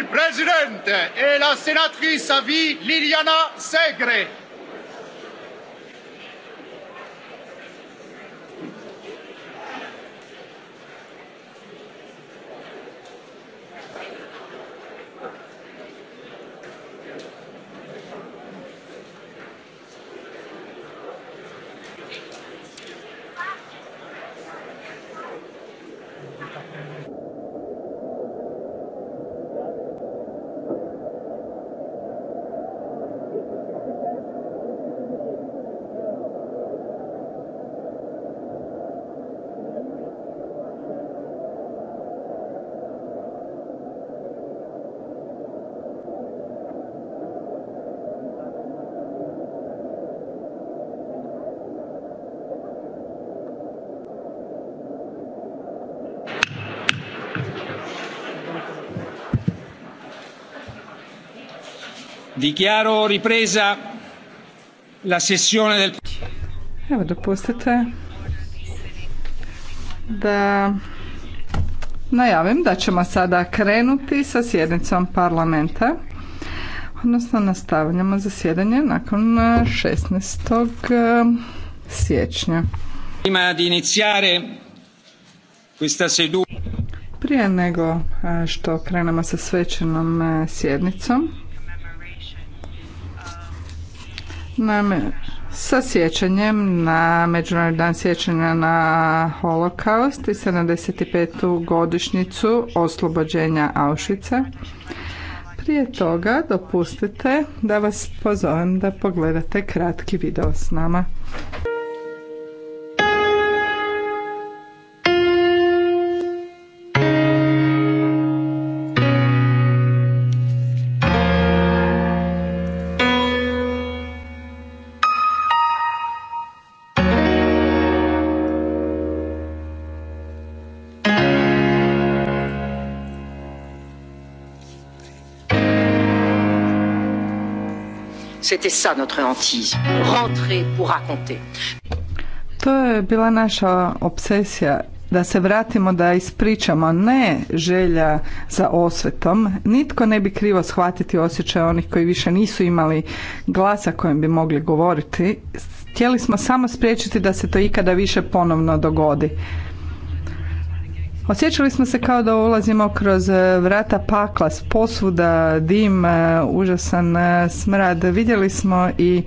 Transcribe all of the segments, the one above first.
il presidente e la senatrice a vita Liliana Segre. Dichiaro ripresa la sessione del... Evo, dopustite da najavim da ćemo sada krenuti sa sjednicom parlamenta. Odnosno nastavljamo zasjedanje nakon 16. E, e, siječnja. Prima di prije nego e, što krenemo sa svečanom sjednicom nam sa sjećanjem na Međunarodni dan sjećanja na holokaust i 75. godišnjicu oslobođenja Auschwitza. Prije toga dopustite da vas pozovem da pogledate kratki video s nama. C'était ça notre Rentrer pour raconter. To je bila naša obsesija da se vratimo da ispričamo ne želja za osvetom. Nitko ne bi krivo shvatiti osjećaj onih koji više nisu imali glasa kojim bi mogli govoriti. Htjeli smo samo spriječiti da se to ikada više ponovno dogodi. Osjećali smo se kao da ulazimo kroz e, vrata pakla, posvuda, dim, e, užasan e, smrad. Vidjeli smo i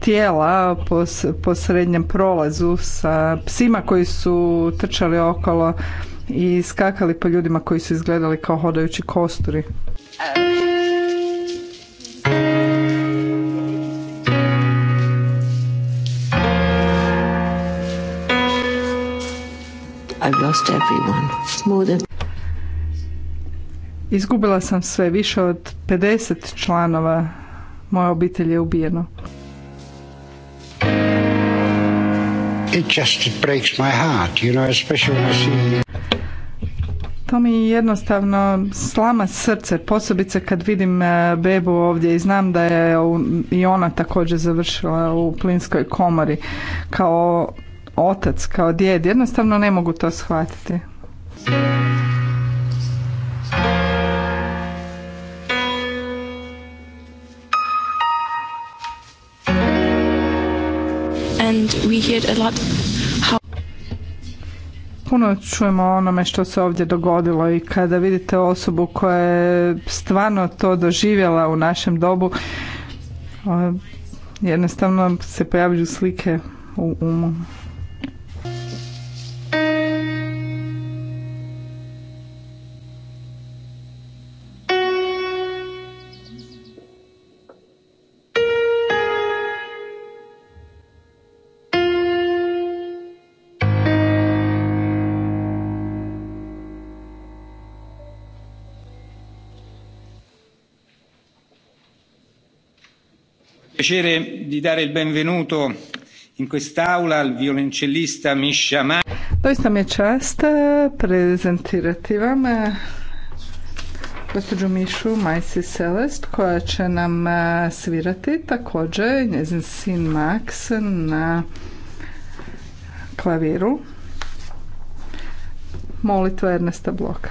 tijela po, po srednjem prolazu sa psima koji su trčali okolo i skakali po ljudima koji su izgledali kao hodajući kosturi. lost everyone. More than... Izgubila sam sve više od 50 članova moje obitelji je ubijeno. It just breaks my heart, you know, especially when I see to mi jednostavno slama srce, posebice kad vidim eh, bebu ovdje i znam da je i ona također završila u plinskoj komori kao otac, kao djed. Jednostavno ne mogu to shvatiti. And we hear a lot how... Puno čujemo onome što se ovdje dogodilo i kada vidite osobu koja je stvarno to doživjela u našem dobu, jednostavno se pojavljuju slike u umu. piacere di dare il benvenuto in quest'aula al violoncellista Misha Mann. Doista mi je čast eh, prezentirati vam eh, gospođu Mišu Majsi Celest koja će nam eh, svirati također njezin sin Max na klaviru molitva Ernesta Bloka.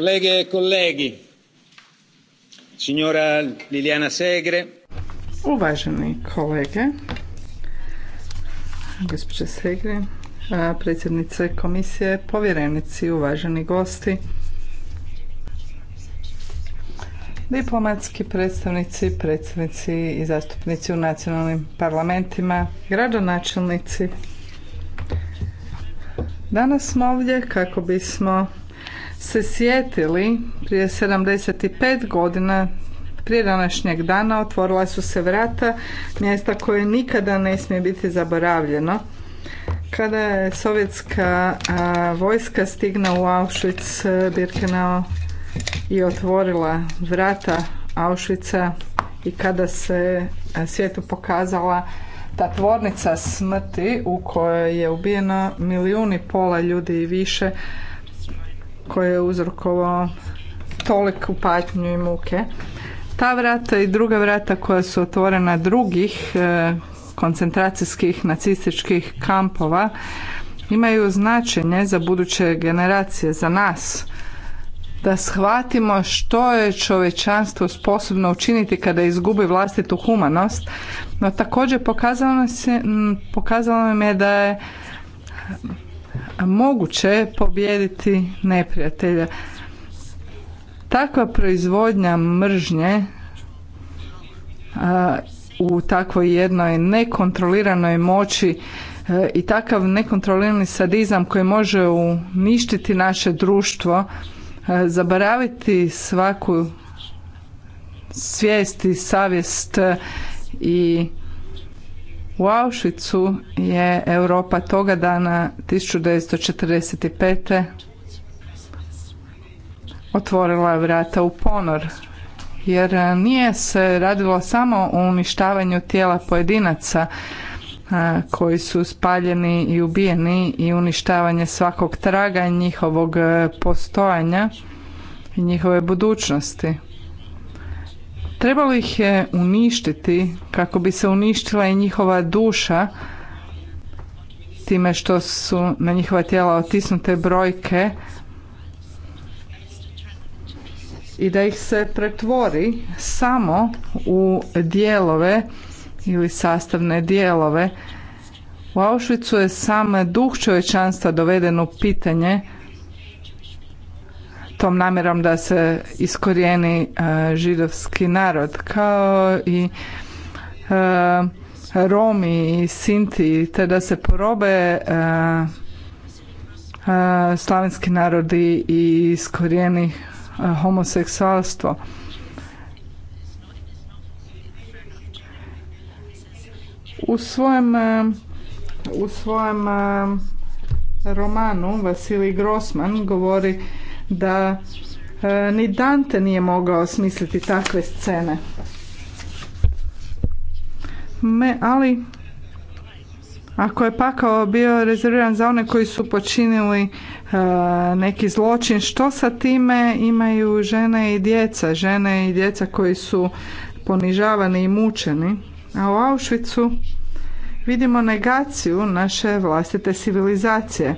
Kolege kolegi, e signora Liliana Segre. Uvaženi kolege, gospođe Segre, predsjednice komisije, povjerenici, uvaženi gosti, diplomatski predstavnici, predsjednici i zastupnici u nacionalnim parlamentima, gradonačelnici. Danas smo ovdje kako bismo se sjetili, prije 75 godina prije današnjeg dana otvorila su se vrata mjesta koje nikada ne smije biti zaboravljeno. Kada je sovjetska vojska stigna u Auschwitz, e, Birkenau i otvorila vrata Auschwitza i kada se e, svijetu pokazala ta tvornica smrti u kojoj je ubijeno milijuni pola ljudi i više, koje je uzrokovao toliku patnju i muke. Ta vrata i druga vrata koja su otvorena drugih e, koncentracijskih nacističkih kampova imaju značenje za buduće generacije, za nas da shvatimo što je čovečanstvo sposobno učiniti kada izgubi vlastitu humanost, no također pokazalo, se, pokazalo mi je da je moguće pobijediti neprijatelja. Takva proizvodnja mržnje u takvoj jednoj nekontroliranoj moći e, i takav nekontrolirani sadizam koji može uništiti naše društvo, e, zaboraviti svaku svijest i savjest i u Auschwitzu je Europa toga dana 1945. otvorila vrata u ponor, jer nije se radilo samo o uništavanju tijela pojedinaca koji su spaljeni i ubijeni i uništavanje svakog traga njihovog e, postojanja i njihove budućnosti. Trebalo ih je uništiti kako bi se uništila i njihova duša time što su na njihova tijela otisnute brojke i da ih se pretvori samo u dijelove ili sastavne dijelove. U Auschwitzu je sam duh čovečanstva doveden u pitanje tom namjerom da se iskorijeni e, židovski narod kao i e, Romi i Sinti te da se porobe e, slavenski narodi i iskorijeni homoseksualstvo. U svojem u svojem romanu Vasili Grossman govori da e, ni Dante nije mogao smisliti takve scene. Me, ali ako je pakao bio rezerviran za one koji su počinili e, neki zločin, što sa time imaju žene i djeca? Žene i djeca koji su ponižavani i mučeni. A u Auschwitzu vidimo negaciju naše vlastite civilizacije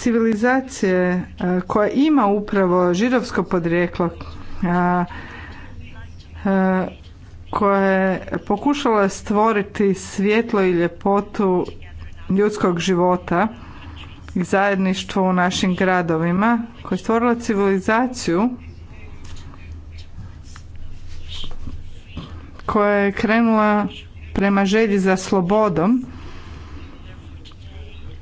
civilizacije e, koja ima upravo židovsko podrijeklo e, e, koja je pokušala stvoriti svjetlo i ljepotu ljudskog života i zajedništvo u našim gradovima, koja je stvorila civilizaciju koja je krenula prema želji za slobodom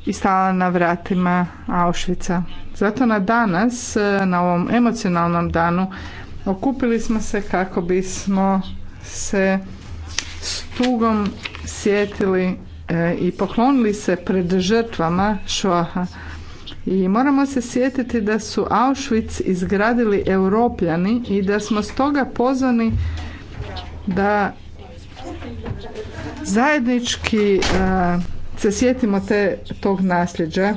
i stala na vratima Auschwitza. Zato na danas, e, na ovom emocionalnom danu, okupili smo se kako bismo se s tugom sjetili e, i poklonili se pred žrtvama Šoaha. I moramo se sjetiti da su Auschwitz izgradili europljani i da smo stoga pozvani da zajednički e, se sjetimo te, tog nasljeđa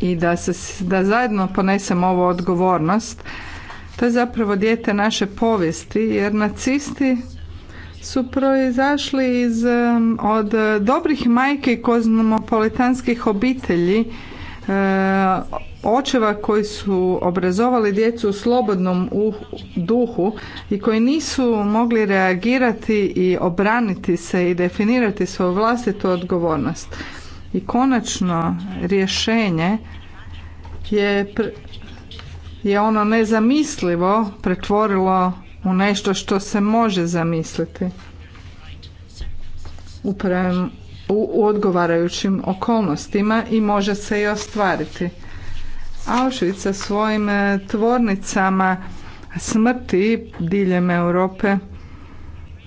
i da, se, da zajedno ponesemo ovu odgovornost. To je zapravo dijete naše povijesti jer nacisti su proizašli iz, od dobrih majke kozmopolitanskih obitelji očeva koji su obrazovali djecu u slobodnom duhu i koji nisu mogli reagirati i obraniti se i definirati svoju vlastitu odgovornost. I konačno rješenje je, je ono nezamislivo pretvorilo u nešto što se može zamisliti u, u odgovarajućim okolnostima i može se i ostvariti. Auschwitz sa svojim e, tvornicama smrti diljem Europe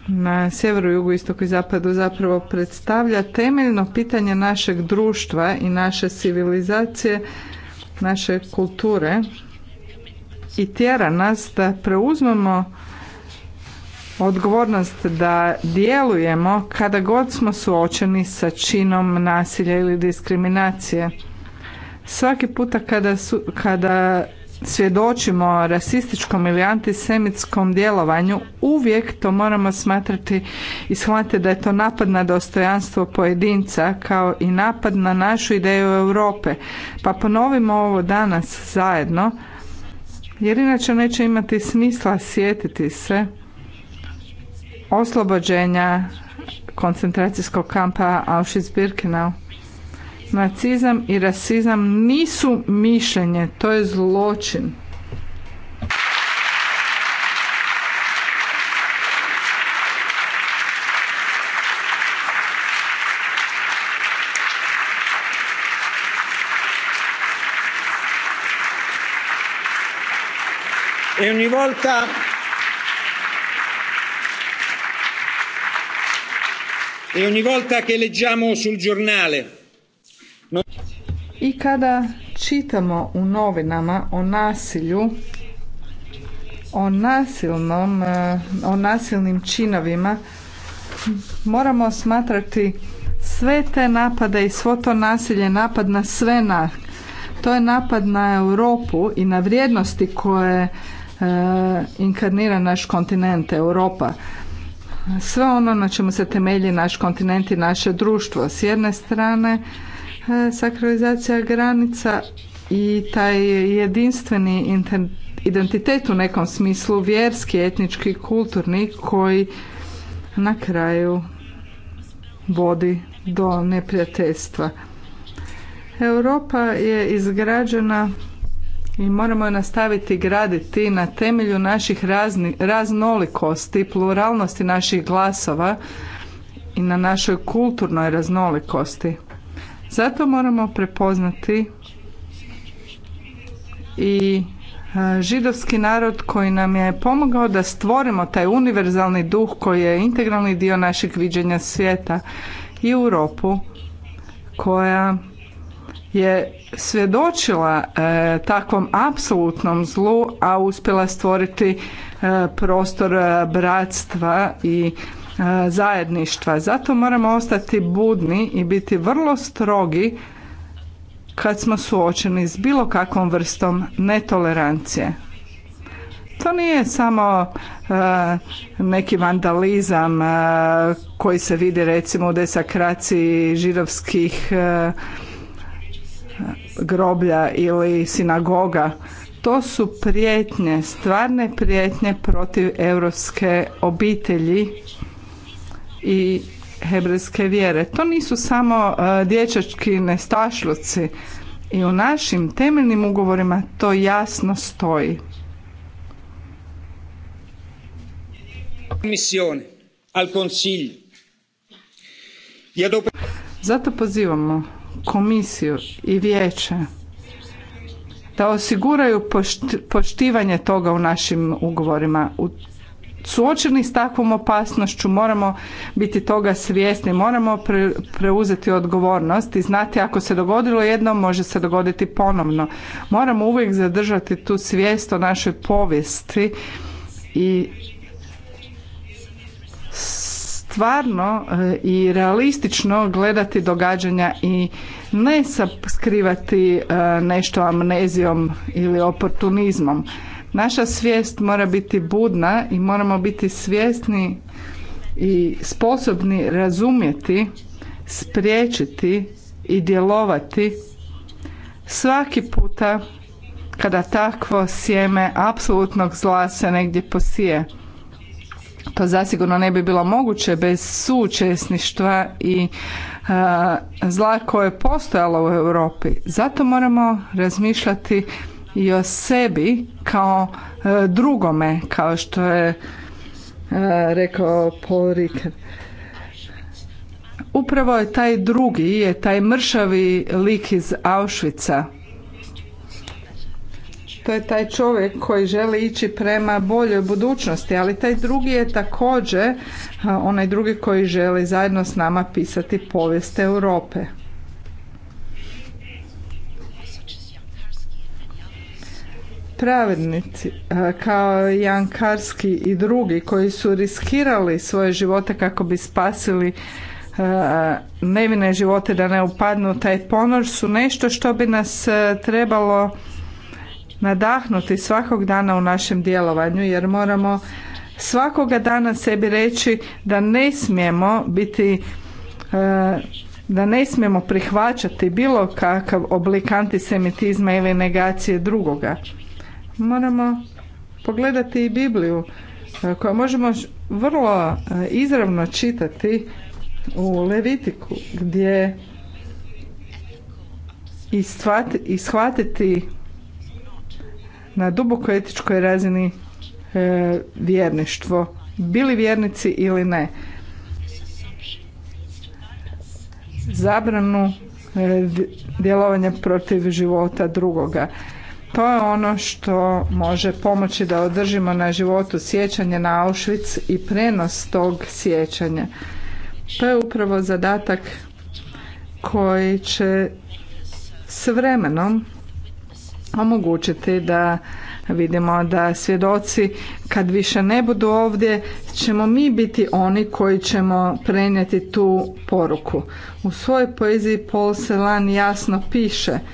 na sjeveru, jugu, istoku i zapadu zapravo predstavlja temeljno pitanje našeg društva i naše civilizacije, naše kulture i tjera nas da preuzmemo odgovornost da djelujemo kada god smo suočeni sa činom nasilja ili diskriminacije. Svaki puta kada, su, kada svjedočimo rasističkom ili antisemitskom djelovanju, uvijek to moramo smatrati i shvatiti da je to napad na dostojanstvo pojedinca kao i napad na našu ideju Europe. Pa ponovimo ovo danas zajedno, jer inače neće imati smisla sjetiti se oslobođenja koncentracijskog kampa Auschwitz-Birkenau Nacizam i rasizam nisu mišljenje, to je zločin. E ogni volta e ogni volta che leggiamo sul giornale i kada čitamo u novinama o nasilju, o nasilnom, e, o nasilnim činovima, moramo smatrati sve te napade i svo to nasilje napad na sve nas. To je napad na Europu i na vrijednosti koje e, inkarnira naš kontinent, Europa. Sve ono na čemu se temelji naš kontinent i naše društvo. S jedne strane E, sakralizacija granica i taj jedinstveni identitet u nekom smislu vjerski, etnički, kulturni koji na kraju vodi do neprijateljstva. Europa je izgrađena i moramo je nastaviti graditi na temelju naših raznolikosti, pluralnosti naših glasova i na našoj kulturnoj raznolikosti. Zato moramo prepoznati i židovski narod koji nam je pomogao da stvorimo taj univerzalni duh koji je integralni dio našeg viđenja svijeta i Europu koja je svjedočila e, takvom apsolutnom zlu, a uspjela stvoriti e, prostor e, bratstva i E, zajedništva. Zato moramo ostati budni i biti vrlo strogi kad smo suočeni s bilo kakvom vrstom netolerancije. To nije samo e, neki vandalizam e, koji se vidi recimo u desakraciji židovskih groblja ili sinagoga. To su prijetnje, stvarne prijetnje protiv europske obitelji i hebrejske vjere. To nisu samo e, dječački nestašluci i u našim temeljnim ugovorima to jasno stoji. Zato pozivamo komisiju i vijeće da osiguraju poštivanje toga u našim ugovorima. U suočeni s takvom opasnošću, moramo biti toga svjesni, moramo preuzeti odgovornost i znati ako se dogodilo jedno, može se dogoditi ponovno. Moramo uvijek zadržati tu svijest o našoj povijesti i stvarno eh, i realistično gledati događanja i ne skrivati eh, nešto amnezijom ili oportunizmom. Naša svijest mora biti budna i moramo biti svjesni i sposobni razumjeti, spriječiti i djelovati svaki puta kada takvo sjeme apsolutnog zla se negdje posije. To zasigurno ne bi bilo moguće bez sučesništva i e, zla koje je postojalo u Europi. Zato moramo razmišljati i o sebi kao e, drugome, kao što je e, rekao Paul Upravo je taj drugi, je taj mršavi lik iz Auschwitza. To je taj čovjek koji želi ići prema boljoj budućnosti, ali taj drugi je također onaj drugi koji želi zajedno s nama pisati povijest Europe. pravednici e, kao Jan Karski i drugi koji su riskirali svoje živote kako bi spasili e, nevine živote da ne upadnu taj ponor su nešto što bi nas e, trebalo nadahnuti svakog dana u našem djelovanju jer moramo svakoga dana sebi reći da ne smijemo biti da ne smijemo prihvaćati bilo kakav oblik antisemitizma ili negacije drugoga moramo pogledati i Bibliju e, koja možemo vrlo e, izravno čitati u Levitiku gdje i shvatiti na duboko etičkoj razini e, vjerništvo, bili vjernici ili ne. Zabranu djelovanja protiv života drugoga. To je ono što može pomoći da održimo na životu sjećanje na Auschwitz i prenos tog sjećanja. To je upravo zadatak koji će s vremenom omogućiti da vidimo da svjedoci kad više ne budu ovdje ćemo mi biti oni koji ćemo prenijeti tu poruku. U svojoj poeziji Paul Celan jasno piše –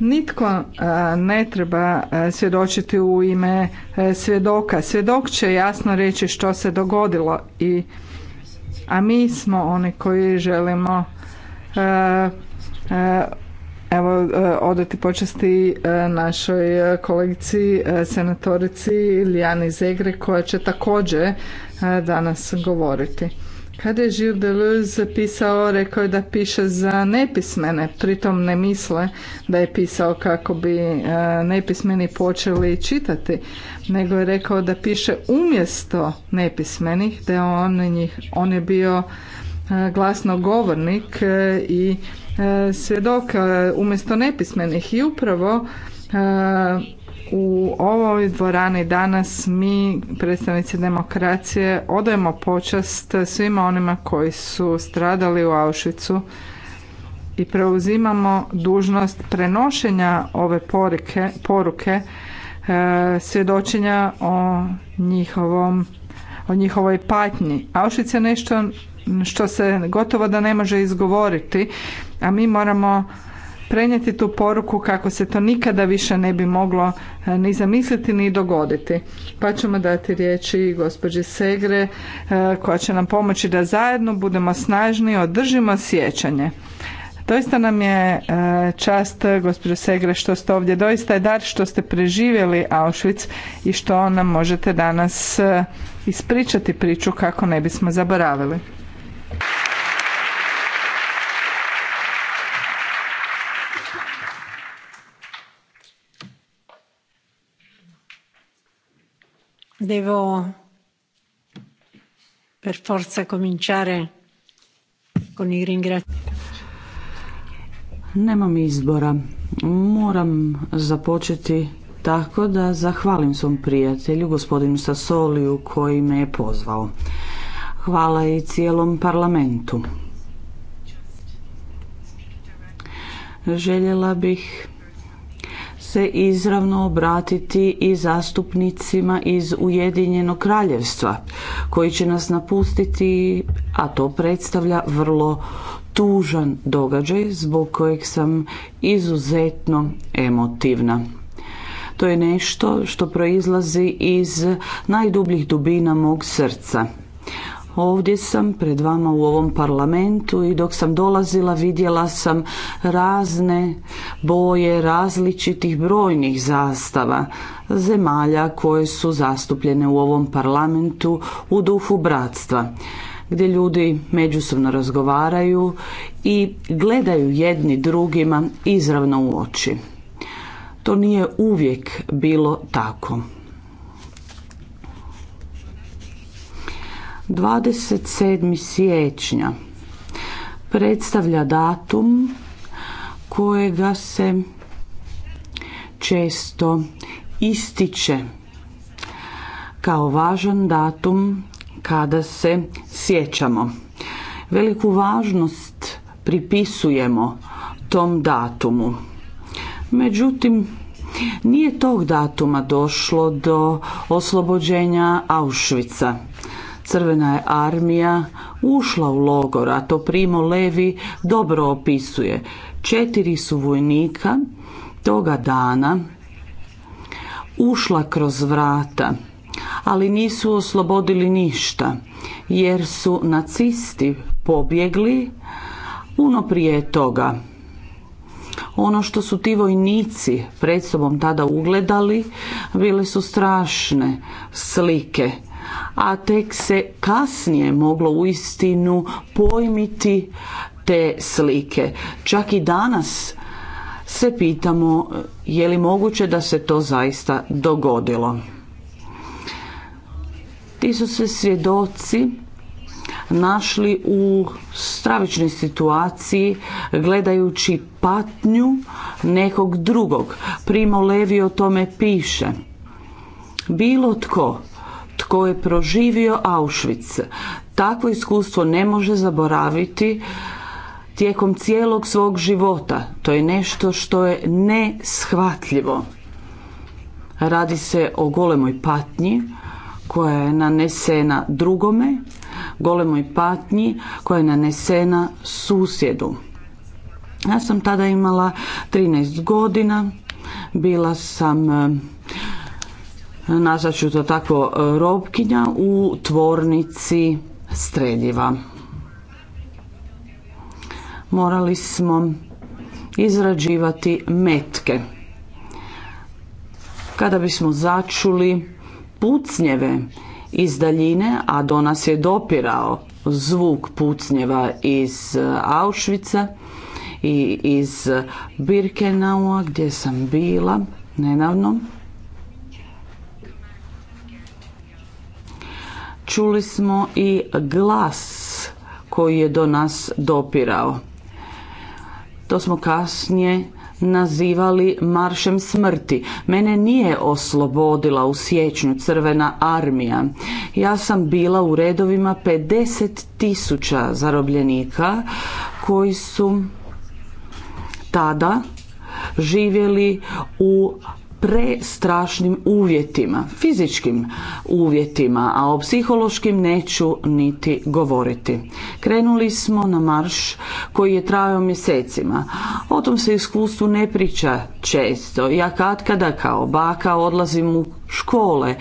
Nitko e, ne treba e, svjedočiti u ime e, svjedoka. Svjedok će jasno reći što se dogodilo i a mi smo oni koji želimo evo odati počasti našoj kolegici senatorici Lijani Zegre koja će također danas govoriti. Kada je Gilles Deleuze pisao, rekao je da piše za nepismene, pritom ne misle da je pisao kako bi e, nepismeni počeli čitati, nego je rekao da piše umjesto nepismenih, da on, njih, on je bio e, glasnogovornik e, i svjedok umjesto nepismenih i upravo u ovoj dvorani danas mi, predstavnici demokracije, odajemo počast svima onima koji su stradali u Auschwitzu i preuzimamo dužnost prenošenja ove poruke, e, svjedočenja o njihovom o njihovoj patnji. Auschwitz je nešto što se gotovo da ne može izgovoriti, a mi moramo prenijeti tu poruku kako se to nikada više ne bi moglo e, ni zamisliti ni dogoditi. Pa ćemo dati riječi gospođi Segre e, koja će nam pomoći da zajedno budemo snažni, održimo sjećanje. Doista nam je e, čast, gospođo Segre, što ste ovdje. Doista je dar što ste preživjeli Auschwitz i što nam možete danas ispričati priču kako ne bismo zaboravili. devo per forza cominciare con i ringraziamenti. Nemam izbora. Moram započeti tako da zahvalim svom prijatelju, gospodinu Sasoliju, koji me je pozvao. Hvala i cijelom parlamentu. Željela bih se izravno obratiti i zastupnicima iz Ujedinjenog kraljevstva koji će nas napustiti, a to predstavlja vrlo tužan događaj zbog kojeg sam izuzetno emotivna. To je nešto što proizlazi iz najdubljih dubina mog srca. Ovdje sam pred vama u ovom parlamentu i dok sam dolazila vidjela sam razne boje različitih brojnih zastava zemalja koje su zastupljene u ovom parlamentu u duhu bratstva gdje ljudi međusobno razgovaraju i gledaju jedni drugima izravno u oči. To nije uvijek bilo tako. 27. siječnja predstavlja datum kojega se često ističe kao važan datum kada se sjećamo. Veliku važnost pripisujemo tom datumu. Međutim, nije tog datuma došlo do oslobođenja Auschwitza. Crvena je armija ušla u logor, a to Primo Levi dobro opisuje. Četiri su vojnika toga dana ušla kroz vrata, ali nisu oslobodili ništa, jer su nacisti pobjegli puno prije toga. Ono što su ti vojnici pred sobom tada ugledali bile su strašne slike a tek se kasnije moglo u istinu pojmiti te slike. Čak i danas se pitamo je li moguće da se to zaista dogodilo. Ti su se svjedoci našli u stravičnoj situaciji gledajući patnju nekog drugog. Primo Levi o tome piše. Bilo tko tko je proživio Auschwitz takvo iskustvo ne može zaboraviti tijekom cijelog svog života. To je nešto što je neshvatljivo. Radi se o golemoj patnji koja je nanesena drugome, golemoj patnji koja je nanesena susjedu. Ja sam tada imala 13 godina, bila sam nazvat ću to tako e, robkinja u tvornici streljiva. Morali smo izrađivati metke. Kada bismo začuli pucnjeve iz daljine, a do nas je dopirao zvuk pucnjeva iz e, Auschwitza i iz Birkenaua gdje sam bila nedavno, čuli smo i glas koji je do nas dopirao. To smo kasnije nazivali maršem smrti. Mene nije oslobodila u siječnju crvena armija. Ja sam bila u redovima 50 tisuća zarobljenika koji su tada živjeli u prestrašnim uvjetima, fizičkim uvjetima, a o psihološkim neću niti govoriti. Krenuli smo na marš koji je trajao mjesecima. O tom se iskustvu ne priča često. Ja kad kada kao baka odlazim u škole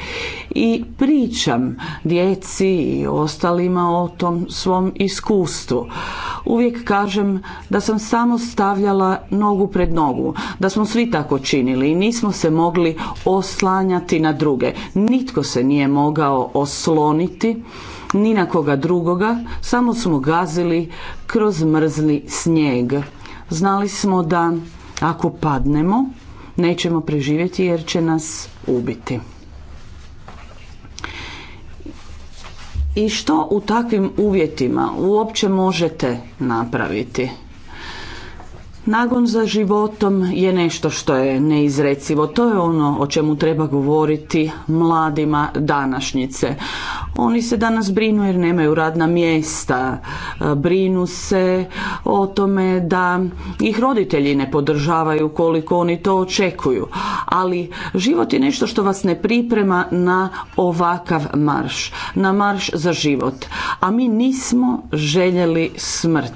i pričam djeci i ostalima o tom svom iskustvu. Uvijek kažem da sam samo stavljala nogu pred nogu, da smo svi tako činili i nismo se mogli oslanjati na druge. Nitko se nije mogao osloniti ni na koga drugoga, samo smo gazili kroz mrzli snijeg. Znali smo da ako padnemo nećemo preživjeti jer će nas ubiti. I što u takvim uvjetima uopće možete napraviti? Nagon za životom je nešto što je neizrecivo. To je ono o čemu treba govoriti mladima današnjice. Oni se danas brinu jer nemaju radna mjesta. E, brinu se o tome da ih roditelji ne podržavaju koliko oni to očekuju. Ali život je nešto što vas ne priprema na ovakav marš. Na marš za život. A mi nismo željeli smrt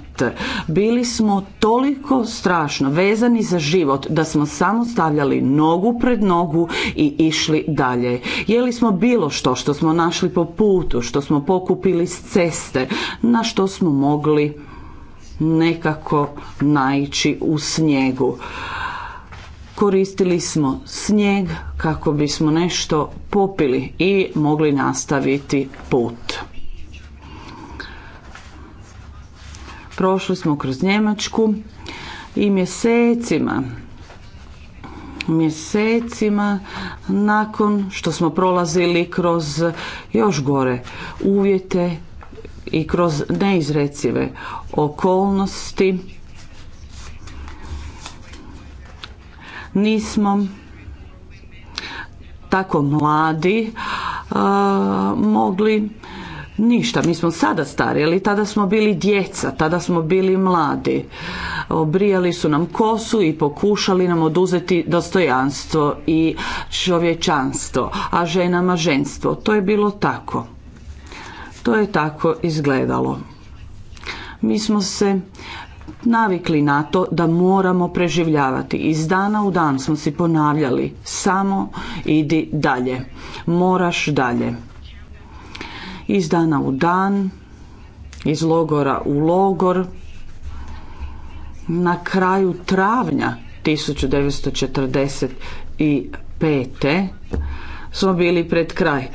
bili smo toliko strašno vezani za život da smo samo stavljali nogu pred nogu i išli dalje. Jeli smo bilo što što smo našli po putu, što smo pokupili s ceste, na što smo mogli nekako naići u snijegu. Koristili smo snijeg kako bismo nešto popili i mogli nastaviti put. prošli smo kroz Njemačku i mjesecima mjesecima nakon što smo prolazili kroz još gore uvjete i kroz neizrecive okolnosti nismo tako mladi mogli ništa. Mi smo sada stari, ali tada smo bili djeca, tada smo bili mladi. Obrijali su nam kosu i pokušali nam oduzeti dostojanstvo i čovječanstvo, a ženama ženstvo. To je bilo tako. To je tako izgledalo. Mi smo se navikli na to da moramo preživljavati. Iz dana u dan smo si ponavljali samo idi dalje, moraš dalje iz dana u dan, iz logora u logor. Na kraju travnja 1945. smo bili pred kraj.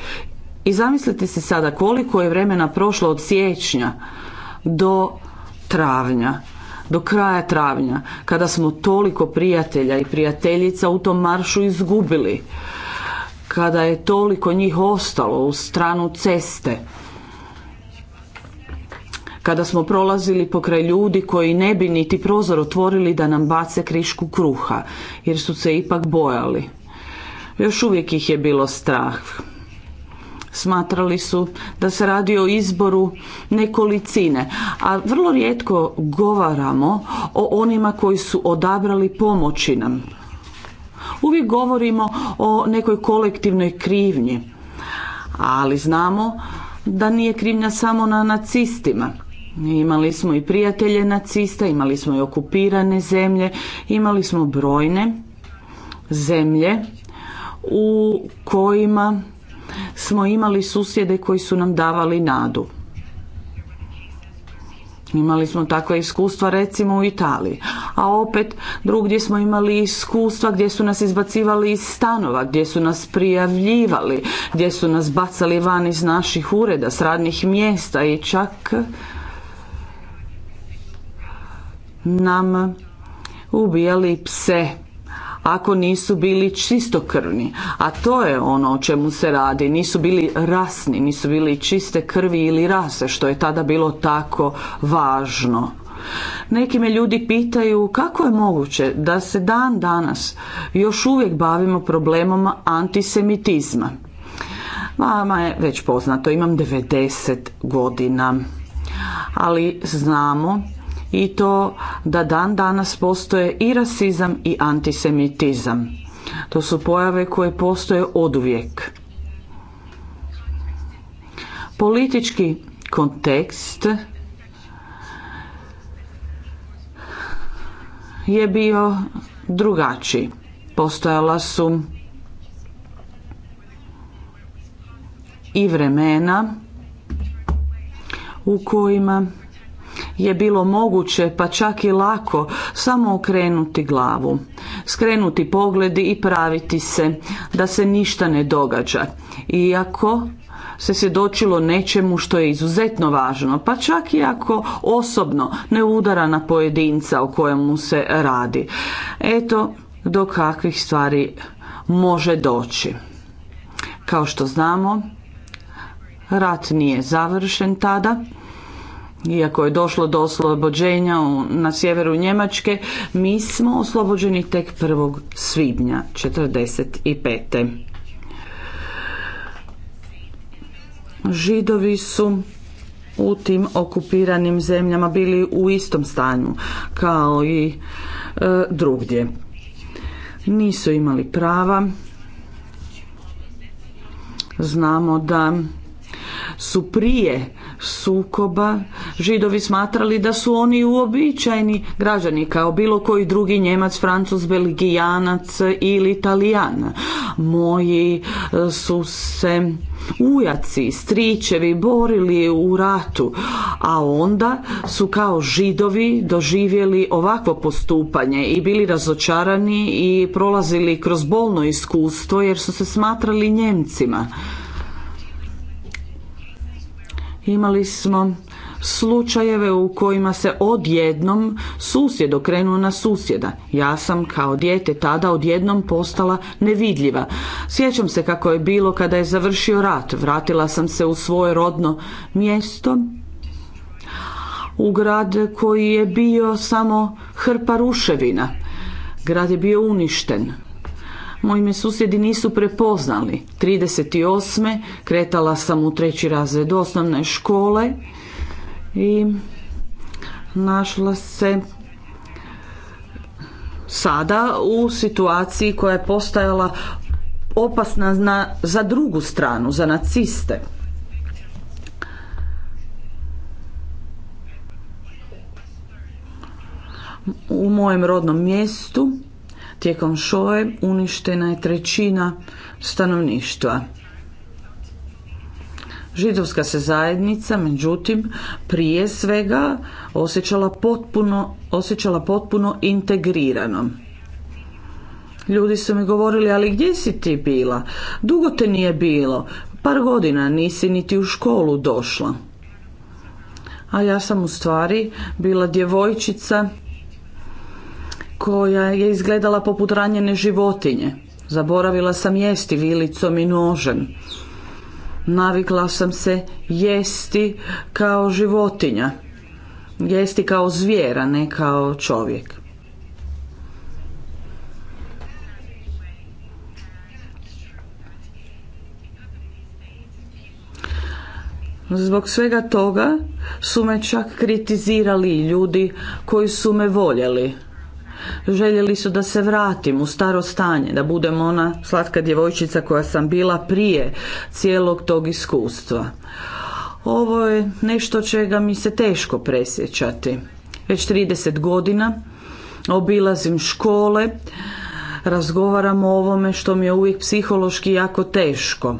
I zamislite se sada koliko je vremena prošlo od siječnja do travnja do kraja travnja, kada smo toliko prijatelja i prijateljica u tom maršu izgubili kada je toliko njih ostalo u stranu ceste kada smo prolazili pokraj ljudi koji ne bi niti prozor otvorili da nam bace krišku kruha jer su se ipak bojali još uvijek ih je bilo strah smatrali su da se radi o izboru nekolicine a vrlo rijetko govaramo o onima koji su odabrali pomoći nam Uvijek govorimo o nekoj kolektivnoj krivnji, ali znamo da nije krivnja samo na nacistima. Imali smo i prijatelje nacista, imali smo i okupirane zemlje, imali smo brojne zemlje u kojima smo imali susjede koji su nam davali nadu. Imali smo takva iskustva recimo u Italiji, a opet drugdje smo imali iskustva gdje su nas izbacivali iz stanova, gdje su nas prijavljivali, gdje su nas bacali van iz naših ureda, s radnih mjesta i čak nam ubijali pse ako nisu bili čistokrvni. A to je ono o čemu se radi. Nisu bili rasni, nisu bili čiste krvi ili rase, što je tada bilo tako važno. Neki me ljudi pitaju kako je moguće da se dan danas još uvijek bavimo problemom antisemitizma. Vama je već poznato, imam 90 godina, ali znamo i to da dan danas postoje i rasizam i antisemitizam. To su pojave koje postoje oduvijek. Politički kontekst je bio drugačiji. Postojala su i vremena u kojima je bilo moguće pa čak i lako samo okrenuti glavu, skrenuti pogledi i praviti se da se ništa ne događa. Iako se svjedočilo nečemu što je izuzetno važno, pa čak i ako osobno ne udara na pojedinca o kojemu se radi. Eto do kakvih stvari može doći. Kao što znamo, rat nije završen tada, iako je došlo do oslobođenja na sjeveru Njemačke, mi smo oslobođeni tek 1. svibnja 1945. Židovi su u tim okupiranim zemljama bili u istom stanju kao i e, drugdje. Nisu imali prava. Znamo da su prije sukoba židovi smatrali da su oni uobičajeni građani kao bilo koji drugi njemac, francus, belgijanac ili italijan. Moji e, su se ujaci, stričevi borili u ratu, a onda su kao židovi doživjeli ovakvo postupanje i bili razočarani i prolazili kroz bolno iskustvo jer su se smatrali njemcima imali smo slučajeve u kojima se odjednom susjed okrenuo na susjeda. Ja sam kao dijete tada odjednom postala nevidljiva. Sjećam se kako je bilo kada je završio rat. Vratila sam se u svoje rodno mjesto u grad koji je bio samo hrpa ruševina. Grad je bio uništen. Moji me susjedi nisu prepoznali. 38. kretala sam u treći razred osnovne škole i našla se sada u situaciji koja je postajala opasna za drugu stranu, za naciste. U mojem rodnom mjestu Tijekom šoje uništena je trećina stanovništva. Židovska se zajednica, međutim, prije svega osjećala potpuno, osjećala potpuno integrirano. Ljudi su mi govorili, ali gdje si ti bila? Dugo te nije bilo, par godina nisi niti u školu došla. A ja sam u stvari bila djevojčica koja je izgledala poput ranjene životinje. Zaboravila sam jesti vilicom i nožem. Navikla sam se jesti kao životinja, jesti kao zvijera, ne kao čovjek. Zbog svega toga su me čak kritizirali ljudi koji su me voljeli, Željeli su da se vratim u staro stanje, da budem ona slatka djevojčica koja sam bila prije cijelog tog iskustva. Ovo je nešto čega mi se teško presjećati. Već 30 godina obilazim škole, razgovaram o ovome što mi je uvijek psihološki jako teško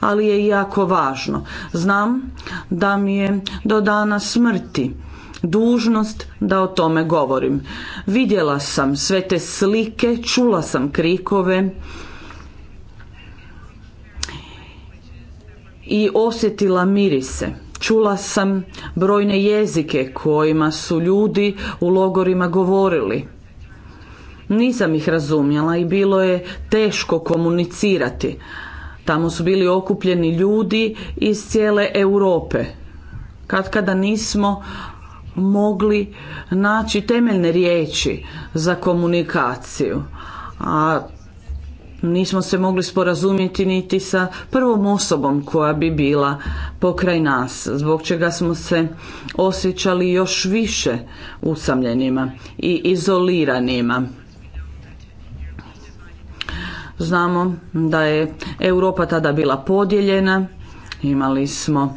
ali je jako važno. Znam da mi je do dana smrti dužnost da o tome govorim. Vidjela sam sve te slike, čula sam krikove i osjetila mirise. Čula sam brojne jezike kojima su ljudi u logorima govorili. Nisam ih razumjela i bilo je teško komunicirati. Tamo su bili okupljeni ljudi iz cijele Europe. Kad kada nismo mogli naći temeljne riječi za komunikaciju. A nismo se mogli sporazumjeti niti sa prvom osobom koja bi bila pokraj nas, zbog čega smo se osjećali još više usamljenima i izoliranima. Znamo da je Europa tada bila podijeljena, imali smo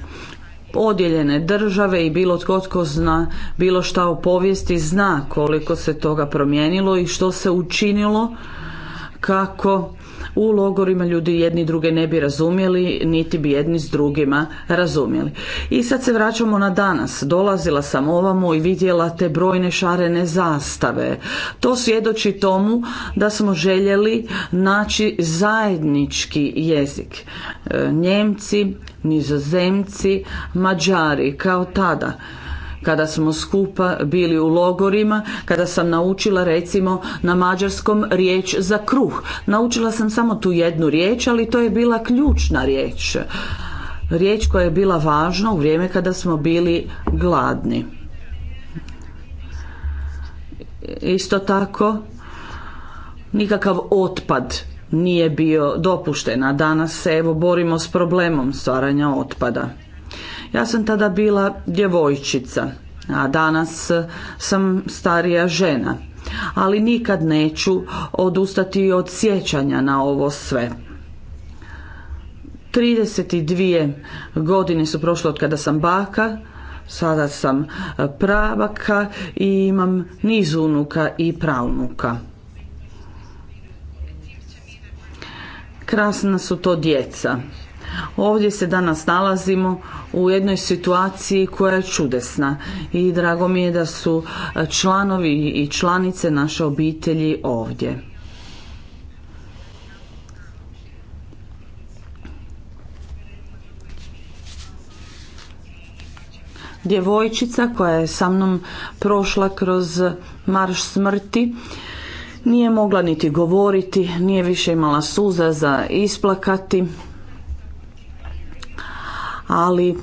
podijeljene države i bilo tko tko zna bilo šta o povijesti zna koliko se toga promijenilo i što se učinilo kako u logorima ljudi jedni druge ne bi razumjeli, niti bi jedni s drugima razumjeli. I sad se vraćamo na danas. Dolazila sam ovamo i vidjela te brojne šarene zastave. To svjedoči tomu da smo željeli naći zajednički jezik. E, Njemci, nizozemci, mađari, kao tada kada smo skupa bili u logorima, kada sam naučila recimo na mađarskom riječ za kruh. Naučila sam samo tu jednu riječ, ali to je bila ključna riječ. Riječ koja je bila važna u vrijeme kada smo bili gladni. Isto tako, nikakav otpad nije bio dopušten, a danas se evo borimo s problemom stvaranja otpada. Ja sam tada bila djevojčica, a danas sam starija žena, ali nikad neću odustati od sjećanja na ovo sve. 32 godine su prošle od kada sam baka, sada sam e, pravaka i imam niz unuka i pravnuka. Krasna su to djeca Ovdje se danas nalazimo u jednoj situaciji koja je čudesna i drago mi je da su e, članovi i članice naše obitelji ovdje. djevojčica koja je sa mnom prošla kroz marš smrti nije mogla niti govoriti, nije više imala suza za isplakati ali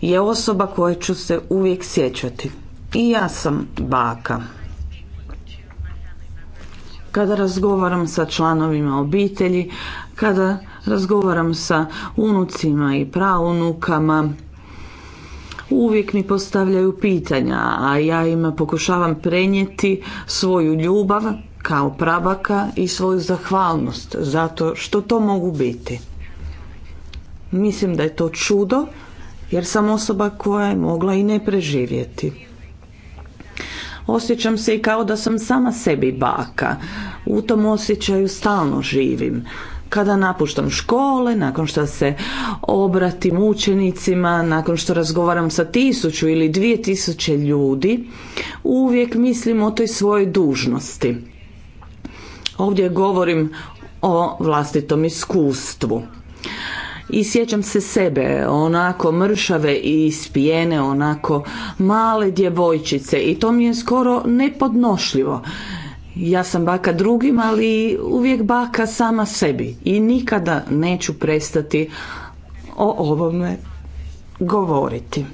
je osoba koje ću se uvijek sjećati. I ja sam baka. Kada razgovaram sa članovima obitelji, kada razgovaram sa unucima i praunukama, uvijek mi postavljaju pitanja, a ja im pokušavam prenijeti svoju ljubav kao prabaka i svoju zahvalnost zato što to mogu biti. Mislim da je to čudo jer sam osoba koja je mogla i ne preživjeti. Osjećam se i kao da sam sama sebi baka. U tom osjećaju stalno živim. Kada napuštam škole, nakon što se obratim učenicima, nakon što razgovaram sa tisuću ili dvije tisuće ljudi, uvijek mislim o toj svojoj dužnosti. Ovdje govorim o vlastitom iskustvu i sjećam se sebe, onako mršave i ispijene, onako male djevojčice i to mi je skoro nepodnošljivo. Ja sam baka drugim, ali uvijek baka sama sebi i nikada neću prestati o ovome govoriti.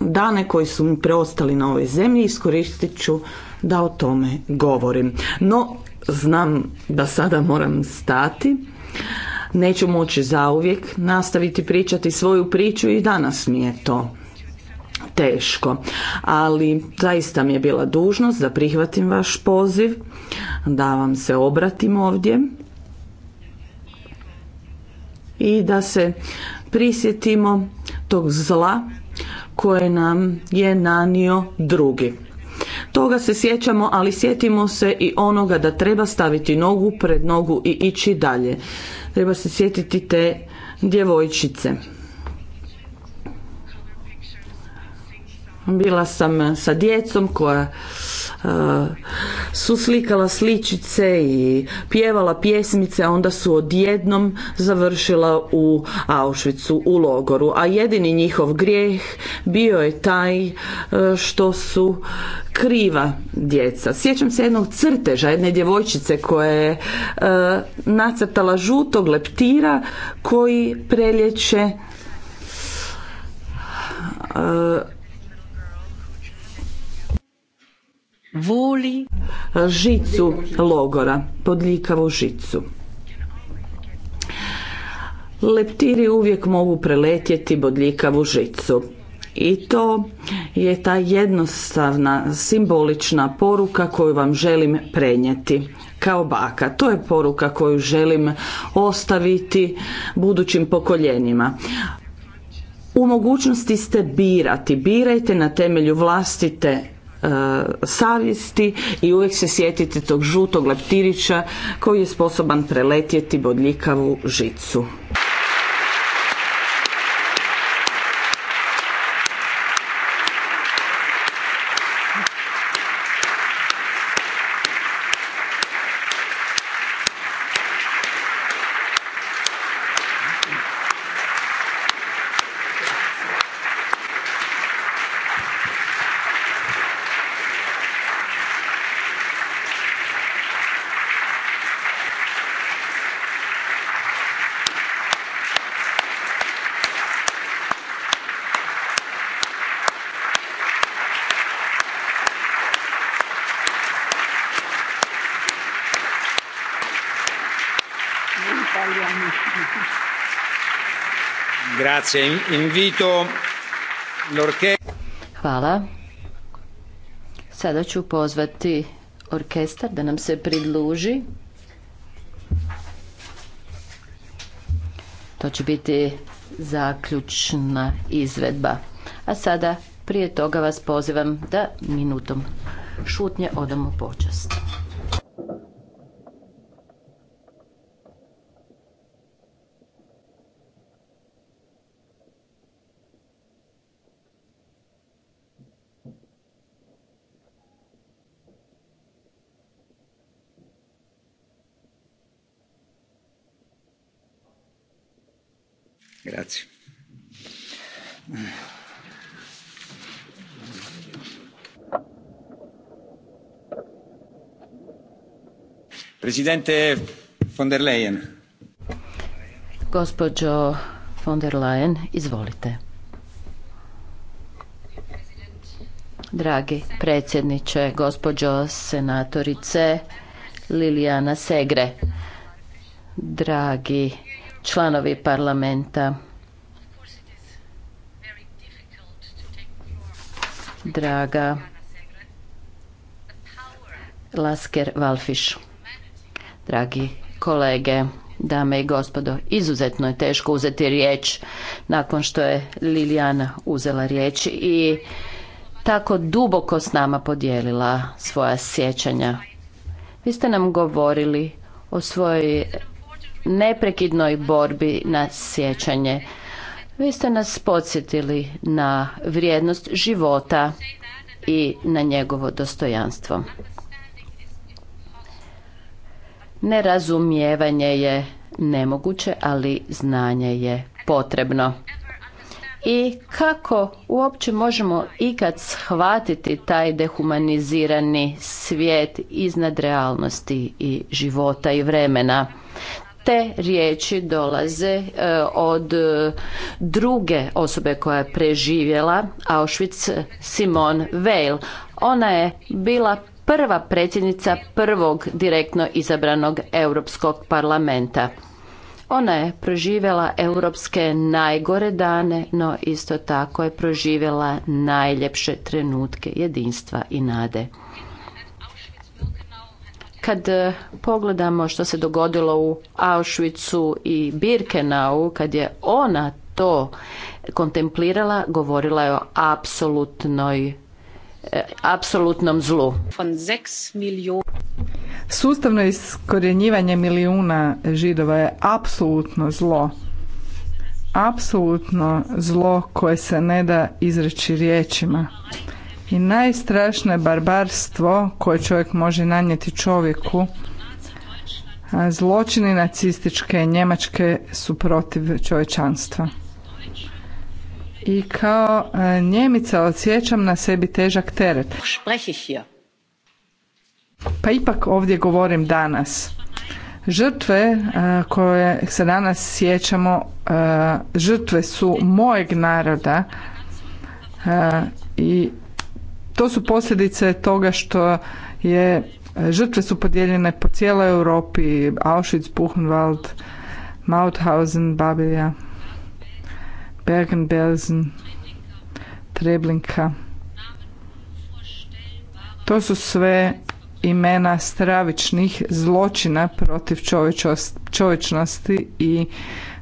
Dane koji su mi preostali na ovoj zemlji iskoristit ću da o tome govorim. No, znam da sada moram stati neću moći zauvijek nastaviti pričati svoju priču i danas mi je to teško. Ali zaista mi je bila dužnost da prihvatim vaš poziv, da vam se obratim ovdje i da se prisjetimo tog zla koje nam je nanio drugi. Toga se sjećamo, ali sjetimo se i onoga da treba staviti nogu pred nogu i ići dalje. Treba se sjetiti te djevojčice. Bila sam sa djecom koja su slikala sličice i pjevala pjesmice, a onda su odjednom završila u Auschwitzu, u logoru. A jedini njihov grijeh bio je taj e, što su kriva djeca. Sjećam se jednog crteža, jedne djevojčice koja je e, nacrtala žutog leptira koji prelječe e, voli žicu logora, bodljikavu žicu. Leptiri uvijek mogu preletjeti bodljikavu žicu. I to je ta jednostavna simbolična poruka koju vam želim prenijeti kao baka. To je poruka koju želim ostaviti budućim pokoljenjima. U mogućnosti ste birati, birajte na temelju vlastite E, savjesti i uvijek se sjetite tog žutog leptirića koji je sposoban preletjeti bodljikavu žicu. Hvala. Sada ću pozvati orkestar da nam se pridluži. To će biti zaključna izvedba. A sada prije toga vas pozivam da minutom šutnje odamo počast. Grazie. Presidente von der Leyen. Gospođo von der Leyen, izvolite. Dragi predsjedniče, gospođo senatorice Liliana Segre, dragi članovi parlamenta. Draga Lasker Valfiš, dragi kolege, dame i gospodo, izuzetno je teško uzeti riječ nakon što je Lilijana uzela riječ i tako duboko s nama podijelila svoja sjećanja. Vi ste nam govorili o svojoj neprekidnoj borbi na sjećanje. Vi ste nas podsjetili na vrijednost života i na njegovo dostojanstvo. Nerazumijevanje je nemoguće, ali znanje je potrebno. I kako uopće možemo ikad shvatiti taj dehumanizirani svijet iznad realnosti i života i vremena? te riječi dolaze e, od e, druge osobe koja je preživjela Auschwitz Simone Weil. Ona je bila prva predsjednica prvog direktno izabranog Europskog parlamenta. Ona je proživjela europske najgore dane, no isto tako je proživjela najljepše trenutke jedinstva i nade. Kad e, pogledamo što se dogodilo u Auschwitzu i Birkenau, kad je ona to kontemplirala, govorila je o apsolutnoj e, apsolutnom zlu. Sustavno iskorjenjivanje milijuna židova je apsolutno zlo. Apsolutno zlo koje se ne da izreći riječima i najstrašnije barbarstvo koje čovjek može nanijeti čovjeku zločini nacističke Njemačke su protiv čovječanstva. I kao Njemica osjećam na sebi težak teret. Pa ipak ovdje govorim danas. Žrtve koje se danas sjećamo, žrtve su mojeg naroda i to su posljedice toga što je e, žrtve su podijeljene po cijeloj Europi, Auschwitz, Buchenwald, Mauthausen, Babelja, Bergen-Belsen, Treblinka. To su sve imena stravičnih zločina protiv čovječnosti i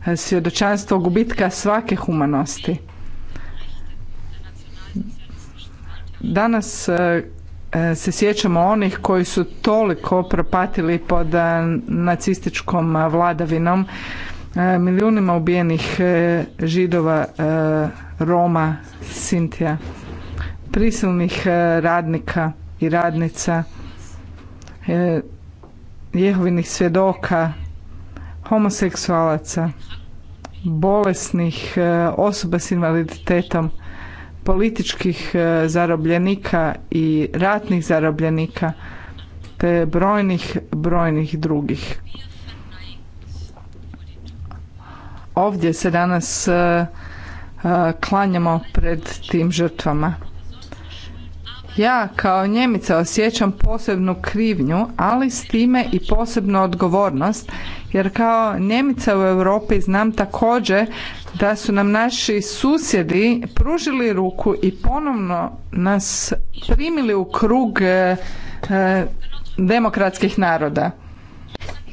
e, svjedočanstvo gubitka svake humanosti. Danas e, e, se sjećamo onih koji su toliko propatili pod e, nacističkom vladavinom, milijunima ubijenih židova, Roma, Sintija, prisilnih radnika i radnica, jehovinih svjedoka, homoseksualaca, bolesnih, osoba s invaliditetom, političkih e, zarobljenika i ratnih zarobljenika te brojnih, brojnih drugih. Ovdje se danas e, e, klanjamo pred tim žrtvama. Ja kao Njemica osjećam posebnu krivnju, ali s time i posebnu odgovornost jer kao Njemica u Europi znam također da su nam naši susjedi pružili ruku i ponovno nas primili u krug e, e, demokratskih naroda.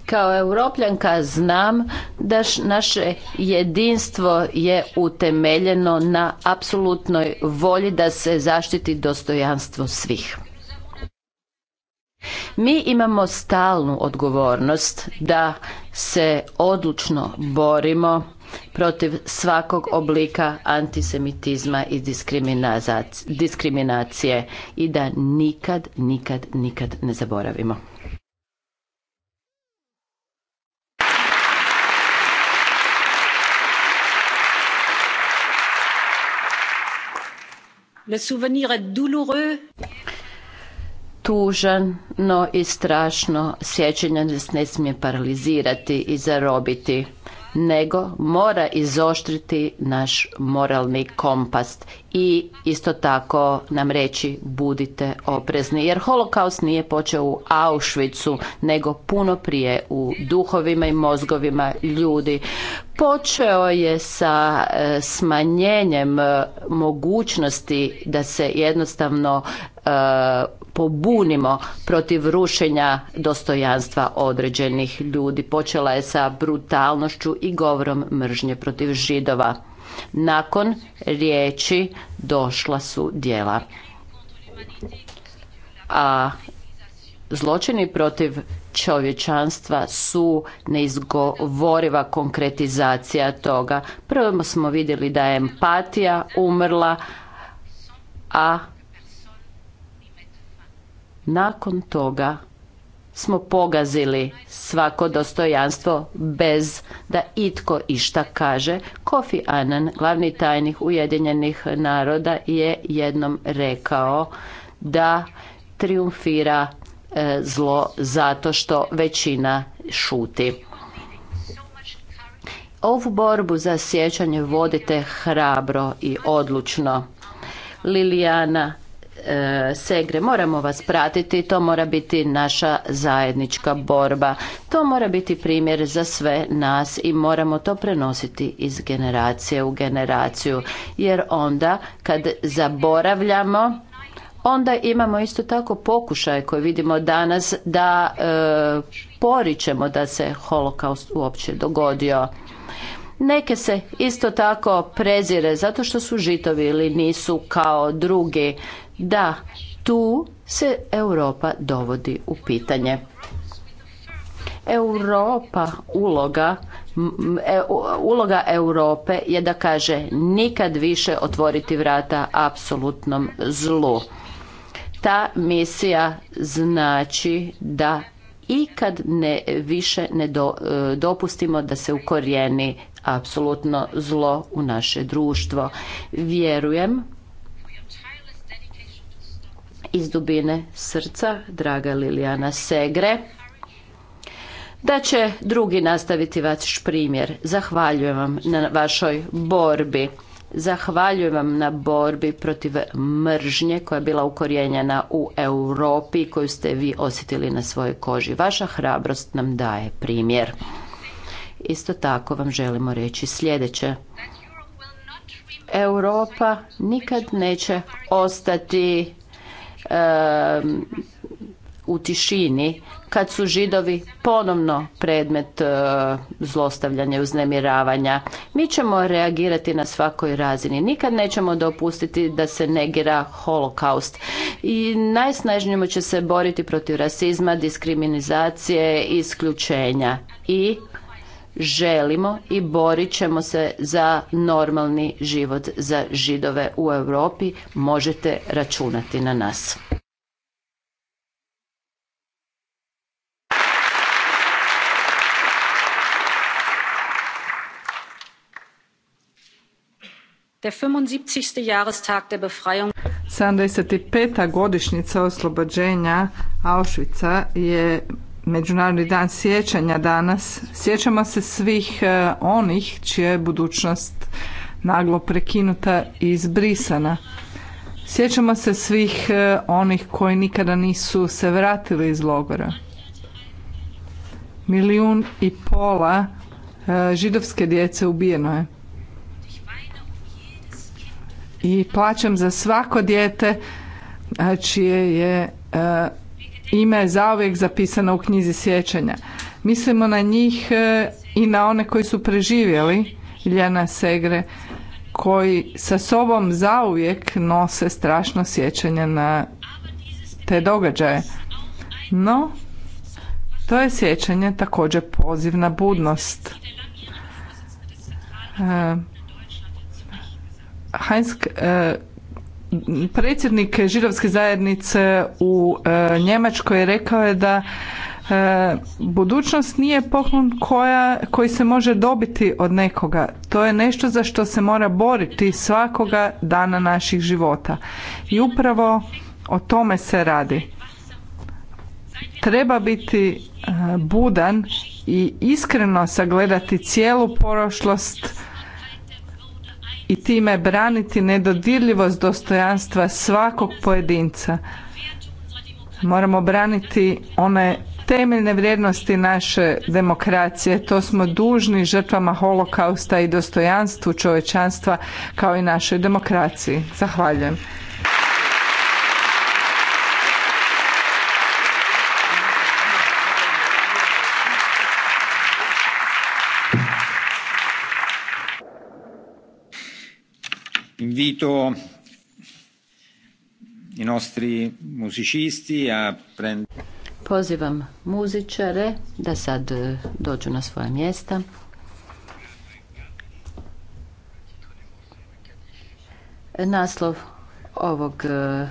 Kao europljanka znam da naše jedinstvo je utemeljeno na apsolutnoj volji da se zaštiti dostojanstvo svih. Mi imamo stalnu odgovornost da se odlučno borimo protiv svakog oblika antisemitizma i diskriminacije i da nikad, nikad, nikad ne zaboravimo. Le souvenir est douloureux tužan, no i strašno sjećanje nas ne smije paralizirati i zarobiti nego mora izoštriti naš moralni kompas i isto tako nam reći budite oprezni jer holokaust nije počeo u Auschwitzu nego puno prije u duhovima i mozgovima ljudi počeo je sa e, smanjenjem e, mogućnosti da se jednostavno e, pobunimo protiv rušenja dostojanstva određenih ljudi. Počela je sa brutalnošću i govorom mržnje protiv židova. Nakon riječi došla su djela. A zločini protiv čovječanstva su neizgovoriva konkretizacija toga. Prvo smo vidjeli da je empatija umrla, a nakon toga smo pogazili svako dostojanstvo bez da itko išta kaže. Kofi Annan, glavni tajnik Ujedinjenih naroda, je jednom rekao da triumfira e, zlo zato što većina šuti. Ovu borbu za sjećanje vodite hrabro i odlučno. Lilijana E, segre. Moramo vas pratiti, to mora biti naša zajednička borba. To mora biti primjer za sve nas i moramo to prenositi iz generacije u generaciju. Jer onda kad zaboravljamo onda imamo isto tako pokušaje koje vidimo danas da e, poričemo da se holokaust uopće dogodio. Neke se isto tako prezire zato što su žitovi ili nisu kao drugi. Da, tu se Europa dovodi u pitanje. Europa uloga e, uloga Europe je da kaže nikad više otvoriti vrata apsolutnom zlu. Ta misija znači da ikad ne više ne e, dopustimo da se ukorijeni apsolutno zlo u naše društvo. Vjerujem iz dubine srca, draga Lilijana Segre, da će drugi nastaviti vaš primjer. Zahvaljujem vam na vašoj borbi. Zahvaljujem vam na borbi protiv mržnje koja je bila ukorijenjena u Europi koju ste vi osjetili na svojoj koži. Vaša hrabrost nam daje primjer. Isto tako vam želimo reći sljedeće. Europa nikad neće ostati u tišini kad su židovi ponovno predmet e, zlostavljanja i uznemiravanja. Mi ćemo reagirati na svakoj razini. Nikad nećemo dopustiti da se negira holokaust. I najsnažnijemo će se boriti protiv rasizma, diskriminizacije, isključenja i želimo i borit ćemo se za normalni život za židove u Europi. Možete računati na nas. Der 75. Jahrestag der Befreiung 75. godišnjica oslobođenja Auschwitza je Međunarodni dan sjećanja danas, sjećamo se svih e, onih čija je budućnost naglo prekinuta i izbrisana. Sjećamo se svih e, onih koji nikada nisu se vratili iz logora. Milijun i pola e, židovske djece ubijeno je. I plaćam za svako dijete čije je ime zauvijek zapisano u knjizi sjećanja. Mislimo na njih e, i na one koji su preživjeli Ljena Segre koji sa sobom zauvijek nose strašno sjećanje na te događaje. No, to je sjećanje također poziv na budnost. E, Heinz e, predsjednik židovske zajednice u e, Njemačkoj rekao je da e, budućnost nije poklon koja, koji se može dobiti od nekoga. To je nešto za što se mora boriti svakoga dana naših života. I upravo o tome se radi. Treba biti e, budan i iskreno sagledati cijelu prošlost i time braniti nedodirljivost dostojanstva svakog pojedinca. Moramo braniti one temeljne vrijednosti naše demokracije. To smo dužni žrtvama holokausta i dostojanstvu čovečanstva kao i našoj demokraciji. Zahvaljujem. invito i nostri musicisti a Pozivam muzičare da sad e, dođu na svoja mjesta. Naslov ovog e,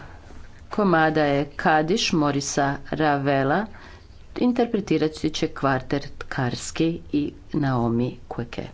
komada je Kadiš Morisa Ravela. Interpretirat će kvarter Tkarski i Naomi Kueke.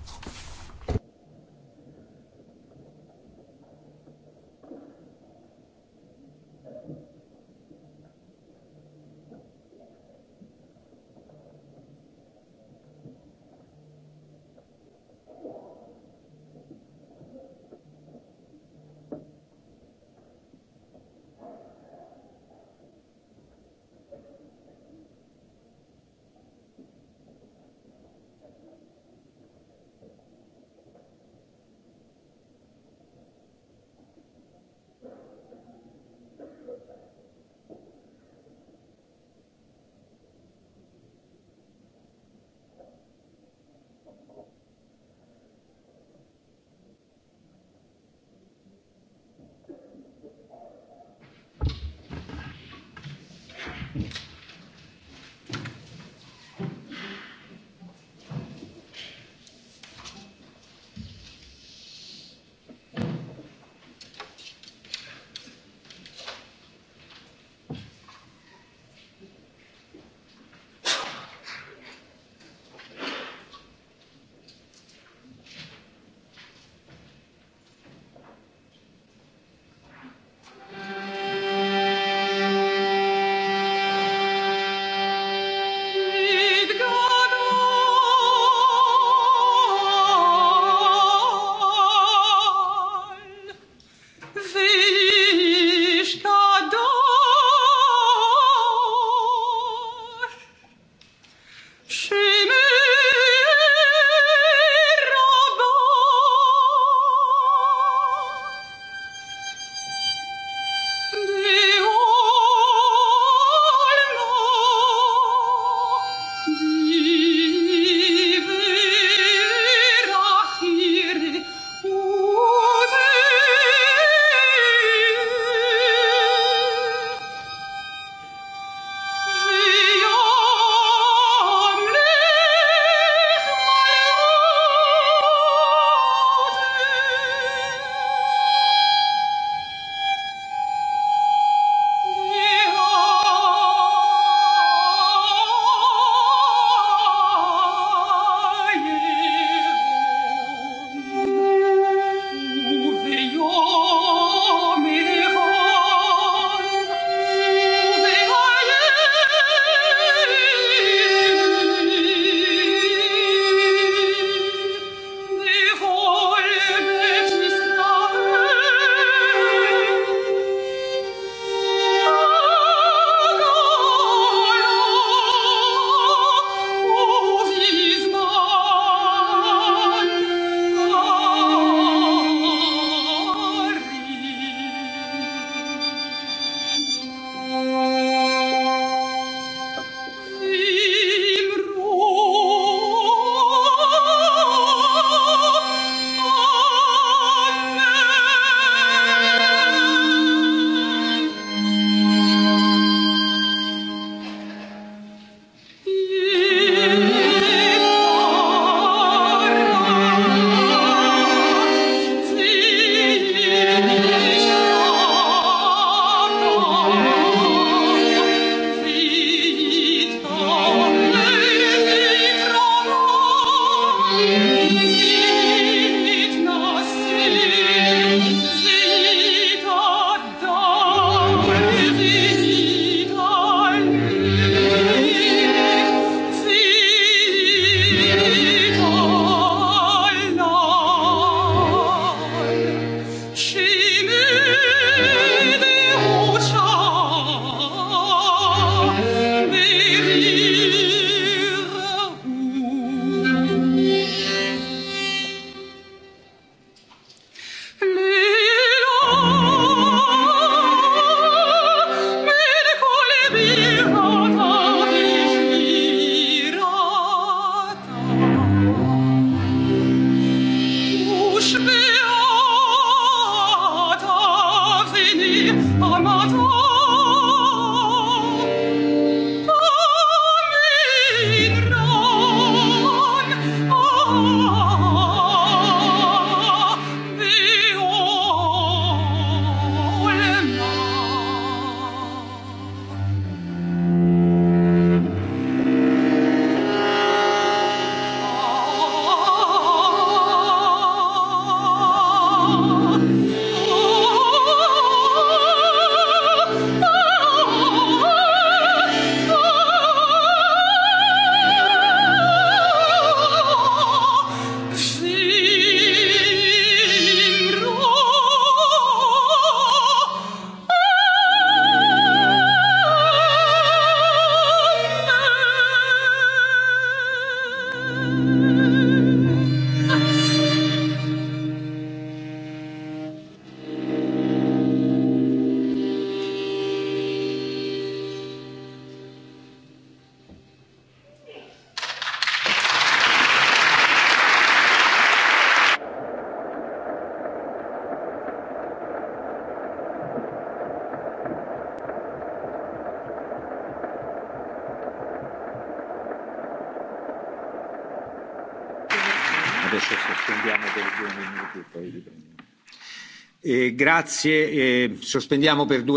E,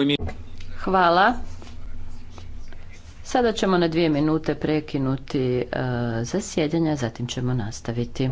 e, Hvala. Sada ćemo na dvije minute prekinuti e, zasjedanje, zatim ćemo nastaviti.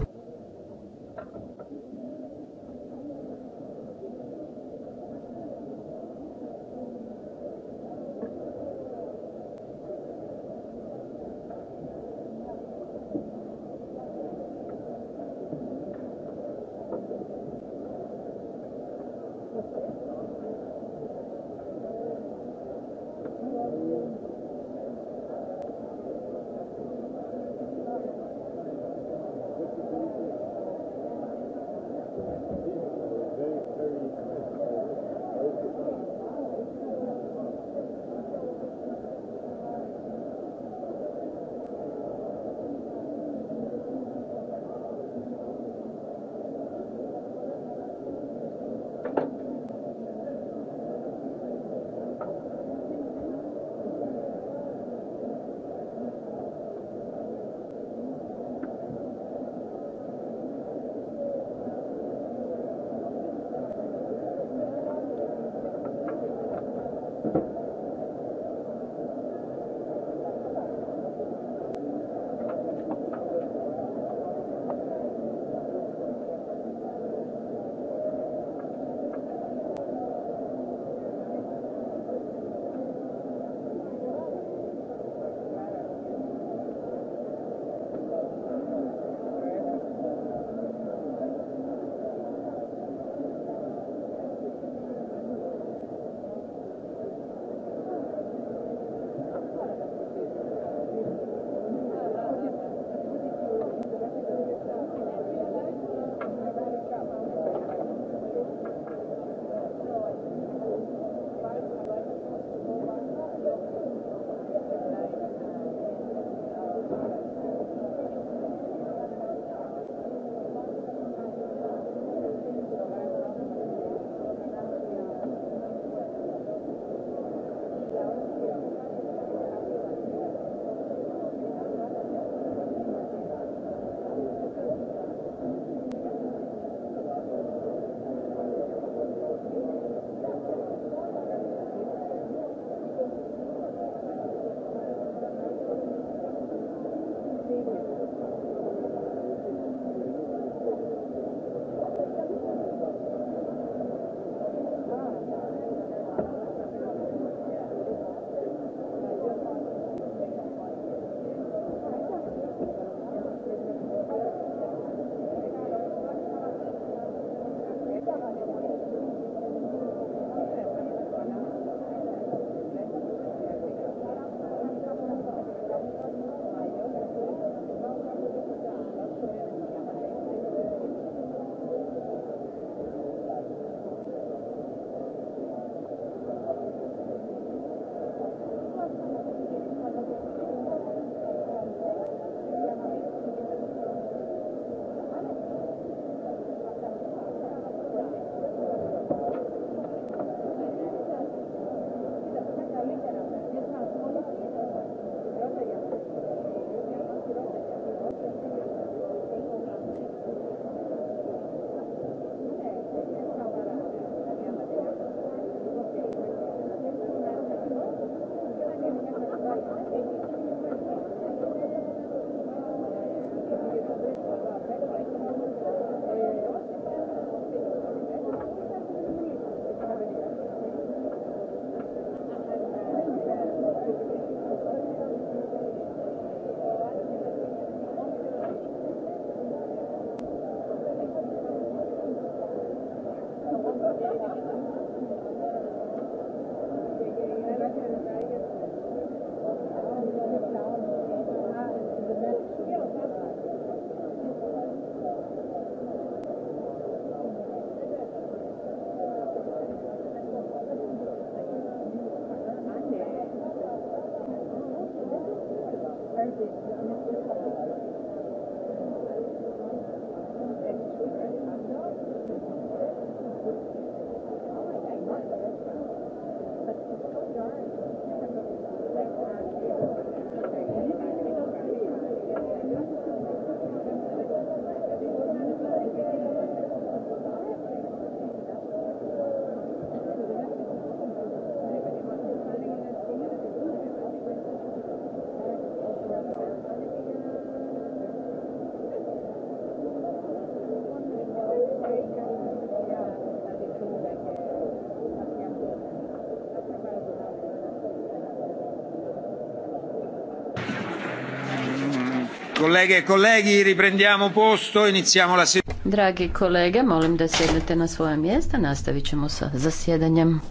Kolege i e kolegi, riprendiamo posto, iniziamo la seduta. Dragi kolege, molim da sjednete na svoje mjesta, nastavit ćemo sa zasjedanjem.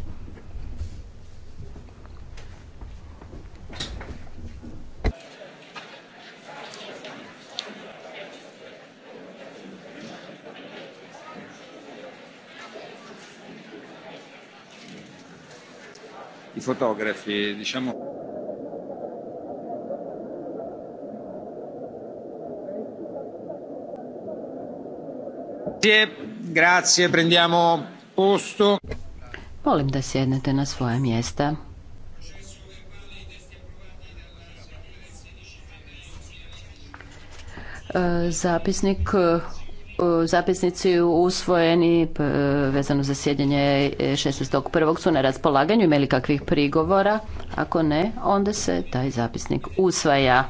I fotografi, diciamo Grazie, grazie, prendiamo posto. Molim da sjednete na svoja mjesta. E, zapisnik e, zapisnici usvojeni vezano za sjedanje 16.1. E, su na raspolaganju. Imeli kakvih prigovora? Ako ne, onda se taj zapisnik usvaja.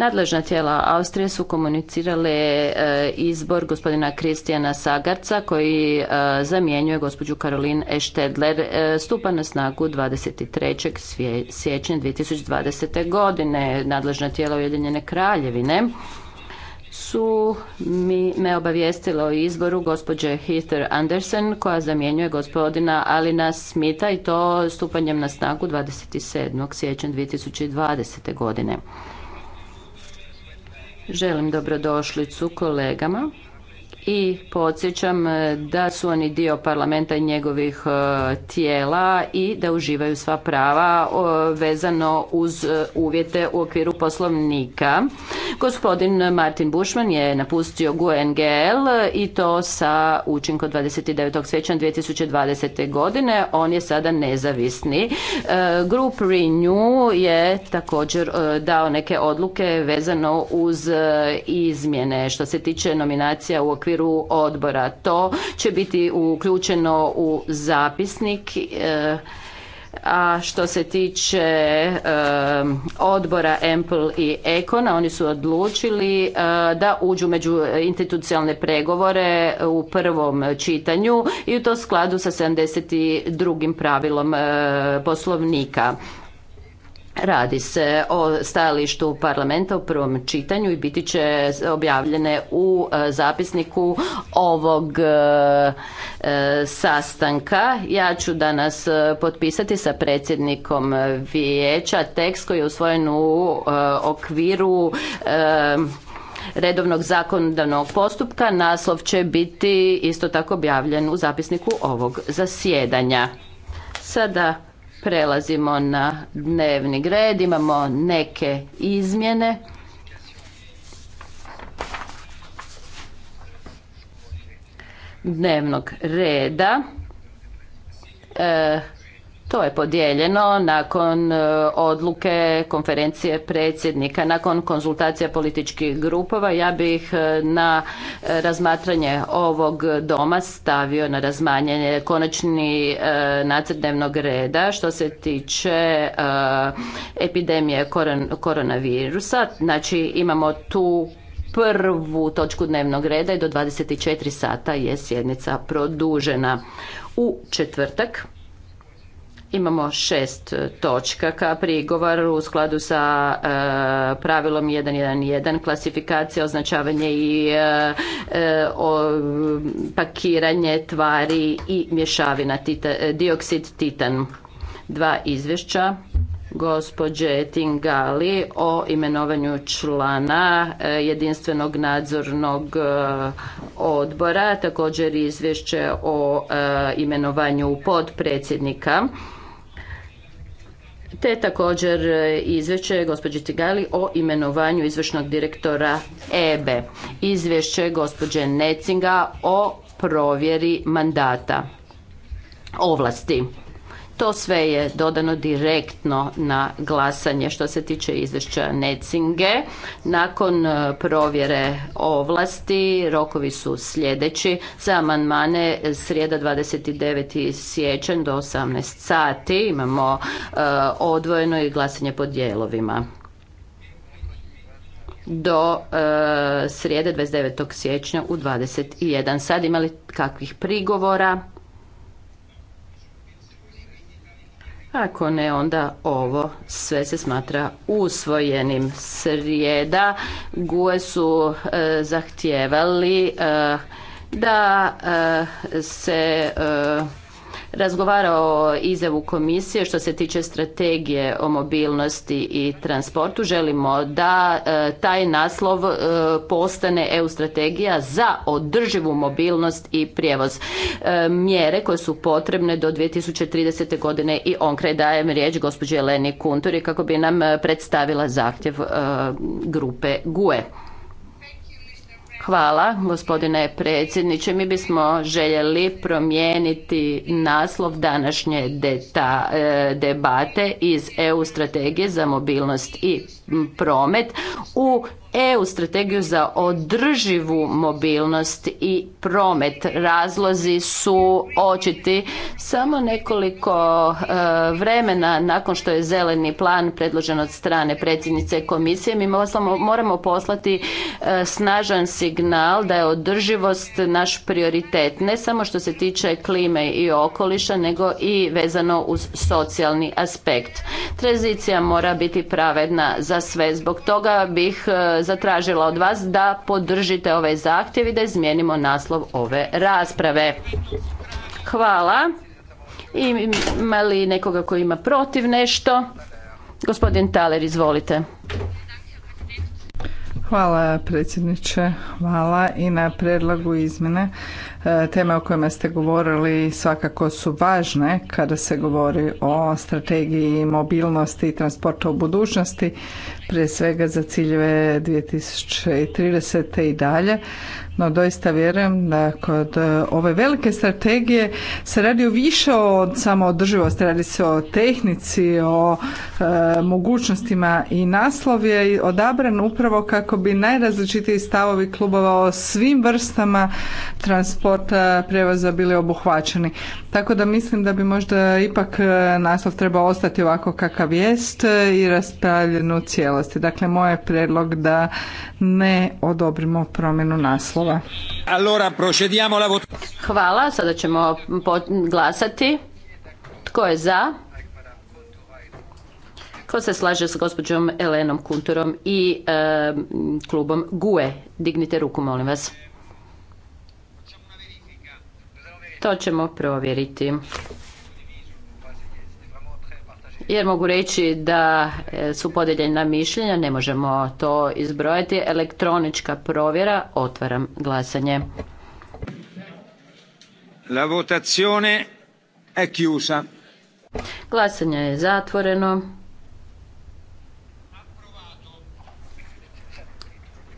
Nadležna tijela Austrije su komunicirale e, izbor gospodina Kristijana Sagarca koji e, zamjenjuje gospođu Karolin Eštedler e, stupa na snagu 23. siječnja 2020. godine. Nadležna tijela Ujedinjene kraljevine su mi, me obavijestilo o izboru gospođe Heather Anderson koja zamjenjuje gospodina Alina Smita i to stupanjem na snagu 27. siječnja 2020. godine. Želim dobrodošlicu kolegama i podsjećam e, da su oni dio parlamenta i njegovih e, tijela i da uživaju sva prava vezano uz e, uvjete u okviru poslovnika. Gospodin Martin Bušman je napustio GUNGL i to sa učinkom 29. svećan 2020. godine. On je sada nezavisni. Grup Renew je također dao neke odluke vezano uz izmjene što se tiče nominacija u okviru okviru odbora. To će biti uključeno u zapisnik e, a što se tiče e, odbora Ample i Econa, oni su odlučili e, da uđu među institucionalne pregovore u prvom čitanju i u to skladu sa 72. pravilom poslovnika. Radi se o stajalištu parlamenta u prvom čitanju i biti će objavljene u e, zapisniku ovog e, e, sastanka. Ja ću danas potpisati sa predsjednikom vijeća tekst koji je usvojen u okviru redovnog zakonodavnog postupka. Naslov će biti isto tako objavljen u zapisniku ovog zasjedanja. Sada Prelazimo na dnevni red, imamo neke izmjene. Dnevnog reda. E, to je podijeljeno nakon e, odluke konferencije predsjednika, nakon konzultacija političkih grupova. Ja bih e, na e, razmatranje ovog doma stavio na razmanjanje konačni nacrt dnevnog reda što se tiče epidemije koronavirusa. Znači imamo tu prvu točku dnevnog reda i do 24 sata je sjednica produžena u četvrtak. Imamo šest točka ka u skladu sa e, pravilom 1.1.1, klasifikacija, označavanje i e, e, pakiranje tvari i mješavina, dioksid titan. Dva izvješća gospođe Tingali o imenovanju člana jedinstvenog nadzornog odbora, također izvješće o imenovanju podpredsjednika te također e, izvješće gospođe Tigali o imenovanju izvršnog direktora EBE, e. izvješće gospođe Necinga o provjeri mandata ovlasti. To sve je dodano direktno na glasanje što se tiče izvješća Necinge. Nakon e, provjere ovlasti rokovi su sljedeći za amandmane e, srijeda 29. siječanj do 18 sati. Imamo e, odvojeno i glasanje po dijelovima do e, srijede 29. siječnja u 21. Sad imali kakvih prigovora? Ako ne, onda ovo sve se smatra usvojenim. Srijeda GUE su e, zahtijevali e, da e, se razgovarao o izjavu komisije što se tiče strategije o mobilnosti i transportu. Želimo da e, taj naslov e, postane EU strategija za održivu mobilnost i prijevoz. E, mjere koje su potrebne do 2030. godine i on kraj dajem riječ gospođi Eleni Kunturi kako bi nam predstavila zahtjev grupe GUE. Hvala, gospodine predsjedniče. Mi bismo željeli promijeniti naslov današnje deta, e, debate iz EU strategije za mobilnost i promet u EU strategiju za održivu mobilnost i promet. Razlozi su očiti. Samo nekoliko e, vremena nakon što je zeleni plan predložen od strane predsjednice komisije, mi moramo poslati e, snažan signal da je održivost naš prioritet, ne samo što se tiče klime i okoliša, nego i vezano uz socijalni aspekt. Tranzicija mora biti pravedna za sve. Zbog toga bih e, zatražila od vas da podržite ovaj zahtjev i da izmijenimo naslov ove rasprave. Hvala. Ima li nekoga koji ima protiv nešto? Gospodin Taler, izvolite. Hvala predsjedniče, hvala i na predlagu izmjene. E, teme o kojima ste govorili svakako su važne kada se govori o strategiji mobilnosti i transporta u budućnosti, prije svega za ciljeve 2030. i dalje. No doista vjerujem da kod ove velike strategije se radi o više od samo održivosti, radi se o tehnici, o e, mogućnostima i naslov je odabran upravo kako bi najrazličitiji stavovi klubova o svim vrstama transporta transporta e, prijevoza bili obuhvaćeni. Tako da mislim da bi možda ipak e, naslov trebao ostati ovako kakav jest e, i raspravljen u cijelosti. Dakle, moj je predlog da ne odobrimo promjenu naslova. Hvala, sada ćemo glasati. Tko je za? Ko se slaže s gospođom Elenom Kunturom i klubom GUE? Dignite ruku, molim vas. To ćemo provjeriti. Jer mogu reći da e, su podeljena mišljenja, ne možemo to izbrojati. Elektronička provjera, otvaram glasanje. La votazione è chiusa. Glasanje je zatvoreno.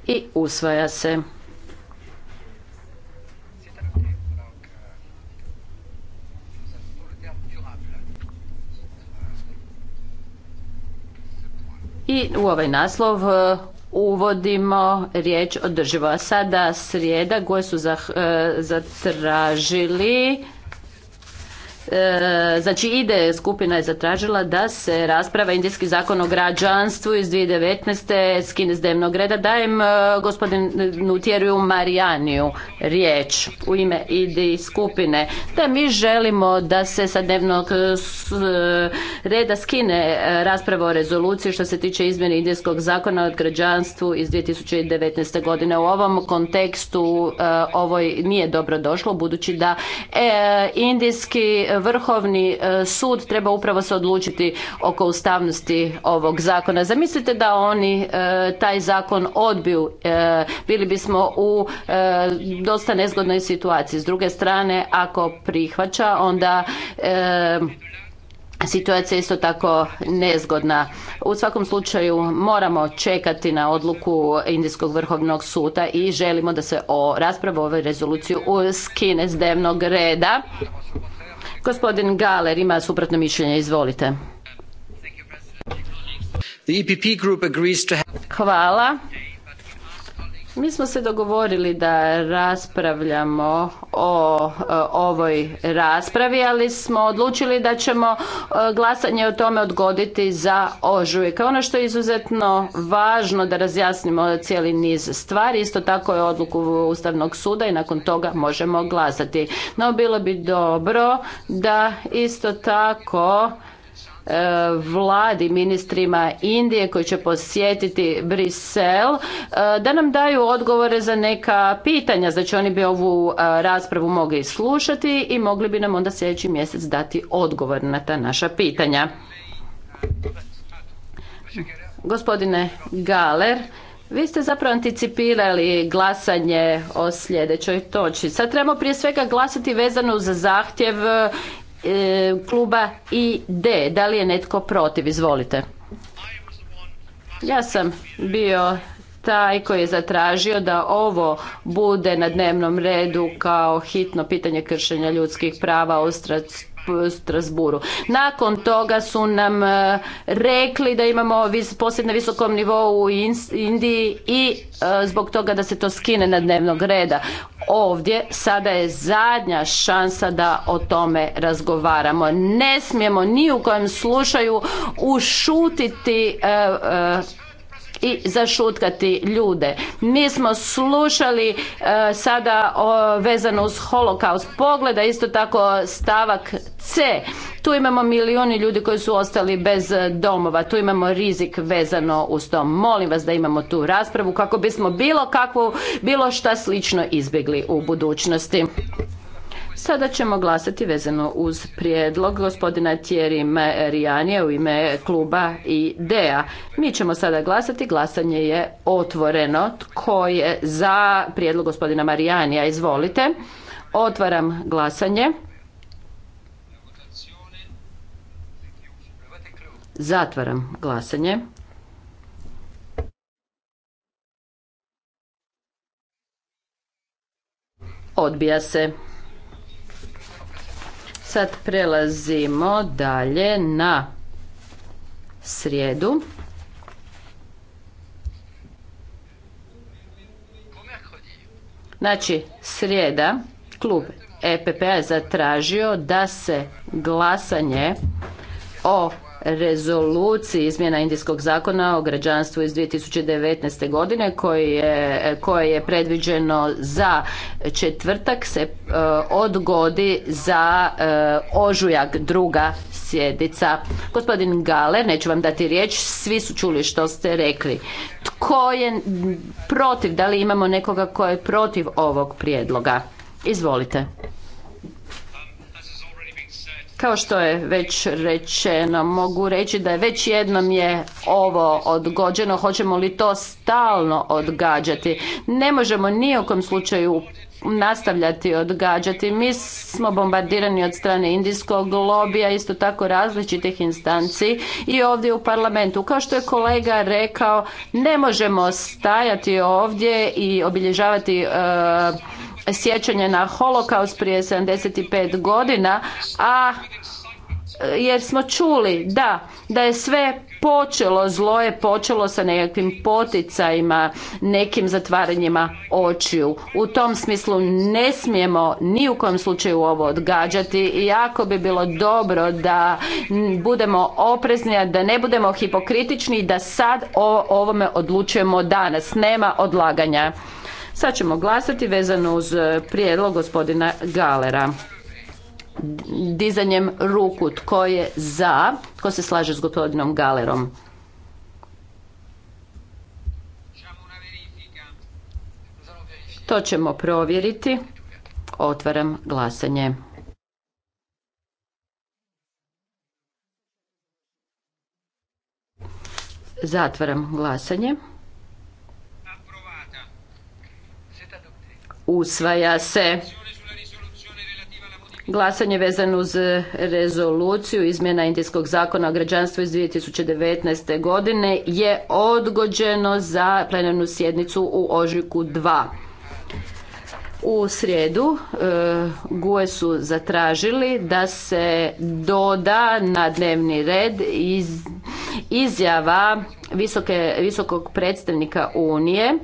I usvaja se. I u ovaj naslov e, uvodimo riječ održivo. A sada srijeda koje su zatražili E, znači ide skupina je zatražila da se rasprava Indijski zakon o građanstvu iz 2019. skine s dnevnog reda. Dajem e, gospodinu Tjeriju Marijaniju riječ u ime ide skupine da mi želimo da se sa dnevnog e, reda skine rasprava o rezoluciji što se tiče izmjene Indijskog zakona o građanstvu iz 2019. godine. U ovom kontekstu ovoj nije dobro došlo budući da indijski Vrhovni e, sud treba upravo se odlučiti oko ustavnosti ovog zakona. Zamislite da oni e, taj zakon odbiju, e, bili bismo u dosta nezgodnoj situaciji. S druge strane, ako prihvaća, onda situacija je isto tako nezgodna. U svakom slučaju moramo čekati na odluku Indijskog vrhovnog suda i želimo da se o raspravu ove rezoluciju skine s dnevnog reda. Gospodin Galer ima suprotno mišljenje, izvolite. E Hvala. Mi smo se dogovorili da raspravljamo o e, ovoj raspravi, ali smo odlučili da ćemo e, glasanje o tome odgoditi za ožujek. Ono što je izuzetno važno da razjasnimo cijeli niz stvari, isto tako je odluku Ustavnog suda i nakon toga možemo glasati. No bilo bi dobro da isto tako E, vladi, ministrima Indije koji će posjetiti Brisel, e, da nam daju odgovore za neka pitanja. Znači oni bi ovu e, raspravu mogli slušati i mogli bi nam onda sljedeći mjesec dati odgovor na ta naša pitanja. Gospodine Galer, vi ste zapravo anticipirali glasanje o sljedećoj toči. Sad trebamo prije svega glasati vezano za zahtjev e, kluba ID. Da li je netko protiv? Izvolite. Ja sam bio taj koji je zatražio da ovo bude na dnevnom redu kao hitno pitanje kršenja ljudskih prava u Strasburu. Nakon toga su nam e, rekli da imamo posjed na visokom nivou u Indiji i e, zbog toga da se to skine na dnevnog reda. Ovdje sada je zadnja šansa da o tome razgovaramo. Ne smijemo ni u kojem slučaju ušutiti e, i zašutkati ljude. Mi smo slušali e, sada o, vezano uz holokaust pogleda, isto tako stavak C. Tu imamo milijuni ljudi koji su ostali bez domova, tu imamo rizik vezano uz to. Molim vas da imamo tu raspravu kako bismo bilo kakvo, bilo šta slično izbjegli u budućnosti. Sada ćemo glasati vezano uz prijedlog gospodina Thierry u ime kluba IDEA. Mi ćemo sada glasati, glasanje je otvoreno. Tko je za prijedlog gospodina Marijanija? Izvolite. Otvaram glasanje. Zatvaram glasanje. Odbija se. Sad prelazimo dalje na srijedu. Znači, srijeda, klub EPP je zatražio da se glasanje o rezoluciji izmjena indijskog zakona o građanstvu iz 2019. godine koji godine koje je predviđeno za četvrtak se e, odgodi za e, ožujak druga sjednica. Gospodin Gale, neću vam dati riječ, svi su čuli što ste rekli. Tko je protiv, da li imamo nekoga tko je protiv ovog prijedloga? Izvolite. Kao što je već rečeno, mogu reći da je već jednom je ovo odgođeno, hoćemo li to stalno odgađati. Ne možemo ni u kom slučaju nastavljati odgađati. Mi smo bombardirani od strane indijskog lobija, isto tako različitih instanci i ovdje u parlamentu. Kao što je kolega rekao, ne možemo stajati ovdje i obilježavati e, sjećanje na holokaust prije 75 godina, a jer smo čuli da, da je sve počelo, zlo je počelo sa nekakvim poticajima, nekim zatvaranjima očiju. U tom smislu ne smijemo ni u kojem slučaju ovo odgađati i jako bi bilo dobro da budemo oprezni, da ne budemo hipokritični i da sad o ovome odlučujemo danas. Nema odlaganja. Sad ćemo glasati vezano uz e, prijedlog gospodina Galera. Dizanjem ruku tko je za, tko se slaže s gospodinom Galerom. To ćemo provjeriti. Otvaram glasanje. Zatvaram glasanje. usvaja se. Glasanje vezano uz rezoluciju izmjena Indijskog zakona o građanstvu iz 2019. godine je odgođeno za plenarnu sjednicu u ožujku 2. U srijedu e, GUE su zatražili da se doda na dnevni red izjava visokog predstavnika Unije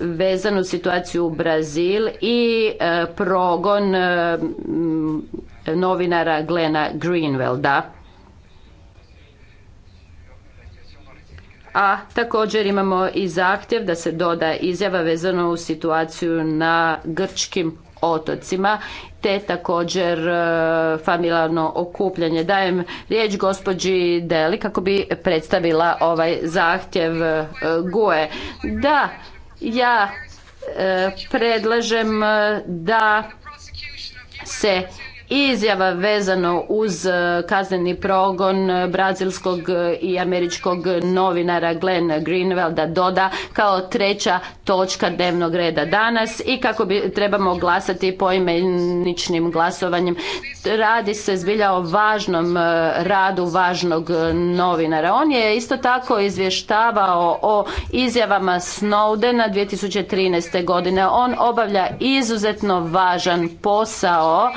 vezanu situaciju u Brazil i e, progon e, novinara Glena Greenwelda. A također imamo i zahtjev da se doda izjava vezano u situaciju na grčkim otocima te također e, familijarno okupljanje. Dajem riječ gospođi Deli kako bi predstavila ovaj zahtjev GUE. Da, ja e, predlažem e, da se izjava vezano uz e, kazneni progon e, brazilskog e, i američkog novinara Glenn Greenwelda doda kao treća točka dnevnog reda danas i kako bi trebamo glasati imeničnim glasovanjem. Radi se zbilja o važnom radu važnog novinara. On je isto tako izvještavao o izjavama Snowdena 2013. godine. On obavlja izuzetno važan posao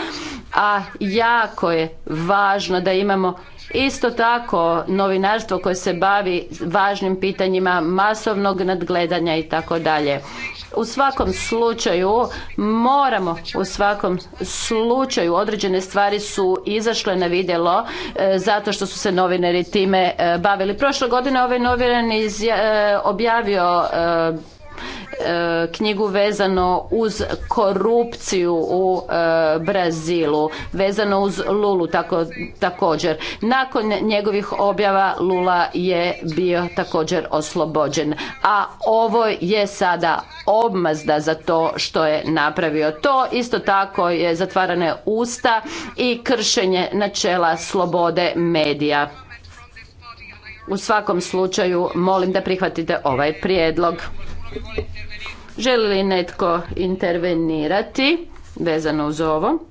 a jako je važno da imamo isto tako novinarstvo koje se bavi važnim pitanjima masovnog nadgledanja i tako dalje. U svakom slučaju moramo u svakom slučaju određene stvari su izašle na vidjelo e, zato što su se novinari time e, bavili. Prošle godine ovaj novinar je e, objavio E, knjigu vezano uz korupciju u e, Brazilu, vezano uz Lulu također. Nakon njegovih objava Lula je bio također oslobođen. A ovo je sada obmazda za to što je napravio. To isto tako je zatvarane usta i kršenje načela slobode medija. U svakom slučaju molim da prihvatite ovaj prijedlog. Želi li netko intervenirati vezano uz ovo?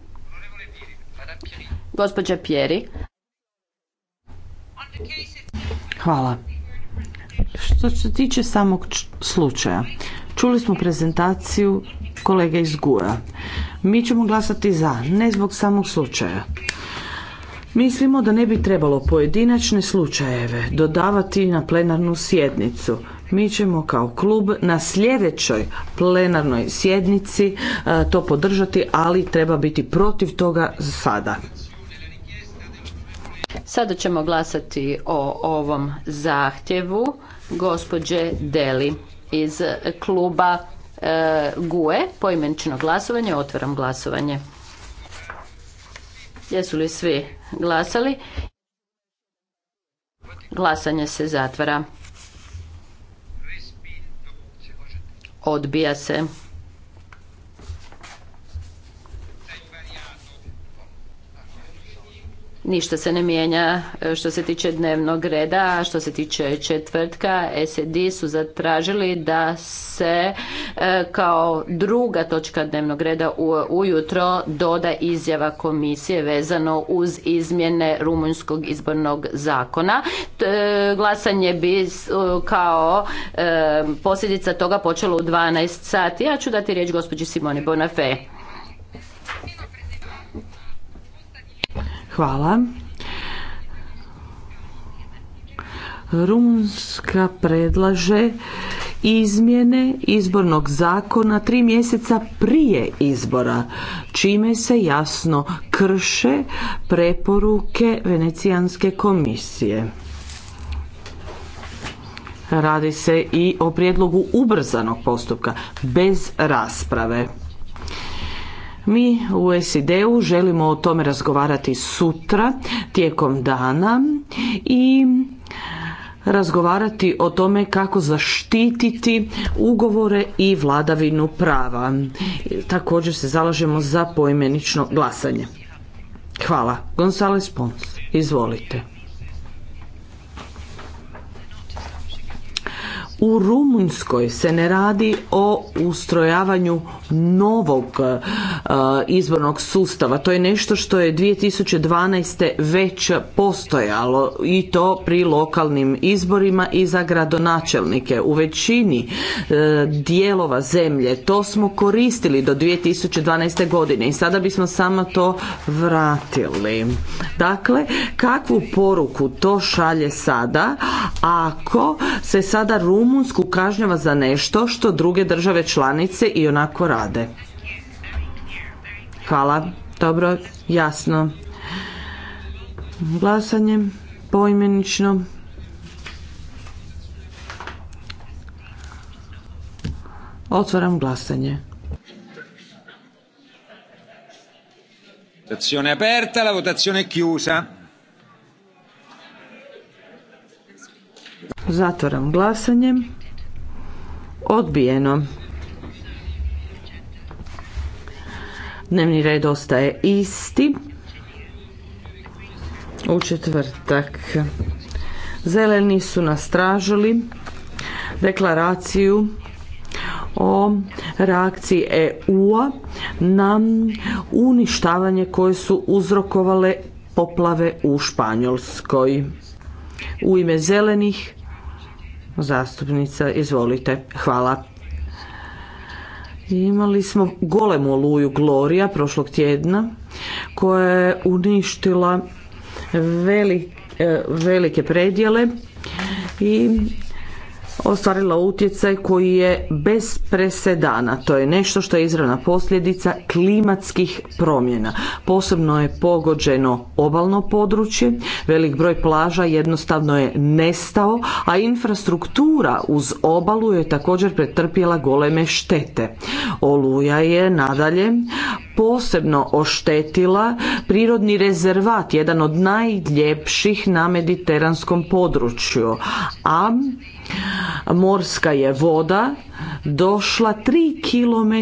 Gospođa Pjeri. Hvala. Što se tiče samog slučaja, čuli smo prezentaciju kolege iz Gura. Mi ćemo glasati za, ne zbog samog slučaja. Mislimo da ne bi trebalo pojedinačne slučajeve dodavati na plenarnu sjednicu mi ćemo kao klub na sljedećoj plenarnoj sjednici e, to podržati, ali treba biti protiv toga sada. Sada ćemo glasati o ovom zahtjevu gospođe Deli iz kluba e, GUE. Poimenično glasovanje, otvaram glasovanje. Jesu li svi glasali? Glasanje se zatvara. Odbija se. ništa se ne mijenja e, što se tiče dnevnog reda, a što se tiče četvrtka SED su zatražili da se e, kao druga točka dnevnog reda ujutro doda izjava komisije vezano uz izmjene rumunjskog izbornog zakona. E, glasanje bi kao posljedica toga počelo u 12 sati. Ja ću dati riječ gospođi Simoni Bonafé. Hvala. Rumunska predlaže izmjene izbornog zakona tri mjeseca prije izbora, čime se jasno krše preporuke Venecijanske komisije. Radi se i o prijedlogu ubrzanog postupka, bez rasprave. Mi u SID-u želimo o tome razgovarati sutra tijekom dana i razgovarati o tome kako zaštititi ugovore i vladavinu prava. Također se zalažemo za poimenično glasanje. Hvala. Gonzales Pons, izvolite. U Rumunjskoj se ne radi o ustrojavanju novog e, izbornog sustava. To je nešto što je 2012. već postojalo i to pri lokalnim izborima i za gradonačelnike. U većini e, dijelova zemlje to smo koristili do 2012. godine i sada bismo samo to vratili. Dakle, kakvu poruku to šalje sada ako se sada Rumunsku kažnjava za nešto što druge države članice i onako rade. Hvala. Dobro, jasno. Glasanje poimenično. Otvaram glasanje. Votazione aperta, la votazione chiusa. Zatvaram glasanje. Odbijeno. Dnevni red ostaje isti. U četvrtak. Zeleni su nastražili deklaraciju o reakciji EU-a na uništavanje koje su uzrokovale poplave u Španjolskoj. U ime zelenih Zastupnica, izvolite. Hvala. Imali smo golemu oluju Gloria prošlog tjedna koja je uništila e, velike predjele i ostvarila utjecaj koji je bez presedana. To je nešto što je izravna posljedica klimatskih promjena. Posebno je pogođeno obalno područje, velik broj plaža jednostavno je nestao, a infrastruktura uz obalu je također pretrpjela goleme štete. Oluja je nadalje posebno oštetila prirodni rezervat, jedan od najljepših na mediteranskom području, a morska je voda došla tri km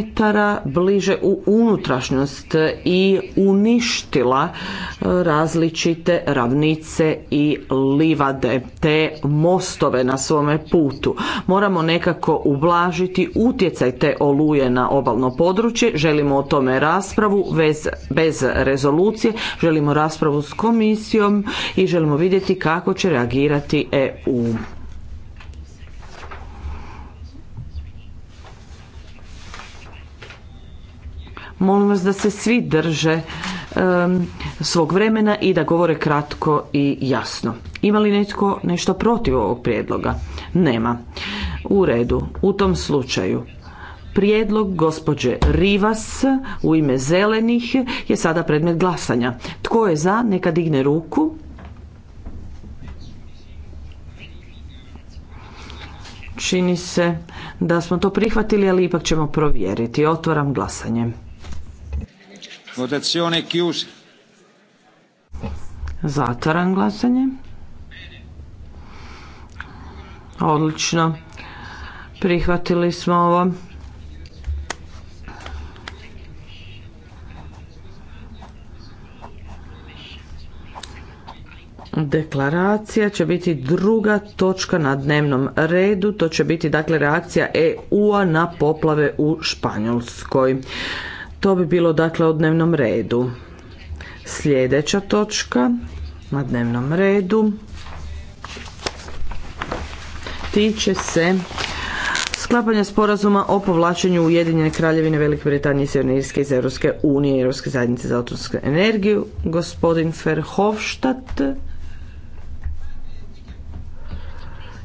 bliže u unutrašnjost i uništila e, različite ravnice i livade te mostove na svome putu. Moramo nekako ublažiti utjecaj te oluje na obalno područje, želimo o tome raspravu bez, bez rezolucije, želimo raspravu s komisijom i želimo vidjeti kako će reagirati EU. Molim vas da se svi drže svog vremena i da govore kratko i jasno. Ima li netko nešto protiv ovog prijedloga? Nema. U redu. U tom slučaju prijedlog gospođe Rivas u ime zelenih je sada predmet glasanja. Tko je za? Neka digne ruku. Čini se da smo to prihvatili, ali ipak ćemo provjeriti. Otvaram glasanje. Votazione Zatvaram glasanje. Odlično. Prihvatili smo ovo. Deklaracija će biti druga točka na dnevnom redu, to će biti dakle reakcija EU-a na poplave u Španjolskoj. To bi bilo dakle o dnevnom redu. Sljedeća točka na dnevnom redu tiče se sklapanja sporazuma o povlačenju Ujedinjene kraljevine Velike Britanije i iz Europske unije i Europske zajednice za autorsku energiju. Gospodin Ferhofstadt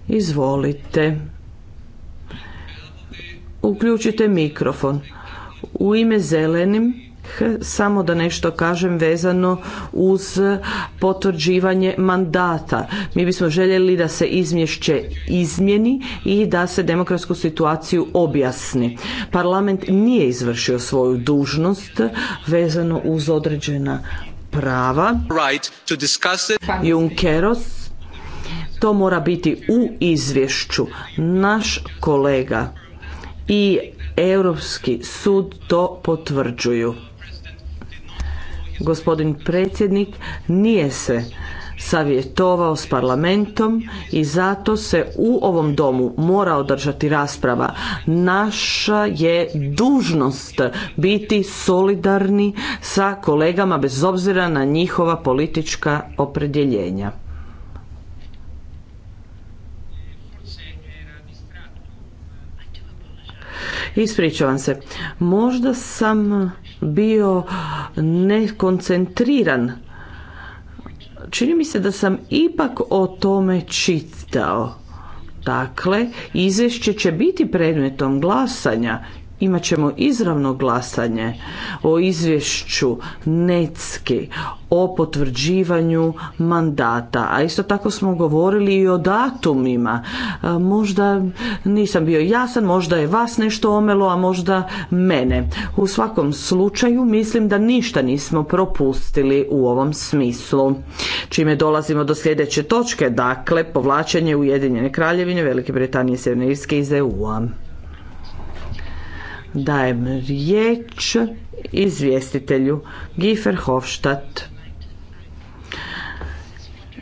Izvolite. Uključite mikrofon. U ime zelenim samo da nešto kažem vezano uz potvrđivanje mandata. Mi bismo željeli da se izmješće izmjeni i da se demokratsku situaciju objasni. Parlament nije izvršio svoju dužnost vezano uz određena prava. Junkeros to mora biti u izvješću. Naš kolega i Europski sud to potvrđuju. Gospodin predsjednik nije se savjetovao s parlamentom i zato se u ovom domu mora održati rasprava. Naša je dužnost biti solidarni sa kolegama bez obzira na njihova politička opredjeljenja. Ispričavam se. Možda sam bio nekoncentriran. Čini mi se da sam ipak o tome čitao. Dakle, izvješće će biti predmetom glasanja imat ćemo izravno glasanje o izvješću NECKI o potvrđivanju mandata, a isto tako smo govorili i o datumima. E, možda nisam bio jasan, možda je vas nešto omelo, a možda mene. U svakom slučaju mislim da ništa nismo propustili u ovom smislu. Čime dolazimo do sljedeće točke, dakle povlačenje Ujedinjene kraljevine Velike Britanije i Sjeverne Irske iz EU-a. Dajem riječ izvjestitelju Gifer Hofstadt.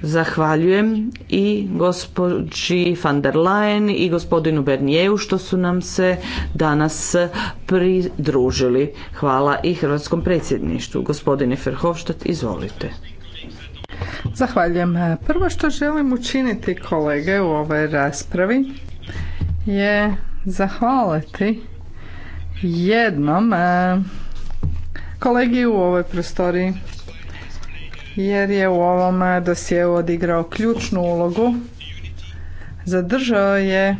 Zahvaljujem i gospođi van der Leyen i gospodinu Bernijevu što su nam se danas pridružili. Hvala i Hrvatskom predsjedništvu. Gospodine Ferhofstadt, izvolite. Zahvaljujem. Prvo što želim učiniti kolege u ovoj raspravi je zahvaliti jednom e, kolegi u ovoj prostoriji jer je u ovom dosjeu odigrao ključnu ulogu. Zadržao je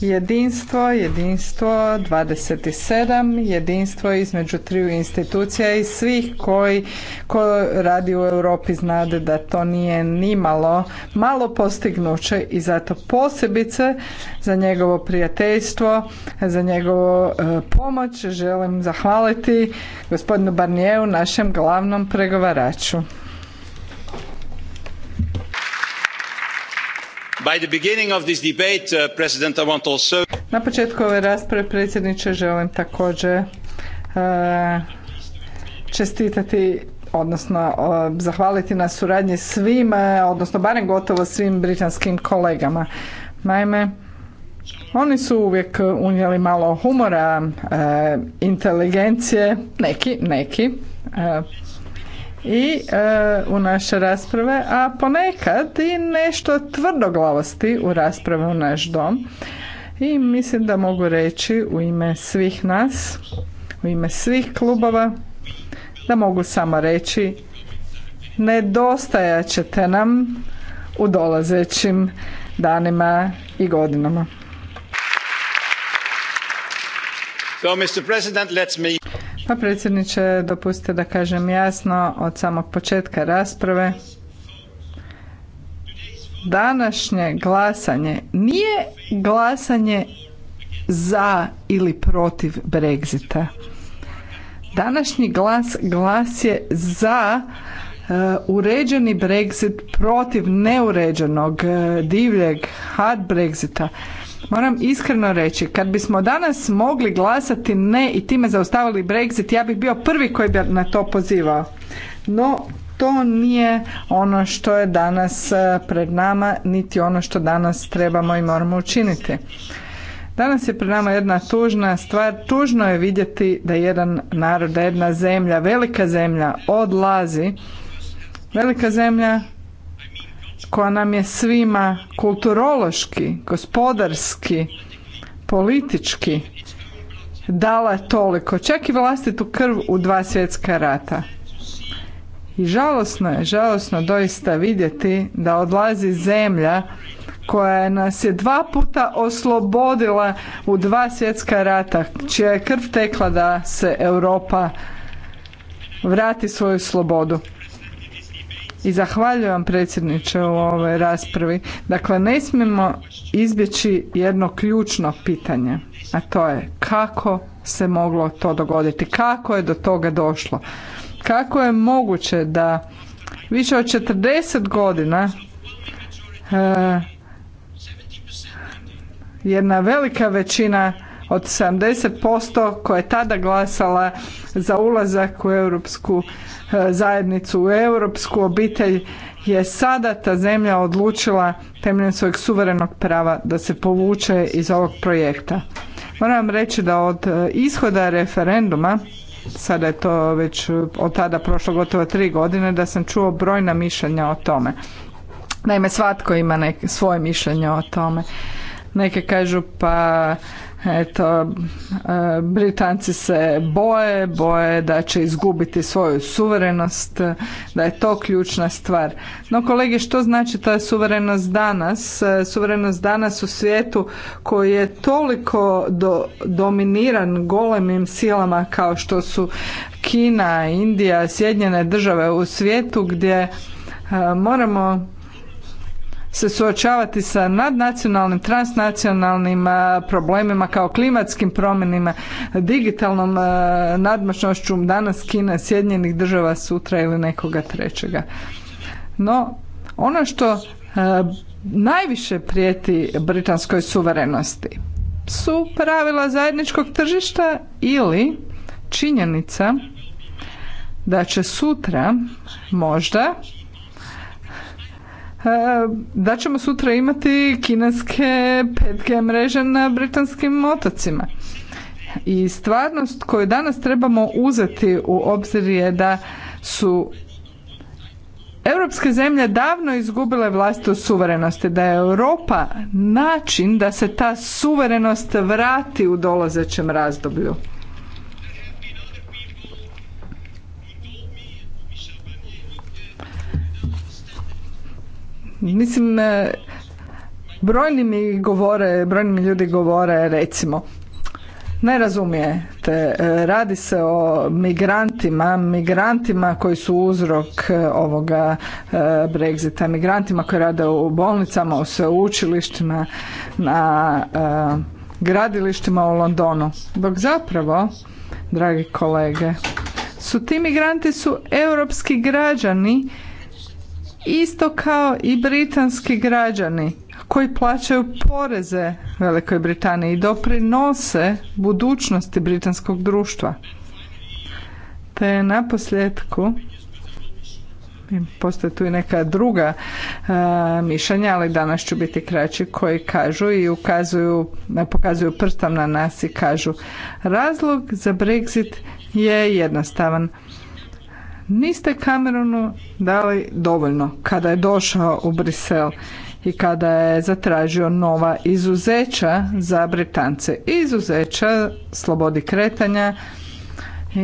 jedinstvo, jedinstvo 27, jedinstvo između triju institucija i svih koji ko radi u Europi znade da to nije ni malo, malo postignuće i zato posebice za njegovo prijateljstvo, za njegovo e, pomoć želim zahvaliti gospodinu Barnijevu, našem glavnom pregovaraču. Uh, na početku ove rasprave, predsjedniče, želim također uh, čestitati odnosno uh, zahvaliti na suradnji svim, odnosno barem gotovo svim britanskim kolegama. Naime, oni su uvijek unijeli malo humora, inteligencije, neki, neki, i e, u naše rasprave, a ponekad i nešto tvrdoglavosti u rasprave u naš dom. I mislim da mogu reći u ime svih nas, u ime svih klubova, da mogu samo reći nedostajat ćete nam u dolazećim danima i godinama. So, pa predsjedniče, dopustite da kažem jasno od samog početka rasprave. Današnje glasanje nije glasanje za ili protiv Brexita. Današnji glas glas je za e, uređeni Brexit protiv neuređenog e, divljeg hard Brexita. Moram iskreno reći, kad bismo danas mogli glasati ne i time zaustavili Brexit, ja bih bio prvi koji bi na to pozivao. No, to nije ono što je danas e, pred nama, niti ono što danas trebamo i moramo učiniti. Danas je pred nama jedna tužna stvar. Tužno je vidjeti da jedan narod, da jedna zemlja, velika zemlja odlazi. Velika zemlja koja nam je svima kulturološki, gospodarski, politički dala toliko, čak i vlastitu krv u dva svjetska rata. I žalosno je, žalosno doista vidjeti da odlazi zemlja koja nas je dva puta oslobodila u dva svjetska rata, čija je krv tekla da se Europa vrati svoju slobodu i zahvaljujem predsjedniče u ovoj raspravi. Dakle, ne smijemo izbjeći jedno ključno pitanje, a to je kako se moglo to dogoditi, kako je do toga došlo, kako je moguće da više od 40 godina e, jedna velika većina od 70% koja je tada glasala za ulazak u Europsku E, zajednicu u europsku obitelj je sada ta zemlja odlučila temeljem svojeg suverenog prava da se povuče iz ovog projekta. Moram vam reći da od e, ishoda referenduma sada je to već e, od tada prošlo gotovo tri godine da sam čuo brojna mišljenja o tome. Naime, svatko ima svoje mišljenje o tome. Neke kažu pa Eto, e, Britanci se boje, boje da će izgubiti svoju suverenost, da je to ključna stvar. No kolege, što znači ta suverenost danas? E, suverenost danas u svijetu koji je toliko dominiran golemim silama kao što su Kina, Indija, Sjedinjene države u svijetu gdje e, moramo se suočavati sa nadnacionalnim, transnacionalnim problemima kao klimatskim promjenima, digitalnom nadmoćnošću danas Kina, Sjedinjenih država sutra ili nekoga trećega. No, ono što najviše prijeti britanskoj suverenosti su pravila zajedničkog tržišta ili činjenica da će sutra možda E, da ćemo sutra imati kineske 5G mreže na britanskim otocima. I stvarnost koju danas trebamo uzeti u obzir je da su Europske zemlje davno izgubile vlastitu suverenosti da je Europa način da se ta suverenost vrati u dolazećem razdoblju. Mislim, e, brojni mi govore, brojni ljudi govore recimo, ne razumijete, e, radi se o migrantima, migrantima koji su uzrok e, ovoga Brexita, migrantima koji rade u bolnicama, u sveučilištima, na gradilištima u Londonu. Dok zapravo, dragi kolege, su ti migranti su europski građani isto kao i britanski građani koji plaćaju poreze Velikoj Britaniji i doprinose budućnosti britanskog društva. Te na posljedku postoje tu i neka druga a, e, mišljenja, ali danas ću biti kraći, koji kažu i ukazuju, pokazuju prstom na nas i kažu razlog za Brexit je jednostavan niste Cameronu dali dovoljno kada je došao u Brisel i kada je zatražio nova izuzeća za Britance. Izuzeća slobodi kretanja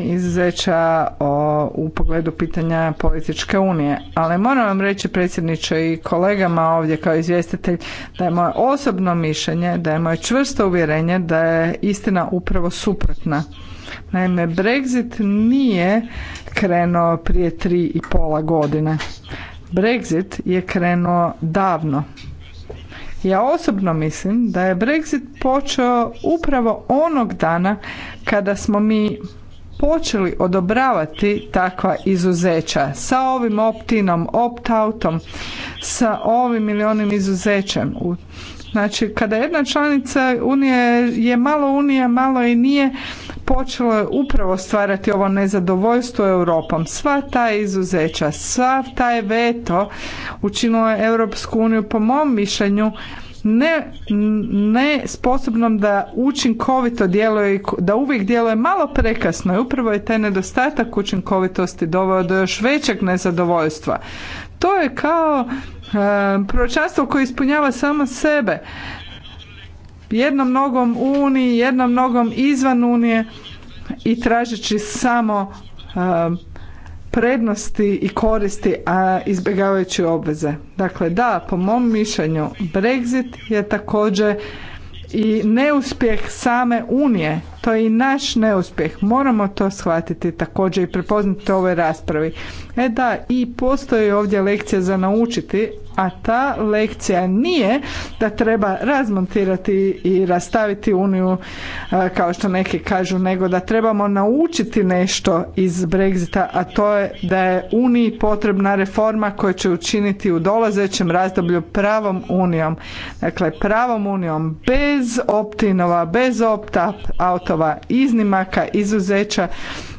izuzeća o, u pogledu pitanja političke unije. Ali moram vam reći predsjedniče i kolegama ovdje kao izvjestitelj da je moje osobno mišljenje, da je moje čvrsto uvjerenje da je istina upravo suprotna. Naime, Brexit nije krenuo prije tri i pola godine. Brexit je krenuo davno. Ja osobno mislim da je Brexit počeo upravo onog dana kada smo mi počeli odobravati takva izuzeća sa ovim optinom, opt-outom, sa ovim ili onim izuzećem. Znači, kada jedna članica Unije je malo Unija, malo i nije, počelo je upravo stvarati ovo nezadovoljstvo Europom. Sva ta izuzeća, sva taj veto učinilo je Europsku uniju, po mom mišljenju, ne, ne sposobnom da učinkovito djeluje, da uvijek djeluje malo prekasno i upravo je taj nedostatak učinkovitosti doveo do još većeg nezadovoljstva. To je kao proročanstvo koje ispunjava samo sebe jednom nogom u Uniji, jednom nogom izvan Unije i tražeći samo prednosti i koristi, a izbjegavajući obveze. Dakle, da, po mom mišljenju, Brexit je također i neuspjeh same Unije to je i naš neuspjeh. Moramo to shvatiti također i prepoznati u ovoj raspravi. E da, i postoji ovdje lekcija za naučiti, a ta lekcija nije da treba razmontirati i rastaviti Uniju e, kao što neki kažu, nego da trebamo naučiti nešto iz Brexita, a to je da je Uniji potrebna reforma koja će učiniti u dolazećem razdoblju pravom Unijom. Dakle, pravom Unijom bez optinova, bez opta, autova, iznimaka, izuzeća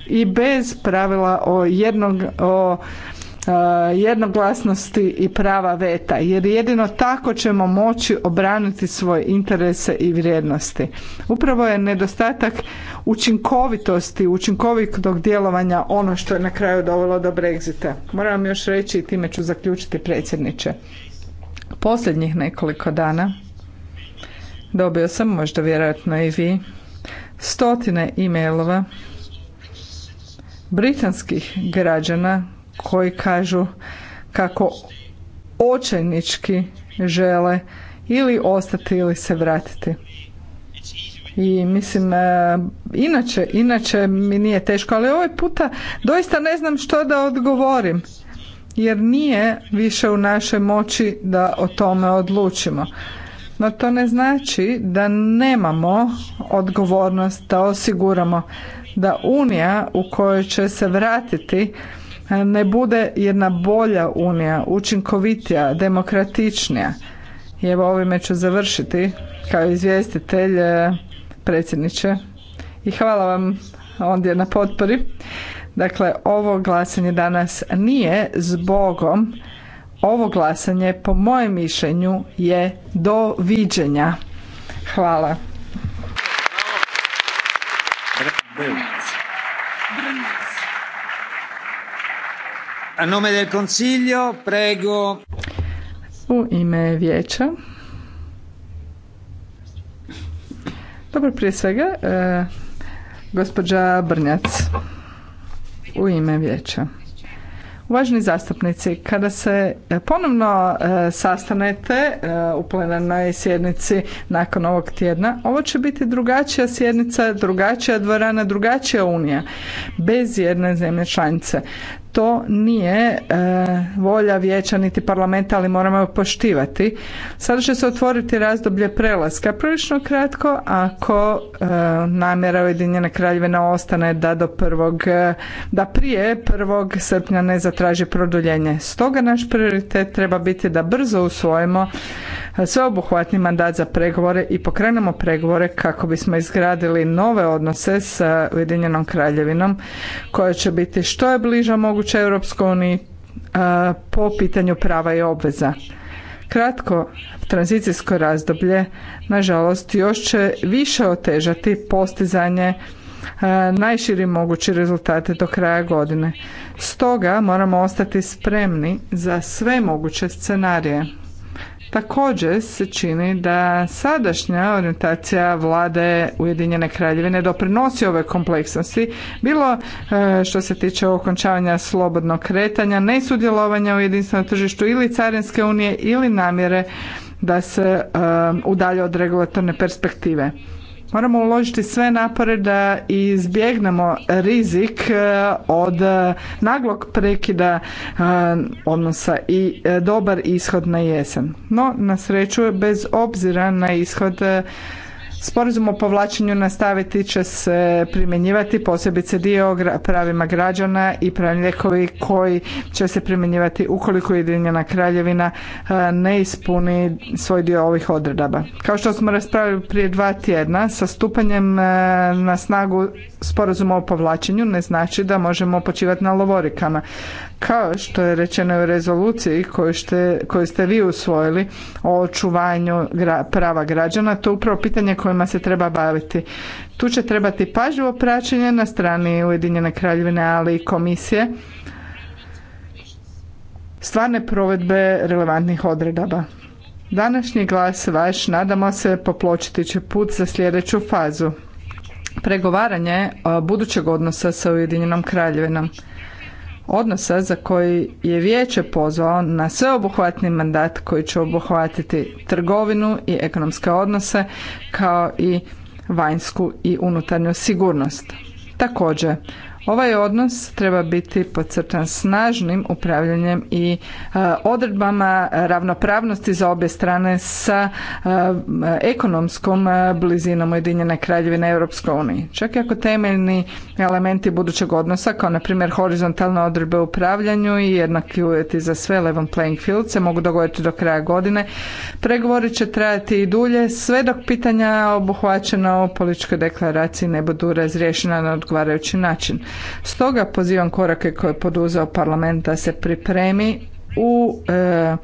i bez pravila o jednog, o E, jednoglasnosti i prava veta jer jedino tako ćemo moći obraniti svoje interese i vrijednosti. Upravo je nedostatak učinkovitosti, učinkovitog djelovanja ono što je na kraju dovelo do Brexita. Moram još reći i time ću zaključiti predsjedniče. Posljednjih nekoliko dana dobio sam, možda vjerojatno i vi, stotine e-mailova britanskih građana koji kažu kako očajnički žele ili ostati ili se vratiti. I mislim, e, inače, inače mi nije teško, ali ovaj puta doista ne znam što da odgovorim. Jer nije više u našoj moći da o tome odlučimo. No to ne znači da nemamo odgovornost da osiguramo da Unija u kojoj će se vratiti ne bude jedna bolja unija, učinkovitija, demokratičnija. I evo ovime ću završiti kao izvjestitelj e, predsjedniče i hvala vam ondje na potpori. Dakle, ovo glasanje danas nije zbogom, ovo glasanje po mojem mišljenju je viđenja Hvala. U ime vijeća. Dobro, prije svega, e, gospođa Brnjac u ime vijeća. Uvaženi zastupnici, kada se e, ponovno e, sastanete u plenarnoj sjednici nakon ovog tjedna, ovo će biti drugačija sjednica, drugačija dvorana, drugačija unija, bez jedne zemlje članice to nije e, volja vijeća niti parlamenta, ali moramo ju poštivati. Sada će se otvoriti razdoblje prelaska. Prilično kratko, ako e, namjera Ujedinjene kraljevine ostane da do prvog, e, da prije 1. srpnja ne zatraži produljenje. Stoga naš prioritet treba biti da brzo usvojimo sveobuhvatni mandat za pregovore i pokrenemo pregovore kako bismo izgradili nove odnose sa Ujedinjenom kraljevinom koja će biti što je bliža moguće Europskoj uniji po pitanju prava i obveza. Kratko tranzicijsko razdoblje nažalost još će više otežati postizanje najširi mogući rezultate do kraja godine. Stoga moramo ostati spremni za sve moguće scenarije. Također se čini da sadašnja orientacija vlade Ujedinjene kraljevine doprinosi ove kompleksnosti, bilo e, što se tiče okončavanja slobodnog kretanja, nesudjelovanja u jedinstvenom tržištu ili carinske unije ili namjere da se e, udalje od regulatorne perspektive. Moramo uložiti sve napore da izbjegnemo rizik e, od e, naglog prekida e, odnosa i dobar ishod na jesen. No, na sreću, bez obzira na ishod Sporazum o povlačenju nastaviti će se primjenjivati posebice dio pravima građana i pravni lijekovi koji će se primjenjivati ukoliko jedinjena kraljevina e, ne ispuni svoj dio ovih odredaba. Kao što smo raspravili prije dva tjedna, sa stupanjem e, na snagu sporazuma o povlačenju ne znači da možemo počivati na lovorikama. Kao što je rečeno u rezoluciji koju ste, ste vi usvojili o očuvanju prava građana, to je upravo pitanje kojima se treba baviti. Tu će trebati pažljivo praćenje na strani Ujedinjene kraljevine, ali i komisije stvarne provedbe relevantnih odredaba. Današnji glas vaš, nadamo se, popločiti će put za sljedeću fazu. Pregovaranje budućeg odnosa sa Ujedinjenom kraljevinom odnosa za koji je vijeće pozvao na sveobuhvatni mandat koji će obuhvatiti trgovinu i ekonomske odnose kao i vanjsku i unutarnju sigurnost. Također, Ovaj odnos treba biti podcrtan snažnim upravljanjem i e, odredbama ravnopravnosti za obje strane sa e, ekonomskom e, blizinom Ujedinjene kraljevine Europskoj uniji. Čak i ako temeljni elementi budućeg odnosa, kao na primjer horizontalne odredbe u upravljanju i jednaki uvjeti za sve level playing field se mogu dogoditi do kraja godine, pregovori će trajati i dulje sve dok pitanja obuhvaćena u političkoj deklaraciji ne budu razriješena na odgovarajući način. Stoga pozivam korake koje je poduzeo parlament da se pripremi u e, e,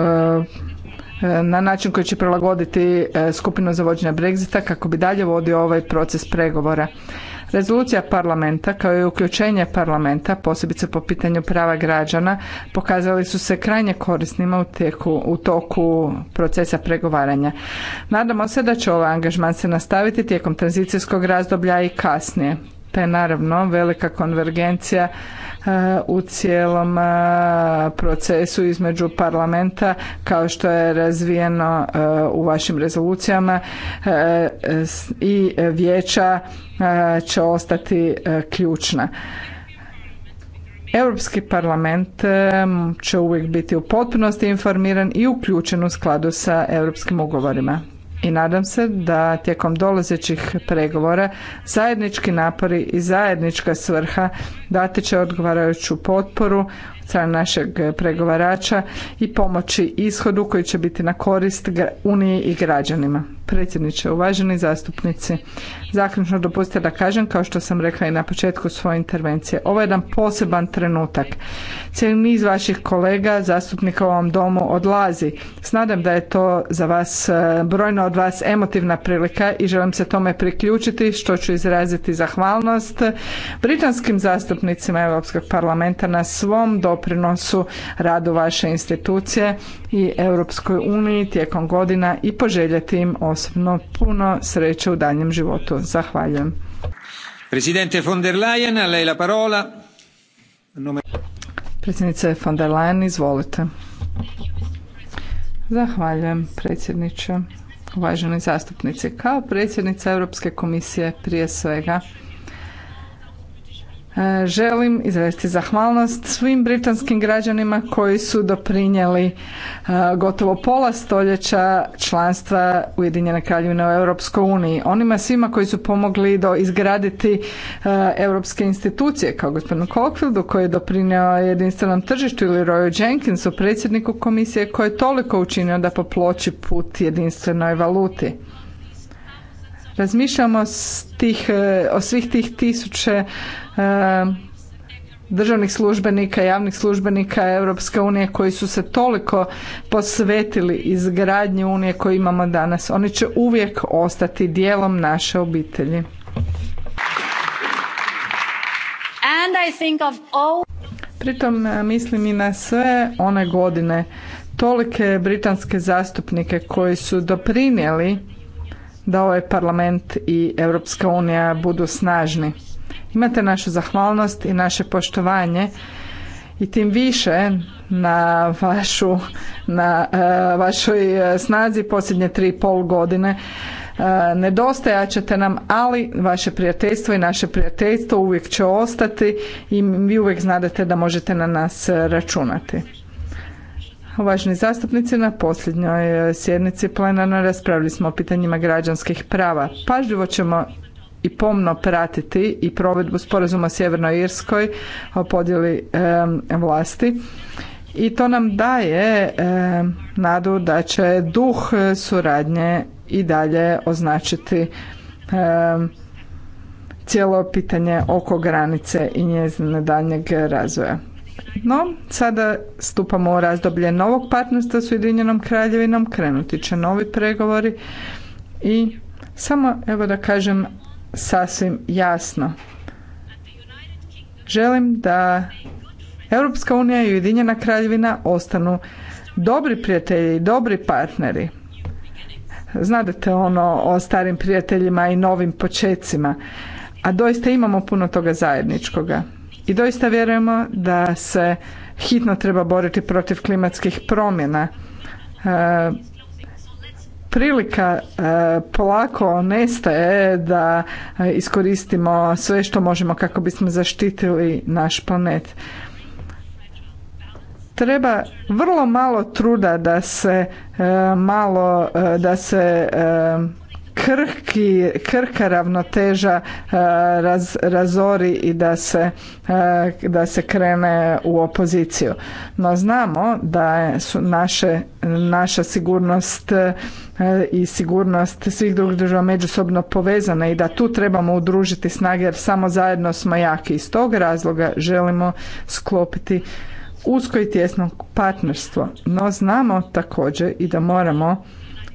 e, na način koji će prilagoditi skupinu za vođenje Brexita kako bi dalje vodio ovaj proces pregovora. Rezolucija parlamenta kao i uključenje parlamenta, posebice po pitanju prava građana, pokazali su se krajnje korisnima u, teku u toku procesa pregovaranja. Nadamo se da će ovaj angažman se nastaviti tijekom tranzicijskog razdoblja i kasnije je naravno velika konvergencija e, u cijelom e, procesu između parlamenta kao što je razvijeno e, u vašim rezolucijama i vijeća će ostati ključna. Europski parlament će uvijek biti u potpunosti informiran i uključen u skladu sa europskim ugovorima i nadam se da tijekom dolazećih pregovora zajednički napori i zajednička svrha dati će odgovarajuću potporu od strane našeg pregovarača i pomoći ishodu koji će biti na korist Uniji i građanima predsjedniče, uvaženi zastupnici. Zaključno dopustite da kažem, kao što sam rekla i na početku svoje intervencije, ovo je jedan poseban trenutak. Cijeli niz vaših kolega, zastupnika u ovom domu odlazi. Snadam da je to za vas, e, brojno od vas, emotivna prilika i želim se tome priključiti, što ću izraziti zahvalnost britanskim zastupnicima Europskog parlamenta na svom doprinosu radu vaše institucije i Europskoj uniji tijekom godina i poželjeti im osobno puno sreće u daljem životu. Zahvaljujem. Presidente von der Leyen, a lei la parola. Nome... Predsjednice von der Leyen, izvolite. Zahvaljujem, predsjedniče. Uvaženi zastupnici, kao predsjednica Europske komisije prije svega, E, želim izvesti zahvalnost svim britanskim građanima koji su doprinijeli e, gotovo pola stoljeća članstva Ujedinjene kraljevine u Europskoj uniji. Onima svima koji su pomogli do izgraditi e, europske institucije, kao gospodinu Cockfieldu koji je doprinio jedinstvenom tržištu ili Roju Jenkinsu, predsjedniku komisije koji je toliko učinio da poploči put jedinstvenoj valuti. Razmišljamo s tih, e, o svih tih tisuće e, državnih službenika, javnih službenika Europske unije koji su se toliko posvetili izgradnji unije koju imamo danas. Oni će uvijek ostati dijelom naše obitelji. Pritom e, mislim i na sve one godine tolike britanske zastupnike koji su doprinijeli da ovaj parlament i Europska unija budu snažni. Imate našu zahvalnost i naše poštovanje i tim više na vašu na e, vašoj e, snazi posljednje tri i pol godine e, nam ali vaše prijateljstvo i naše prijateljstvo uvijek će ostati i vi uvijek znadete da možete na nas računati Uvaženi zastupnici, na posljednjoj e, sjednici plenarno raspravili smo o pitanjima građanskih prava. Pažljivo ćemo i pomno pratiti i provedbu sporazuma Sjevernoj Irskoj o podjeli vlasti. I to nam daje nadu da će duh e, suradnje i dalje označiti cijelo pitanje oko granice i njezine daljnjeg razvoja. No, sada stupamo u razdoblje novog partnerstva s Ujedinjenom kraljevinom, krenuti će novi pregovori i samo evo da kažem sasvim jasno. Želim da Europska unija i Ujedinjena kraljevina ostanu dobri prijatelji i dobri partneri. Znate ono o starim prijateljima i novim počecima, a doista imamo puno toga zajedničkoga. I doista vjerujemo da se hitno treba boriti protiv klimatskih promjena. E, prilika e, polako nestaje da iskoristimo sve što možemo kako bismo zaštitili naš planet. Treba vrlo malo truda da se e, malo da se krhki, krka ravnoteža eh, razori i da se, eh, da se krene u opoziciju. No znamo da su naše, naša sigurnost eh, i sigurnost svih drugih država međusobno povezana i da tu trebamo udružiti snage jer samo zajedno smo jaki. Iz tog razloga želimo sklopiti usko i tjesno partnerstvo. No znamo također i da moramo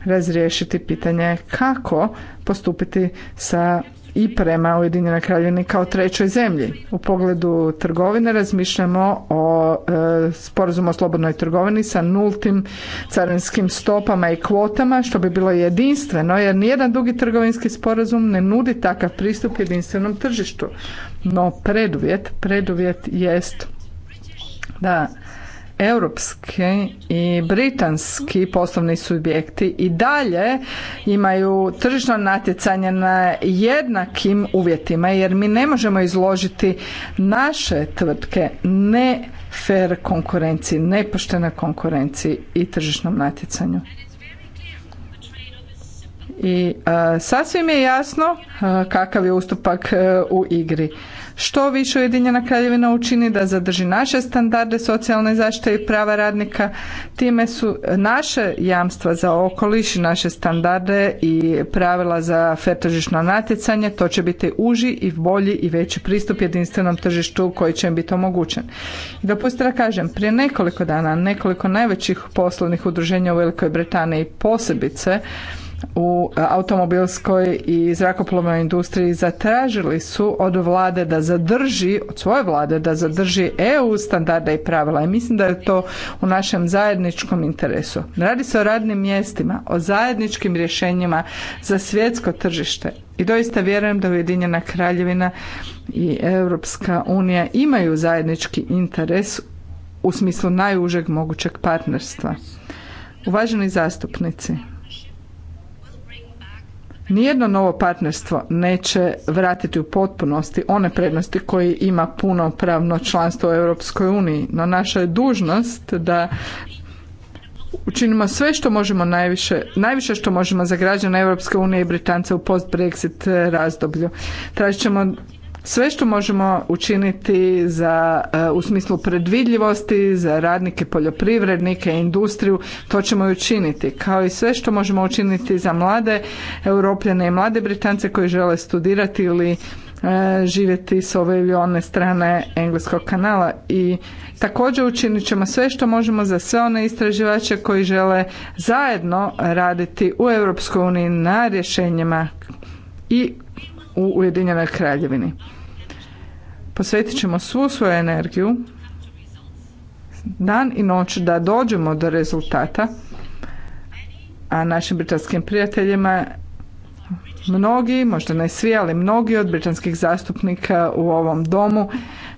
razriješiti pitanje kako postupiti sa i prema Ujedinjenoj kraljevini kao trećoj zemlji. U pogledu trgovine razmišljamo o e, sporazumu o slobodnoj trgovini sa nultim carinskim stopama i kvotama, što bi bilo jedinstveno, jer nijedan drugi trgovinski sporazum ne nudi takav pristup jedinstvenom tržištu. No preduvjet, preduvjet jest da europski i britanski poslovni subjekti i dalje imaju tržišno natjecanje na jednakim uvjetima jer mi ne možemo izložiti naše tvrtke ne fer konkurenciji, nepoštenoj konkurenciji i tržišnom natjecanju. I sasvim je jasno kakav je ustupak e, u igri. Što više Ujedinjena kraljevina učini da zadrži naše standarde socijalne zaštite i prava radnika, time su naše jamstva za okoliš, i naše standarde i pravila za fer tržišno natjecanje, to će biti uži i bolji i veći pristup jedinstvenom tržištu koji će im biti omogućen. I dopustite da kažem, prije nekoliko dana nekoliko najvećih poslovnih udruženja u Velikoj Britaniji posebice u automobilskoj i zrakoplovnoj industriji zatražili su od vlade da zadrži, od svoje vlade da zadrži EU standarde i pravila i mislim da je to u našem zajedničkom interesu. Radi se o radnim mjestima, o zajedničkim rješenjima za svjetsko tržište i doista vjerujem da Ujedinjena Kraljevina i Europska unija imaju zajednički interes u smislu najužeg mogućeg partnerstva. Uvaženi zastupnici, Nijedno novo partnerstvo neće vratiti u potpunosti one prednosti koje ima punopravno članstvo u Europskoj uniji, no naša je dužnost da učinimo sve što možemo najviše, najviše što možemo za građane Europske unije i Britance u post-Brexit eh, razdoblju. Tražit ćemo sve što možemo učiniti za, e, u smislu predvidljivosti za radnike, poljoprivrednike, industriju, to ćemo i učiniti. Kao i sve što možemo učiniti za mlade europljane i mlade Britance koji žele studirati ili e, živjeti s ove ili one strane engleskog kanala i također učinit ćemo sve što možemo za sve one istraživače koji žele zajedno raditi u EU na rješenjima i u Ujedinjenoj kraljevini posvetit ćemo svu svoju energiju dan i noć da dođemo do rezultata a našim britanskim prijateljima mnogi, možda ne svi, ali mnogi od britanskih zastupnika u ovom domu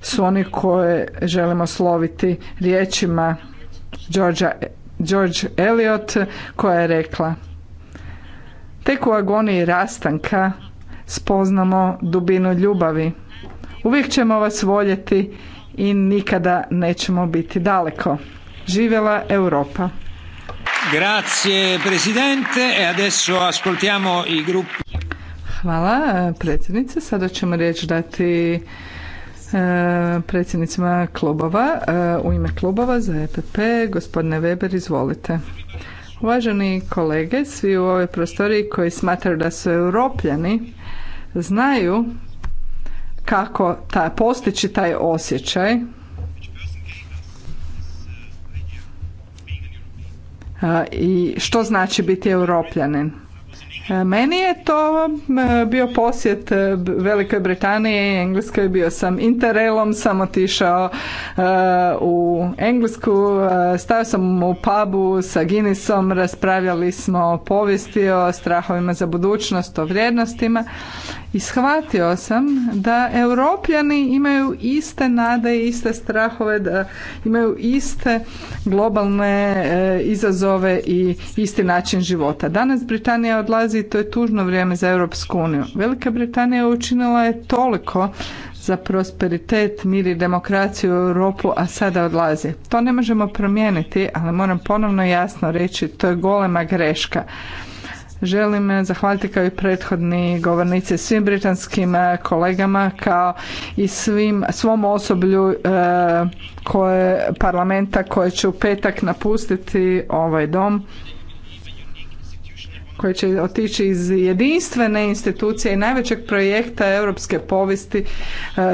su oni koje želimo sloviti riječima George, George Eliot koja je rekla Tek u agoniji rastanka spoznamo dubinu ljubavi Uvijek ćemo vas voljeti i nikada nećemo biti daleko. Živjela Europa. Grazie presidente e adesso ascoltiamo i gruppi. Hvala e, predsjednice. Sada ćemo riječ dati e, predsjednicima klubova. E, u ime klubova za EPP, gospodine Weber, izvolite. Uvaženi kolege, svi u ovoj prostoriji koji smatraju da su europljani, znaju kako ta, postići taj osjećaj i što znači biti europljanin. Meni je to bio posjet e, Velikoj Britanije i Engleskoj, bio sam interelom, sam otišao e, u Englesku, e, stao sam u pubu sa Guinnessom, raspravljali smo o povijesti, o strahovima za budućnost, o vrijednostima i shvatio sam da europljani imaju iste nade i iste strahove, da imaju iste globalne e, izazove i isti način života. Danas Britanija odlazi i to je tužno vrijeme za Europsku uniju. Velika Britanija učinila je toliko za prosperitet, mir i demokraciju u Europu, a sada odlazi. To ne možemo promijeniti, ali moram ponovno jasno reći, to je golema greška. Želim eh, zahvaliti kao i prethodni govornici svim britanskim eh, kolegama kao i svim, svom osoblju eh, koje, parlamenta koje će u petak napustiti ovaj dom koji će otići iz jedinstvene institucije i najvećeg projekta europske povijesti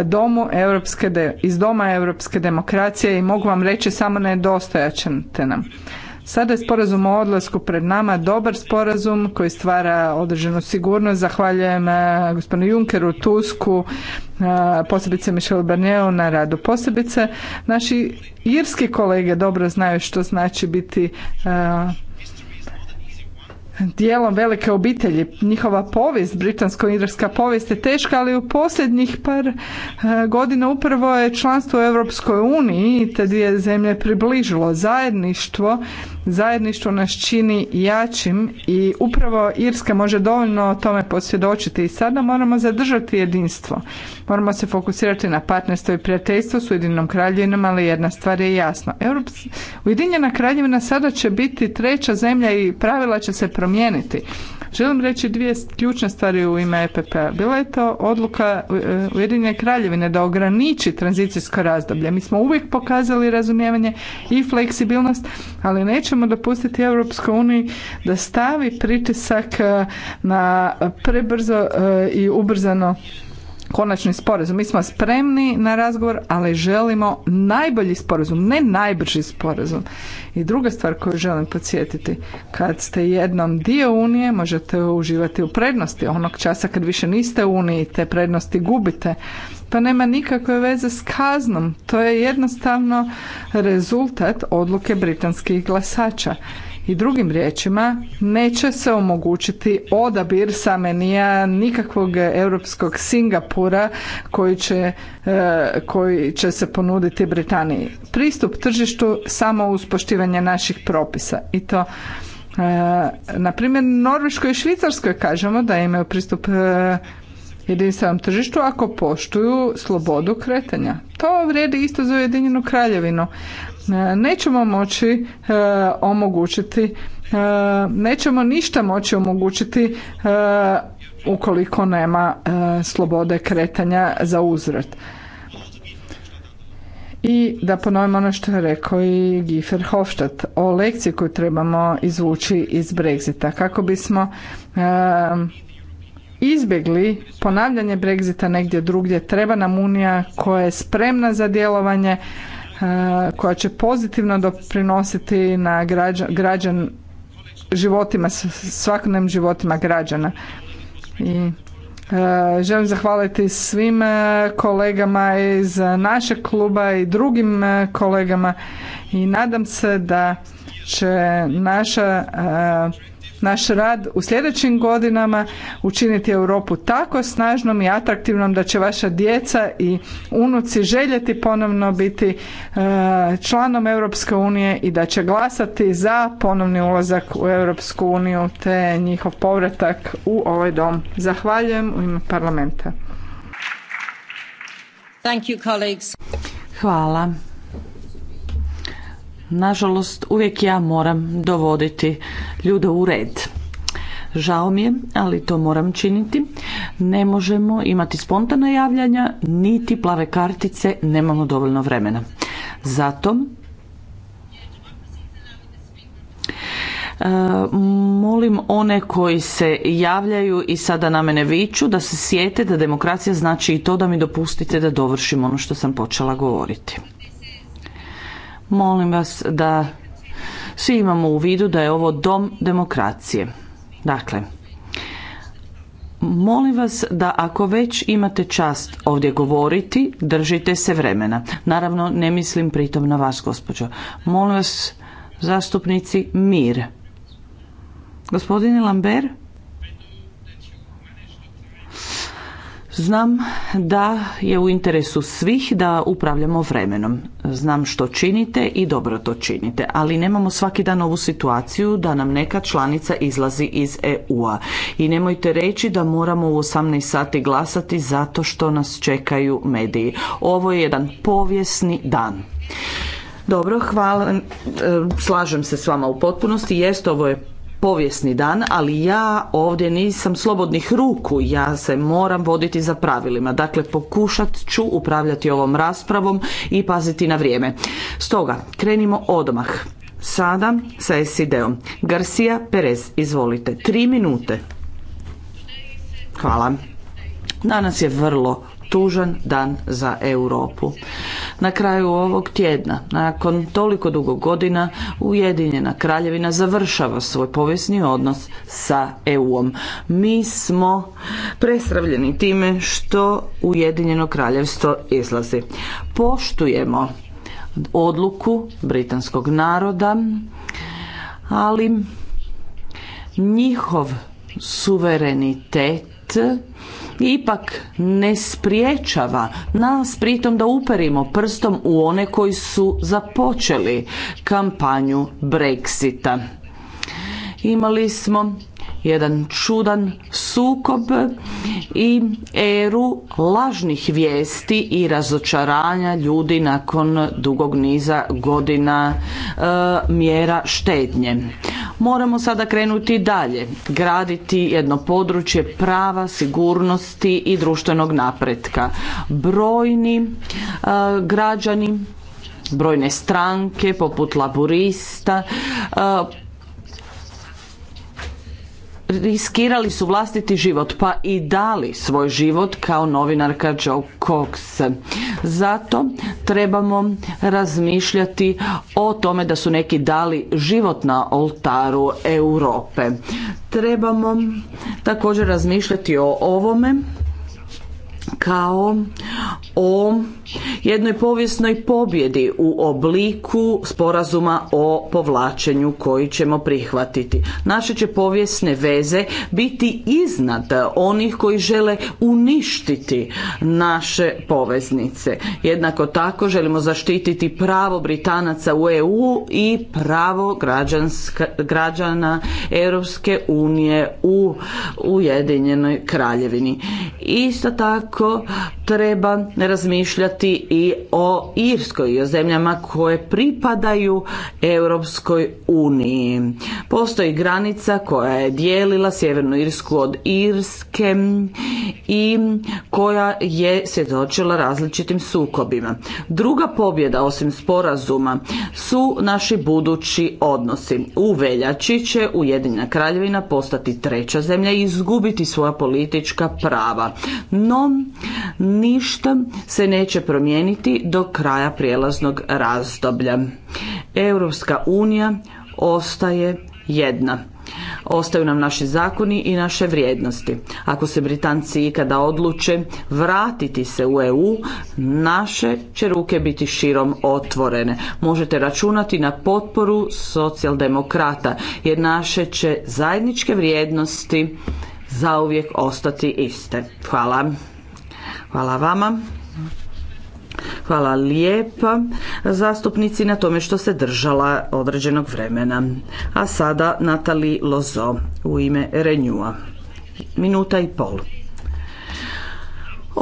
domu europske, iz doma europske demokracije i mogu vam reći samo ćete nam. Sada je sporazum o odlasku pred nama dobar sporazum koji stvara određenu sigurnost. Zahvaljujem e, gospodinu Junkeru, Tusku, e, posebice Michel Barnier na radu. Posebice naši irski kolege dobro znaju što znači biti e, dijelom velike obitelji. Njihova povijest, britansko-irska povijest je teška, ali u posljednjih par godina upravo je članstvo u Europskoj uniji te dvije zemlje približilo zajedništvo zajedništvo nas čini jačim i upravo Irska može dovoljno o tome posvjedočiti i sada moramo zadržati jedinstvo. Moramo se fokusirati na partnerstvo i prijateljstvo s Ujedinom kraljevinom, ali jedna stvar je jasna. Europs... Ujedinjena kraljevina sada će biti treća zemlja i pravila će se promijeniti. Želim reći dvije ključne stvari u ime EPP-a. Bila je to odluka e, Ujedinjene kraljevine da ograniči tranzicijsko razdoblje. Mi smo uvijek pokazali razumijevanje i fleksibilnost, ali nećemo možemo dopustiti Europskoj uniji da stavi pritisak e, na prebrzo e, i ubrzano konačni sporazum. Mi smo spremni na razgovor, ali želimo najbolji sporazum, ne najbrži sporazum. I druga stvar koju želim podsjetiti, kad ste jednom dio Unije, možete uživati u prednosti. Onog časa kad više niste u Uniji, te prednosti gubite. To pa nema nikakve veze s kaznom. To je jednostavno rezultat odluke britanskih glasača. I drugim riječima, neće se omogućiti odabir samenija nikakvog europskog Singapura koji će, e, koji će se ponuditi Britaniji. Pristup tržištu samo uz poštivanje naših propisa i to e, na primjer Norveškoj i Švicarskoj kažemo da imaju pristup e, jedinstvenom tržištu ako poštuju slobodu kretanja. To vrijedi isto za Ujedinjenu kraljevinu. E, nećemo moći e, omogućiti, e, nećemo ništa moći omogućiti ukoliko nema slobode kretanja za uzrat. I da ponovim ono što je rekao i Gifer Hofstadt o lekciji koju trebamo izvući iz Brexita kako bismo izbjegli ponavljanje Brexita negdje drugdje. Treba nam Unija koja je spremna za djelovanje, e, koja će pozitivno doprinositi na građan, životima, svakodnevnim životima građana. I e, želim zahvaliti svim e, kolegama iz našeg kluba i drugim kolegama i nadam se da će naša naš rad u sljedećim godinama učiniti Europu tako snažnom i atraktivnom da će vaša djeca i unuci željeti ponovno biti e, članom Europske unije i da će glasati za ponovni ulazak u Europsku uniju te njihov povratak u ovaj dom. Zahvaljujem u ime parlamenta. Hvala. Nažalost, uvijek ja moram dovoditi ljude u red. Žao mi je, ali to moram činiti. Ne možemo imati spontana javljanja, niti plave kartice, nemamo dovoljno vremena. Zato e, molim one koji se javljaju i sada na mene viču da se sjete da demokracija znači i to da mi dopustite da dovršim ono što sam počela govoriti. Molim vas da svi imamo u vidu da je ovo dom demokracije. Dakle, molim vas da ako već imate čast ovdje govoriti, držite se vremena. Naravno, ne mislim pritom na vas, gospođo. Molim vas, zastupnici, mir. Gospodine Lambert? Znam da je u interesu svih da upravljamo vremenom. Znam što činite i dobro to činite, ali nemamo svaki dan ovu situaciju da nam neka članica izlazi iz EU-a. I nemojte reći da moramo u 18 sati glasati zato što nas čekaju mediji. Ovo je jedan povijesni dan. Dobro, hvala. E, slažem se s vama u potpunosti. Jest, ovo je povijesni dan, ali ja ovdje nisam slobodnih ruku, ja se moram voditi za pravilima. Dakle, pokušat ću upravljati ovom raspravom i paziti na vrijeme. Stoga, krenimo odmah. Sada sa SID-om. Garcia Perez, izvolite. Tri minute. Hvala. Danas je vrlo tužan dan za Europu. Na kraju ovog tjedna, nakon toliko dugo godina, Ujedinjena kraljevina završava svoj povijesni odnos sa EU-om. Mi smo presravljeni time što Ujedinjeno kraljevstvo izlazi. Poštujemo odluku britanskog naroda, ali njihov suverenitet ipak ne spriječava nas pritom da uperimo prstom u one koji su započeli kampanju Brexita. Imali smo jedan čudan sukob i eru lažnih vijesti i razočaranja ljudi nakon dugog niza godina e, mjera štednje. Moramo sada krenuti dalje, graditi jedno područje prava, sigurnosti i društvenog napretka. Brojni e, građani brojne stranke poput laburista e, riskirali su vlastiti život pa i dali svoj život kao novinarka Joe Cox. Zato trebamo razmišljati o tome da su neki dali život na oltaru Europe. Trebamo također razmišljati o ovome kao o jednoj povijesnoj pobjedi u obliku sporazuma o povlačenju koji ćemo prihvatiti. Naše će povijesne veze biti iznad onih koji žele uništiti naše poveznice. Jednako tako želimo zaštititi pravo Britanaca u EU i pravo građana Europske unije u Ujedinjenoj kraljevini. Isto tako tako treba razmišljati i o Irskoj i o zemljama koje pripadaju Europskoj uniji. Postoji granica koja je dijelila Sjevernu Irsku od Irske i koja je svjedočila različitim sukobima. Druga pobjeda osim sporazuma su naši budući odnosi. U veljači će Ujedinjena kraljevina postati treća zemlja i izgubiti svoja politička prava. No, ništa se neće promijeniti do kraja prijelaznog razdoblja. Europska unija ostaje jedna. Ostaju nam naši zakoni i naše vrijednosti. Ako se Britanci ikada odluče vratiti se u EU, naše će ruke biti širom otvorene. Možete računati na potporu socijaldemokrata, jer naše će zajedničke vrijednosti zauvijek ostati iste. Hvala. Hvala vama. Hvala lijepa zastupnici na tome što se držala određenog vremena. A sada Natali Lozo u ime Renjua. Minuta i pol.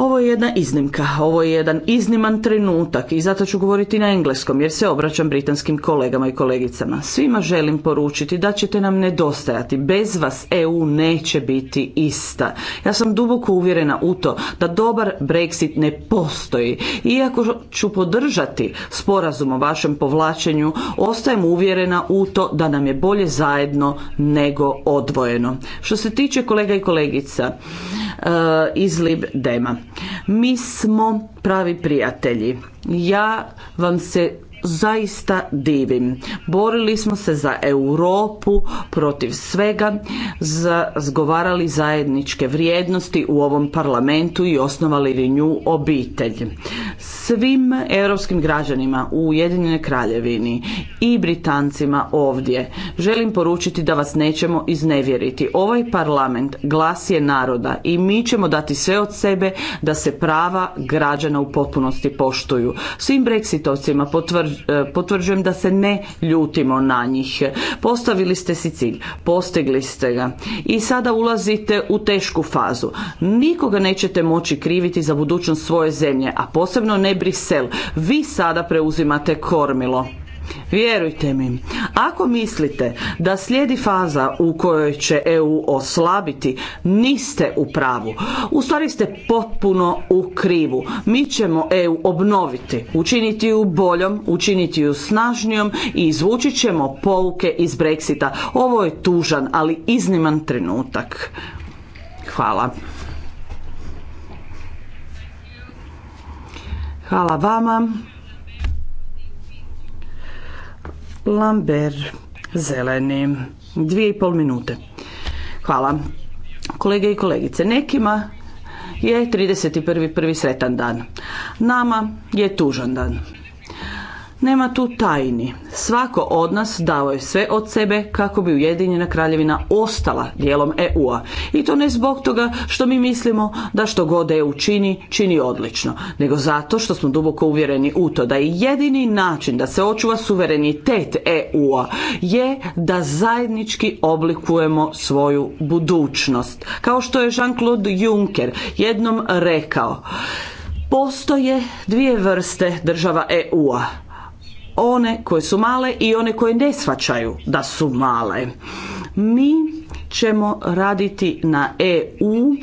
Ovo je jedna iznimka, ovo je jedan izniman trenutak i zato ću govoriti na engleskom jer se obraćam britanskim kolegama i kolegicama. Svima želim poručiti da ćete nam nedostajati. Bez vas EU neće biti ista. Ja sam duboko uvjerena u to da dobar Brexit ne postoji. Iako ću podržati sporazum o vašem povlačenju, ostajem uvjerena u to da nam je bolje zajedno nego odvojeno. Što se tiče kolega i kolegica, Eh, iz Lib Dema. Mi smo pravi prijatelji. Ja vam se zaista divim. Borili smo se za Europu protiv svega, zgovarali zajedničke vrijednosti u ovom parlamentu i osnovali nju obitelj. Svim europskim građanima u Ujedinjenoj kraljevini i Britancima ovdje želim poručiti da vas nećemo iznevjeriti. Ovaj parlament glas je naroda i mi ćemo dati sve od sebe da se prava građana u potpunosti poštuju. Svim breksitovcima potvrđujem E, potvrđujem da se ne ljutimo na njih. Postavili ste si cilj, postigli ste ga i sada ulazite u tešku fazu. Nikoga nećete moći kriviti za budućnost svoje zemlje, a posebno ne Brisel. Vi sada preuzimate kormilo. Vjerujte mi, ako mislite da slijedi faza u kojoj će EU oslabiti, niste u pravu. U stvari ste potpuno u krivu. Mi ćemo EU obnoviti, učiniti ju boljom, učiniti ju snažnijom i izvući ćemo pouke iz Brexita. Ovo je tužan, ali izniman trenutak. Hvala. Hvala vama. Lamber, zeleni. Dvije i pol minute. Hvala. Kolege i kolegice, nekima je prvi sretan dan. Nama je tužan dan. Nema tu tajni. Svako od nas dao je sve od sebe kako bi Ujedinjena kraljevina ostala dijelom EU-a. I to ne zbog toga što mi mislimo da što god EU čini, čini odlično, nego zato što smo duboko uvjereni u to da je jedini način da se očuva suverenitet EU-a je da zajednički oblikujemo svoju budućnost. Kao što je Jean-Claude Juncker jednom rekao, postoje dvije vrste država EU-a one koje su male i one koje ne shvaćaju da su male. Mi ćemo raditi na EU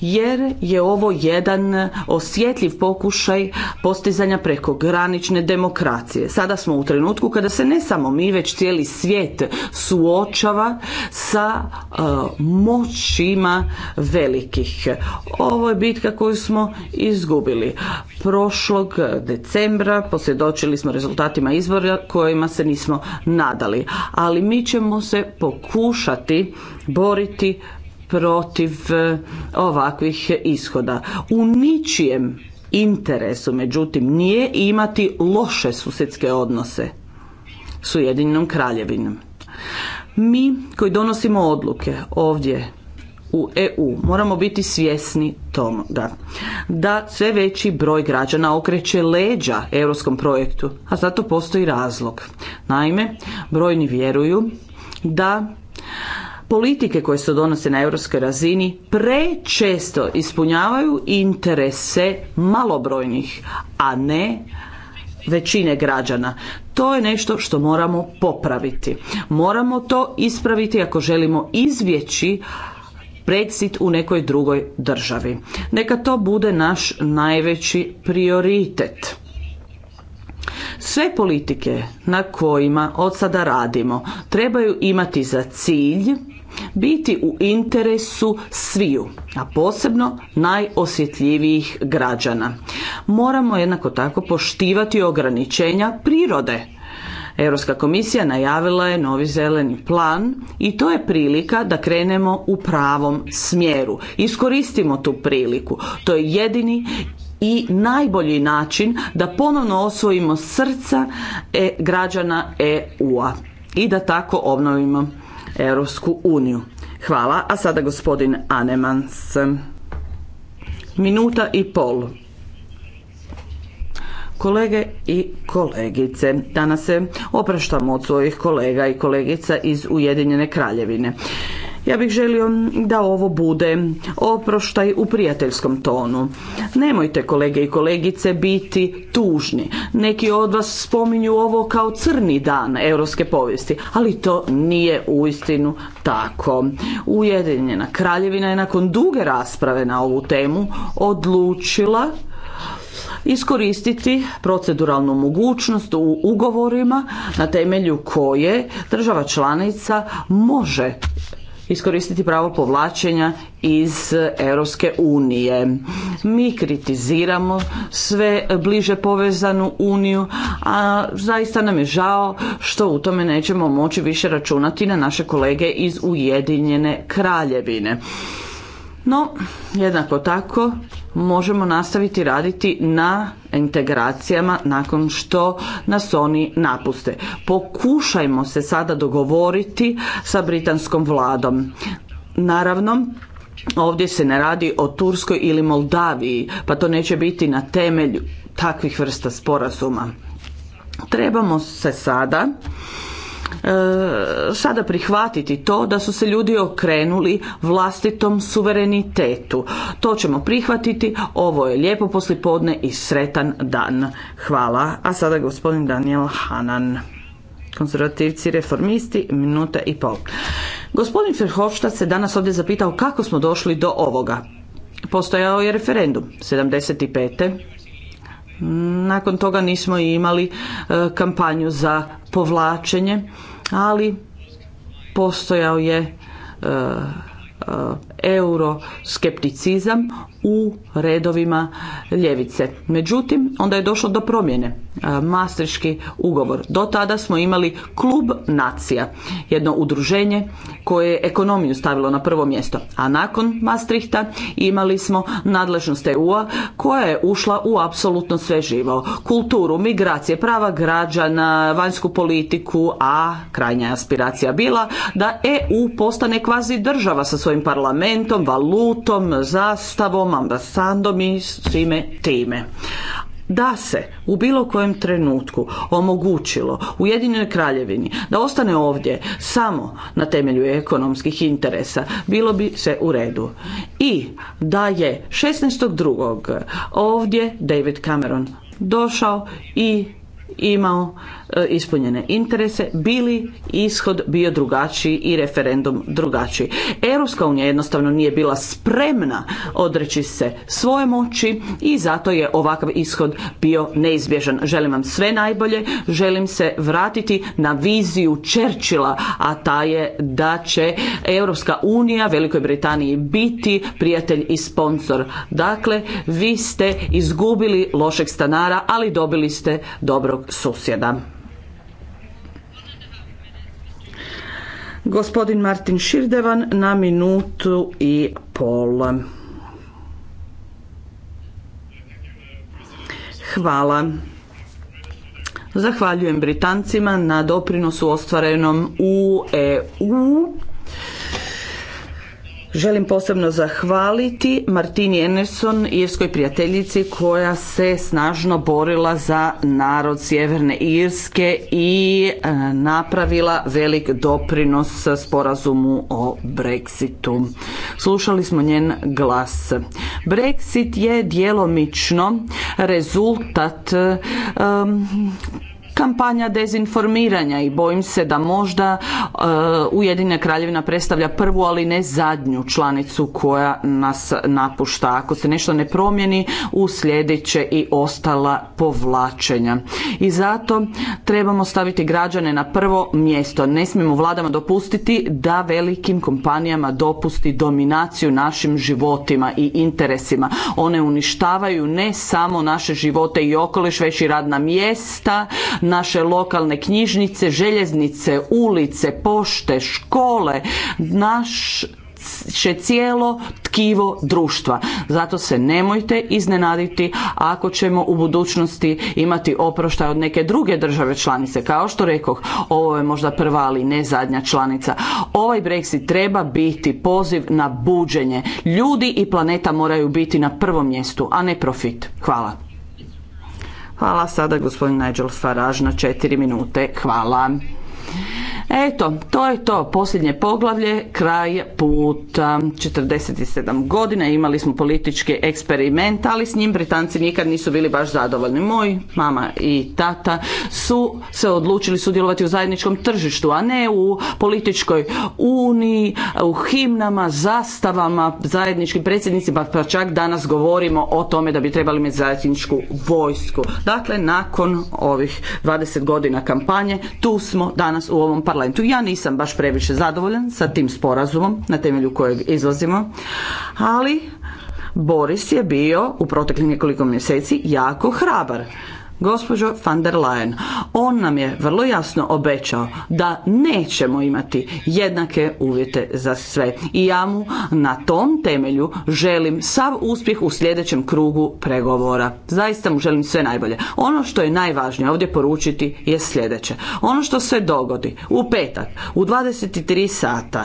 jer je ovo jedan osjetljiv pokušaj postizanja granične demokracije. Sada smo u trenutku kada se ne samo mi, već cijeli svijet suočava sa uh, moćima velikih. Ovo je bitka koju smo izgubili. Prošlog decembra posvjedočili smo rezultatima izbora kojima se nismo nadali, ali mi ćemo se pokušati boriti protiv e, ovakvih ishoda. U ničijem interesu, međutim, nije imati loše susjedske odnose s Ujedinjenom kraljevinom. Mi koji donosimo odluke ovdje u EU moramo biti svjesni toga da sve veći broj građana okreće leđa europskom projektu, a zato postoji razlog. Naime, brojni vjeruju da politike koje se donose na europskoj razini prečesto ispunjavaju interese malobrojnih, a ne većine građana. To je nešto što moramo popraviti. Moramo to ispraviti ako želimo izbjeći Brexit u nekoj drugoj državi. Neka to bude naš najveći prioritet. Sve politike na kojima od sada radimo trebaju imati za cilj biti u interesu sviju, a posebno najosjetljivijih građana. Moramo jednako tako poštivati ograničenja prirode. Europska komisija najavila je novi zeleni plan i to je prilika da krenemo u pravom smjeru. Iskoristimo tu priliku. To je jedini i najbolji način da ponovno osvojimo srca e, građana EU-a i da tako obnovimo Europsku uniju. Hvala, a sada gospodin Anemans. Minuta i pol. Kolege i kolegice, danas se opraštamo od svojih kolega i kolegica iz Ujedinjene kraljevine. Ja bih želio da ovo bude oproštaj u prijateljskom tonu. Nemojte kolege i kolegice biti tužni. Neki od vas spominju ovo kao crni dan europske povijesti, ali to nije uistinu tako. Ujedinjena kraljevina je nakon duge rasprave na ovu temu odlučila iskoristiti proceduralnu mogućnost u ugovorima na temelju koje država članica može iskoristiti pravo povlačenja iz Europske unije. Mi kritiziramo sve bliže povezanu uniju, a zaista nam je žao što u tome nećemo moći više računati na naše kolege iz Ujedinjene kraljevine. No, jednako tako možemo nastaviti raditi na integracijama nakon što nas oni napuste. Pokušajmo se sada dogovoriti sa britanskom vladom. Naravno, ovdje se ne radi o Turskoj ili Moldaviji, pa to neće biti na temelju takvih vrsta sporazuma. Trebamo se sada E, sada prihvatiti to da su se ljudi okrenuli vlastitom suverenitetu. To ćemo prihvatiti. Ovo je lijepo poslipodne i sretan dan. Hvala. A sada gospodin Daniel Hanan. Konzervativci, reformisti, minuta i pol. Gospodin Verhofstadt se danas ovdje zapitao kako smo došli do ovoga. Postojao je referendum 75. Nakon toga nismo imali e, kampanju za povlačenje, ali postojao je e, e, euroskepticizam u redovima ljevice. Međutim, onda je došlo do promjene. E, Mastriški ugovor. Do tada smo imali klub nacija, jedno udruženje koje je ekonomiju stavilo na prvo mjesto. A nakon mastrihta imali smo nadležnost EU-a koja je ušla u apsolutno sve živo. Kulturu, migracije, prava građana, vanjsku politiku, a krajnja aspiracija bila da EU postane kvazi država sa svojim parlamentom parlamentom, valutom, zastavom, ambasandom i svime time da se u bilo kojem trenutku omogućilo Ujedinjenoj kraljevini da ostane ovdje samo na temelju ekonomskih interesa, bilo bi se u redu. I da je 16.2. ovdje David Cameron došao i imao E, ispunjene interese bili ishod bio drugačiji i referendum drugačiji. Europska unija jednostavno nije bila spremna odreći se svoje moći i zato je ovakav ishod bio neizbježan. Želim vam sve najbolje, želim se vratiti na viziju Čerčila, a ta je da će Europska unija Velikoj Britaniji biti prijatelj i sponsor. Dakle, vi ste izgubili lošeg stanara, ali dobili ste dobrog susjeda. Gospodin Martin Širdevan na minutu i pol. Hvala. Zahvaljujem Britancima na doprinosu ostvarenom u EU Želim posebno zahvaliti Martini Enerson, irskoj prijateljici koja se snažno borila za narod Sjeverne Irske i e, napravila velik doprinos sporazumu o Brexitu. Slušali smo njen glas. Brexit je djelomično rezultat e, kampanja dezinformiranja i bojim se da možda e, Ujedinjena kraljevina predstavlja prvu, ali ne zadnju članicu koja nas napušta. Ako se nešto ne promijeni, uslijedit će i ostala povlačenja. I zato trebamo staviti građane na prvo mjesto. Ne smijemo vladama dopustiti da velikim kompanijama dopusti dominaciju našim životima i interesima. One uništavaju ne samo naše živote i okoliš, već i radna mjesta, naše lokalne knjižnice, željeznice, ulice, pošte, škole, naš će cijelo tkivo društva. Zato se nemojte iznenaditi ako ćemo u budućnosti imati oproštaj od neke druge države članice. Kao što rekoh, ovo je možda prva, ali ne zadnja članica. Ovaj Brexit treba biti poziv na buđenje. Ljudi i planeta moraju biti na prvom mjestu, a ne profit. Hvala. Hvala sada gospodin Nigel Farage na četiri minute. Hvala. Eto, to je to. Posljednje poglavlje, kraj puta. 47 godina imali smo politički eksperiment, ali s njim Britanci nikad nisu bili baš zadovoljni. Moj mama i tata su se odlučili sudjelovati u zajedničkom tržištu, a ne u političkoj uniji, u himnama, zastavama, zajedničkim predsjednicima, pa čak danas govorimo o tome da bi trebali imati zajedničku vojsku. Dakle, nakon ovih 20 godina kampanje, tu smo danas u ovom parlamentu parlamentu. Ja nisam baš previše zadovoljan sa tim sporazumom na temelju kojeg izlazimo, ali Boris je bio u proteklih nekoliko mjeseci jako hrabar gospođo van der Leyen, on nam je vrlo jasno obećao da nećemo imati jednake uvjete za sve. I ja mu na tom temelju želim sav uspjeh u sljedećem krugu pregovora. Zaista mu želim sve najbolje. Ono što je najvažnije ovdje poručiti je sljedeće. Ono što se dogodi u petak u 23 sata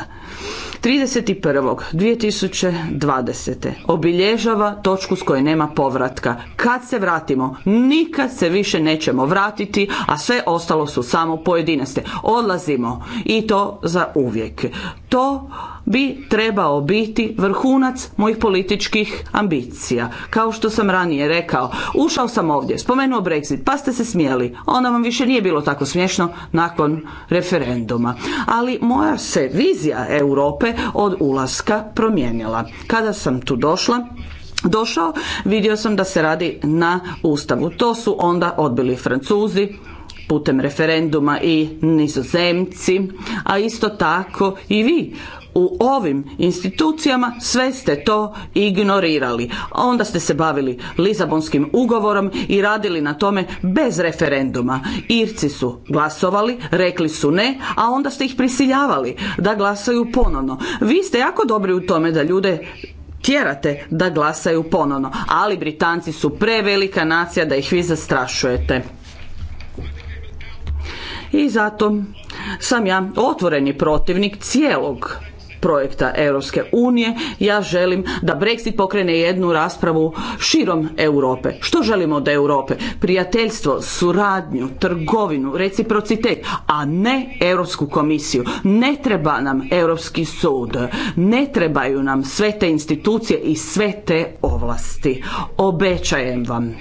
2020. obilježava točku s koje nema povratka. Kad se vratimo, nikad se se više nećemo vratiti, a sve ostalo su samo pojedinaste. Odlazimo i to za uvijek. To bi trebao biti vrhunac mojih političkih ambicija. Kao što sam ranije rekao, ušao sam ovdje, spomenuo Brexit, pa ste se smijeli. Onda vam više nije bilo tako smiješno nakon referenduma. Ali moja se vizija Europe od ulaska promijenila. Kada sam tu došla, došao, vidio sam da se radi na Ustavu. To su onda odbili Francuzi, putem referenduma i nizozemci, a isto tako i vi u ovim institucijama sve ste to ignorirali. Onda ste se bavili Lizabonskim ugovorom i radili na tome bez referenduma. Irci su glasovali, rekli su ne, a onda ste ih prisiljavali da glasaju ponovno. Vi ste jako dobri u tome da ljude tjerate da glasaju ponovno. Ali Britanci su prevelika nacija da ih vi zastrašujete. I zato sam ja otvoreni protivnik cijelog projekta Europske unije. Ja želim da Brexit pokrene jednu raspravu širom Europe. Što želimo od Europe? Prijateljstvo, suradnju, trgovinu, reciprocitet, a ne Europsku komisiju. Ne treba nam Europski sud. Ne trebaju nam sve te institucije i sve te ovlasti. Obećajem vam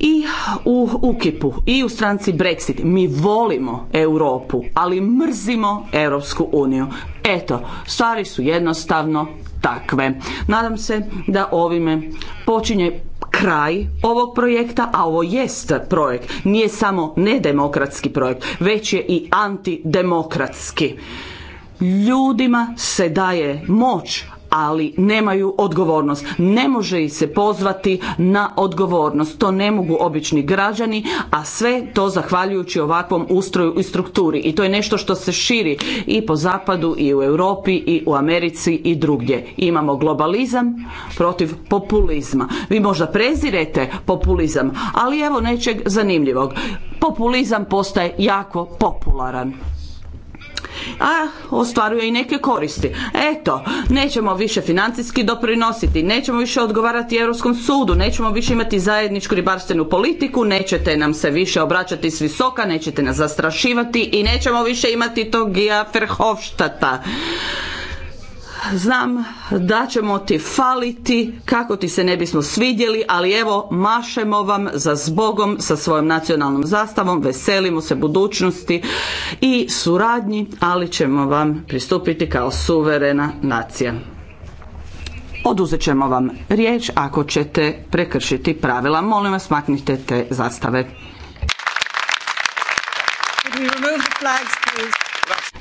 i u Ukipu i u stranci Brexit mi volimo Europu, ali mrzimo Europsku uniju. Eto, stvari su jednostavno takve. Nadam se da ovime počinje kraj ovog projekta, a ovo jest projekt. Nije samo nedemokratski projekt, već je i antidemokratski ljudima se daje moć ali nemaju odgovornost. Ne može ih se pozvati na odgovornost. To ne mogu obični građani, a sve to zahvaljujući ovakvom ustroju i strukturi. I to je nešto što se širi i po zapadu i u Europi i u Americi i drugdje. Imamo globalizam protiv populizma. Vi možda prezirete populizam, ali evo nečeg zanimljivog. Populizam postaje jako popularan a ostvaruje i neke koristi. Eto, nećemo više financijski doprinositi, nećemo više odgovarati Europskom sudu, nećemo više imati zajedničku ribarstvenu politiku, nećete nam se više obraćati s visoka, nećete nas zastrašivati i nećemo više imati tog Gija znam da ćemo ti faliti, kako ti se ne bismo svidjeli, ali evo mašemo vam za zbogom sa svojom nacionalnom zastavom, veselimo se budućnosti i suradnji, ali ćemo vam pristupiti kao suverena nacija. Oduzet ćemo vam riječ ako ćete prekršiti pravila. Molim vas, maknite te zastave.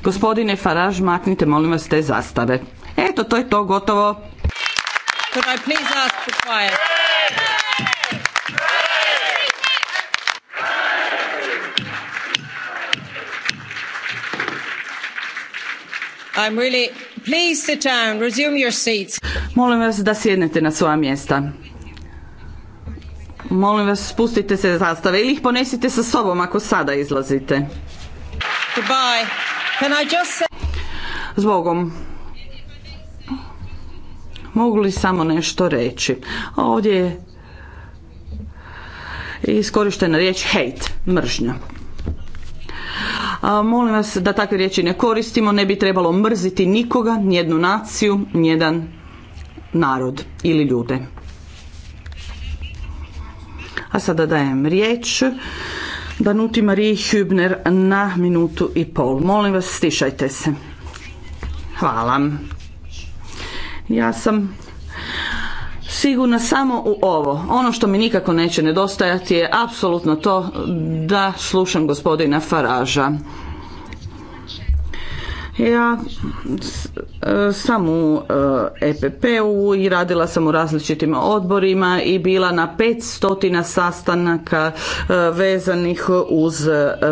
Gospodine Faraž, maknite molim vas te zastave. Eto, to je to gotovo. Could I please ask for quiet? I'm really... Please sit down. Resume your seats. Molim vas da sjednete na svoja mjesta. Molim vas, spustite se zastave ili ih ponesite sa sobom ako sada izlazite. Goodbye. Can I just say... Zbogom mogu li samo nešto reći. Ovdje je iskorištena riječ hate, mržnja. A, molim vas da takve riječi ne koristimo, ne bi trebalo mrziti nikoga, nijednu naciju, nijedan narod ili ljude. A sada dajem riječ Danuti Mariji Hübner na minutu i pol. Molim vas, stišajte se. Hvala. Ja sam sigurna samo u ovo. Ono što mi nikako neće nedostajati je apsolutno to da slušam gospodina Faraža. Ja e, sam u EPP-u e i radila sam u različitim odborima i bila na 500 sastanaka e, vezanih uz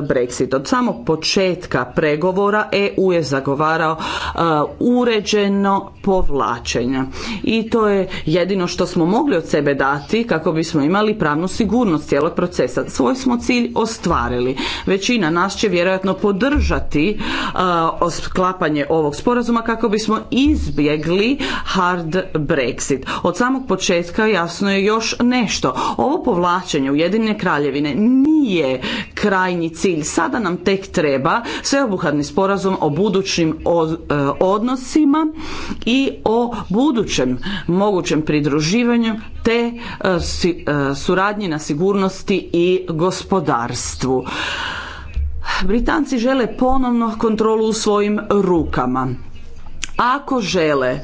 Brexit. Od samog početka pregovora EU je zagovarao uređeno povlačenje i to je jedino što smo mogli od sebe dati kako bismo imali pravnu sigurnost cijelog procesa. Svoj smo cilj ostvarili. Većina nas će vjerojatno podržati sklapanje ovog sporazuma kako bismo izbjegli hard Brexit. Od samog početka jasno je još nešto. Ovo povlačenje Ujedinjene kraljevine nije krajnji cilj. Sada nam tek treba sveobuhvatni sporazum o budućim e, odnosima i o budućem mogućem pridruživanju te e, e, suradnji na sigurnosti i gospodarstvu. Britanci žele ponovno kontrolu u svojim rukama. Ako žele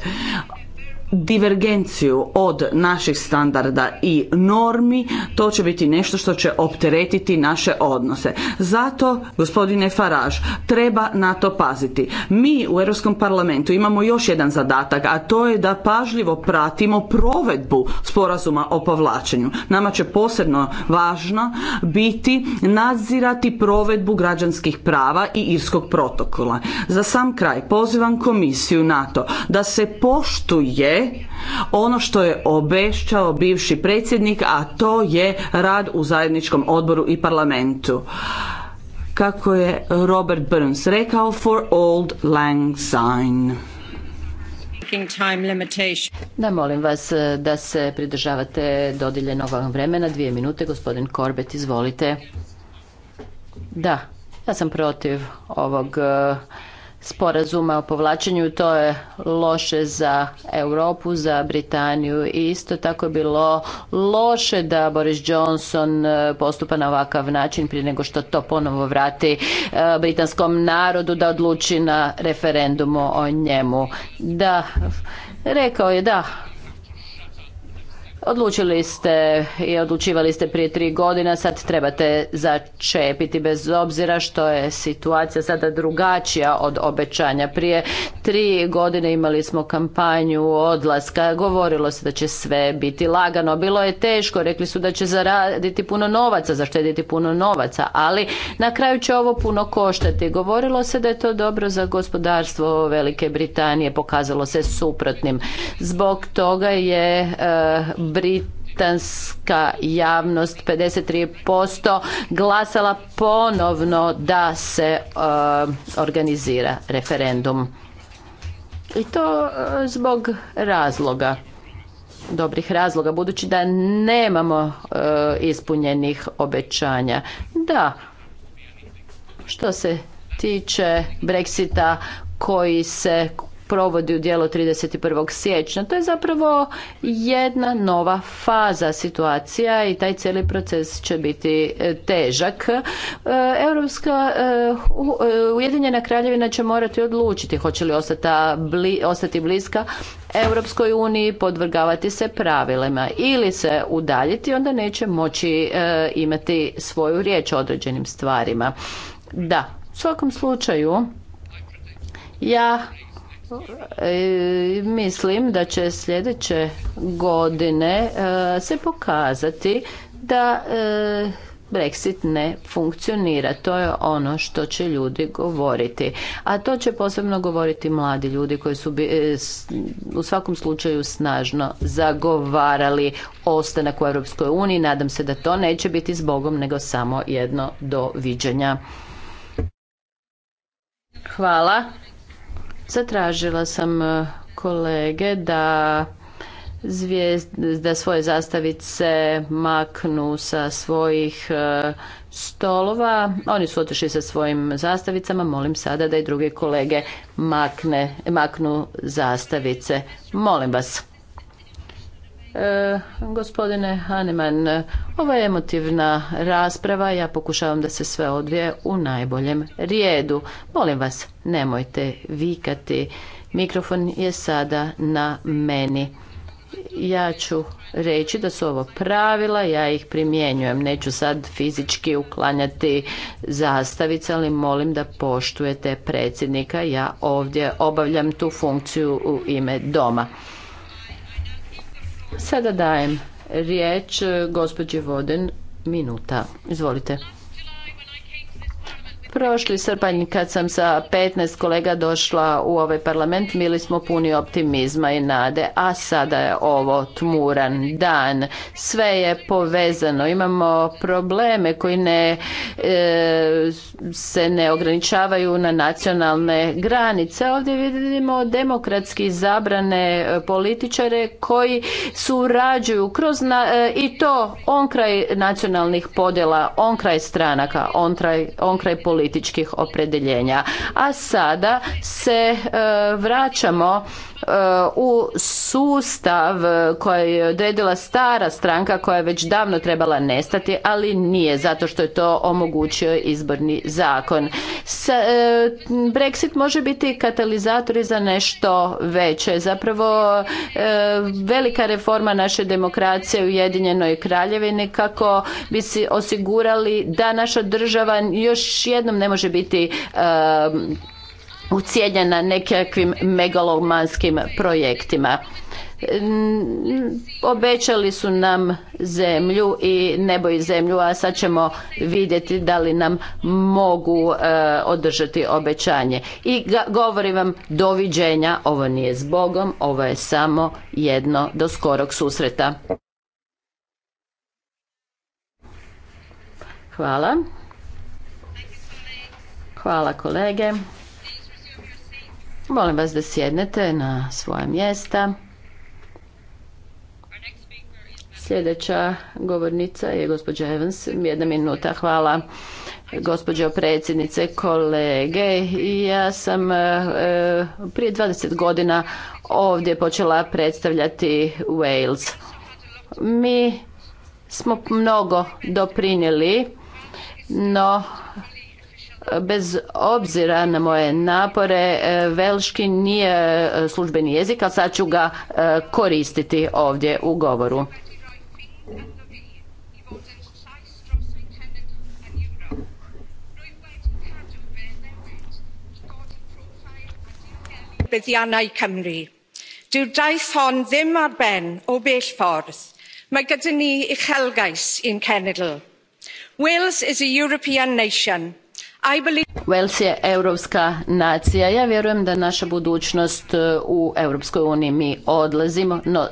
divergenciju od naših standarda i normi, to će biti nešto što će opteretiti naše odnose. Zato, gospodine Faraž, treba na to paziti. Mi u Europskom parlamentu imamo još jedan zadatak, a to je da pažljivo pratimo provedbu sporazuma o povlačenju. Nama će posebno važno biti nadzirati provedbu građanskih prava i irskog protokola. Za sam kraj pozivam komisiju na to da se poštuje ono što je obećao bivši predsjednik, a to je rad u zajedničkom odboru i parlamentu. Kako je Robert Burns rekao, for old lang syne. Da, molim vas eh, da se pridržavate dodilje vam vremena. Dvije minute, gospodin Korbet, izvolite. Da, ja sam protiv ovog eh, sporazuma o povlačenju. To je loše za Europu, za Britaniju i isto tako je bilo loše da Boris Johnson e, postupa na ovakav način prije nego što to ponovo vrati e, britanskom narodu da odluči na referendumu o njemu. Da, rekao je da, Odlučili ste i odlučivali ste prije tri godina, sad trebate začepiti bez obzira što je situacija sada drugačija od obećanja. Prije tri godine imali smo kampanju odlaska, govorilo se da će sve biti lagano, bilo je teško, rekli su da će zaraditi puno novaca, zaštediti puno novaca, ali na kraju će ovo puno koštati. Govorilo se da je to dobro za gospodarstvo Velike Britanije, pokazalo se suprotnim. Zbog toga je eh, britanska javnost 53% glasala ponovno da se e, organizira referendum. I to e, zbog razloga dobrih razloga budući da nemamo e, ispunjenih obećanja. Da. Što se tiče Brexita koji se provodi u dijelu 31. siječnja. To je zapravo jedna nova faza situacija i taj cijeli proces će biti e, težak. E, Europska e, Ujedinjena kraljevina će morati odlučiti hoće li ostati bliska Europskoj uniji, podvrgavati se pravilima ili se udaljiti, onda neće moći imati svoju riječ o određenim stvarima. Da, u svakom slučaju ja E, mislim da će sljedeće godine e, se pokazati da e, Brexit ne funkcionira. To je ono što će ljudi govoriti. A to će posebno govoriti mladi ljudi koji su u svakom slučaju snažno zagovarali ostanak u Europskoj uniji. Nadam se da to neće biti zbogom nego samo jedno doviđenja. Hvala. Zatražila sam e, kolege da da svoje zastavice maknu sa svojih e, stolova. Oni su otišli sa svojim zastavicama. Molim sada da i druge kolege maknu zastavice. Molim vas. E, gospodine Haneman, ova je emotivna rasprava, ja pokušavam da se sve odvije u najboljem rijedu. Molim vas, nemojte vikati, mikrofon je sada na meni. Ja ću reći da su ovo pravila, ja ih primjenjujem, neću sad fizički uklanjati zastavice, ali molim da poštujete predsjednika, ja ovdje obavljam tu funkciju u ime doma. Sada dajem riječ gospođi Voden, minuta. Izvolite. Prošli srpanj kad sam sa 15 kolega došla u ovaj parlament bili smo puni optimizma i nade, a sada je ovo tmuran dan. Sve je povezano, imamo probleme koji ne, e, se ne ograničavaju na nacionalne granice. Ovdje vidimo demokratski zabrane e, političare koji surađuju kroz e, i to on kraj nacionalnih podjela, on kraj stranaka, on kraj, političkih opredeljenja. A sada se e, vraćamo e, u sustav koji je odredila stara stranka koja je već davno trebala nestati, ali nije zato što je to omogućio izborni zakon. E, Brexit može biti katalizator za nešto veće. Zapravo velika reforma naše demokracije u Ujedinjenoj Kraljevini kako bi si osigurali da naša država još jednom ne može biti ucijenjena nekakvim megalomanskim projektima. Obećali su nam zemlju i nebo i zemlju, a sad ćemo vidjeti da li nam mogu e, održati obećanje. I govorim vam doviđenja, ovo nije s Bogom, ovo je samo jedno do skorog susreta. Hvala. Hvala kolege. Molim vas da sjednete na svoja mjesta. Sljedeća govornica je gospođa Evans. Jedna minuta, hvala gospođo predsjednice, kolege. Ja sam e, prije 20 godina ovdje počela predstavljati Wales. Mi smo mnogo doprinijeli, no bez obzira na moje napore, e, velški nije e, službeni jezik, ali sad ću ga e, koristiti ovdje u govoru. Buddiannau Cymru. Dyw'r daith hon ddim ar ben o bell ffordd. Mae gyda ni uchelgais i'n cenedl. Wales is a European nation Believe... je europska nacija. Ja vjerujem da naša budućnost e, u Europskoj uniji mi odlazimo, no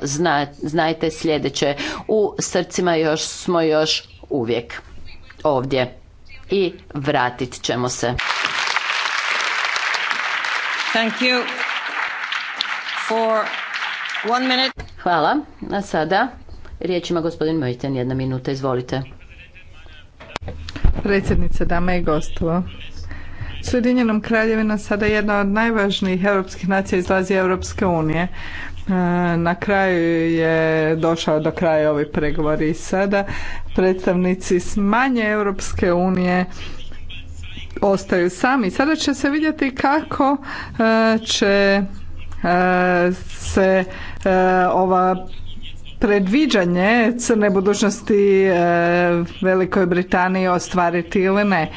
znajte sljedeće. U srcima još smo još uvijek ovdje i vratit ćemo se. Thank you Hvala. A sada riječ ima gospodin Mojten, jedna minuta, izvolite predsjednice, dame i gospodo. S Ujedinjenom kraljevinom sada jedna od najvažnijih europskih nacija izlazi Europske unije. E, na kraju je došao do kraja ovi pregovori i sada predstavnici s manje Europske unije ostaju sami. Sada će se vidjeti kako e, će e, se ova predviđanje crne budućnosti e, Velikoj Britaniji ostvariti ili ne.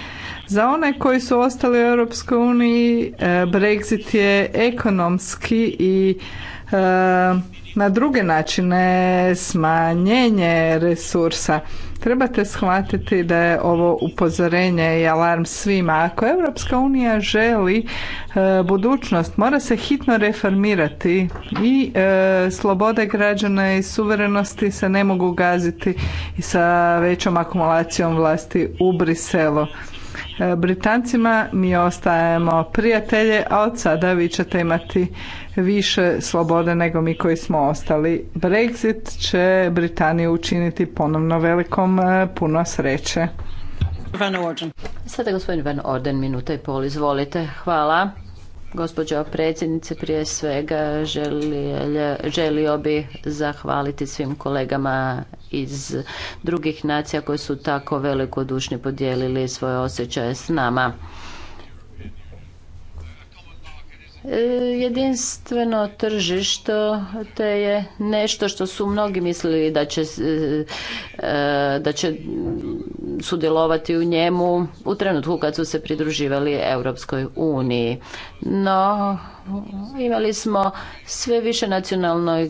Za one koji su ostali u Europskoj uniji e, Brexit je ekonomski i e, na druge načine smanjenje resursa. Trebate shvatiti da je ovo upozorenje i alarm svima. Ako Europska unija želi e, budućnost, mora se hitno reformirati i e, slobode građana i suverenosti se ne mogu gaziti i sa većom akumulacijom vlasti u Briselu. E, Britancima mi ostajemo prijatelje, a od sada vi ćete imati više slobode nego mi koji smo ostali. Brexit će Britaniju učiniti ponovno velikom e, puno sreće. Van Orden. Sada gospodin Van Orden, minuta i pol, izvolite. Hvala. Gospođo predsjednice, prije svega želio, želio bi zahvaliti svim kolegama iz drugih nacija koji su tako velikodušni podijelili svoje osjećaje s nama. E, jedinstveno tržište te je nešto što su mnogi mislili da će, e, e, da će sudjelovati u njemu u trenutku kad su se pridruživali Europskoj uniji. No, imali smo sve više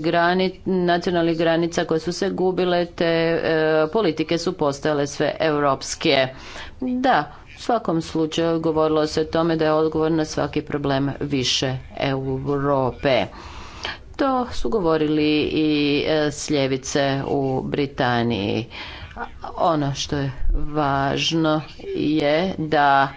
grani, nacionalnih granica koje su se gubile te politike su postale sve europske. Da, svakom slučaju govorilo se o tome da je odgovor na svaki problem više Europe. To su govorili i e, sljevice u Britaniji. Ono što je važno je da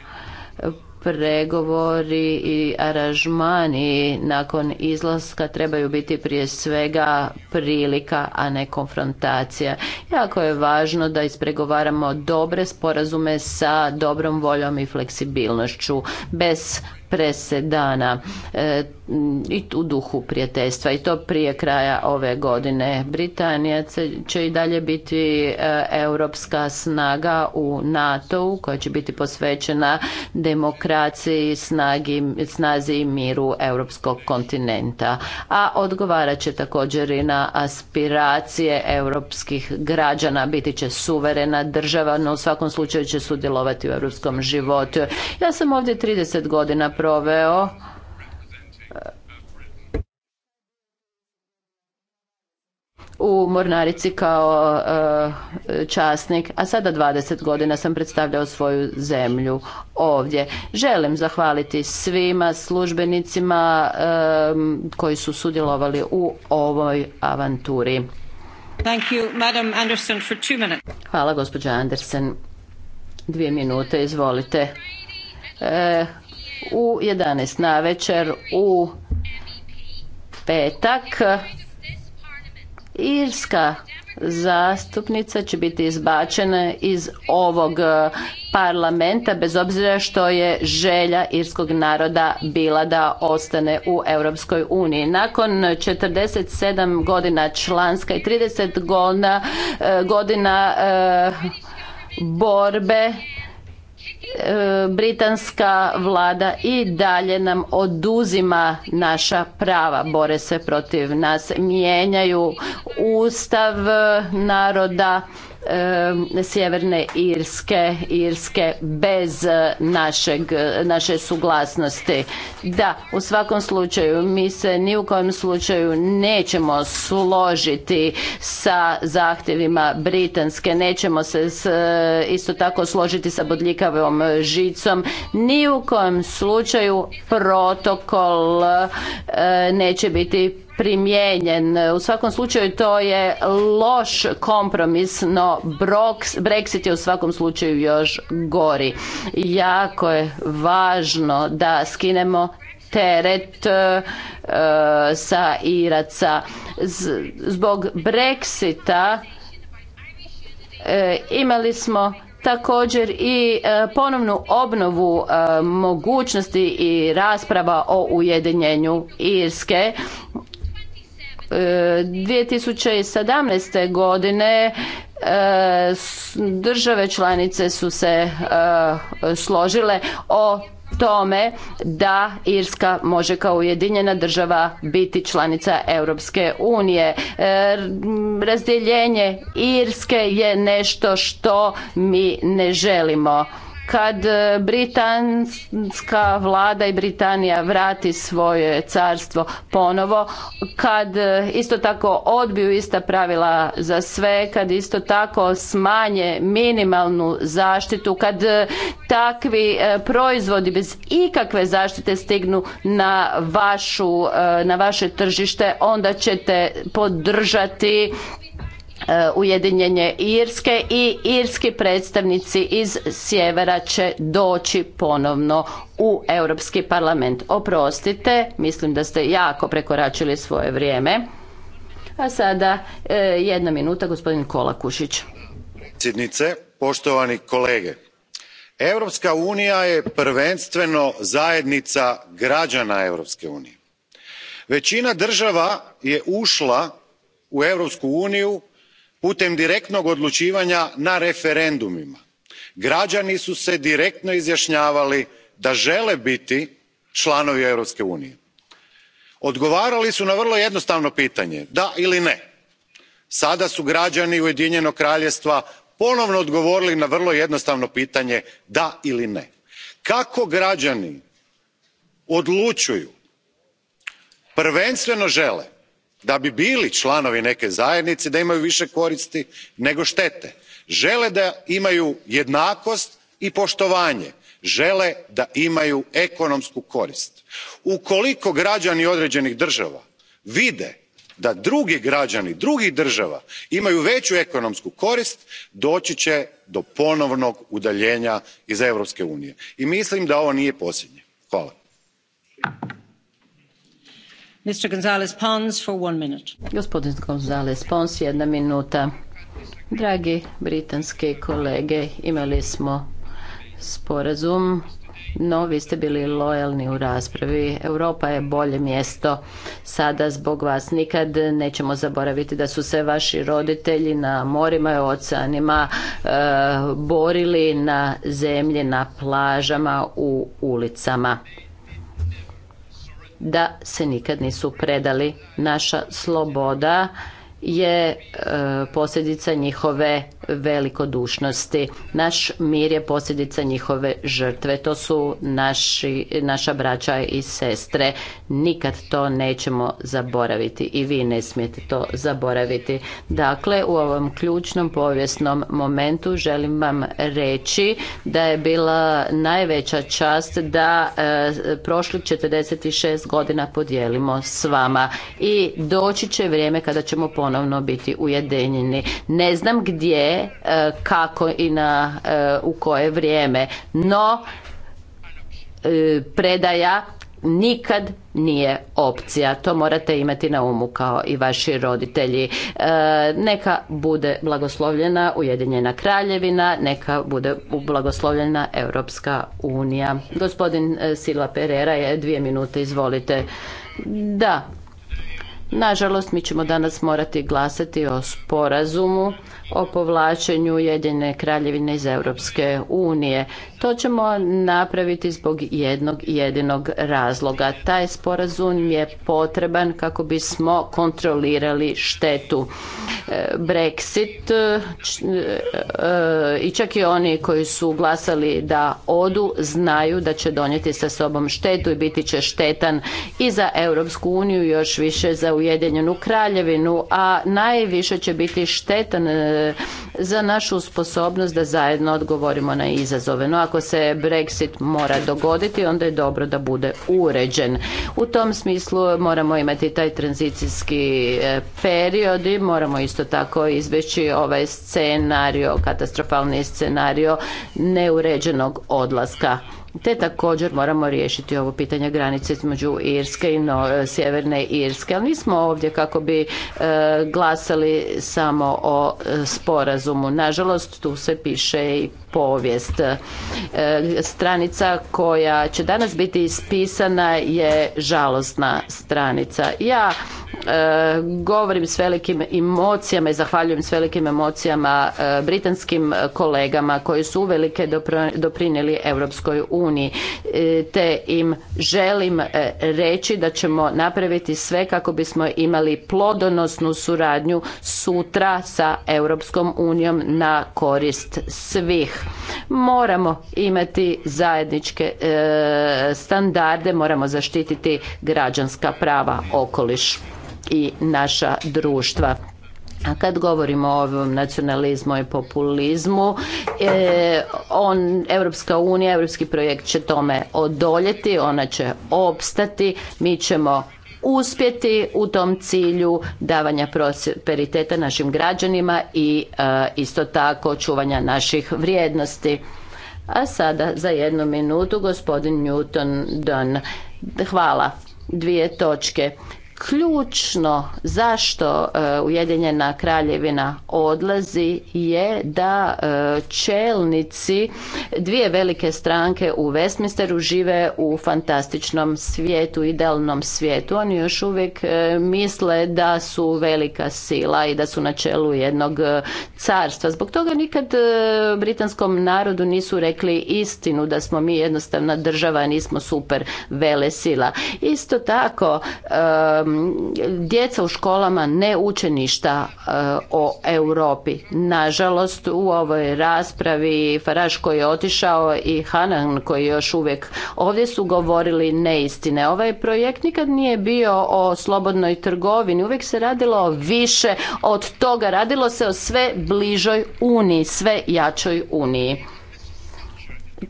pregovori i aranžmani nakon izlaska trebaju biti prije svega prilika, a ne konfrontacija. Jako je važno da ispregovaramo dobre sporazume sa dobrom voljom i fleksibilnošću, bez presedana dana e, i u duhu prijateljstva i to prije kraja ove godine. Britanija će i dalje biti e, europska snaga u NATO-u koja će biti posvećena demokraciji, snagi, snazi i miru europskog kontinenta. A odgovarat će također i na aspiracije europskih građana. Biti će suverena država, no u svakom slučaju će sudjelovati u europskom životu. Ja sam ovdje 30 godina proveo e, u mornarici kao e, časnik, a sada 20 godina sam predstavljao svoju zemlju ovdje. Želim zahvaliti svima službenicima e, koji su sudjelovali u ovoj avanturi. Thank you, Anderson, Hvala gospođa Andersen. Dvije minute, izvolite u 11 na večer u petak Irska zastupnica će biti izbačena iz ovog e, parlamenta bez obzira što je želja irskog naroda bila da ostane u Europskoj uniji. Nakon 47 godina članska i 30 godina, e, godina e, borbe E, britanska vlada i dalje nam oduzima naša prava, bore se protiv nas, mijenjaju ustav naroda E, Sjeverne Irske, Irske bez e, našeg, e, naše suglasnosti. Da, u svakom slučaju mi se ni u kojem slučaju nećemo složiti sa zahtjevima Britanske, nećemo se isto tako složiti sa bodljikavom žicom, ni u kojem slučaju protokol neće biti primijenjen. U svakom slučaju to je loš kompromis, no Brexit je u svakom slučaju još gori. Jako je važno da skinemo teret e, sa Iraca. Zbog Brexita e, imali smo također i e, ponovnu obnovu mogućnosti i rasprava o ujedinjenju Irske 2017. godine e, države članice su se e, složile o tome da Irska može kao ujedinjena država biti članica Europske unije. E, razdjeljenje Irske je nešto što mi ne želimo kad e, britanska vlada i Britanija vrati svoje carstvo ponovo, kad e, isto tako odbiju ista pravila za sve, kad isto tako smanje minimalnu zaštitu, kad e, takvi proizvodi bez ikakve zaštite stignu na, vašu, na vaše tržište, onda ćete podržati E, Ujedinjenje Irske i irski predstavnici iz sjevera će doći ponovno u Europski parlament. Oprostite, mislim da ste jako prekoračili svoje vrijeme. A sada e, jedna minuta, gospodin Kušić. Predsjednice, poštovani kolege, Europska unija je prvenstveno zajednica građana Europske unije. Većina država je ušla u Europsku uniju putem direktnog odlučivanja na referendumima građani su se direktno izjašnjavali da žele biti članovi europske unije. odgovarali su na vrlo jednostavno pitanje da ili ne. sada su građani ujedinjenog kraljevstva ponovno odgovorili na vrlo jednostavno pitanje da ili ne. kako građani odlučuju prvenstveno žele da bi bili članovi neke zajednice da imaju više koristi nego štete žele da imaju jednakost i poštovanje žele da imaju ekonomsku korist. ukoliko građani određenih država vide da drugi građani drugih država imaju veću ekonomsku korist doći će do ponovnog udaljenja iz europske unije i mislim da ovo nije posljednje. hvala. Mr. Gonzalez Pons Gospodin jedna minuta. Dragi britanski kolege, imali smo sporazum no, vi ste bili lojalni u raspravi. Europa je bolje mjesto sada zbog vas. Nikad nećemo zaboraviti da su se vaši roditelji na morima i oceanima e, borili na zemlji, na plažama, u ulicama da se nikad nisu predali. Naša sloboda je e, posljedica njihove velikodušnosti. Naš mir je posljedica njihove žrtve. To su naši, naša braća i sestre. Nikad to nećemo zaboraviti i vi ne smijete to zaboraviti. Dakle, u ovom ključnom povijesnom momentu želim vam reći da je bila najveća čast da e, četrdeset 46 godina podijelimo s vama i doći će vrijeme kada ćemo ponovno biti ujedinjeni. Ne znam gdje, e, kako i na, e, u koje vrijeme, no e, predaja nikad nije opcija. To morate imati na umu kao i vaši roditelji. neka bude blagoslovljena Ujedinjena kraljevina, neka bude blagoslovljena Europska unija. Gospodin Silva Perera je dvije minute, izvolite. Da, Nažalost, mi ćemo danas morati glasati o sporazumu o povlačenju Jedine kraljevine iz Europske unije. To ćemo napraviti zbog jednog jedinog razloga. Taj sporazum je potreban kako bismo kontrolirali štetu. E, Brexit e, e, i čak i oni koji su glasali da odu znaju da će donijeti sa sobom štetu i biti će štetan i za Europsku uniju, još više za Ujedinjenu kraljevinu, a najviše će biti štetan E, za našu sposobnost da zajedno odgovorimo na izazove. No ako se Brexit mora dogoditi, onda je dobro da bude uređen. U tom smislu moramo imati taj tranzicijski e, period i moramo isto tako izbjeći ovaj scenario, katastrofalni scenario neuređenog odlaska te također moramo riješiti ovo pitanje granice između Irske i e, Sjeverne Irske. Ali nismo ovdje kako bi e, glasali samo o e, sporazumu. Nažalost, tu se piše i povijest. stranica koja će danas biti ispisana je žalostna stranica. Ja govorim s velikim emocijama i zahvaljujem s velikim emocijama britanskim kolegama koji su uvelike doprinijeli Europskoj uniji e, te im želim e, reći da ćemo napraviti sve kako bismo imali plodonosnu suradnju sutra sa Europskom unijom na korist svih. Moramo imati zajedničke e, standarde, moramo zaštititi građanska prava, okoliš i naša društva a kad govorimo o ovom nacionalizmu i populizmu, e, on, Europska unija, Europski projekt će tome odoljeti, ona će opstati, mi ćemo uspjeti u tom cilju davanja prosperiteta našim građanima i e, isto tako čuvanja naših vrijednosti. A sada za jednu minutu gospodin Newton Dunn. Hvala. Dvije točke ključno zašto e, Ujedinjena kraljevina odlazi je da e, čelnici dvije velike stranke u Westminsteru žive u fantastičnom svijetu, idealnom svijetu. Oni još uvijek e, misle da su velika sila i da su na čelu jednog carstva. Zbog toga nikad britanskom narodu nisu rekli istinu da smo mi jednostavna država, nismo super vele sila. Isto tako Um, djeca u školama ne uče ništa uh, o Europi. Nažalost, u ovoj raspravi Faraš koji je otišao i Hanan koji je još uvijek ovdje su govorili neistine. Ovaj projekt nikad nije bio o slobodnoj trgovini. Uvijek se radilo više od toga. Radilo se o sve bližoj uniji, sve jačoj uniji.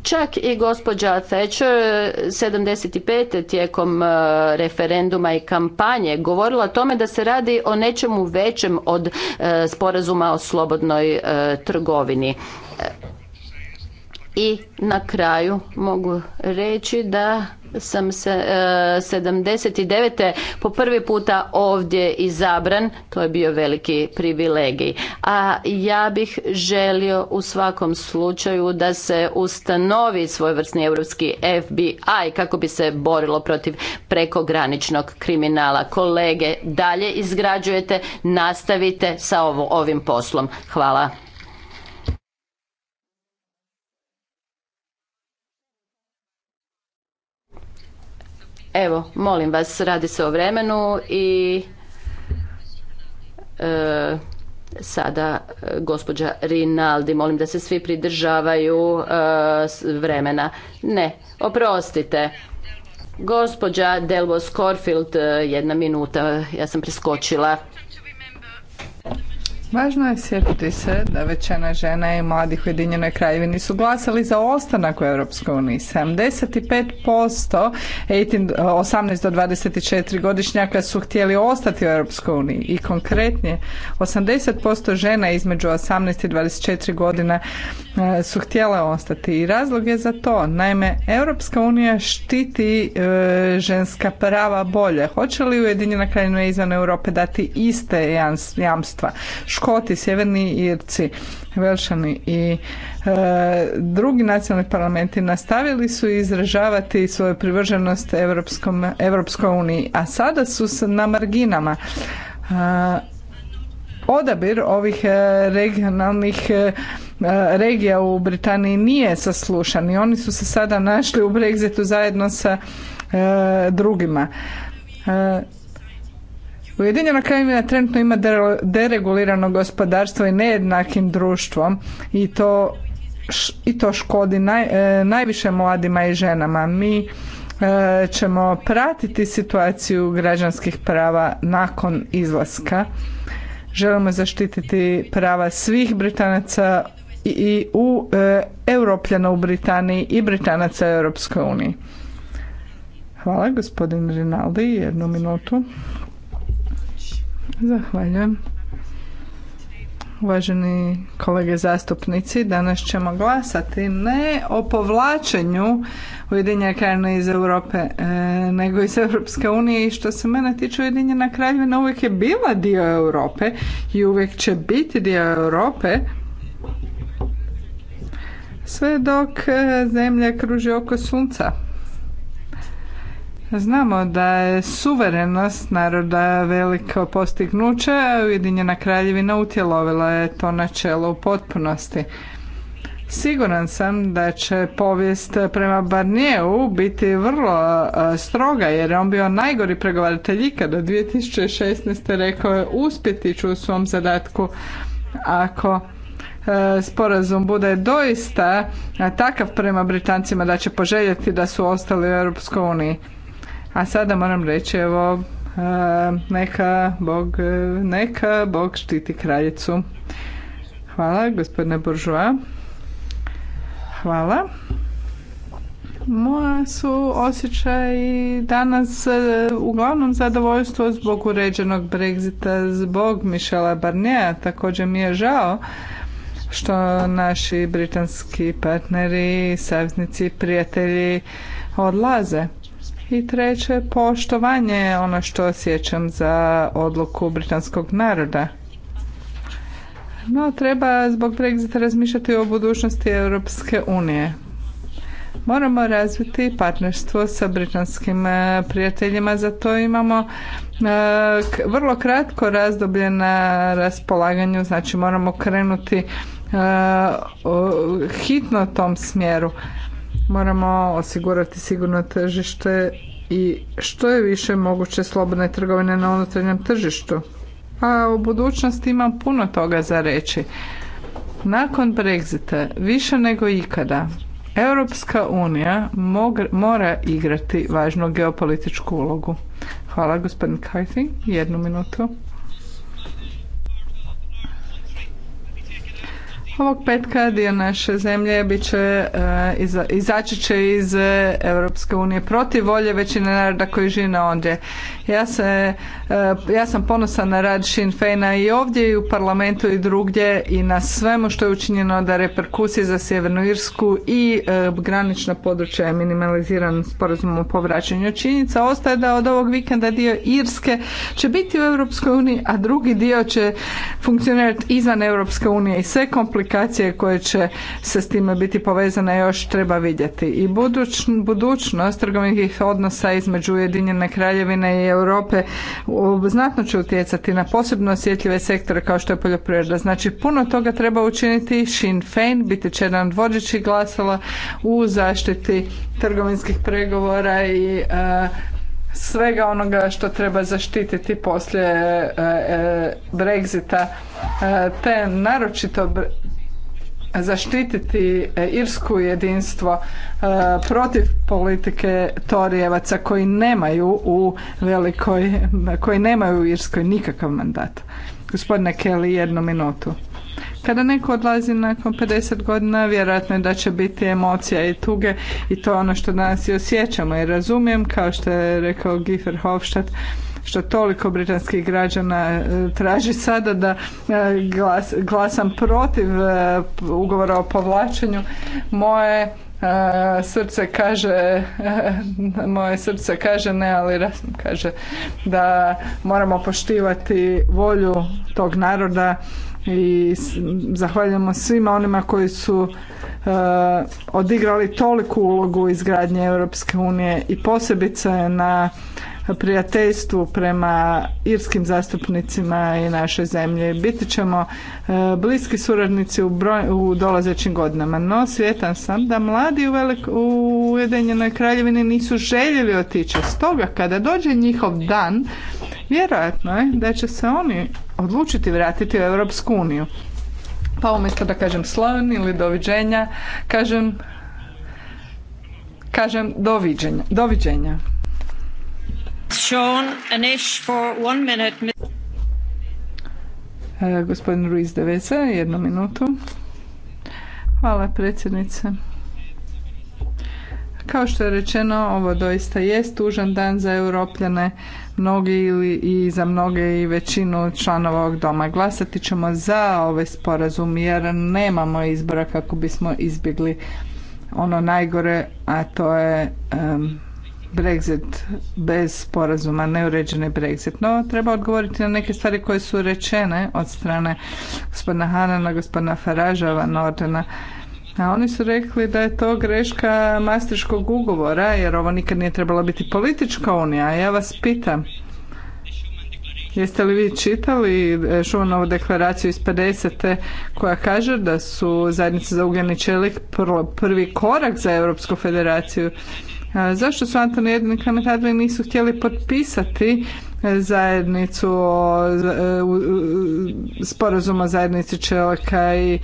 Čak i gospođa Thatcher 75. tijekom e, referenduma i kampanje govorila o tome da se radi o nečemu većem od e, sporazuma o slobodnoj e, trgovini. I na kraju mogu reći da sam se uh, e, 79. po prvi puta ovdje izabran, to je bio veliki privilegij. A ja bih želio u svakom slučaju da se ustanovi svojvrsni europski FBI kako bi se borilo protiv prekograničnog kriminala. Kolege, dalje izgrađujete, nastavite sa ovim poslom. Hvala. Evo, molim vas, radi se o vremenu i e, sada e, gospođa Rinaldi, molim da se svi pridržavaju e, vremena. Ne, oprostite. Gospođa Delvos Corfield, jedna minuta, ja sam preskočila. Važno je sjetiti se da većina žena i mladih u Ujedinjenoj kraljevini su glasali za ostanak u Europskoj uniji. 75% 18 do 24 godišnjaka su htjeli ostati u Europskoj uniji i konkretnije 80% žena između 18 i 24 godina e, su htjele ostati i razlog je za to. Naime, Europska unija štiti e, ženska prava bolje. Hoće li Ujedinjena kraljevina izvan Europe dati iste jamstva? Škoti, Sjeverni Irci, Velšani i e, drugi nacionalni parlamenti nastavili su izražavati svoju privrženost Europskoj uniji, a sada su na marginama. E, odabir ovih e, regionalnih regija u Britaniji nije saslušan i oni su se sada našli u Brexitu zajedno sa drugima. Ujedinjena kraljevina trenutno ima deregulirano gospodarstvo i nejednakim društvom i to, i to škodi naj, e, najviše mladima i ženama. Mi e, ćemo pratiti situaciju građanskih prava nakon izlaska. Želimo zaštititi prava svih Britanaca i u e, Europljana u Britaniji i Britanaca u Europskoj uniji. Hvala, gospodin Rinaldi, jednu minutu. Zahvaljujem. Uvaženi kolege zastupnici, danas ćemo glasati ne o povlačenju Ujedinjene kraljevine iz Europe, e, nego iz Europske unije i što se mene tiče Ujedinjena kraljevina uvijek je bila dio Europe i uvijek će biti dio Europe sve dok e, zemlja kruži oko sunca. Znamo da je suverenost naroda veliko postignuće, a Ujedinjena kraljevina utjelovila je to načelo u potpunosti. Siguran sam da će povijest prema Barnijevu biti vrlo stroga jer je on bio najgori pregovaratelj ikada. 2016. rekao je uspjeti ću u svom zadatku ako e, sporazum bude doista takav prema Britancima da će poželjeti da su ostali u Europskoj uniji. A sada moram reći, evo, e, neka Bog, e, neka Bog štiti kraljicu. Hvala, gospodine Buržua. Hvala. Moja su osjećaj danas e, uglavnom zadovoljstvo zbog uređenog Brexita, zbog Mišela Barnea. Također mi je žao što naši britanski partneri, saveznici prijatelji odlaze. I treće, poštovanje je ono što osjećam za odluku britanskog naroda. No, treba zbog Brexita razmišljati o budućnosti Europske unije. Moramo razviti partnerstvo sa britanskim e, prijateljima, za to imamo e, vrlo kratko razdoblje na raspolaganju, znači moramo krenuti e, hitno tom smjeru. Moramo osigurati sigurno tržište i što je više moguće slobodne trgovine na unutarnjem tržištu. A u budućnosti imam puno toga za reći. Nakon Brexita, više nego ikada, Europska unija mora igrati važnu geopolitičku ulogu. Hvala gospodin Kajti, jednu minutu. Ovog petka dio naše zemlje bit će, e, izaći će iz Europske unije protiv volje većine naroda koji žive ondje. Ja, se, eh, ja sam ponosan na rad Sinn i ovdje i u parlamentu i drugdje i na svemu što je učinjeno da reperkusije za Sjevernu Irsku i eh, granična područja je minimaliziran sporazum o povraćanju. Činjenica ostaje da od ovog vikenda dio Irske će biti u Europskoj uniji, a drugi dio će funkcionirati izvan Europske unije i sve komplikacije koje će se s time biti povezane još treba vidjeti. I budućnost trgovinskih odnosa između Ujedinjene kraljevine i Europe znatno će utjecati na posebno osjetljive sektore kao što je poljoprivreda. Znači puno toga treba učiniti. Sinn Fein biti će jedan vođeći glasala u zaštiti trgovinskih pregovora i e, svega onoga što treba zaštititi poslije e, e, Brexita, te naročito zaštititi e, irsko jedinstvo e, protiv politike Torijevaca koji nemaju u velikoj, koji nemaju u Irskoj nikakav mandat. Gospodine Kelly, jednu minutu. Kada neko odlazi nakon 50 godina, vjerojatno je da će biti emocija i tuge i to je ono što danas i osjećamo i razumijem, kao što je rekao Gifer Hofstadt, što toliko britanskih građana e, traži sada da e, glas, glasam protiv e, ugovora o povlačenju. Moje srce kaže moje srce kaže ne ali razum kaže da moramo poštivati volju tog naroda i zahvaljujemo svima onima koji su odigrali toliku ulogu izgradnje Europske unije i posebice na prijateljstvu prema irskim zastupnicima i našoj zemlji. Biti ćemo e, bliski suradnici u, broj, dolazećim godinama, no svjetan sam da mladi u, velik, u Ujedinjenoj kraljevini nisu željeli otići. Stoga kada dođe njihov dan, vjerojatno je da će se oni odlučiti vratiti u Europsku uniju. Pa umjesto da kažem slavni ili doviđenja, kažem kažem doviđenja. doviđenja. E, gospodin Ruiz jednu minutu. Hvala predsjednice. Kao što je rečeno, ovo doista jest tužan dan za europljane, mnogi ili i za mnoge i većinu članova ovog doma. Glasati ćemo za ovaj sporazum jer nemamo izbora kako bismo izbjegli ono najgore, a to je Brexit bez sporazuma, neuređeni Brexit. No, treba odgovoriti na neke stvari koje su rečene od strane gospodina Hanana, gospodina Faražava Nordena. A oni su rekli da je to greška mastriškog ugovora, jer ovo nikad nije trebalo biti politička unija. A ja vas pitam, Jeste li vi čitali e, Šumanovu deklaraciju iz 50. koja kaže da su zajednice za ugljeni čelik prvi korak za Europsku federaciju Zašto su Anton i Edin nisu htjeli potpisati e, zajednicu o, e, sporazuma zajednici čelaka i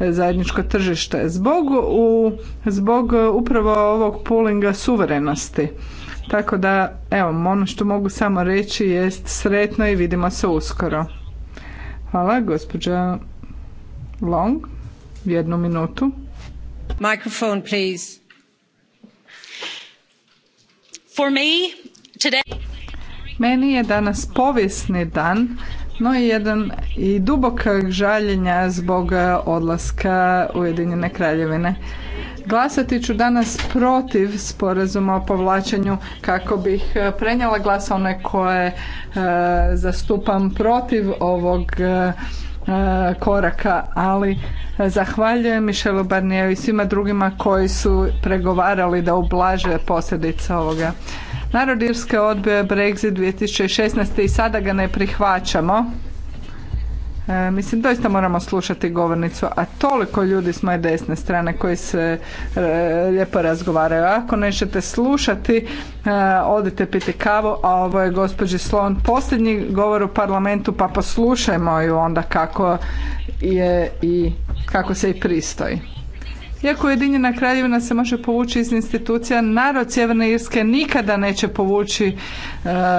e, zajedničko tržište? Zbog, u, zbog upravo ovog poolinga suverenosti. Tako da, evo, ono što mogu samo reći jest sretno i vidimo se uskoro. Hvala, gospođa Long. Jednu minutu. Mikrofon, please me, Meni je danas povijesni dan, no i jedan i dubok žaljenja zbog e, odlaska Ujedinjene kraljevine. Glasati ću danas protiv sporazuma o povlačenju kako bih e, prenijela glas one koje e, zastupam protiv ovog E, koraka, ali zahvaljujem Mišelu Barnijevu i svima drugima koji su pregovarali da ublaže posljedice ovoga. Narod Irske odbio je Brexit 2016. i sada ga ne prihvaćamo E, mislim, doista moramo slušati govornicu, a toliko ljudi s moje desne strane koji se e, lijepo razgovaraju. Ako nećete slušati, e, odite piti kavu, a ovo je gospođi Slon posljednji govor u parlamentu, pa poslušajmo ju onda kako je i kako se i pristoji. Iako Ujedinjena kraljevina se može povući iz institucija, narod Sjeverne Irske nikada neće povući e,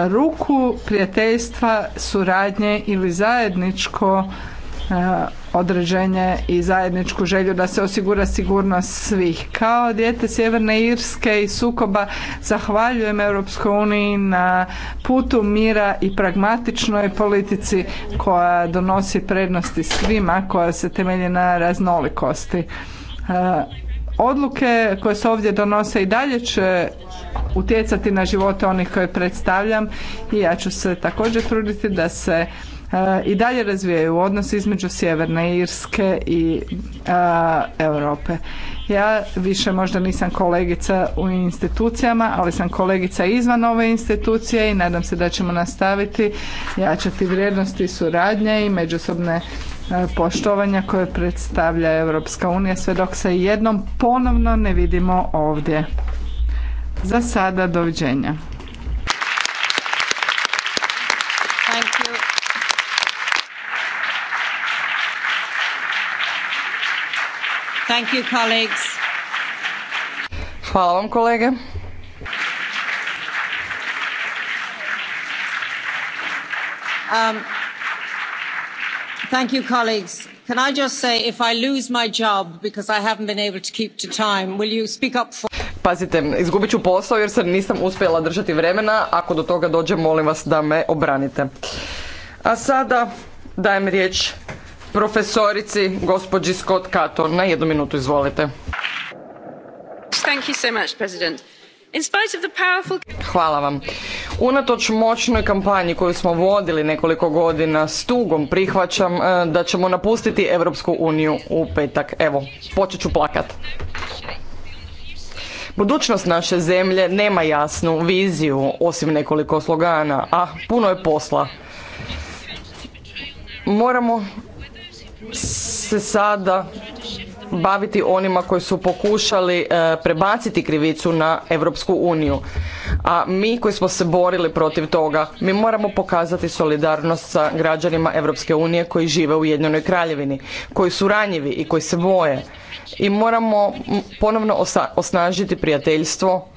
ruku prijateljstva, suradnje ili zajedničko e, određenje i zajedničku želju da se osigura sigurnost svih. Kao dijete Sjeverne Irske i sukoba zahvaljujem Europskoj uniji na putu mira i pragmatičnoj politici koja donosi prednosti svima, koja se temelji na raznolikosti. Eh, odluke koje se ovdje donose i dalje će utjecati na živote onih koje predstavljam i ja ću se također truditi da se eh, i dalje razvijaju odnosi između Sjeverne Irske i eh, Europe. Ja više možda nisam kolegica u institucijama, ali sam kolegica izvan ove institucije i nadam se da ćemo nastaviti jačati vrijednosti suradnje i međusobne E, poštovanja koje predstavlja Europska unija sve dok se jednom ponovno ne vidimo ovdje. Za sada doviđenja. Thank you, colleagues. Hvala vam kolege. Um, Thank you, colleagues. Can I just say, if I lose my job because I haven't been able to keep to time, will you speak up for... Pazite, izgubit ću posao jer se nisam uspjela držati vremena. Ako do toga dođe, molim vas da me obranite. A sada dajem riječ profesorici gospođi Scott Cato. Na jednu minutu, izvolite. Thank you so much, President. Hvala vam. Unatoč moćnoj kampanji koju smo vodili nekoliko godina s tugom prihvaćam e, da ćemo napustiti Europsku uniju u petak. Evo, počet ću plakat. Budućnost naše zemlje nema jasnu viziju, osim nekoliko slogana, a puno je posla. Moramo se sada baviti onima koji su pokušali e, prebaciti krivicu na Europsku uniju. A mi koji smo se borili protiv toga, mi moramo pokazati solidarnost sa građanima Europske unije koji žive u Ujedinjenoj Kraljevini, koji su ranjivi i koji se boje. I moramo ponovno osnažiti prijateljstvo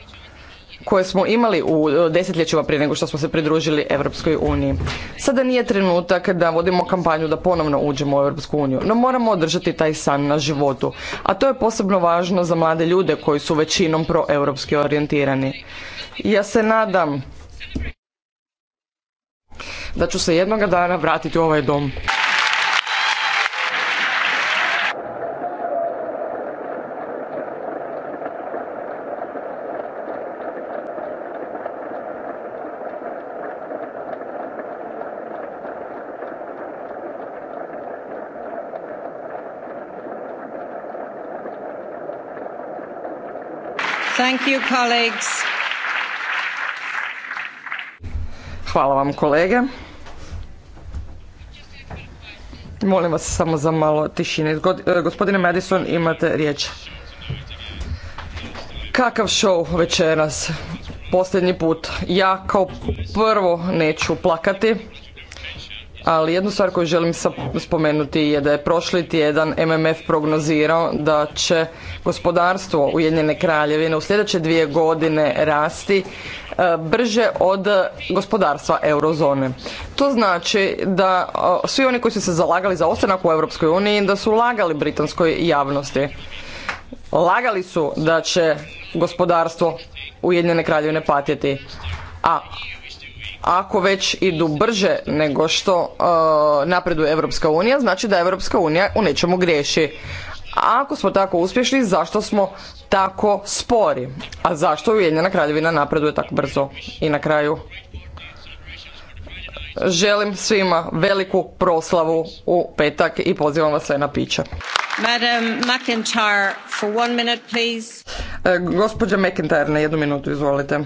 koje smo imali u e, desetljećima prije nego što smo se pridružili Europskoj uniji. Sada nije trenutak da vodimo kampanju da ponovno uđemo u Europsku uniju, no moramo održati taj san na životu, a to je posebno važno za mlade ljude koji su većinom proeuropski orijentirani. Ja se nadam da ću se jednoga dana vratiti u ovaj dom. Hvala vam kolege. Molim vas samo za malo tišine. E, gospodine Madison, imate riječ. Kakav show večeras? Posljednji put. Ja kao prvo neću plakati ali jednu stvar koju želim spomenuti je da je prošli tjedan MMF prognozirao da će gospodarstvo Ujedinjene kraljevine u sljedeće dvije godine rasti e, brže od gospodarstva eurozone. To znači da e, svi oni koji su se zalagali za ostanak u Europskoj uniji da su lagali britanskoj javnosti. Lagali su da će gospodarstvo Ujedinjene kraljevine patjeti. A ako već idu brže nego što uh, napreduje Europska unija, znači da Europska unija u nečemu griješi. A ako smo tako uspješni, zašto smo tako spori? A zašto Ujedinjena kraljevina napreduje tako brzo? I na kraju, želim svima veliku proslavu u petak i pozivam vas sve na piće. Madam uh, gospođa McIntyre, na minutu, izvolite.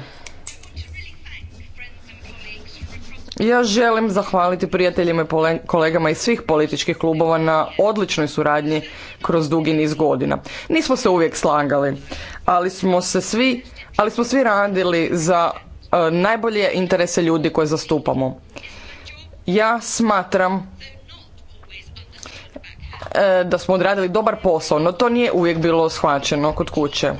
Ja želim zahvaliti prijateljima i kolegama iz svih političkih klubova na odličnoj suradnji kroz dugi niz godina. Nismo se uvijek slagali, ali smo se svi, ali smo svi radili za e, najbolje interese ljudi koje zastupamo. Ja smatram E, da smo odradili dobar posao, no to nije uvijek bilo shvaćeno kod kuće.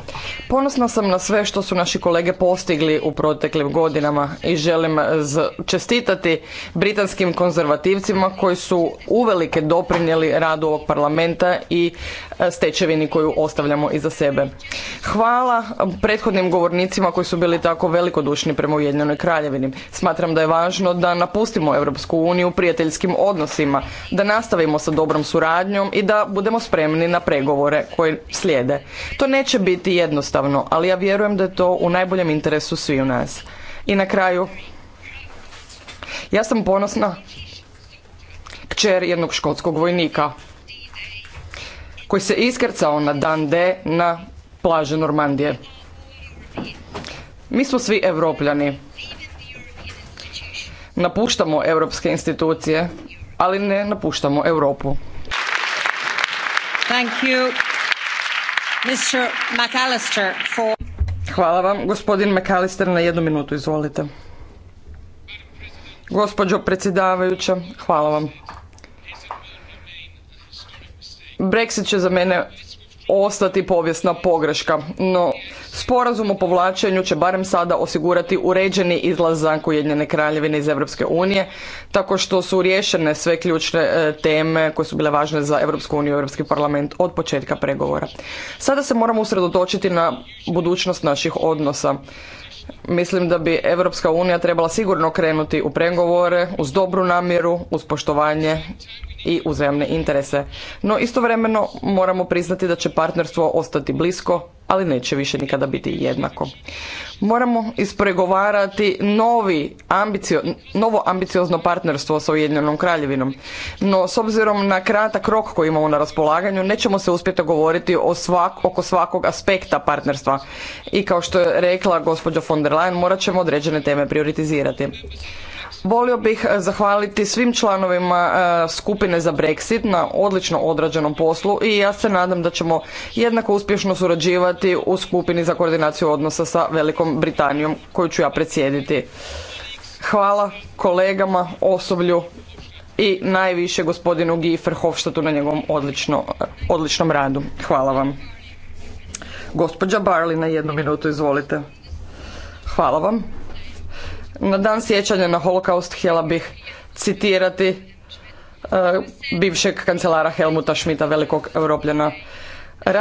Ponosna sam na sve što su naši kolege postigli u proteklim godinama i želim e, čestitati britanskim konzervativcima koji su uvelike doprinijeli radu ovog parlamenta i stečevini koju ostavljamo iza sebe. Hvala prethodnim govornicima koji su bili tako velikodušni prema Ujedinjenoj kraljevini. Smatram da je važno da napustimo Europsku uniju prijateljskim odnosima, da nastavimo sa dobrom suradnjom i da budemo spremni na pregovore koji slijede. To neće biti jednostavno, ali ja vjerujem da je to u najboljem interesu sviju nas. I na kraju, ja sam ponosna kćer jednog škotskog vojnika koji se iskrcao na dan D na plaže Normandije. Mi smo svi evropljani. Napuštamo europske institucije, ali ne napuštamo Europu. Hvala vam. Gospodin McAllister na jednu minutu, izvolite. Gospođo predsjedavajuća, hvala vam. Brexit će za mene ostati povijesna pogreška, no sporazum o povlačenju će barem sada osigurati uređeni izlazak Ujedinjene kraljevine iz Europske unije, tako što su riješene sve ključne e, teme koje su bile važne za Europsku uniju i Europski parlament od početka pregovora. Sada se moramo usredotočiti na budućnost naših odnosa. Mislim da bi Europska unija trebala sigurno krenuti u pregovore uz dobru namjeru, uz poštovanje i uzajamne interese. No istovremeno moramo priznati da će partnerstvo ostati blisko, ali neće više nikada biti jednako. Moramo ispregovarati novi novo ambiciozno partnerstvo sa Ujedinjenom kraljevinom. No s obzirom na kratak rok koji imamo na raspolaganju, nećemo se uspjeti govoriti o oko svakog aspekta partnerstva. I kao što je rekla gospođa von der deadline morat ćemo određene teme prioritizirati. Volio bih e, zahvaliti svim članovima e, skupine za Brexit na odlično odrađenom poslu i ja se nadam da ćemo jednako uspješno surađivati u skupini za koordinaciju odnosa sa Velikom Britanijom koju ću ja predsjediti. Hvala kolegama, osoblju i najviše gospodinu Gifer na njegovom odlično, odličnom radu. Hvala vam. Gospođa Barlina, jednu minutu, izvolite. Hvala vam. Na dan sjećanja na holokaust htjela bih citirati e, bivšeg kancelara Helmuta Šmita, velikog europljana. E,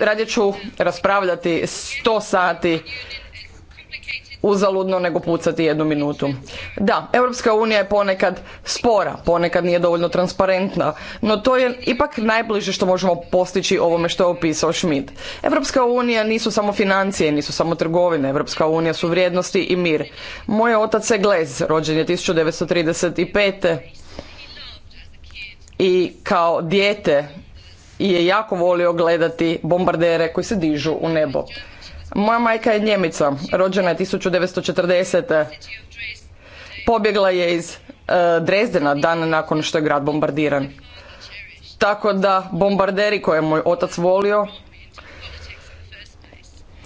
radije ću, raspravljati sto sati uzaludno nego pucati jednu minutu. Da, Europska unija je ponekad spora, ponekad nije dovoljno transparentna, no to je ipak najbliže što možemo postići ovome što je opisao Schmidt. Europska unija nisu samo financije, nisu samo trgovine, Europska unija su vrijednosti i mir. Moj otac je Glez, rođen je 1935. I kao dijete je jako volio gledati bombardere koji se dižu u nebo. Moja majka je Njemica, rođena je 1940. Pobjegla je iz e, Drezdena dan nakon što je grad bombardiran. Tako da bombarderi koje je moj otac volio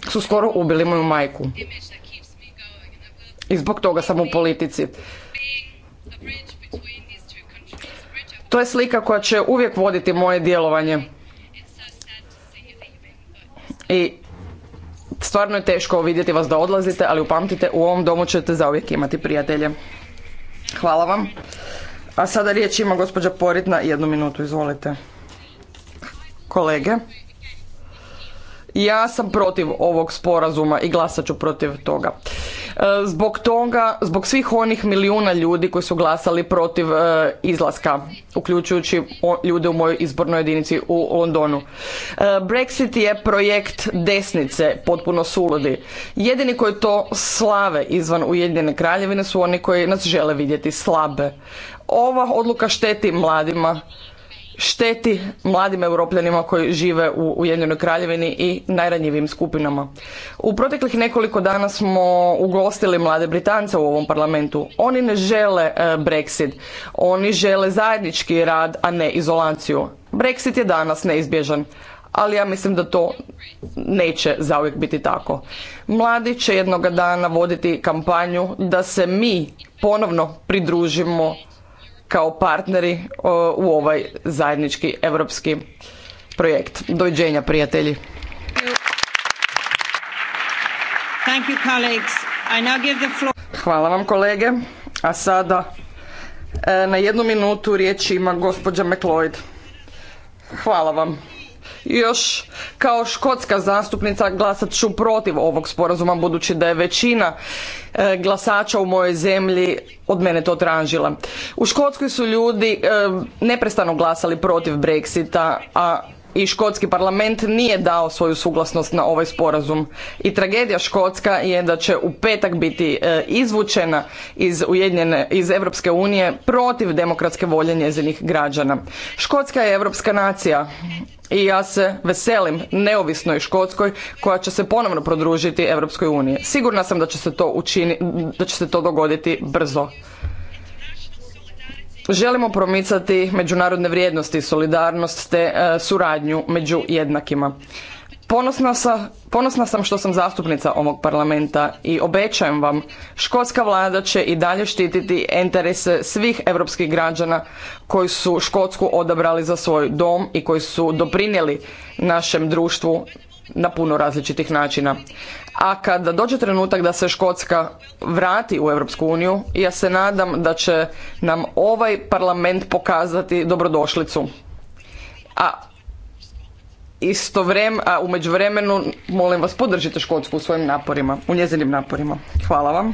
su skoro ubili moju majku. I zbog toga sam u politici. To je slika koja će uvijek voditi moje djelovanje. I Stvarno je teško vidjeti vas da odlazite, ali upamtite, u ovom domu ćete zauvijek imati prijatelje. Hvala vam. A sada riječ ima gospođa Poritna. na jednu minutu, izvolite. Kolege. Ja sam protiv ovog sporazuma i glasat ću protiv toga. E, zbog toga, zbog svih onih milijuna ljudi koji su glasali protiv e, izlaska, uključujući ljude u mojoj izbornoj jedinici u Londonu. E, Brexit je projekt desnice, potpuno suludi. Jedini koji to slave izvan Ujedinjene kraljevine su oni koji nas žele vidjeti slabe. Ova odluka šteti mladima, šteti mladim europljanima koji žive u Ujedinjenoj kraljevini i najranjivim skupinama. U proteklih nekoliko dana smo ugostili mlade Britance u ovom parlamentu. Oni ne žele e, Brexit, oni žele zajednički rad, a ne izolaciju. Brexit je danas neizbježan, ali ja mislim da to neće zauvijek biti tako. Mladi će jednoga dana voditi kampanju da se mi ponovno pridružimo kao partneri u ovaj zajednički europski projekt. Dojđenja, prijatelji. Hvala vam kolege. A sada e, na jednu minutu riječ ima gospođa McLeod. Hvala vam. Još kao škotska zastupnica glasat ću protiv ovog sporazuma budući da je većina e, glasača u mojoj zemlji od mene to tražila. U Škotskoj su ljudi e, neprestano glasali protiv Brexita, a i škotski parlament nije dao svoju suglasnost na ovaj sporazum. I tragedija Škotska je da će u petak biti e, izvučena iz, EU iz Europske unije protiv demokratske volje njezinih građana. Škotska je europska nacija i ja se veselim neovisnoj Škotskoj koja će se ponovno prodružiti Europskoj uniji. Sigurna sam da će se to učini, da će se to dogoditi brzo. Želimo promicati međunarodne vrijednosti, solidarnost te e, suradnju među jednakima. Ponosna, ponosna sam što sam zastupnica ovog parlamenta i obećajem vam, škotska vlada će i dalje štititi interese svih europskih građana koji su Škotsku odabrali za svoj dom i koji su doprinijeli našem društvu na puno različitih načina a kada dođe trenutak da se Škotska vrati u Europsku uniju, ja se nadam da će nam ovaj parlament pokazati dobrodošlicu. A istovrem, a u međuvremenu, molim vas, podržite Škotsku u svojim naporima, u njezinim naporima. Hvala vam.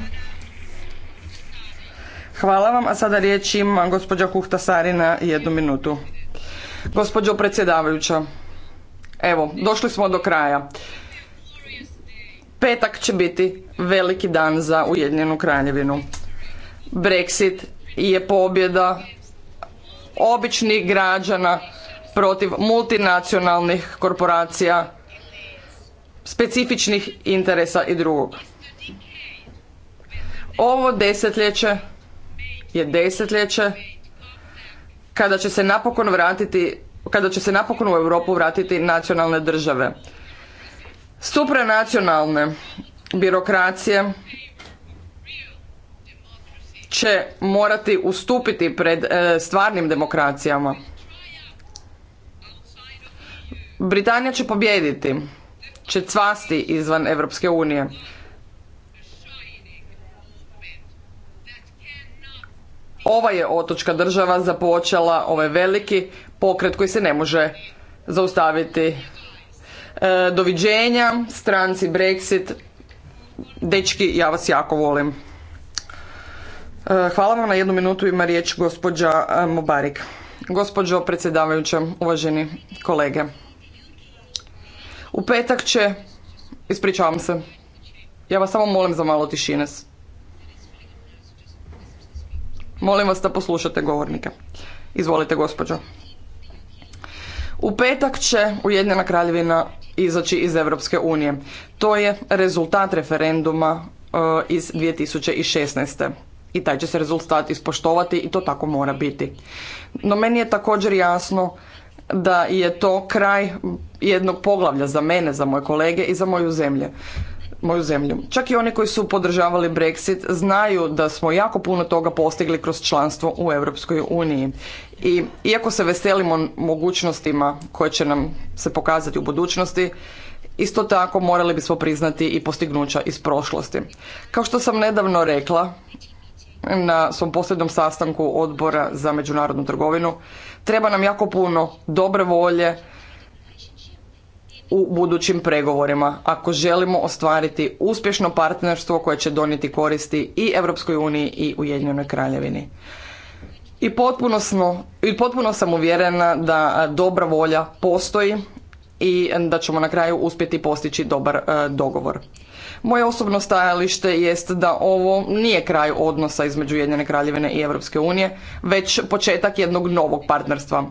Hvala vam, a sada riječ ima gospođa Huhtasari na jednu minutu. Gospođo predsjedavajuća, evo, došli smo do kraja. Petak će biti veliki dan za Ujedinjenu kraljevinu. Brexit je pobjeda običnih građana protiv multinacionalnih korporacija, specifičnih interesa i drugog. Ovo desetljeće je desetljeće kada će se napokon vratiti, kada će se napokon u Europu vratiti nacionalne države. Supranacionalne birokracije će morati ustupiti pred e, stvarnim demokracijama. Britanija će pobjediti, će cvasti izvan Europske unije. Ova je otočka država započela ovaj veliki pokret koji se ne može zaustaviti E, doviđenja, stranci Brexit, dečki ja vas jako volim. E, hvala vam na jednu minutu ima riječ gospođa e, Mubarik. Gospođo predsjedavajuća, uvaženi kolege. U petak će, ispričavam se, ja vas samo molim za malo tišine. Molim vas da poslušate govornike. Izvolite, gospođo. U petak će Ujedinjena kraljevina izaći iz Europske unije. To je rezultat referenduma e, iz 2016. I taj će se rezultat ispoštovati i to tako mora biti. No meni je također jasno da je to kraj jednog poglavlja za mene, za moje kolege i za moju zemlju moju zemlju. Čak i oni koji su podržavali Brexit znaju da smo jako puno toga postigli kroz članstvo u Europskoj uniji. I iako se veselimo mogućnostima koje će nam se pokazati u budućnosti, isto tako morali bismo priznati i postignuća iz prošlosti. Kao što sam nedavno rekla na svom posljednom sastanku odbora za međunarodnu trgovinu, treba nam jako puno dobre volje, u budućim pregovorima ako želimo ostvariti uspješno partnerstvo koje će donijeti koristi i Europskoj uniji i Ujedinjenoj Kraljevini. I potpuno, I potpuno sam uvjerena da dobra volja postoji i da ćemo na kraju uspjeti postići dobar e, dogovor. Moje osobno stajalište jest da ovo nije kraj odnosa između Ujedinjene Kraljevine i Europske unije, već početak jednog novog partnerstva.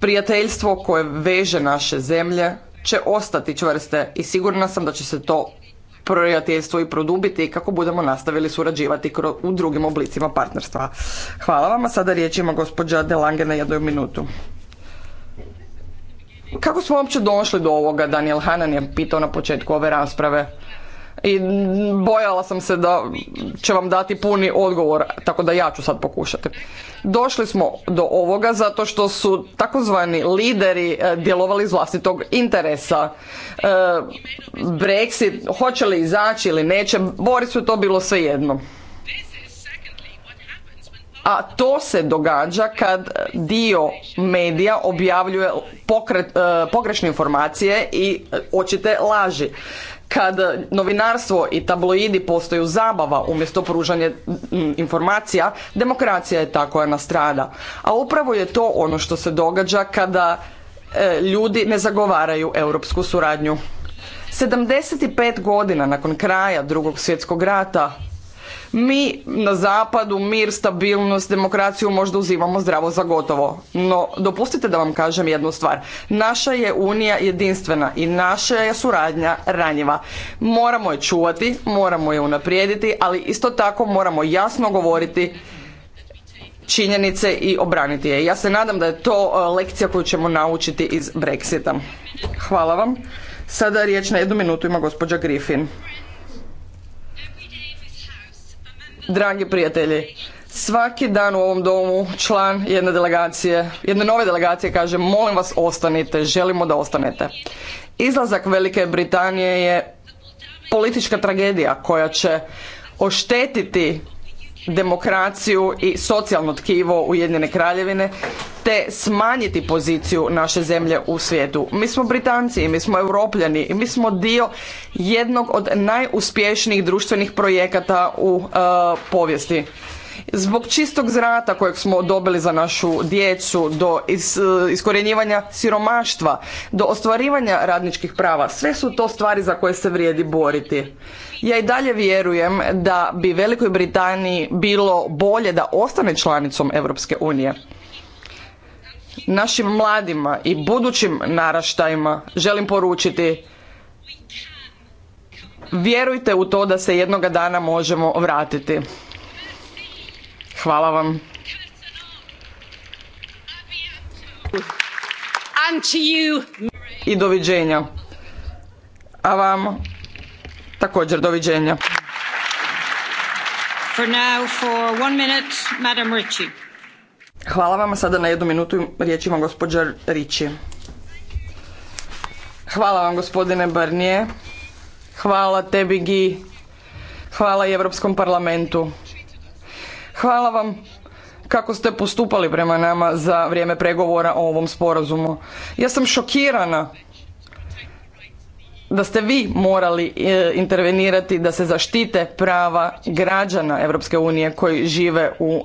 Prijateljstvo koje veže naše zemlje će ostati čvrste i sigurna sam da će se to prijateljstvo i produbiti kako budemo nastavili surađivati u drugim oblicima partnerstva. Hvala vam, a sada riječ ima gospođa Delange na jednu minutu. Kako smo uopće došli do ovoga, Daniel Hanan je pitao na početku ove rasprave i bojala sam se da će vam dati puni odgovor, tako da ja ću sad pokušati. Došli smo do ovoga zato što su takozvani lideri e, djelovali iz vlastitog interesa. E, Brexit, hoće li izaći ili neće, Borisu je to bilo sve jedno A to se događa kad dio medija objavljuje pokret, e, pogrešne informacije i očite laži kad novinarstvo i tabloidi postaju zabava umjesto pružanje informacija, demokracija je ta koja nastrada. A upravo je to ono što se događa kada e, ljudi ne zagovaraju europsku suradnju. 75 godina nakon kraja drugog svjetskog rata mi na zapadu mir, stabilnost, demokraciju možda uzimamo zdravo za gotovo. No, dopustite da vam kažem jednu stvar. Naša je unija jedinstvena i naša je suradnja ranjiva. Moramo je čuvati, moramo je unaprijediti, ali isto tako moramo jasno govoriti činjenice i obraniti je. Ja se nadam da je to e, lekcija koju ćemo naučiti iz Brexita. Hvala vam. Sada riječ na jednu minutu ima gospođa Griffin. Dragi prijatelji, svaki dan u ovom domu član jedne delegacije, jedne nove delegacije kaže molim vas ostanite, želimo da ostanete. Izlazak Velike Britanije je politička tragedija koja će oštetiti demokraciju i socijalno tkivo Ujedinjene kraljevine te smanjiti poziciju naše zemlje u svijetu. Mi smo Britanci, mi smo Europljani i mi smo dio jednog od najuspješnijih društvenih projekata u e, povijesti. Zbog čistog zrata kojeg smo dobili za našu djecu, do e, iskorjenjivanja siromaštva, do ostvarivanja radničkih prava, sve su to stvari za koje se vrijedi boriti. Ja i dalje vjerujem da bi Velikoj Britaniji bilo bolje da ostane članicom Europske unije. Našim mladima i budućim naraštajima želim poručiti vjerujte u to da se jednoga dana možemo vratiti. Hvala vam. I doviđenja. A vam Također, doviđenja. Hvala vam, sada na jednu minutu riječ ima gospođa Hvala vam gospodine Barnije. Hvala tebi Gi. Hvala i Europskom parlamentu. Hvala vam kako ste postupali prema nama za vrijeme pregovora o ovom sporazumu. Ja sam šokirana da ste vi morali e, intervenirati da se zaštite prava građana Europske unije koji žive e, u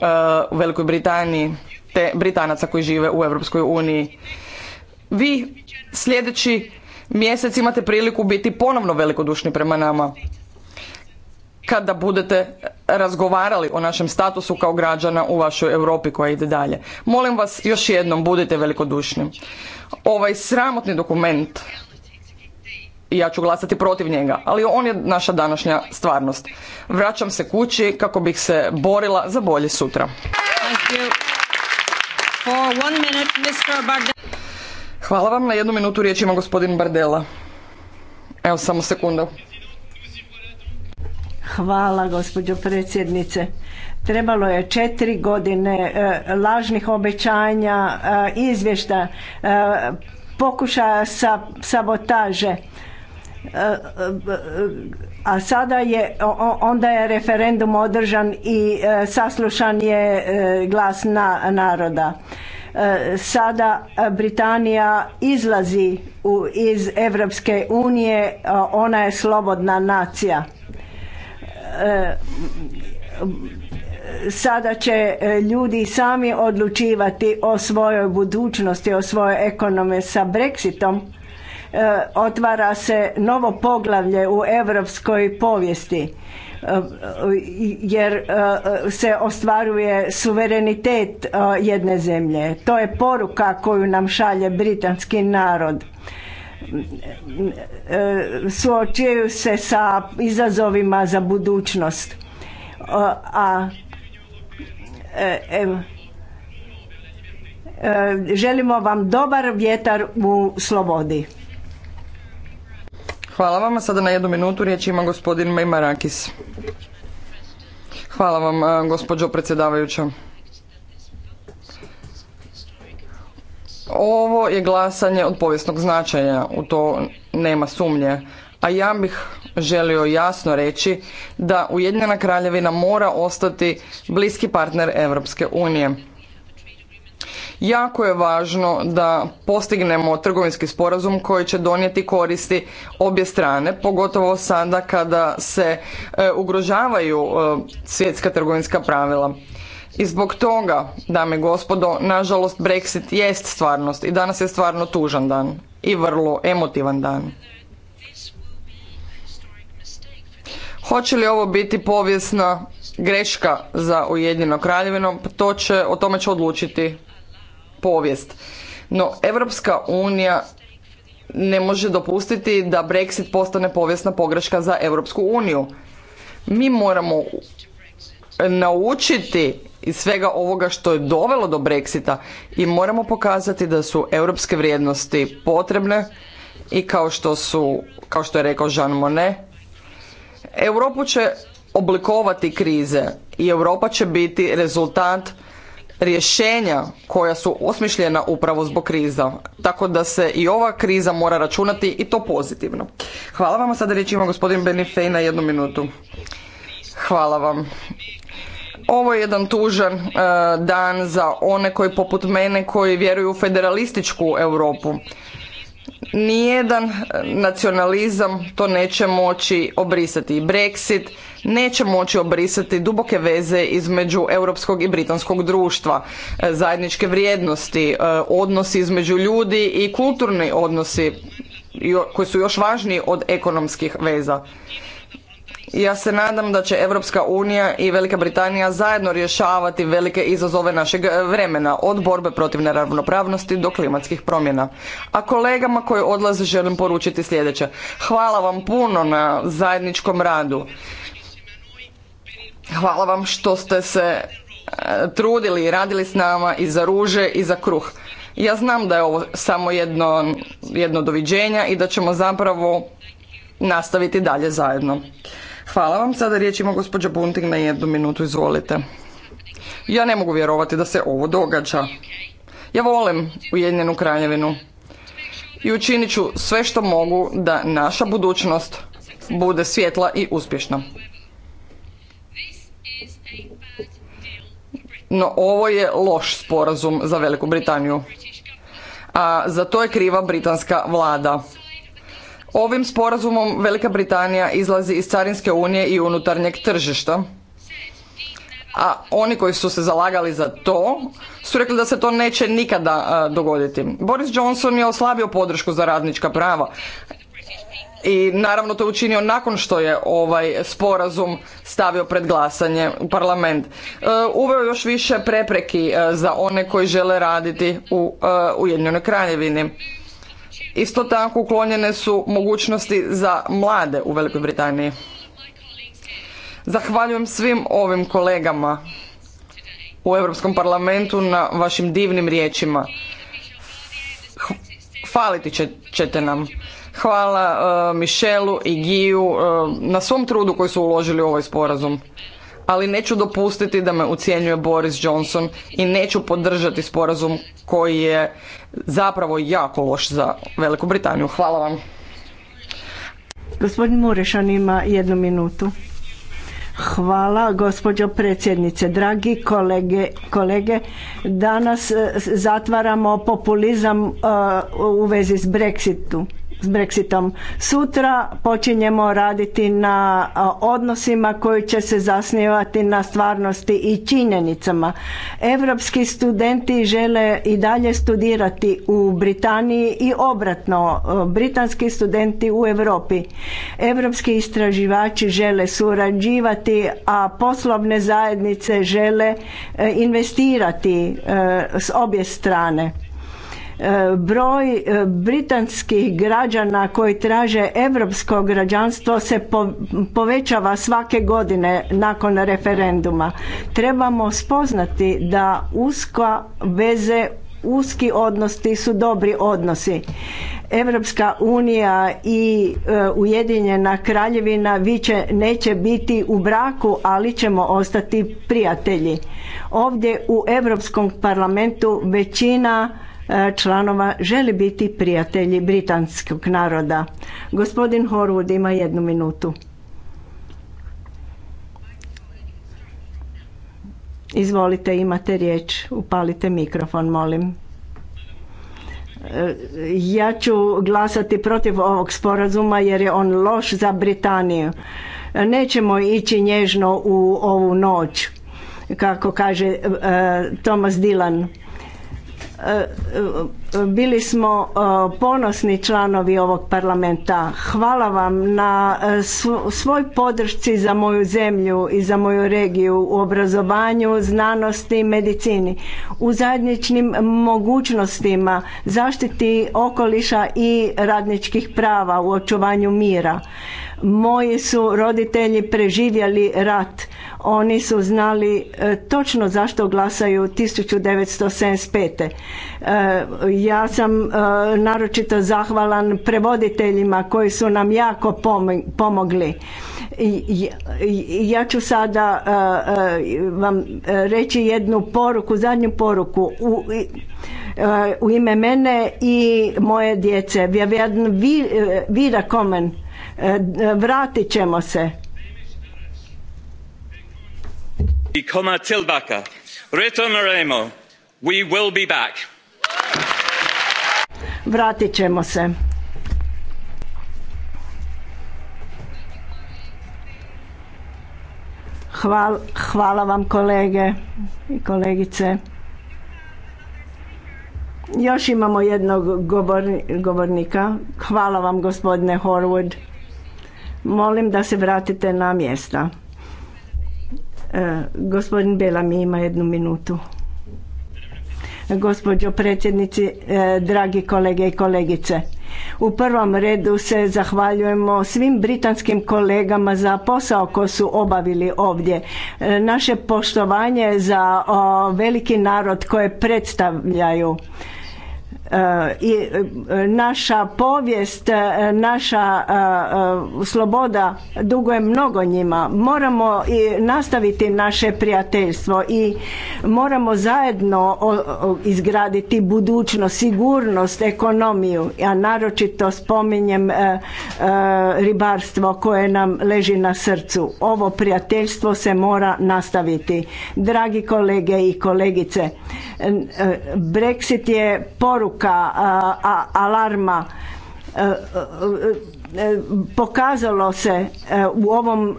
Velikoj Britaniji te Britanaca koji žive u Europskoj uniji. Vi sljedeći mjesec imate priliku biti ponovno velikodušni prema nama kada budete razgovarali o našem statusu kao građana u vašoj Europi koja ide dalje. Molim vas još jednom budite velikodušni. Ovaj sramotni dokument i ja ću glasati protiv njega, ali on je naša današnja stvarnost. Vraćam se kući kako bih se borila za bolje sutra. Hvala vam. Na jednu minutu riječ ima gospodin Bardela. Evo samo sekundu. Hvala gospođo predsjednice. Trebalo je četiri godine e, lažnih obećanja, e, izvješta, e, pokušaja sabotaže a sada je onda je referendum održan i e, saslušan je e, glas na, naroda e, sada Britanija izlazi iz Europske unije ona je slobodna nacija sada će ljudi sami odlučivati o svojoj budućnosti o svojoj ekonomiji sa Brexitom E, otvara se novo poglavlje u europskoj povijesti e, jer e, se ostvaruje suverenitet jedne zemlje. To je poruka koju nam šalje britanski narod. Suočuju se sa izazovima za budućnost. A želimo vam dobar vjetar u slobodi. Hvala vam. Sada na jednu minutu riječ ima gospodin Mejmarakis. Hvala vam, gospođo predsjedavajuća. Ovo je glasanje od povijesnog značaja, u to nema sumnje. A ja bih želio jasno reći da Ujedinjena kraljevina mora ostati bliski partner Europske unije. Jako je važno da postignemo trgovinski sporazum koji će donijeti koristi obje strane, pogotovo sada kada se e, ugrožavaju e, svjetska trgovinska pravila. I zbog toga, dame i gospodo, nažalost Brexit jest stvarnost i danas je stvarno tužan dan i vrlo emotivan dan. Hoće li ovo biti povijesna greška za Ujedinjeno kraljevino, to će, o tome će odlučiti povijest. No, Europska unija ne može dopustiti da Brexit postane povijesna pogreška za Europsku uniju. Mi moramo naučiti iz svega ovoga što je dovelo do Brexita i moramo pokazati da su europske vrijednosti potrebne i kao što su, kao što je rekao Jean Monnet, Europu će oblikovati krize i Europa će biti rezultat rješenja koja su osmišljena upravo zbog kriza. Tako da se i ova kriza mora računati i to pozitivno. Hvala vam, sada riječ ima gospodin Benifej na jednu minutu. Hvala vam. Ovo je jedan tužan e, dan za one koji poput mene koji vjeruju u federalističku Europu nijedan nacionalizam to neće moći obrisati. Brexit neće moći obrisati duboke veze između europskog i britanskog društva, e, zajedničke vrijednosti, e, odnosi između ljudi i kulturni odnosi koji su još važniji od ekonomskih veza ja se nadam da će Europska unija i Velika Britanija zajedno rješavati velike izazove našeg vremena, od borbe protiv neravnopravnosti do klimatskih promjena. A kolegama koji odlaze želim poručiti sljedeće. Hvala vam puno na zajedničkom radu. Hvala vam što ste se e, trudili i radili s nama i za ruže i za kruh. Ja znam da je ovo samo jedno, jedno doviđenja i da ćemo zapravo nastaviti dalje zajedno. Hvala vam. Sada riječ ima gospođa Bunting na jednu minutu. Izvolite. Ja ne mogu vjerovati da se ovo događa. Ja volim Ujedinjenu kraljevinu i učinit ću sve što mogu da naša budućnost bude svjetla i uspješna. No ovo je loš sporazum za Veliku Britaniju. A za to je kriva britanska vlada. Ovim sporazumom Velika Britanija izlazi iz Carinske unije i unutarnjeg tržišta. A oni koji su se zalagali za to su rekli da se to neće nikada e, dogoditi. Boris Johnson je oslabio podršku za radnička prava i naravno to je učinio nakon što je ovaj sporazum stavio pred glasanje u parlament. E, uveo još više prepreki e, za one koji žele raditi u Ujedinjenoj kraljevini. Isto tako uklonjene su mogućnosti za mlade u Velikoj Britaniji. Zahvaljujem svim ovim kolegama u Europskom parlamentu na vašim divnim riječima. Hvaliti ćete nam. Hvala uh, Mišelu i Giju e, na svom trudu koji su uložili u ovaj sporazum ali neću dopustiti da me ucijenjuje Boris Johnson i neću podržati sporazum koji je zapravo jako loš za Veliku Britaniju. Hvala vam. Gospodin Murešan ima jednu minutu. Hvala gospođo predsjednice. Dragi kolege, kolege danas eh, zatvaramo populizam eh, u vezi s Brexitu s Brexitom. Sutra počinjemo raditi na odnosima koji će se zasnivati na stvarnosti i činjenicama. Europski studenti žele i dalje studirati u Britaniji i obratno, britanski studenti u Europi. Europski istraživači žele surađivati, a poslovne zajednice žele e, investirati e, s obje strane E, broj e, britanskih građana koji traže europsko građanstvo se povećava svake godine nakon referenduma. Trebamo spoznati da uska veze uski odnosi su dobri odnosi. Europska unija i e, Ujedinjena kraljevina više neće biti u braku, ali ćemo ostati prijatelji. Ovdje u Europskom parlamentu većina E, članova želi biti prijatelji britanskog naroda. Gospodin Horwood ima jednu minutu. Izvolite, imate riječ. Upalite mikrofon, molim. E, ja ću glasati protiv ovog sporazuma jer je on loš za Britaniju. Nećemo ići nježno u ovu noć, kako kaže e, Thomas Dylan E, e, bili smo e, ponosni članovi ovog parlamenta. Hvala vam na svoj podršci za moju zemlju i za moju regiju u obrazovanju, znanosti, medicini, u zajedničnim mogućnostima zaštiti okoliša i radničkih prava u očuvanju mira. Moji su roditelji preživjeli rat. Oni su znali e, točno zašto glasaju 1975. E, ja sam e, naročito zahvalan prevoditeljima koji su nam jako pomogli. i Ja ću sada vam reći jednu poruku, zadnju poruku. U, u ime mene i moje djece. Vira Komen. E, vratit ćemo se. I will be back. Vratit ćemo se. Hvala, hvala vam kolege i kolegice. Još imamo jednog govornika. Hvala vam gospodine Horwood. Molim da se vratite na mjesta. E, gospodin Bela mi ima jednu minutu. Gospođo predsjednici, e, dragi kolege i kolegice. U prvom redu se zahvaljujemo svim britanskim kolegama za posao koji su obavili ovdje. E, naše poštovanje za veliki narod koje predstavljaju i e, naša povijest, e, naša e, sloboda duguje mnogo njima. Moramo i nastaviti naše prijateljstvo i moramo zajedno izgraditi budućnost, sigurnost, ekonomiju, a naročito spominjem ribarstvo koje nam leži na srcu. Ovo prijateljstvo se mora nastaviti. Dragi kolege i kolegice, Brexit je poruka poruka alarma e, e, e, pokazalo se u ovom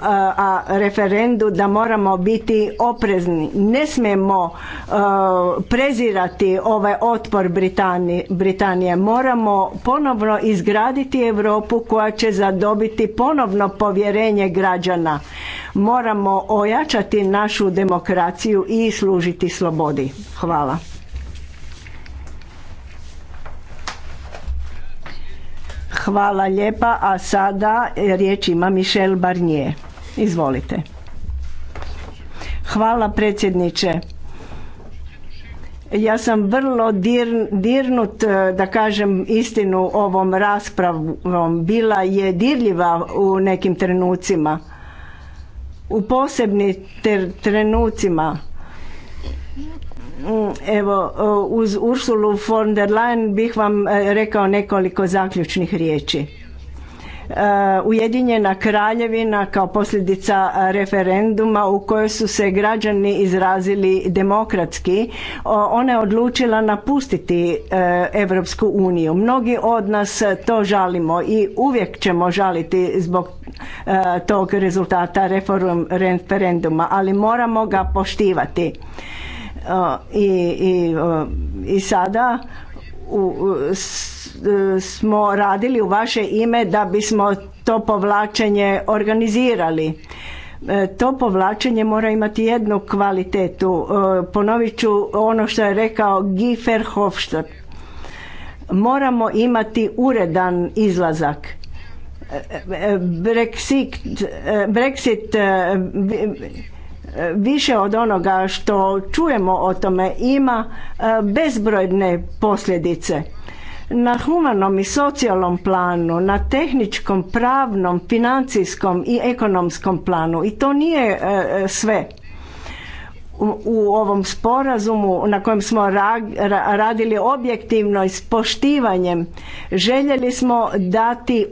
referendu da moramo biti oprezni. Ne smijemo prezirati ovaj otpor Britanije. Moramo ponovno izgraditi Europu koja će zadobiti ponovno povjerenje građana. Moramo ojačati našu demokraciju i služiti slobodi. Hvala. Hvala lijepa, a sada riječ ima Michel Barnier. Izvolite. Hvala predsjedniče. Ja sam vrlo dirnut, eh, da kažem istinu, ovom raspravom. Bila je dirljiva u nekim trenucima. U posebnim trenucima Mm, evo, uz Ursulu von der Leyen bih vam e, rekao nekoliko zaključnih riječi. E, Ujedinjena kraljevina kao posljedica referenduma u kojoj su se građani izrazili demokratski, ona je odlučila napustiti Europsku uniju. Mnogi od nas to žalimo i uvijek ćemo žaliti zbog e, tog rezultata referenduma, ali moramo ga poštivati i, i, e, i sada e, smo radili u vaše ime da bismo to povlačenje organizirali. E, to povlačenje mora imati jednu kvalitetu. Ponovit ću ono što je rekao Gifer Hofstadt. Moramo imati uredan izlazak. Brexit, Brexit više od onoga što čujemo o tome ima e, bezbrojne posljedice na humanom i socijalnom planu, na tehničkom, pravnom, financijskom i ekonomskom planu i to nije e, sve u ovom sporazumu na kojem smo radili objektivno i s poštivanjem željeli smo dati e,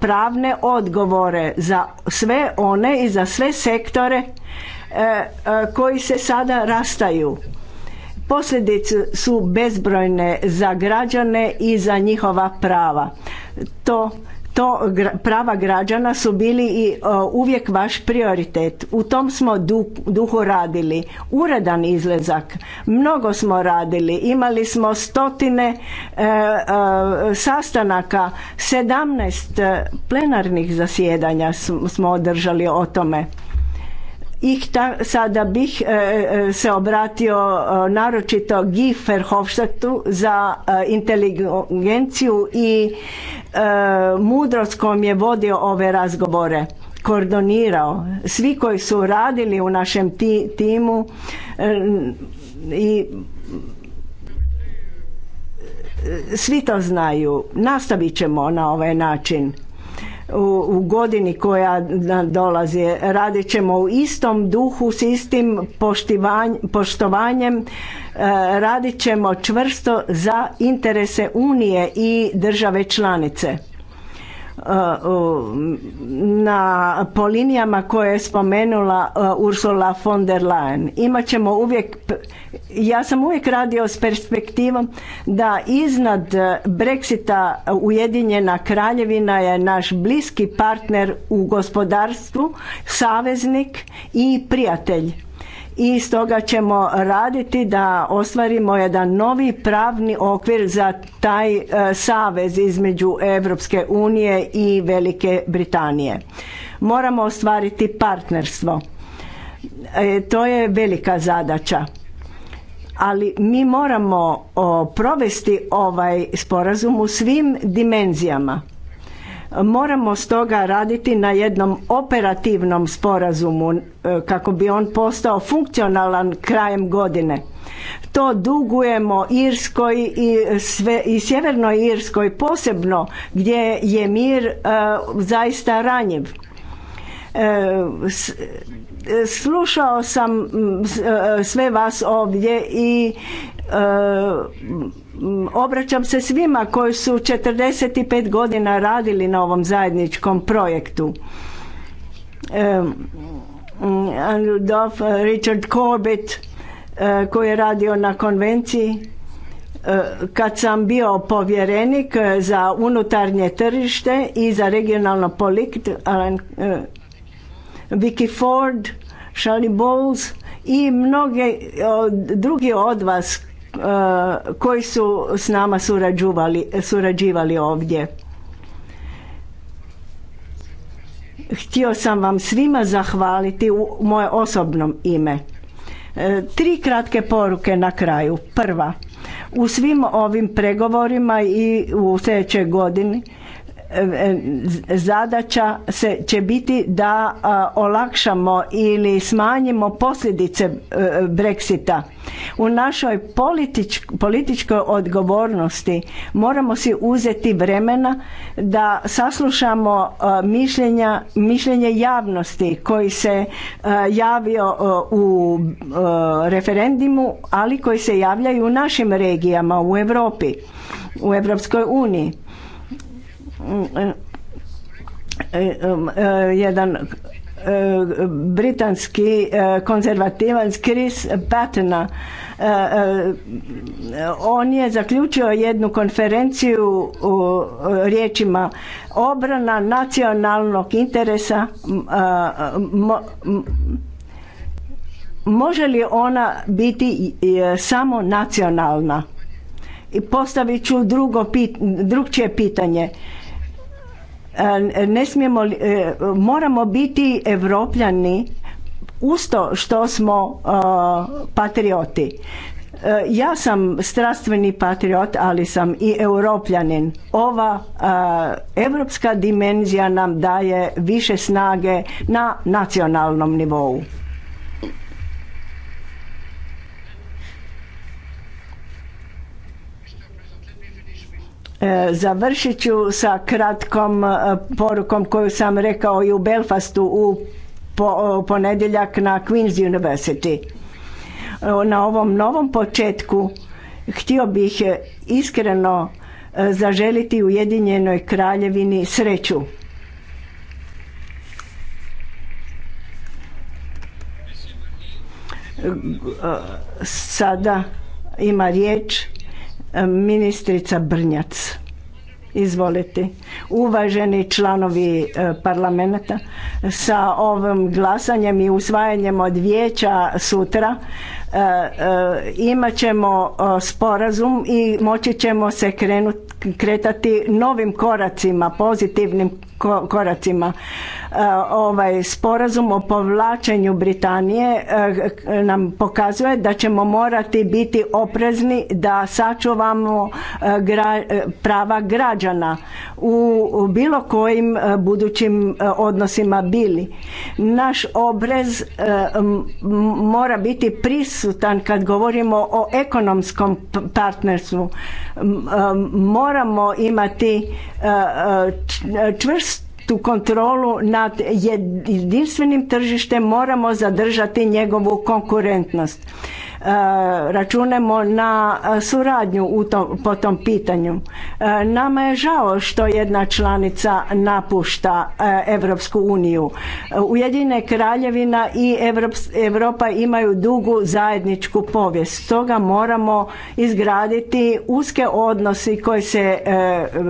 pravne odgovore za sve one i za sve sektore E, e, koji se sada rastaju. Posljedice su bezbrojne za građane i za njihova prava. To to prava građana su bili i e, uvijek vaš prioritet. U tom smo duhu radili. Uredan izlezak. Mnogo smo radili. Imali smo stotine sastanaka, 17 plenarnih zasjedanja smo održali o tome i sada bih e, e, se obratio e, naročito Guy Verhofstadtu za inteligenciju i mudrost kojom je vodio ove razgovore koordinirao svi koji su radili u našem timu i svi to znaju nastavit ćemo na ovaj način u, godini koja dolazi. Radit ćemo u istom duhu, s istim poštovanjem, e, radit ćemo čvrsto za interese Unije i države članice Uh, na po linijama koje je spomenula uh, Ursula von der Leyen. Imat ćemo uvijek, ja sam uvijek radio s perspektivom da iznad uh, Brexita Ujedinjena Kraljevina je naš bliski partner u gospodarstvu, saveznik i prijatelj i stoga ćemo raditi da ostvarimo jedan novi pravni okvir za taj e, savez između Europske unije i Velike Britanije. Moramo ostvariti partnerstvo. E, to je velika zadaća. Ali mi moramo provesti ovaj sporazum u svim dimenzijama Moramo stoga raditi na jednom operativnom sporazumu e, kako bi on postao funkcionalan krajem godine. To dugujemo Irskoj i, sve, i Sjevernoj Irskoj posebno gdje je mir e, zaista ranjiv. E, e slušao sam sve vas ovdje i Obraćam se svima koji su 45 godina radili na ovom zajedničkom projektu. Andrew Richard Corbett e, koji je radio na konvenciji e, kad sam bio povjerenik e, za unutarnje tržište i za regionalno politiku Vicky Ford, Charlie Bowles i mnoge drugi od vas Eh, koji su s nama surađivali ovdje. Htio sam vam svima zahvaliti u moje osobnom ime. Eh, tri kratke poruke na kraju. Prva, u svim ovim pregovorima i u sljedećoj godini E, e, zadaća se, će biti da olakšamo ili smanjimo posljedice e, Brexita. U našoj političkoj odgovornosti moramo si uzeti vremena da saslušamo mišljenja, mišljenje javnosti koji se javio u referendumu, ali koji se javljaju u našim regijama u Europi, u Europskoj uniji Mm, e, e, e, jedan britanski konzervativac Chris Patton On je zaključio jednu konferenciju u riječima obrana nacionalnog interesa može li ona biti samo nacionalna? I postavit ću drugo, pitanje E, ne smijemo, e, moramo biti evropljani usto što smo e, patrioti. Ja sam strastveni patriot, ali sam i europljanin. Ova europska dimenzija nam daje više snage na nacionalnom nivou. E, završit ću sa kratkom e, porukom koju sam rekao i u Belfastu u e, ponedjeljak na Queen's University. Na ovom novom početku htio bih iskreno zaželiti Ujedinjenoj kraljevini sreću. Sada ima riječ E, ministrica Brnjac. Izvolite. Uvaženi članovi e, parlamenta, sa ovim glasanjem i usvajanjem od vijeća sutra e, imat ćemo sporazum i moći ćemo se kretati novim koracima, pozitivnim koracima. E, ovaj sporazum o povlačenju Britanije e, nam pokazuje da ćemo morati biti oprezni da sačuvamo e, prava građana u bilo kojim budućim odnosima bili. Naš obrez mora biti prisutan kad govorimo o ekonomskom partnerstvu. Moramo imati čvrst tu kontrolu nad jedinstvenim tržištem moramo zadržati njegovu konkurentnost E, računemo na suradnju u tom, po tom pitanju. E, nama je žao što jedna članica napušta Europsku uniju. Ujedine kraljevina i Europa imaju dugu zajedničku povijest. Stoga moramo izgraditi uske odnosi koji se e,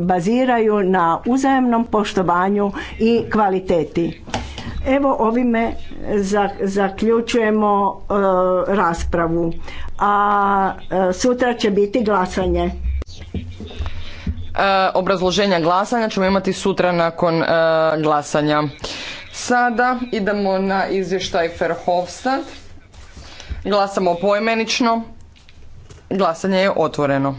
baziraju na uzajemnom poštovanju i kvaliteti. Evo ovime zaključujemo e, raspravu, a e, sutra će biti glasanje. E, obrazloženja glasanja ćemo imati sutra nakon glasanja. Sada idemo na izvještaj Ferhofstad. Glasamo poimenično. Glasanje je otvoreno.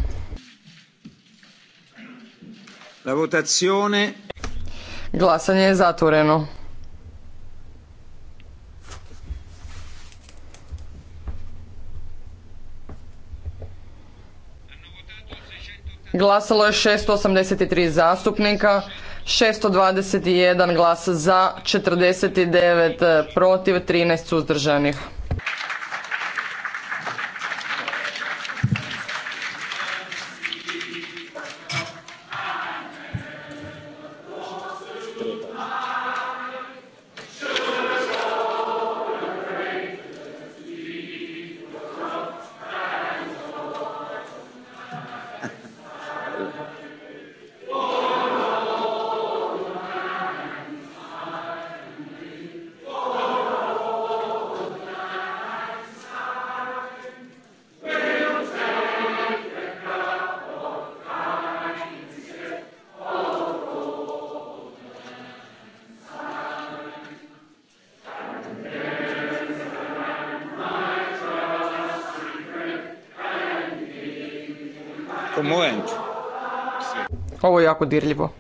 Glasanje je zatvoreno. Glasalo je 683 zastupnika, 621 glas za, 49 eh, protiv, 13 suzdržanih. jako dirljivo.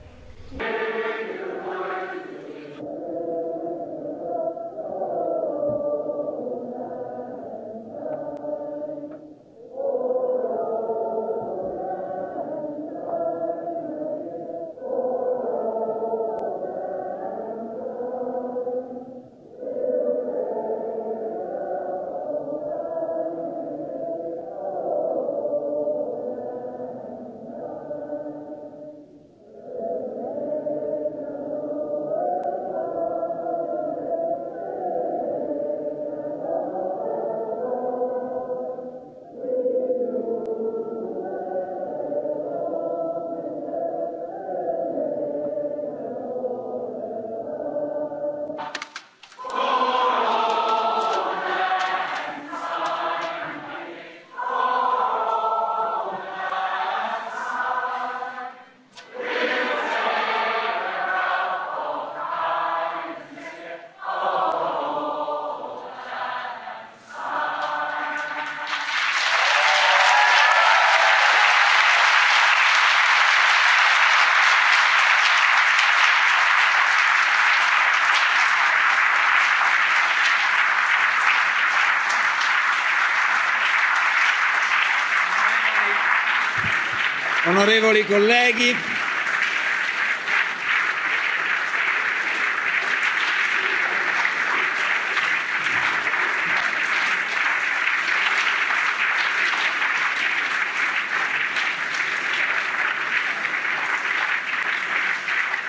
Onorevoli colleghi,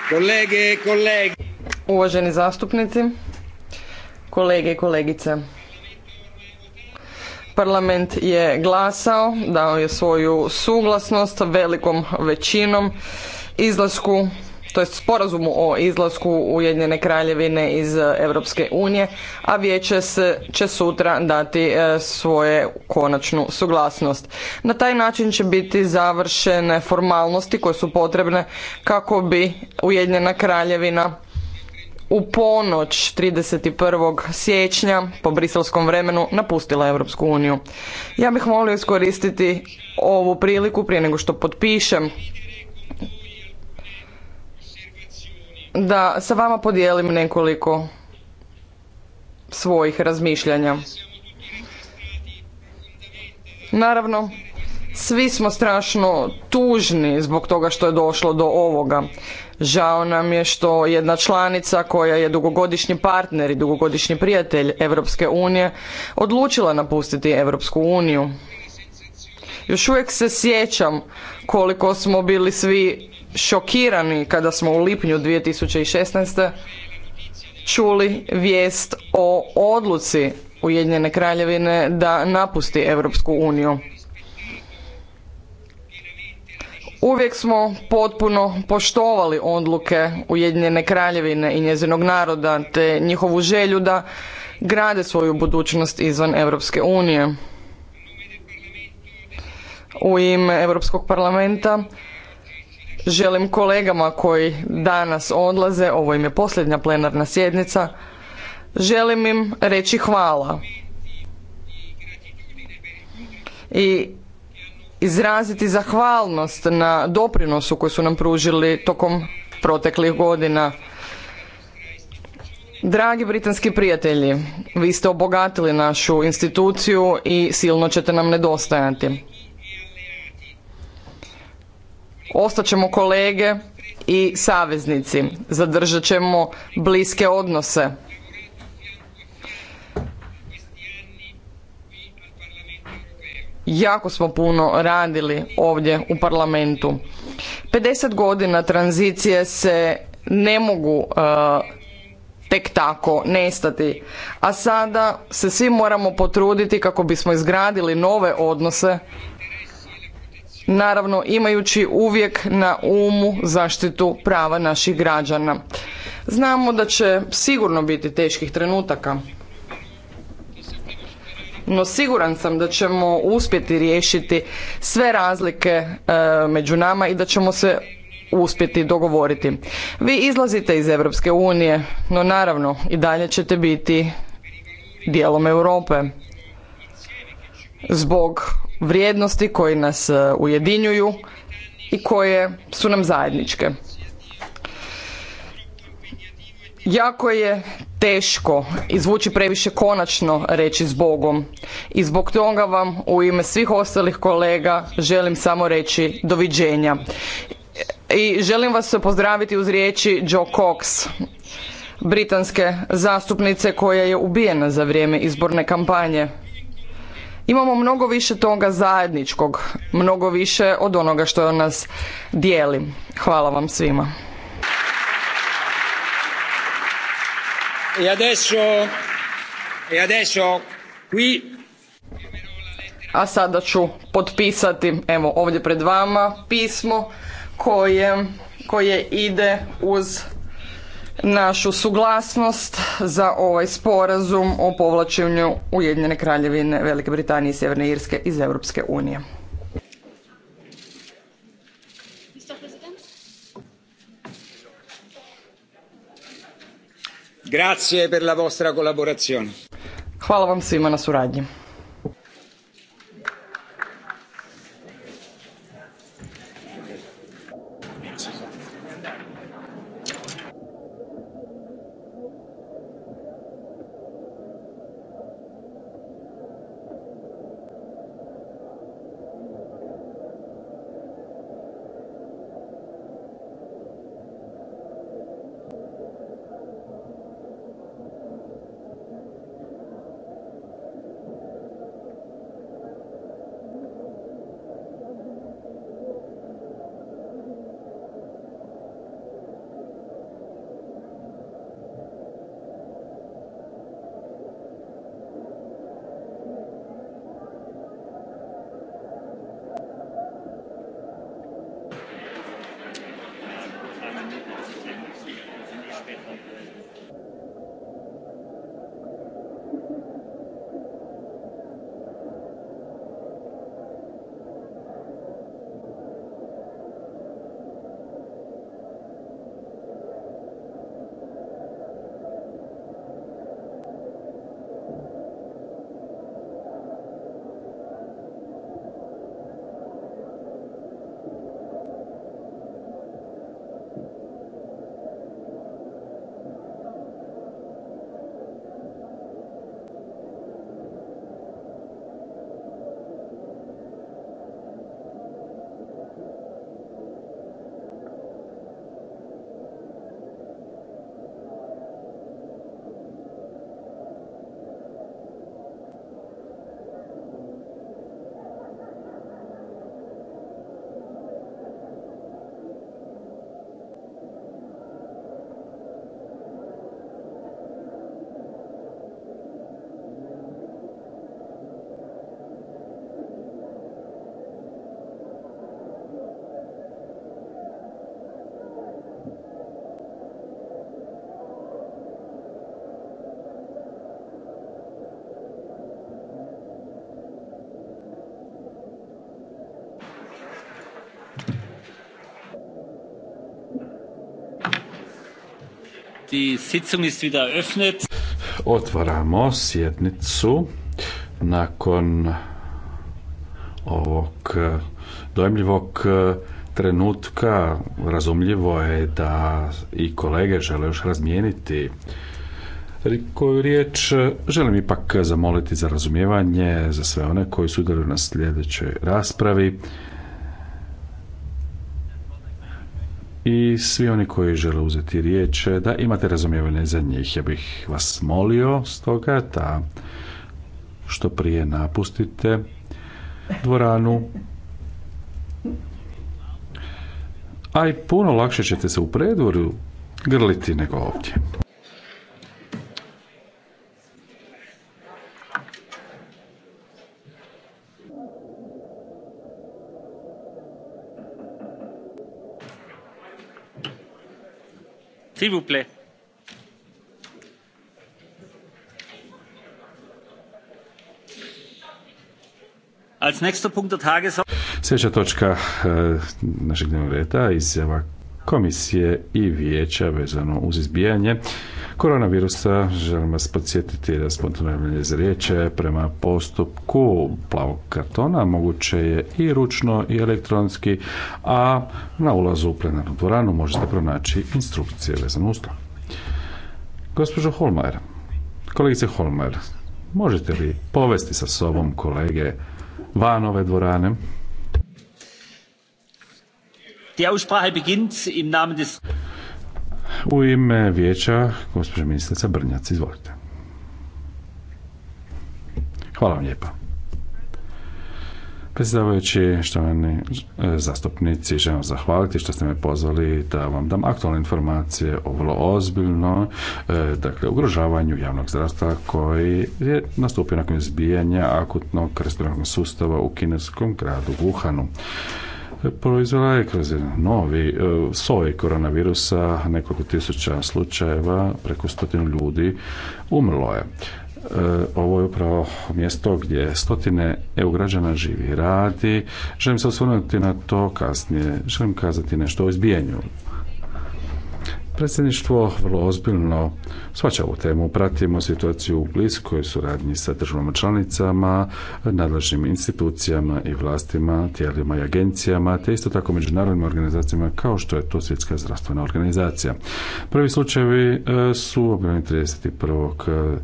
kolege i e kolege Uvaženi zastupnici, kolege i kolegice. Parlament je glasao, dao je svoju suglasnost velikom većinom izlasku to je sporazumu o izlasku Ujedinjene kraljevine iz Europske unije, a vijeće će sutra dati e, svoje konačnu suglasnost. Na taj način će biti završene formalnosti koje su potrebne kako bi Ujedinjena kraljevina u ponoć 31. siječnja po briselskom vremenu napustila Europsku uniju. Ja bih molio iskoristiti ovu priliku prije nego što potpišem da sa vama podijelim nekoliko svojih razmišljanja. Naravno, svi smo strašno tužni zbog toga što je došlo do ovoga. Žao nam je što jedna članica koja je dugogodišnji partner i dugogodišnji prijatelj Europske unije odlučila napustiti Europsku uniju. Još uvijek se sjećam koliko smo bili svi šokirani kada smo u lipnju 2016. čuli vijest o odluci Ujedinjene kraljevine da napusti Europsku uniju. Uvijek smo potpuno poštovali odluke Ujedinjene kraljevine i njezinog naroda te njihovu želju da grade svoju budućnost izvan Europske unije. U ime Europskog parlamenta želim kolegama koji danas odlaze, ovo im je posljednja plenarna sjednica, želim im reći hvala. I izraziti zahvalnost na doprinosu koji su nam pružili tokom proteklih godina. Dragi britanski prijatelji, vi ste obogatili našu instituciju i silno ćete nam nedostajati. Ostaćemo kolege i saveznici, zadržat ćemo bliske odnose jako smo puno radili ovdje u parlamentu. 50 godina tranzicije se ne mogu e, tek tako nestati. A sada se svi moramo potruditi kako bismo izgradili nove odnose, naravno imajući uvijek na umu zaštitu prava naših građana. Znamo da će sigurno biti teških trenutaka, no siguran sam da ćemo uspjeti riješiti sve razlike e, među nama i da ćemo se uspjeti dogovoriti. Vi izlazite iz Europske unije, no naravno i dalje ćete biti dijelom Europe. Zbog vrijednosti koje nas e, ujedinjuju i koje su nam zajedničke. Jako je teško izvući previše konačno reći zbogom i zbog toga vam u ime svih ostalih kolega želim samo reći doviđenja. I želim vas pozdraviti uz riječi Joe Cox, britanske zastupnice koja je ubijena za vrijeme izborne kampanje. Imamo mnogo više toga zajedničkog, mnogo više od onoga što nas dijeli. Hvala vam svima. E e A sada ću potpisati, evo ovdje pred vama, pismo koje, koje ide uz našu suglasnost za ovaj sporazum o povlačenju Ujedinjene kraljevine Velike Britanije i Sjeverne Irske iz Europske unije. Grazie per la vostra collaborazione. Hvala vam svima na suradnji. Die Otvaramo sjednicu nakon ovog dojemljivog trenutka. Razumljivo je da i kolege žele još razmijeniti koju riječ želim ipak zamoliti za razumijevanje za sve one koji sudjeluju na sljedećoj raspravi. i svi oni koji žele uzeti riječ e, da imate razumijevanje za njih. Ja bih vas molio stoga da što prije napustite dvoranu a i puno lakše ćete se u predvoru grliti nego ovdje. Sljedeća točka e, našeg dnevnog reda izjava komisije i vijeća vezano uz izbijanje Koronavirusa, želim vas podsjetiti da spontano za riječi prema postupku plavog kartona moguće je i ručno i elektronski, a na ulazu u plenarnu dvoranu možete pronaći instrukcije vezano uz to. Gospođo Holmajer, kolegice Holmajer, možete li povesti sa sobom kolege van ove dvorane? Die Aussprache beginnt im Namen des u ime vijeća, gospođa ministrica Brnjac, izvolite. Hvala vam lijepa. Predsjedavajući, štovani e, zastupnici, želim zahvaliti što ste me pozvali da vam dam aktualne informacije o vrlo ozbiljno, e, dakle, ugrožavanju javnog zdravstva koji je nastupio nakon izbijanja akutnog respiratornog sustava u kineskom gradu Wuhanu proizvela je kroz novi e, soj koronavirusa nekoliko tisuća slučajeva, preko stotinu ljudi umrlo je. E, ovo je upravo mjesto gdje stotine EU građana živi i radi. Želim se osvrnuti na to kasnije. Želim kazati nešto o izbijanju Predsjedništvo vrlo ozbiljno svača ovu temu. Pratimo situaciju u bliskoj suradnji sa državama članicama, nadležnim institucijama i vlastima, tijelima i agencijama, te isto tako međunarodnim organizacijama kao što je to Svjetska zdravstvena organizacija. Prvi slučajevi eh, su objavljeni 31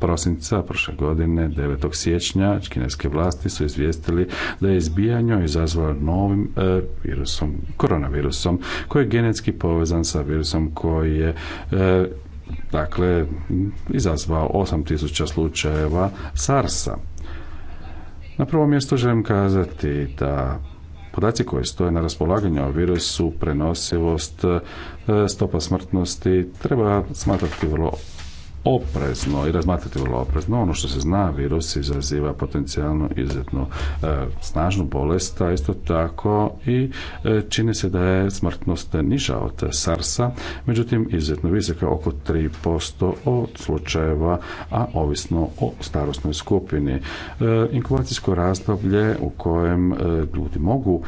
prosinca prošle godine, 9. siječnja, kineske vlasti su izvijestili da je izbijanje izazvalo novim e, virusom, koronavirusom, koji je genetski povezan sa virusom koji je e, dakle izazvao 8000 slučajeva SARS-a. Na prvom mjestu želim kazati da Podaci koji stoje na raspolaganju o virusu, prenosivost, e, stopa smrtnosti treba smatrati vrlo oprezno i razmatrati vrlo oprezno. Ono što se zna, virus izaziva potencijalno izuzetno e, snažnu bolest, a isto tako i e, čini se da je smrtnost niža od SARS-a, međutim izuzetno visoka oko 3% od slučajeva, a ovisno o starosnoj skupini. E, inkubacijsko razdoblje u kojem e, ljudi mogu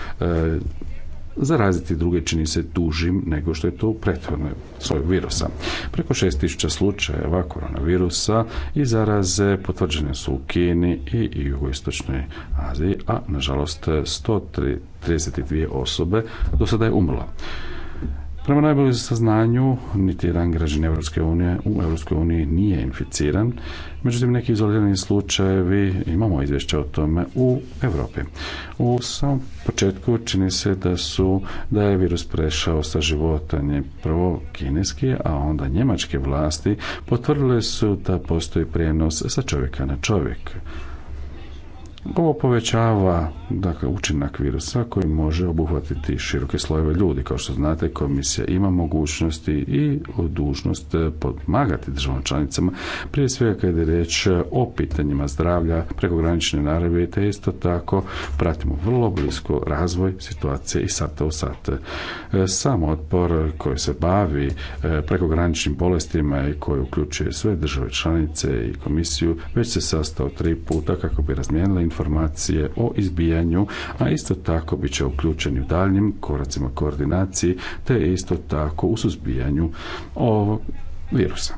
zaraziti druge čini se dužim nego što je to u prethodnoj svojeg virusa. Preko 6000 slučajeva koronavirusa i zaraze potvrđene su u Kini i jugoistočnoj Aziji, a nažalost 132 osobe do sada je umrlo. Prema najboljem saznanju, niti jedan građan Europske unije u Europskoj uniji nije inficiran, međutim neki izolirani slučajevi imamo izvješće o tome u Europi. U samom početku čini se da su da je virus prešao sa životanje prvo kineske, a onda njemačke vlasti potvrdile su da postoji prijenos sa čovjeka na čovjek. Ovo povećava dakle, učinak virusa koji može obuhvatiti široke slojeve ljudi. Kao što znate, komisija ima mogućnosti i dužnost podmagati državama članicama, prije svega kada je riječ o pitanjima zdravlja, prekogranične naravi, te isto tako pratimo vrlo blisko razvoj situacije i sata u sat. E, sam odbor koji se bavi e, prekograničnim bolestima i koji uključuje sve države članice i komisiju, već se sastao tri puta kako bi razmijenili informacije o izbijanju, a isto tako bit će uključeni u daljnjim koracima koordinaciji, te isto tako u suzbijanju ovog virusa.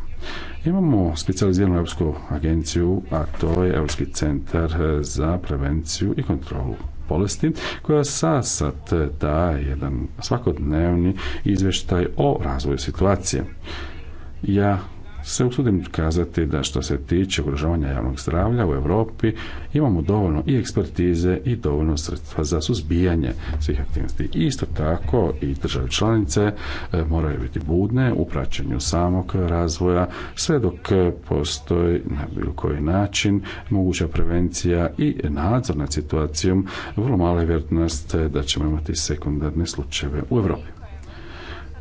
Imamo specijaliziranu Europsku agenciju, a to je Europski centar za prevenciju i kontrolu bolesti koja sasad daje jedan svakodnevni izvještaj o razvoju situacije. Ja se usudim kazati da što se tiče ugrožavanja javnog zdravlja u Europi imamo dovoljno i ekspertize i dovoljno sredstva za suzbijanje svih aktivnosti. Isto tako i države članice e, moraju biti budne u praćenju samog razvoja sve dok postoji na bilo koji način moguća prevencija i nadzor nad situacijom vrlo male je da ćemo imati sekundarne slučajeve u Europi.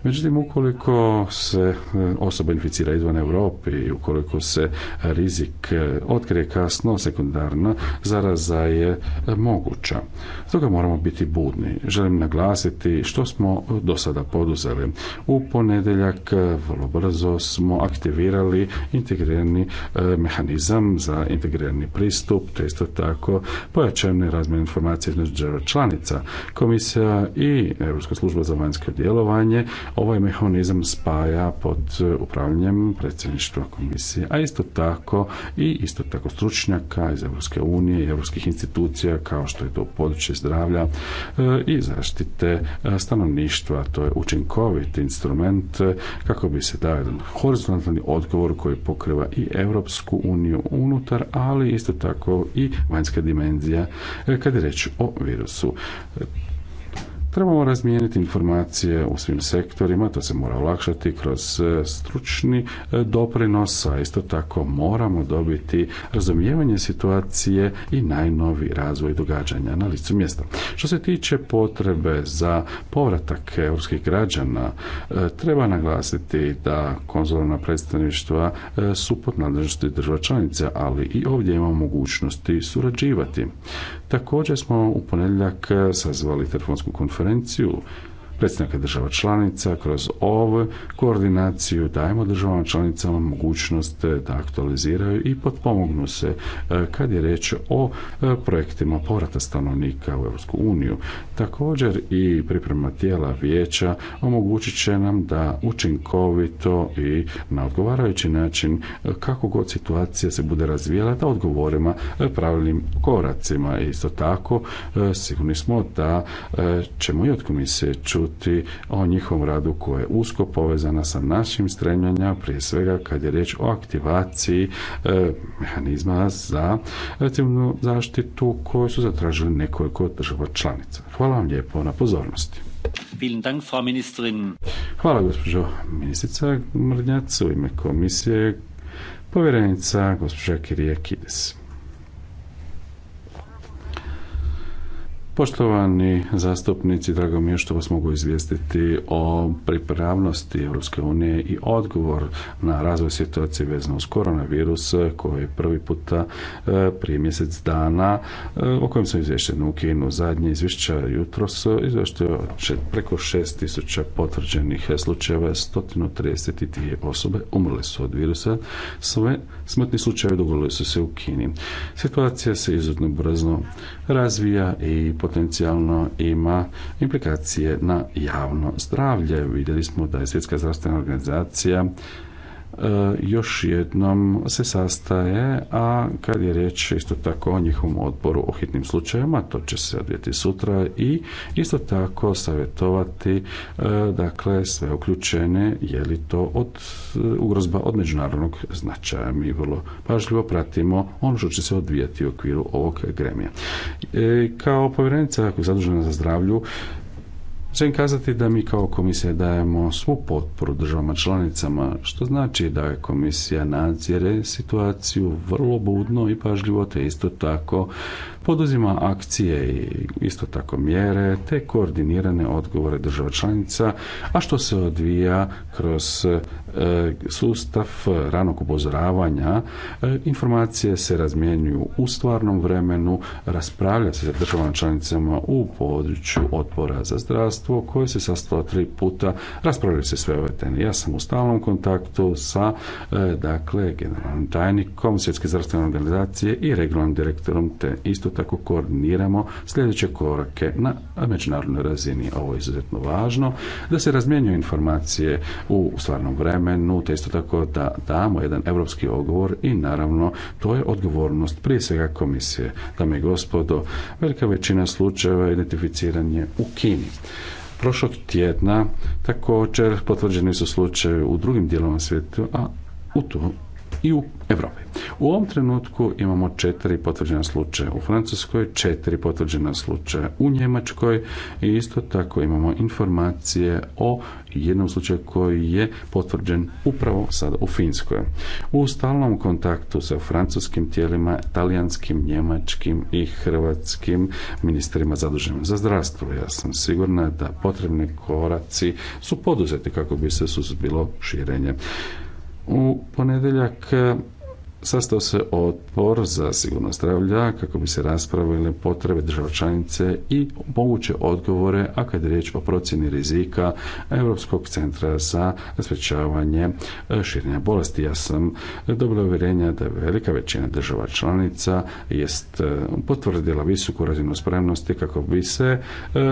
Međutim, ukoliko se e, osoba inficira izvan Europe i ukoliko se rizik e, otkrije kasno, sekundarna zaraza je e, moguća. Stoga moramo biti budni. Želim naglasiti što smo do sada poduzeli. U ponedjeljak vrlo brzo smo aktivirali integrirani mehanizam za integrirani pristup, te isto tako pojačane razmjene informacije između članica. Komisija i Europska služba za vanjsko djelovanje Ovaj mehanizam spaja pod e, upravljanjem predsjedništva komisije, a isto tako i isto tako stručnjaka iz Europske unije i europskih institucija kao što je to područje zdravlja e, i zaštite e, stanovništva. To je učinkovit instrument kako bi se dao jedan horizontalni odgovor koji pokriva i Europsku uniju unutar, ali isto tako i vanjska dimenzija kad je reč o virusu. Trebamo razmijeniti informacije u svim sektorima, to se mora olakšati kroz e, stručni e, doprinos, a isto tako moramo dobiti razumijevanje situacije i najnovi razvoj događanja na licu mjesta. Što se tiče potrebe za povratak europskih građana, e, treba naglasiti da konzularna predstavništva su pod nadležnosti država članica, ali i ovdje imamo mogućnosti surađivati. Također smo u ponedjeljak eh, sazvali telefonsku konferenciju predstavnika država članica kroz ovu koordinaciju dajemo državama članicama mogućnost da aktualiziraju i potpomognu se e, kad je reč o e, projektima povrata stanovnika u Europsku uniju. Također i priprema tijela vijeća omogućit će nam da učinkovito i na odgovarajući način e, kako god situacija se bude razvijala da odgovorima pravilnim koracima. Isto tako sigurni smo da ćemo i od komisije čuti čuti o njihovom radu koja je usko povezana sa našim stremljenja, prije svega kad je riječ o aktivaciji e, mehanizma za e, civilnu zaštitu koju su zatražili nekoliko država članica. Hvala vam lijepo na pozornosti. Hvala gospođo ministrica Mrnjac u ime komisije povjerenica gospođa Kirija Kides. Poštovani zastupnici, drago mi je što vas mogu izvijestiti o pripravnosti Europske unije i odgovor na razvoj situacije vezano uz koronavirus koji je prvi puta e, prije mjesec dana e, o kojem sam izvješten u Kinu. Zadnje izvješća jutros izvještio preko 6000 potvrđenih slučajeva, 132 osobe umrle su od virusa. Sve smrtni slučajevi dogodili su se u Kini. Situacija se izuzetno brzo razvija i potencijalno ima implikacije na javno zdravlje. Vidjeli smo da je Svjetska zdravstvena organizacija E, još jednom se sastaje, a kad je riječ isto tako o njihovom odboru o hitnim slučajevima, to će se odvijeti sutra i isto tako savjetovati e, dakle sve uključene je li to od e, ugrozba od međunarodnog značaja. Mi vrlo pažljivo pratimo ono što će se odvijati u okviru ovog gremija. Kao povjerenica zadužena za zdravlju Želim kazati da mi kao komisija dajemo svu potporu državama članicama, što znači da je komisija nadzire situaciju vrlo budno i pažljivo, te isto tako poduzima akcije i isto tako mjere te koordinirane odgovore država članica, a što se odvija kroz e, sustav ranog upozoravanja. E, informacije se razmjenjuju u stvarnom vremenu, raspravlja se sa državama članicama u području otpora za zdravstvo koje se sastoja tri puta, raspravljaju se sve ove teme. Ja sam u stalnom kontaktu sa e, dakle generalnim tajnikom Svjetske zdravstvene organizacije i regionalnim direktorom te isto tako koordiniramo sljedeće korake na međunarodnoj razini. Ovo je izuzetno važno, da se razmjenjuju informacije u stvarnom vremenu, te isto tako da damo jedan europski odgovor i naravno to je odgovornost prije svega komisije. Dame i gospodo, velika većina slučajeva identificiran je u Kini. Prošlog tjedna također potvrđeni su slučajevi u drugim dijelovima svijeta, a u tu i u Europi. U ovom trenutku imamo četiri potvrđena slučaja u Francuskoj, četiri potvrđena slučaja u Njemačkoj i isto tako imamo informacije o jednom slučaju koji je potvrđen upravo sada u Finskoj. U stalnom kontaktu sa francuskim tijelima, talijanskim, njemačkim i hrvatskim ministrima zaduženim za zdravstvo. Ja sam sigurna da potrebni koraci su poduzeti kako bi se suzbilo širenje u ponedjeljak e, sastao se odbor za sigurnost zdravlja kako bi se raspravile potrebe država članice i moguće odgovore, a kad je riječ o procjeni rizika Europskog centra za sprječavanje e, širenja bolesti. Ja sam dobila uvjerenja da velika većina država članica jest e, potvrdila visoku razinu spremnosti kako bi se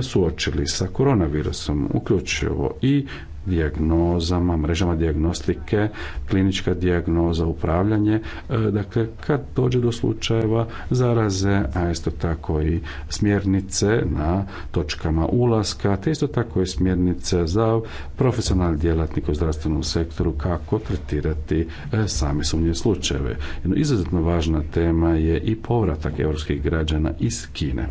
suočili sa koronavirusom, uključivo i dijagnozama, mrežama dijagnostike, klinička dijagnoza, upravljanje, e, dakle kad dođe do slučajeva zaraze, a isto tako i smjernice na točkama ulaska, te isto tako i smjernice za profesionalni djelatnik u zdravstvenom sektoru kako tretirati e, sami sumnje slučajeve. Jedna izuzetno važna tema je i povratak europskih građana iz Kine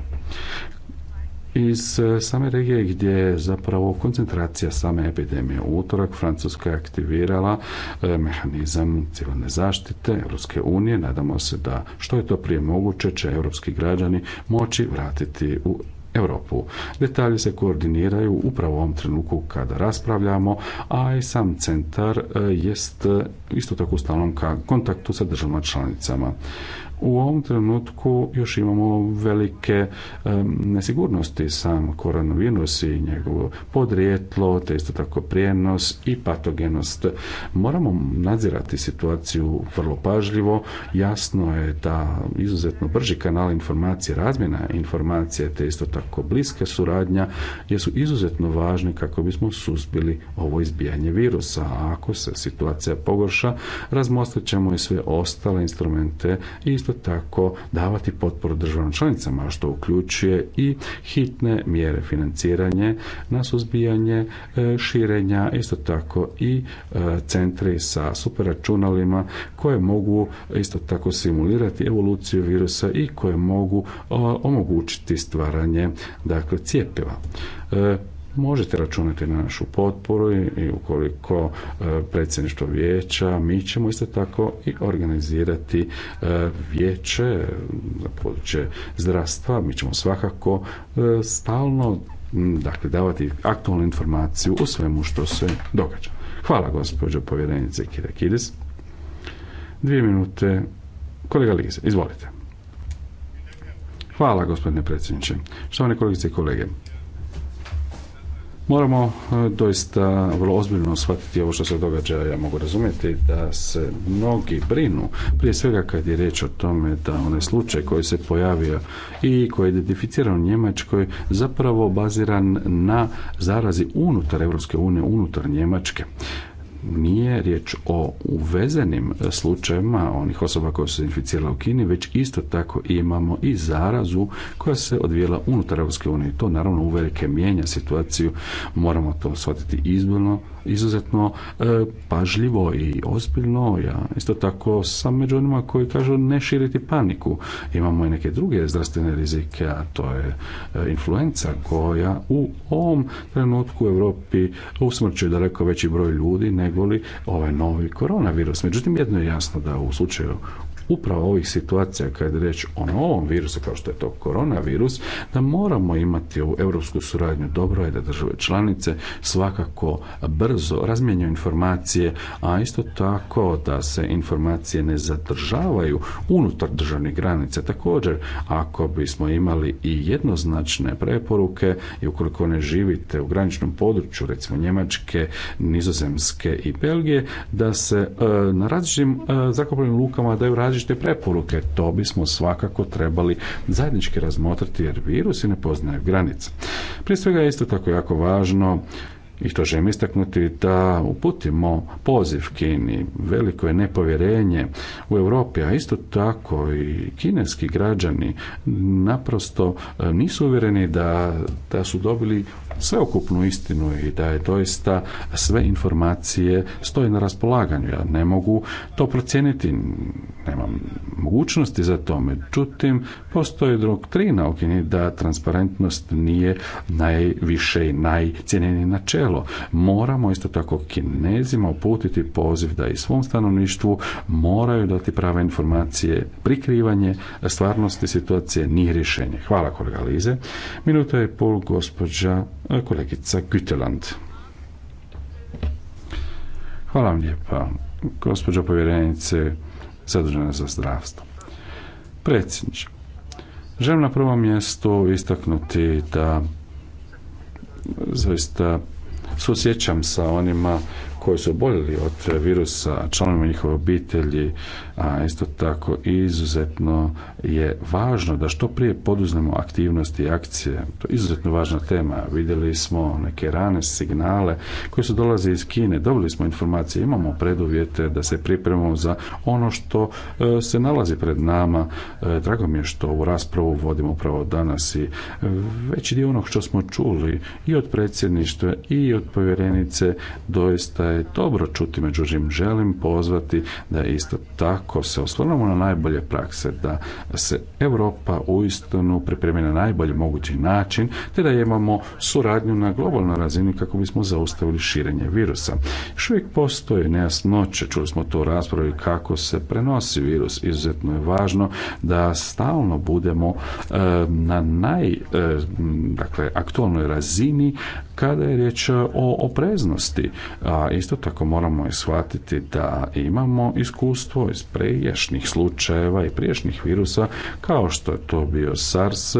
iz e, same regije gdje je zapravo koncentracija same epidemije. U utorak Francuska je aktivirala e, mehanizam civilne zaštite Europske unije. Nadamo se da što je to prije moguće će europski građani moći vratiti u Europu. Detalji se koordiniraju upravo u ovom trenutku kada raspravljamo, a i sam centar e, jest isto tako u stalnom kontaktu sa državama članicama. U ovom trenutku još imamo velike nesigurnosti sam koronavirus i njegovo podrijetlo, te isto tako prijenos i patogenost. Moramo nadzirati situaciju vrlo pažljivo. Jasno je da izuzetno brži kanal informacije, razmjena informacije, te isto tako bliska suradnja jesu izuzetno važni kako bismo suzbili ovo izbijanje virusa. ako se situacija pogorša, razmostit ćemo i sve ostale instrumente i isto tako davati potporu državnom članicama, što uključuje i hitne mjere financiranje na suzbijanje e, širenja, isto tako i e, centri sa superračunalima koje mogu isto tako simulirati evoluciju virusa i koje mogu e, omogućiti stvaranje dakle cijepiva možete računati na našu potporu i ukoliko e, predsjedništvo vijeća, mi ćemo isto tako i organizirati e, vijeće za područje zdravstva. Mi ćemo svakako e, stalno dakle, davati aktualnu informaciju o svemu što se događa. Hvala gospođo povjerenice Kidis. Dvije minute. Kolega Lize, izvolite. Hvala gospodine predsjedniče. Štovane kolegice i kolege, Moramo e, doista vrlo ozbiljno shvatiti ovo što se događa. Ja mogu razumjeti da se mnogi brinu, prije svega kad je riječ o tome da onaj slučaj koji se pojavio i koji je identificiran u Njemačkoj zapravo baziran na zarazi unutar Europske unije, unutar Njemačke nije riječ o uvezenim slučajevima onih osoba koje su se inficirale u Kini, već isto tako imamo i zarazu koja se odvijela unutar Europske unije. To naravno uvelike mijenja situaciju, moramo to shvatiti izuzetno e, pažljivo i ozbiljno. Ja isto tako sam među onima koji kažu ne širiti paniku. Imamo i neke druge zdravstvene rizike, a to je e, influenca koja u ovom trenutku u Europi usmrćuje daleko veći broj ljudi nego negoli ovaj novi koronavirus. Međutim, jedno je jasno da u slučaju upravo ovih situacija kad je riječ o novom virusu kao što je to koronavirus, da moramo imati ovu europsku suradnju. Dobro je da države članice svakako brzo razmjenjuju informacije, a isto tako da se informacije ne zadržavaju unutar državnih granica. Također, ako bismo imali i jednoznačne preporuke i ukoliko ne živite u graničnom području, recimo Njemačke, Nizozemske i Belgije, da se e, na različitim e, zakopljenim lukama daju različite različite preporuke. To bismo svakako trebali zajednički razmotriti jer virusi ne poznaju granice. Prije svega je isto tako jako važno i to želim istaknuti da uputimo poziv Kini. Veliko je nepovjerenje u Europi, a isto tako i kineski građani naprosto e, nisu uvjereni da, da su dobili sveukupnu istinu i da je doista sve informacije stoje na raspolaganju. Ja ne mogu to procijeniti, nemam mogućnosti za to, međutim, postoji doktrina u Kini da transparentnost nije najviše i na načelo. Moramo isto tako kinezima uputiti poziv da i svom stanovništvu moraju dati prave informacije. Prikrivanje stvarnosti situacije nije rješenje. Hvala kolega Lize. Minuta je pol gospođa kolegica Güteland. Hvala vam lijepa, gospođo povjerenice zadužena za zdravstvo. Predsjedniče, želim na prvom mjestu istaknuti da zaista susjećam sa onima koji su oboljeli od virusa, članovima njihove obitelji, a isto tako izuzetno je važno da što prije poduznemo aktivnosti i akcije. To je izuzetno važna tema. Vidjeli smo neke rane signale koji su dolaze iz Kine. Dobili smo informacije, imamo preduvjete da se pripremamo za ono što e, se nalazi pred nama. E, drago mi je što u raspravu vodimo upravo danas i veći dio onog što smo čuli i od predsjedništva i od povjerenice doista je dobro čuti, međutim želim pozvati da isto tako se osvrnemo na najbolje prakse, da se Europa uistinu pripremi na najbolji mogući način, te da imamo suradnju na globalnoj razini kako bismo zaustavili širenje virusa. Još uvijek postoje nejasnoće, čuli smo to u raspravi kako se prenosi virus, izuzetno je važno da stalno budemo e, na naj, e, dakle, aktualnoj razini kada je riječ o opreznosti, a isto tako moramo i shvatiti da imamo iskustvo iz priješnjih slučajeva i priješnjih virusa, kao što je to bio SARS,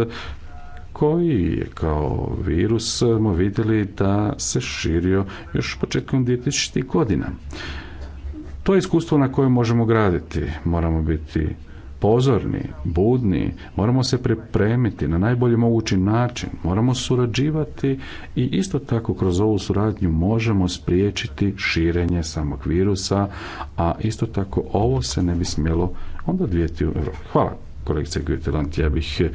koji je kao virus smo vidjeli da se širio još početkom 2000. godina. To je iskustvo na koje možemo graditi. Moramo biti pozorni, budni, moramo se pripremiti na najbolji mogući način, moramo surađivati i isto tako kroz ovu suradnju možemo spriječiti širenje samog virusa, a isto tako ovo se ne bi smjelo onda dvijeti u Europi. Hvala kolegice Gutelant, ja bih eh,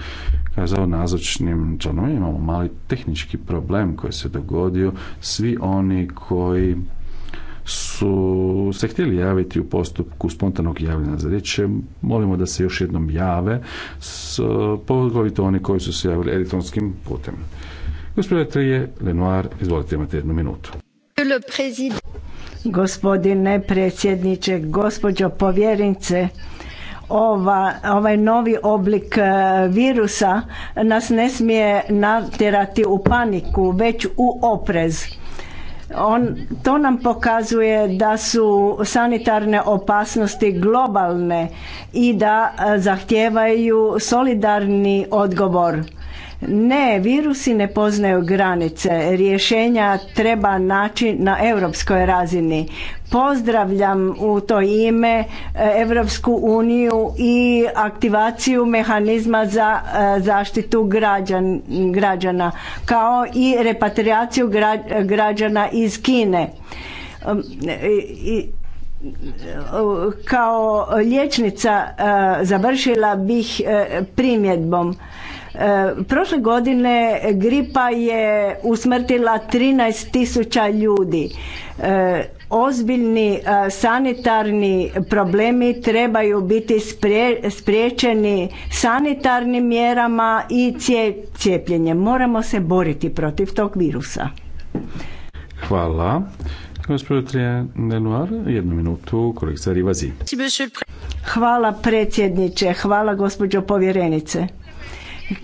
kazao nazočnim članovima, imamo mali tehnički problem koji se dogodio. Svi oni koji su se htjeli javiti u postupku spontanog javljanja za riječ. Molimo da se još jednom jave, s, poglavito oni koji su se javili elektronskim putem. Gospodine Trije, Lenoir, izvolite, imate jednu minutu. Gospodine predsjedniče, gospođo povjerince, ova, ovaj novi oblik e, virusa nas ne smije natjerati u paniku, već u oprez on, to nam pokazuje da su sanitarne opasnosti globalne i da eh, zahtijevaju solidarni odgovor ne, virusi ne poznaju granice. Rješenja treba naći na europskoj razini. Pozdravljam u to ime Europsku uniju i aktivaciju mehanizma za e, zaštitu građana kao i repatriaciju građana iz Kine. Um, kao liječnica e, završila bih e, primjedbom E, prošle godine gripa je usmrtila 13 tisuća ljudi. E, ozbiljni e, sanitarni problemi trebaju biti spriječeni sanitarnim mjerama i cijepljenjem. Moramo se boriti protiv tog virusa. Hvala. Gospodin jednu minutu, kolegica Rivazi. Hvala predsjedniče, hvala gospođo povjerenice.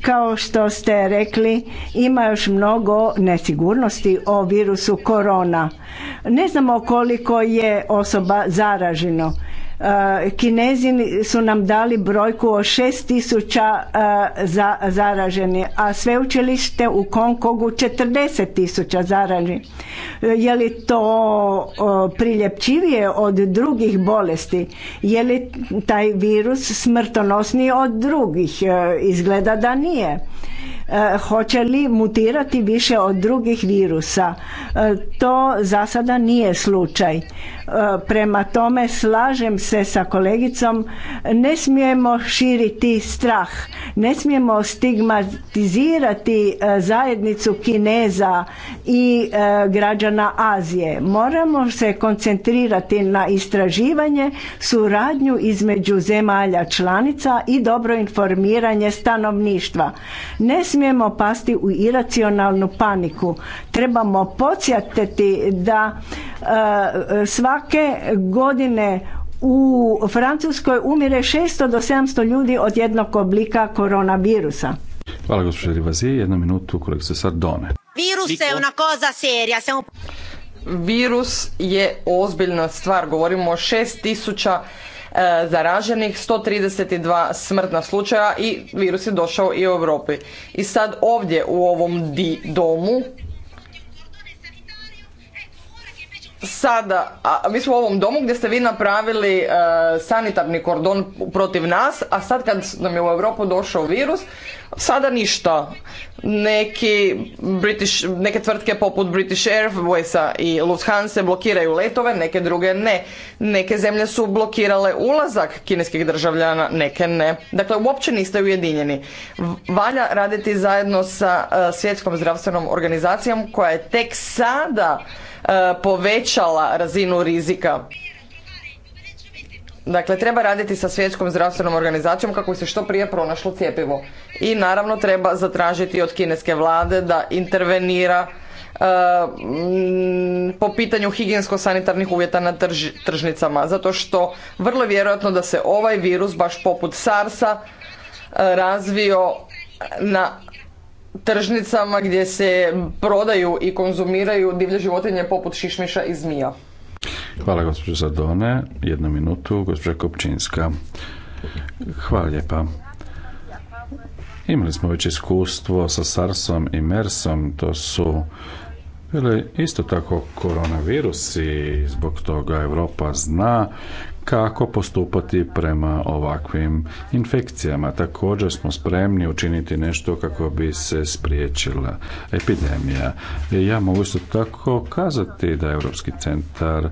Kao što ste rekli, ima još mnogo nesigurnosti o virusu korona. Ne znamo koliko je osoba zaraženo Eh, Kinezi su nam dali brojku o eh, za, zaraženi, a sveučilište u Konkogu tisuća zaraženi. Eh, je li to priljepčivije od drugih bolesti? Je li taj virus smrtonosniji od drugih? Izgleda da nije E, hoće li mutirati više od drugih virusa. E, to za sada nije slučaj. E, prema tome slažem se sa kolegicom, ne smijemo širiti strah, ne smijemo stigmatizirati zajednicu Kineza i građana Azije. Moramo se koncentrirati na istraživanje, suradnju između zemalja članica i dobro informiranje stanovništva. Ne smijemo smijemo pasti u iracionalnu paniku. Trebamo podsjetiti da e, svake godine u Francuskoj umire 600 do 700 ljudi od jednog oblika koronavirusa. Hvala gospođa Rivazi. Jednu minutu se sad done. Virus je una cosa seria. Virus je ozbiljna stvar. Govorimo o 6000 E, zaraženih, 132 smrtna slučaja i virus je došao i u Europi. I sad ovdje u ovom di domu sada, a mi smo u ovom domu gdje ste vi napravili e, sanitarni kordon protiv nas, a sad kad nam je u Europu došao virus, sada ništa. Neki British, neke tvrtke poput British Airwaysa i Lufthansa blokiraju letove, neke druge ne. Neke zemlje su blokirale ulazak kineskih državljana, neke ne. Dakle, uopće niste ujedinjeni. Valja raditi zajedno sa e, svjetskom zdravstvenom organizacijom koja je tek sada E, povećala razinu rizika. Dakle, treba raditi sa svjetskom zdravstvenom organizacijom kako se što prije pronašlo cjepivo. I naravno treba zatražiti od kineske vlade da intervenira e, po pitanju higijensko-sanitarnih uvjeta na tržnicama. Zato što vrlo vjerojatno da se ovaj virus, baš poput SARS-a, e, razvio na tržnicama gdje se prodaju i konzumiraju divlje životinje poput šišmiša i zmija. Hvala gospođo Zadone. Jednu minutu, gospođa Kopčinska. Hvala lijepa. Imali smo već iskustvo sa sarsom i mersom to su bili isto tako koronavirusi, zbog toga Europa zna kako postupati prema ovakvim infekcijama. Također smo spremni učiniti nešto kako bi se spriječila epidemija. Ja mogu isto tako kazati da Europski centar e,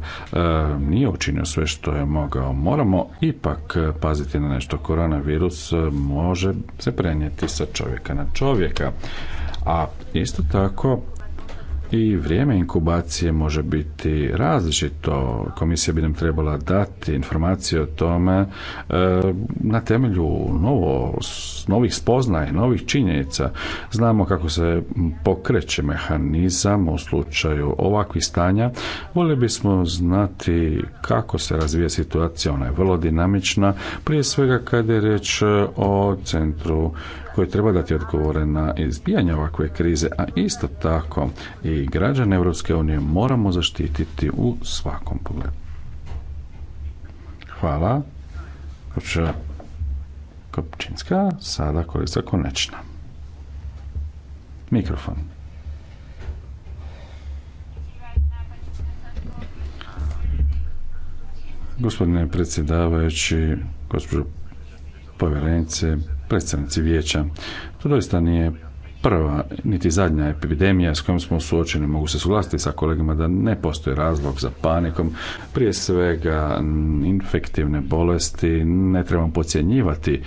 nije učinio sve što je mogao. Moramo ipak paziti na nešto. Koronavirus može se prenijeti sa čovjeka na čovjeka. A isto tako i vrijeme inkubacije može biti različito. Komisija bi nam trebala dati informacije o tome e, na temelju novo, novih spoznaja, novih činjenica. Znamo kako se pokreće mehanizam u slučaju ovakvih stanja. Volje bismo znati kako se razvija situacija. Ona je vrlo dinamična, prije svega kad je riječ o centru koji treba dati odgovore na izbijanje ovakve krize, a isto tako i građane Europske unije moramo zaštititi u svakom pogledu. Hvala. Koča Kopčinska, sada korista konečna. Mikrofon. Gospodine predsjedavajući, gospođo povjerenice, predstavnici vijeća. To doista nije prva niti zadnja epidemija s kojom smo suočeni. Mogu se suglasiti sa kolegama da ne postoji razlog za panikom. Prije svega infektivne bolesti ne trebamo podcjenjivati,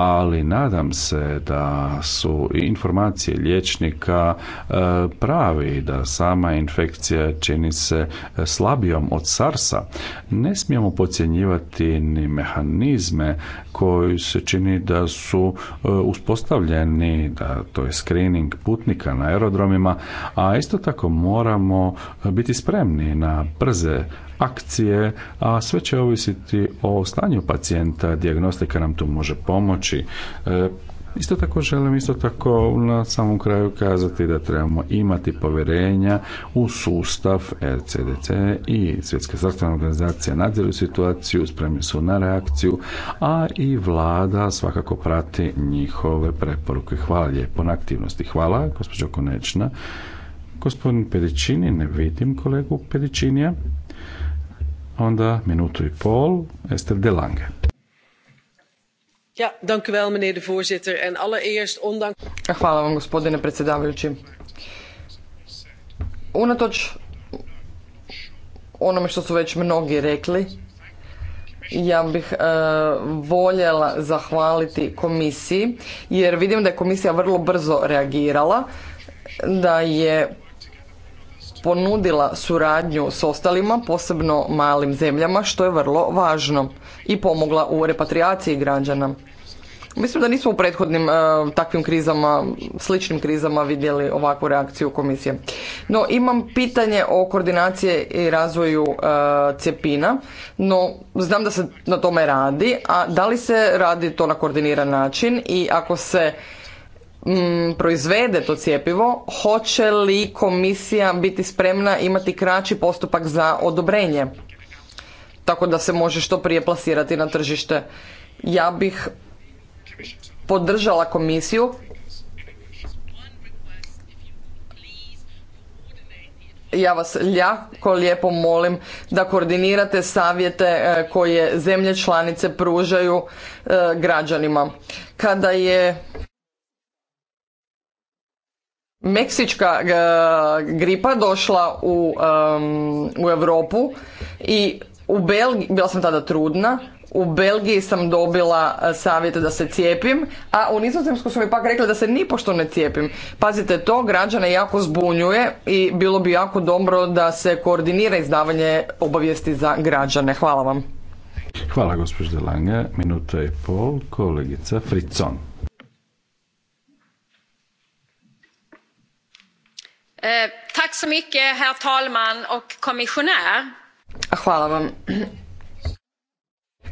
ali nadam se da su informacije liječnika e, pravi, da sama infekcija čini se slabijom od SARS-a. Ne smijemo podcjenjivati ni mehanizme koji se čini da su e, uspostavljeni, da to je screening putnika na aerodromima, a isto tako moramo biti spremni na brze akcije, a sve će ovisiti o stanju pacijenta. Dijagnostika nam tu može pomoći. E, isto tako želim isto tako na samom kraju kazati da trebamo imati povjerenja u sustav RCDC i Svjetska zdravstvena organizacija nadziru situaciju, spremni su na reakciju, a i vlada svakako prati njihove preporuke. Hvala lijepo na aktivnosti. Hvala, gospođo Konečna. Gospodin Pedičini, ne vidim kolegu Pedičinija. Onda minutu i pol, Ester de Lange. Ja, dank u wel, meneer de voorzitter. En allereerst, ondanks... Hvala vam, gospodine predsjedavajući. Unatoč onome što su već mnogi rekli, ja bih e, voljela zahvaliti komisiji jer vidim da je komisija vrlo brzo reagirala, da je ponudila suradnju s ostalima, posebno malim zemljama, što je vrlo važno i pomogla u repatriaciji građana. Mislim da nismo u prethodnim e, takvim krizama, sličnim krizama vidjeli ovakvu reakciju komisije. No, imam pitanje o koordinacije i razvoju e, cjepina, no znam da se na tome radi, a da li se radi to na koordiniran način i ako se Mm, proizvede to cjepivo, hoće li komisija biti spremna imati kraći postupak za odobrenje? Tako da se može što prije plasirati na tržište. Ja bih podržala komisiju ja vas jako lijepo molim da koordinirate savjete e, koje zemlje članice pružaju e, građanima. Kada je Meksička e, gripa došla u, u Europu i u Belgiji, bila sam tada trudna, u Belgiji sam dobila e, savjet da se cijepim, a u Nizozemsku su mi pak rekli da se nipošto ne cijepim. Pazite, to građane jako zbunjuje i bilo bi jako dobro da se koordinira izdavanje obavijesti za građane. Hvala vam. Hvala gospođe Lange, Minuta i pol. Kolegica Fricon. Eh, herr talman Hvala vam.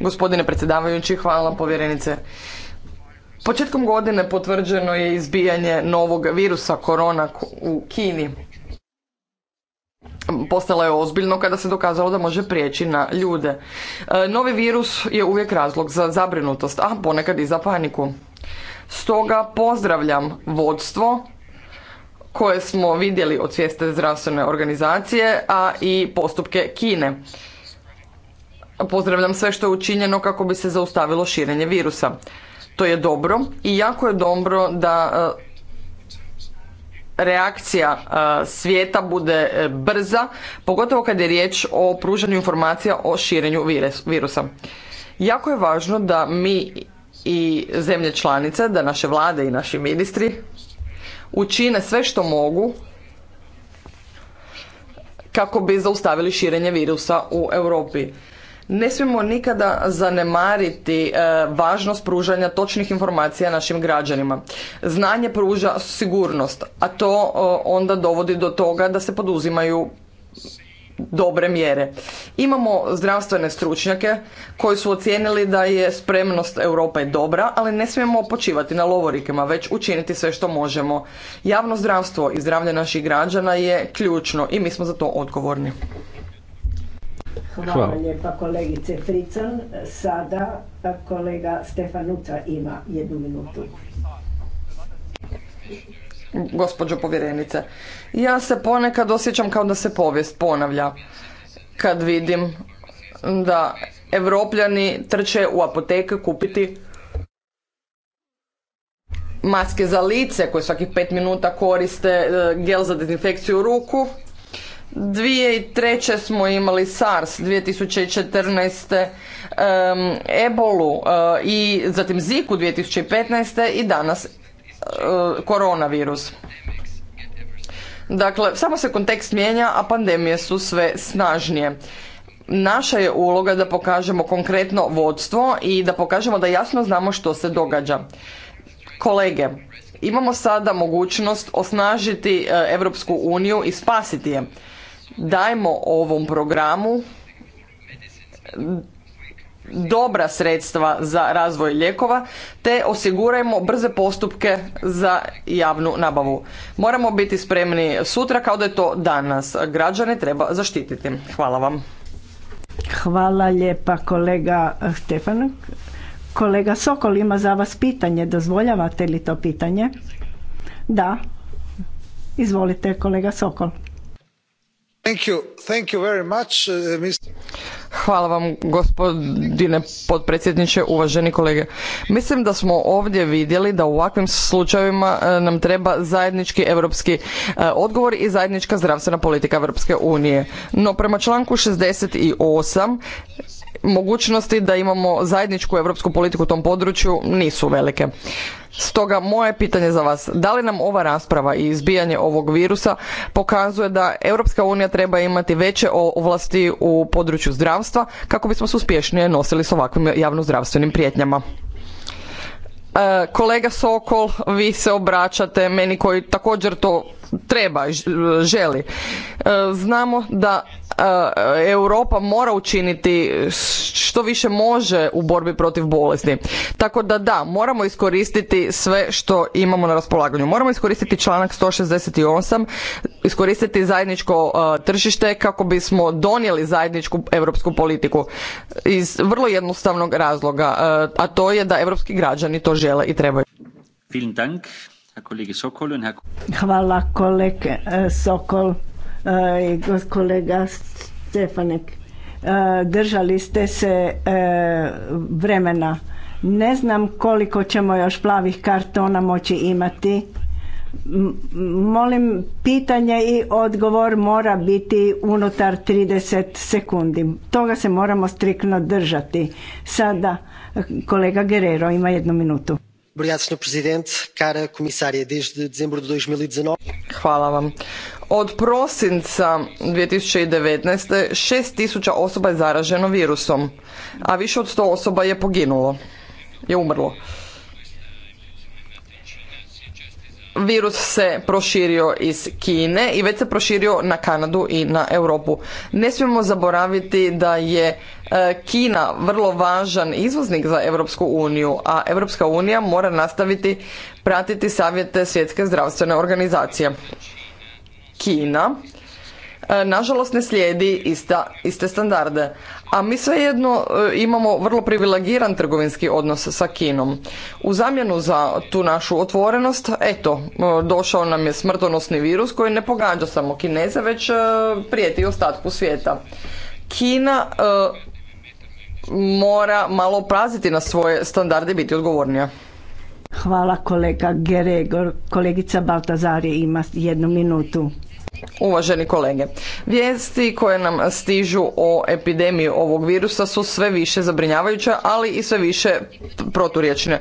Gospodine predsjedavajući, hvala povjerenice. Početkom godine potvrđeno je izbijanje novog virusa korona u Kini. Postalo je ozbiljno kada se dokazalo da može prijeći na ljude. Eh, novi virus je uvijek razlog za zabrinutost, a ponekad i za paniku. Stoga pozdravljam vodstvo koje smo vidjeli od svijeste zdravstvene organizacije, a i postupke Kine. Pozdravljam sve što je učinjeno kako bi se zaustavilo širenje virusa. To je dobro i jako je dobro da e, reakcija e, svijeta bude e, brza, pogotovo kad je riječ o pružanju informacija o širenju virusa. Jako je važno da mi i zemlje članice, da naše vlade i naši ministri učine sve što mogu kako bi zaustavili širenje virusa u Europi. Ne smijemo nikada zanemariti e, važnost pružanja točnih informacija našim građanima. Znanje pruža sigurnost, a to e, onda dovodi do toga da se poduzimaju dobre mjere. Imamo zdravstvene stručnjake koji su ocijenili da je spremnost Europe dobra, ali ne smijemo počivati na lovorikama, već učiniti sve što možemo. Javno zdravstvo i zdravlje naših građana je ključno i mi smo za to odgovorni. Hvala, lijepa kolegice Frican. Sada eh, kolega Stefanuca ima jednu minutu gospođo povjerenice. Ja se ponekad osjećam kao da se povijest ponavlja kad vidim da evropljani trče u apoteke kupiti maske za lice koje svakih pet minuta koriste, e, gel za dezinfekciju ruku. 2003. smo imali SARS, 2014. ebolu e, i zatim Ziku 2015. i danas E, koronavirus. Dakle, samo se kontekst mijenja, a pandemije su sve snažnije. Naša je uloga da pokažemo konkretno vodstvo i da pokažemo da jasno znamo što se događa. Kolege, imamo sada mogućnost osnažiti Europsku uniju i spasiti je. Dajmo ovom programu dobra sredstva za razvoj lijekova te osigurajmo brze postupke za javnu nabavu. Moramo biti spremni sutra kao da je to danas. Građane treba zaštititi. Hvala vam. Hvala lijepa kolega Stefan. Kolega Sokol ima za vas pitanje. Dozvoljavate li to pitanje? Da. Izvolite kolega Sokol. Uh, Hvala vam gospodine potpredsjedniče, uvaženi kolege. Mislim da smo ovdje vidjeli da u ovakvim slučajevima uh, nam treba zajednički europski uh, odgovor i zajednička zdravstvena politika Europske unije. No prema članku 68 mogućnosti da imamo zajedničku europsku politiku u tom području nisu velike. Stoga moje pitanje za vas, da li nam ova rasprava i izbijanje ovog virusa pokazuje da Europska unija treba imati veće ovlasti u području zdravstva kako bismo se uspješnije nosili s ovakvim javnozdravstvenim prijetnjama? E, kolega Sokol, vi se obraćate meni koji također to treba, želi. E, znamo da e, Europa mora učiniti što više može u borbi protiv bolesti. Tako da da, moramo iskoristiti sve što imamo na raspolaganju. Moramo iskoristiti članak 168, iskoristiti zajedničko e, tržište kako bismo donijeli zajedničku europsku politiku iz vrlo jednostavnog razloga, a to je da europski građani to žele i trebaju. Hvala kolege e, Sokol e, i kolega Stefanek. E, držali ste se vremena. Ne znam koliko ćemo još plavih kartona moći imati. Molim, pitanje i odgovor mora biti unutar 30 sekundi. Toga se moramo striktno držati. Sada kolega Guerrero ima jednu minutu gospodine predsjedniče e od prosinca 2019. 6000 osoba je zaraženo virusom a više od 100 osoba je poginulo je umrlo. virus se proširio iz Kine i već se proširio na Kanadu i na Europu. Ne smijemo zaboraviti da je e, Kina vrlo važan izvoznik za Europsku uniju, a Europska unija mora nastaviti pratiti savjete Svjetske zdravstvene organizacije. Kina E, nažalost ne slijedi ista, iste standarde. A mi svejedno e, imamo vrlo privilegiran trgovinski odnos sa Kinom. U zamjenu za tu našu otvorenost, eto, e, došao nam je smrtonosni virus koji ne pogađa samo Kineze, već prijeti ostatku svijeta. Kina mora malo praziti na svoje standarde i biti odgovornija. Hvala kolega Geregor. Kolegica Baltazar ima jednu minutu. Uvaženi kolege, vijesti koje nam stižu o epidemiji ovog virusa su sve više zabrinjavajuće, ali i sve više proturječne.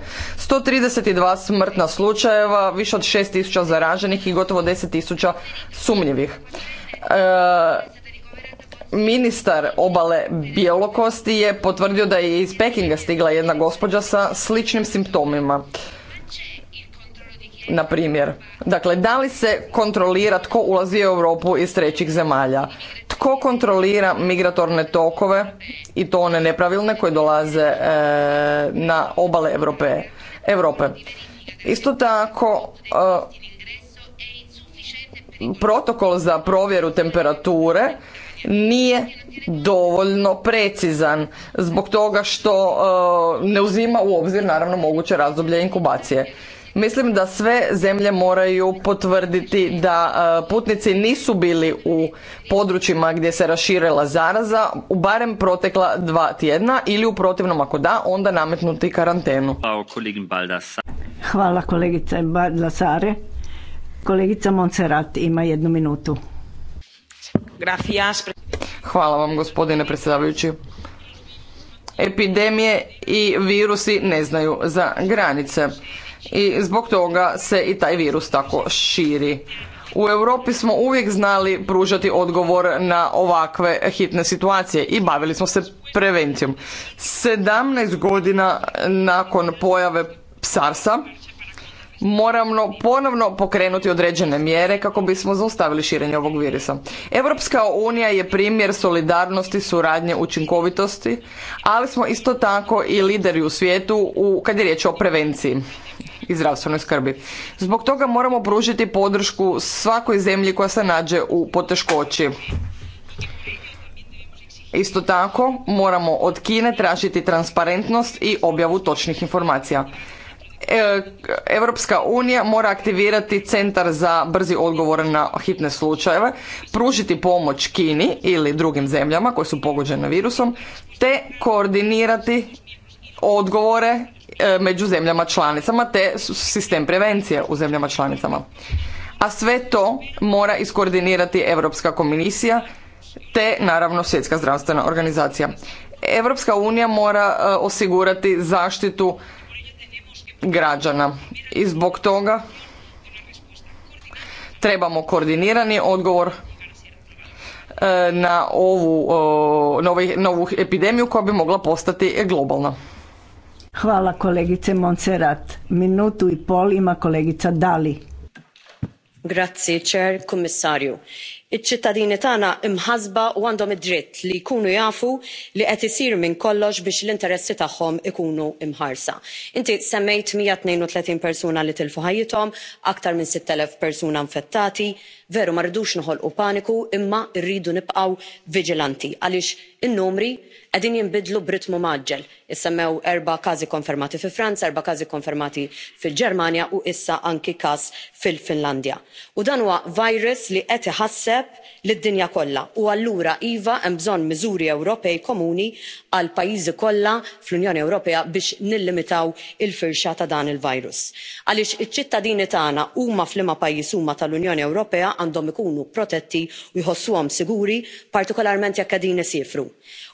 132 smrtna slučajeva, više od 6000 zaraženih i gotovo 10000 sumnjivih. E, ministar obale Bjelokosti je potvrdio da je iz Pekinga stigla jedna gospođa sa sličnim simptomima na primjer. Dakle, da li se kontrolira tko ulazi u Europu iz trećih zemalja? Tko kontrolira migratorne tokove i to one nepravilne koje dolaze e, na obale Europe? Europe. Isto tako, e, protokol za provjeru temperature nije dovoljno precizan zbog toga što e, ne uzima u obzir naravno moguće razdoblje inkubacije. Mislim da sve zemlje moraju potvrditi da e, putnici nisu bili u područjima gdje se raširila zaraza u barem protekla dva tjedna ili u protivnom ako da onda nametnuti karantenu. Hvala kolegice Baldasare. Kolegica ima jednu minutu. Hvala vam gospodine predsjedavajući. Epidemije i virusi ne znaju za granice i zbog toga se i taj virus tako širi. U Europi smo uvijek znali pružati odgovor na ovakve hitne situacije i bavili smo se prevencijom. 17 godina nakon pojave SARS-a moramo ponovno pokrenuti određene mjere kako bismo zaustavili širenje ovog virusa. Europska unija je primjer solidarnosti, suradnje, učinkovitosti, ali smo isto tako i lideri u svijetu u, kad je riječ o prevenciji i zdravstvenoj skrbi. Zbog toga moramo pružiti podršku svakoj zemlji koja se nađe u poteškoći. Isto tako moramo od Kine tražiti transparentnost i objavu točnih informacija. Europska unija mora aktivirati centar za brzi odgovor na hitne slučajeve, pružiti pomoć Kini ili drugim zemljama koje su pogođene virusom, te koordinirati odgovore e, među zemljama članicama te sistem prevencije u zemljama članicama. A sve to mora iskoordinirati Europska komisija te naravno Svjetska zdravstvena organizacija. Europska unija mora e, osigurati zaštitu građana. I zbog toga trebamo koordinirani odgovor e, na ovu, novu ovaj, novu epidemiju koja bi mogla postati globalna. Hvala kolegice Monserrat. Minutu i pol ima kolegica Dali. Grazie, čer, komisariju iċ-ċittadini tagħna imħassba u għandhom id-dritt li jkunu jafu li qed isir minn kollox biex l-interessi tagħhom ikunu mħarsa. Inti semmejt 132 persuna li tilfu ħajjithom, aktar minn 6,000 persuna infettati, veru ma rridux noħolqu paniku imma rridu nibqgħu viġilanti għaliex in-numri qegħdin jinbidlu b'ritmu maġġel issemmew erba' każi konfermati fi franza erba' każi konfermati fil-ġermanja u issa anki każ fil-finlandja u dan huwa virus li qed iħasseb lid dinja kollha u allura iva hemm bżonn miżuri ewropej komuni għal pajjiżi kollha fl-unjoni ewropea biex nillimitaw il firxa ta' dan il-virus għaliex iċ-ċittadini tagħna huma f'liema pajjiż huma tal-unjoni ewropea għandhom ikunu protetti u jħossuhom siguri partikolarment jekk qegħdin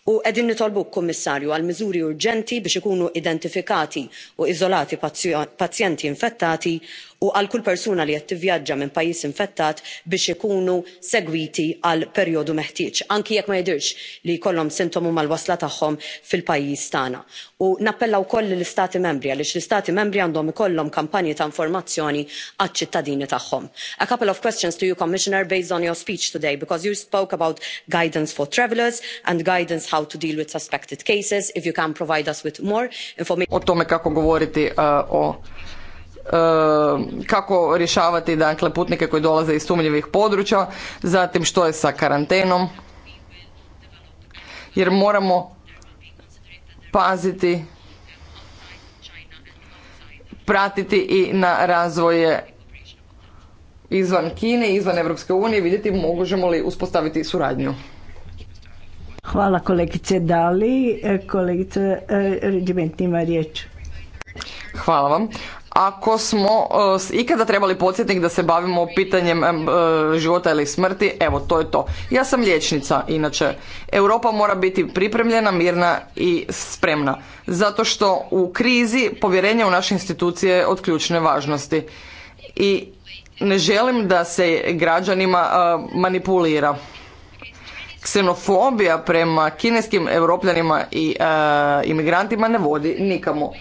u qegħdin nitolbuk kummissarju għal miżuri urġenti biex ikunu identifikati u iżolati pazjenti infettati u għal kull persuna li qed tivvjaġġa minn pajjiż infettat biex ikunu segwiti għal perjodu meħtieġ anki jekk ma jidhirx li jkollhom sintomi mal-wasla tagħhom fil-pajjiż tagħna u nappella wkoll lill-istati membri għaliex l-istati membri għandhom ikollhom kampanji ta' informazzjoni għaċ-ċittadini tagħhom. a couple of questions to you commissioner based on your speech today because you spoke about guidance for travellers and guidance o tome kako govoriti uh, o uh, kako rješavati dakle putnike koji dolaze iz sumnjivih područja, zatim što je sa karantenom. Jer moramo paziti pratiti i na razvoje izvan Kine, izvan Europske unije, vidjeti možemo li uspostaviti suradnju. Hvala kolegice Dali. E, kolegice Ređiment ima riječ. Hvala vam. Ako smo e, ikada trebali podsjetnik da se bavimo pitanjem e, života ili smrti, evo to je to. Ja sam liječnica, inače. Europa mora biti pripremljena, mirna i spremna. Zato što u krizi povjerenje u naše institucije je od ključne važnosti. I ne želim da se građanima manipulira ksenofobija prema kineskim europljanima i e, imigrantima ne vodi nikamo.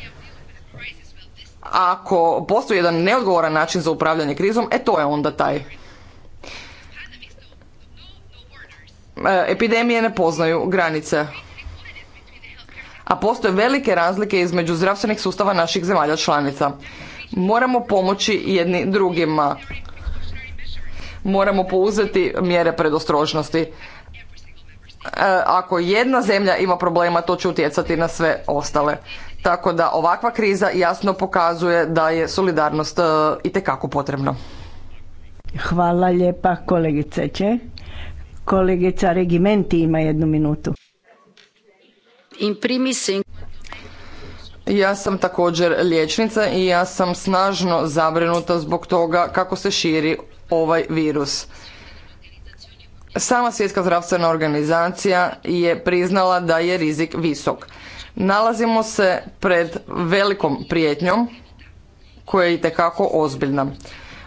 Ako postoji jedan neodgovoran način za upravljanje krizom, e to je onda taj. E, epidemije ne poznaju granice. A postoje velike razlike između zdravstvenih sustava naših zemalja članica. Moramo pomoći jedni drugima moramo pouzeti mjere predostrožnosti. E, ako jedna zemlja ima problema, to će utjecati na sve ostale. Tako da ovakva kriza jasno pokazuje da je solidarnost e, itekako potrebna. Hvala lijepa kolegice Če. Kolegica Regimenti ima jednu minutu. Ja sam također liječnica i ja sam snažno zabrinuta zbog toga kako se širi ovaj virus. Sama Svjetska zdravstvena organizacija je priznala da je rizik visok. Nalazimo se pred velikom prijetnjom koja je itekako ozbiljna.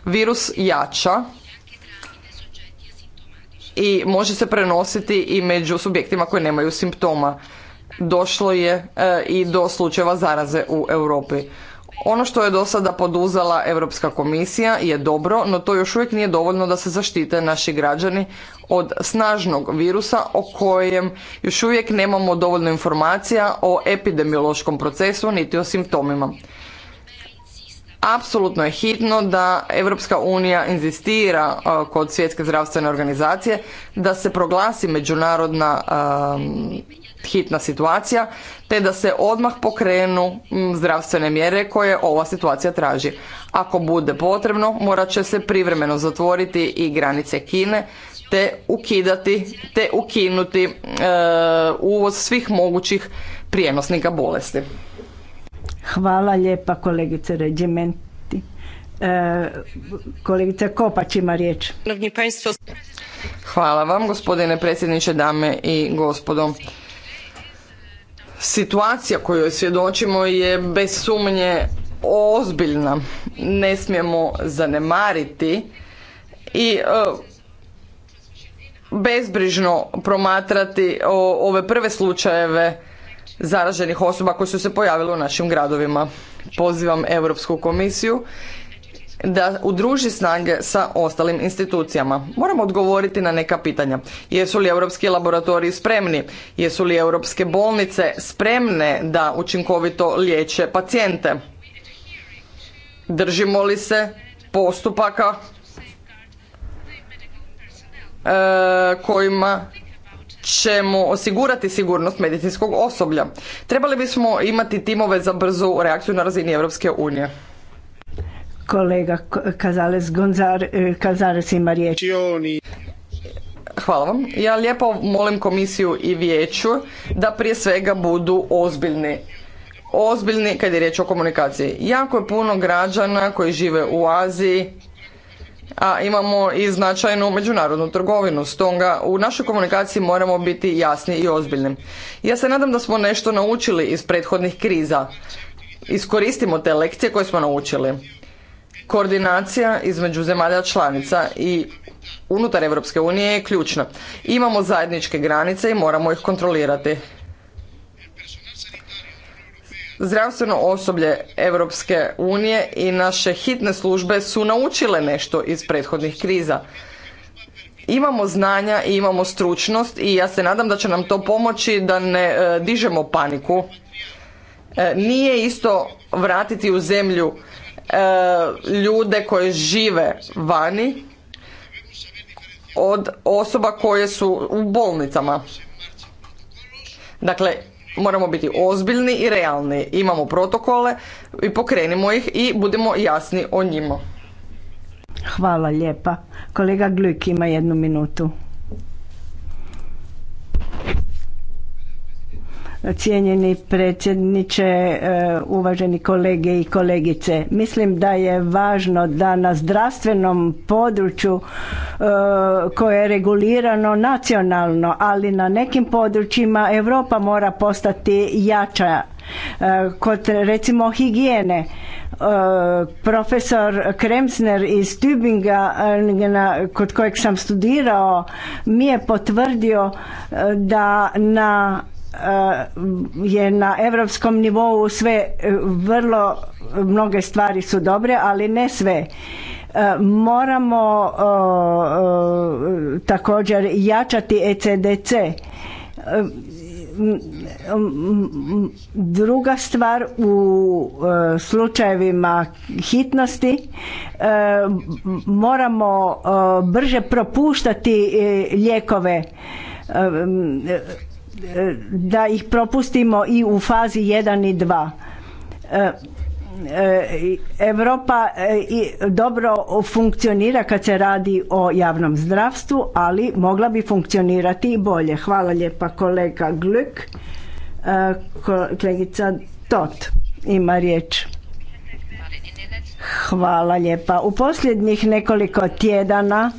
Virus jača i može se prenositi i među subjektima koji nemaju simptoma. Došlo je e, i do slučajeva zaraze u Europi. Ono što je do sada poduzela Europska komisija je dobro, no to još uvijek nije dovoljno da se zaštite naši građani od snažnog virusa o kojem još uvijek nemamo dovoljno informacija o epidemiološkom procesu niti o simptomima apsolutno je hitno da Europska unija inzistira uh, kod Svjetske zdravstvene organizacije da se proglasi međunarodna um, hitna situacija te da se odmah pokrenu zdravstvene mjere koje ova situacija traži. Ako bude potrebno, morat će se privremeno zatvoriti i granice Kine te ukidati, te ukinuti uh, uvoz svih mogućih prijenosnika bolesti. Hvala lijepa kolegice Ređimenti. E, kolegica Kopač ima riječ. Hvala vam gospodine predsjedniče, dame i gospodo. Situacija koju svjedočimo je bez sumnje ozbiljna. Ne smijemo zanemariti i e, bezbrižno promatrati ove prve slučajeve zaraženih osoba koje su se pojavile u našim gradovima. Pozivam Europsku komisiju da udruži snage sa ostalim institucijama. Moramo odgovoriti na neka pitanja. Jesu li europski laboratoriji spremni? Jesu li europske bolnice spremne da učinkovito liječe pacijente? Držimo li se postupaka e, kojima ćemo osigurati sigurnost medicinskog osoblja. Trebali bismo imati timove za brzu reakciju na razini Europske unije. Kolega Kazales Gonzar, e, ima Hvala vam. Ja lijepo molim komisiju i vijeću da prije svega budu ozbiljni ozbiljni kad je riječ o komunikaciji. Jako je puno građana koji žive u Aziji, a imamo i značajnu međunarodnu trgovinu. Stoga u našoj komunikaciji moramo biti jasni i ozbiljni. Ja se nadam da smo nešto naučili iz prethodnih kriza. Iskoristimo te lekcije koje smo naučili. Koordinacija između zemalja članica i unutar Europske unije je ključna. Imamo zajedničke granice i moramo ih kontrolirati. Zdravstveno osoblje Europske unije i naše hitne službe su naučile nešto iz prethodnih kriza. Imamo znanja i imamo stručnost i ja se nadam da će nam to pomoći da ne e, dižemo paniku. E, nije isto vratiti u zemlju e, ljude koji žive vani od osoba koje su u bolnicama. Dakle, moramo biti ozbiljni i realni. Imamo protokole i pokrenimo ih i budemo jasni o njima. Hvala lijepa. Kolega Gljuk ima jednu minutu. cijenjeni predsjedniče, e, uvaženi kolege i kolegice. Mislim da je važno da na zdravstvenom području e, koje je regulirano nacionalno, ali na nekim područjima Europa mora postati jača e, kod recimo higijene profesor Kremsner iz Tübinga kod kojeg sam studirao mi je potvrdio da na Eh, je na europskom nivou sve eh, vrlo mnoge stvari su dobre, ali ne sve. Eh, moramo također jačati ECDC. Druga stvar u slučajevima hitnosti moramo brže propuštati lijekove da ih propustimo i u fazi 1 i 2. Europa e, e, dobro funkcionira kad se radi o javnom zdravstvu, ali mogla bi funkcionirati i bolje. Hvala lijepa kolega Gluk e, Kolegica Tot ima riječ. Hvala lijepa. U posljednjih nekoliko tjedana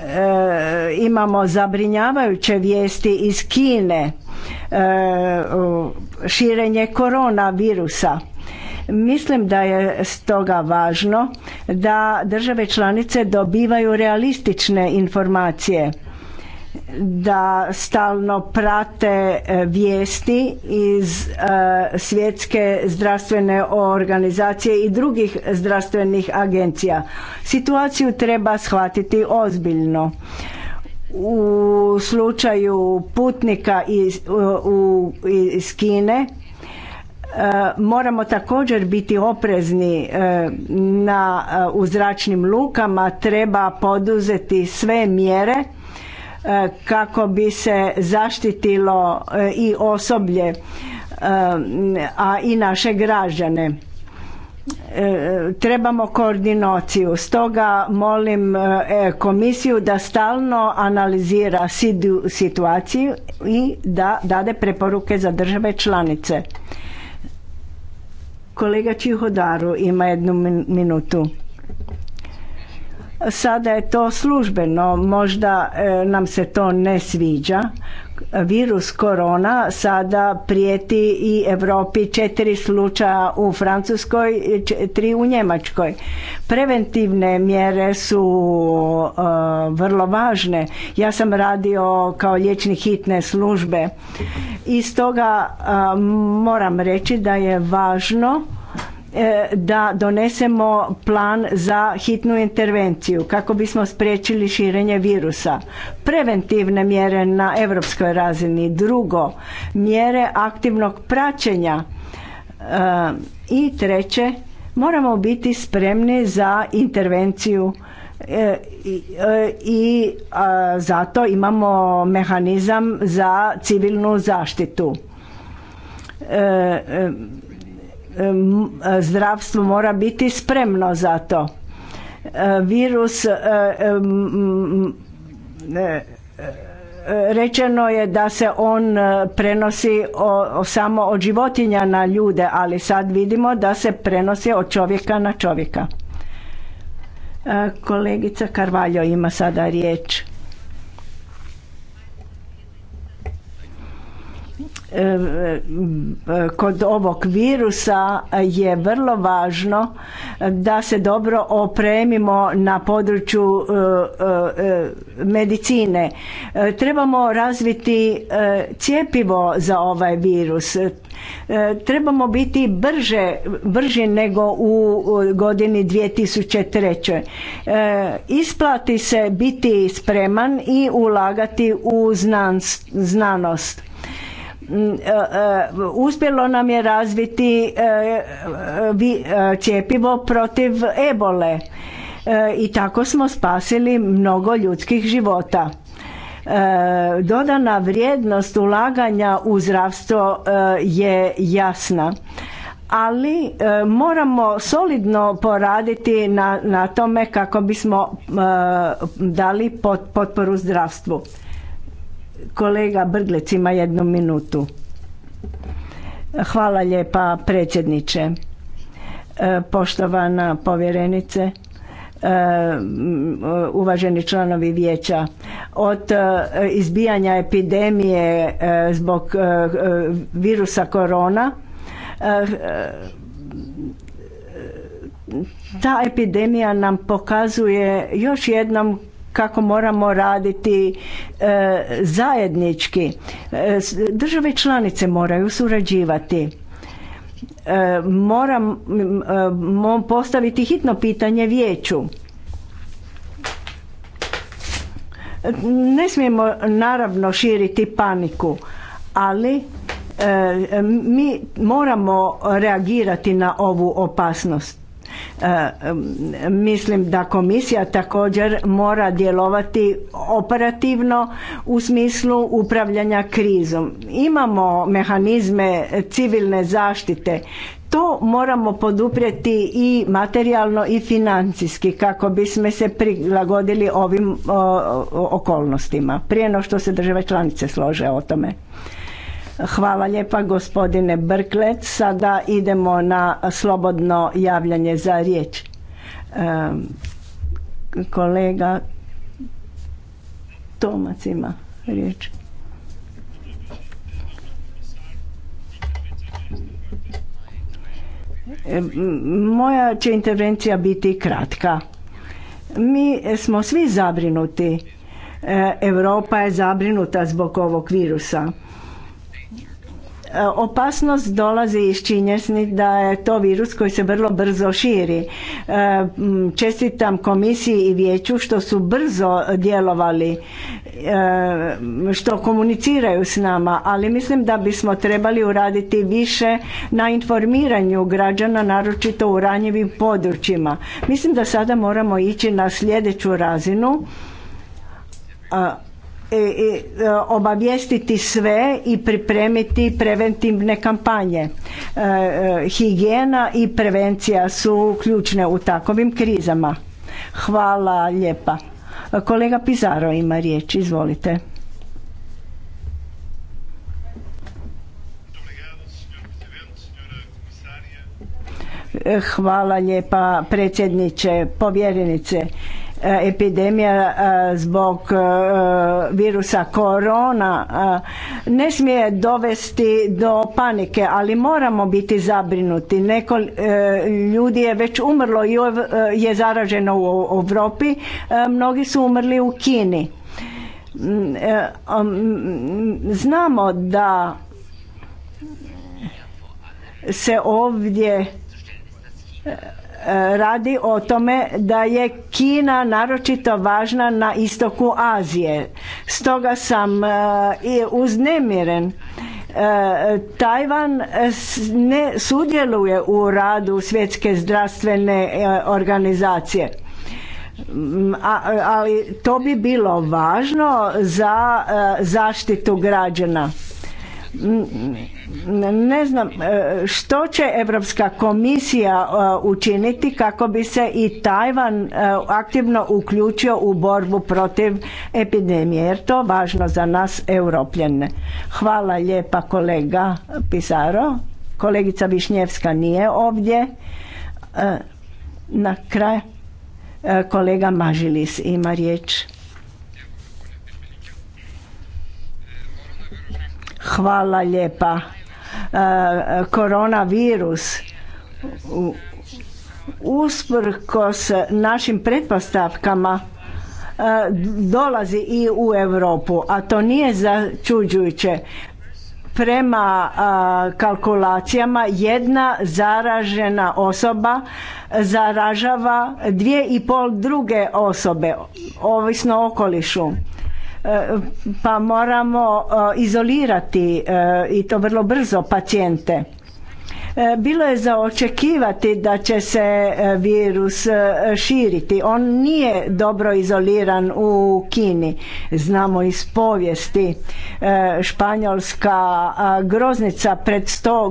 E, imamo zabrinjavajuće vijesti iz Kine, e, širenje koronavirusa. Mislim da je stoga važno da države članice dobivaju realistične informacije da stalno prate e, vijesti iz e, svjetske zdravstvene organizacije i drugih zdravstvenih agencija. Situaciju treba shvatiti ozbiljno. U slučaju putnika iz, u, iz Kine e, moramo također biti oprezni na u zračnim lukama treba poduzeti sve mjere kako bi se zaštitilo e, i osoblje e, a i naše građane e, trebamo koordinaciju stoga molim komisiju da stalno analizira situaciju i da dade preporuke za države članice kolega Čihodaru ima jednu minutu Sada je to službeno, možda e, nam se to ne sviđa. Virus korona sada prijeti i Europi četiri slučaja u Francuskoj, tri u Njemačkoj. Preventivne mjere su e, vrlo važne. Ja sam radio kao liječnik hitne službe i stoga moram reći da je važno E, da donesemo plan za hitnu intervenciju kako bismo spriječili širenje virusa. Preventivne mjere na europskoj razini, drugo, mjere aktivnog praćenja e, i treće, moramo biti spremni za intervenciju e, i zato imamo mehanizam za civilnu zaštitu zdravstvo mora biti spremno za to. E, virus e, e, rečeno je da se on prenosi samo od životinja na ljude, ali sad vidimo da se prenosi od čovjeka na čovjeka. Kolegica Karvaljo ima sada riječ. kod ovog virusa je vrlo važno da se dobro opremimo na području e, e, medicine. Trebamo razviti e, cjepivo za ovaj virus. Trebamo biti brže, brži nego u godini 2003. Isplati se biti spreman i ulagati u znanost Mm, e, e, uspjelo nam je razviti e, cjepivo protiv ebole i tako smo spasili mnogo ljudskih života. Dodana vrijednost ulaganja u zdravstvo je jasna, ali moramo solidno poraditi na, na tome kako bismo dali potporu zdravstvu. Kolega Brglec ima jednu minutu. Hvala lijepa predsjedniče. E, poštovana povjerenice, e, uvaženi članovi vijeća. Od e, izbijanja epidemije zbog virusa korona ta epidemija nam pokazuje još jednom kako moramo raditi e, zajednički. E, države članice moraju surađivati. E, moram postaviti hitno pitanje vijeću. Ne smijemo naravno širiti paniku, ali e, mi moramo reagirati na ovu opasnost E, mislim da komisija također mora djelovati operativno u smislu upravljanja krizom. Imamo mehanizme civilne zaštite. To moramo poduprijeti i materijalno i financijski kako bismo se prilagodili ovim okolnostima prije no što se države članice slože o tome. Hvala lijepa gospodine Brklet. Sada idemo na slobodno javljanje za riječ. Kolega Tomac ima riječ. Moja će intervencija biti kratka. Mi smo svi zabrinuti. E, Europa je zabrinuta zbog ovog virusa E, opasnost dolazi iz činjenice da je to virus koji se vrlo brzo širi. E, čestitam komisiji i vijeću što su brzo djelovali, e, što komuniciraju s nama, ali mislim da bismo trebali uraditi više na informiranju građana, naročito u ranjivim područjima. Mislim da sada moramo ići na sljedeću razinu, E, e, e, obavijestiti sve i pripremiti preventivne kampanje. Higijena i prevencija su ključne u takovim krizama. Hvala lijepa. Kolega Pizaro ima riječ, izvolite. Hvala lijepa predsjedniče, povjerenice E, epidemija e, zbog e, virusa korona ne smije dovesti do panike, ali moramo biti zabrinuti. Neko ljudi je već umrlo i je zaraženo u Europi, mnogi su umrli u Kini. Mm, um, znamo da se ovdje radi o tome da je Kina naročito važna na istoku Azije. Stoga sam e, i uznemiren. E, Tajvan ne sudjeluje u radu svjetske zdravstvene e, organizacije. Ali to bi bilo važno za zaštitu građana ne znam e, što će Europska komisija e, učiniti kako bi se i Tajvan e, aktivno uključio u borbu protiv epidemije jer to važno za nas europljene. Hvala lijepa kolega Pisaro. Kolegica Višnjevska nije ovdje. Na kraj kolega Mažilis ima riječ. Hvala lijepa. E, koronavirus usprkos našim pretpostavkama e, dolazi i u Europu, a to nije začuđujuće. Prema e, kalkulacijama jedna zaražena osoba zaražava dvije i pol druge osobe, ovisno o okolišu pa moramo e, izolirati e, i to vrlo brzo pacijente. E, bilo je za očekivati da će se virus širiti. On nije dobro izoliran u Kini. Znamo iz povijesti. Španjolska groznica pred sto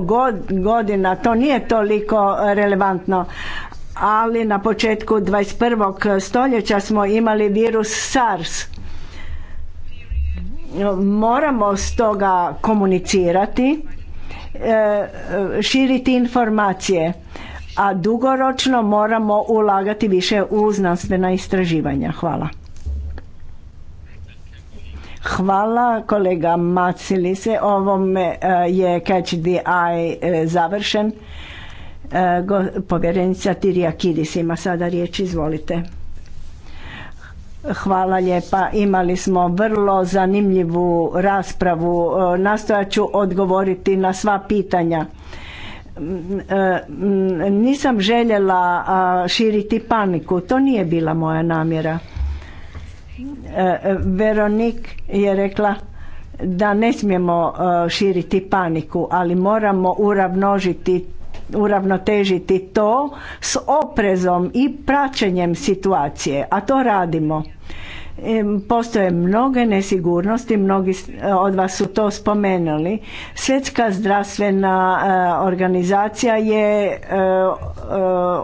godina, to nije toliko relevantno, ali na početku 21. stoljeća smo imali virus SARS Moramo stoga komunicirati, e, širiti informacije, a dugoročno moramo ulagati više u znanstvena istraživanja. Hvala. Hvala kolega Macilise. Ovome e, je Catch the Eye e, završen. Povjerenica Tirija Kidis ima sada riječ. Izvolite. Hvala lijepa. Imali smo vrlo zanimljivu raspravu. E, nastojat ću odgovoriti na sva pitanja. Mm, e, mm, nisam željela širiti paniku. To nije bila moja namjera. E, Veronik je rekla da ne smijemo širiti paniku, ali moramo uravnožiti uravnotežiti to s oprezom i praćenjem situacije, a to radimo. Postoje mnoge nesigurnosti, mnogi e, od vas su to spomenuli. Svjetska zdravstvena e, organizacija je e,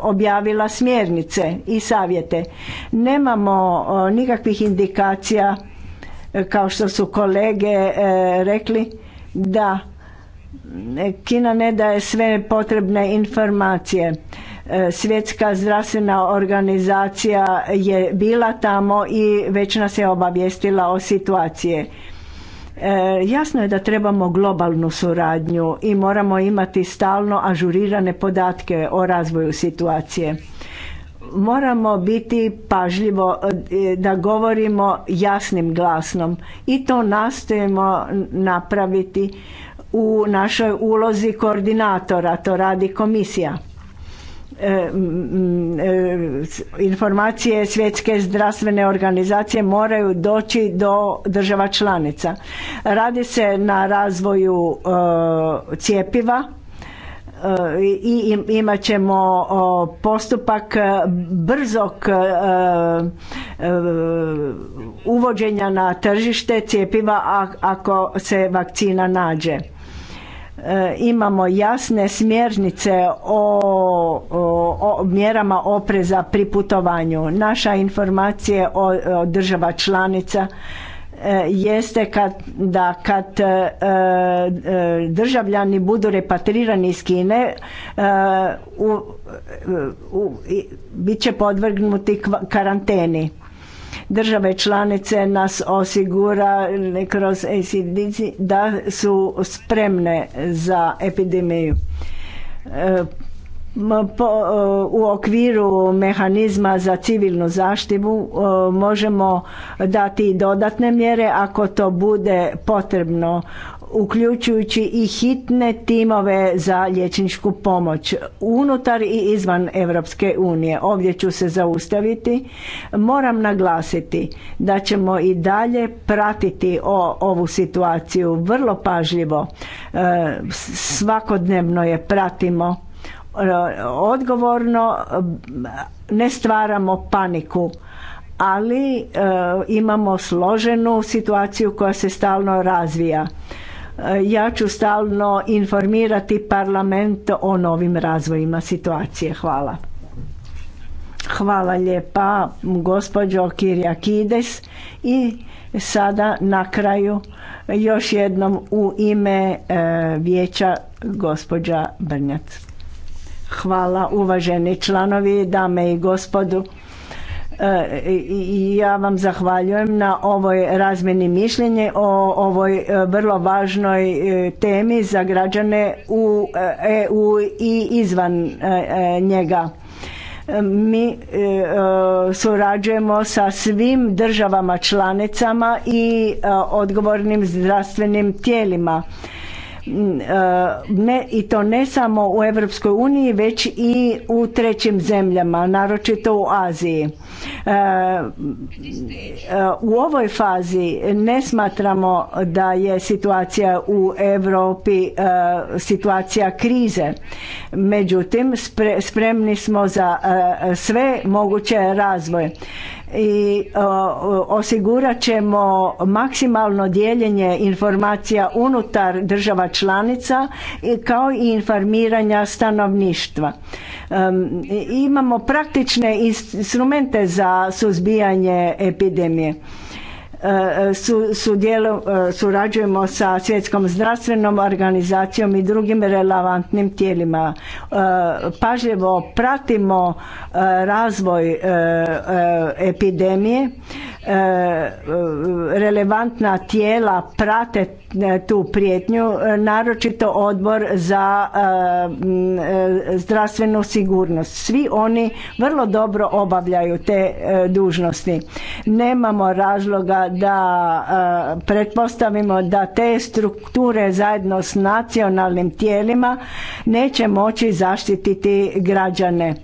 objavila smjernice i savjete. Nemamo nikakvih indikacija kao što su kolege rekli da Kina ne daje sve potrebne informacije. E, Svjetska zdravstvena organizacija je bila tamo i već nas je obavijestila o situacije. Jasno je da trebamo globalnu suradnju i moramo imati stalno ažurirane podatke o razvoju situacije. Moramo biti pažljivo e, da govorimo jasnim glasnom i to nastojimo napraviti u našoj ulozi koordinatora, to radi komisija. E, e, informacije svjetske zdravstvene organizacije moraju doći do država članica. Radi se na razvoju e, cijepiva i imat ćemo postupak brzog uvođenja na tržište cjepiva ako se vakcina nađe E, imamo jasne smjernice o, mjerama opreza pri putovanju. Naša informacije o, država članica e, jeste kad, da kad e, državljani budu repatrirani iz Kine u, u, bit će podvrgnuti karanteni Države članice nas osigura kroz ACDC da su spremne za epidemiju. E, e, u okviru mehanizma za civilnu zaštitu e, možemo dati i dodatne mjere ako to bude potrebno uključujući i hitne timove za liječničku pomoć unutar i izvan Europske unije. Ovdje ću se zaustaviti. Moram naglasiti da ćemo i dalje pratiti o, ovu situaciju vrlo pažljivo. E, svakodnevno je pratimo e, odgovorno ne stvaramo paniku ali e, imamo složenu situaciju koja se stalno razvija Eh, ja ću stalno informirati parlament o novim razvojima situacije. Hvala. Hvala lijepa gospođo Kirjakides i sada na kraju još jednom u ime eh, vijeća gospođa Brnjac. Hvala uvaženi članovi, dame i gospodu. E, ja vam zahvaljujem na ovoj razmjeni mišljenje o ovoj e, vrlo važnoj e, temi za građane u EU i izvan njega. Mi surađujemo sa svim državama članicama i odgovornim zdravstvenim tijelima E, i to ne samo u Europskoj uniji već i u trećim zemljama, naročito u Aziji. E, e, u ovoj fazi ne smatramo da je situacija u Europi situacija krize. Međutim, spremni smo za sve moguće razvoje i osigurat ćemo maksimalno dijeljenje informacija unutar država članica kao i informiranja stanovništva. Imamo praktične instrumente za suzbijanje epidemije E, surađujemo sa svjetskom zdravstvenom organizacijom i drugim relevantnim tijelima. E, pažljivo pratimo e, razvoj epidemije, relevantna tijela prate E, tu prijetnju, e, naročito odbor za e, zdravstvenu sigurnost. Svi oni vrlo dobro obavljaju te dužnosti. Nemamo razloga da pretpostavimo da te strukture zajedno s nacionalnim tijelima neće moći zaštititi građane.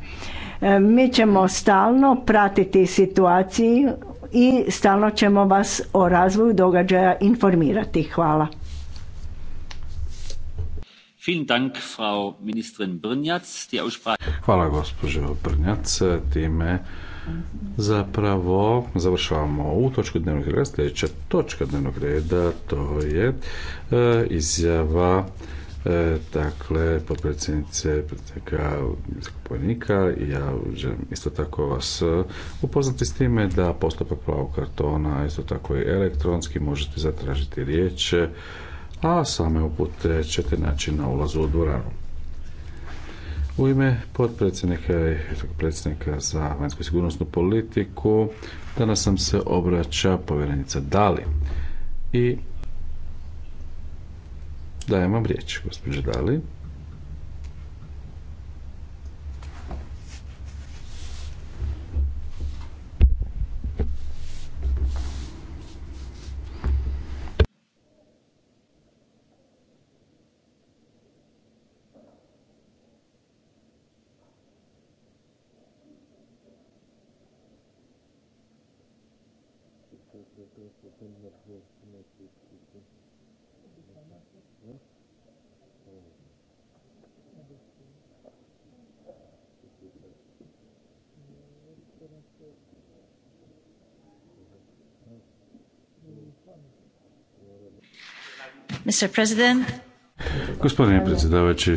Mi ćemo stalno pratiti situaciju i stalno ćemo vas o razvoju događaja informirati. Hvala. Hvala gospođo Brnjac. Time zapravo završavamo ovu točku dnevnog reda. Sljedeća točka dnevnog reda to je e, izjava E, dakle, potpredsjednice predsjednika povjerenika i ja želim isto tako vas e, upoznati s time da postupak plavog kartona, isto tako i elektronski, možete zatražiti riječ, a same upute ćete naći na ulazu u dvoranu. U ime potpredsjednika i predsjednika za vanjsku sigurnosnu politiku danas sam se obraća povjerenica Dali i Dajem vam riječ, gospođo Dali. Gospodine predsjedavajući,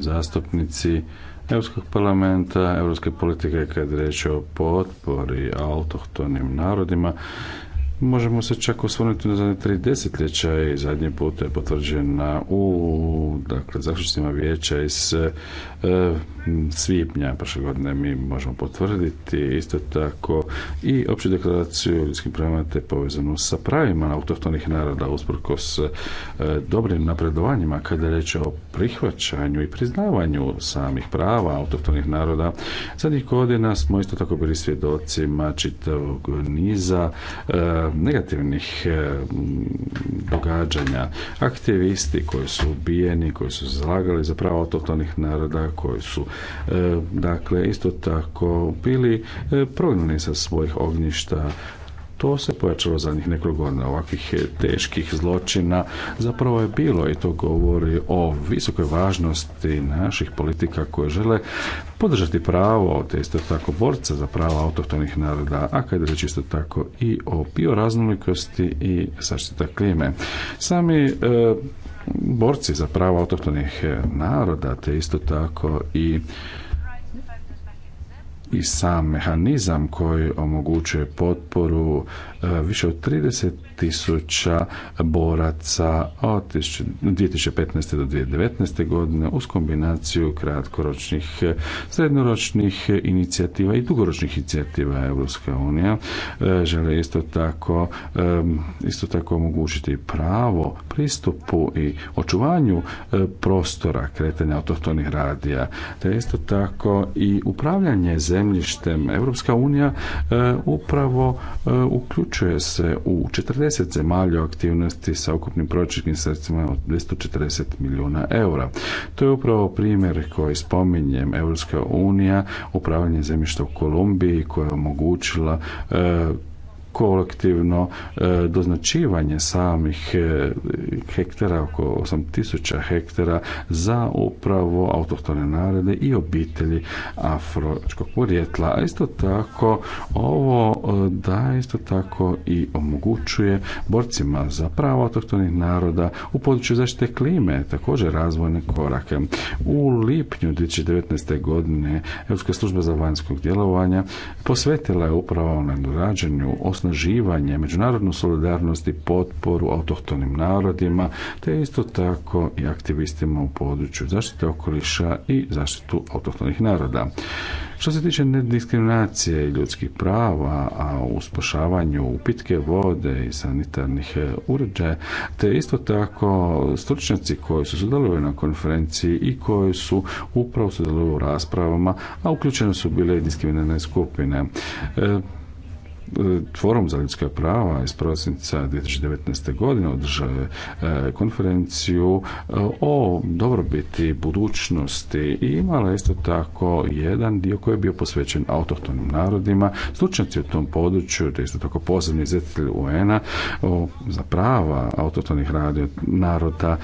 zastupnici Europskog parlamenta, europske politike kad riječ o potpori autohtonim narodima Možemo se čak osvrnuti na zadnje tri desetljeća i zadnji put je potvrđena u dakle, zaključcima vijeća iz e, svibnja prošle godine mi možemo potvrditi isto tako i opću deklaraciju o ljudskim pravima te povezanu sa pravima autohtonih naroda usprkos e, dobrim napredovanjima kada je reč o prihvaćanju i priznavanju samih prava autohtonih naroda. Zadnjih godina smo isto tako bili svjedocima čitavog niza e, negativnih e, događanja. Aktivisti koji su ubijeni, koji su zalagali za prava autohtonih naroda, koji su e, dakle isto tako bili e, prognani sa svojih ognjišta, to se pojačalo zadnjih nekoliko godina ovakvih eh, teških zločina. Zapravo je bilo i to govori o visokoj važnosti naših politika koje žele podržati pravo, te isto tako borca za prava autohtonih naroda, a kada reći isto tako i o bioraznolikosti i zaštita klime. Sami eh, borci za prava autohtonih eh, naroda, te isto tako i i sam mehanizam koji omogućuje potporu E, više od 30 tisuća boraca od 2015. do 2019. godine uz kombinaciju kratkoročnih, e, srednoročnih e, inicijativa i dugoročnih inicijativa Europska unija. Žele isto tako isto tako omogućiti pravo pristupu i očuvanju prostora kretanja autohtonih radija, te isto tako i upravljanje zemljištem. Europska unija upravo uključuje uključuje se u 40 zemalja aktivnosti sa ukupnim proračunskim sredstvima od 240 milijuna eura. To je upravo primjer koji spominjem Europska unija, upravljanje zemljišta u Kolumbiji koja je omogućila e, kolektivno e, doznačivanje samih e, hektara, oko 8000 hektara za upravo autohtone narode i obitelji afročkog porijetla. A isto tako ovo e, da isto tako i omogućuje borcima za pravo autohtonih naroda u području zaštite klime također razvojne korake. U lipnju 2019. godine Europska služba za vanjskog djelovanja posvetila je upravo na dorađenju osnovnih osnaživanje međunarodnu solidarnost i potporu autohtonim narodima, te isto tako i aktivistima u području zaštite okoliša i zaštitu autohtonih naroda. Što se tiče nediskriminacije i ljudskih prava, a u spašavanju pitke vode i sanitarnih uređaja, te isto tako stručnjaci koji su sudjelovali na konferenciji i koji su upravo sudjelovali u raspravama, a uključene su bile i diskriminane skupine. E, Forum e, za ljudska prava iz prosinca 2019. godine održao je e, konferenciju e, o dobrobiti budućnosti i imala isto tako jedan dio koji je bio posvećen autohtonim narodima. Stručnjaci u tom području, da isto tako posebni izvjetitelj UN-a za prava autohtonih naroda,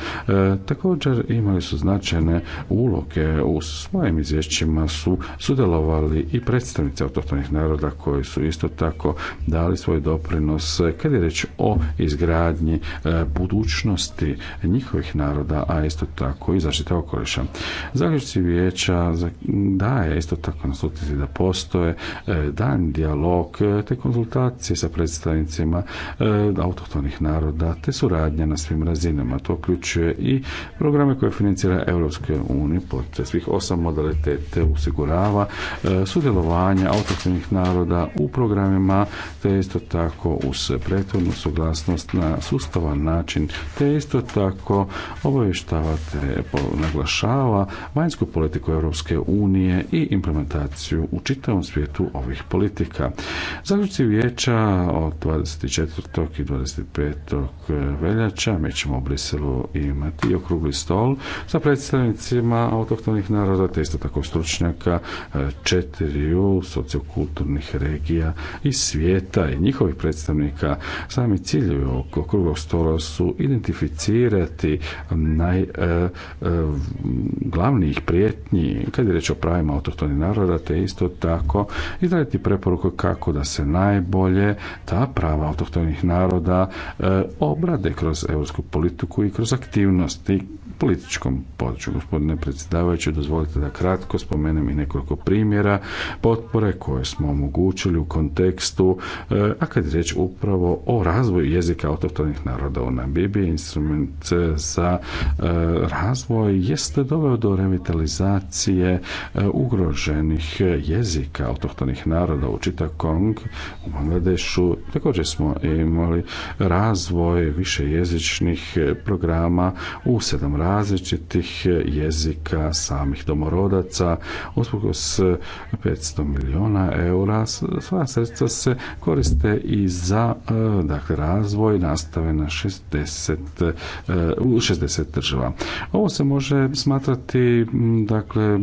također imali su značajne uloge u svojim izvješćima su sudjelovali i predstavnici autohtonih naroda koji su isto tako dali svoj doprinos kad je reč o izgradnji e, budućnosti njihovih naroda, a isto tako i zaštite okoliša. Zaključci vijeća daje isto tako nasutiti da postoje e, dan dijalog e, te konzultacije sa predstavnicima autohtonih naroda te suradnja na svim razinama. To uključuje i programe koje financira Europske unije pod svih osam modalitete osigurava sudjelovanje autohtonih naroda u programima te isto tako uz prethodnu suglasnost na sustavan način, te isto tako obavještavate, naglašava vanjsku politiku Europske unije i implementaciju u čitavom svijetu ovih politika. Zaključci vijeća od 24. i 25. veljača mi ćemo u Briselu imati okrugli stol sa predstavnicima autohtonih naroda, te isto tako stručnjaka četiriju sociokulturnih regija i svijeta i njihovih predstavnika. Sami ciljevi oko krugog stola su identificirati naj e, e prijetnji kad je reč o pravima autohtonih naroda, te isto tako izraditi preporuku kako da se najbolje ta prava autohtonih naroda e, obrade kroz europsku politiku i kroz aktivnosti političkom području. Gospodine predsjedavajući, dozvolite da kratko spomenem i nekoliko primjera potpore koje smo omogućili u kontekstu, eh, a kad je reč upravo o razvoju jezika autohtonih naroda u Namibiji, instrument eh, za eh, razvoj jeste doveo do revitalizacije ugroženih jezika autohtonih naroda u Čitakong, u Bangladešu. Također smo imali razvoj višejezičnih programa u sedam različitih jezika samih domorodaca. s 500 milijuna eura sva sredstva se koriste i za e, dakle, razvoj nastave na 60, e, u 60 država. Ovo se može smatrati dakle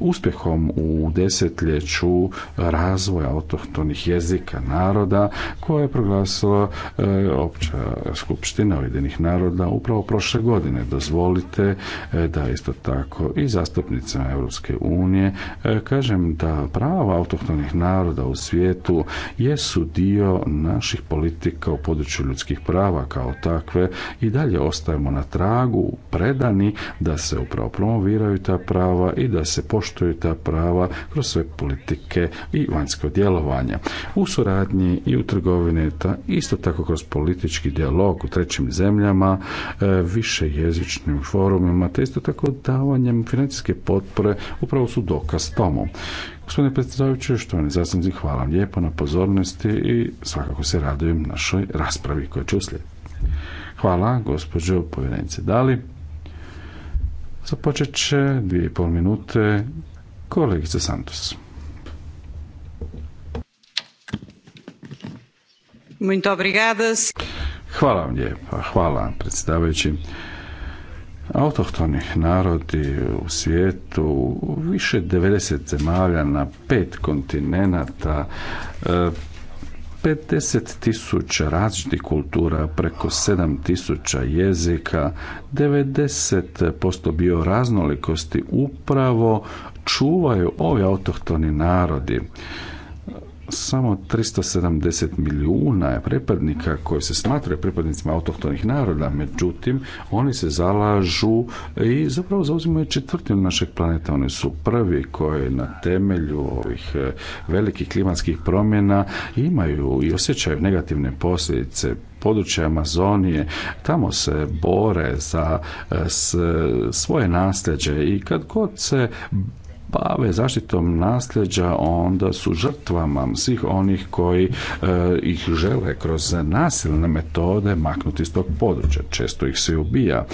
uspjehom u desetljeću razvoja autohtonih jezika naroda koje je proglasila e, opća skupština Ujedinih naroda upravo prošle godine. Dozvolite e, da isto tako i zastupnicama Europske unije e, kažem da prava autohtonih naroda u svijetu jesu dio naših politika u području ljudskih prava kao takve i dalje ostajemo na tragu predani da se upravo promoviraju ta prava i da se poštuju ta prava kroz sve politike i vanjsko djelovanje. U suradnji i u trgovini, isto tako kroz politički dijalog u trećim zemljama, e, više jezičnim forumima, te isto tako davanjem financijske potpore upravo su dokaz tomu. Gospodine predsjedavajući, što ne zastupnici, hvala vam lijepo na pozornosti i svakako se radujem našoj raspravi koja će uslijediti. Hvala, gospođo povjerenice Dali. Započet će dvije i pol minute kolegica Santos. Muito obrigada. Hvala vam lijepa, hvala predsjedavajući. Autohtoni narodi u svijetu, više 90 zemalja na pet kontinenta, e, 50 tisuća različitih kultura, preko 7 tisuća jezika, 90% bio raznolikosti upravo čuvaju ovi autohtoni narodi samo 370 milijuna je pripadnika koji se smatraju pripadnicima autohtonih naroda, međutim oni se zalažu i zapravo zauzimaju četvrtinu našeg planeta. Oni su prvi koji na temelju ovih e, velikih klimatskih promjena imaju i osjećaju negativne posljedice područja Amazonije, tamo se bore za e, svoje nasljeđe i kad god se bave zaštitom nasljeđa onda su žrtvama svih onih koji e, ih žele kroz nasilne metode maknuti iz tog područja. Često ih se ubija.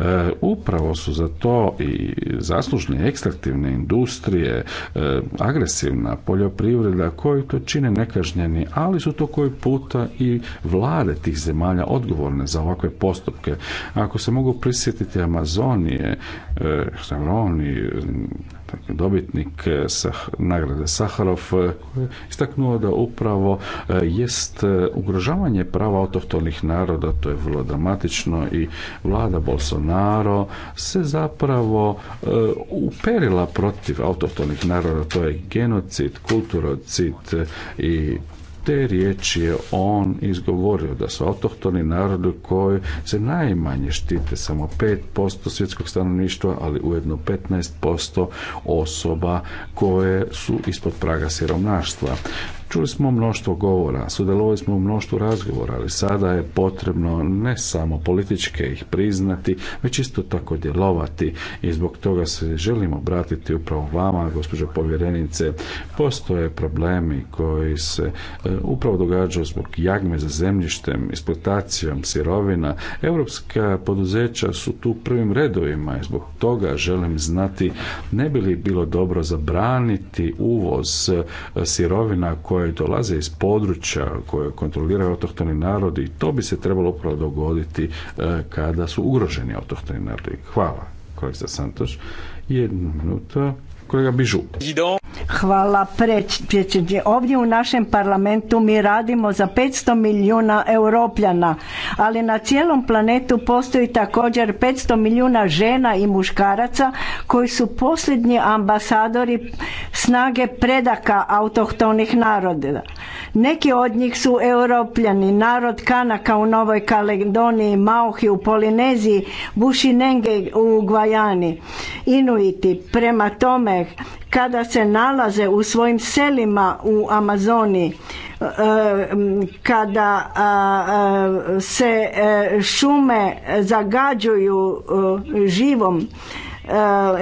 E, upravo su za to i zaslužne ekstraktivne industrije, e, agresivna poljoprivreda koju to čine nekažnjeni, ali su to koji puta i vlade tih zemalja odgovorne za ovakve postupke. Ako se mogu prisjetiti Amazonije, Hrvoni, Dakle, dobitnik eh, nagrade Saharov eh, istaknuo da upravo eh, jest ugrožavanje prava autohtonih naroda, to je vrlo dramatično i vlada Bolsonaro se zapravo uperila protiv autohtonih naroda, to je genocid, kulturocid i te riječi je on izgovorio da su autohtoni narodi koji se najmanje štite samo 5% svjetskog stanovništva, ali ujedno 15% osoba koje su ispod praga siromaštva. Čuli smo mnoštvo govora, sudjelovali smo u mnoštvu razgovora, ali sada je potrebno ne samo političke ih priznati, već isto tako djelovati i zbog toga se želimo obratiti upravo vama, gospođo povjerenice. Postoje problemi koji se e, upravo događaju zbog jagme za zemljištem, eksploatacijom sirovina. Europska poduzeća su tu prvim redovima i zbog toga želim znati ne bi li bilo dobro zabraniti uvoz e, sirovina koje koje dolaze iz područja koje kontroliraju autohtoni narodi i to bi se trebalo upravo dogoditi e, kada su ugroženi autohtoni narodi. Hvala, kolegica Santoš. Jednu minuta. Kolega Bižu. Hvala predsjedniče. Ovdje u našem parlamentu mi radimo za 500 milijuna europljana, ali na cijelom planetu postoji također 500 milijuna žena i muškaraca koji su posljednji ambasadori snage predaka autohtonih naroda. Neki od njih su europljani, narod Kanaka u Novoj Kaledoniji, Mauhi u Polineziji, Bušinenge u Gvajani, Inuiti. Prema tome, kada se nalaze u svojim selima u Amazoni, e, kada se e, šume zagađuju e, živom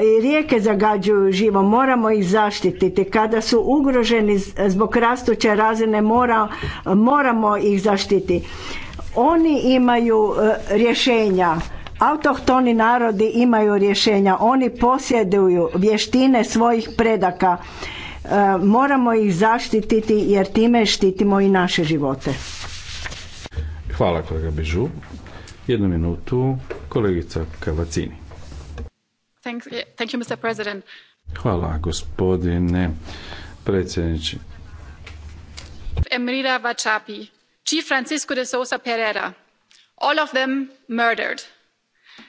i rijeke zagađuju živom, moramo ih zaštititi. Kada su ugroženi zbog rastuće razine mora, moramo ih zaštiti. Oni imaju rješenja Autohtoni narodi imaju rješenja, oni posjeduju vještine svojih predaka. E, moramo ih zaštititi jer time štitimo i naše živote. Hvala kolega Bižu. Jednu minutu, kolegica Kavacini. Thank you, Mr. Hvala gospodine predsjedniče. Emrida Vachapi, Chief Francisco de Sousa Pereira, all of them murdered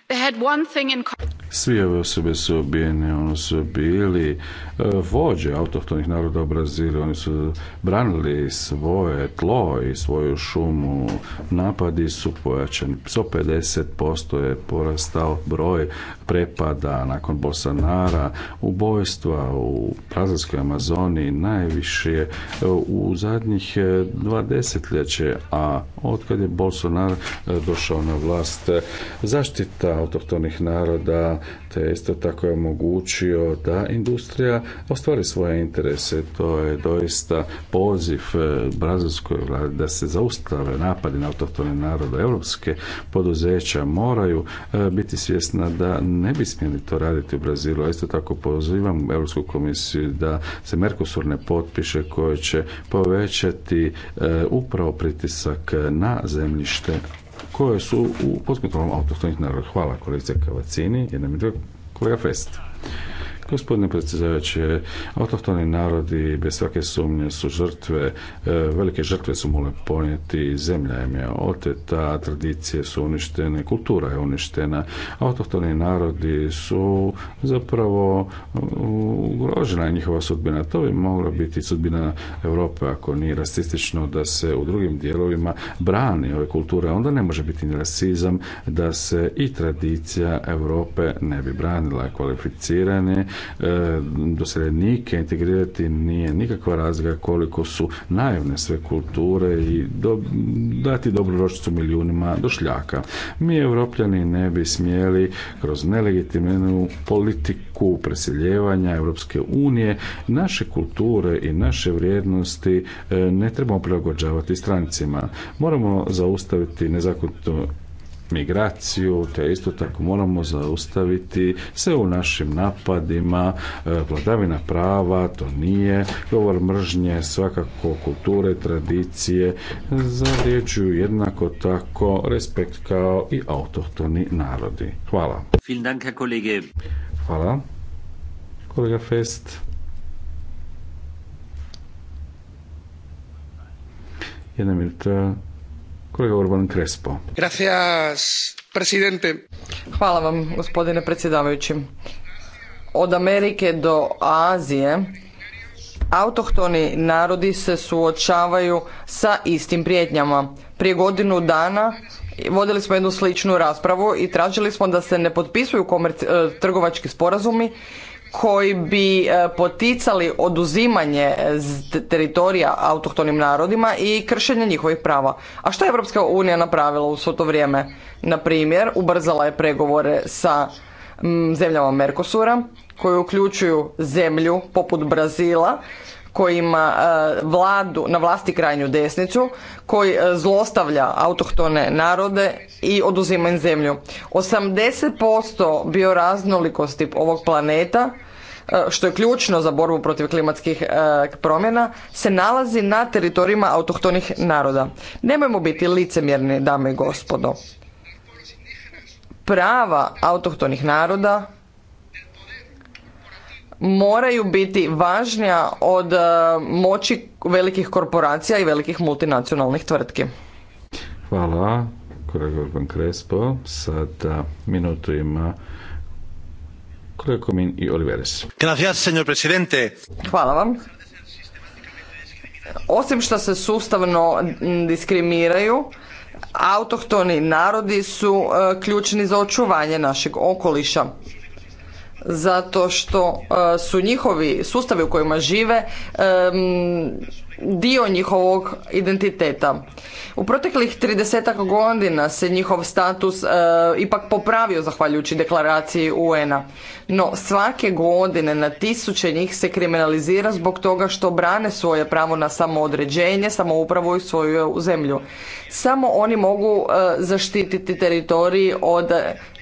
they had one thing in common svi ove osobe su ubijene, oni su bili e, vođe autohtonih naroda u Brazilu, oni su branili svoje tlo i svoju šumu. Napadi su pojačani, 150% je porastao broj prepada nakon bolsonara ubojstva u brazilskoj Amazoni najviše u zadnjih e, dva desetljeće, a otkad je Bolsonar e, došao na vlast, zaštita autohtonih naroda te isto tako je omogućio da industrija ostvari svoje interese. To je doista poziv e, brazilskoj vladi da se zaustave napadi na autohtone narode. Europske poduzeća moraju e, biti svjesna da ne bi smjeli to raditi u Brazilu. A isto tako pozivam Europsku komisiju da se Mercosur ne potpiše koje će povećati e, upravo pritisak na zemljište koje su u kontrolom autohtonih naroda. Hvala kolegice Kavacini, jedna minuta kolega Fest. Gospodine predsjedavajuće, autohtoni narodi bez svake sumnje su žrtve, e, velike žrtve su mogle ponijeti, zemlja im je oteta, tradicije su uništene, kultura je uništena. Autohtoni narodi su zapravo ugrožena njihova sudbina. To bi mogla biti sudbina Europe ako nije rasistično da se u drugim dijelovima brani ove kulture. Onda ne može biti ni rasizam da se i tradicija Europe ne bi branila. Kvalificirane E, dosrednike, integrirati nije nikakva razlika koliko su naivne sve kulture i dati dobru ročicu milijunima došljaka. Mi europljani ne bi smjeli kroz nelegitimnu politiku preseljevanja Europske unije naše kulture i naše vrijednosti e, ne trebamo prilagođavati strancima. Moramo zaustaviti nezakonito migraciju, te isto tako moramo zaustaviti se u našim napadima, e, vladavina prava, to nije govor mržnje, svakako kulture, tradicije, zavrijeđuju jednako tako respekt kao i autohtoni narodi. Hvala. Hvala. Kolega Fest. Jedna minuta Urban Hvala vam, gospodine predsjedavajući. Od Amerike do Azije autohtoni narodi se suočavaju sa istim prijetnjama. Prije godinu dana vodili smo jednu sličnu raspravu i tražili smo da se ne potpisuju e, trgovački sporazumi koji bi e, poticali oduzimanje e, teritorija autohtonim narodima i kršenje njihovih prava. A što je Europska unija napravila u svo to vrijeme? Na primjer, ubrzala je pregovore sa zemljama Merkosura koje uključuju zemlju poput Brazila koji ima e, vladu na vlasti krajnju desnicu, koji e, zlostavlja autohtone narode i oduzima im zemlju. 80% bioraznolikosti ovog planeta e, što je ključno za borbu protiv klimatskih promjena, se nalazi na teritorijima autohtonih naroda. Nemojmo biti licemjerni, dame i gospodo. Prava autohtonih naroda moraju biti važnija od e, moći velikih korporacija i velikih multinacionalnih tvrtki. Hvala, kolega Urban Krespo. Sada minutu ima kolega i Oliveres. Hvala vam. Osim što se sustavno diskriminiraju, autohtoni narodi su e, ključni za očuvanje našeg okoliša zato što e, su njihovi sustavi u kojima žive dio njihovog identiteta. U proteklih 30 godina se njihov status e, ipak popravio zahvaljujući deklaraciji UN-a. No svake godine na tisuće njih se kriminalizira zbog toga što brane svoje pravo na samoodređenje, samoupravu i svoju zemlju. Samo oni mogu e, zaštititi teritorij od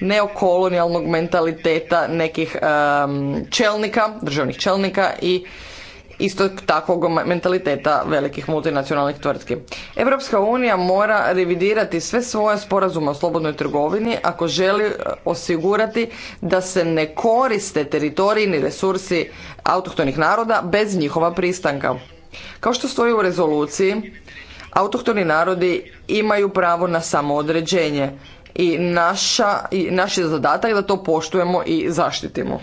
neokolonijalnog mentaliteta nekih e, čelnika, državnih čelnika i istog takvog mentaliteta velikih multinacionalnih tvrtki. Europska unija mora revidirati sve svoje sporazume o slobodnoj trgovini ako želi e, osigurati da se ne koriste teritorijni resursi autohtonih naroda bez njihova pristanka. Kao što stoji u rezoluciji, autohtoni narodi imaju pravo na samoodređenje i i naš je zadatak da to poštujemo i zaštitimo.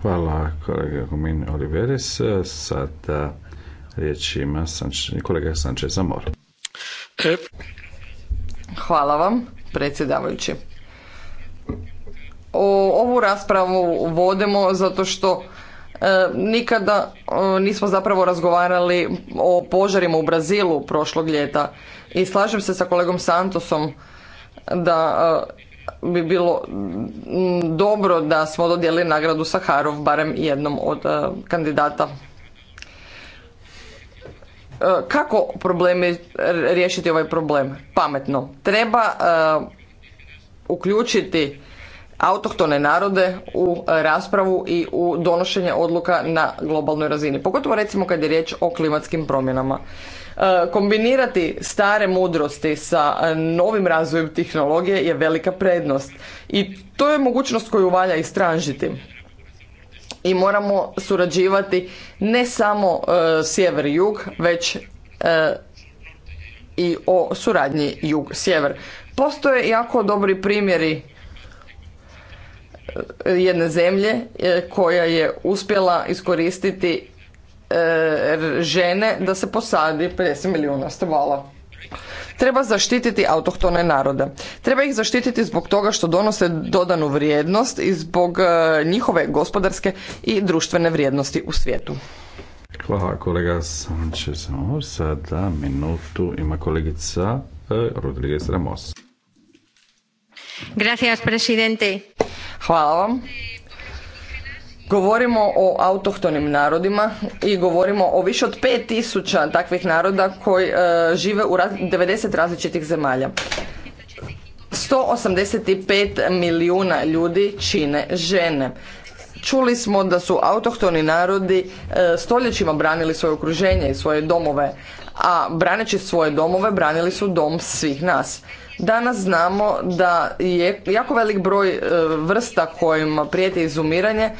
Hvala kolega Gomin Oliveres. Sada riječ ima kolega Sanče Zamor. Hvala vam, predsjedavajući. O, ovu raspravu vodimo zato što e, nikada e, nismo zapravo razgovarali o požarima u Brazilu prošlog ljeta. I slažem se sa kolegom Santosom da e, bi bilo mm, dobro da smo dodijeli nagradu Saharov barem jednom od e, kandidata. E, kako problemi riješiti ovaj problem? Pametno. Treba e, uključiti autohtone narode u raspravu i u donošenje odluka na globalnoj razini. Pogotovo recimo kad je riječ o klimatskim promjenama. E, kombinirati stare mudrosti sa e, novim razvojem tehnologije je velika prednost i to je mogućnost koju valja istražiti. I moramo surađivati ne samo e, sjever i jug, već i o suradnji jug-sjever. Postoje jako dobri primjeri jedne zemlje koja je uspjela iskoristiti E, žene da se posadi 50 milijuna stvala. Treba zaštititi autohtone narode. Treba ih zaštititi zbog toga što donose dodanu vrijednost i zbog e, njihove gospodarske i društvene vrijednosti u svijetu. Hvala kolega Sanchez. Sada minutu ima kolegica e, Rodriguez Ramos. Hvala vam. Govorimo o autohtonim narodima i govorimo o više od 5000 takvih naroda koji e, žive u raz, 90 različitih zemalja. 185 milijuna ljudi čine žene. Čuli smo da su autohtoni narodi e, stoljećima branili svoje okruženje i svoje domove, a braneći svoje domove branili su dom svih nas. Danas znamo da je jako velik broj e, vrsta kojima prijeti izumiranje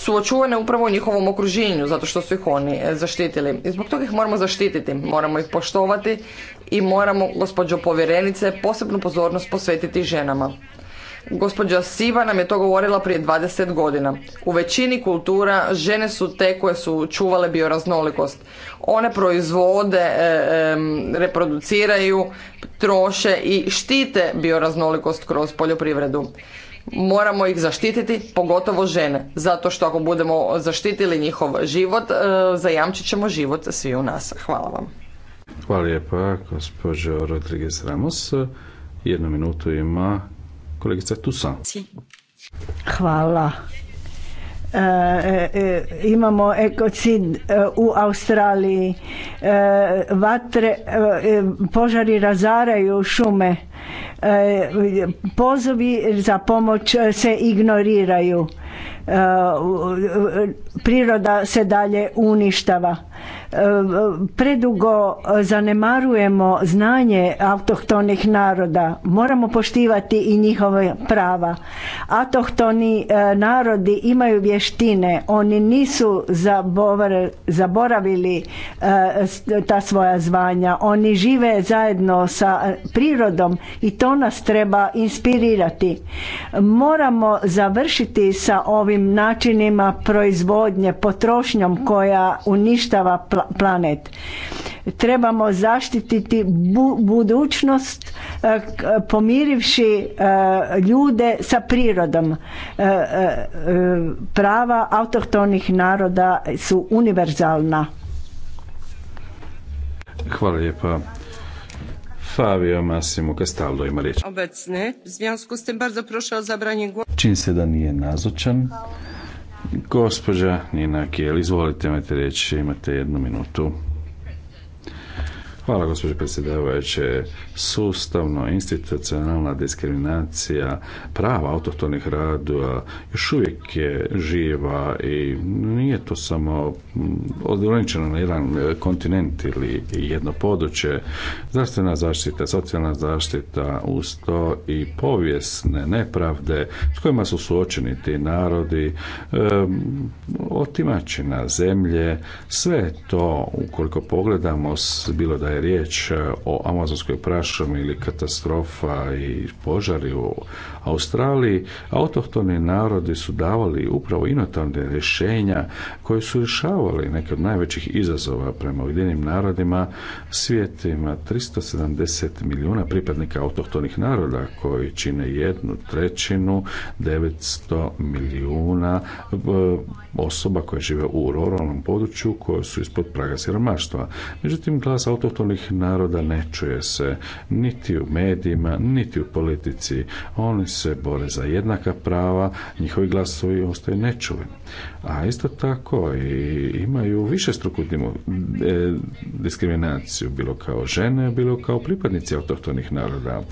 su očuvane upravo u njihovom okruženju, zato što su ih oni e, zaštitili. I zbog toga ih moramo zaštititi, moramo ih poštovati i moramo, gospođo povjerenice, posebnu pozornost posvetiti ženama. Gospođa Siva nam je to govorila prije 20 godina. U većini kultura žene su te koje su čuvale bioraznolikost. One proizvode, e, reproduciraju, troše i štite bioraznolikost kroz poljoprivredu moramo ih zaštititi, pogotovo žene. Zato što ako budemo zaštitili njihov život, e, zajamčit ćemo život svi u nas. Hvala vam. Hvala lijepa, gospođo Rodriguez Ramos. Jednu minutu ima kolegica Tusa. Hvala Eh, eh, eh, imamo ekocid u Australiji vatre požari razaraju šume pozovi za pomoć se ignoriraju priroda se dalje uništava Predugo zanemarujemo znanje autohtonih naroda. Moramo poštivati i njihove prava. Autohtoni e, narodi imaju vještine. Oni nisu zaboravili e, ta svoja zvanja. Oni žive zajedno sa prirodom i to nas treba inspirirati. Moramo završiti sa ovim načinima proizvodnje, potrošnjom koja uništava planet. Trebamo zaštititi bu budućnost e, pomirivši e, ljude sa prirodom. E, prava autohtonih naroda su univerzalna. Hvala lijepa. Fabio Massimo Castaldo ima riječ. Obecny. W związku z tym bardzo proszę o zabranie głosu. se da nije nazočan. Gospođa Nina Kijel, izvolite, imate reći, imate jednu minutu. Hvala gospođo predsjedavajuće sustavno institucionalna diskriminacija prava autohtonih radu još uvijek je živa i nije to samo ograničeno na jedan kontinent ili jedno područje. Zdravstvena zaštita, socijalna zaštita, uz to i povijesne nepravde s kojima su suočeni ti narodi, otimačina zemlje, sve to ukoliko pogledamo, bilo da je riječ e, o amazonskoj praši, ili katastrofa i požari u Australiji, autohtoni narodi su davali upravo inotavne rješenja koje su rješavali neke od najvećih izazova prema Ujedinim narodima. svijetima 370 milijuna pripadnika autohtonih naroda koji čine jednu trećinu 900 milijuna eh, osoba koje žive u ruralnom području koje su ispod praga siromaštva. Međutim, glas autohtonih naroda ne čuje se niti u medijima, niti u politici. Oni se bore za jednaka prava, njihovi glasovi ostaju nečuveni. A isto tako i imaju više e, diskriminaciju, bilo kao žene, bilo kao pripadnici autohtonih naroda.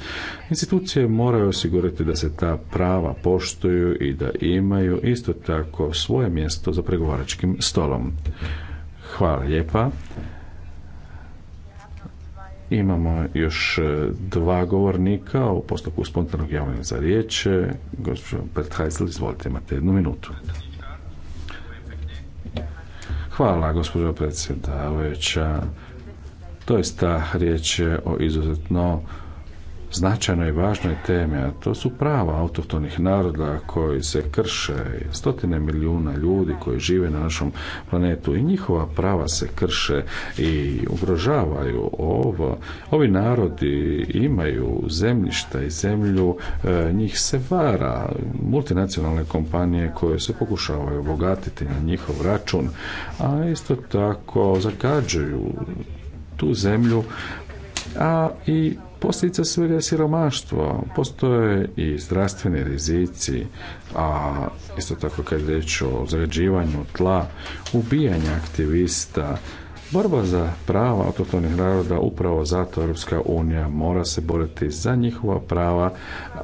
Institucije moraju osigurati da se ta prava poštuju i da imaju isto tako svoje mjesto za pregovaračkim stolom. Hvala lijepa. Imamo još e, dva govornika u postupku spontanog javljanja za riječ. E, gospođo Heisel, izvolite, imate jednu minutu. Hvala, gospođo predsjedavajuća. To ta riječ o izuzetno značajnoj i važnoj temi, a to su prava autohtonih naroda koji se krše, stotine milijuna ljudi koji žive na našom planetu i njihova prava se krše i ugrožavaju. Ovo, ovi narodi imaju zemljišta i zemlju, e, njih se vara multinacionalne kompanije koje se pokušavaju obogatiti na njihov račun, a isto tako zagađuju tu zemlju a i Posljedica svega je siromaštvo, postoje i zdravstveni rizici, a isto tako kad je riječ o zređivanju tla, ubijanja aktivista, Borba za prava autohtonih naroda upravo zato Europska unija mora se boriti za njihova prava,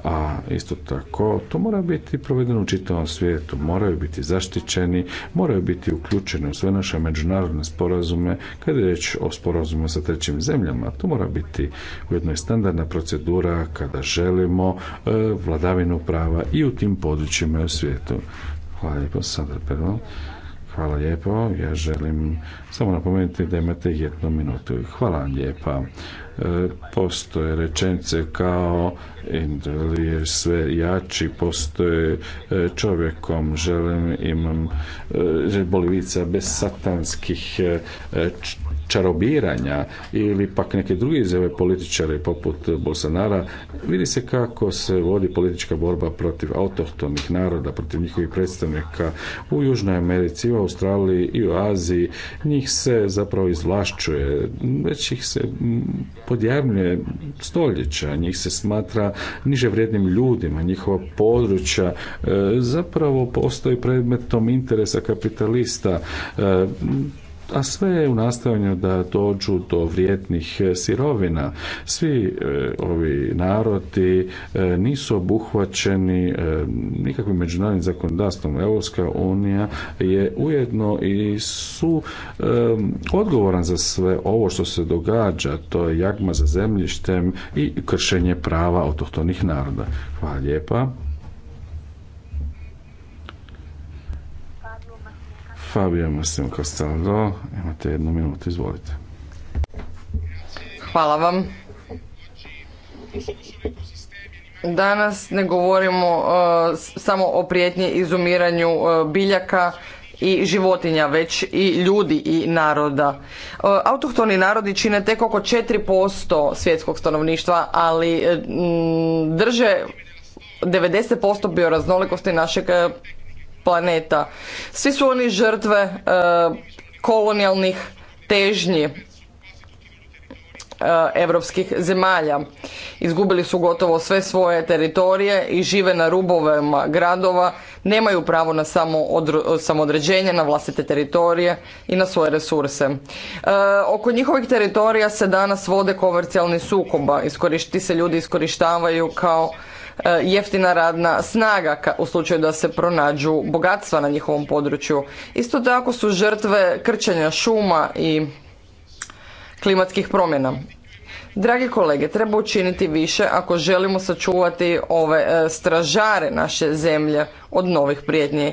a isto tako to mora biti provedeno u čitavom svijetu, moraju biti zaštićeni, moraju biti uključeni u sve naše međunarodne sporazume, kada je riječ o sporazumu sa trećim zemljama, to mora biti u jednoj standardna procedura kada želimo e, vladavinu prava i u tim područjima u svijetu. Hvala lijepo, Sandra Hvala lijepo. Ja želim samo napomenuti da imate jednu minutu. Hvala vam lijepa. E, postoje rečenice kao je sve jači, postoje e, čovjekom, želim, imam e, bolivica bez satanskih čarobiranja ili pak neke druge izjave političare poput Bolsonara, vidi se kako se vodi politička borba protiv autohtonih naroda, protiv njihovih predstavnika u Južnoj Americi, u Australiji i u Aziji. Njih se zapravo izvlašćuje, već ih se podjavljuje stoljeća, njih se smatra niže vrijednim ljudima, njihova područja e, zapravo postoji predmetom interesa kapitalista. E, a sve je u nastojanju da dođu do vrijednih e, sirovina. Svi e, ovi narodi e, nisu obuhvaćeni nikakvim međunarodnim zakonodavstvom. Europska unija je ujedno i su odgovoran za sve ovo što se događa. To je jagma za zemljištem i kršenje prava autohtonih naroda. Hvala lijepa. Fabio imate jednu minutu, izvolite. Hvala vam. Danas ne govorimo uh, samo o prijetnji izumiranju uh, biljaka i životinja, već i ljudi i naroda. Uh, autohtoni narodi čine tek oko 4% svjetskog stanovništva, ali drže 90% bioraznolikosti našeg planeta. Svi su oni žrtve e, kolonijalnih težnji europskih zemalja. Izgubili su gotovo sve svoje teritorije i žive na rubovima gradova, nemaju pravo na samoodređenje, na vlastite teritorije i na svoje resurse. E, oko njihovih teritorija se danas vode komercijalni sukoba. iskorišti se ljudi iskorištavaju kao E, jeftina radna snaga u slučaju da se pronađu bogatstva na njihovom području. Isto tako su žrtve krčenja šuma i klimatskih promjena. Dragi kolege, treba učiniti više ako želimo sačuvati ove e, stražare naše zemlje od novih prijetnji.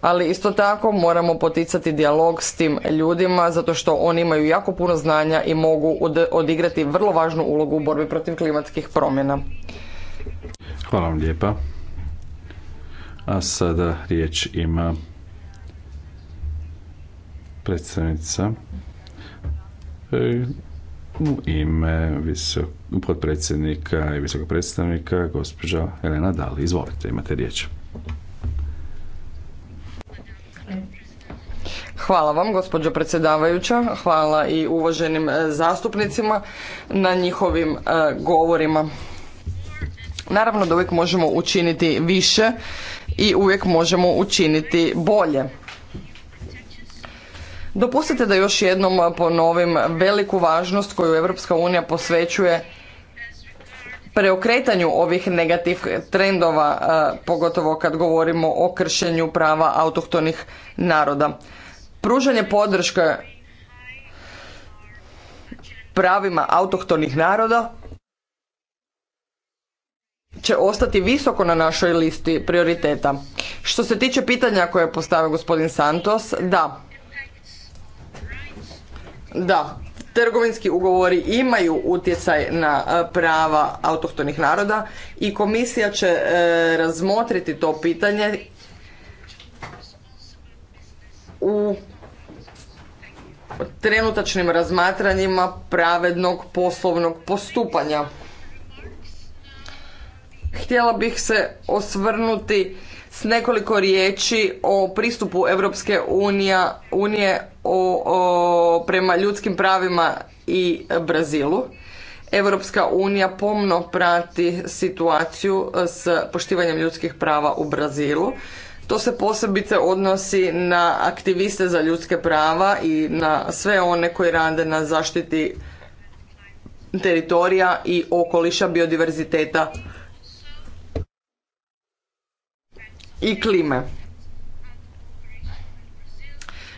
Ali isto tako moramo poticati dijalog s tim ljudima zato što oni imaju jako puno znanja i mogu odigrati vrlo važnu ulogu u borbi protiv klimatskih promjena. Hvala vam lijepa. A sada riječ ima predstavnica e, u ime visok, podpredsjednika i visokog predstavnika gospođa Elena Dali. Izvolite, imate riječ. Hvala vam, gospođo predsjedavajuća. Hvala i uvaženim e, zastupnicima na njihovim e, govorima. Naravno da uvijek možemo učiniti više i uvijek možemo učiniti bolje. Dopustite da još jednom ponovim veliku važnost koju Europska unija posvećuje preokretanju ovih negativnih trendova, pogotovo kad govorimo o kršenju prava autohtonih naroda. Pružanje podrške pravima autohtonih naroda će ostati visoko na našoj listi prioriteta. Što se tiče pitanja koje je postavio gospodin Santos, da. Da, trgovinski ugovori imaju utjecaj na e, prava autohtonih naroda i komisija će e, razmotriti to pitanje u trenutačnim razmatranjima pravednog poslovnog postupanja htjela bih se osvrnuti s nekoliko riječi o pristupu Europske unije o, prema ljudskim pravima i Brazilu. Europska unija pomno prati situaciju s poštivanjem ljudskih prava u Brazilu. To se posebice odnosi na aktiviste za ljudske prava i na sve one koji rade na zaštiti teritorija i okoliša biodiverziteta i klime.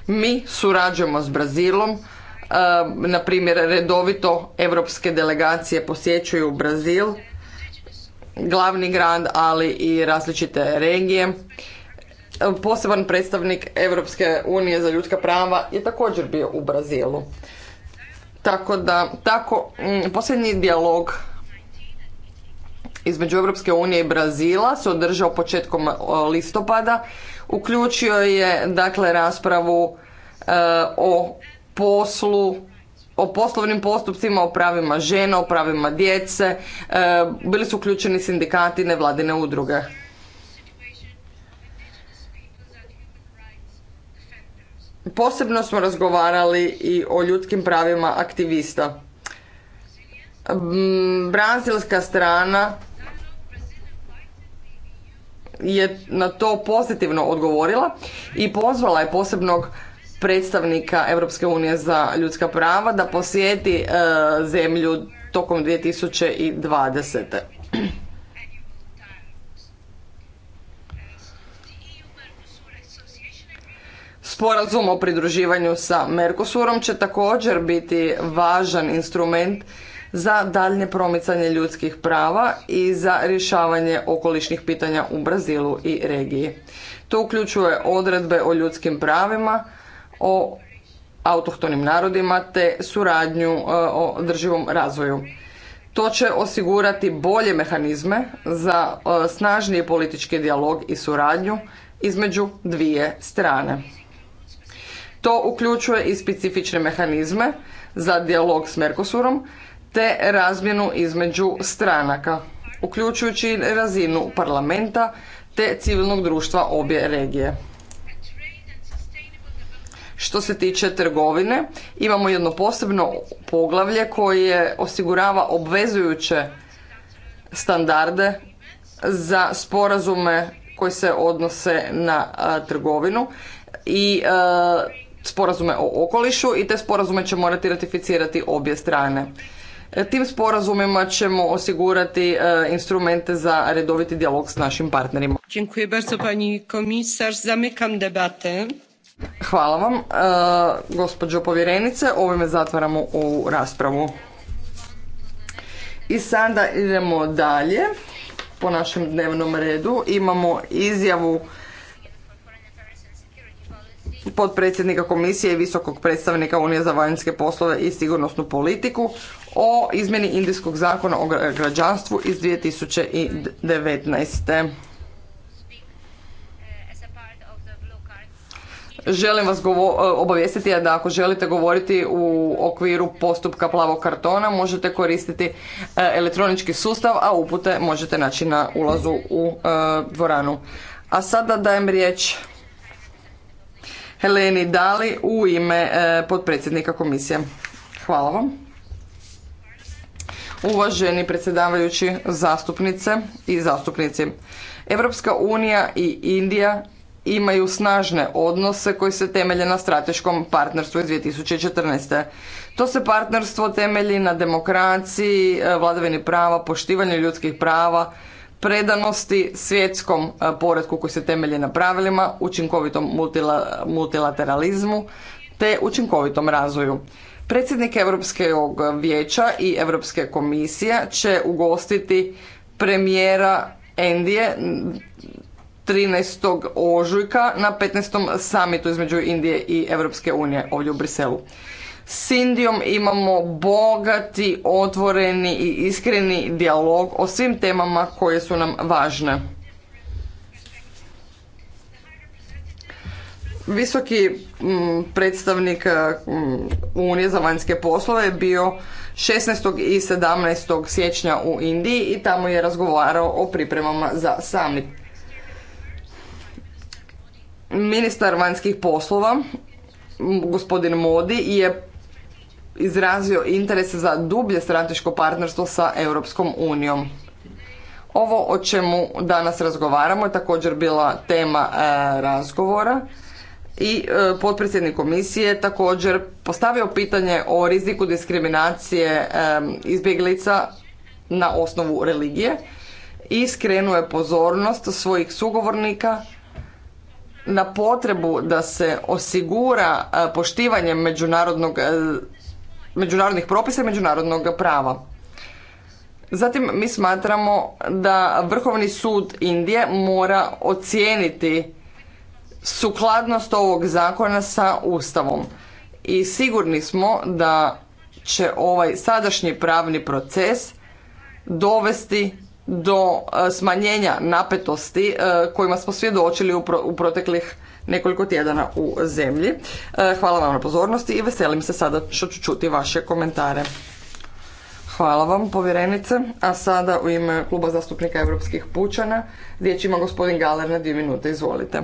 Mi surađujemo s Brazilom, eh, na primjer redovito europske delegacije posjećuju Brazil, glavni grad, ali i različite regije. Poseban predstavnik Europske unije za ljudska prava je također bio u Brazilu. Tako da, tako, mm, posljednji dijalog između Europske unije i Brazila se održao početkom e, listopada. Uključio je dakle raspravu e, o poslu o poslovnim postupcima, o pravima žena, o pravima djece. E, bili su uključeni sindikati, nevladine udruge. Posebno smo razgovarali i o ljudskim pravima aktivista. Brazilska strana je na to pozitivno odgovorila i pozvala je posebnog predstavnika Europske unije za ljudska prava da posjeti e, zemlju tokom 2020. Sporazum o pridruživanju sa Mercosurom će također biti važan instrument za daljnje promicanje ljudskih prava i za rješavanje okolišnih pitanja u Brazilu i regiji. To uključuje odredbe o ljudskim pravima, o autohtonim narodima te suradnju e, o drživom razvoju. To će osigurati bolje mehanizme za e, snažniji politički dijalog i suradnju između dvije strane. To uključuje i specifične mehanizme za dijalog s Mercosurom te razmjenu između stranaka, uključujući razinu parlamenta te civilnog društva obje regije. Što se tiče trgovine, imamo jedno posebno poglavlje koje osigurava obvezujuće standarde za sporazume koji se odnose na trgovinu i sporazume o okolišu i te sporazume će morati ratificirati obje strane. E, tim sporazumima ćemo osigurati e, instrumente za redoviti dijalog s našim partnerima. Dziękuję bardzo pani komisar Zamykam debatę. Hvala vam, e, gospođo povjerenice. Ovime zatvaramo ovu raspravu. I sada idemo dalje po našem dnevnom redu. Imamo izjavu potpredsjednika komisije i visokog predstavnika Unije za vanjske poslove i sigurnosnu politiku o izmjeni Indijskog zakona o građanstvu iz 2019. Želim vas obavijestiti da ako želite govoriti u okviru postupka plavog kartona možete koristiti e, elektronički sustav, a upute možete naći na ulazu u e, dvoranu. A sada dajem riječ Heleni Dali u ime e, potpredsjednika komisije. Hvala vam uvaženi predsjedavajući zastupnice i zastupnici. Europska unija i Indija imaju snažne odnose koji se temelje na strateškom partnerstvu iz 2014. To se partnerstvo temelji na demokraciji, vladavini prava, poštivanju ljudskih prava, predanosti svjetskom e, poredku koji se temelji na pravilima, učinkovitom multilateralizmu te učinkovitom razvoju. Predsjednik Europskog vijeća i Europske komisije će ugostiti premijera Indije 13. ožujka na 15. samitu između Indije i Europske unije ovdje u Briselu. S Indijom imamo bogati, otvoreni i iskreni dijalog o svim temama koje su nam važne. Visoki mm, predstavnik eh, mm, Unije za vanjske poslove je bio 16. i 17. siječnja u Indiji i tamo je razgovarao o pripremama za summit. Ministar vanjskih poslova, gospodin Modi, je izrazio interes za dublje strateško partnerstvo sa Europskom unijom. Ovo o čemu danas razgovaramo je također bila tema eh, razgovora i e, potpredsjednik komisije također postavio pitanje o riziku diskriminacije e, izbjeglica na osnovu religije i skrenuo je pozornost svojih sugovornika na potrebu da se osigura e, poštivanje međunarodnog, međunarodnih propisa i međunarodnog prava. Zatim mi smatramo da Vrhovni sud Indije mora ocijeniti sukladnost ovog zakona sa Ustavom. I sigurni smo da će ovaj sadašnji pravni proces dovesti do e, smanjenja napetosti e, kojima smo svjedočili u proteklih nekoliko tjedana u zemlji. E, hvala vam na pozornosti i veselim se sada što ću čuti vaše komentare. Hvala vam, povjerenice. A sada u ime Kluba zastupnika Europskih pučana riječ ima gospodin Galer na dvije minute. Izvolite.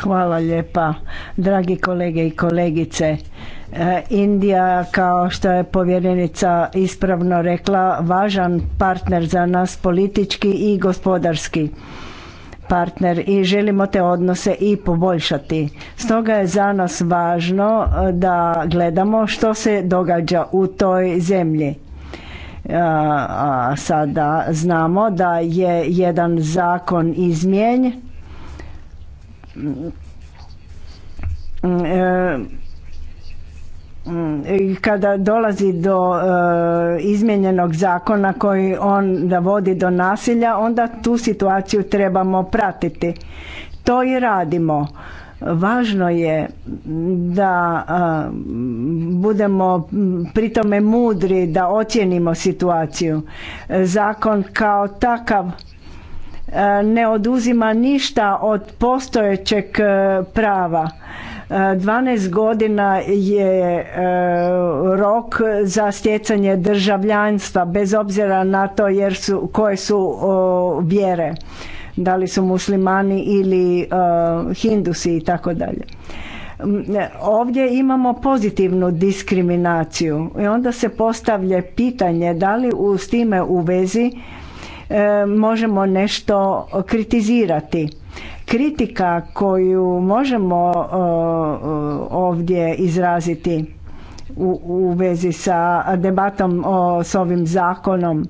Hvala lijepa, dragi kolege i kolegice. E, Indija, kao što je povjerenica ispravno rekla, važan partner za nas politički i gospodarski partner i želimo te odnose i poboljšati. Stoga je za nas važno e, da gledamo što se događa u toj zemlji. E, a sada znamo da je jedan zakon izmijenjen E, kada dolazi do e, izmjenjenog zakona koji on da vodi do nasilja onda tu situaciju trebamo pratiti to i radimo važno je da e, budemo pri tome mudri da ocijenimo situaciju zakon kao takav E, ne oduzima ništa od postojećeg e, prava. 12 e, godina je rok za stjecanje državljanstva bez obzira na to jer su, koje su vjere da li su muslimani ili hindusi i tako dalje ovdje imamo pozitivnu diskriminaciju i onda se postavlja pitanje da li s time u vezi E, možemo nešto kritizirati. Kritika koju možemo e, ovdje izraziti u, vezi sa debatom s ovim zakonom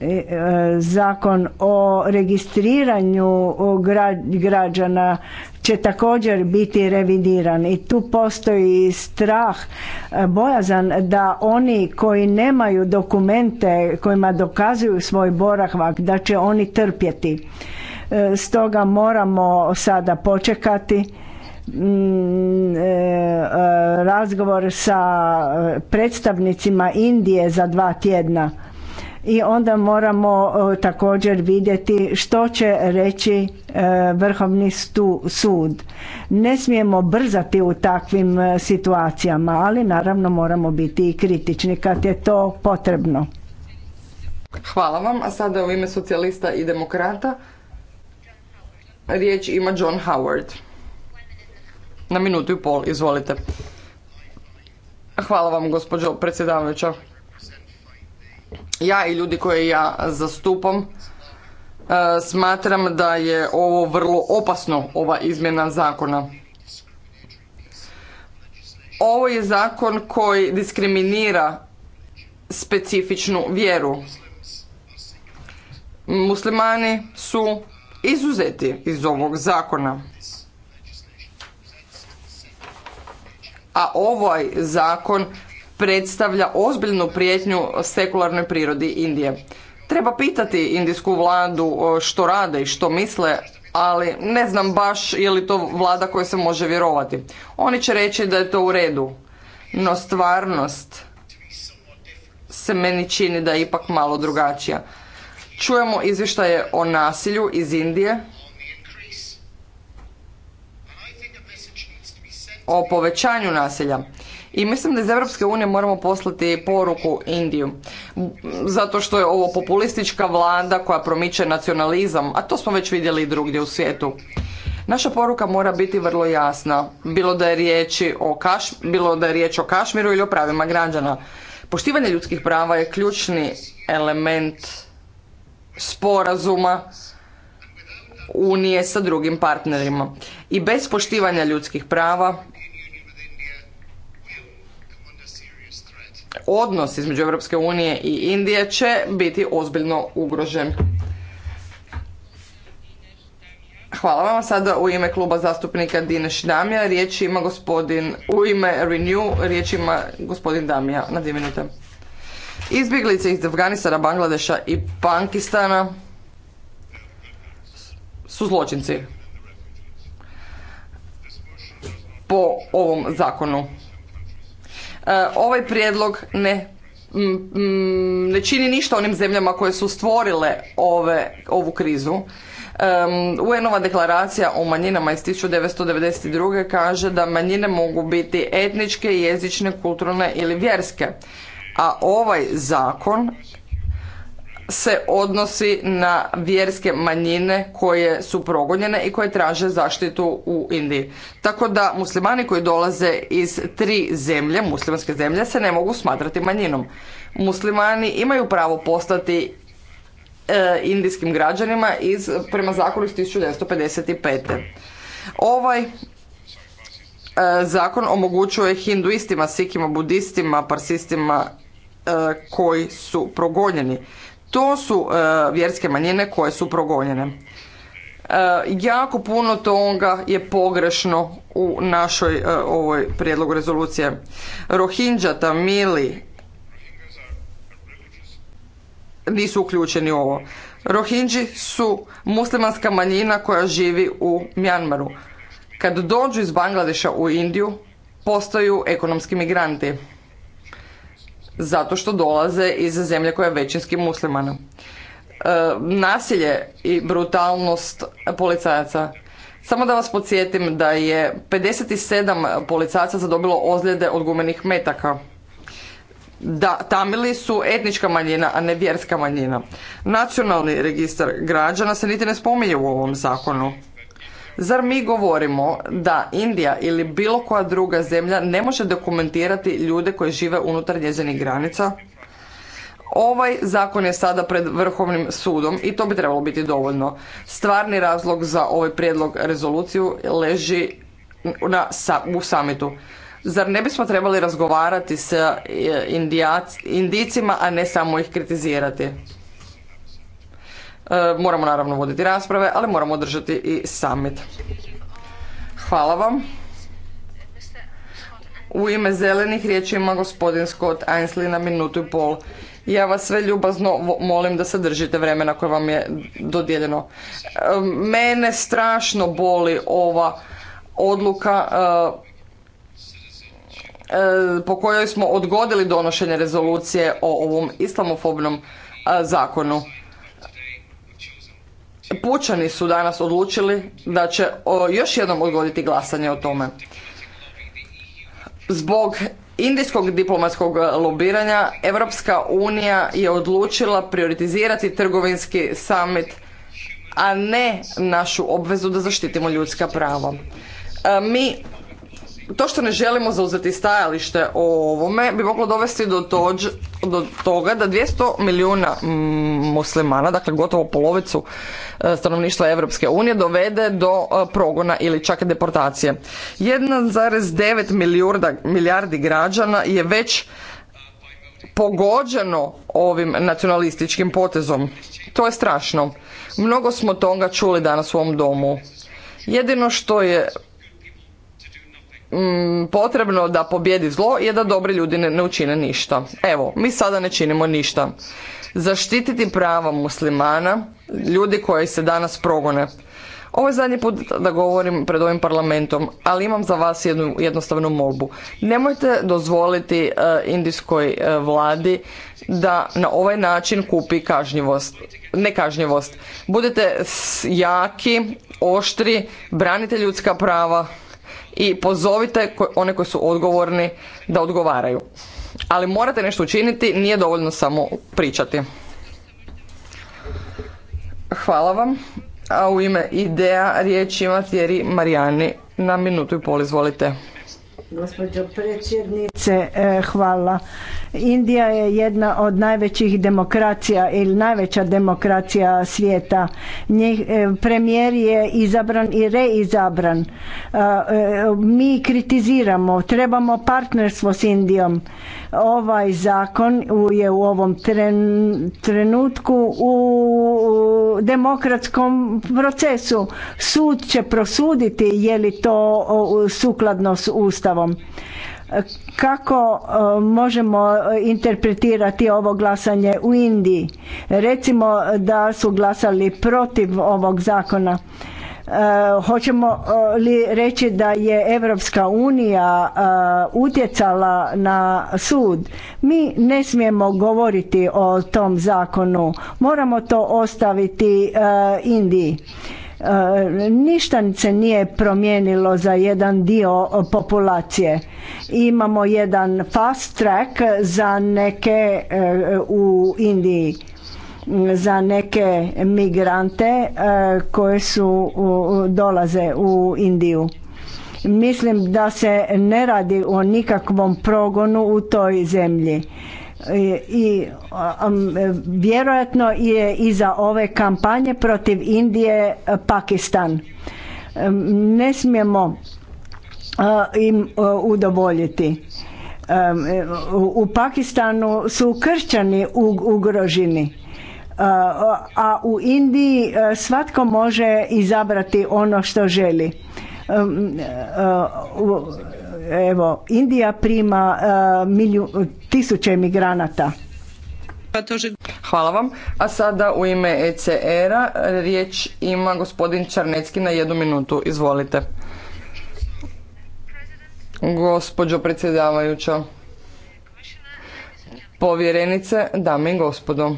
E, e, zakon o registriranju građana će također biti revidiran i tu postoji strah, e, bojazan da oni koji nemaju dokumente kojima dokazuju svoj boravak da će oni trpjeti. Stoga moramo sada počekati mm, razgovor sa predstavnicima Indije za dva tjedna i onda moramo e, također vidjeti što će reći e, Vrhovni sud. Ne smijemo brzati u takvim e, situacijama, ali naravno moramo biti i kritični kad je to potrebno. Hvala vam, a sada u ime socijalista i demokrata riječ ima John Howard. Na minutu i pol, izvolite. Hvala vam, gospođo predsjedavajuća ja i ljudi koje ja zastupam e, smatram da je ovo vrlo opasno, ova izmjena zakona. Ovo je zakon koji diskriminira specifičnu vjeru. Muslimani su izuzeti iz ovog zakona. A ovaj zakon predstavlja ozbiljnu prijetnju sekularnoj prirodi Indije. Treba pitati indijsku vladu e, što rade i što misle, ali ne znam baš je li to vlada koja se može vjerovati. Oni će reći da je to u redu, no stvarnost se meni čini da je ipak malo drugačija. Čujemo izvještaje o nasilju iz Indije, o povećanju nasilja. I mislim da iz Europske unije moramo poslati poruku Indiju. Zato što je ovo populistička vlada koja promiče nacionalizam, a to smo već vidjeli i drugdje u svijetu. Naša poruka mora biti vrlo jasna, bilo da je riječ o, bilo da je riječ o Kašmiru ili o pravima građana. Poštivanje ljudskih prava je ključni element sporazuma unije sa drugim partnerima. I bez poštivanja ljudskih prava odnos između Europske unije i Indije će biti ozbiljno ugrožen. Hvala vam. Sada u ime kluba zastupnika Dineš Damija riječ ima gospodin, u ime Renew riječ ima gospodin Damija na dvije minute. Izbjeglice iz Afganistana, Bangladeša i Pakistana su zločinci po ovom zakonu. E, ovaj prijedlog ne, ne čini ništa onim zemljama koje su stvorile ove, ovu krizu. E, UN-ova deklaracija o manjinama iz 1992. kaže da manjine mogu biti etničke, jezične, kulturne ili vjerske. A ovaj zakon se odnosi na vjerske manjine koje su progonjene i koje traže zaštitu u Indiji. Tako da muslimani koji dolaze iz tri zemlje, muslimanske zemlje, se ne mogu smatrati manjinom. Muslimani imaju pravo postati e, indijskim građanima iz, prema zakonu iz 1955. Ovaj e, zakon omogućuje hinduistima, sikima, budistima, parsistima e, koji su progonjeni to su e, vjerske manjine koje su progonjene. E, jako puno toga je pogrešno u našoj e, ovoj prijedlogu rezolucije. Rohingya, Tamili nisu uključeni u ovo. Rohinđi su muslimanska manjina koja živi u Mjanmaru. Kad dođu iz Bangladeša u Indiju, postaju ekonomski migranti zato što dolaze iz zemlje koja je većinski muslimana. E, nasilje i brutalnost policajaca. Samo da vas podsjetim da je 57 policajaca zadobilo ozljede od gumenih metaka. Da, Tamili su etnička manjina, a ne vjerska manjina. Nacionalni registar građana se niti ne spominje u ovom zakonu. Zar mi govorimo da Indija ili bilo koja druga zemlja ne može dokumentirati ljude koji žive unutar njezinih granica? Ovaj zakon je sada pred Vrhovnim sudom i to bi trebalo biti dovoljno. Stvarni razlog za ovaj prijedlog rezoluciju leži na, u samitu. Zar ne bismo trebali razgovarati s e, indijacima, indicima, a ne samo ih kritizirati? E, moramo naravno voditi rasprave, ali moramo održati i summit. Hvala vam. U ime zelenih riječi ima gospodin Scott Ainsley na minutu i pol. Ja vas sve ljubazno molim da se držite vremena koje vam je dodijeljeno. E, mene strašno boli ova odluka e, po kojoj smo odgodili donošenje rezolucije o ovom islamofobnom zakonu. Pučani su danas odlučili da će o, još jednom odgoditi glasanje o tome. Zbog indijskog diplomatskog lobiranja Europska unija je odlučila prioritizirati trgovinski summit, a ne našu obvezu da zaštitimo ljudska prava. E, mi to što ne želimo zauzeti stajalište o ovome bi moglo dovesti do, tođ, do toga da 200 milijuna muslimana, dakle gotovo polovicu e, stanovništva Europske unije dovede do e, progona ili čak deportacije. 1,9 milijardi građana je već pogođeno ovim nacionalističkim potezom. To je strašno. Mnogo smo toga čuli danas u ovom domu. Jedino što je mm, potrebno da pobjedi zlo je da dobri ljudi ne, učine ništa. Evo, mi sada ne činimo ništa. Zaštititi prava muslimana, ljudi koji se danas progone. Ovo je zadnji put da govorim pred ovim parlamentom, ali imam za vas jednu jednostavnu molbu. Nemojte dozvoliti uh, indijskoj e, vladi da na ovaj način kupi kažnjivost, nekažnjivost. Budete jaki, oštri, branite ljudska prava, i pozovite one koji su odgovorni da odgovaraju. Ali morate nešto učiniti, nije dovoljno samo pričati. Hvala vam. A u ime ideja riječ ima Thierry Marijani. Na minutu i pol izvolite. predsjednice, eh, hvala. Indija je jedna od najvećih demokracija ili najveća demokracija svijeta. Njih, e, premijer je izabran i reizabran. E, e, mi kritiziramo, trebamo partnerstvo s Indijom. Ovaj zakon je u ovom trenutku u demokratskom procesu. Sud će prosuditi je li to sukladno s Ustavom kako e, možemo e, interpretirati ovo glasanje u Indiji. Recimo da su glasali protiv ovog zakona. E, hoćemo li reći da je Europska unija utjecala na sud? Mi ne smijemo govoriti o tom zakonu. Moramo to ostaviti Indiji Ništa se nije promijenilo za jedan dio populacije. Imamo jedan fast track za neke eh, u Indiji za neke migrante eh, koje su dolaze u Indiju. Mislim da se ne radi o nikakvom progonu u toj zemlji i um, vjerojatno je iza ove kampanje protiv Indije e, Pakistan. Um, ne smijemo e, im e, udovoljiti. Um, u Pakistanu su kršćani ugroženi, a u Indiji svatko može izabrati ono što želi Evo, Indija prima e, milju, tisuće emigranata. Hvala vam. A sada u ime ECR-a riječ ima gospodin Čarnecki na jednu minutu. Izvolite. Gospođo predsjedavajuća, povjerenice, dame i gospodo.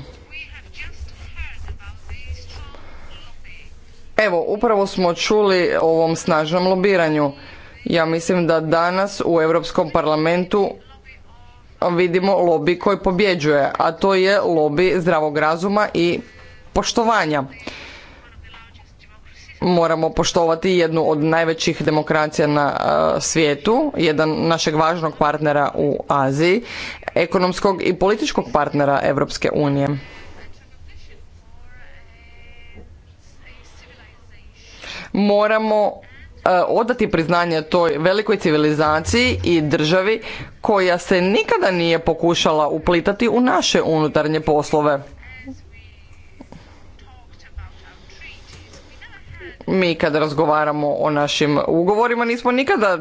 Evo, upravo smo čuli o ovom snažnom lobiranju. Ja mislim da danas u Europskom parlamentu vidimo lobby koji pobjeđuje, a to je lobby zdravog razuma i poštovanja. Moramo poštovati jednu od najvećih demokracija na e, svijetu, jedan našeg važnog partnera u Aziji, ekonomskog i političkog partnera Europske unije. Moramo E, odati priznanje toj velikoj civilizaciji i državi koja se nikada nije pokušala uplitati u naše unutarnje poslove. Mi kad razgovaramo o našim ugovorima nismo nikada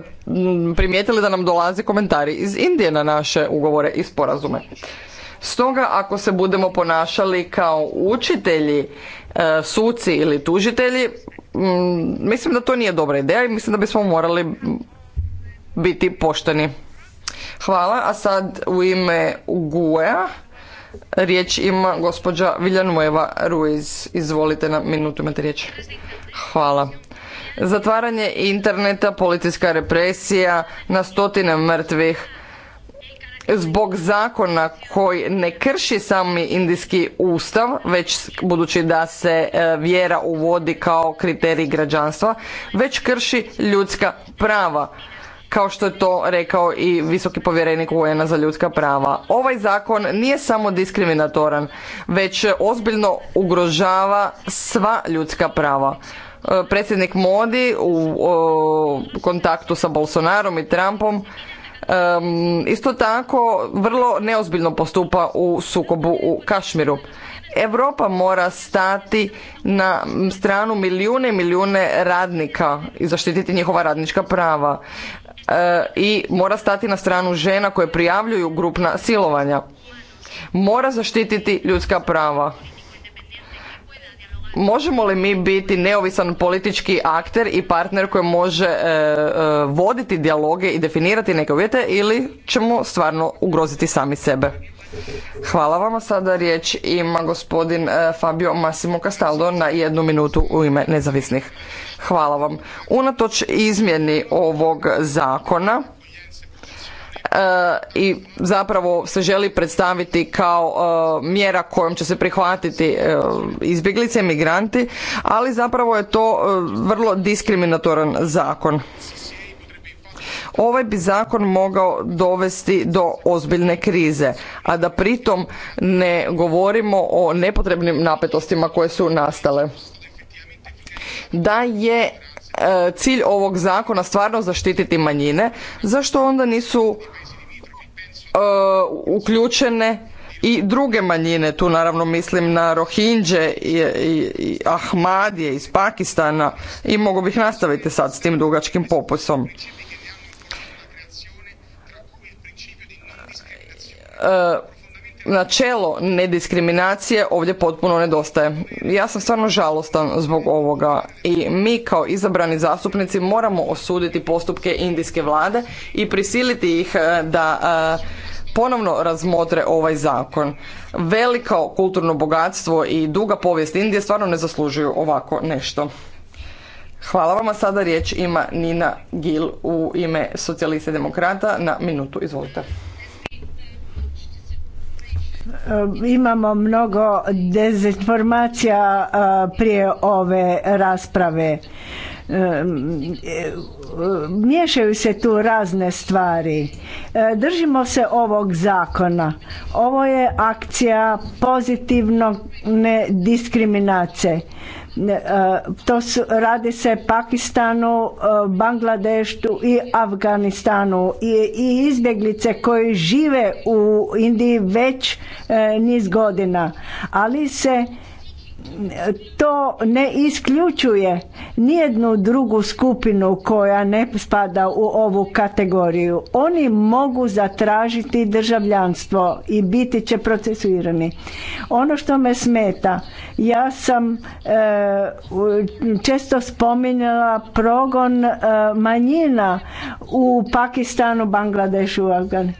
primijetili da nam dolaze komentari iz Indije na naše ugovore i sporazume. Stoga ako se budemo ponašali kao učitelji E, suci ili tužitelji, mm, mislim da to nije dobra ideja i mislim da bismo morali biti pošteni. Hvala, a sad u ime Guea riječ ima gospođa Viljanueva Ruiz. Izvolite na minutu imate riječ. Hvala. Zatvaranje interneta, policijska represija, na stotine mrtvih, zbog zakona koji ne krši sami indijski ustav, već budući da se e, vjera uvodi kao kriterij građanstva, već krši ljudska prava kao što je to rekao i visoki povjerenik un za ljudska prava. Ovaj zakon nije samo diskriminatoran, već ozbiljno ugrožava sva ljudska prava. E, predsjednik Modi u kontaktu sa Bolsonarom i Trumpom Isto tako vrlo neozbiljno postupa u sukobu u Kašmiru. Europa mora stati na stranu milijune i milijune radnika i zaštititi njihova radnička prava. E, I mora stati na stranu žena koje prijavljuju grupna silovanja. Mora zaštititi ljudska prava možemo li mi biti neovisan politički akter i partner koji može e, e, voditi dijaloge i definirati neke uvjete ili ćemo stvarno ugroziti sami sebe? Hvala vam. Sada riječ ima gospodin e, Fabio Massimo Castaldo na jednu minutu u ime nezavisnih. Hvala vam. Unatoč izmjeni ovog zakona E, i zapravo se želi predstaviti kao e, mjera kojom će se prihvatiti e, izbjeglice, migranti, ali zapravo je to vrlo diskriminatoran zakon. Ovaj bi zakon mogao dovesti do ozbiljne krize, a da pritom ne govorimo o nepotrebnim napetostima koje su nastale. Da je E, cilj ovog zakona stvarno zaštititi manjine, zašto onda nisu e, uključene i druge manjine, tu naravno mislim na Rohinđe i, i, Ahmadije iz Pakistana i mogu bih nastaviti sad s tim dugačkim popusom. E, načelo nediskriminacije ovdje potpuno nedostaje. Ja sam stvarno žalostan zbog ovoga i mi kao izabrani zastupnici moramo osuditi postupke indijske vlade i prisiliti ih e, da e, ponovno razmotre ovaj zakon. Veliko kulturno bogatstvo i duga povijest Indije stvarno ne zaslužuju ovako nešto. Hvala vam, sada riječ ima Nina Gil u ime socijalista demokrata na minutu, izvolite imamo mnogo dezinformacija prije ove rasprave. E, miješaju se tu razne stvari. E, držimo se ovog zakona. Ovo je akcija pozitivne diskriminacije. E, to su, radi se Pakistanu, e, Bangladeštu i Afganistanu i, i izbjeglice koji žive u Indiji već e, niz godina, ali se to ne isključuje nijednu drugu skupinu koja ne spada u ovu kategoriju. Oni mogu zatražiti državljanstvo i biti će procesuirani. Ono što me smeta, ja sam e, često spominjala progon e, manjina u Pakistanu, Bangladešu, Afganistanu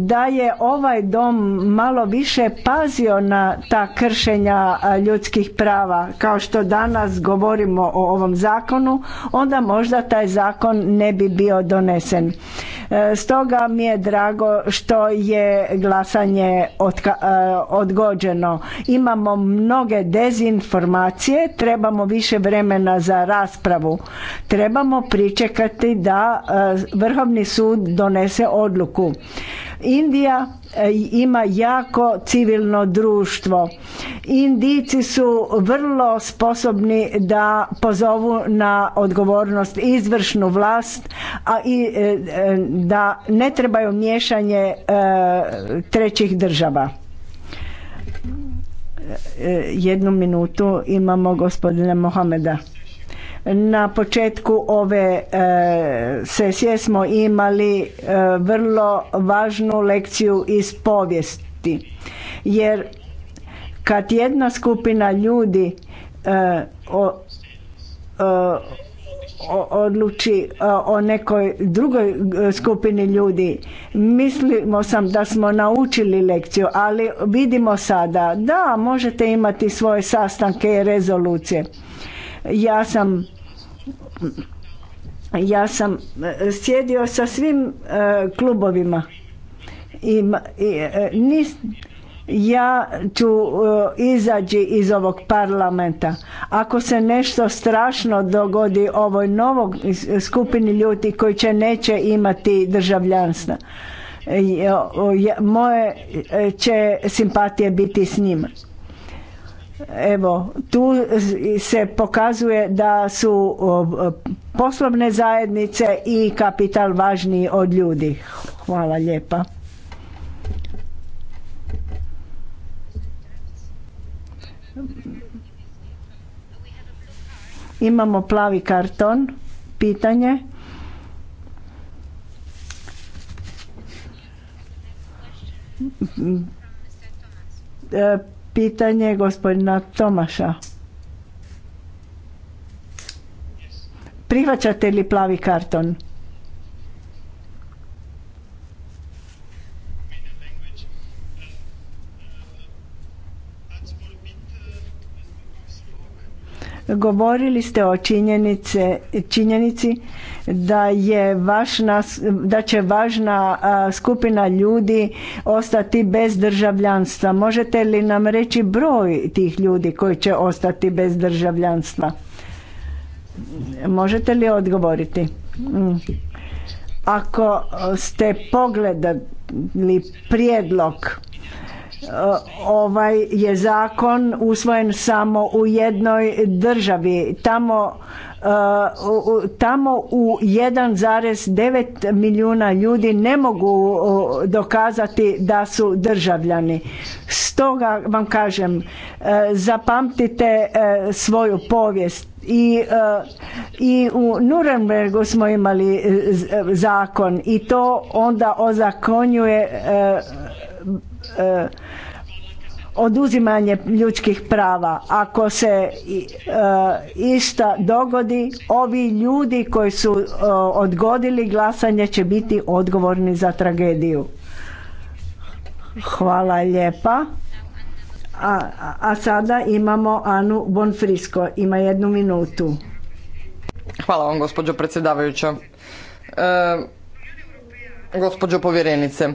da je ovaj dom malo više pazio na ta kršenja ljudskih prava kao što danas govorimo o ovom zakonu onda možda taj zakon ne bi bio donesen e, stoga mi je drago što je glasanje e, odgođeno imamo mnoge dezinformacije trebamo više vremena za raspravu trebamo pričekati da e, vrhovni sud donese odluku Indija e, ima jako civilno društvo. Indijci su vrlo sposobni da pozovu na odgovornost izvršnu vlast, a i e, e, da ne trebaju miješanje trećih država. Jednu minutu imamo gospodina Mohameda. Na početku ove e, sesije smo imali e, vrlo važnu lekciju iz povijesti jer kad jedna skupina ljudi e, odluči o nekoj drugoj skupini ljudi. Mislimo sam da smo naučili lekciju, ali vidimo sada da možete imati svoje sastanke i rezolucije. Ja sam ja sam e, sjedio sa svim e, klubovima i, e, ja ću izaći iz ovog parlamenta. Ako se nešto strašno dogodi ovoj novog skupini ljudi koji će neće imati državljanstva, moje će simpatije biti s njima. Evo, tu se pokazuje da su poslovne zajednice i kapital važniji od ljudi. Hvala lijepa. Imamo plavi karton. Pitanje pitanje gospodina Tomaša. Prihvaćate li plavi karton? Govorili ste o činjenici da je da će važna skupina ljudi ostati bez državljanstva. Možete li nam reći broj tih ljudi koji će ostati bez državljanstva? Možete li odgovoriti? Mm. Ako ste pogledali prijedlog Eh, ovaj je zakon usvojen samo u jednoj državi tamo eh, tamo u 1,9 milijuna ljudi ne mogu eh, dokazati da su državljani. Stoga vam kažem, zapamtite svoju povijest i, i u Nurembergu smo imali zakon i to onda ozakonjuje E, oduzimanje ljudskih prava. Ako se ista e, dogodi, ovi ljudi koji su e, odgodili glasanje će biti odgovorni za tragediju. Hvala lijepa. A, sada imamo Anu Bonfrisko, ima jednu minutu. Hvala vam gospođo predsjedavajuća. gospođo povjerenice,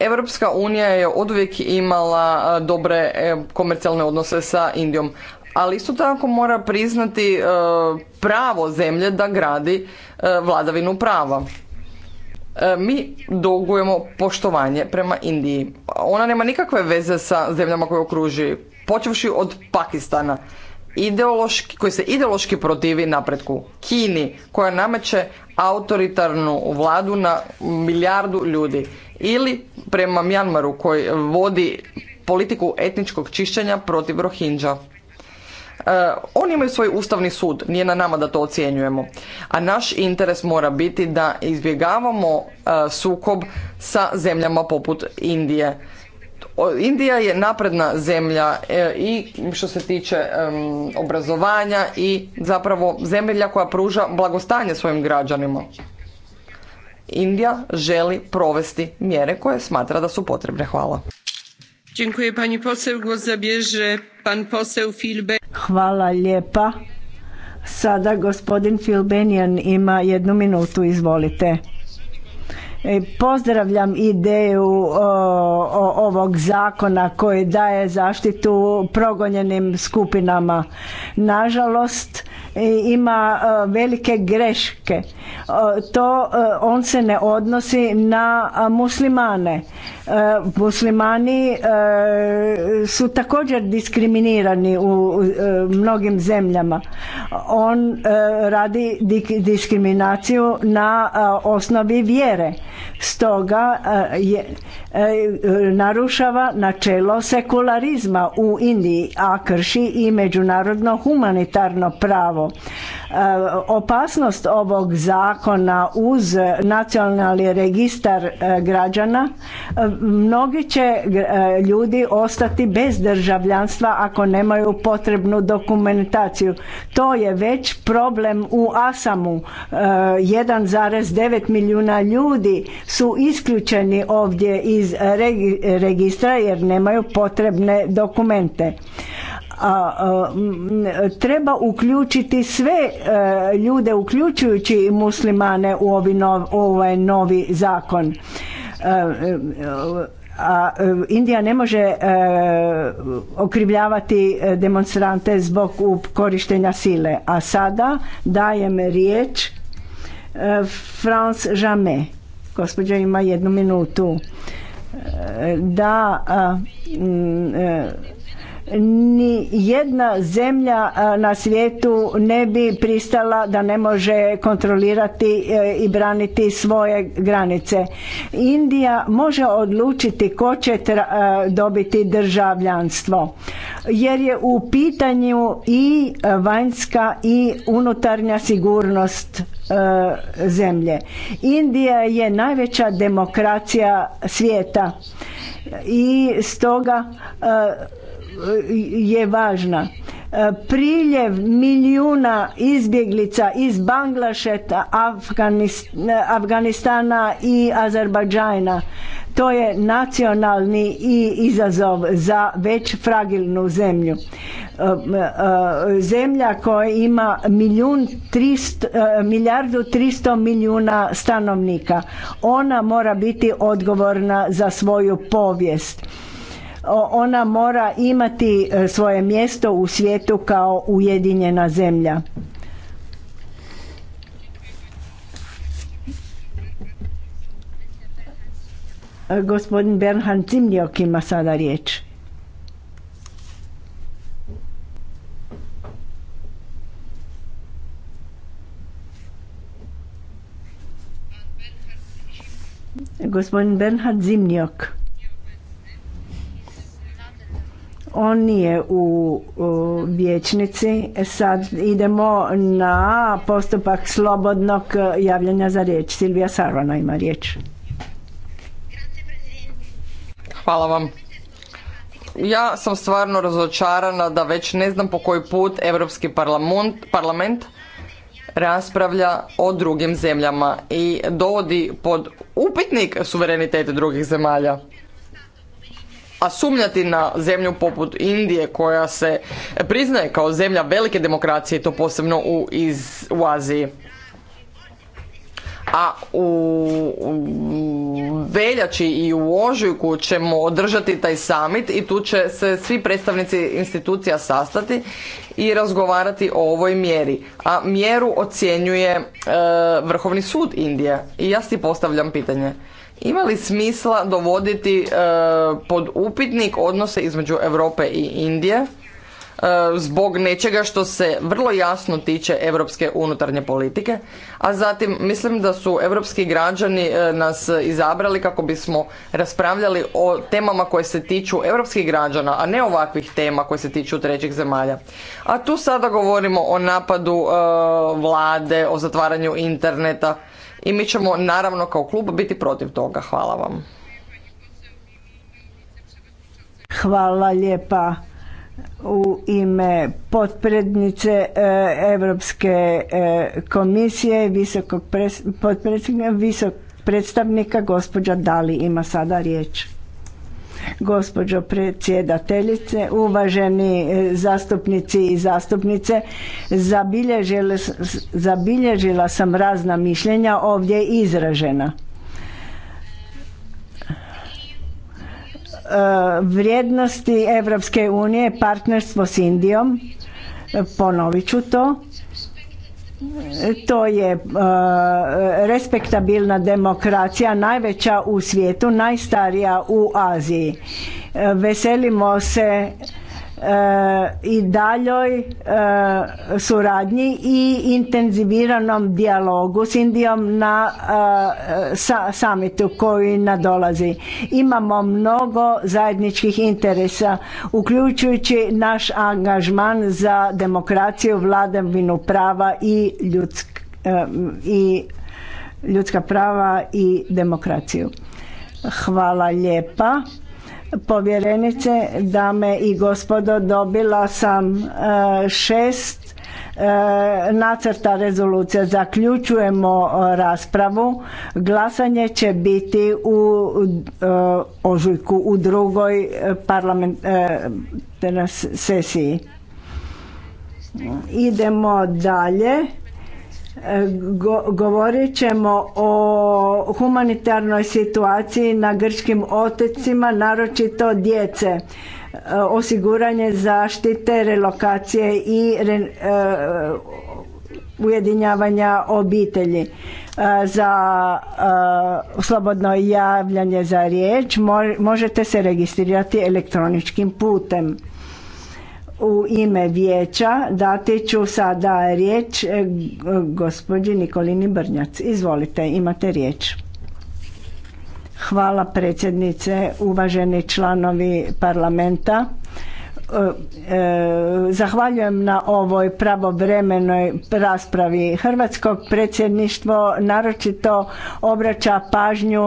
Europska unija je oduvijek imala e, dobre e, komercijalne odnose sa Indijom, ali isto tako mora priznati e, pravo zemlje da gradi vladavinu prava. Mi dogujemo poštovanje prema Indiji. Ona nema nikakve veze sa zemljama koje okruži, počevši od Pakistana ideološki, koji se ideološki protivi napretku. Kini koja nameće autoritarnu vladu na milijardu ljudi ili prema Mjanmaru koji vodi politiku etničkog čišćenja protiv Rohinđa. E, oni imaju svoj ustavni sud, nije na nama da to ocjenjujemo. A naš interes mora biti da izbjegavamo e, sukob sa zemljama poput Indije. Indija je napredna zemlja e, i što se tiče obrazovanja i zapravo zemlja koja pruža blagostanje svojim građanima. Indija želi provesti mjere koje smatra da su potrebne. Hvala. Hvala lijepa. Sada gospodin Filbenian ima jednu minutu, izvolite. E, pozdravljam ideju o, o, ovog zakona koji daje zaštitu progonjenim skupinama. Nažalost, E, ima e, velike greške. E, to on se ne odnosi na muslimane. Muslimani su također diskriminirani u mnogim zemljama. On radi diskriminaciju na osnovi vjere. Stoga je E, e, narušava načelo sekularizma u Indiji, a krši i međunarodno humanitarno pravo. E, opasnost ovog zakona uz nacionalni registar građana, mnogi će ljudi ostati bez državljanstva ako nemaju potrebnu dokumentaciju. To je već problem u Asamu. 1,9 milijuna ljudi su isključeni ovdje i iz eh, registra jer nemaju potrebne dokumente. A, eh, treba uključiti sve eh, ljude uključujući muslimane u ovi ovaj novi zakon. A Indija ne može okrivljavati demonstrante zbog korištenja sile. A sada dajem riječ France Jamais. Gospođa ima jednu minutu da e, ni jedna zemlja na svijetu ne bi pristala da ne može kontrolirati e, i braniti svoje granice. Indija može odlučiti ko će dobiti državljanstvo jer je u pitanju i vanjska i unutarnja sigurnost e, zemlje. Indija je najveća demokracija svijeta i stoga e, je važna. E, priljev milijuna izbjeglica iz Banglašeta, Afganistana i Azerbajdžana. To je nacionalni izazov za već fragilnu zemlju. E, e, zemlja koja ima milijardu 300 milijuna stanovnika. Ona mora biti odgovorna za svoju povijest ona mora imati e, svoje mjesto u svijetu kao ujedinjena zemlja. E, gospodin Bernhard Cimljok ima sada riječ. Gospodin Bernhard Zimnjok. on nije u, u vječnici. Sad idemo na postupak slobodnog e, javljanja za riječ. Silvija Sarvana ima riječ. Hvala vam. Ja sam stvarno razočarana da već ne znam po koji put Europski parlament, parlament raspravlja o drugim zemljama i dovodi pod upitnik suverenitet drugih zemalja a sumnjati na zemlju poput Indije koja se priznaje kao zemlja velike demokracije, to posebno u, iz, u Aziji. A u veljači i u ožujku ćemo održati taj summit i tu će se svi predstavnici institucija sastati i razgovarati o ovoj mjeri. A mjeru ocjenjuje e, Vrhovni sud Indije. I ja si postavljam pitanje ima li smisla dovoditi e, pod upitnik odnose između Europe i Indije e, zbog nečega što se vrlo jasno tiče europske unutarnje politike, a zatim mislim da su europski građani e, nas izabrali kako bismo raspravljali o temama koje se tiču europskih građana, a ne ovakvih tema koje se tiču trećih zemalja. A tu sada govorimo o napadu vlade, o zatvaranju interneta i mi ćemo naravno kao klub biti protiv toga. Hvala vam. Hvala lijepa u ime potprednice Europske e, komisije visokog visok predstavnika gospođa Dali ima sada riječ gospođo predsjedateljice, uvaženi e, zastupnici i zastupnice. Zabilježila, sam razna mišljenja ovdje izražena. E, vrijednosti Europske unije, partnerstvo s Indijom, e, ponovit ću to, to je e, respektabilna demokracija najveća u svijetu najstarija u Aziji e, veselimo se i daljoj e, suradnji i intenziviranom dijalogu s Indijom na e, samitu koji nadolazi. Imamo mnogo zajedničkih interesa, uključujući naš angažman za demokraciju, vladavinu prava i e, i ljudska prava i demokraciju. Hvala lijepa povjerenice, dame i gospodo, dobila sam e, šest e, nacrta rezolucija. Zaključujemo e, raspravu. Glasanje će biti u ožujku u drugoj parlament, sesiji. Idemo dalje govorit ćemo o humanitarnoj situaciji na grčkim otocima, naročito djece, e, osiguranje zaštite, relokacije i e, ujedinjavanja obitelji. E, za slobodno javljanje za riječ možete se registrirati elektroničkim putem u ime vijeća dati ću sada riječ e, gospođi Nikolini Brnjac. Izvolite, imate riječ. Hvala predsjednice, uvaženi članovi parlamenta. E, e, zahvaljujem na ovoj pravovremenoj raspravi. hrvatskog predsjedništvo naročito obraća pažnju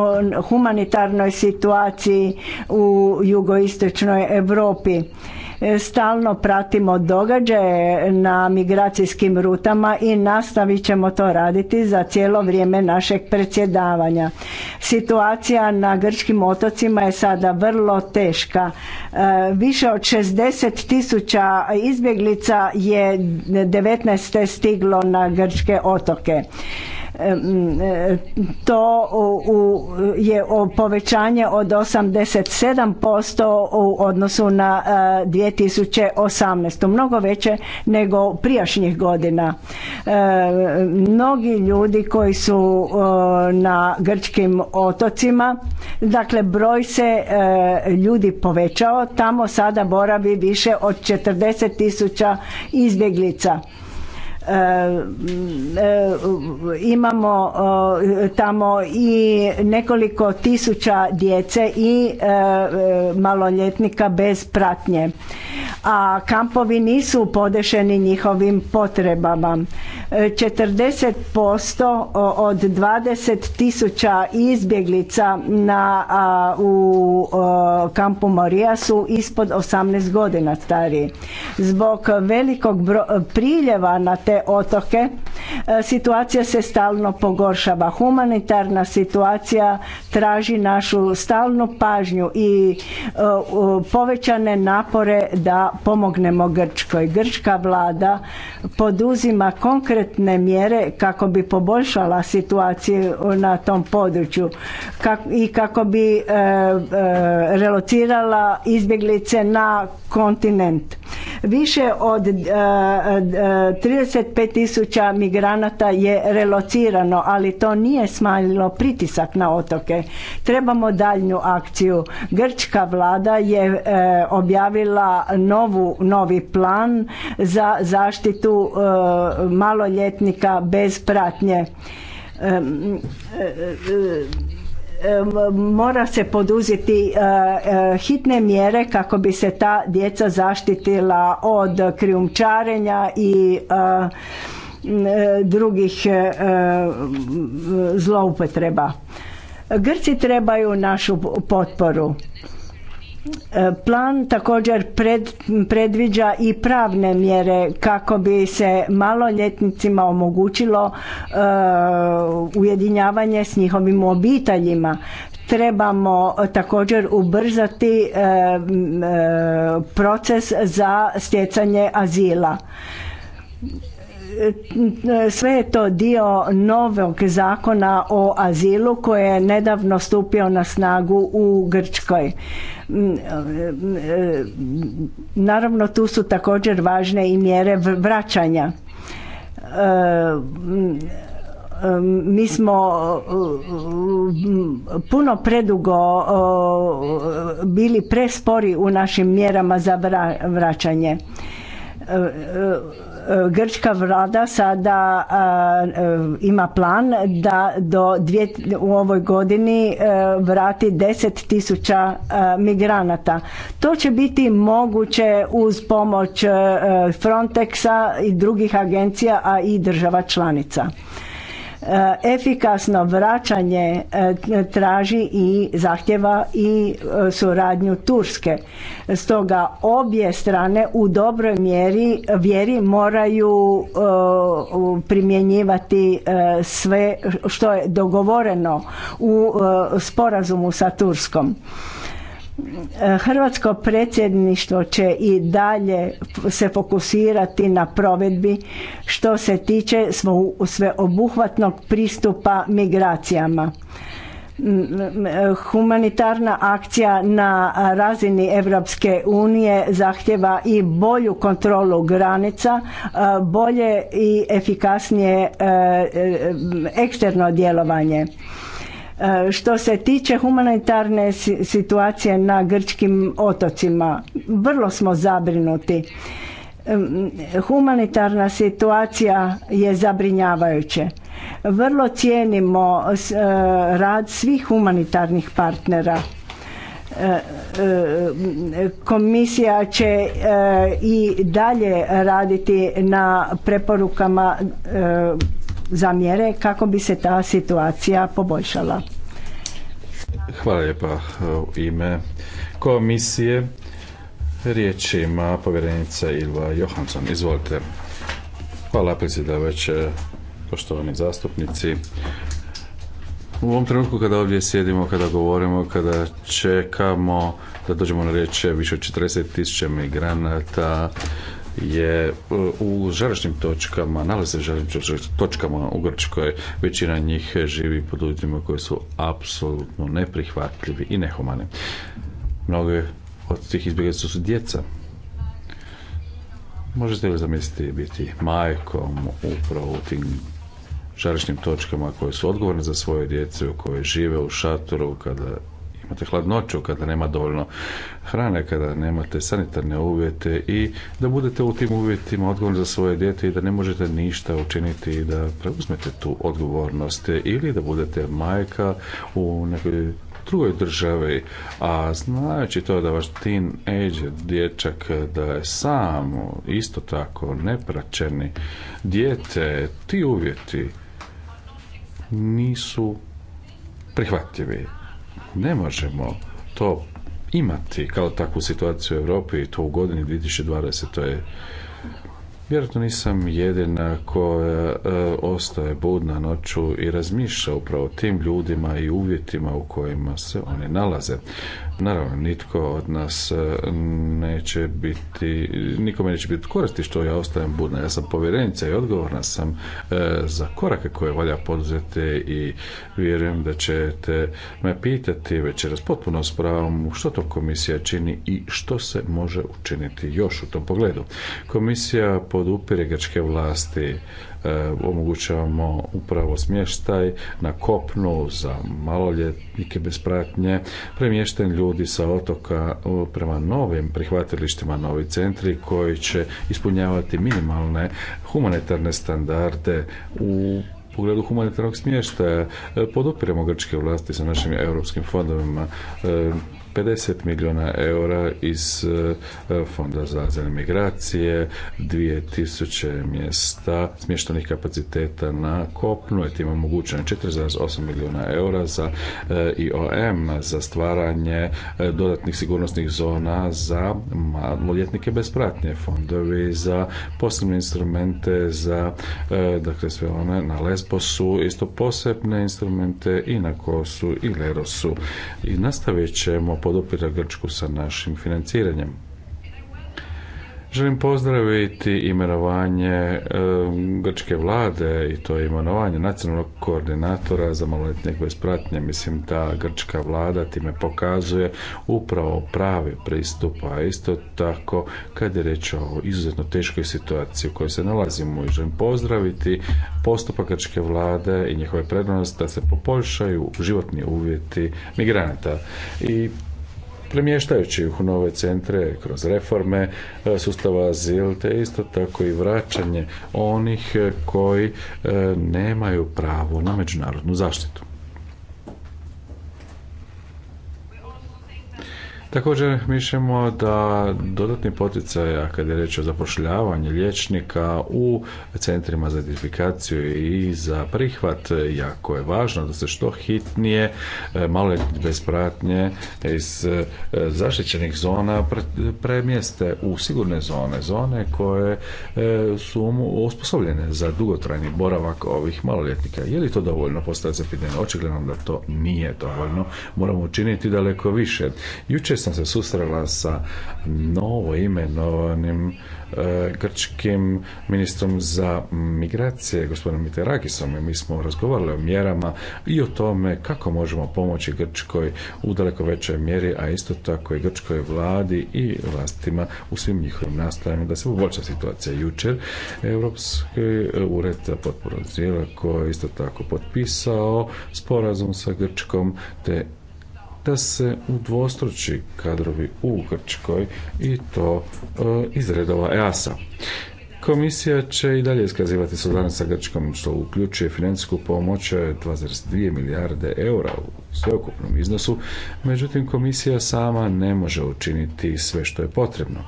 humanitarnoj situaciji u jugoistočnoj Europi Stalno pratimo događaje na migracijskim rutama i nastavit ćemo to raditi za cijelo vrijeme našeg predsjedavanja. Situacija na grčkim otocima je sada vrlo teška. E, više od 60 tisuća izbjeglica je 19. stiglo na grčke otoke to je povećanje od 87% u odnosu na 2018. E, mnogo veće nego prijašnjih godina. E, mnogi ljudi koji su na grčkim otocima, dakle broj se e, ljudi povećao, tamo sada boravi više od 40 tisuća izbjeglica E, mm, e, imamo tamo i nekoliko tisuća djece i e, maloljetnika bez pratnje a kampovi nisu podešeni njihovim potrebama. 40% od 20.000 izbjeglica na, u kampu Morija su ispod 18 godina stariji. Zbog velikog priljeva na te otoke e, situacija se stalno pogoršava. Humanitarna situacija traži našu stalnu pažnju i e, povećane napore da pomognemo Grčkoj. Grčka vlada poduzima konkretne mjere kako bi poboljšala situaciju na tom području i kako bi e, e, relocirala izbjeglice na kontinent. Više od 35 eh, eh, tisuća migranata je relocirano, ali to nije smanjilo pritisak na otoke. Trebamo daljnju akciju. Grčka vlada je eh, objavila novu, novi plan za zaštitu maloljetnika bez pratnje mora se poduzeti eh, eh, hitne mjere kako bi se ta djeca zaštitila od krijumčarenja i eh, drugih zloupotreba. Grci trebaju našu potporu. E, plan također predviđa i pravne mjere kako bi se maloljetnicima omogućilo e, ujedinjavanje s njihovim obiteljima. Trebamo također ubrzati e, proces za stjecanje azila sve je to dio novog zakona o azilu koji je nedavno stupio na snagu u Grčkoj. Naravno tu su također važne i mjere vraćanja. Mi smo puno predugo bili prespori u našim mjerama za vraćanje grčka vlada sada e, ima plan da do dvije, u ovoj godini e, vrati 10 tisuća e, migranata. To će biti moguće uz pomoć Frontexa i drugih agencija, a i država članica. E, efikasno vraćanje e, traži i zahtjeva i e, suradnju Turske. Stoga obje strane u dobroj mjeri vjeri moraju primjenjivati sve što je dogovoreno u sporazumu sa Turskom. Hrvatsko predsjedništvo će i dalje se fokusirati na provedbi što se tiče sveobuhvatnog pristupa migracijama. Humanitarna akcija na razini Europske unije zahtjeva i bolju kontrolu granica, bolje i efikasnije e, e, eksterno djelovanje E, što se tiče humanitarne situacije na grčkim otocima, vrlo smo zabrinuti. E, humanitarna situacija je zabrinjavajuća. Vrlo cijenimo e, rad svih humanitarnih partnera. Komisija će i dalje raditi na preporukama za mjere kako bi se ta situacija poboljšala. Hvala lijepa u ime komisije. Riječ ima povjerenica Ilva Johansson. Izvolite. Hvala predsjedavajuće, poštovani zastupnici. U ovom trenutku kada ovdje sjedimo, kada govorimo, kada čekamo da dođemo na riječ više od 40.000 tisuća migranata, je u žarišnim točkama, nalaze se u žarišnim točkama u Grčkoj, većina njih živi pod uvjetima koji su apsolutno neprihvatljivi i nehumani. Mnoge od tih izbjeglica su djeca. Možete li zamisliti biti majkom upravo u tim žarišnim točkama koje su odgovorne za svoje djece, u koje žive u šatoru, kada imate hladnoću, kada nema dovoljno hrane, kada nemate sanitarne uvjete i da budete u tim uvjetima odgovorni za svoje dijete i da ne možete ništa učiniti i da preuzmete tu odgovornost ili da budete majka u nekoj drugoj državi, a znajući to da vaš age dječak, da je samo isto tako, nepraćeni, dijete, ti uvjeti nisu prihvatljivi. Ne možemo to imati kao takvu situaciju u Europi i to u godini 2020. Vjerojatno nisam jedina koja e, ostaje budna noću i razmišlja upravo tim ljudima i uvjetima u kojima se oni nalaze. Naravno, nitko od nas e, neće biti, nikome neće biti koristi što ja ostajem budna. Ja sam povjerenica i odgovorna sam e, za korake koje valja poduzeti i vjerujem da ćete me pitati večeras potpuno s pravom što to komisija čini i što se može učiniti još u tom pogledu. Komisija podupire grčke vlasti E, omogućavamo upravo smještaj na kopnu za maloljetnike bez pratnje, premješten ljudi sa otoka prema novim prihvatilištima, novi centri koji će ispunjavati minimalne humanitarne standarde u pogledu humanitarnog smještaja e, podupiremo grčke vlasti sa našim europskim fondovima e, 50 milijuna eura iz e, Fonda za azil migracije, 2000 mjesta smještenih kapaciteta na kopnu, je tim omogućeno 4,8 milijuna eura za e, IOM, za stvaranje e, dodatnih sigurnosnih zona za maloljetnike bez pratnje, fondovi za posebne instrumente za dakle sve one na Lesbosu, isto posebne instrumente i na Kosu i Lerosu. I nastavit ćemo podupira Grčku sa našim financiranjem. Želim pozdraviti imenovanje grčke vlade i to je imenovanje nacionalnog koordinatora za maloljetnike bez pratnje. Mislim da grčka vlada time pokazuje upravo pravi pristup, a isto tako kad je reč o izuzetno teškoj situaciji u kojoj se nalazimo i želim pozdraviti postupak grčke vlade i njihove prednosti da se poboljšaju životni uvjeti migranata. I premještajući ih u nove centre kroz reforme e, sustava azil, te isto tako i vraćanje onih e, koji e, nemaju pravo na međunarodnu zaštitu. Također mišljamo da dodatni poticaja kada je reč o zapošljavanju liječnika u centrima za identifikaciju i za prihvat jako je važno da se što hitnije e, maloljetni bez pratnje iz e, zaštićenih zona premjeste u sigurne zone, zone koje e, su osposobljene za dugotrajni boravak ovih maloljetnika. Je li to dovoljno? Postavlja se pitanje. Očigledno da to nije dovoljno. Moramo učiniti daleko više. Juče sam se susrela sa novo imenovanim e, grčkim ministrom za migracije, gospodinom Miteragisom, i mi smo razgovarali o mjerama i o tome kako možemo pomoći Grčkoj u daleko većoj mjeri, a isto tako i Grčkoj vladi i vlastima u svim njihovim nastojanjima da se poboljša situacija. Jučer Europski ured za koji je isto tako potpisao sporazum sa Grčkom te da se udvostruči kadrovi u Grčkoj i to e, iz redova EASA. Komisija će i dalje iskazivati solidarnost sa Grčkom, što uključuje financijsku pomoć 2,2 milijarde eura u sveukupnom iznosu, međutim komisija sama ne može učiniti sve što je potrebno.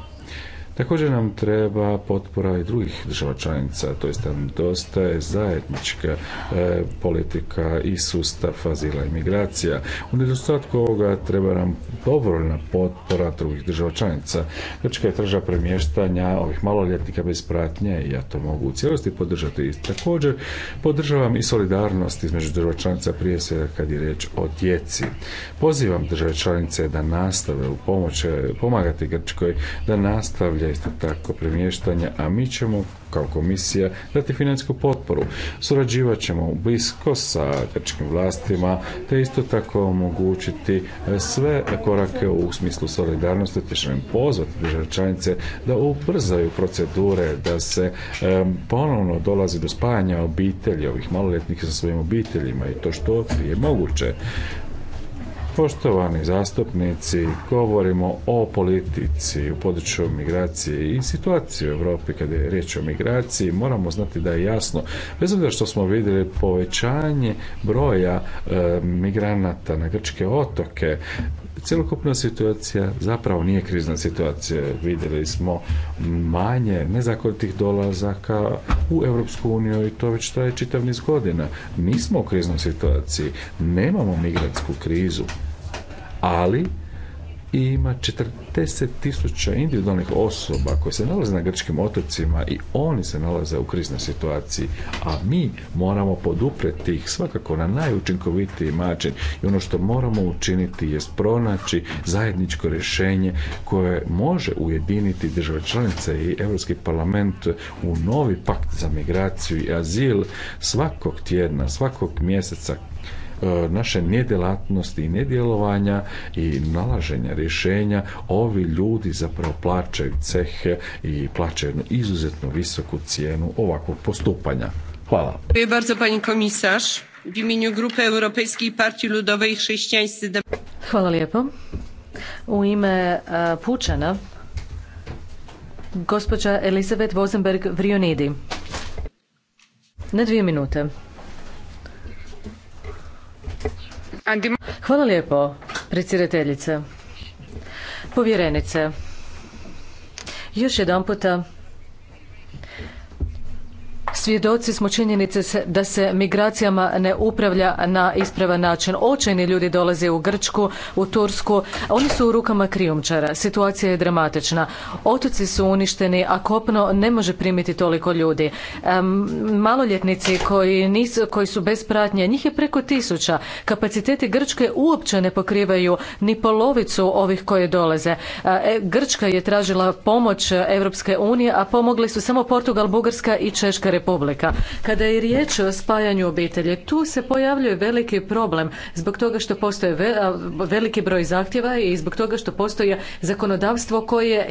Također nam treba potpora i drugih država članica, to jest nam dosta je zajednička e, politika i sustav azila i migracija. U nedostatku ovoga treba nam dobrovoljna potpora drugih država članica. Grčka je trža premještanja ovih maloljetnika bez pratnje i ja to mogu u cijelosti podržati. I također podržavam i solidarnost između država članica prije svega kad je riječ o djeci. Pozivam države članice da nastave u pomoć, e, pomagati Grčkoj, da nastavlja isto tako premještanja, a mi ćemo kao komisija dati financijsku potporu. Surađivat ćemo blisko sa grčkim vlastima, te isto tako omogućiti e, sve korake u smislu solidarnosti, te im pozvati državčanice da ubrzaju procedure, da se e, ponovno dolazi do spajanja obitelji, ovih maloljetnih sa svojim obiteljima i to što je moguće. Poštovani zastupnici, govorimo o politici u području migracije i situaciji u Europi kada je riječ o migraciji. Moramo znati da je jasno, bez obzira što smo vidjeli povećanje broja e, migranata na grčke otoke, Cjelokupna situacija zapravo nije krizna situacija. Vidjeli smo manje nezakonitih dolazaka u Europsku uniju i to već traje čitav niz godina. Nismo u kriznoj situaciji, nemamo migrantsku krizu, ali ima 40.000 individualnih osoba koje se nalaze na grčkim otocima i oni se nalaze u kriznoj situaciji, a mi moramo podupreti ih svakako na najučinkovitiji način i ono što moramo učiniti je pronaći zajedničko rješenje koje može ujediniti države članice i Europski parlament u novi pakt za migraciju i azil svakog tjedna, svakog mjeseca E, naše nedjelatnosti i nedjelovanja i nalaženja rješenja, ovi ljudi zapravo plaćaju cehe i plaćaju izuzetno visoku cijenu ovakvog postupanja. Hvala. bardzo pani W imieniu Hvala lijepo. U ime e, Pučana gospođa Elizabet Vozenberg Vrionidi. Na dvije minute. Hvala lijepo, predsjedateljice. Povjerenice, još jedan puta Svjedoci smo činjenice da se migracijama ne upravlja na ispravan način. Očajni ljudi dolaze u Grčku, u Tursku. Oni su u rukama krijumčara. Situacija je dramatična. Otoci su uništeni, a kopno ne može primiti toliko ljudi. maloljetnici koji, koji su bez pratnje, njih je preko tisuća. Kapaciteti Grčke uopće ne pokrivaju ni polovicu ovih koje dolaze. E, Grčka je tražila pomoć Europske unije, a pomogli su samo Portugal, Bugarska i Češka republika republika. Kada je riječ o spajanju obitelji, tu se pojavljuje veliki problem zbog toga što postoje veliki broj zahtjeva i zbog toga što postoji zakonodavstvo koje,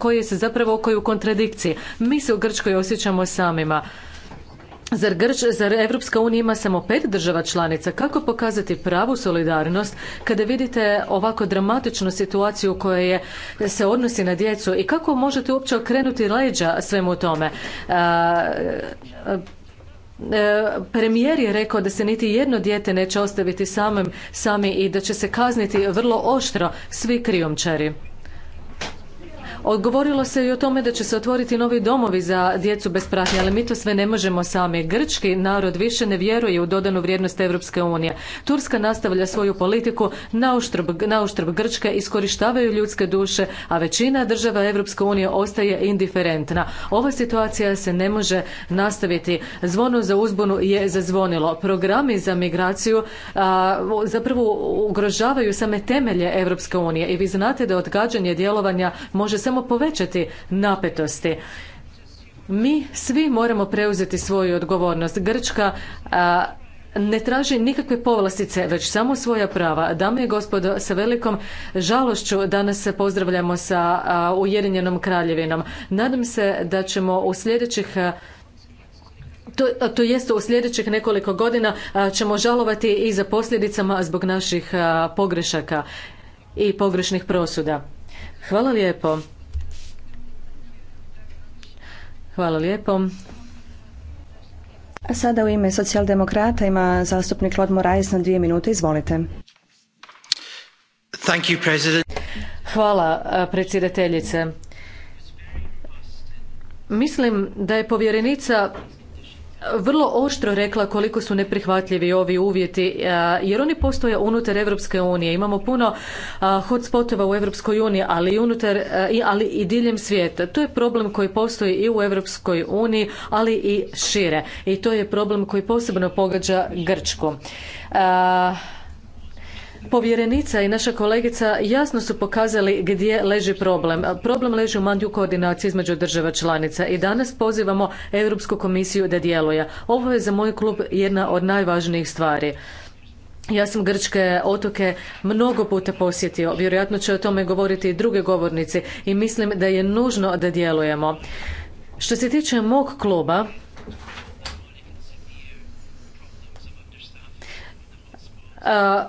koje se zapravo koji u kontradikciji. Mi se u Grčkoj osjećamo samima. Zar, Grč, zar Evropska unija ima samo pet država članica? Kako pokazati pravu solidarnost kada vidite ovako dramatičnu situaciju koja je, se odnosi na djecu i kako možete uopće okrenuti leđa svemu tome? premijer je rekao da se niti jedno dijete neće ostaviti samim, sami i da će se kazniti vrlo oštro svi krijumčari. Odgovorilo se i o tome da će se otvoriti novi domovi za djecu bez pratnje, ali mi to sve ne možemo sami. Grčki narod više ne vjeruje u dodanu vrijednost Europske unije. Turska nastavlja svoju politiku na Grčke, iskorištavaju ljudske duše, a većina država Europske unije ostaje indiferentna. Ova situacija se ne može nastaviti. Zvono za uzbunu je zazvonilo. Programi za migraciju zapravo ugrožavaju same temelje Europske unije i vi znate da odgađanje djelovanja može samo povećati napetosti. Mi svi moramo preuzeti svoju odgovornost. Grčka ne traži nikakve povlastice, već samo svoja prava. Dame i gospodo, sa velikom žalošću danas se pozdravljamo sa Ujedinjenom kraljevinom. Nadam se da ćemo u sljedećih to, to jest u sljedećih nekoliko godina ćemo žalovati i za posljedicama zbog naših pogrešaka i pogrešnih prosuda. Hvala lijepo. Hvala lijepo. A sada u ime socijaldemokrata ima zastupnik Claude Moraes na dvije minute. Izvolite. Thank Hvala predsjedateljice. Mislim da je povjerenica vrlo oštro rekla koliko su neprihvatljivi ovi uvjeti eh, jer oni postoje unutar Europske unije. Imamo puno eh, hotspotova u Europskoj uniji, ali i unutar eh, ali i diljem svijeta. To je problem koji postoji i u Europskoj uniji, ali i šire. I to je problem koji posebno pogađa Grčku. Povjerenica i naša kolegica jasno su pokazali gdje leži problem. Problem leži u manju koordinaciji između država članica i danas pozivamo Europsku komisiju da djeluje. Ovo je za moj klub jedna od najvažnijih stvari. Ja sam grčke otoke mnogo puta posjetio, vjerojatno će o tome govoriti i druge govornici i mislim da je nužno da djelujemo. Što se tiče mog kluba,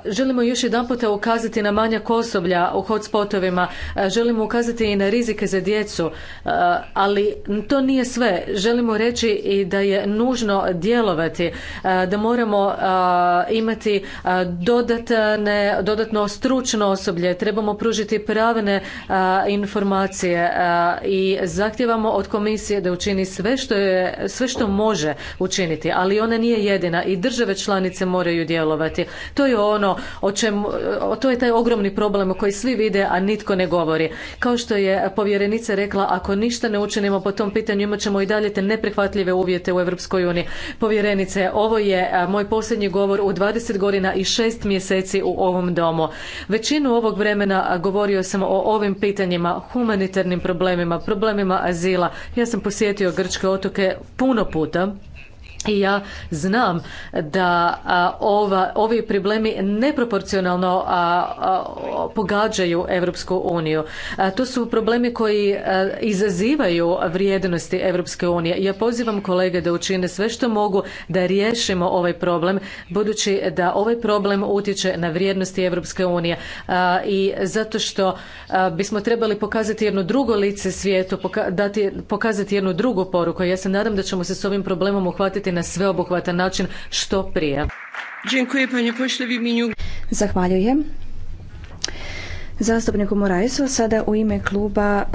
Želimo još jedan puta ukazati na manjak osoblja u hotspotovima, želimo ukazati i na rizike za djecu, ali to nije sve. Želimo reći i da je nužno djelovati, da moramo imati dodatne, dodatno stručno osoblje, trebamo pružiti pravne informacije i zahtijevamo od komisije da učini sve što, je, sve što može učiniti, ali ona nije jedina i države članice moraju djelovati. To je ono o čemu, to je taj ogromni problem koji svi vide, a nitko ne govori. Kao što je povjerenica rekla, ako ništa ne učinimo po tom pitanju, imat ćemo i dalje te neprihvatljive uvjete u Europskoj uniji. Povjerenice, ovo je moj posljednji govor u 20 godina i 6 mjeseci u ovom domu. Većinu ovog vremena govorio sam o ovim pitanjima, humanitarnim problemima, problemima azila. Ja sam posjetio grčke otoke puno puta i ja znam da ova, ovi problemi neproporcionalno pogađaju Europsku uniju. To su problemi koji izazivaju vrijednosti Europske unije. Ja pozivam kolege da učine sve što mogu da riješimo ovaj problem, budući da ovaj problem utječe na vrijednosti Europske unije i zato što bismo trebali pokazati jedno drugo lice svijetu, pokazati jednu drugu poruku. Ja se nadam da ćemo se s ovim problemom uhvatiti na sveobuhvatan način što prije. Zahvaljujem. Zastupniku Morajsu sada u ime kluba uh,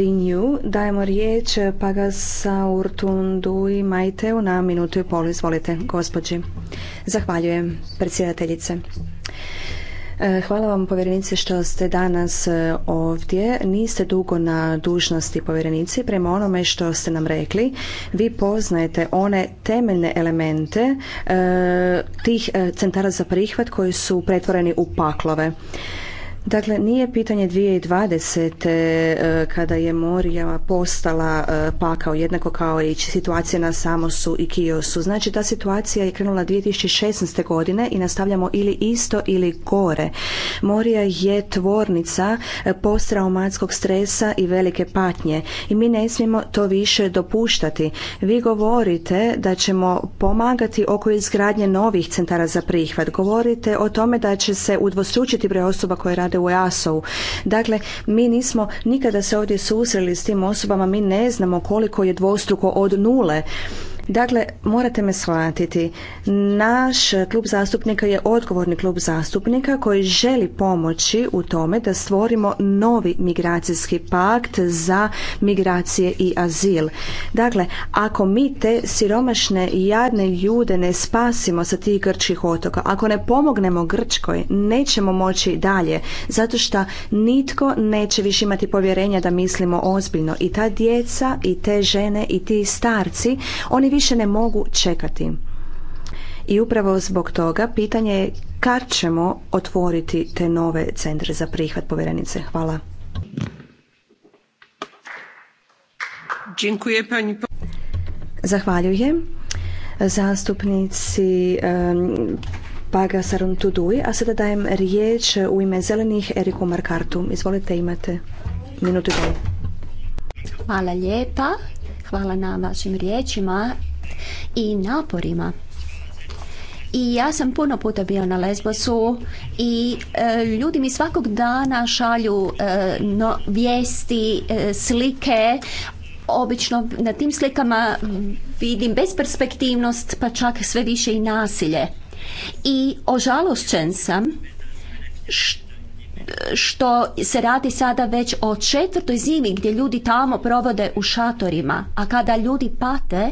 Renew dajemo riječ urtundu i Majteu na minutu i pol. Izvolite, gospođi. Zahvaljujem, predsjedateljice. E, hvala vam povjerenice što ste danas e, ovdje. Niste dugo na dužnosti povjerenici. Prema onome što ste nam rekli, vi poznajete one temeljne elemente e, tih centara za prihvat koji su pretvoreni u paklove. Dakle, nije pitanje 2020. Eh, kada je Morija postala eh, pakao, jednako kao i situacija na Samosu i Kiosu. Znači, ta situacija je krenula 2016. godine i nastavljamo ili isto ili gore. Morija je tvornica eh, posttraumatskog stresa i velike patnje i mi ne smijemo to više dopuštati. Vi govorite da ćemo pomagati oko izgradnje novih centara za prihvat. Govorite o tome da će se udvostručiti broj osoba koje rade u EASO-u. Dakle, mi nismo nikada se ovdje susreli s tim osobama, mi ne znamo koliko je dvostruko od nule Dakle, morate me shvatiti. Naš klub zastupnika je odgovorni klub zastupnika koji želi pomoći u tome da stvorimo novi migracijski pakt za migracije i azil. Dakle, ako mi te siromašne i jadne ljude ne spasimo sa tih grčkih otoka, ako ne pomognemo Grčkoj, nećemo moći dalje, zato što nitko neće više imati povjerenja da mislimo ozbiljno. I ta djeca, i te žene, i ti starci, oni više ne mogu čekati. I upravo zbog toga pitanje je kad ćemo otvoriti te nove centre za prihvat povjerenice. Hvala. Zahvaljujem zastupnici Paga Tuduj, a sada dajem riječ u ime zelenih Eriku Markartu. Izvolite, imate minutu i Hvala lijepa. Hvala na vašim riječima i naporima. I ja sam puno puta bio na Lesbosu i e, ljudi mi svakog dana šalju e, vijesti, e, slike obično na tim slikama vidim besperspektivnost pa čak sve više i nasilje. I ožalošćen sam što što se radi sada već o četvrtoj zimi gdje ljudi tamo provode u šatorima, a kada ljudi pate,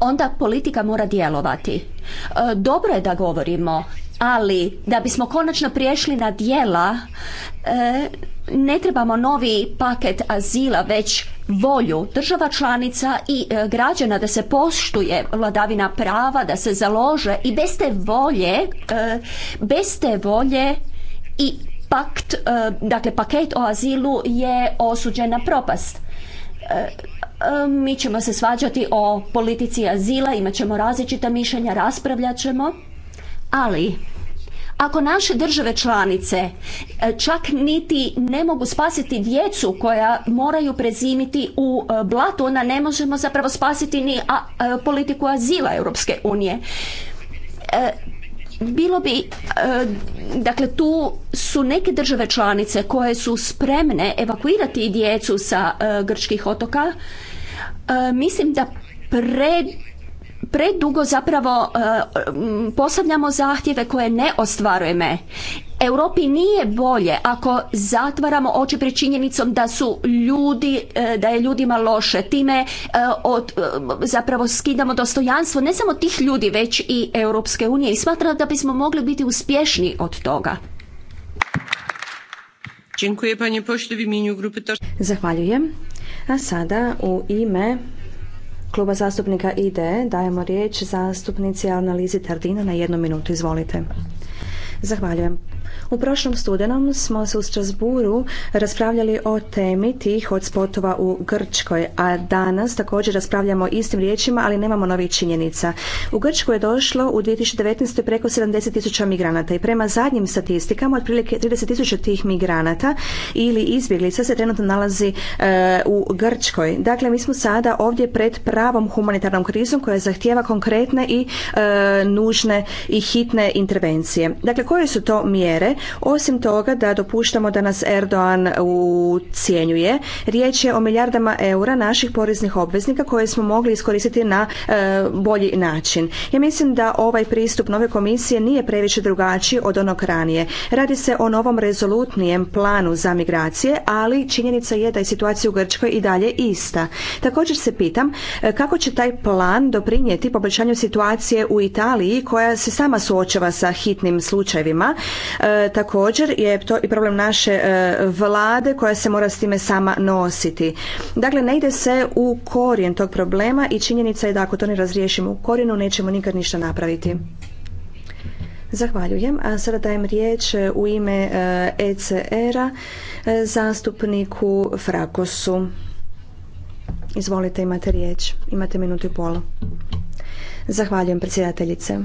onda politika mora djelovati. E, dobro je da govorimo, ali da bismo konačno priješli na dijela, e, ne trebamo novi paket azila, već volju država članica i e, građana da se poštuje vladavina prava, da se založe i bez te volje, bez te volje i pakt, e, dakle paket o azilu je osuđen na propast. E, e, mi ćemo se svađati o politici azila, imat ćemo različita mišljenja, raspravljat ćemo, ali ako naše države članice čak niti ne mogu spasiti djecu koja moraju prezimiti u blatu, onda ne možemo zapravo spasiti ni politiku azila Europske unije. Bilo bi, e, dakle tu su neke države članice koje su spremne evakuirati djecu sa e, grčkih otoka. E, mislim da predugo zapravo postavljamo zahtjeve koje ne ostvarujeme Europi nije bolje ako zatvaramo oči pred činjenicom da su ljudi, e, da je ljudima loše. Time e, od, e, zapravo skidamo dostojanstvo ne samo tih ljudi, već i Europske unije. I smatram da bismo mogli biti uspješni od toga. Zahvaljujem. A sada u ime Kluba zastupnika IDE dajemo riječ zastupnici Analizi Tardina na jednu minutu. Izvolite. Zahvaljujem. U prošlom studenom smo se u Strasburu raspravljali o temi tih spotova u Grčkoj, a danas također raspravljamo istim riječima, ali nemamo novih činjenica. U Grčku je došlo u 2019. preko 70.000 migranata i prema zadnjim statistikama otprilike 30.000 tih migranata ili izbjeglica se trenutno nalazi e, u Grčkoj. Dakle, mi smo sada ovdje pred pravom humanitarnom krizom koja zahtijeva konkretne i e, nužne i hitne intervencije. Dakle, koje su to mjere osim toga da dopuštamo da nas Erdoğan ucijenjuje. Riječ je o milijardama eura naših poreznih obveznika koje smo mogli iskoristiti na e, bolji način. Ja mislim da ovaj pristup nove komisije nije previše drugačiji od onog ranije. Radi se o novom rezolutnijem planu za migracije, ali činjenica je da je situacija u Grčkoj i dalje ista. Također se pitam e, kako će taj plan doprinijeti poboljšanju situacije u Italiji koja se sama suočava sa hitnim slučajevima e, E, također je to i problem naše e, vlade koja se mora s time sama nositi. Dakle, ne ide se u korijen tog problema i činjenica je da ako to ne razriješimo u korijenu nećemo nikad ništa napraviti. Zahvaljujem. A sada dajem riječ e, u ime ECR-a zastupniku Frakosu. Izvolite, imate riječ. Imate minutu i pol. Zahvaljujem predsjedateljice.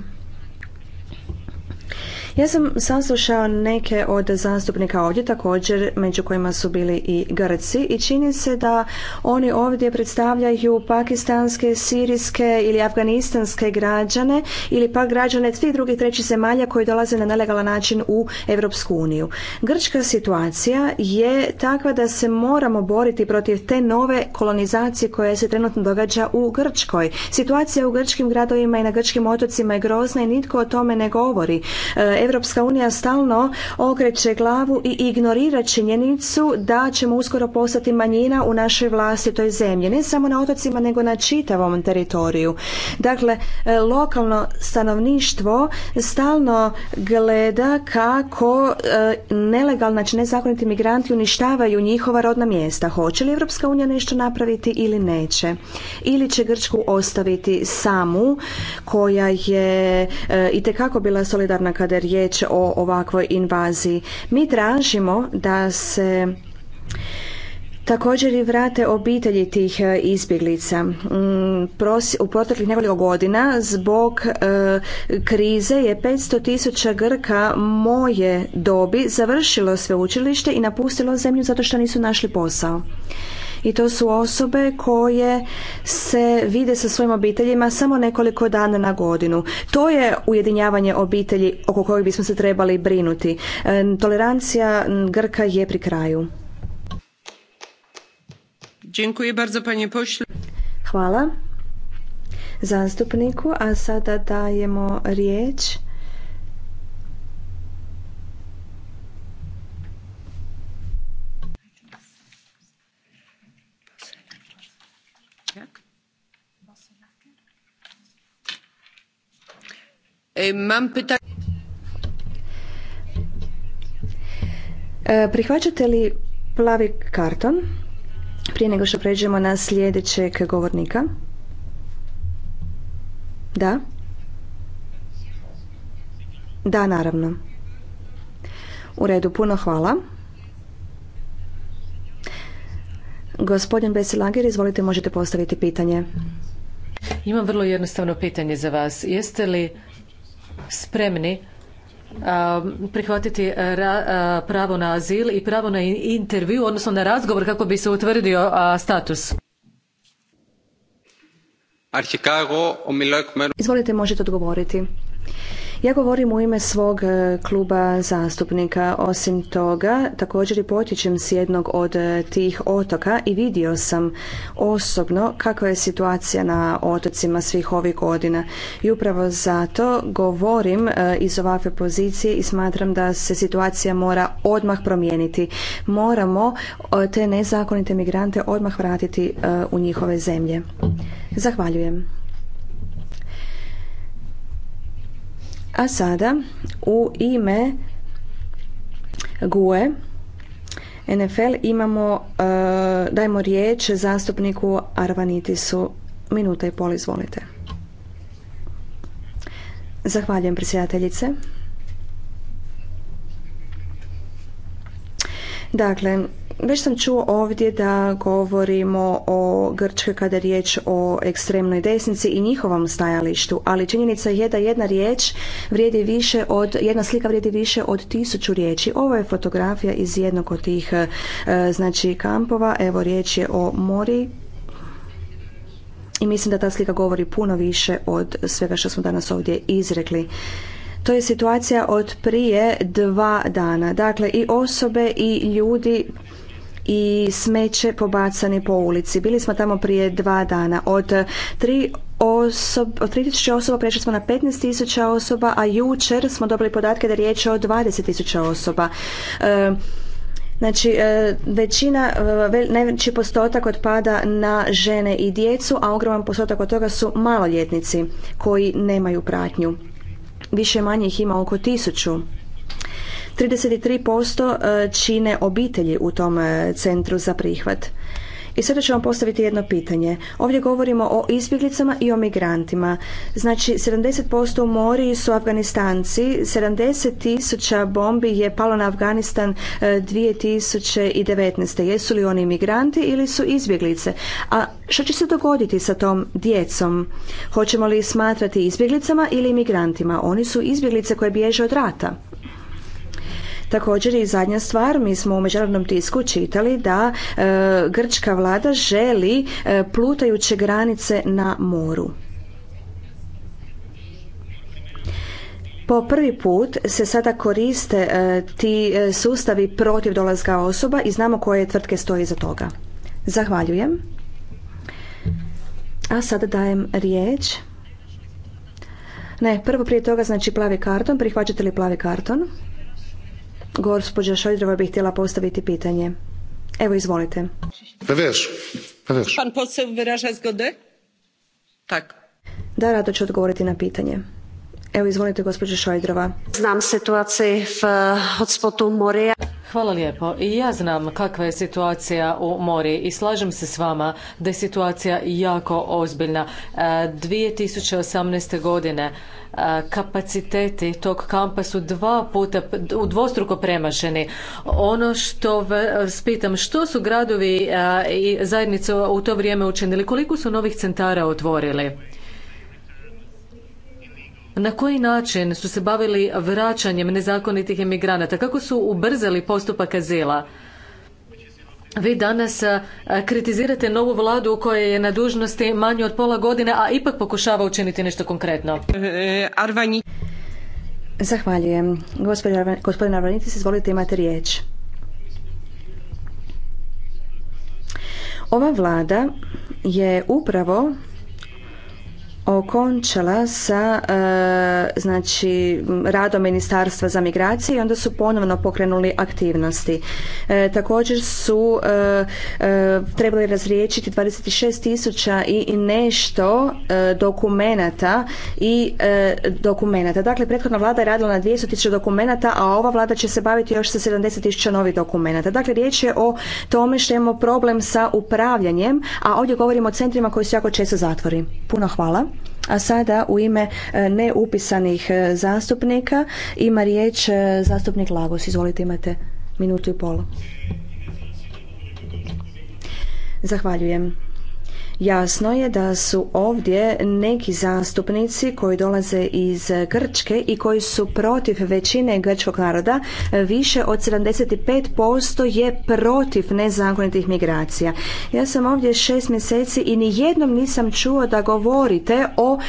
Ja sam saslušao neke od zastupnika ovdje također, među kojima su bili i Grci i čini se da oni ovdje predstavljaju pakistanske, sirijske ili afganistanske građane ili pa građane svih drugih trećih zemalja koji dolaze na nelegalan način u Europsku uniju. Grčka situacija je takva da se moramo boriti protiv te nove kolonizacije koja se trenutno događa u Grčkoj. Situacija u grčkim gradovima i na grčkim otocima je grozna i nitko o tome ne govori. E, Europska unija stalno okreće glavu i ignorira činjenicu da ćemo uskoro postati manjina u našoj vlastitoj zemlji. Ne samo na otocima, nego na čitavom teritoriju. Dakle, e, lokalno stanovništvo stalno gleda kako e, nelegalni, znači nezakoniti migranti uništavaju njihova rodna mjesta. Hoće li Europska unija nešto napraviti ili neće? Ili će Grčku ostaviti samu koja je i e, itekako bila solidarna kada je riječ o ovakvoj invaziji. Mi tražimo da se također i vrate obitelji tih e, izbjeglica. Mm, u proteklih nekoliko godina zbog e, krize je 500 tisuća Grka moje dobi završilo sveučilište i napustilo zemlju zato što nisu našli posao i to su osobe koje se vide sa svojim obiteljima samo nekoliko dana na godinu. To je ujedinjavanje obitelji oko kojeg bismo se trebali brinuti. E, tolerancija Grka je pri kraju. Hvala zastupniku, a sada dajemo riječ E, e, prihvaćate li plavi karton prije nego što pređemo na sljedećeg govornika? Da? Da, naravno. U redu, puno hvala. Gospodin Besilager, izvolite, možete postaviti pitanje. Imam vrlo jednostavno pitanje za vas. Jeste li spremni um, prihvatiti uh, uh, pravo na azil i pravo na intervju, odnosno na razgovor kako bi se utvrdio uh, status. Izvolite, možete odgovoriti. Ja govorim u ime svog e, kluba zastupnika. Osim toga, također i potičem s jednog od e, tih otoka i vidio sam osobno kakva je situacija na otocima svih ovih godina. I upravo zato govorim e, iz ovakve pozicije i smatram da se situacija mora odmah promijeniti. Moramo te nezakonite migrante odmah vratiti u njihove zemlje. Zahvaljujem. A sada u ime GUE NFL imamo, e, dajmo riječ zastupniku Arvanitisu. Minuta i pol, izvolite. Zahvaljujem predsjedateljice. Dakle, već sam čuo ovdje da govorimo o Grčkoj kada je riječ o ekstremnoj desnici i njihovom stajalištu, ali činjenica je da jedna riječ vrijedi više od, jedna slika vrijedi više od tisuću riječi. Ovo je fotografija iz jednog od tih e, znači kampova, evo riječ je o mori i mislim da ta slika govori puno više od svega što smo danas ovdje izrekli. To je situacija od prije dva dana. Dakle, i osobe i ljudi i smeće pobacani po ulici. Bili smo tamo prije dva dana. Od tri 3000 osoba prešli smo na 15.000 osoba, a jučer smo dobili podatke da je riječ o 20.000 osoba. E, znači, e, većina, e, najveći postotak otpada na žene i djecu, a ogroman postotak od toga su maloljetnici koji nemaju pratnju. Više manje ih ima oko tisuću. 33% e, čine obitelji u tom e, centru za prihvat. I sada ću vam postaviti jedno pitanje. Ovdje govorimo o izbjeglicama i o migrantima. Znači, 70% u mori su Afganistanci, 70 tisuća bombi je palo na Afganistan 2019. E, Jesu li oni migranti ili su izbjeglice? A što će se dogoditi sa tom djecom? Hoćemo li smatrati izbjeglicama ili migrantima? Oni su izbjeglice koje bježe od rata Također i zadnja stvar, mi smo u međunarodnom tisku čitali da e, grčka vlada želi e, plutajuće granice na moru. po prvi put se sada koriste e, ti sustavi protiv dolaska osoba i znamo koje tvrtke stoje iza toga. Zahvaljujem. A sada dajem riječ. Ne, prvo prije toga znači plavi karton. Prihvaćate li plavi karton? Gospođa Šojdrova bi htjela postaviti pitanje. Evo, izvolite. Preveš. Pa pa Pan posel vyraža zgode? Tak. Da, rado ću odgovoriti na pitanje. Evo, izvolite, gospođa Šojdrova. Znam situaciju v eh, hotspotu Morija. Hvala lijepo. I ja znam kakva je situacija u mori i slažem se s vama da je situacija jako ozbiljna. 2018. Eh, godine kapaciteti tog kampa su dva puta u dvostruko premašeni. Ono što vas pitam, što su gradovi i zajednice u to vrijeme učinili? Koliko su novih centara otvorili? Na koji način su se bavili vraćanjem nezakonitih emigranata? Kako su ubrzali postupak azila? vi danas e, kritizirate novu vladu koja je na dužnosti manje od pola godine, a ipak pokušava učiniti nešto konkretno. E, Arvani. Zahvaljujem. Gospodin Arvanitis, izvolite imate riječ. Ova vlada je upravo okončala sa e, znači radom ministarstva za migracije i onda su ponovno pokrenuli aktivnosti. E, također su e, e trebali razriješiti 26 tisuća i nešto dokumenata i dokumenata. Dakle, prethodna vlada je radila na 200 tisuća dokumenata, a ova vlada će se baviti još sa 70 tisuća novih dokumenata. Dakle, riječ je o tome što imamo problem sa upravljanjem, a ovdje govorimo o centrima koji su jako često zatvori. Puno hvala. A sada u ime e, neupisanih e, zastupnika ima riječ e, zastupnik Lagos. Izvolite, imate minutu i pol. Zahvaljujem. Jasno je da su ovdje neki zastupnici koji dolaze iz Grčke i koji su protiv većine grčkog naroda, više od 75% je protiv nezakonitih migracija. Ja sam ovdje šest mjeseci i nijednom nisam čuo da govorite o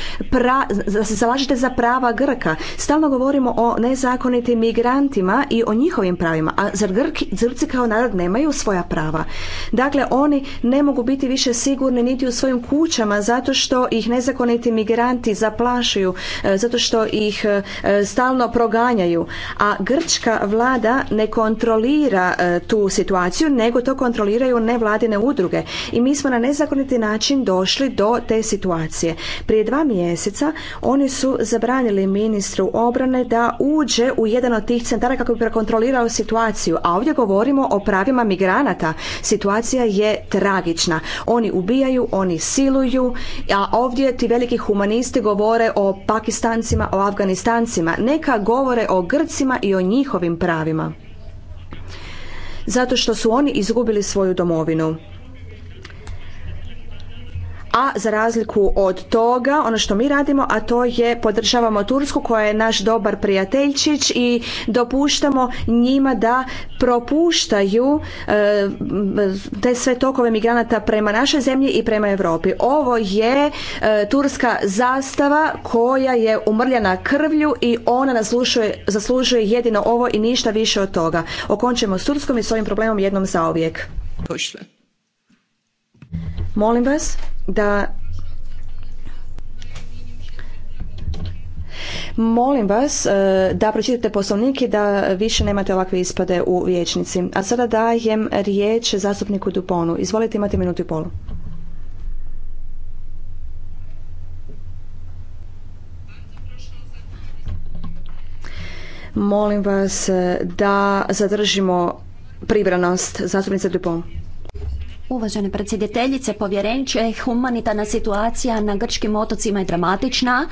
da se zalažite za prava Grka. Stalno govorimo o nezakonitim migrantima i o njihovim pravima, a zar Grci kao narod nemaju svoja prava? Dakle, oni ne mogu biti više sigurni niti biti u svojim kućama zato što ih nezakoniti migranti zaplašuju, e, zato što ih e, stalno proganjaju. A grčka vlada ne kontrolira e, tu situaciju, nego to kontroliraju nevladine udruge. I mi smo na nezakoniti način došli do te situacije. Prije dva mjeseca oni su zabranili ministru obrane da uđe u jedan od tih centara kako bi prekontrolirao situaciju. A ovdje govorimo o pravima migranata. Situacija je tragična. Oni ubijaju, oni siluju, a ovdje ti veliki humanisti govore o Pakistancima, o Afganistancima, neka govore o Grcima i o njihovim pravima. Zato što su oni izgubili svoju domovinu a za razliku od toga ono što mi radimo, a to je podržavamo Tursku koja je naš dobar prijateljčić i dopuštamo njima da propuštaju e, te sve tokove migranata prema našoj zemlji i prema Europi. Ovo je e, turska zastava koja je umrljena krvlju i ona zaslužuje jedino ovo i ništa više od toga. Okončimo s Turskom i s ovim problemom jednom zauvijek. Pošle. Molim vas da Molim vas e, da pročitate poslovnik i da više nemate ovakve ispade u vijećnici. A sada dajem riječ zastupniku Duponu. Izvolite, imate minutu i polu. Molim vas e, da zadržimo pribranost. zastupnice Duponu. Uvažene predsjedateljice, povjerenče, humanitarna situacija na grčkim otocima je dramatična,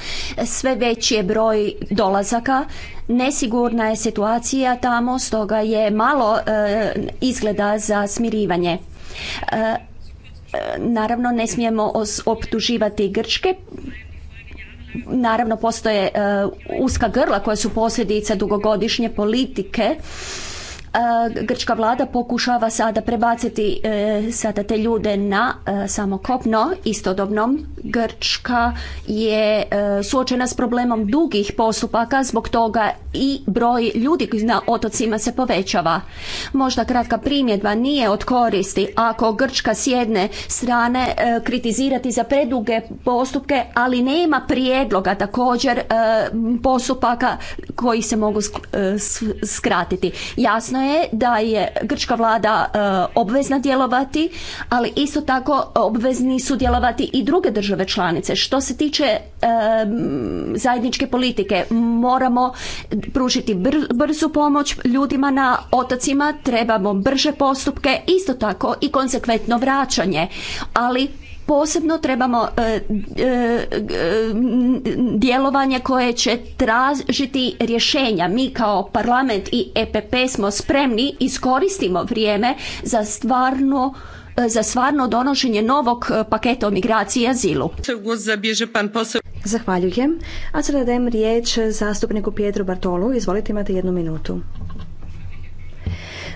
sve veći je broj dolazaka, nesigurna je situacija tamo, stoga je malo e, izgleda za smirivanje. E, naravno, ne smijemo optuživati Grčke, naravno postoje e, uska grla koja su posljedica dugogodišnje politike grčka vlada pokušava sada prebaciti e, sada te ljude na e, samo kopno. Istodobno Grčka je e, suočena s problemom dugih postupaka, zbog toga i broj ljudi na otocima se povećava. Možda kratka primjedba nije od koristi ako Grčka s jedne strane kritizirati za preduge postupke, ali nema prijedloga također postupaka koji se mogu skratiti. Jasno je da je grčka vlada e, obvezna djelovati, ali isto tako obvezni su djelovati i druge države članice. Što se tiče e, zajedničke politike, moramo pružiti brzu pomoć ljudima na otocima, trebamo brže postupke, isto tako i konsekventno vraćanje, ali posebno trebamo e, e djelovanje koje će tražiti rješenja. Mi kao parlament i EPP smo spremni, iskoristimo vrijeme za stvarno e, za stvarno donošenje novog e, paketa o migraciji i azilu. Zahvaljujem. A sada dajem riječ zastupniku Pietru Bartolu. Izvolite, imate jednu minutu.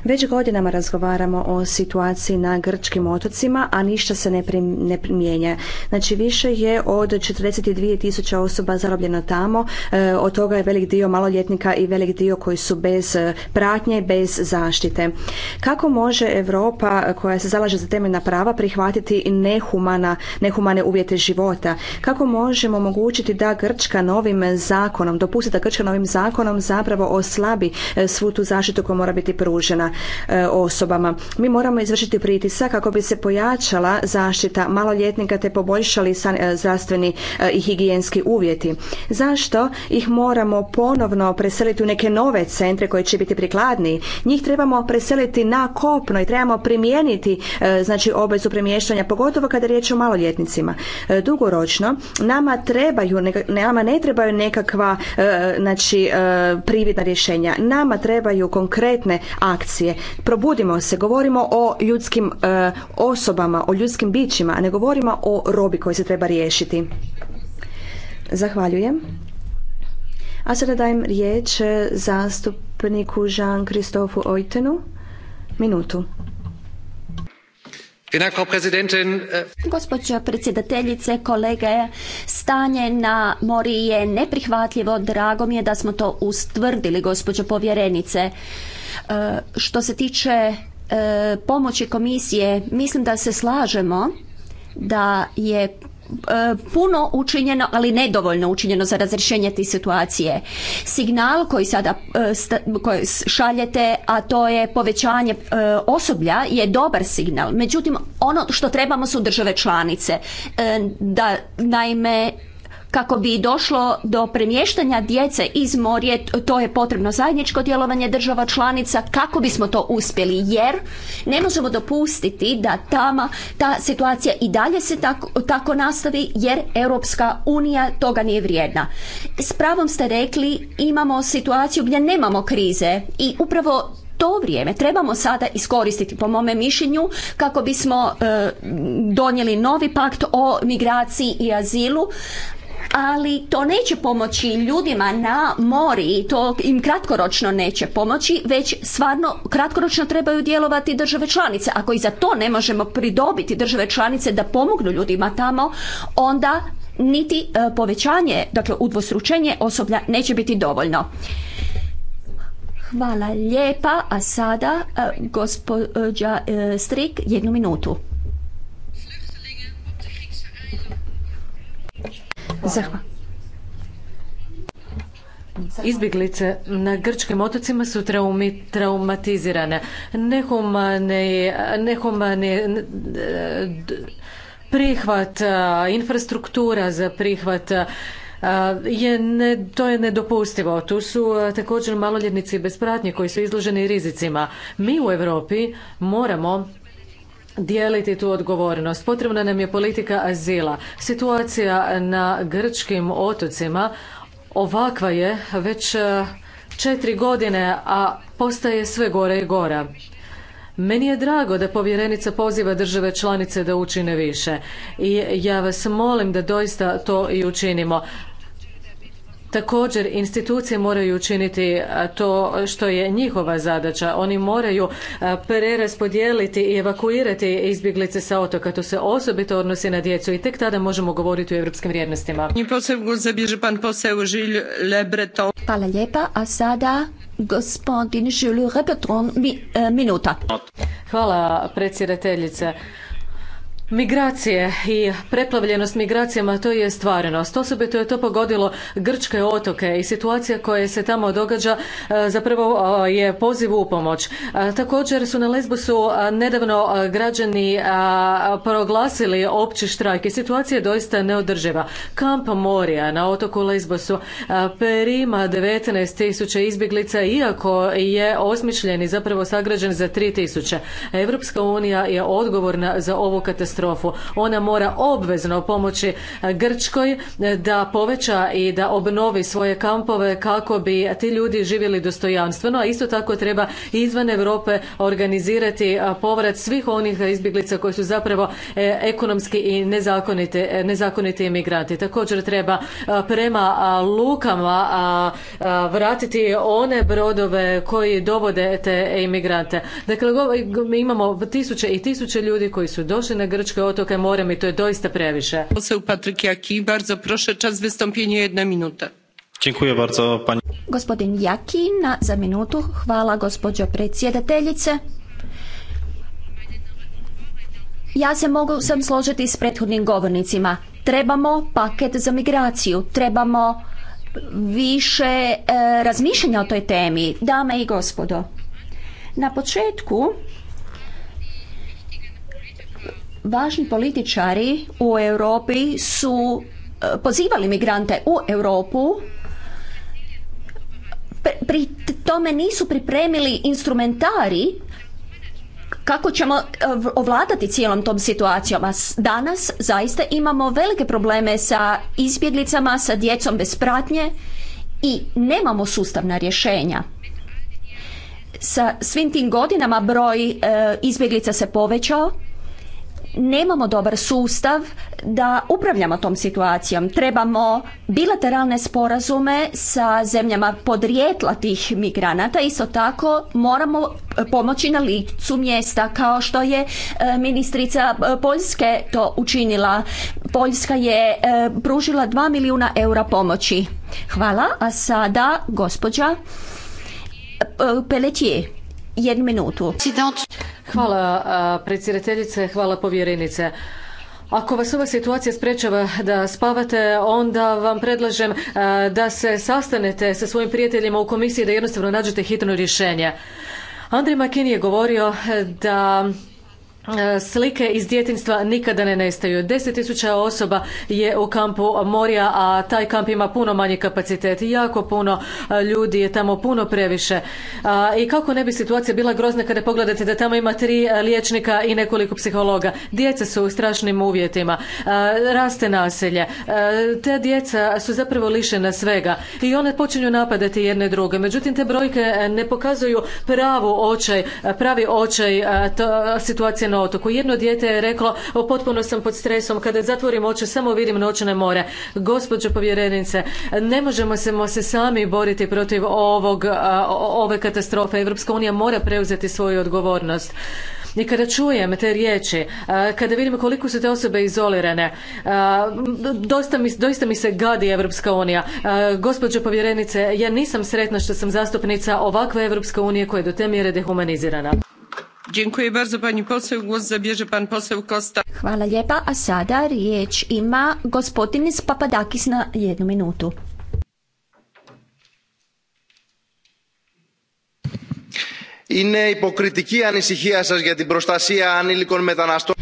Već godinama razgovaramo o situaciji na grčkim otocima, a ništa se ne primjenja. Znači više je od 42 tisuća osoba zarobljeno tamo, e, od toga je velik dio maloljetnika i velik dio koji su bez e, pratnje, bez zaštite. Kako može Europa koja se zalaže za temeljna prava prihvatiti nehumana, nehumane uvjete života? Kako možemo omogućiti da Grčka novim zakonom, dopusti da Grčka novim zakonom zapravo oslabi e, svu tu zaštitu koja mora biti pružena? E, osobama. Mi moramo izvršiti pritisak kako bi se pojačala zaštita maloljetnika te poboljšali e, zdravstveni e, i higijenski uvjeti. Zašto ih moramo ponovno preseliti u neke nove centre koji će biti prikladniji? Njih trebamo preseliti na kopno i trebamo primijeniti znači obvezu premještanja, pogotovo kada je riječ o maloljetnicima. Dugoročno nama trebaju, nama ne trebaju nekakva znači prividna rješenja. Nama trebaju konkretne akcije Probudimo se, govorimo o ljudskim e, osobama, o ljudskim bićima, a ne govorimo o robi koji se treba riješiti. Zahvaljujem. A sada dajem riječ zastupniku Jean-Christophe oitenu Minutu. Gospođo predsjedateljice, kolege, stanje na mori je neprihvatljivo. Drago mi je da smo to ustvrdili, gospođo povjerenice. E, što se tiče e, pomoći komisije, mislim da se slažemo da je e, puno učinjeno, ali nedovoljno učinjeno za razrješenje te situacije. Signal koji sada koji šaljete, a to je povećanje osoblja, je dobar signal. Međutim, ono što trebamo su države članice. Da, naime, kako bi došlo do premještanja djece iz morje, to je potrebno zajedničko djelovanje država članica kako bismo to uspjeli jer ne možemo dopustiti da tama, ta situacija i dalje se tako, nastavi jer Europska unija toga nije vrijedna. S pravom ste rekli imamo situaciju gdje nemamo krize i upravo to vrijeme trebamo sada iskoristiti po mome mišljenju kako bismo e, donijeli novi pakt o migraciji i azilu ali to neće pomoći ljudima na mori, to im kratkoročno neće pomoći, već stvarno kratkoročno trebaju djelovati države članice. Ako i za to ne možemo pridobiti države članice da pomognu ljudima tamo, onda niti e, povećanje, dakle udvostručenje osoblja neće biti dovoljno. Hvala lijepa, a sada e, gospođa e, Strik jednu minutu. Izbjeglice na grčkim otocima su traumatizirane. Nehumane, prihvat, infrastruktura za prihvat je to je nedopustivo. Tu su također maloljetnici bez pratnje koji su izloženi rizicima. Mi u Europi moramo dijeliti tu odgovornost. Potrebna nam je politika azila. Situacija na grčkim otocima ovakva je već e, četiri godine, a postaje sve gore i gora. Meni je drago da povjerenica poziva države članice da učine više i ja vas molim da doista to i učinimo. Također, institucije moraju učiniti e, to što je njihova zadaća. Oni moraju e, preraspodijeliti i evakuirati izbjeglice sa otoka. To se osobito odnosi na djecu i tek tada možemo govoriti o europskim vrijednostima. Hvala lijepa, a sada e, minuta. Hvala predsjedateljice. Migracije i preplavljenost migracijama to je stvarenost. Osobito je to pogodilo grčke otoke i situacija koja se tamo događa e, zapravo e, je poziv u pomoć. E, također su na Lesbosu nedavno građani proglasili opći štrajk i situacija je doista neodrživa. Kamp Morija na otoku Lesbosu perima 19.000 izbjeglica iako je osmišljen i zapravo sagrađen za 3.000. Evropska unija je odgovorna za ovu katastrofu katastrofu. Ona mora obvezno pomoći e, Grčkoj e, da poveća i da obnovi svoje kampove kako bi ti ljudi živjeli dostojanstveno, a isto tako treba izvan Europe organizirati e, povrat svih onih izbjeglica koji su zapravo ekonomski i nezakonite, nezakoniti imigranti. Također treba prema lukama vratiti one brodove koji dovode te imigrante. Dakle, imamo tisuće i tisuće ljudi koji su došli na Grčku grčke otoke morem i to je doista previše. bardzo proszę, czas wystąpienia jedna minuta. Dziękuję Gospodin Jakina, za minutu. Hvala, gospođo predsjedateljice. Ja se mogu sam složiti s prethodnim govornicima. Trebamo paket za migraciju, trebamo više e, razmišljanja o toj temi. Dame i gospodo, na početku važni političari u Europi su e, pozivali migrante u Europu pri tome nisu pripremili instrumentari kako ćemo e, ovladati cijelom tom situacijom. A danas zaista imamo velike probleme sa izbjeglicama, sa djecom bez pratnje i nemamo sustavna rješenja. Sa svim tim godinama broj e, izbjeglica se povećao nemamo dobar sustav da upravljamo tom situacijom. Trebamo bilateralne sporazume sa zemljama podrijetla tih migranata. Isto tako moramo pomoći na licu mjesta kao što je e, ministrica e, Poljske to učinila. Poljska je e, pružila 2 milijuna eura pomoći. Hvala. A sada gospođa Pelletier jednu minutu. Hvala predsjedateljice, hvala povjerenice. Ako vas ova situacija sprečava da spavate, onda vam predlažem da se sastanete sa svojim prijateljima u komisiji da jednostavno nađete hitno rješenje. Andrej Makin je govorio da E, slike iz djetinjstva nikada ne nestaju. Deset tisuća osoba je u kampu Morija, a taj kamp ima puno manji kapacitet. Jako puno e, ljudi je tamo, puno previše. E, I kako ne bi situacija bila grozna kada pogledate da tamo ima tri liječnika i nekoliko psihologa. Djeca su u strašnim uvjetima. Raste naselje. Te djeca su zapravo lišena svega. I one počinju napadati jedne druge. Međutim, te brojke ne pokazuju pravu očaj, pravi očaj situacije na otoku. Jedno dijete je reklo, potpuno sam pod stresom, kada zatvorim oči samo vidim noćne more. Gospođo povjerenice, ne možemo se sami boriti protiv ovog, ove katastrofe. Europska unija mora preuzeti svoju odgovornost. I kada čujem te riječi, kada vidim koliko su te osobe izolirane, doista mi, se gadi Evropska unija. Gospođo povjerenice, ja nisam sretna što sam zastupnica ovakve Evropske unije koja je do te mjere dehumanizirana. Hvala lijepa, a sada riječ ima gospodin Papadakis na jednu minutu. Είναι υποκριτική ανησυχία σας για την προστασία ανήλικων μεταναστών.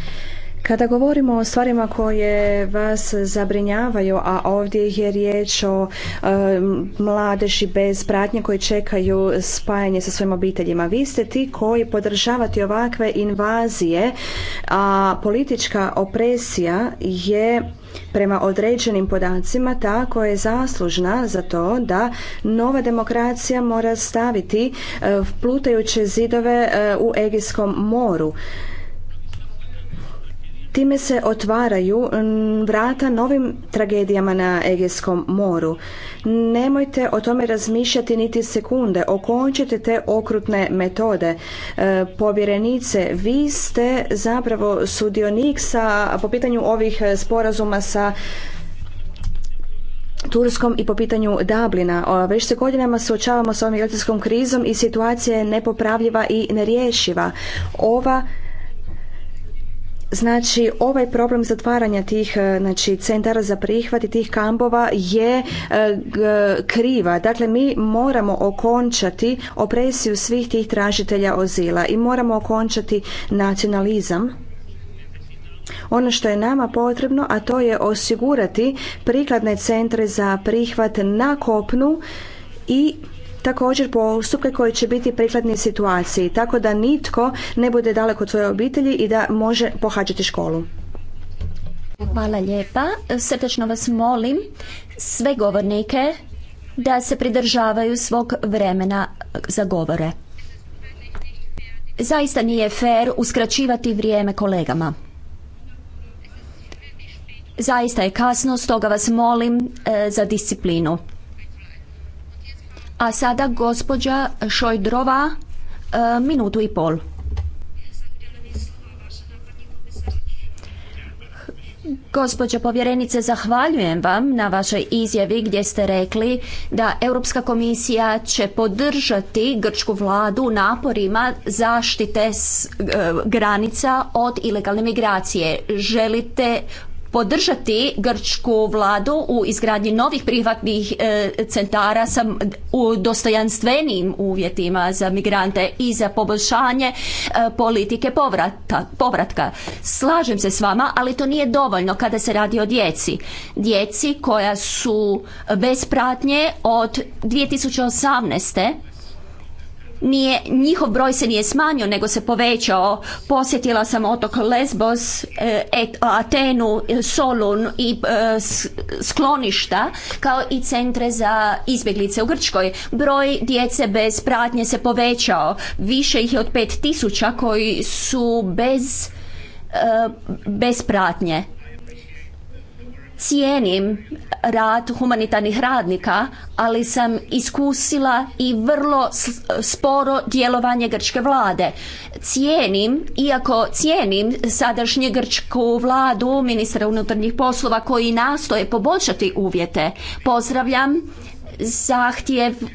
Kada govorimo o stvarima koje vas zabrinjavaju, a ovdje je riječ o e, mladeži bez pratnje koji čekaju spajanje sa svojim obiteljima, vi ste ti koji podržavate ovakve invazije, a politička opresija je prema određenim podacima ta koja je zaslužna za to da nova demokracija mora staviti e, plutajuće zidove eh, u Egijskom moru. Time se otvaraju mm, vrata novim tragedijama na Egejskom moru. Nemojte o tome razmišljati niti sekunde. Okončite te okrutne metode. E, povjerenice, vi ste zapravo sudionik sa, po pitanju ovih e, sporazuma sa Turskom i po pitanju Dublina. Već se godinama suočavamo s ovom migracijskom krizom i situacija je nepopravljiva i nerješiva. Ova Znači, ovaj problem zatvaranja tih e, znači, centara za prihvat i tih kampova je e, kriva. Dakle, mi moramo okončati opresiju svih tih tražitelja ozila i moramo okončati nacionalizam ono što je nama potrebno, a to je osigurati prikladne centre za prihvat na kopnu i također postupke koji će biti prikladni situaciji, tako da nitko ne bude daleko od svoje obitelji i da može pohađati školu. Hvala lijepa. Srdečno vas molim sve govornike da se pridržavaju svog vremena za govore. Zaista nije fer uskraćivati vrijeme kolegama. Zaista je kasno, stoga vas molim e, za disciplinu. A sada gospođa Šojdrova, e, minutu i pol. Gospođo povjerenice, zahvaljujem vam na vašoj izjavi gdje ste rekli da Europska komisija će podržati grčku vladu naporima zaštite e, granica od ilegalne migracije. Želite podržati grčku vladu u izgradnji novih prihvatnih e, centara sa u dostojanstvenijim uvjetima za migrante i za poboljšanje e, politike povratka. Slažem se s vama, ali to nije dovoljno kada se radi o djeci. Djeci koja su bez pratnje od 2018 nije, njihov broj se nije smanjio nego se povećao. Posjetila sam otok Lesbos, eh, et, Atenu, Solun i eh, skloništa kao i centre za izbjeglice u Grčkoj. Broj djece bez pratnje se povećao. Više ih je od 5000 koji su bez, eh, bez pratnje cijenim rad humanitarnih radnika, ali sam iskusila i vrlo sporo djelovanje grčke vlade. Cijenim, iako cijenim sadašnju grčku vladu, ministra unutarnjih poslova koji nastoje poboljšati uvjete, pozdravljam zahtjev e,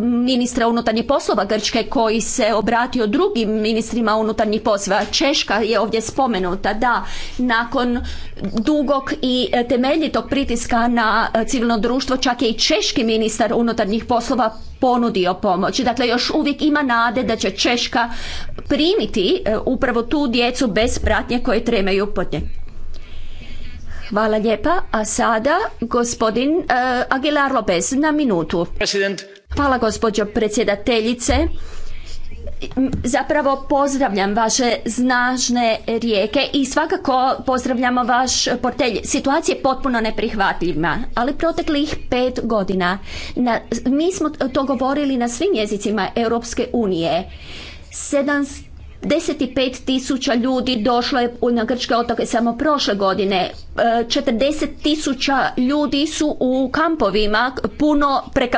ministra unutarnjih poslova Grčke koji se obratio drugim ministrima unutarnjih poslova. Češka je ovdje spomenuta da nakon dugog i e, temeljitog pritiska na e, civilno društvo čak je i češki ministar unutarnjih poslova ponudio pomoć. Dakle, još uvijek ima nade da će Češka primiti upravo tu djecu bez pratnje koje tremaju pod nje. Hvala lijepa. A sada gospodin e, Aguilar Lopez na minutu. President. Hvala gospođo predsjedateljice. Zapravo pozdravljam vaše znažne rijeke i svakako pozdravljamo vaš portelj. Situacija je potpuno neprihvatljiva, ali proteklih pet godina na, mi smo to govorili na svim jezicima Europske unije. 10,5 tisuća ljudi došlo je na grčke otoke samo prošle godine. 40 e, tisuća ljudi su u kampovima, puno e,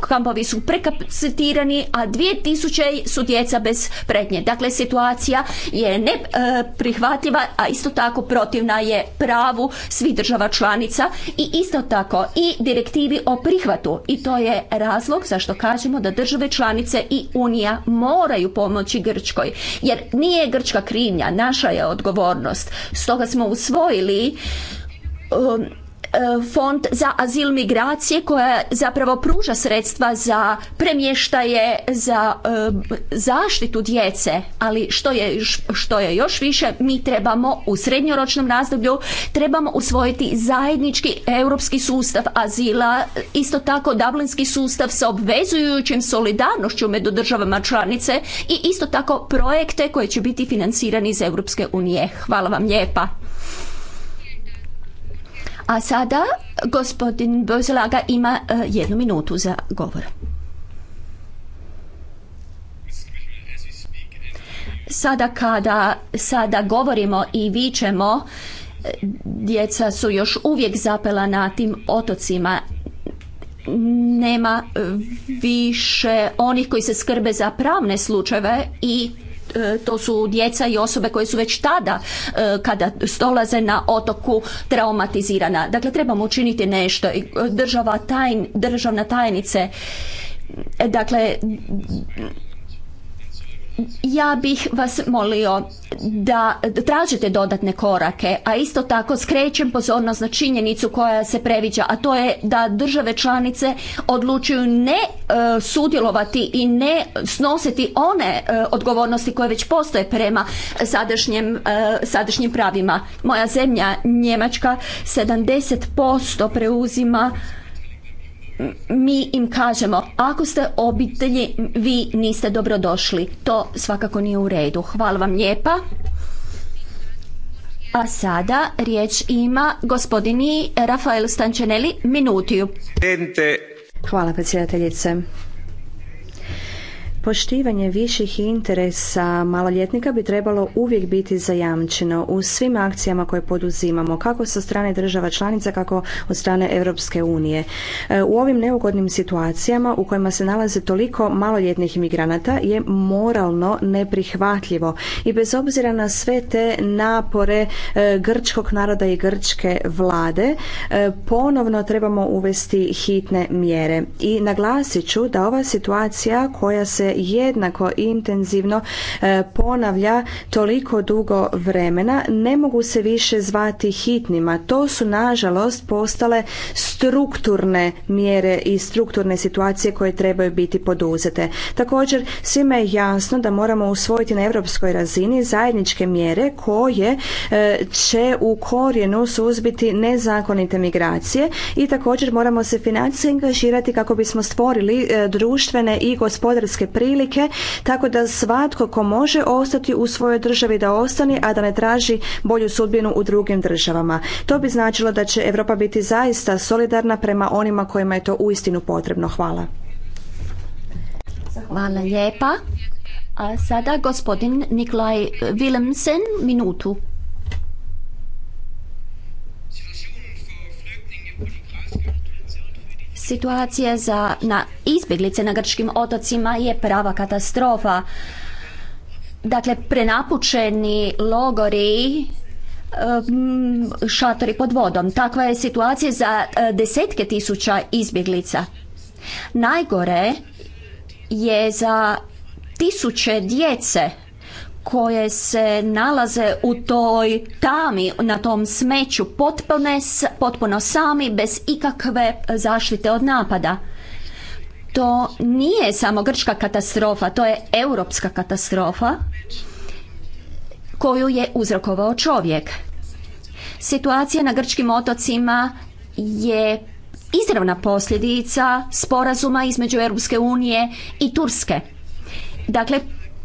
kampovi su prekapacitirani, a 2 tisuće su djeca bez prednje. Dakle, situacija je neprihvatljiva, e, a isto tako protivna je pravu svih država članica i isto tako i direktivi o prihvatu. I to je razlog zašto kažemo da države članice i Unija moraju pomoći Grčkoj jer nije Grčka krivnja, naša je odgovornost. Stoga smo usvojili um, E, fond za azil migracije koja zapravo pruža sredstva za premještaje, za e, zaštitu djece, ali što je, što je još više, mi trebamo u srednjoročnom razdoblju trebamo usvojiti zajednički europski sustav azila, isto tako dublinski sustav sa obvezujućim solidarnošću među državama članice i isto tako projekte koji će biti financirani iz Europske unije. Hvala vam lijepa. A sada gospodin Bozelaga ima e, jednu minutu za govor. Sada kada sada govorimo i vičemo, e, djeca su još uvijek zapela na tim otocima nema e, više onih koji se skrbe za pravne slučajeve i E, to su djeca i osobe koje su već tada e, kada dolaze na otoku traumatizirana. Dakle, trebamo učiniti nešto. E, država tajn, državna tajnice, dakle, ja bih vas molio da tražite dodatne korake, a isto tako skrećem pozornost na činjenicu koja se previđa, a to je da države članice odlučuju ne e, sudjelovati i ne snositi one e, odgovornosti koje već postoje prema sadašnjem, e, sadašnjim pravima. Moja zemlja Njemačka 70% preuzima mi im kažemo ako ste obitelji vi niste dobrodošli. To svakako nije u redu. Hvala vam lijepa. A sada riječ ima gospodini Rafael Stančaneli minutiju. Hvala predsjedateljice. Poštivanje viših interesa maloljetnika bi trebalo uvijek biti zajamčeno u svim akcijama koje poduzimamo, kako sa strane država članica, kako od strane Europske unije. E, u ovim neugodnim situacijama u kojima se nalaze toliko maloljetnih imigranata je moralno neprihvatljivo i bez obzira na sve te napore e, grčkog naroda i grčke vlade e, ponovno trebamo uvesti hitne mjere. I naglasit ću da ova situacija koja se jednako intenzivno e, ponavlja toliko dugo vremena, ne mogu se više zvati hitnima. To su nažalost postale strukturne mjere i strukturne situacije koje trebaju biti poduzete. Također svima je jasno da moramo usvojiti na europskoj razini zajedničke mjere koje e, će u korijenu suzbiti nezakonite migracije i također moramo se financije angažirati kako bismo stvorili e, društvene i gospodarske prilike, tako da svatko ko može ostati u svojoj državi da ostane, a da ne traži bolju sudbinu u drugim državama. To bi značilo da će Europa biti zaista solidarna prema onima kojima je to uistinu potrebno. Hvala. Hvala lijepa. A sada gospodin Nikolaj Willemsen, minutu. Situacija za na izbjeglice na grčkim otocima je prava katastrofa. Dakle, prenapučeni logori šatori pod vodom. Takva je situacija za e, desetke tisuća izbjeglica. Najgore je za tisuće djece koje se nalaze u toj tami, na tom smeću, potpuno sami, bez ikakve zaštite od napada. To nije samo grčka katastrofa, to je europska katastrofa koju je uzrokovao čovjek. Situacija na grčkim otocima je izravna posljedica sporazuma između Europske unije i Turske. Dakle,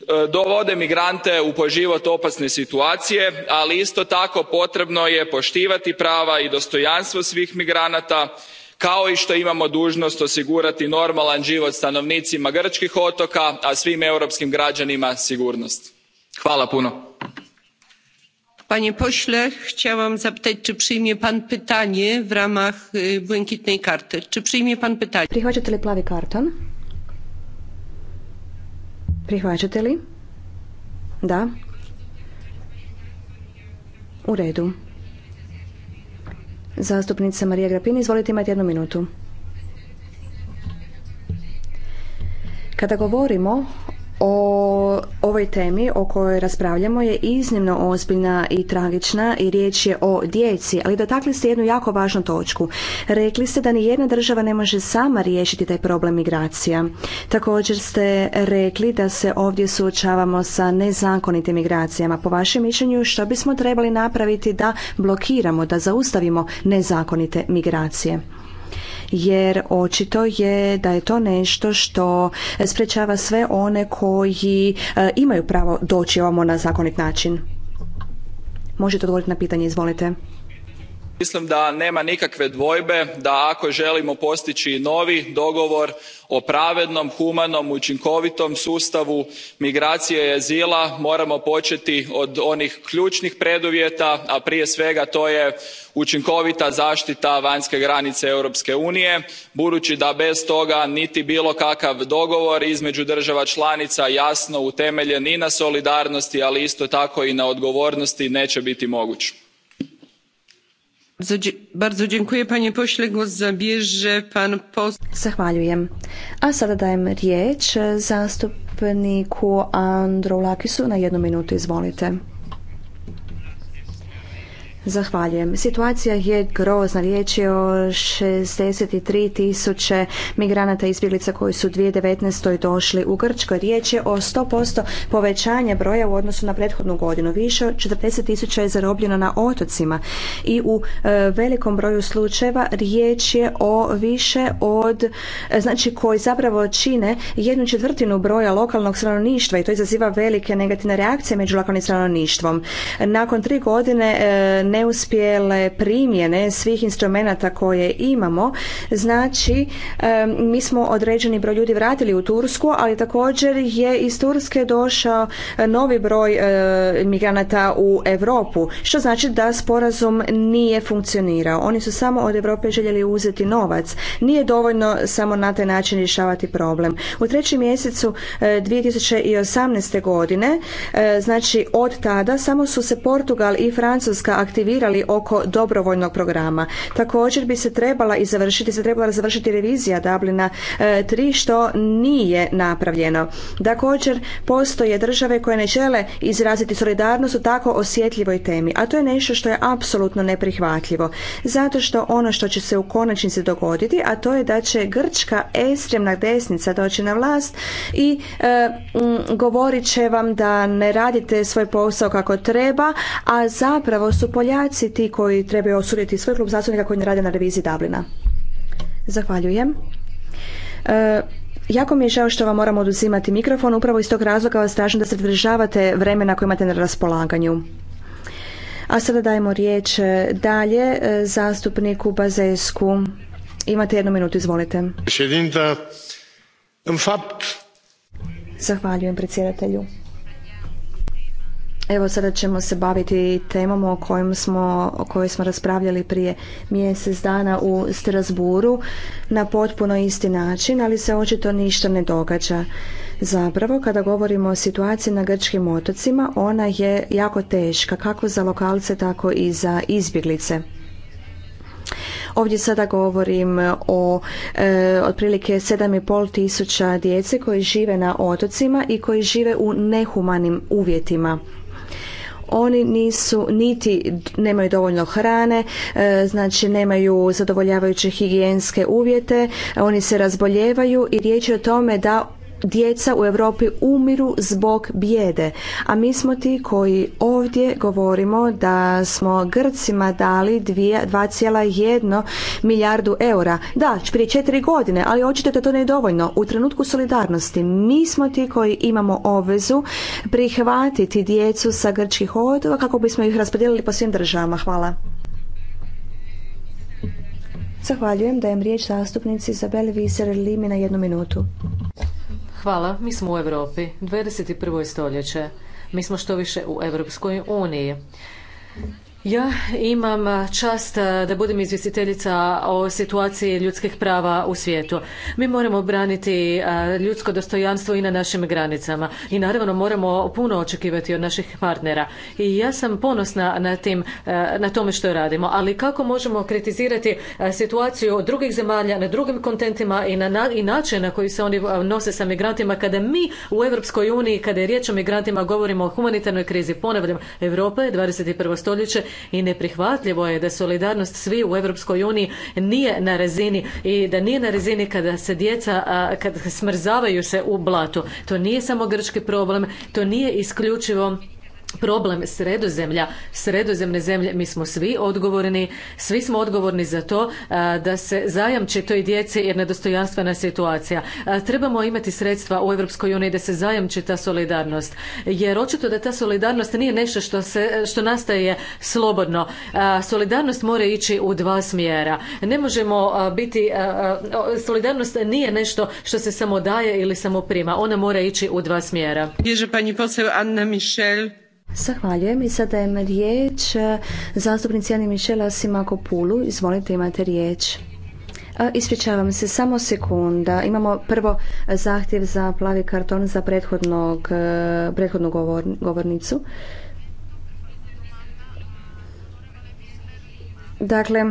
E, dovode migrante u po život opasne situacije ali isto tako potrebno je poštivati prava i dostojanstvo svih migranata kao i što imamo dužnost osigurati normalan život stanovnicima grčkih otoka a svim europskim građanima sigurnost. hvala puno. panie Prihvaćate li? Da. U redu. Zastupnica Marija Grapini, izvolite imati jednu minutu. Kada govorimo o ovoj temi o kojoj raspravljamo je iznimno ozbiljna i tragična i riječ je o djeci, ali dotakli ste jednu jako važnu točku. Rekli ste da ni jedna država ne može sama riješiti taj problem migracija. Također ste rekli da se ovdje suočavamo sa nezakonitim migracijama. Po vašem mišljenju što bismo trebali napraviti da blokiramo, da zaustavimo nezakonite migracije? jer očito je da je to nešto što sprečava sve one koji e, imaju pravo doći ovamo na zakonit način. Možete odgovoriti na pitanje, izvolite mislim da nema nikakve dvojbe da ako želimo postići novi dogovor o pravednom humanom učinkovitom sustavu migracije i azila moramo početi od onih ključnih preduvjeta a prije svega to je učinkovita zaštita vanjske granice europske unije budući da bez toga niti bilo kakav dogovor između država članica jasno utemeljen i na solidarnosti ali isto tako i na odgovornosti neće biti moguć. Zahvaljujem. A sada dajem riječ zastupniku Lakisu na jednu minutu. Izvolite. Zahvaljujem. Situacija je grozna. Riječ je o 63 tisuće migranata izbjeglica koji su u 2019. došli u Grčkoj. Riječ je o 100% povećanje broja u odnosu na prethodnu godinu. Više od 40 tisuća je zarobljeno na otocima i u e, velikom broju slučajeva riječ je o više od, e, znači koji zapravo čine jednu četvrtinu broja lokalnog stanovništva i to izaziva velike negativne reakcije među lokalnim stanovništvom. Nakon tri godine e, neuspjele primjene svih instrumenata koje imamo. Znači, mi smo određeni broj ljudi vratili u Tursku, ali također je iz Turske došao novi broj e, migranata u Europu, što znači da sporazum nije funkcionirao. Oni su samo od Europe željeli uzeti novac. Nije dovoljno samo na taj način rješavati problem. U trećem mjesecu 2018. E, godine, e, znači od tada, samo su se Portugal i Francuska aktivirali aktivirali oko dobrovoljnog programa. Također bi se trebala i završiti, se trebala završiti revizija Dublina 3 e, što nije napravljeno. Također postoje države koje ne žele izraziti solidarnost u tako osjetljivoj temi, a to je nešto što je apsolutno neprihvatljivo. Zato što ono što će se u konačnici dogoditi, a to je da će grčka ekstremna desnica doći na vlast i e, govorit će vam da ne radite svoj posao kako treba, a zapravo su Beljaci ti koji trebaju osuditi svoj klub zastupnika koji ne rade na reviziji Dublina. Zahvaljujem. E, jako mi je žao što vam moramo oduzimati mikrofon, upravo iz tog razloga vas tražim da se državate vremena koje imate na raspolaganju. A sada dajemo riječ e, dalje e, zastupniku Bazesku. Imate jednu minutu, izvolite. Zahvaljujem predsjedatelju. Evo sada ćemo se baviti temom o, kojem smo, o kojoj smo raspravljali prije mjesec dana u Strasburu na potpuno isti način, ali se očito ništa ne događa. Zapravo, kada govorimo o situaciji na grčkim otocima, ona je jako teška, kako za lokalce, tako i za izbjeglice. Ovdje sada govorim o e, otprilike 7,5 tisuća djece koji žive na otocima i koji žive u nehumanim uvjetima. Oni nisu niti, nemaju dovoljno hrane, e, znači nemaju zadovoljavajuće higijenske uvjete, oni se razboljevaju i riječ je o tome da djeca u Europi umiru zbog bijede, a mi smo ti koji ovdje govorimo da smo Grcima dali 2,1 milijardu eura. Da, prije četiri godine, ali očito da to ne dovoljno. U trenutku solidarnosti mi smo ti koji imamo obvezu prihvatiti djecu sa grčkih otoka kako bismo ih raspodijelili po svim državama. Hvala. Zahvaljujem. Dajem riječ zastupnici Izabeli Viser Limi na jednu minutu. Hvala, mi smo u Europi, 21. stoljeće. Mi smo što više u Europskoj uniji. Ja imam čast da budem izvjestiteljica o situaciji ljudskih prava u svijetu. Mi moramo braniti ljudsko dostojanstvo i na našim granicama i naravno moramo puno očekivati od naših partnera. I ja sam ponosna na, tim, na tome što radimo, ali kako možemo kritizirati situaciju drugih zemalja na drugim kontentima i, na, i način na koji se oni nose sa migrantima kada mi u Europskoj uniji, kada je riječ o migrantima, govorimo o humanitarnoj krizi. Ponavljam, Europa je 21. stoljeće i neprihvatljivo je da solidarnost svi u Europskoj uniji nije na razini i da nije na razini kada se djeca, kad smrzavaju se u blatu. To nije samo grčki problem, to nije isključivo problem sredozemlja, sredozemne zemlje, mi smo svi odgovorni, svi smo odgovorni za to da se zajamči toj djeci jer nedostojanstvena situacija. Trebamo imati sredstva u Europskoj uniji da se zajamči ta solidarnost jer očito da ta solidarnost nije nešto što, se, što nastaje slobodno. Solidarnost mora ići u dva smjera. Ne možemo biti, solidarnost nije nešto što se samo daje ili samo prima. Ona mora ići u dva smjera. pani Anna Michel. Zahvaljujem i sada je riječ e, zastupnici Ani Mišela Simakopulu. Izvolite, imate riječ. E, ispričavam se, samo sekunda. Imamo prvo zahtjev za plavi karton za prethodnog, e, prethodnu govornicu. Dakle,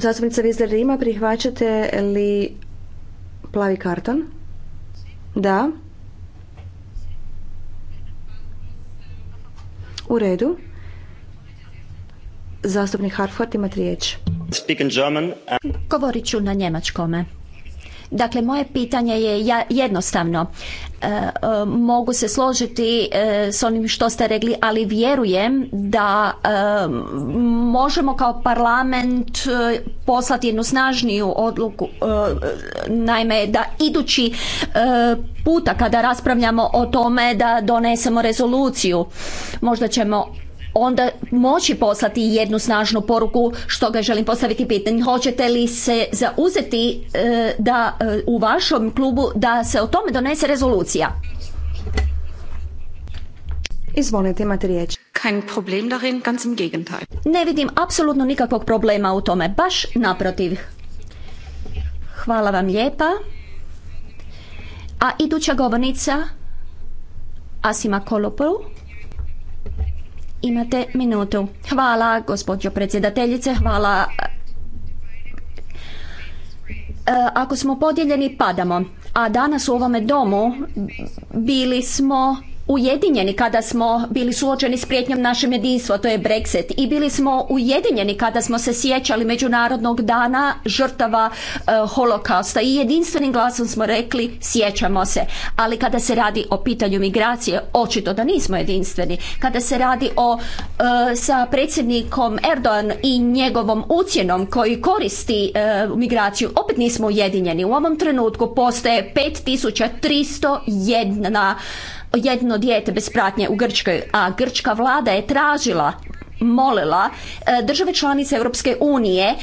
zastupnica Vizler ima, prihvaćate li plavi karton? Da. U redu. Zastupnik Hartford imate riječ. Govorit ću na njemačkome. Dakle, moje pitanje je jednostavno. E, e, mogu se složiti e, s onim što ste rekli, ali vjerujem da možemo kao parlament poslati jednu snažniju odluku, naime da idući puta kada raspravljamo o tome da donesemo rezoluciju, možda ćemo onda moći poslati jednu snažnu poruku što ga želim postaviti pitanje. Hoćete li se zauzeti e, da e, u vašom klubu da se o tome donese rezolucija? Izvolite, imate riječ. Kein problem darin, ganz im Gegenteil. Ne vidim apsolutno nikakvog problema u tome, baš naprotiv. Hvala vam lijepa. A iduća govornica Asima Kolopolu. Imate minutu. Hvala, gospođo predsjedateljice, hvala. E, ako smo podijeljeni, padamo. A danas u ovome domu bili smo ujedinjeni kada smo bili suočeni s prijetnjom našem jedinstvu, to je Brexit. I bili smo ujedinjeni kada smo se sjećali Međunarodnog dana žrtava eh, holokausta i jedinstvenim glasom smo rekli sjećamo se. Ali kada se radi o pitanju migracije, očito da nismo jedinstveni. Kada se radi o eh, sa predsjednikom Erdogan i njegovom ucjenom koji koristi eh, migraciju, opet nismo ujedinjeni. U ovom trenutku postoje 5301 jedno dijete bez pratnje u Grčkoj, a grčka vlada je tražila molila e, države članice Europske unije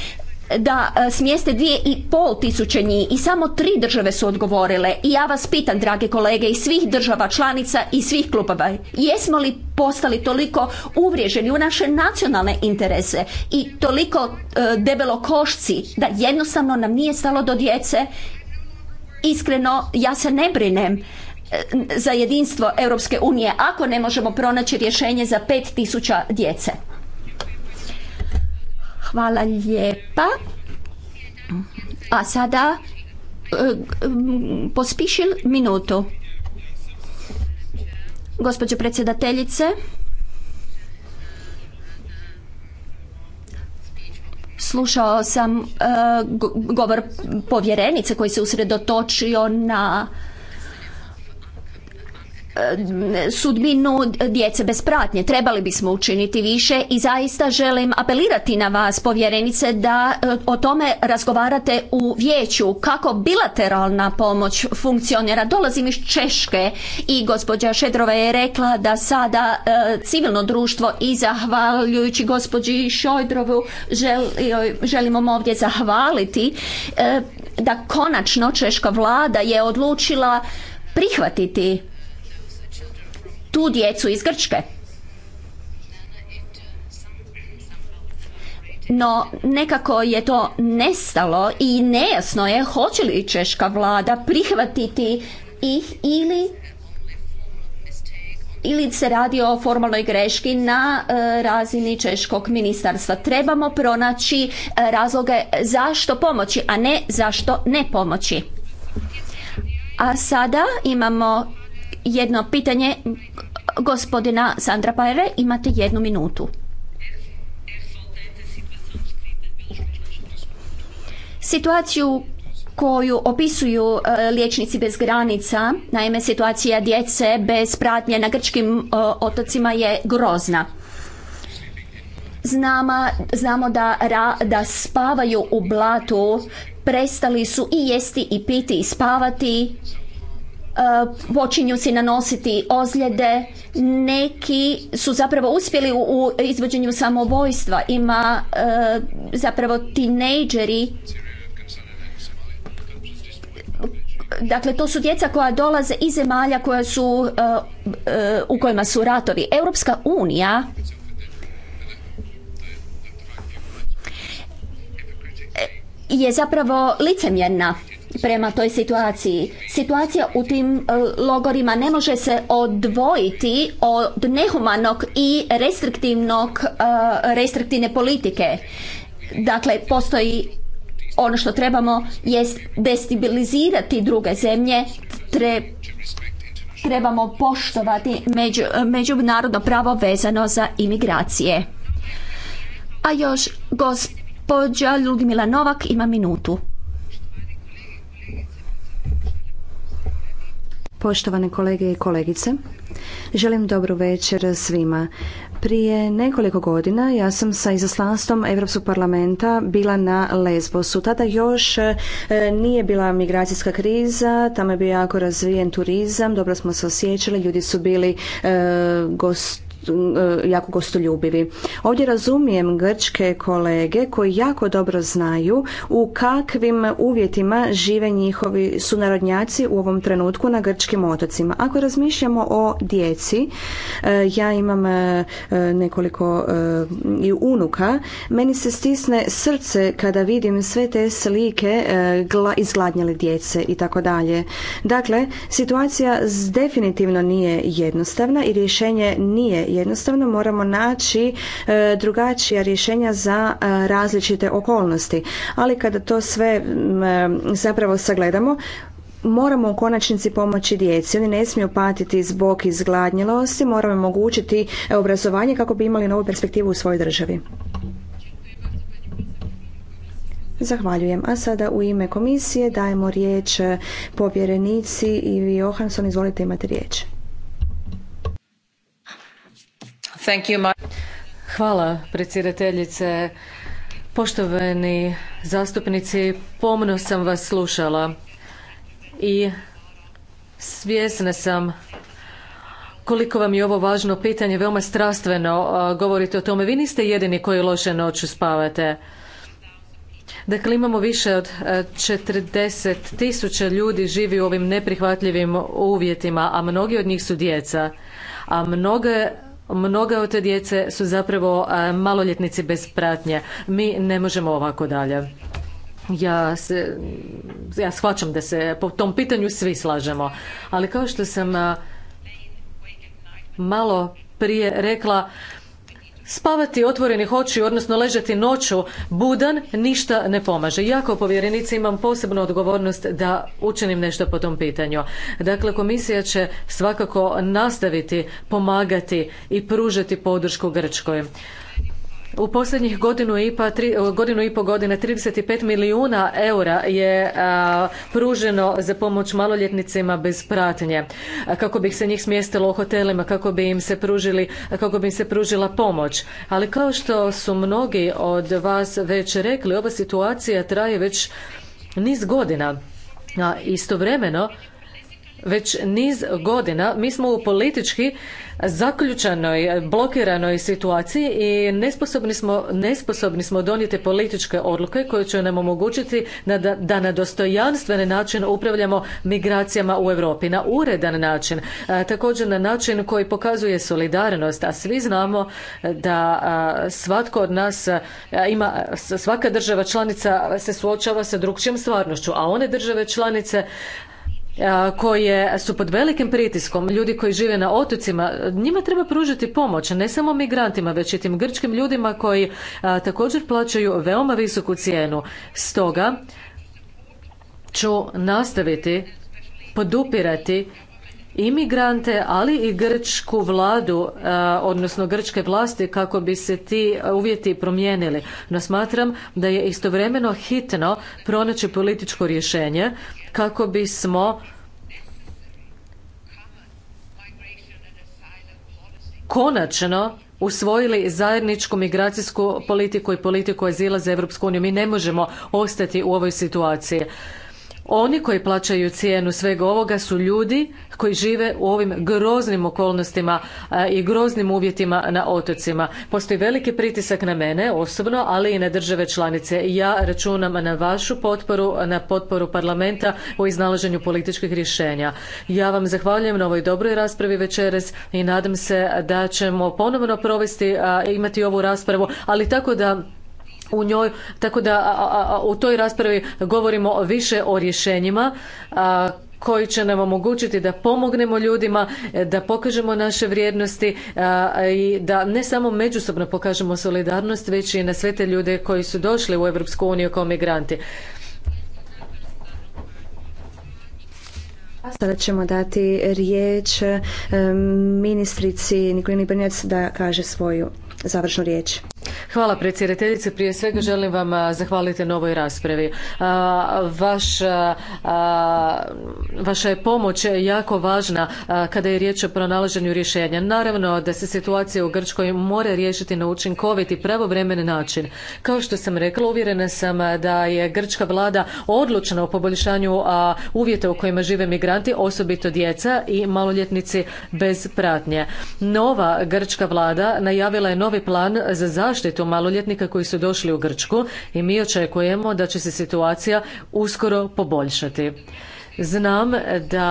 da e, smjeste dvije i pol tisuće njih i samo tri države su odgovorile i ja vas pitam drage kolege iz svih država članica i svih klubova jesmo li postali toliko uvriježeni u naše nacionalne interese i toliko e, debelo košci da jednostavno nam nije stalo do djece iskreno ja se ne brinem za jedinstvo Europske unije ako ne možemo pronaći rješenje za pet tisuća djece. Hvala lijepa. A sada e, pospišil minutu. Gospođo predsjedateljice, slušao sam e, govor povjerenice koji se usredotočio na E, sudbinu djece bez pratnje. Trebali bismo učiniti više i zaista želim apelirati na vas, povjerenice, da e, o tome razgovarate u vijeću kako bilateralna pomoć funkcionira. Dolazim iz Češke i gospođa Šedrova je rekla da sada e, civilno društvo i zahvaljujući gospođi Šojdrovu želimo ovdje zahvaliti da konačno Češka vlada je odlučila prihvatiti tu djecu iz Grčke. No, nekako je to nestalo i nejasno je hoće li češka vlada prihvatiti ih ili ili se radi o formalnoj greški na e, razini češkog ministarstva. Trebamo pronaći e, razloge zašto pomoći, a ne zašto ne pomoći. A sada imamo jedno pitanje gospodina Sandra Pajere, Imate jednu minutu. Situaciju koju opisuju e, liječnici bez granica, naime situacija djece bez pratnje na grčkim e, otocima je grozna. Znamo, znamo da, da spavaju u blatu, prestali su i jesti i piti i spavati Eh, počinju si nanositi ozljede, neki su zapravo uspjeli u izvođenju samovojstva, ima eh, zapravo tinejdžeri Dakle, to su djeca koja dolaze iz zemalja koja su, eh, u kojima su ratovi. Europska unija je zapravo licemjerna prema toj situaciji. Situacija u tim e, logorima ne može se odvojiti od nehumanog i restriktivnog, e, restriktivne politike. Dakle, postoji ono što trebamo jest destabilizirati druge zemlje, trebamo poštovati međunarodno pravo vezano za imigracije. A još gospođa Ljudmila Novak ima minutu. Poštovane kolege i kolegice, želim dobru večer svima. Prije nekoliko godina ja sam sa izaslanstvom Europskog parlamenta bila na Lesbosu. Tada još e, nije bila migracijska kriza, tamo je bio jako razvijen turizam, dobro smo se osjećali, ljudi su bili e, gost E, jako gostoljubivi. Ovdje razumijem grčke kolege koji jako dobro znaju u kakvim uvjetima žive njihovi sunarodnjaci u ovom trenutku na grčkim otocima. Ako razmišljamo o djeci, e, ja imam e, nekoliko i unuka, meni se stisne srce kada vidim sve te slike izgladnjale djece i tako dalje. Dakle, situacija definitivno nije jednostavna i rješenje nije Jednostavno moramo naći e, drugačija rješenja za e, različite okolnosti. Ali kada to sve e, zapravo sagledamo, moramo u konačnici pomoći djeci. Oni ne smiju patiti zbog izgladnjelosti, moramo omogućiti obrazovanje kako bi imali novu perspektivu u svojoj državi. Zahvaljujem. A sada u ime komisije dajemo riječ povjerenici Ivi Johansson. Izvolite, imate riječ. Hvala predsjedateljice. Poštovani zastupnici, pomno sam vas slušala i svjesna sam koliko vam je ovo važno pitanje, veoma strastveno govorite o tome. Vi niste jedini koji loše noću spavate. Dakle, imamo više od 40 e, tisuća ljudi živi u ovim neprihvatljivim uvjetima, a mnogi od njih su djeca. A mnoge Mnoga od te djece su zapravo e, maloljetnici bez pratnje. Mi ne možemo ovako dalje. Ja, se, ja shvaćam da se po tom pitanju svi slažemo, ali kao što sam e, malo prije rekla, Spavati otvorenih očiju, odnosno ležati noću budan, ništa ne pomaže. Ja kao povjerenici imam posebnu odgovornost da učinim nešto po tom pitanju. Dakle, komisija će svakako nastaviti pomagati i pružati podršku Grčkoj. U posljednjih godinu i, pa, godinu i po godine 35 milijuna eura je pruženo za pomoć maloljetnicima bez pratnje kako bi se njih smjestilo u hotelima, kako bi im se pružili, kako bi im se pružila pomoć. Ali kao što su mnogi od vas već rekli, ova situacija traje već niz godina. A istovremeno već niz godina mi smo u politički zaključanoj, blokiranoj situaciji i nesposobni smo, donijeti političke odluke koje će nam omogućiti da, da na dostojanstven način upravljamo migracijama u Europi, na uredan način, e, također na način koji pokazuje solidarnost, a svi znamo e, da svatko od nas e, ima, svaka država članica se suočava sa drukčijom stvarnošću, a one države članice koje su pod velikim pritiskom, ljudi koji žive na otocima, njima treba pružiti pomoć, ne samo migrantima, već i tim grčkim ljudima koji također plaćaju veoma visoku cijenu. Stoga ću nastaviti podupirati migrante, ali i grčku vladu, odnosno grčke vlasti kako bi se ti uvjeti promijenili. No smatram da je istovremeno hitno pronaći političko rješenje kako bismo konačno usvojili zajedničku migracijsku politiku i politiku azila za Europsku uniju. Mi ne možemo ostati u ovoj situaciji. Oni koji plaćaju cijenu svega ovoga su ljudi koji žive u ovim groznim okolnostima i groznim uvjetima na otocima. Postoji veliki pritisak na mene osobno, ali i na države članice. Ja računam na vašu potporu, na potporu parlamenta u iznalaženju političkih rješenja. Ja vam zahvaljujem na ovoj dobroj raspravi večeras i nadam se da ćemo ponovno provesti, imati ovu raspravu, ali tako da u njoj, tako da u toj raspravi govorimo više o rješenjima koji će nam omogućiti da pomognemo ljudima, e, da pokažemo naše vrijednosti i da ne samo međusobno pokažemo solidarnost, već i na sve te ljude koji su došli u Europsku uniju kao migranti. sada ćemo dati riječ e, ministrici Nikolini Brnjac da kaže svoju završnu riječ. Hvala predsjedateljice. Prije svega želim vam zahvaliti na ovoj raspravi. Vaša, je pomoć jako važna kada je riječ o pronalaženju rješenja. Naravno da se situacija u Grčkoj mora riješiti na učinkovit i pravovremen način. Kao što sam rekla, uvjerena sam da je grčka vlada odlučna u poboljšanju uvjeta u kojima žive migranti, osobito djeca i maloljetnici bez pratnje. Nova grčka vlada najavila je novi plan za zaštitu zaštitu maloljetnika koji su došli u Grčku i mi očekujemo da će se situacija uskoro poboljšati. Znam da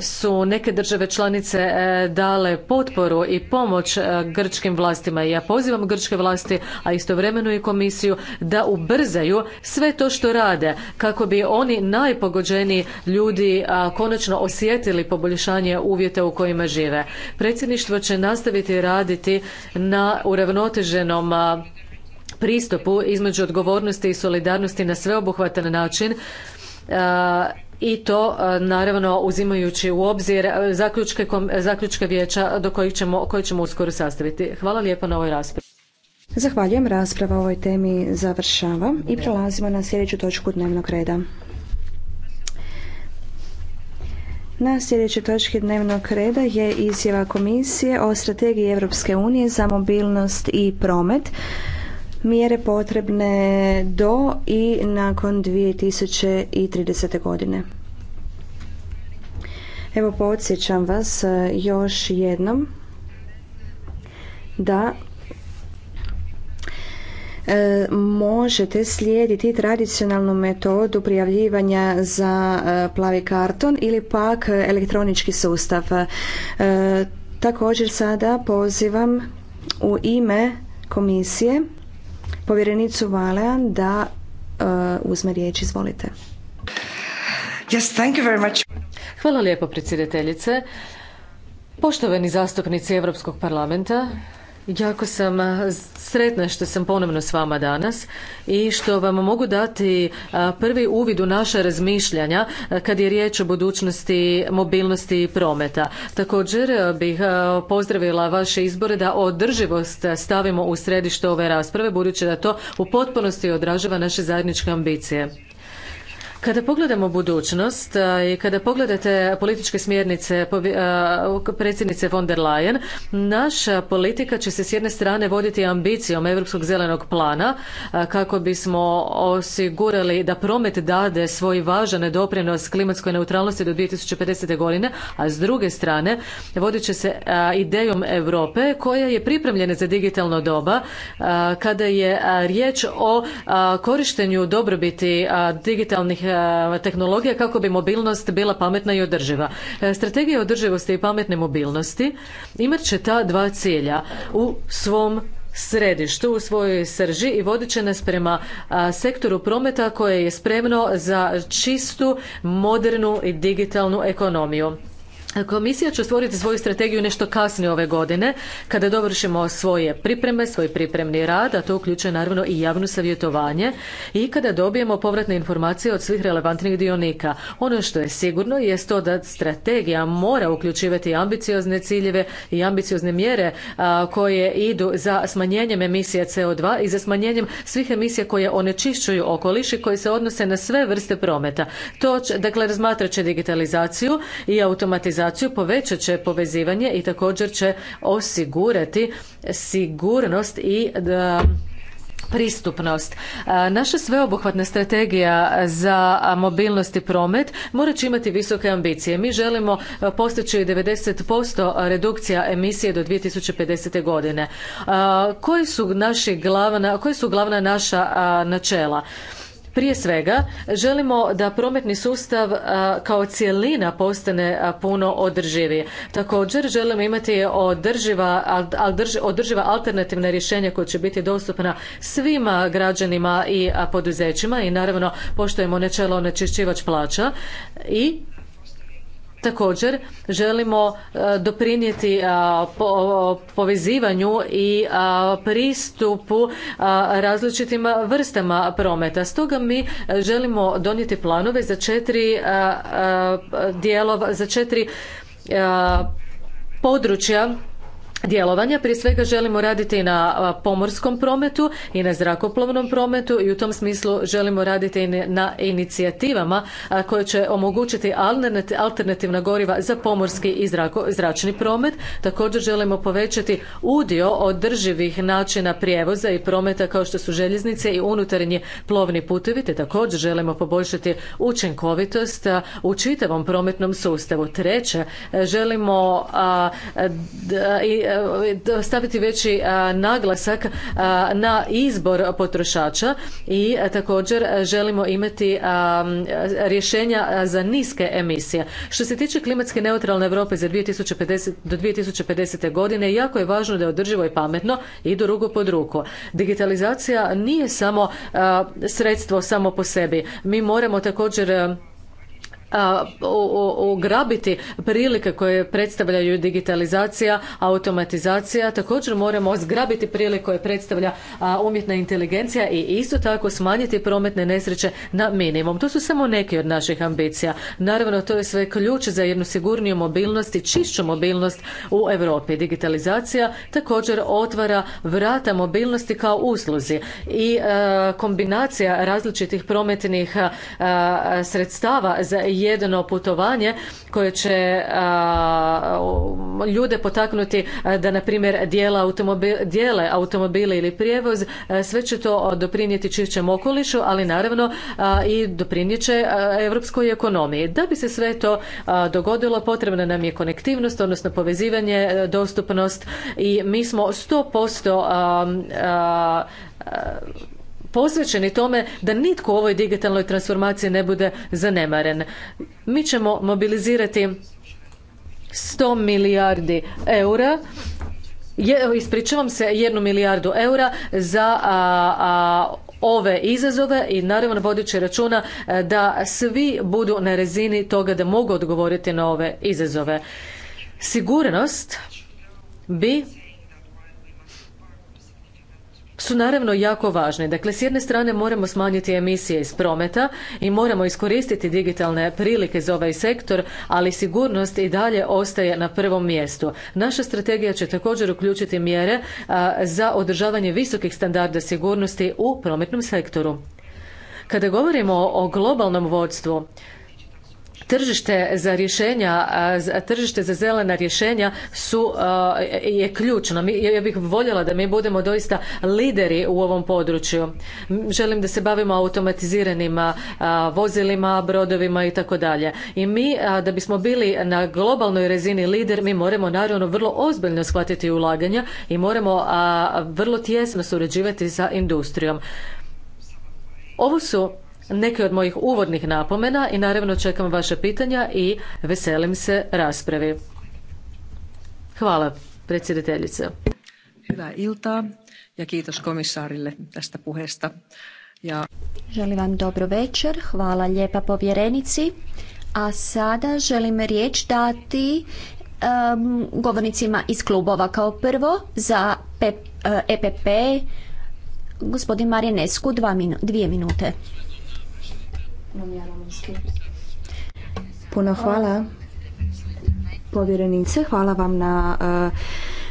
su neke države članice e, dale potporu i pomoć e, grčkim vlastima i ja pozivam grčke vlasti, a istovremeno i komisiju da ubrzaju sve to što rade kako bi oni najpogođeniji ljudi konačno osjetili poboljšanje uvjeta u kojima žive. Predsjedništvo će nastaviti raditi na uravnoteženom pristupu između odgovornosti i solidarnosti na sveobuhvatan način i to e, naravno uzimajući u obzir e, zaključke, e, zaključke vijeća do kojih ćemo, koje ćemo uskoro sastaviti. Hvala lijepo na ovoj raspravi. Zahvaljujem. Rasprava o ovoj temi završava i prelazimo na sljedeću točku dnevnog reda. Na sljedećoj točki dnevnog reda je izjava Komisije o strategiji Europske unije za mobilnost i promet mjere potrebne do i nakon 2030. godine. Evo podsjećam vas e, još jednom da e, možete slijediti tradicionalnu metodu prijavljivanja za e, plavi karton ili pak elektronički sustav. također sada pozivam u ime komisije povjerenicu Valean da uh, uzme riječ. Izvolite. Yes, thank you very much. Hvala lijepo predsjedateljice. Poštovani zastupnici Europskog parlamenta, Jako sam sretna što sam ponovno s vama danas i što vam mogu dati prvi uvid u naše razmišljanja kad je riječ o budućnosti mobilnosti i prometa. Također bih pozdravila vaše izbore da održivost stavimo u središte ove rasprave budući da to u potpunosti odražava naše zajedničke ambicije. Kada pogledamo budućnost i kada pogledate političke smjernice predsjednice von der Leyen, naša politika će se s jedne strane voditi ambicijom Europskog zelenog plana kako bismo osigurali da promet dade svoj važan doprinos klimatskoj neutralnosti do 2050. godine, a s druge strane vodit će se idejom Europe koja je pripremljena za digitalno doba kada je riječ o korištenju dobrobiti digitalnih E, tehnologija kako bi mobilnost bila pametna i održiva. E, strategija održivosti i pametne mobilnosti imat će ta dva cilja u svom središtu u svojoj srži i vodit će nas prema e, sektoru prometa koje je spremno za čistu, modernu i digitalnu ekonomiju. Komisija će stvoriti svoju strategiju nešto kasnije ove godine, kada dovršimo svoje pripreme, svoj pripremni rad, a to uključuje naravno i javno savjetovanje i kada dobijemo povratne informacije od svih relevantnih dionika. Ono što je sigurno je to da strategija mora uključivati ambiciozne ciljeve i ambiciozne mjere koje idu za smanjenjem emisija CO2 i za smanjenjem svih emisija koje onečišćuju okoliš i koje se odnose na sve vrste prometa. To dakle, razmatrat će digitalizaciju i automatizaciju digitalizaciju povećat će povezivanje i također će osigurati sigurnost i pristupnost. Naša sveobuhvatna strategija za mobilnost i promet morat će imati visoke ambicije. Mi želimo postići 90% redukcija emisije do 2050. godine. Koji su naši glavna, koji su glavna naša načela? Prije svega, želimo da prometni sustav kao cjelina postane puno održiviji. Također, želimo imati održiva, održiva alternativna rješenja koja će biti dostupna svima građanima i poduzećima i naravno poštujemo načelo onečišćivač plaća i Također želimo e, doprinijeti e, povezivanju i e, pristupu različitim vrstama prometa. Stoga mi želimo donijeti planove za četiri dijelova, za četiri područja djelovanja. Prije svega želimo raditi na pomorskom prometu i na zrakoplovnom prometu i u tom smislu želimo raditi na inicijativama koje će omogućiti alternativna goriva za pomorski i zračni promet. Također želimo povećati udio održivih načina prijevoza i prometa kao što su željeznice i unutarnji plovni putevi te također želimo poboljšati učinkovitost u čitavom prometnom sustavu. Treće, želimo i, staviti veći naglasak na izbor potrošača i također želimo imati rješenja za niske emisije. Što se tiče klimatske neutralne Europe za 2050, do 2050. godine jako je važno da je održivo i pametno i do ruku pod ruku. Digitalizacija nije samo sredstvo samo po sebi. Mi moramo također ugrabiti prilike koje predstavljaju digitalizacija, automatizacija. Također moramo zgrabiti prilike koje predstavlja umjetna inteligencija i isto tako smanjiti prometne nesreće na minimum. To su samo neke od naših ambicija. Naravno, to je sve ključ za jednu sigurniju mobilnost i čišću mobilnost u Europi. Digitalizacija također otvara vrata mobilnosti kao usluzi i kombinacija različitih prometnih sredstava za jedno putovanje koje će ljude potaknuti da na primjer dijele automobile, dijele automobile ili prijevoz sve će to doprinijeti čišćem okolišu ali naravno i doprinijet će europskoj ekonomiji. Da bi se sve to dogodilo potrebna nam je konektivnost odnosno povezivanje e, dostupnost i mi smo sto posto posvećeni tome da nitko u ovoj digitalnoj transformaciji ne bude zanemaren. Mi ćemo mobilizirati 100 milijardi eura ispričavam se jednu milijardu eura za ove izazove i naravno vodeći računa e, da svi budu na razini toga da mogu odgovoriti na ove izazove. Sigurnost bi su naravno jako važne. Dakle, s jedne strane moramo smanjiti emisije iz prometa i moramo iskoristiti digitalne prilike za ovaj sektor, ali sigurnost i dalje ostaje na prvom mjestu. Naša strategija će također uključiti mjere za održavanje visokih standarda sigurnosti u prometnom sektoru. Kada govorimo o globalnom vodstvu, Tržište za rješenja, tržište za zelena rješenja je ključno. Ja bih voljela da mi budemo doista lideri u ovom području. Želim da se bavimo automatiziranim vozilima, brodovima i tako dalje. I mi, da bismo bili na globalnoj razini lider, mi moramo naravno vrlo ozbiljno shvatiti ulaganja i moramo vrlo tjesno surađivati sa industrijom. Ovo su neke od mojih uvodnih napomena i naravno čekam vaša pitanja i veselim se raspravi. Hvala predsjedateljice. Hyvää ilta, ja kiitos tästä puheesta. Želim vam dobro večer, hvala lijepa povjerenici. A sada želim riječ dati govornicima iz klubova. Kao prvo za EPP e, e gospodin Marinescu dvije minute. Puno hvala povjerenice, hvala vam na eh,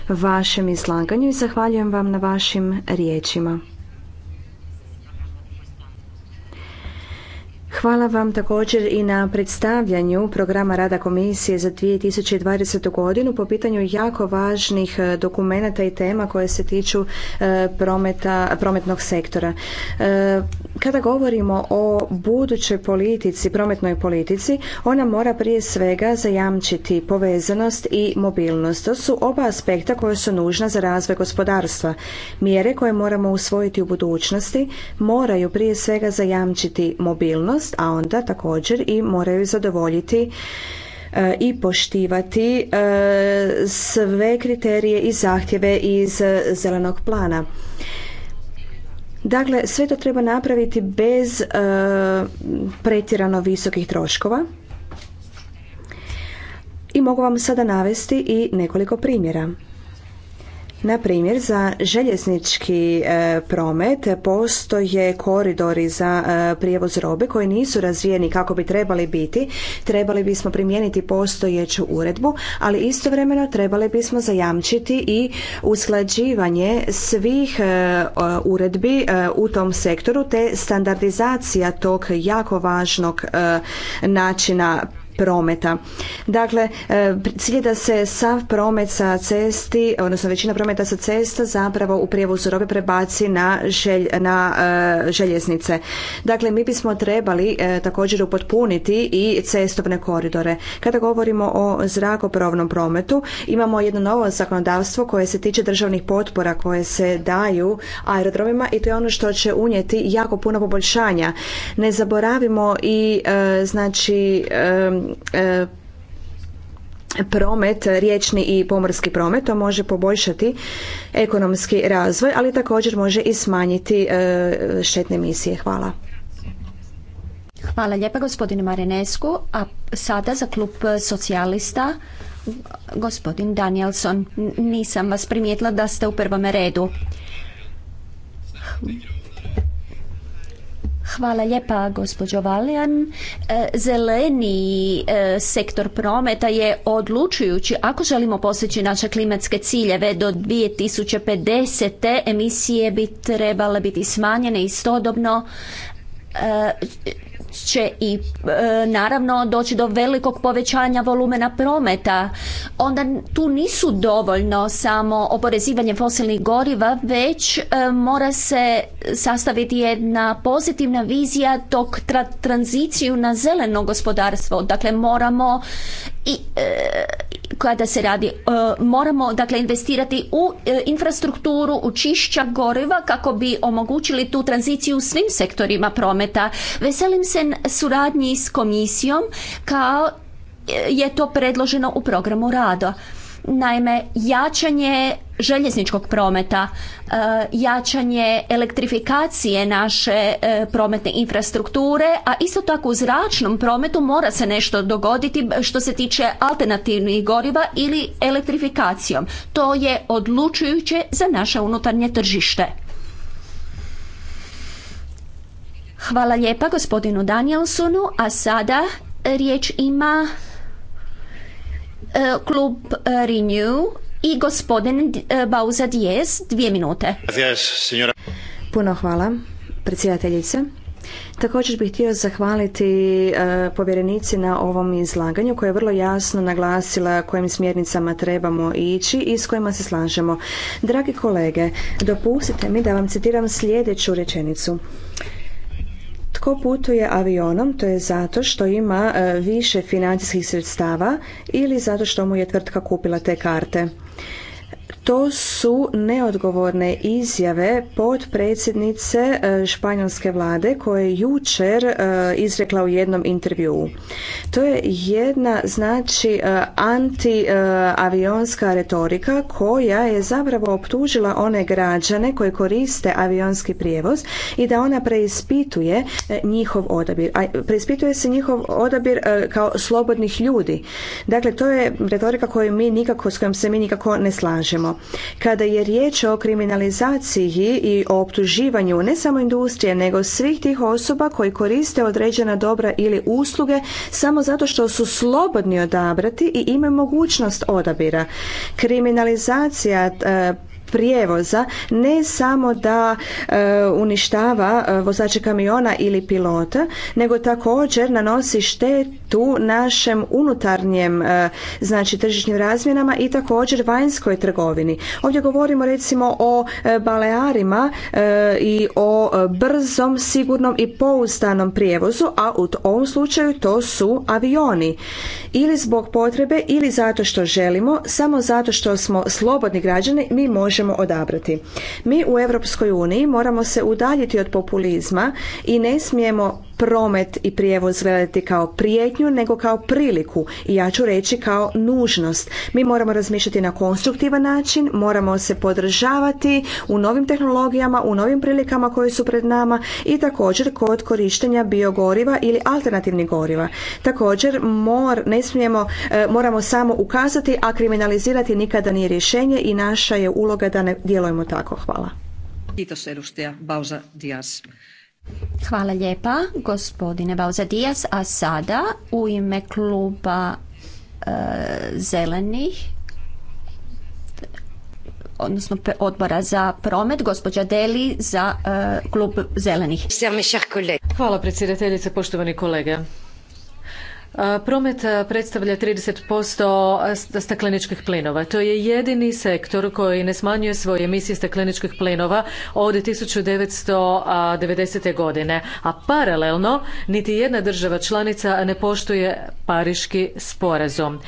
vašem izlaganju i zahvaljujem vam na vašim riječima. Hvala vam također i na predstavljanju programa rada komisije za 2020. godinu po pitanju jako važnih e, dokumenata i tema koje se tiču e, prometa, prometnog sektora. E, kada govorimo o budućoj politici, prometnoj politici, ona mora prije svega zajamčiti povezanost i mobilnost. To su oba aspekta koja su nužna za razvoj gospodarstva. Mjere koje moramo usvojiti u budućnosti moraju prije svega zajamčiti mobilnost a onda također i moraju zadovoljiti e, i poštivati e, sve kriterije i zahtjeve iz zelenog plana. Dakle, sve to treba napraviti bez e, pretjerano visokih troškova. I mogu vam sada navesti i nekoliko primjera. Na primjer, za željeznički e, promet postoje koridori za e, prijevoz robe koji nisu razvijeni kako bi trebali biti. Trebali bismo primijeniti postojeću uredbu, ali istovremeno trebali bismo zajamčiti i usklađivanje svih e, uredbi u tom sektoru te standardizacija tog jako važnog načina prometa. Dakle, e, je da se sav promet sa cesti, odnosno većina prometa sa cesta zapravo u prijevozu robe prebaci na, na e, željeznice. Dakle, mi bismo trebali e, također upotpuniti i cestovne koridore. Kada govorimo o zrakoprovnom prometu, imamo jedno novo zakonodavstvo koje se tiče državnih potpora koje se daju aerodromima i to je ono što će unijeti jako puno poboljšanja. Ne zaboravimo i znači E, promet, riječni i pomorski promet, to može poboljšati ekonomski razvoj, ali također može i smanjiti e, štetne emisije. Hvala. Hvala lijepa gospodinu Marinesku, a sada za klub socijalista gospodin Danielson. Nisam vas primijetila da ste u prvome redu. Hvala lijepa gospođo Valijan. E, zeleni e, sektor prometa je odlučujući ako želimo postići naše klimatske ciljeve do 2050. emisije bi trebale biti smanjene istodobno e, će i e, naravno doći do velikog povećanja volumena prometa. Onda tu nisu dovoljno samo oporezivanje fosilnih goriva, već e, mora se sastaviti jedna pozitivna vizija tog tra tranziciju na zeleno gospodarstvo. Dakle, moramo i e, kada se radi e, moramo dakle investirati u e, infrastrukturu u čišća goriva kako bi omogućili tu tranziciju u svim sektorima prometa veselim se suradnji s komisijom kao je to predloženo u programu rada Naime, jačanje željezničkog prometa, e, jačanje elektrifikacije naše e, prometne infrastrukture, a isto tako u zračnom prometu mora se nešto dogoditi što se tiče alternativnih goriva ili elektrifikacijom. To je odlučujuće za naše unutarnje tržište. Hvala lijepa gospodinu Danielsonu, a sada riječ ima E, klub e, Renew i gospodin e, Bauza Diez, dvije minute. Puno hvala, predsjedateljice. Također bih htio zahvaliti povjerenici na ovom izlaganju koja je vrlo jasno naglasila kojim smjernicama trebamo ići i s kojima se slažemo. Dragi kolege, dopustite mi da vam citiram sljedeću rečenicu. Tko putuje avionom, to je zato što ima e, više financijskih sredstava ili zato što mu je tvrtka kupila te karte. To su neodgovorne izjave potpredsjednice e, španjolske vlade koje je jučer e, izrekla u jednom intervjuu. To je jedna znači e, antiavionska retorika koja je zapravo optužila one građane koji koriste avionski prijevoz i da ona preispituje njihov odabir. A preispituje se njihov odabir kao slobodnih ljudi. Dakle, to je retorika koju mi nikako, s kojom se mi nikako ne slažemo. Kada je riječ o kriminalizaciji i o optuživanju ne samo industrije, nego svih tih osoba koji koriste određena dobra ili usluge samo zato što su slobodni odabrati i imaju mogućnost odabira. Kriminalizacija e, prijevoza ne samo da e, uništava e, vozače kamiona ili pilota, nego također nanosi štetu našem unutarnjem e, znači tržišnim razmjenama i također vanjskoj trgovini. Ovdje govorimo recimo o Balearima i o brzom, sigurnom i pouzdanom prijevozu, a u ovom slučaju to su avioni. Ili zbog potrebe ili zato što želimo, samo zato što smo slobodni građani, mi možemo odabrati. Mi u Europskoj uniji moramo se udaljiti od populizma i ne smijemo promet i prijevoz gledati kao prijetnju nego kao priliku i ja ću reći kao nužnost. Mi moramo razmišljati na konstruktivan način, moramo se podržavati u novim tehnologijama, u novim prilikama koje su pred nama i također kod korištenja biogoriva ili alternativnih goriva. Također mor, ne smijemo, e, moramo samo ukazati, a kriminalizirati nikada nije rješenje i naša je uloga da ne djelujemo tako. Hvala. Hvala lijepa, gospodine Bauza Dijas. A sada u ime kluba e, zelenih odnosno odbora za promet, gospođa Deli za e, klub zelenih. Hvala predsjedateljice, poštovani kolege. Promet predstavlja 30% stakleničkih plinova. To je jedini sektor koji ne smanjuje svoje emisije stakleničkih plinova od 1990. godine, a paralelno niti jedna država članica ne poštuje Pariški sporazum.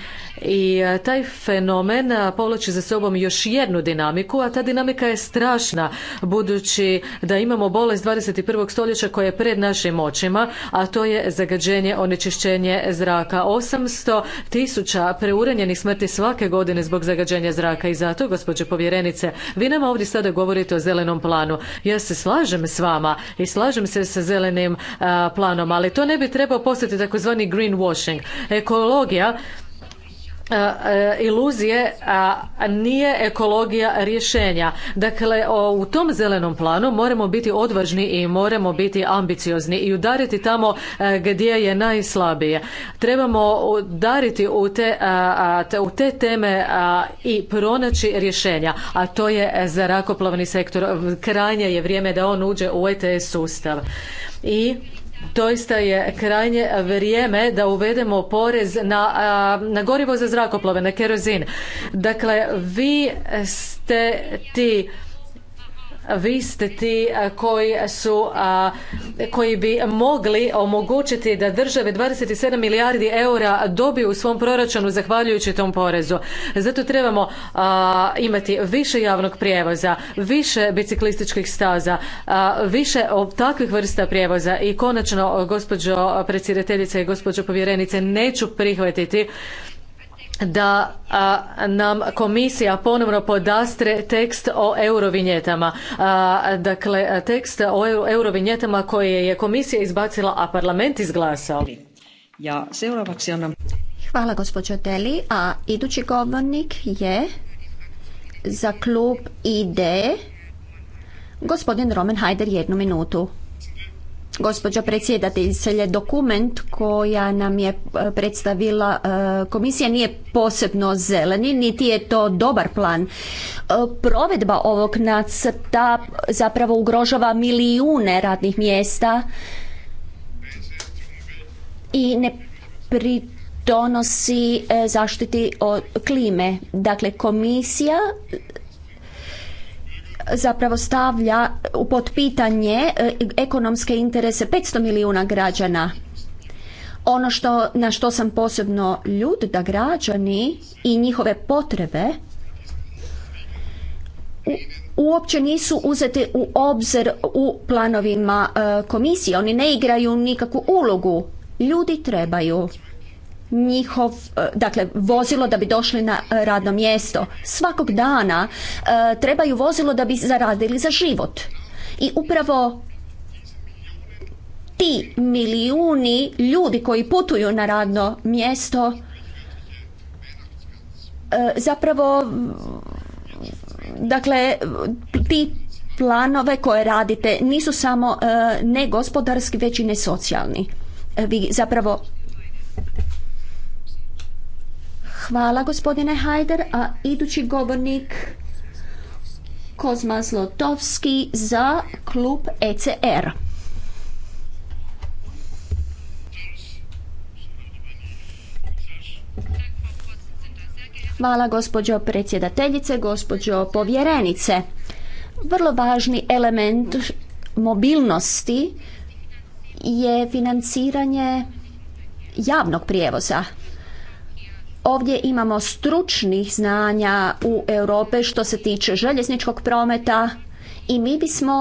I e, taj fenomen povlači za sobom još jednu dinamiku, a ta dinamika je strašna budući da imamo bolest 21. stoljeća koja je pred našim očima, a to je zagađenje, onečišćenje zraka. 800 tisuća preuranjenih smrti svake godine zbog zagađenja zraka i zato, gospođo povjerenice, vi nama ovdje sada govorite o zelenom planu. Ja se slažem s vama i slažem se sa zelenim planom, ali to ne bi trebao postati takozvani greenwashing. Ekologija iluzije a nije ekologija rješenja. Dakle, u tom zelenom planu moramo biti odvažni i moramo biti ambiciozni i udariti tamo e, gdje je najslabije. Trebamo udariti u te, u te teme i pronaći rješenja, a to je za rakoplovni sektor. Krajnje je vrijeme da on uđe u ETS sustav. I doista je krajnje vrijeme da uvedemo porez na, na gorivo za zrakoplove, na kerozin. Dakle, vi ste ti vi ste ti koji su koji bi mogli omogućiti da države 27 milijardi eura dobiju u svom proračunu zahvaljujući tom porezu. Zato trebamo imati više javnog prijevoza, više biciklističkih staza, više takvih vrsta prijevoza i konačno gospođo predsjedateljice i gospođo povjerenice neću prihvatiti da nam komisija ponovno podastre tekst o eurovinjetama. dakle, tekst o eurovinjetama koje je komisija izbacila, a parlament izglasao. Ja, Hvala gospođo Teli, A idući govornik je za klub IDE gospodin Roman Hajder jednu minutu gospođo predsjedateljice dokument koja nam je e, predstavila e, komisija nije posebno zeleni niti je to dobar plan e, provedba ovog nacrta zapravo ugrožava milijune radnih mjesta i ne pridonosi zaštiti klime. Dakle, komisija zapravo stavlja pod pitanje e, ekonomske interese 500 milijuna građana. Ono što, na što sam posebno ljud da građani i njihove potrebe uopće nisu uzeti u obzir u planovima e, komisije. Oni ne igraju nikakvu ulogu. Ljudi trebaju njihov, e, dakle vozilo da bi došli na e, radno mjesto. Svakog dana e, trebaju vozilo da bi zaradili za život. I upravo ti milijuni ljudi koji putuju na radno mjesto zapravo dakle ti planove koje radite nisu samo ne gospodarski već i ne socijalni. Vi zapravo Hvala gospodine Hajder, a idući govornik Kozma Zlotovski za klub ECR. Hvala gospođo predsjedateljice, gospođo povjerenice. Vrlo važni element mobilnosti je financiranje javnog prijevoza. Ovdje imamo stručnih znanja u Europe što se tiče željezničkog prometa i mi bismo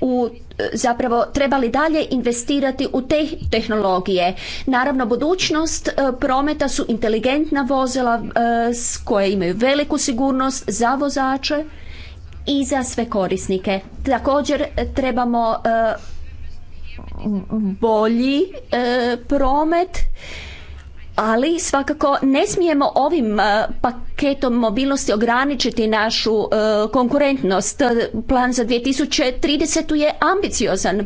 u zapravo trebali dalje investirati u te tehnologije. Naravno, budućnost e, prometa su inteligentna vozila koja e, koje imaju veliku sigurnost za vozače i za sve korisnike. Također e, trebamo bolji promet ali svakako ne smijemo ovim e, paketom mobilnosti ograničiti našu e, konkurentnost. Plan za 2030. je ambiciozan.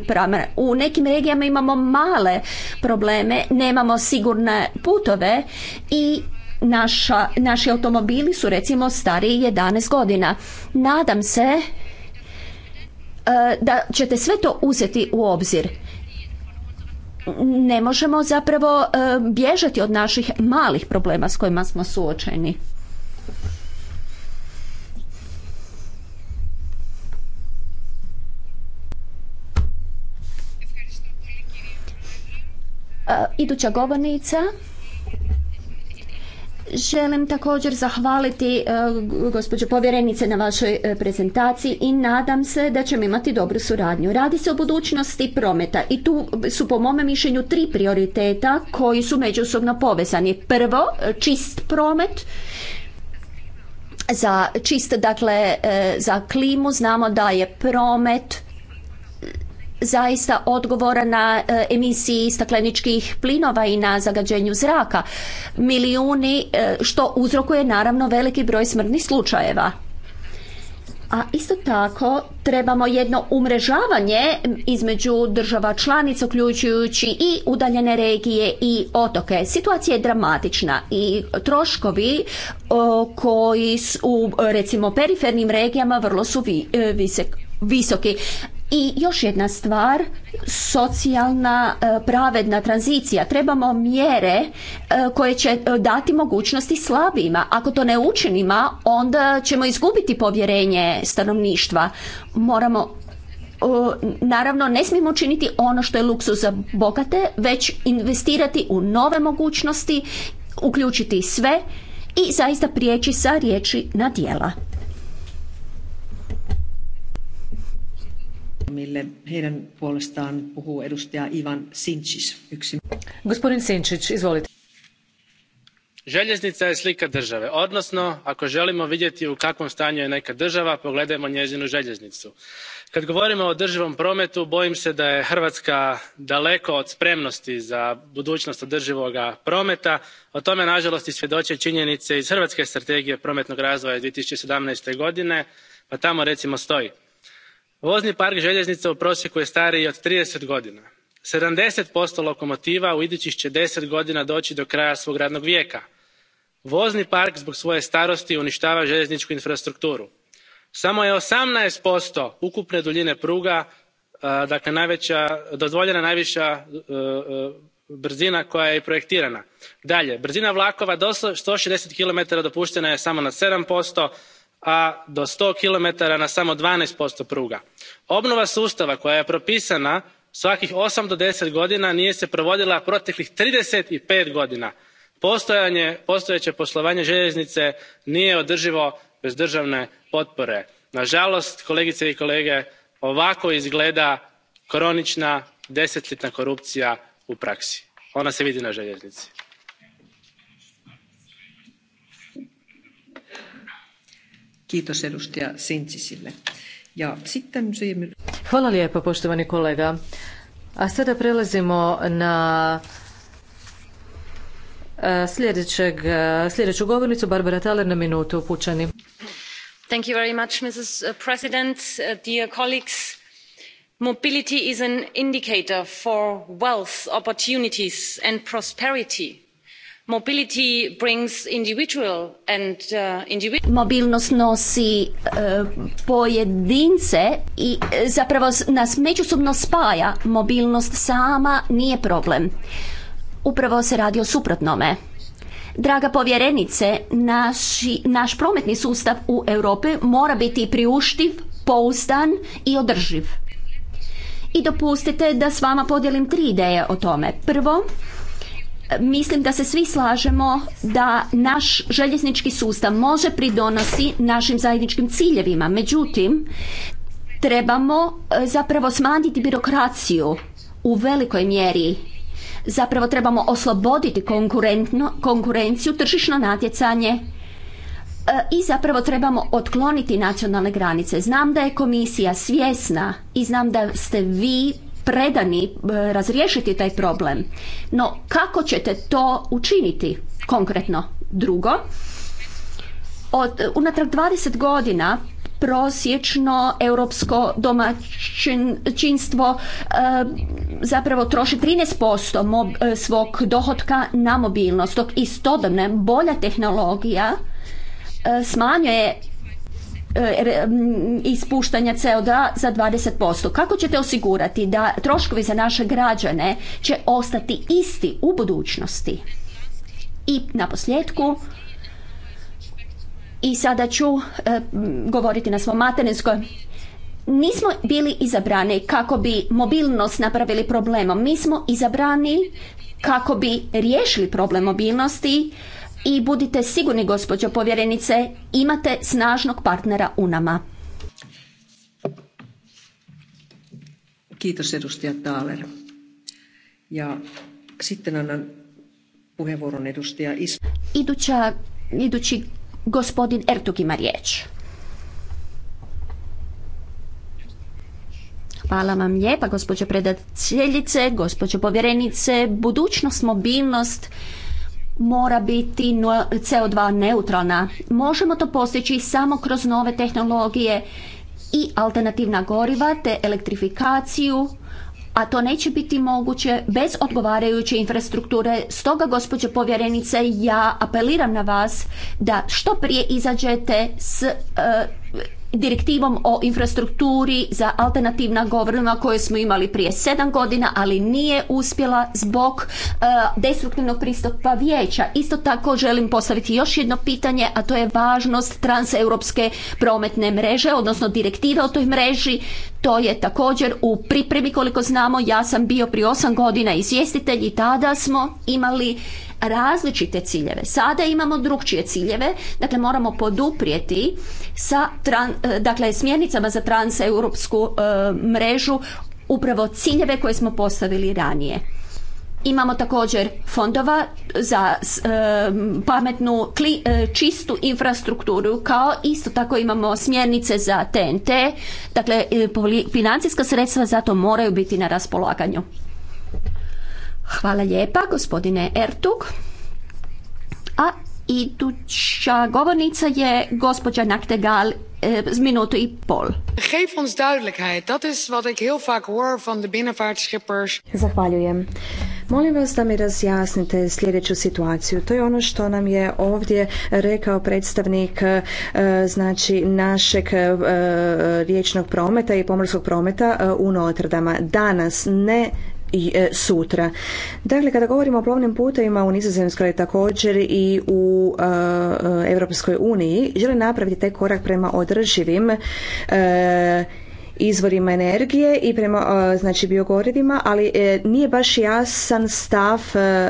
U nekim regijama imamo male probleme, nemamo sigurne putove i naša, naši automobili su recimo stariji 11 godina. Nadam se e, da ćete sve to uzeti u obzir ne možemo zapravo e, bježati od naših malih problema s kojima smo suočeni. E, iduća govornica Želim također zahvaliti e, gospođo povjerenice na vašoj e, prezentaciji i nadam se da ćemo imati dobru suradnju. Radi se o budućnosti prometa i tu su po mome mišljenju tri prioriteta koji su međusobno povezani. Prvo, čist promet, za čist dakle e, za klimu znamo da je promet zaista odgovora na e, emisiji stakleničkih plinova i na zagađenju zraka. Milijuni, e, što uzrokuje naravno veliki broj smrtnih slučajeva. A isto tako trebamo jedno umrežavanje između država članica uključujući i udaljene regije i otoke. Situacija je dramatična i troškovi koji su u recimo perifernim regijama vrlo su e, visoki. I još jedna stvar, socijalna e, pravedna tranzicija. Trebamo mjere e, koje će e, dati mogućnosti slabijima. Ako to ne učinimo, onda ćemo izgubiti povjerenje stanovništva. Moramo naravno ne smijemo učiniti ono što je luksuz za bogate, već investirati u nove mogućnosti, uključiti sve i zaista prijeći sa riječi na dijela. Gospodin Sinčić, izvolite. Željeznica je slika države, odnosno ako želimo vidjeti u kakvom stanju je neka država, pogledajmo njezinu željeznicu. Kad govorimo o održivom prometu, bojim se da je Hrvatska daleko od spremnosti za budućnost održivoga prometa. O tome, nažalost, i svjedoče činjenice iz Hrvatske strategije prometnog razvoja 2017. godine, pa tamo recimo stoji vozni park eljeznica u prosjeku je stariji od thirty godina seventy lokomotiva u iduih e ten godina doi do kraja svog radnog vijeka. vozni park zbog svoje starosti unitava željezničku infrastrukturu. samo je eighteen ukupne duljine pruga e, dakle dozvoljena najviša e, e, brzina koja je i projektirana. dalje brzina vlakova do one sixty km dopuštena je samo na seven a do one hundred km na samo twelve pruga. obnova sustava koja je propisana svakih osam do deset godina nije se provodila proteklih thirty five godina. postojee poslovanje željeznice nije održivo bez državne potpore. naalost kolegice i kolege ovako izgleda kronična desetljetna korupcija u praksi. ona se vidi na željeznici. Kiitos edustaja Sincisille. Ja sitten Hvala lijepa poštovani kolega. A sada prelazimo na e, sljedećeg, e, sljedeću govornicu Barbara Taler na minutu Pučani. Thank you very much, Mrs. Uh, President, uh, dear colleagues. Mobility is an indicator for wealth, opportunities and prosperity Uh, mobilnost nosi e, pojedince i e, zapravo nas međusobno spaja mobilnost sama nije problem upravo se radi o suprotnome Draga povjerenice, naš prometni sustav u Europi mora biti priuštiv, pouzdan i održiv. I dopustite da s vama podijelim tri ideje o tome. Prvo, mislim da se svi slažemo da naš željeznički sustav može pridonosi našim zajedničkim ciljevima. Međutim, trebamo e, zapravo smanjiti birokraciju u velikoj mjeri. Zapravo trebamo osloboditi konkurenciju, tržišno natjecanje e, i zapravo trebamo otkloniti nacionalne granice. Znam da je komisija svjesna i znam da ste vi predani e, razriješiti taj problem. No kako ćete to učiniti konkretno? Drugo, od unatrag 20 godina prosječno europsko domaćinstvo e, zapravo troši 13% mob, e, svog dohotka na mobilnost, dok istodobne bolja tehnologija smanjuje E, ispuštanja CO2 za 20%. Kako ćete osigurati da troškovi za naše građane će ostati isti u budućnosti? I na posljedku, i sada ću e, govoriti na svom materinskoj, nismo bili izabrani kako bi mobilnost napravili problemom. Mi smo izabrani kako bi riješili problem mobilnosti, i budite sigurni, gospođo povjerenice, imate snažnog partnera u nama. Kiitos edustaja Taaler. Ja sitten annan puheenvuoron edustaja Is... Iduća, idući gospodin Ertug ima riječ. Hvala vam lijepa, gospođo predateljice, gospođo povjerenice. Budućnost, mobilnost, mora biti CO2 neutralna. Možemo to postići samo kroz nove tehnologije i alternativna goriva te elektrifikaciju, a to neće biti moguće bez odgovarajuće infrastrukture. Stoga, gospođo povjerenice, ja apeliram na vas da što prije izađete s e, direktivom o infrastrukturi za alternativna govorima koje smo imali prije sedam godina, ali nije uspjela zbog e, destruktivnog pristupa vijeća. Isto tako želim postaviti još jedno pitanje, a to je važnost transeuropske prometne mreže, odnosno direktive o toj mreži. To je također u pripremi, koliko znamo, ja sam bio prije osam godina izvjestitelj i tada smo imali različite ciljeve. Sada imamo drugčije ciljeve, dakle moramo poduprijeti sa tran, eh, dakle smjernicama za transeuropsku eh, mrežu upravo ciljeve koje smo postavili ranije. Imamo također fondova za eh, pametnu čistu infrastrukturu kao isto tako imamo smjernice za TNT, dakle financijska sredstva zato moraju biti na raspolaganju. Hvala lijepa, gospodine Ertug. A iduća govornica je gospođa Naktegal eh, minutu i pol. Geef ons duidelijkheid. Dat is wat ik heel vaak hoor van de binnenvaartschippers. Zahvaljujem. Molim vas da mi razjasnite sljedeću situaciju. To je ono što nam je ovdje rekao predstavnik eh, znači našeg eh, riječnog prometa i pomorskog prometa u Notrdama. Danas ne i e, sutra. Dakle, kada govorimo o plovnim putevima u Nizozemskoj također i u e, e, Europskoj uniji, žele napraviti taj korak prema održivim izvorima energije i prema e, znači biogorivima, ali e, nije baš jasan stav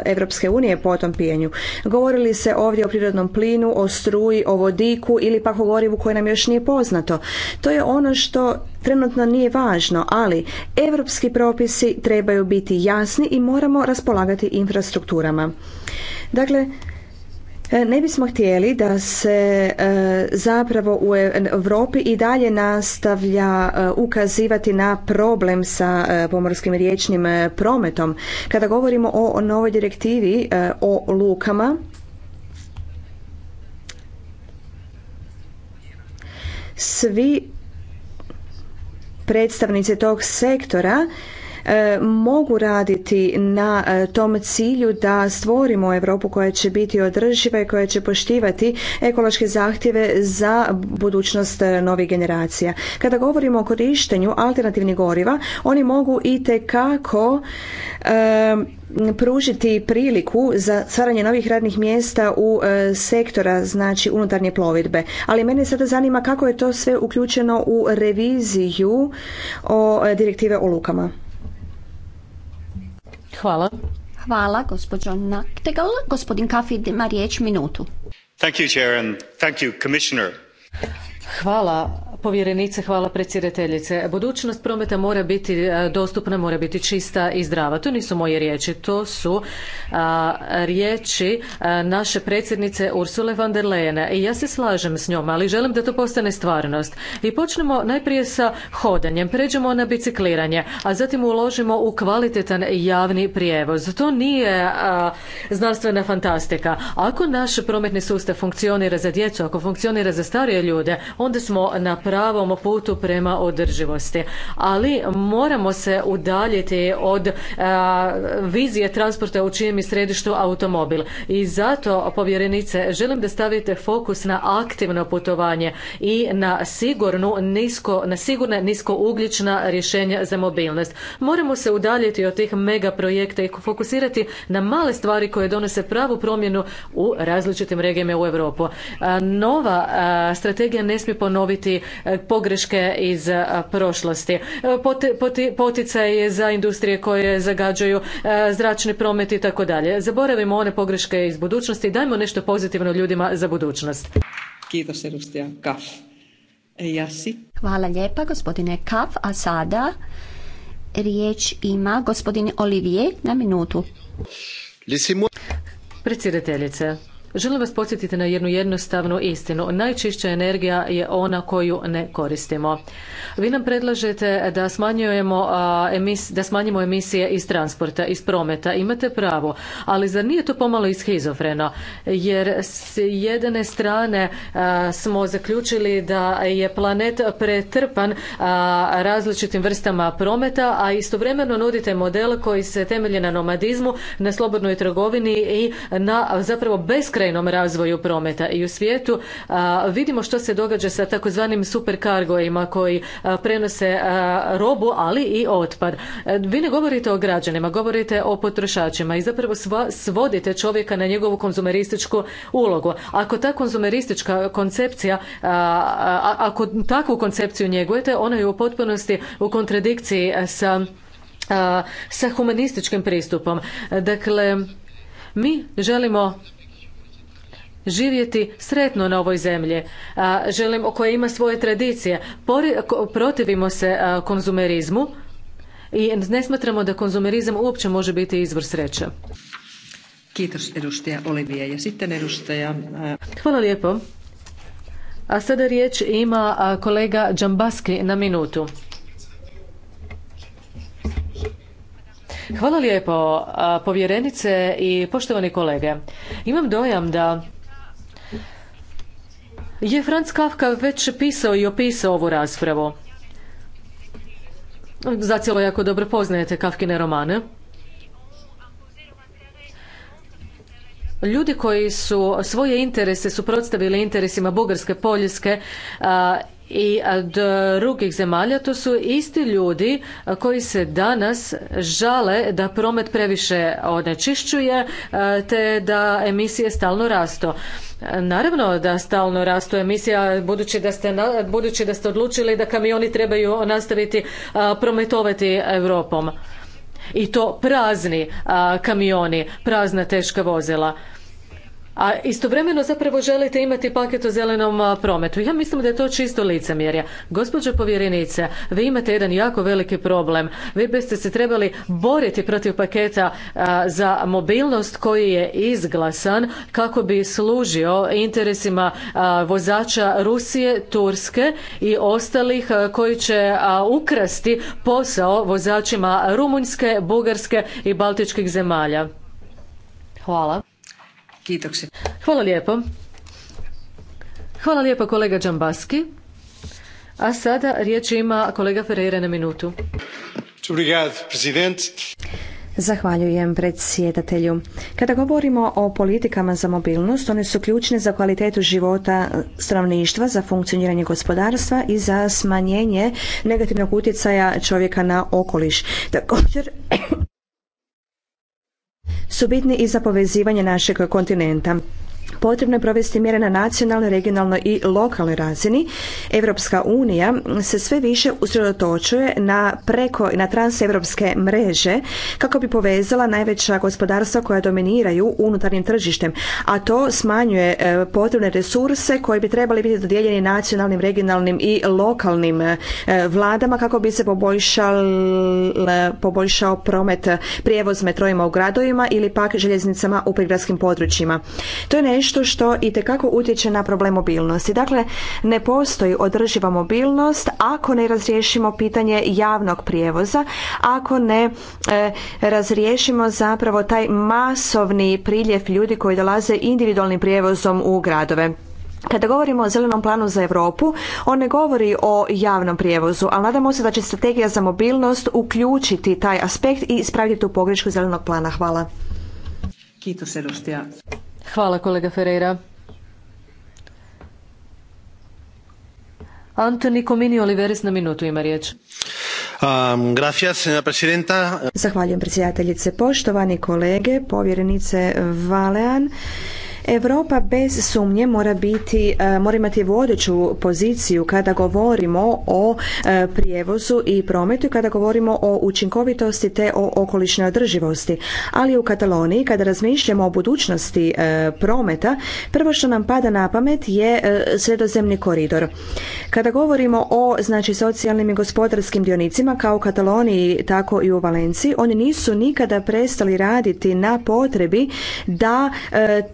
Europske unije po tom pijenju. Govorili se ovdje o prirodnom plinu, o struji, o vodiku ili pak o gorivu koje nam još nije poznato. To je ono što trenutno nije važno, ali europski propisi trebaju biti jasni i moramo raspolagati infrastrukturama. Dakle, E, ne bismo htjeli da se e, zapravo u e, Europi i dalje nastavlja ukazivati na problem sa pomorskim riječnim prometom. Kada govorimo o novoj direktivi o lukama, svi predstavnici tog sektora E, mogu raditi na e, tom cilju da stvorimo Europu koja će biti održiva i koja će poštivati ekološke zahtjeve za budućnost e, novih generacija. Kada govorimo o korištenju alternativnih goriva, oni mogu i kako pružiti priliku za stvaranje novih radnih mjesta u sektora znači unutarnje plovidbe. Ali mene sada zanima kako je to sve uključeno u reviziju o direktive o lukama. Hvala. Hvala, gospođo Naktegal. Gospodin Kafid ima riječ minutu. Thank you, Chair, and thank you, Commissioner. Hvala povjerenice, hvala predsjedateljice. Budućnost prometa mora biti e, dostupna, mora biti čista i zdrava. To nisu moje riječi, to su riječi e, naše predsjednice Ursule van der Leyen. I ja se slažem s njom, ali želim da to postane stvarnost. I počnemo najprije sa hodanjem, pređemo na bicikliranje, a zatim uložimo u kvalitetan javni prijevoz. To nije znanstvena fantastika. Ako naš prometni sustav funkcionira za djecu, ako funkcionira za starije ljude, on da smo na pravom putu prema održivosti. Ali moramo se udaljiti od vizije transporta u čijem je središtu automobil. I zato, povjerenice, želim da stavite fokus na aktivno putovanje i na sigurnu, nisko, na sigurna ugljična rješenja za mobilnost. Moramo se udaljiti od tih megaprojekta i fokusirati na male stvari koje donose pravu promjenu u različitim regijama u Europu. Nova strategija ne ponoviti e, pogreške iz e, prošlosti. je za industrije koje zagađaju e, zračni promet i tako dalje. Zaboravimo one pogreške iz budućnosti i dajmo nešto pozitivno ljudima za budućnost. Hvala lijepa gospodine Kaf, a sada riječ ima gospodin Olivier na minutu. Predsjedateljice, Želim vas podsjetiti na jednu jednostavnu istinu. Najčišća energija je ona koju ne koristimo. Vi nam predlažete da smanjujemo da smanjimo emisije iz transporta, iz prometa. Imate pravo, ali zar nije to pomalo ishizofreno? Jer s jedne strane smo zaključili da je planet pretrpan različitim vrstama prometa, a istovremeno nudite model koji se temelji na nomadizmu, na slobodnoj trgovini i na zapravo beskrajnosti skrajnom razvoju prometa i u svijetu vidimo što se događa sa takozvanim superkargojima koji prenose robu ali i otpad. Vi ne govorite o građanima, govorite o potrošačima i zapravo svodite čovjeka na njegovu konzumerističku ulogu. Ako ta konzumeristička koncepcija, ako takvu koncepciju njegujete, ona je u potpunosti u kontradikciji sa sa humanističkim pristupom. Dakle, mi želimo živjeti sretno na ovoj zemlji, želimo, koja ima svoje tradicije. protivimo se konzumerizmu i ne smatramo da konzumerizam uopće može biti izvor sreće. Hvala lijepo. A sada riječ ima kolega Džambaski na minutu. Hvala lijepo, povjerenice i poštovani kolege. Imam dojam da je Franz Kafka već pisao i opisao ovu raspravu. Zacijelo jako dobro poznajete Kafkine romane. Ljudi koji su svoje interese suprotstavili interesima Bugarske, Poljske i drugih zemalja, to su isti ljudi koji se danas žale da promet previše onečišćuje te da emisije stalno rastu. Naravno da stalno rastu emisija budući da ste, budući da ste odlučili da kamioni trebaju nastaviti prometovati Europom. I to prazni kamioni, prazna teška vozila a istovremeno zapravo želite imati paket o zelenom prometu. Ja mislim da je to čisto licemjerja. Gospođo povjerenice, vi imate jedan jako veliki problem. Vi biste se trebali boriti protiv paketa za mobilnost koji je izglasan kako bi služio interesima vozača Rusije, Turske i ostalih koji će ukrasti posao vozačima Rumunjske, Bugarske i Baltičkih zemalja. Hvala. Hvala lijepo. kolega Đambaski. A sada riječ ima kolega Ferreira na minutu. Zahvaljujem predsjedatelju. Kada govorimo o politikama za mobilnost, one su ključne za kvalitetu života stanovništva, za funkcioniranje gospodarstva i za smanjenje negativnog utjecaja čovjeka na okoliš. Također su bitni i za povezivanje našeg kontinenta. Potrebno je provesti mjere na nacionalnoj, regionalnoj i lokalnoj razini. Europska unija se sve više usredotočuje na preko na transeuropske mreže kako bi povezala najveća gospodarstva koja dominiraju unutarnjim tržištem, a to smanjuje e, potrebne resurse koji bi trebali biti dodijeljeni nacionalnim, regionalnim i lokalnim e, vladama kako bi se poboljšal, e, poboljšao promet prijevoz metrojima u gradovima ili pak željeznicama u prigradskim područjima. To je nešto tržištu što i tekako utječe na problem mobilnosti. Dakle, ne postoji održiva mobilnost ako ne razriješimo pitanje javnog prijevoza, ako ne e, razriješimo zapravo taj masovni priljev ljudi koji dolaze individualnim prijevozom u gradove. Kada govorimo o zelenom planu za Europu, on ne govori o javnom prijevozu, ali nadamo se da će strategija za mobilnost uključiti taj aspekt i ispraviti tu pogrešku zelenog plana. Hvala. Hvala kolega Ferreira. Antoni Komini Oliveris na minutu ima riječ. Um, gracias, Zahvaljujem predsjedateljice. Poštovani kolege, povjerenice Valean, Europa bez sumnje mora biti, e, mora imati vodeću poziciju kada govorimo o e, prijevozu i prometu, kada govorimo o učinkovitosti te o okolišnoj održivosti. Ali u Kataloniji kada razmišljamo o budućnosti e, prometa, prvo što nam pada na pamet je sredozemni koridor. Kada govorimo o znači socijalnim i gospodarskim dionicima kao u Kataloniji tako i u Valenciji, oni nisu nikada prestali raditi na potrebi da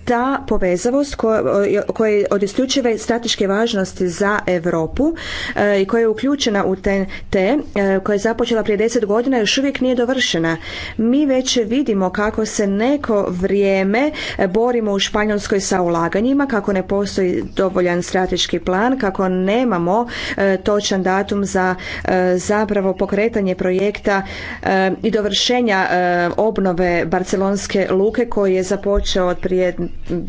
ta povezavost koja je od isključive strateške važnosti za Europu e, i koja je uključena u TNT, e, koja je započela prije deset godina, još uvijek nije dovršena. Mi već vidimo kako se neko vrijeme borimo u Španjolskoj sa ulaganjima, kako ne postoji dovoljan strateški plan, kako nemamo e, točan datum za zapravo pokretanje projekta i dovršenja obnove barcelonske luke koji je započeo od prije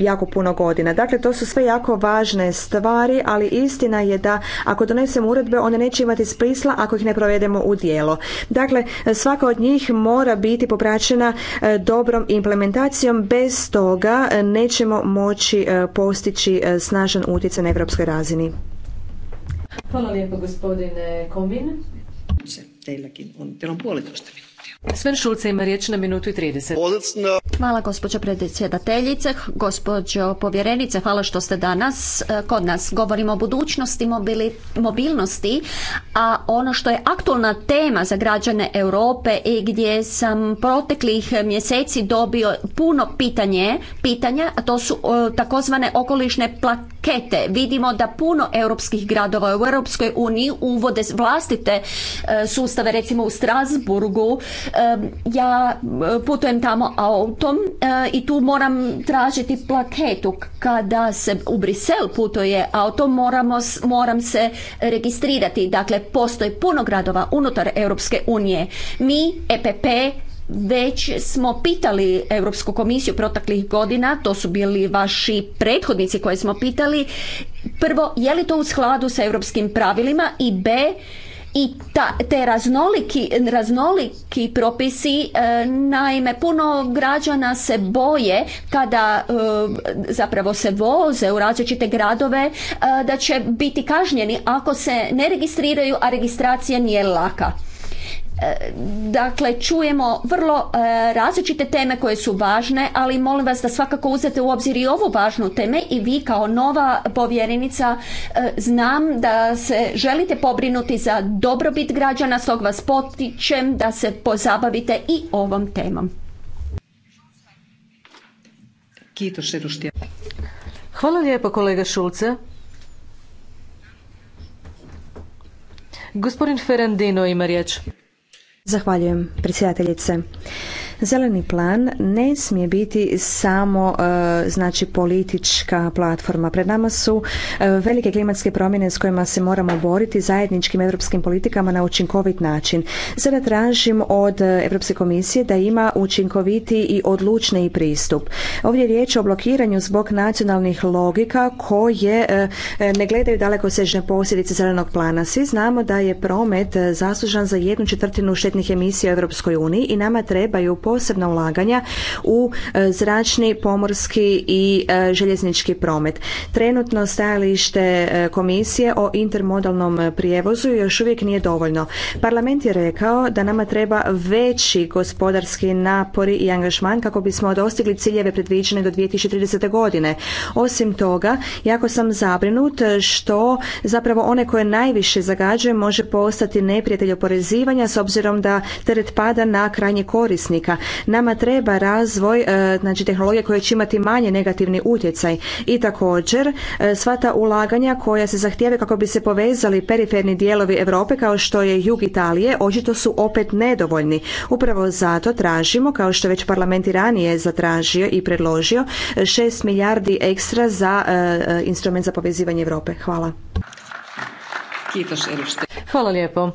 jako puno godina. Dakle, to su sve jako važne stvari, ali istina je da ako donesemo uredbe, one neće imati sprisla ako ih ne provedemo u dijelo. Dakle, svaka od njih mora biti popraćena e, dobrom implementacijom, bez toga e, nećemo moći e, postići snažan utjecaj na evropskoj razini. Hvala lijepo gospodine Komin. on, on Sven Šulce ima riječ na minutu i 30. Hvala gospođo predsjedateljice, gospođo povjerenice, hvala što ste danas e, kod nas. Govorimo o budućnosti mobilnosti, a ono što je aktualna tema za građane Europe i gdje sam proteklih mjeseci dobio puno pitanje, pitanja, a to su e, takozvane okolišne plakete. Vidimo da puno europskih gradova u Europskoj uniji uvode vlastite e, sustave, recimo u Strasburgu, ja e, putujem tamo autom e, i tu moram tražiti plaketu. Kada se u Brisel putuje autom moramo, moram se registrirati. Dakle, postoji puno gradova unutar Europske unije. Mi, EPP, već smo pitali Europsku komisiju proteklih godina, to su bili vaši prethodnici koje smo pitali, prvo, je li to u skladu sa europskim pravilima i B, i ta, te raznoliki, raznoliki propisi e, naime puno građana se boje kada e, zapravo se voze u različite gradove e, da će biti kažnjeni ako se ne registriraju a registracija nije laka Dakle, čujemo vrlo e, različite teme koje su važne, ali molim vas da svakako uzete u obzir i ovu važnu teme i vi kao nova povjerenica e, znam da se želite pobrinuti za dobrobit građana, stog vas potičem da se pozabavite i ovom temom. Hvala lijepo kolega Šulce. Gospodin Ferandino ima riječ. Zahvaljujem, predsjedateljice. Zeleni plan ne smije biti samo e, znači politička platforma. Pred nama su e, velike klimatske promjene s kojima se moramo boriti zajedničkim europskim politikama na učinkovit način. Sada tražim od Europske komisije da ima učinkoviti i odlučni pristup. Ovdje je riječ o blokiranju zbog nacionalnih logika koje e, ne gledaju daleko sežne posljedice zelenog plana. Svi znamo da je promet zaslužan za jednu četvrtinu štetnih emisija u Europskoj uniji i nama trebaju posebna ulaganja u e, zračni, pomorski i e, željeznički promet. Trenutno stajalište e, komisije o intermodalnom prijevozu još uvijek nije dovoljno. Parlament je rekao da nama treba veći gospodarski napori i angažman kako bismo dostigli ciljeve predviđene do 2030. godine. Osim toga, jako sam zabrinut što zapravo one koje najviše zagađuje može postati neprijatelj oporezivanja s obzirom da teret pada na krajnje korisnika Nama treba razvoj e, znači tehnologije koje će imati manje negativni utjecaj i također e, sva ta ulaganja koja se zahtijevaju kako bi se povezali periferni dijelovi Europe kao što je jug Italije očito su opet nedovoljni. Upravo zato tražimo kao što je već parlament i ranije zatražio i predložio 6 milijardi ekstra za e, instrument za povezivanje Europe. Hvala. Hvala lijepo.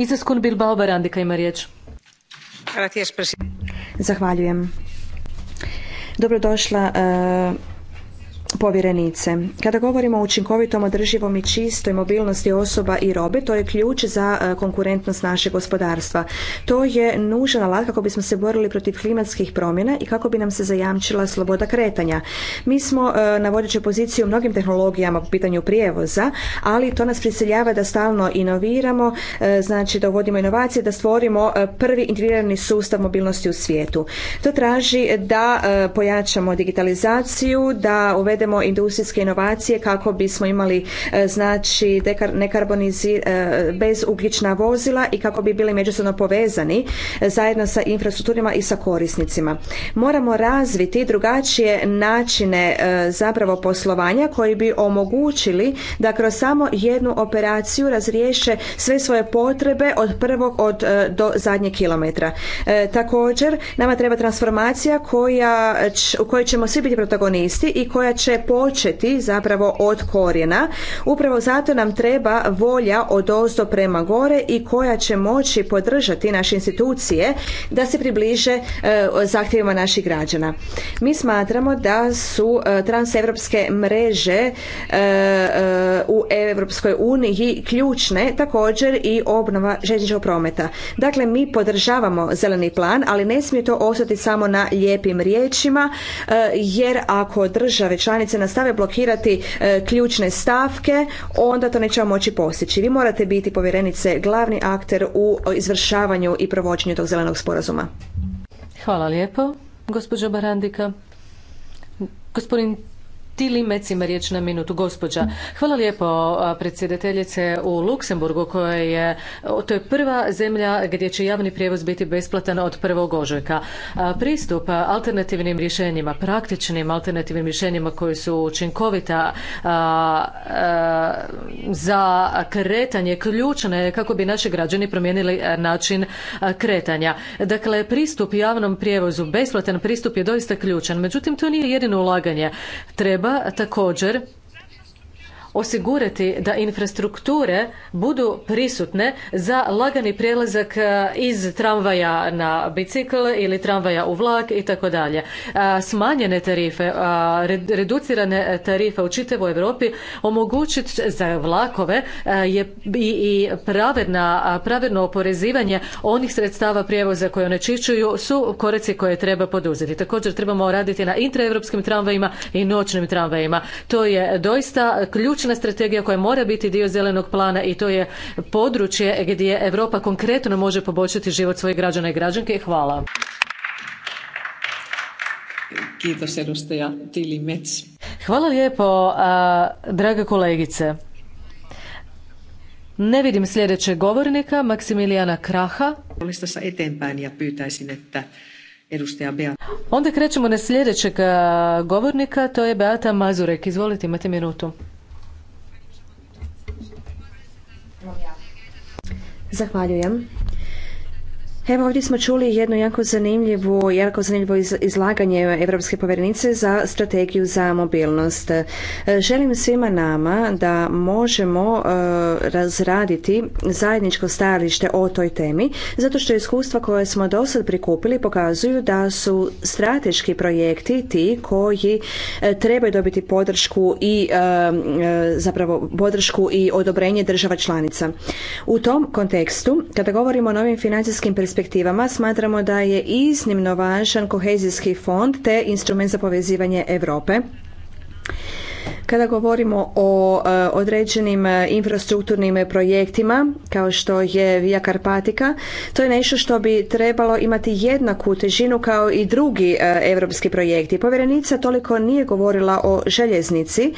Izaskun Bilbao Barandika ima riječ. Zahvaljujem. Dobrodošla eh, povjerenice. Kada govorimo o učinkovitom, održivom i čistoj mobilnosti osoba i robe, to je ključ za e, konkurentnost našeg gospodarstva. To je nužan alat kako bismo se borili protiv klimatskih promjena i kako bi nam se zajamčila sloboda kretanja. Mi smo e, na vodećoj poziciji u mnogim tehnologijama u pitanju prijevoza, ali to nas prisiljava da stalno inoviramo, e, znači da uvodimo inovacije, da stvorimo prvi integrirani sustav mobilnosti u svijetu. To traži da pojačamo digitalizaciju, da uvedemo uvedemo industrijske inovacije kako bismo imali e, znači nekarbonizi e, bezuglična vozila i kako bi bili međusobno povezani e, zajedno sa infrastrukturima i sa korisnicima. Moramo razviti drugačije načine zapravo poslovanja koji bi omogućili da kroz samo jednu operaciju razriješe sve svoje potrebe od prvog od, do zadnjeg kilometra. također nama treba transformacija u kojoj ćemo svi biti protagonisti i koja će lakše početi zapravo od korijena. Upravo zato nam treba volja od ozdo prema gore i koja će moći podržati naše institucije da se približe e, zahtjevima naših građana. Mi smatramo da su e, transevropske mreže e, u Europskoj uniji ključne također i obnova željezničkog prometa. Dakle, mi podržavamo zeleni plan, ali ne smije to ostati samo na lijepim riječima, jer ako države članice se nastave blokirati e, ključne stavke, onda to nećemo moći postići. Vi morate biti povjerenice glavni akter u izvršavanju i provođenju tog zelenog sporazuma. Hvala lijepo, gospođo Barandika. Gospodin mecima riječ na minutu. Gospođa, hvala lijepo predsjedateljice u Luksemburgu koja je, to je prva zemlja gdje će javni prijevoz biti besplatan od prvog ožujka. Pristup alternativnim rješenjima, praktičnim alternativnim rješenjima koji su učinkovita za kretanje ključne kako bi naši građani promijenili način kretanja. Dakle, pristup javnom prijevozu, besplatan pristup je doista ključan. Međutim, to nije jedino ulaganje. Treba također osigurati da infrastrukture budu prisutne za lagani prijelazak e, iz tramvaja na bicikl ili tramvaja u vlak i tako dalje. E, smanjene tarife, e, reducirane tarife u čitavoj Europi omogućiti za vlakove i pravedno oporezivanje onih sredstava prijevoza koje onečišćuju su koraci koje treba poduzeti. Također trebamo raditi na intraeuropskim tramvajima i noćnim tramvajima. To je doista ključ strategija koja mora biti dio zelenog plana i to je područje gdje Europa konkretno može poboljšati život svojih građana i građanke. Hvala. Hvala lijepo, draga kolegice. Ne vidim sljedećeg govornika, Maksimilijana Kraha. Onda krećemo na sljedećeg govornika, to je Beata Mazurek. Izvolite, imate minutu. Zahvaljujem. Evo ovdje smo čuli jedno jako zanimljivo, jako zanimljivo izlaganje Europske povjerenice za strategiju za mobilnost. E, želim svima nama da možemo e, razraditi zajedničko stajalište o toj temi, zato što iskustva koje smo do sad prikupili pokazuju da su strateški projekti ti koji e, trebaju dobiti podršku i zapravo podršku i odobrenje država članica. U tom kontekstu, kada govorimo o novim financijskim perspektivima, perspektivama smatramo da je iznimno važan kohezijski fond te instrument za povezivanje Europe kada govorimo o e, određenim e, infrastrukturnim e, projektima, kao što je Via Karpatika, to je nešto što bi trebalo imati jednaku težinu kao i drugi europski projekti. Povjerenica toliko nije govorila o željeznici.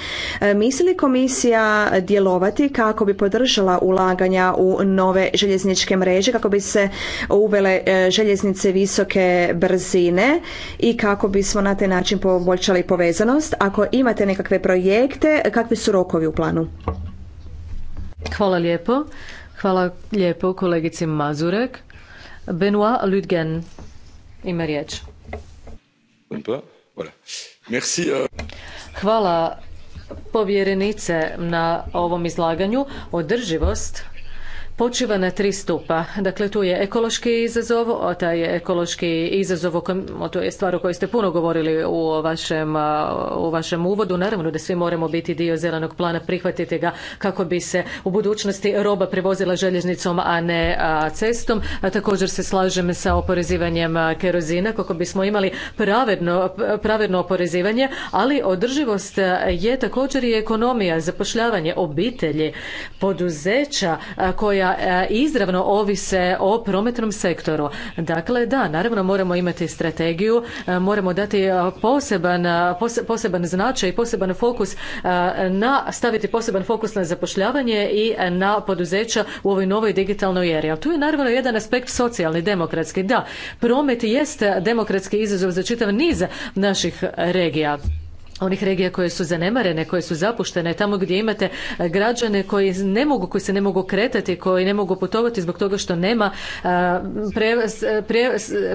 Misli li komisija djelovati kako bi podržala ulaganja u nove željezničke mreže, kako bi se uvele željeznice visoke brzine i kako bismo na taj način poboljšali povezanost? Ako imate nekakve projekte projekte, kakvi su rokovi u planu? Hvala lijepo. Hvala lijepo kolegici Mazurek. Benoit Ludgen ima riječ. Euh. Hvala povjerenice na ovom izlaganju. Održivost počiva na tri stupa. Dakle, tu je ekološki izazov, a taj je ekološki izazov, to je stvar o kojoj ste puno govorili u vašem, u vašem uvodu. Naravno da svi moramo biti dio zelenog plana, prihvatiti ga kako bi se u budućnosti roba prevozila željeznicom, a ne cestom. A također se slažem sa oporezivanjem kerozina kako bismo imali pravedno, oporezivanje, ali održivost je također i ekonomija, zapošljavanje obitelji, poduzeća koje koja e, izravno ovise o prometnom sektoru. Dakle, da, naravno moramo imati strategiju, e, moramo dati e, poseban, poseban značaj i poseban fokus na, staviti poseban fokus na zapošljavanje i na poduzeća u ovoj novoj digitalnoj eri. Ali tu je naravno jedan aspekt socijalni, demokratski. Da, promet jest demokratski izazov za čitav niz naših regija onih regija koje su zanemarene, koje su zapuštene, tamo gdje imate e, građane koji ne mogu, koji se ne mogu kretati, koji ne mogu putovati zbog toga što nema e, e,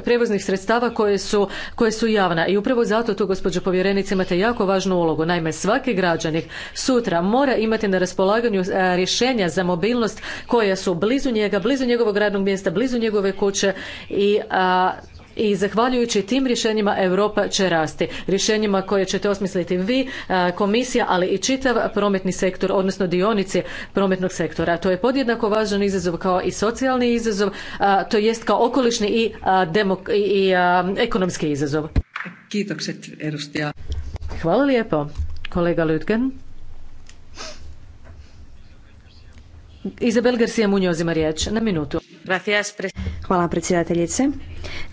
prevoznih sredstava koje su, koje su javna. I upravo zato tu, gospođo povjerenice, imate jako važnu ulogu. Naime, svaki građanin sutra mora imati na raspolaganju rješenja za mobilnost koja su blizu njega, blizu njegovog radnog mjesta, blizu njegove kuće i a, i zahvaljujući tim rješenjima Europa će rasti. Rješenjima koje ćete osmisliti vi, e, komisija, ali i čitav prometni sektor, odnosno dionici prometnog sektora. To je podjednako važan izazov kao i socijalni izazov, to jest kao okolišni i, ekonomski izazov. Hvala lijepo, kolega Lutgen. Izabel Garcia Munoz riječ na minutu. Hvala predsjedateljice.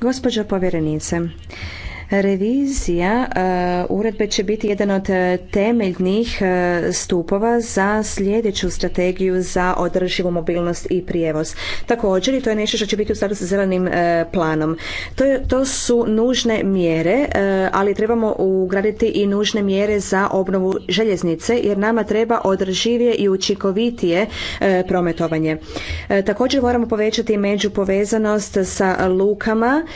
Gospođo povjerenice, Revizija e, uredbe će biti jedan od e, temeljnih e, stupova za sljedeću strategiju za održivu mobilnost i prijevoz. Također, i to je nešto što će biti u skladu sa zelenim planom. To, to su nužne mjere, ali trebamo ugraditi i nužne mjere za obnovu željeznice, jer nama treba održivije i učinkovitije prometovanje. Također moramo povećati međupovezanost sa lukama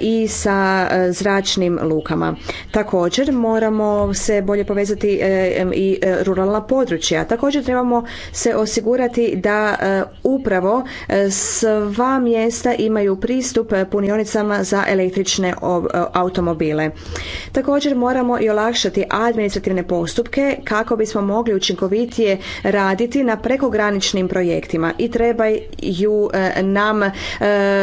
i sa zračnim lukama. Također moramo se bolje povezati e, i e, ruralna područja. Također trebamo se osigurati da e, upravo sva mjesta imaju pristup punionicama za električne automobile. Također moramo i olakšati administrativne postupke kako bismo mogli učinkovitije raditi na prekograničnim projektima i trebaju nam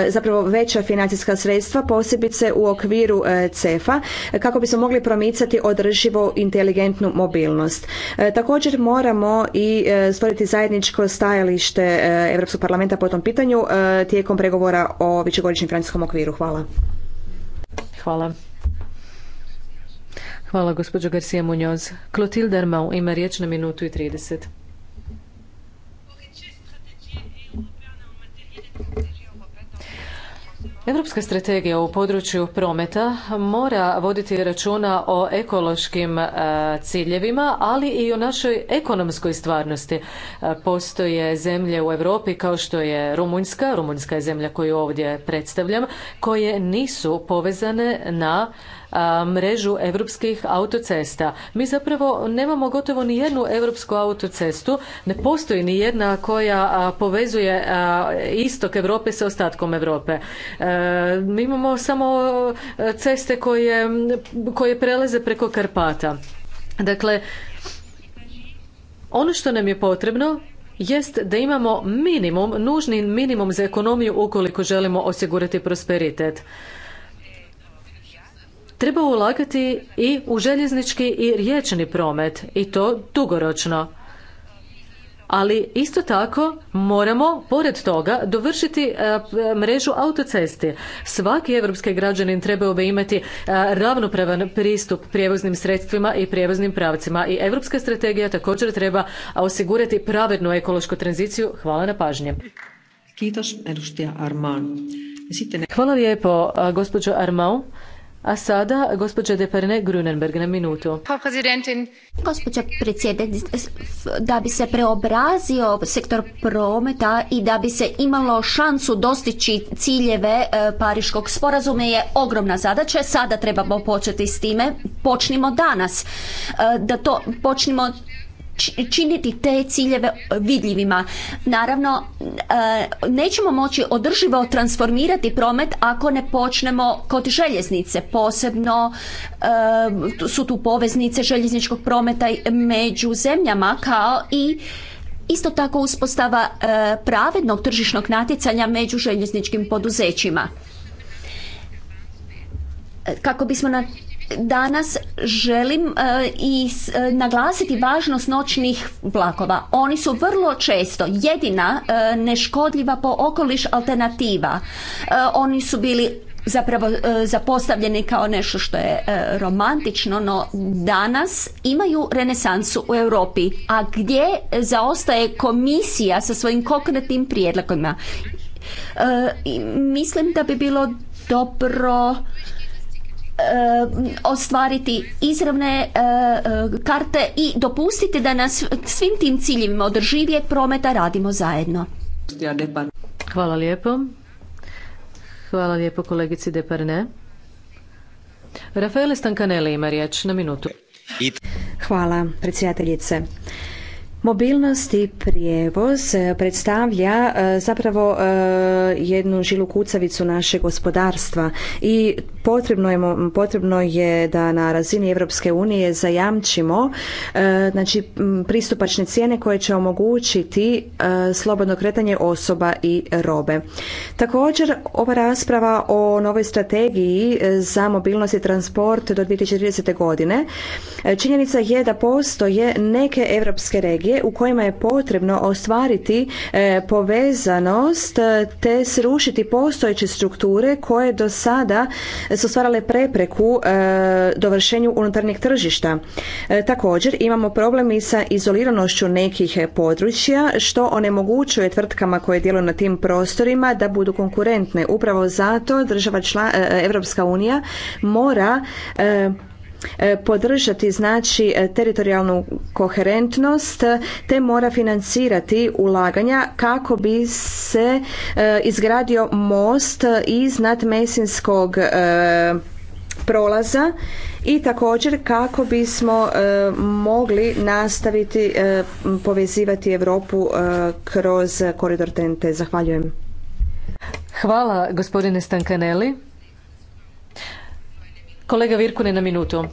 zapravo veća financijska sredstva posebice u okviru E, CEFA kako bismo mogli promicati održivo inteligentnu mobilnost. E, također moramo i e, stvoriti zajedničko stajalište Europskog parlamenta po tom pitanju tijekom pregovora o višegodišnjem financijskom okviru. Hvala. Hvala. Hvala gospođo Garcia Munoz. Clotilde Armau ima riječ na minutu i 30. Europska strategija u području prometa mora voditi računa o ekološkim e, ciljevima, ali i o našoj ekonomskoj stvarnosti. E, postoje zemlje u Europi kao što je Rumunjska, Rumunjska je zemlja koju ovdje predstavljam, koje nisu povezane na mrežu europskih autocesta. Mi zapravo nemamo gotovo ni jednu europsku autocestu, ne postoji ni jedna koja povezuje istok Europe sa ostatkom Europe. Mi imamo samo ceste koje, koje prelaze preko Karpata. Dakle, ono što nam je potrebno jest da imamo minimum, nužni minimum za ekonomiju ukoliko želimo osigurati prosperitet. Treba ulagati i u željeznički i riječni promet i to dugoročno. Ali isto tako moramo pored toga dovršiti e, mrežu autocesti. Svaki evropski građanin trebao bi imati e, ravnopravan pristup prijevoznim sredstvima i prijevoznim pravcima i europska strategija također treba osigurati pravednu ekološku tranziciju. Hvala na pažnji. Hvala lijepo, e, gospođo Armau. A sada, gospođa Deperne Grunenberg, na minutu. Gospođa predsjednice, da bi se preobrazio sektor prometa i da bi se imalo šansu dostići ciljeve e, Pariškog sporazuma je ogromna zadaća. Sada trebamo početi s time. Počnimo danas. E, da to počnimo činiti te ciljeve vidljivima. Naravno, e, nećemo moći održivo transformirati promet ako ne počnemo kod željeznice. Posebno e, su tu poveznice željezničkog prometa među zemljama kao i isto tako uspostava e, pravednog tržišnog natjecanja među željezničkim poduzećima kako bismo na danas želim e, i e, naglasiti važnost noćnih vlakova. Oni su vrlo često jedina e, neškodljiva po okoliš alternativa. Oni su bili zapravo zapostavljeni kao nešto što je romantično, no danas imaju renesansu u Europi. A gdje zaostaje komisija sa svojim konkretnim prijedlogima? Mislim da bi bilo dobro Eh, ostvariti izravne eh, eh, karte i dopustiti da nas svim tim ciljevima održivijeg prometa radimo zajedno. Hvala lijepo. Hvala lijepo kolegici Deparne. Rafaele Stankanele ima riječ na minutu. Hvala predsjedateljice. Mobilnost i prijevoz e, predstavlja e, zapravo e, jednu žilu kucavicu našeg gospodarstva i potrebno je, da na razini Europske unije zajamčimo znači, pristupačne cijene koje će omogućiti slobodno kretanje osoba i robe. Također ova rasprava o novoj strategiji za mobilnost i transport do 2030. godine činjenica je da postoje neke europske regije u kojima je potrebno ostvariti e, povezanost e, te srušiti postojeće strukture koje do sada su stvarale prepreku e, dovršenju unutarnjeg tržišta. Također imamo problemi i sa izoliranošću nekih područja što onemogućuje tvrtkama koje djeluju na tim prostorima da budu konkurentne. Upravo zato država Europska unija mora E, podržati znači e, teritorijalnu koherentnost te mora financirati ulaganja kako bi se e, izgradio most iz Mesinskog prolaza i također kako bismo mogli nastaviti povezivati Europu kroz koridor TNT. Zahvaljujem. Hvala gospodine Stankaneli. Kolega Virkune, na minutu.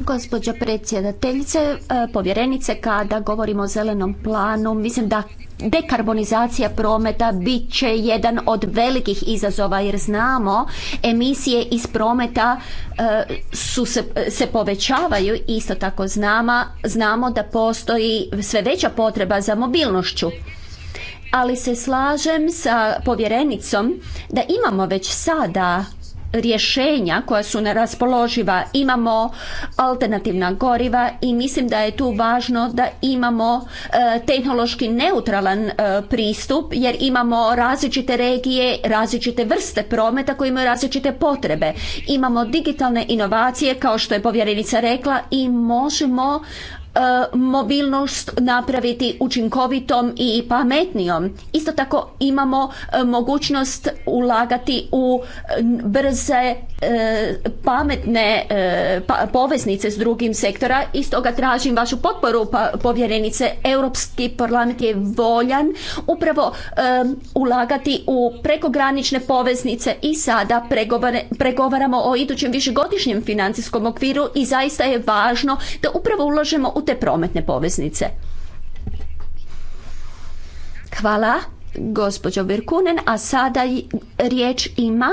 Gospođo predsjedateljice, e, povjerenice, kada govorimo o zelenom planu, mislim da dekarbonizacija prometa bit će jedan od velikih izazova jer znamo emisije iz prometa e, su se, povećavaju isto tako znamo, znamo da postoji sve veća potreba za mobilnošću ali se slažem sa povjerenicom da imamo već sada rješenja koja su neraspoloživa, imamo alternativna goriva i mislim da je tu važno da imamo e, tehnološki neutralan e, pristup jer imamo različite regije, različite vrste prometa koji imaju različite potrebe. Imamo digitalne inovacije kao što je povjerenica rekla i možemo E, mobilnost napraviti učinkovitom i pametnijom. Isto tako imamo e, mogućnost ulagati u brze e, pametne pa, poveznice s drugim sektora i stoga tražim vašu potporu pa, povjerenice. Europski parlament je voljan upravo ulagati u prekogranične poveznice i sada pregovaramo o idućem višegodišnjem financijskom okviru i zaista je važno da upravo ulažemo u te prometne poveznice. Hvala, gospođo Virkunen, a sada riječ ima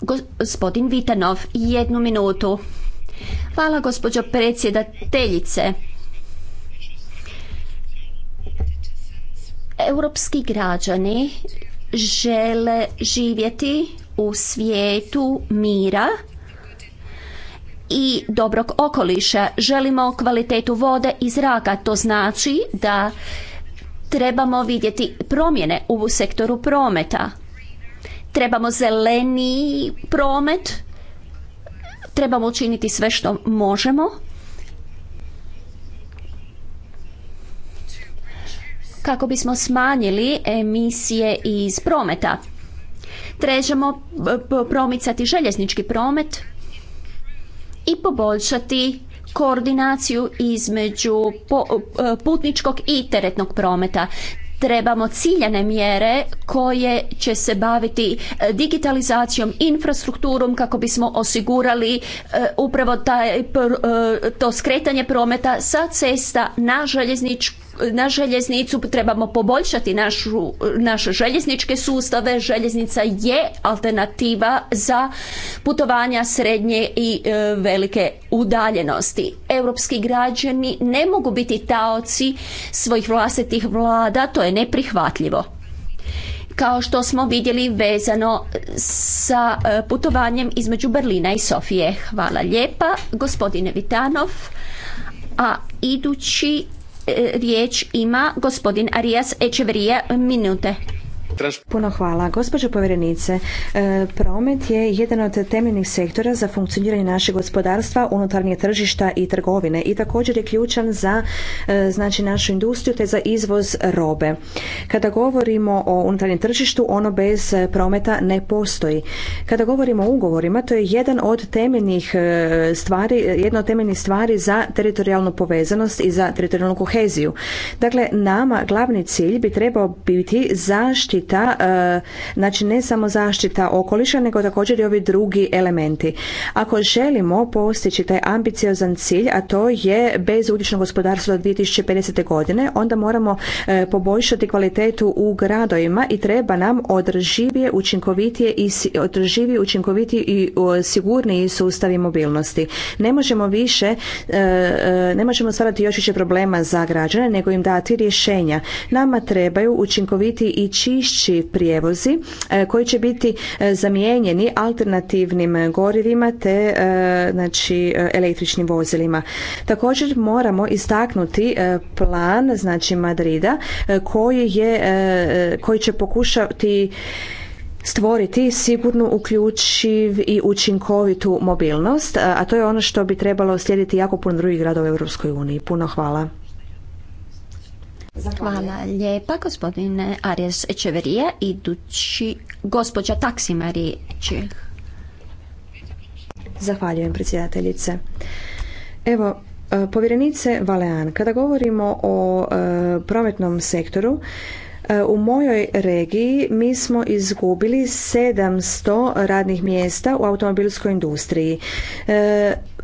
gospodin Vitanov. Jednu minutu. Hvala, gospođo predsjedateljice. Europski građani žele živjeti u svijetu mira i dobrog okoliša. Želimo kvalitetu vode i zraka. To znači da trebamo vidjeti promjene u sektoru prometa. Trebamo zeleni promet. Trebamo učiniti sve što možemo. kako bismo smanjili emisije iz prometa. Trebamo e, promicati željeznički promet i poboljšati koordinaciju između e, putničkog i teretnog prometa trebamo ciljane mjere koje će se baviti e, digitalizacijom, infrastrukturom kako bismo osigurali e, upravo taj, to skretanje prometa sa cesta na željezničku na željeznicu, trebamo poboljšati našu, naše željezničke sustave. Željeznica je alternativa za putovanja srednje i e, velike udaljenosti. Europski građani ne mogu biti taoci svojih vlastitih vlada, to je neprihvatljivo kao što smo vidjeli vezano sa e, putovanjem između Berlina i Sofije. Hvala lijepa, gospodine Vitanov. A idući riječ ima gospodin Arias Echeverija minute. Puno hvala. Gospođo povjerenice, e, promet je jedan od temeljnih sektora za funkcioniranje našeg gospodarstva, unutarnje tržišta i trgovine i također je ključan za e, znači, našu industriju te za izvoz robe. Kada govorimo o unutarnjem tržištu, ono bez e, prometa ne postoji. Kada govorimo o ugovorima, to je jedan od temeljnih stvari, jedna od temeljnih stvari za teritorijalnu povezanost i za teritorijalnu koheziju. Dakle, nama glavni cilj bi trebao biti zaštita zaštita, e, znači ne samo zaštita okoliša, nego također i ovi drugi elementi. Ako želimo postići taj ambiciozan cilj, a to je bez ugljičnog gospodarstva do 2050. godine, onda moramo e, poboljšati kvalitetu u gradovima i treba nam održivije, učinkovitije i održiviji, učinkovitiji i sigurniji sustavi mobilnosti. Ne možemo više, e, ne možemo stvarati još više problema za građane, nego im dati rješenja. Nama trebaju učinkoviti i čišći čišći prijevozi e, koji će biti e, zamijenjeni alternativnim gorivima te e, znači električnim vozilima. Također moramo istaknuti plan znači Madrida koji je koji će pokušati stvoriti sigurnu, uključiv i učinkovitu mobilnost, a to je ono što bi trebalo slijediti jako puno drugih gradova u Europskoj uniji. Puno hvala. Hvala lijepa, gospodine Arias Čeverija. Idući, gospođa Taksima riječi. Zahvaljujem, predsjedateljice. Evo, e, povjerenice Valean, kada govorimo o e, prometnom sektoru, e, u mojoj regiji mi smo izgubili 700 radnih mjesta u automobilskoj industriji.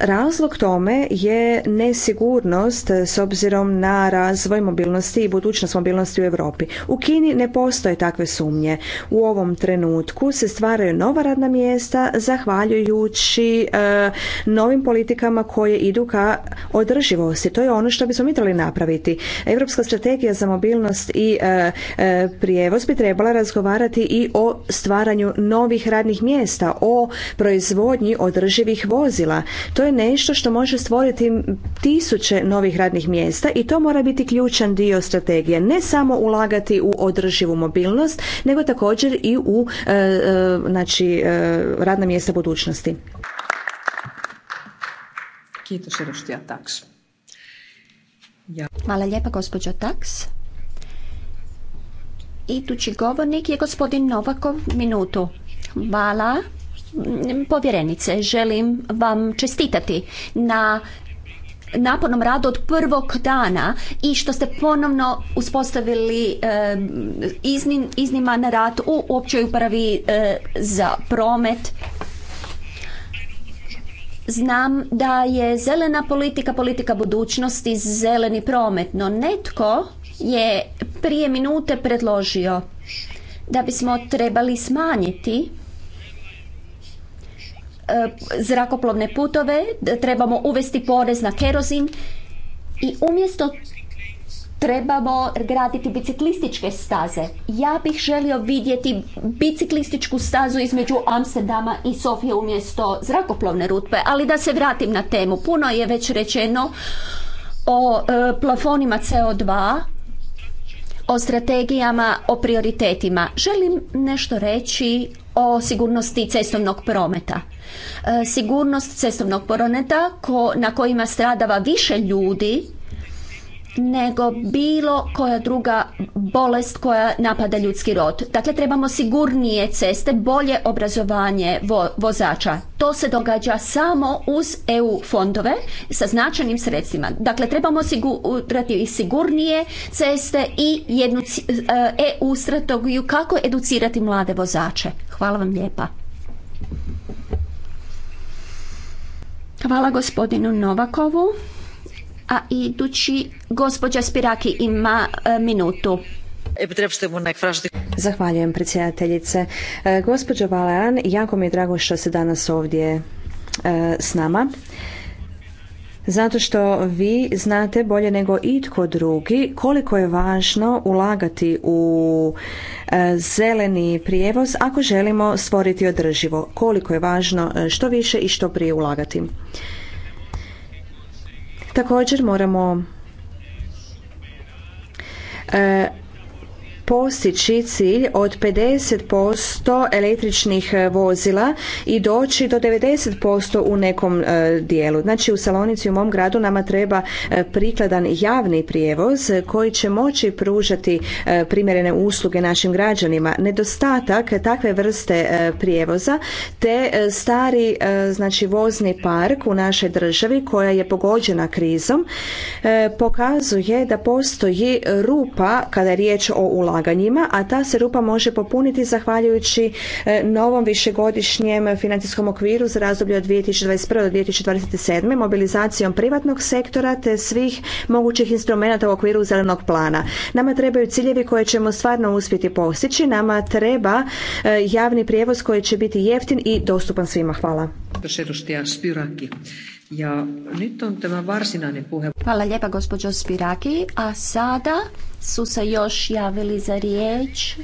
Razlog tome je nesigurnost eh, s obzirom na razvoj mobilnosti i budućnost mobilnosti u Europi. U Kini ne postoje takve sumnje. U ovom trenutku se stvaraju nova radna mjesta zahvaljujući eh, novim politikama koje idu ka održivosti. To je ono što bismo mi trebali napraviti. Europska strategija za mobilnost i eh, prijevoz bi trebala razgovarati i o stvaranju novih radnih mjesta, o proizvodnji održivih vozila. To je je nešto što može stvoriti tisuće novih radnih mjesta i to mora biti ključan dio strategije. Ne samo ulagati u održivu mobilnost, nego također i u e, e, znači, e, radna mjesta budućnosti. Hvala lijepa gospođo Taks. Idući govornik je gospodin Novakov, minutu. Hvala. Mm, povjerenice, želim vam čestitati na napornom radu od prvog dana i što ste ponovno uspostavili izniman rad u općoj upravi e, za promet. Znam da je zelena politika politika budućnosti zeleni promet, no netko je prije minute predložio da bismo trebali smanjiti E, zrakoplovne putove, trebamo uvesti porez na kerozin i umjesto trebamo graditi biciklističke staze. Ja bih želio vidjeti biciklističku stazu između Amsterdama i Sofije umjesto zrakoplovne rutbe, ali da se vratim na temu. Puno je već rečeno o e, plafonima CO2, o strategijama, o prioritetima. Želim nešto reći o sigurnosti cestovnog prometa. E, sigurnost cestovnog prometa ko, na kojima stradava više ljudi nego bilo koja druga bolest koja napada ljudski rod. Dakle, trebamo sigurnije ceste, bolje obrazovanje vozača. To se događa samo uz EU fondove sa značajnim sredstvima. Dakle, trebamo osigurati i sigurnije ceste i jednu EU e strategiju kako educirati mlade vozače. Hvala vam lijepa. Hvala gospodinu Novakovu. A idući, gospođa Spiraki ima e, minutu. Zahvaljujem predsjedateljice. E, gospođo Balean, jako mi je drago što ste danas ovdje e, s nama. Zato što vi znate bolje nego itko drugi koliko je važno ulagati u zeleni prijevoz ako želimo stvoriti održivo. Koliko je važno što više i što prije ulagati. Također moramo e, postići cilj od 50% električnih e, vozila i doći do 90% u nekom e, dijelu. Znači u Salonici u mom gradu nama treba e, prikladan javni prijevoz koji će moći pružati primjerene usluge našim građanima. Nedostatak takve vrste prijevoza te stari znači vozni park u našoj državi koja je pogođena krizom pokazuje da postoji rupa kada je riječ o ulaganju ulaganjima, a ta se rupa može popuniti zahvaljujući e, novom višegodišnjem financijskom okviru za razdoblje od 2021. do 2027. mobilizacijom privatnog sektora te svih mogućih instrumenata u okviru zelenog plana. Nama trebaju ciljevi koje ćemo stvarno uspjeti postići, nama treba e, javni prijevoz koji će biti jeftin i dostupan svima. Hvala. Ja puhe. Hvala lijepa gospođo Spiraki. A sada su se još javili za riječ.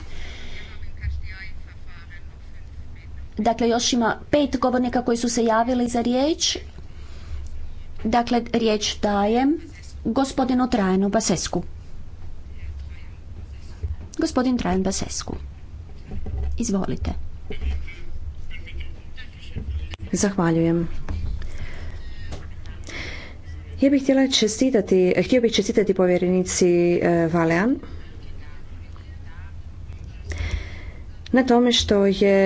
Dakle, još ima pet govornika koji su se javili za riječ. Dakle, riječ dajem gospodinu Trajanu Basesku. Gospodin Trajan Basesku. Izvolite. Zahvaljujem. Ja bih htjela čestitati, htio bih čestitati povjerenici e, Valean na tome što je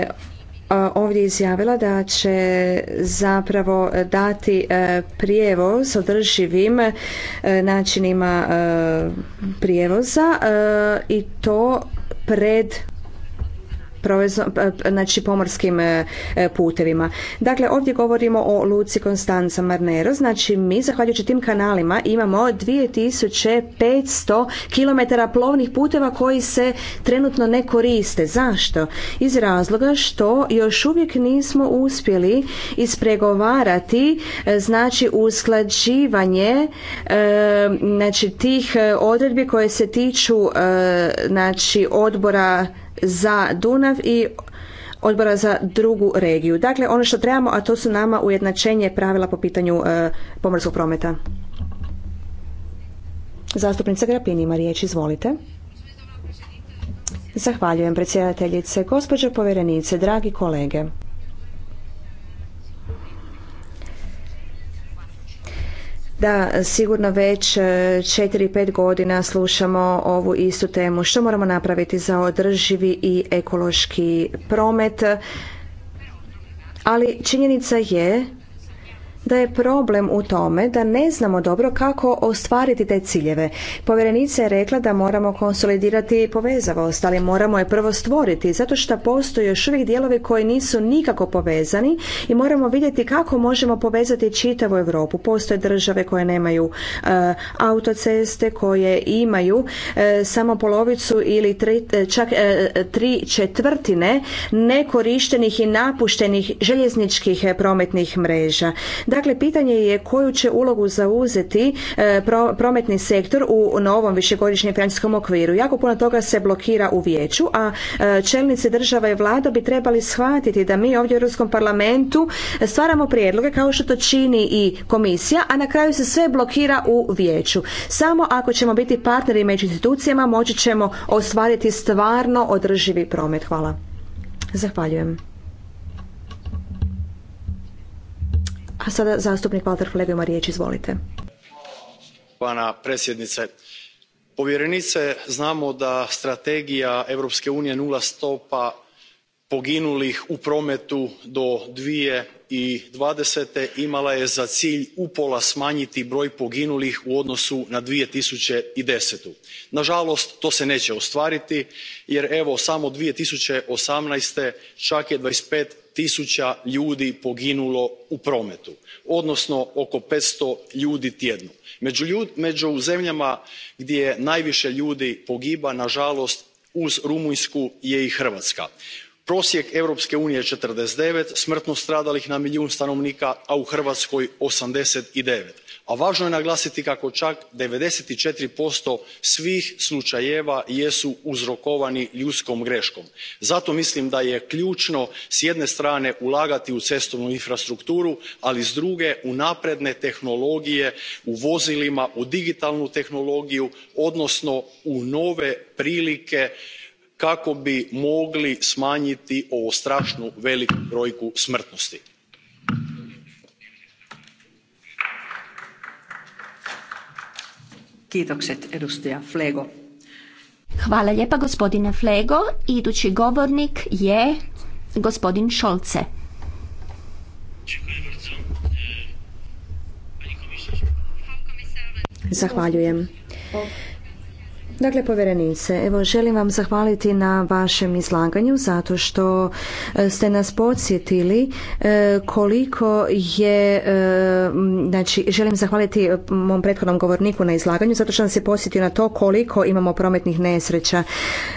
e, ovdje izjavila da će zapravo dati e, prijevoz održivim načinima prijevoza i to pred E, znači pomorskim e, e, putevima. Dakle, ovdje govorimo o Luci Konstanca Marnero, znači mi zahvaljujući tim kanalima imamo 2500 km plovnih puteva koji se trenutno ne koriste. Zašto? Iz razloga što još uvijek nismo uspjeli ispregovarati znači usklađivanje znači tih odredbi koje se tiču znači odbora za Dunav i odbora za drugu regiju. Dakle, ono što trebamo, a to su nama ujednačenje pravila po pitanju e, pomorskog prometa. Zastupnica Grapinima. ima riječ, izvolite. Zahvaljujem predsjedateljice, gospođo povjerenice, dragi kolege. Da, sigurno već 4-5 e, godina slušamo ovu istu temu. Što moramo napraviti za održivi i ekološki promet? Ali činjenica je da je problem u tome da ne znamo dobro kako ostvariti te ciljeve. Povjerenica je rekla da moramo konsolidirati povezavost, ali moramo je prvo stvoriti zato što postoje još uvijek dijelovi koji nisu nikako povezani i moramo vidjeti kako možemo povezati čitavu Europu. Postoje države koje nemaju eh, autoceste, koje imaju eh, samo polovicu ili eh, čak tri četvrtine nekorištenih i napuštenih željezničkih prometnih mreža. Da Dakle, pitanje je koju će ulogu zauzeti e, prometni sektor u novom višegodišnjem financijskom okviru. Jako puno toga se blokira u vijeću, a e, čelnici država i vlada bi trebali shvatiti da mi ovdje u Europskom parlamentu stvaramo prijedloge kao što to čini i komisija, a na kraju se sve blokira u vijeću. Samo ako ćemo biti partneri među institucijama moći ćemo ostvariti stvarno održivi promet. Hvala. Zahvaljujem. A sada zastupnik izvolite. Pana predsjednice, povjerenice, znamo da strategija Europske unije nula stopa poginulih u prometu do 2020. imala je za cilj upola smanjiti broj poginulih u odnosu na. two thousand and nažalost to se neće ostvariti jer evo samo. two thousand and čak je twenty five tisuća ljudi poginulo u prometu odnosno oko petsto ljudi tjedno. među zemljama gdje najviše ljudi pogiba nažalost uz rumunjsku je i hrvatska. prosjek europske unije je forty nine smrtno stradalih na milijun stanovnika a u hrvatskoj eighty nine a važno je naglasiti kako čak ninety four svih slučajeva jesu uzrokovani ljudskom greškom. zato mislim da je ključno s jedne strane ulagati u cestovnu infrastrukturu ali s druge u napredne tehnologije u vozilima u digitalnu tehnologiju odnosno u nove prilike kako bi mogli smanjiti ovu strašno veliku brojku smrtnosti. Kiitokset edustaja Flego. Hvala lijepa gospodine Flego. Idući govornik je gospodin Šolce. Zahvaljujem. Dakle, povjerenice, evo želim vam zahvaliti na vašem izlaganju zato što e, ste nas podsjetili e, koliko je, e, znači želim zahvaliti mom prethodnom govorniku na izlaganju zato što nas je podsjetio na to koliko imamo prometnih nesreća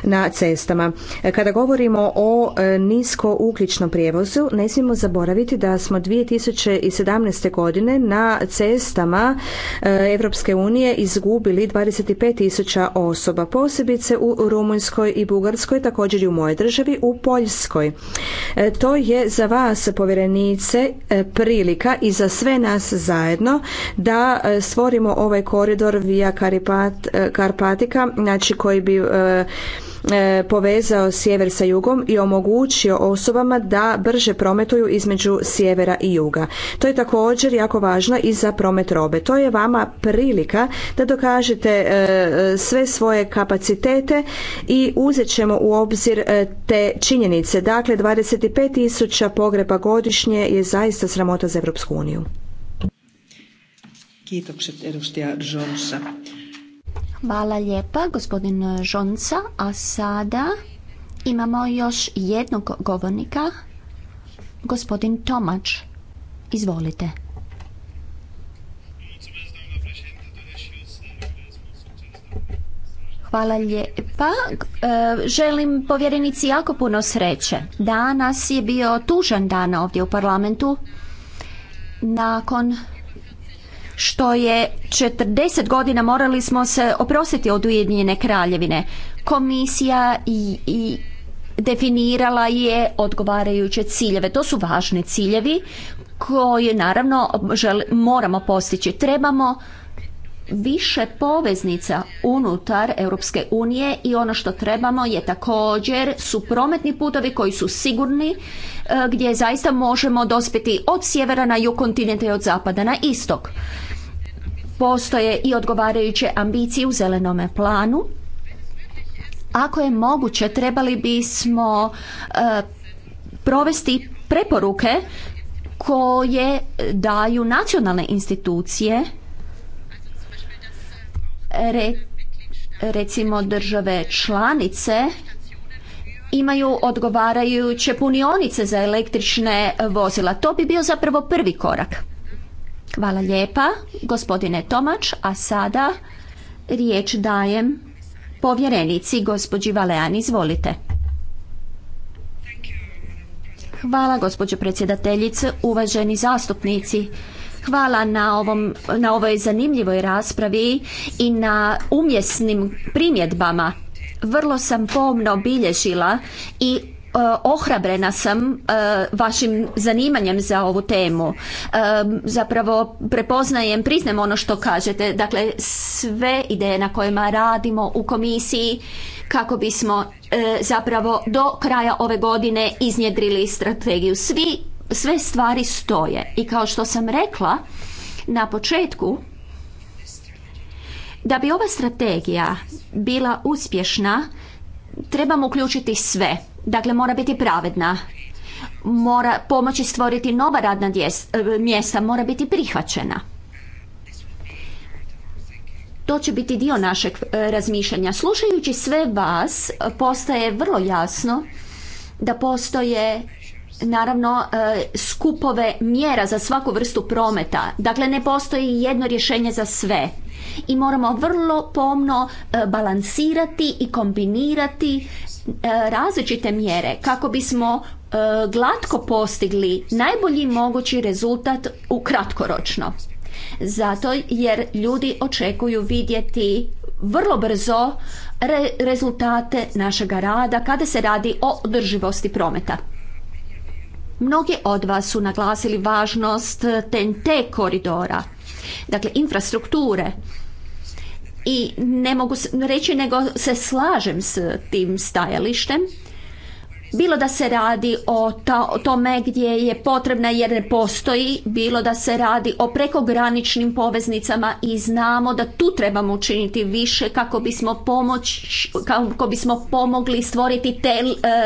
na cestama. Kada govorimo o nisko ukljičnom prijevozu, ne smijemo zaboraviti da smo 2017. godine na cestama Europske unije izgubili 25.000 osoba osoba, posebice u Rumunjskoj i Bugarskoj, također i u mojoj državi, u Poljskoj. E, to je za vas, povjerenice, e, prilika i za sve nas zajedno da e, stvorimo ovaj koridor via karipat Karpatika, znači koji bi E, povezao sjever sa jugom i omogućio osobama da brže prometuju između sjevera i juga. To je također jako važno i za promet robe. To je vama prilika da dokažete e, sve svoje kapacitete i uzet ćemo u obzir e, te činjenice. Dakle, 25.000 tisuća pogreba godišnje je zaista sramota za Europsku uniju. Kiitokset edustaja Hvala lijepa, gospodin Žonca. A sada imamo još jednog govornika, gospodin Tomač. Izvolite. Hvala lijepa. E, želim povjerenici jako puno sreće. Danas je bio tužan dan ovdje u parlamentu. Nakon što je 40 godina morali smo se oprostiti od Ujedinjene kraljevine. Komisija i, definirala je odgovarajuće ciljeve. To su važni ciljevi koje naravno moramo postići. Trebamo više poveznica unutar Europske unije i ono što trebamo je također su prometni putovi koji su sigurni e, gdje zaista možemo dospjeti od sjevera na jug kontinenta i od zapada na istok postoje i odgovarajuće ambicije u zelenome planu. Ako je moguće, trebali bismo e, provesti preporuke koje daju nacionalne institucije, recimo države članice, imaju odgovarajuće punionice za električne vozila. To bi bio zapravo prvi korak. Hvala lijepa, gospodine Tomač, a sada riječ dajem povjerenici, gospođi Valean, izvolite. Hvala, gospođo predsjedateljice, uvaženi zastupnici. Hvala na, ovoj zanimljivoj raspravi i na umjesnim primjedbama. Vrlo sam pomno bilježila i Eh, ohrabrena sam eh, vašim zanimanjem za ovu temu. Zapravo prepoznajem, priznajem ono što kažete. Dakle, sve ideje na kojima radimo u komisiji kako bismo eh, zapravo do kraja ove godine iznjedrili strategiju. Svi, sve stvari stoje i kao što sam rekla na početku da bi ova strategija bila uspješna trebamo uključiti sve Dakle, mora biti pravedna. Mora pomoći stvoriti nova radna e, mjesta, mora biti prihvaćena. To će biti dio našeg e, razmišljanja. Slušajući sve vas, postaje vrlo jasno da postoje naravno e, skupove mjera za svaku vrstu prometa. Dakle, ne postoji jedno rješenje za sve. I moramo vrlo pomno balansirati i kombinirati E, različite mjere kako bismo e, glatko postigli najbolji mogući rezultat u kratkoročno. Zato jer ljudi očekuju vidjeti vrlo brzo rezultate našega rada kada se radi o održivosti prometa. Mnogi od vas su naglasili važnost TNT koridora, dakle infrastrukture i ne mogu reći nego se slažem s tim stajalištem. Bilo da se radi o tome gdje je potrebna jer ne postoji, bilo da se radi o prekograničnim poveznicama i znamo da tu trebamo učiniti više kako bismo, pomoć, kako bismo pomogli stvoriti te e,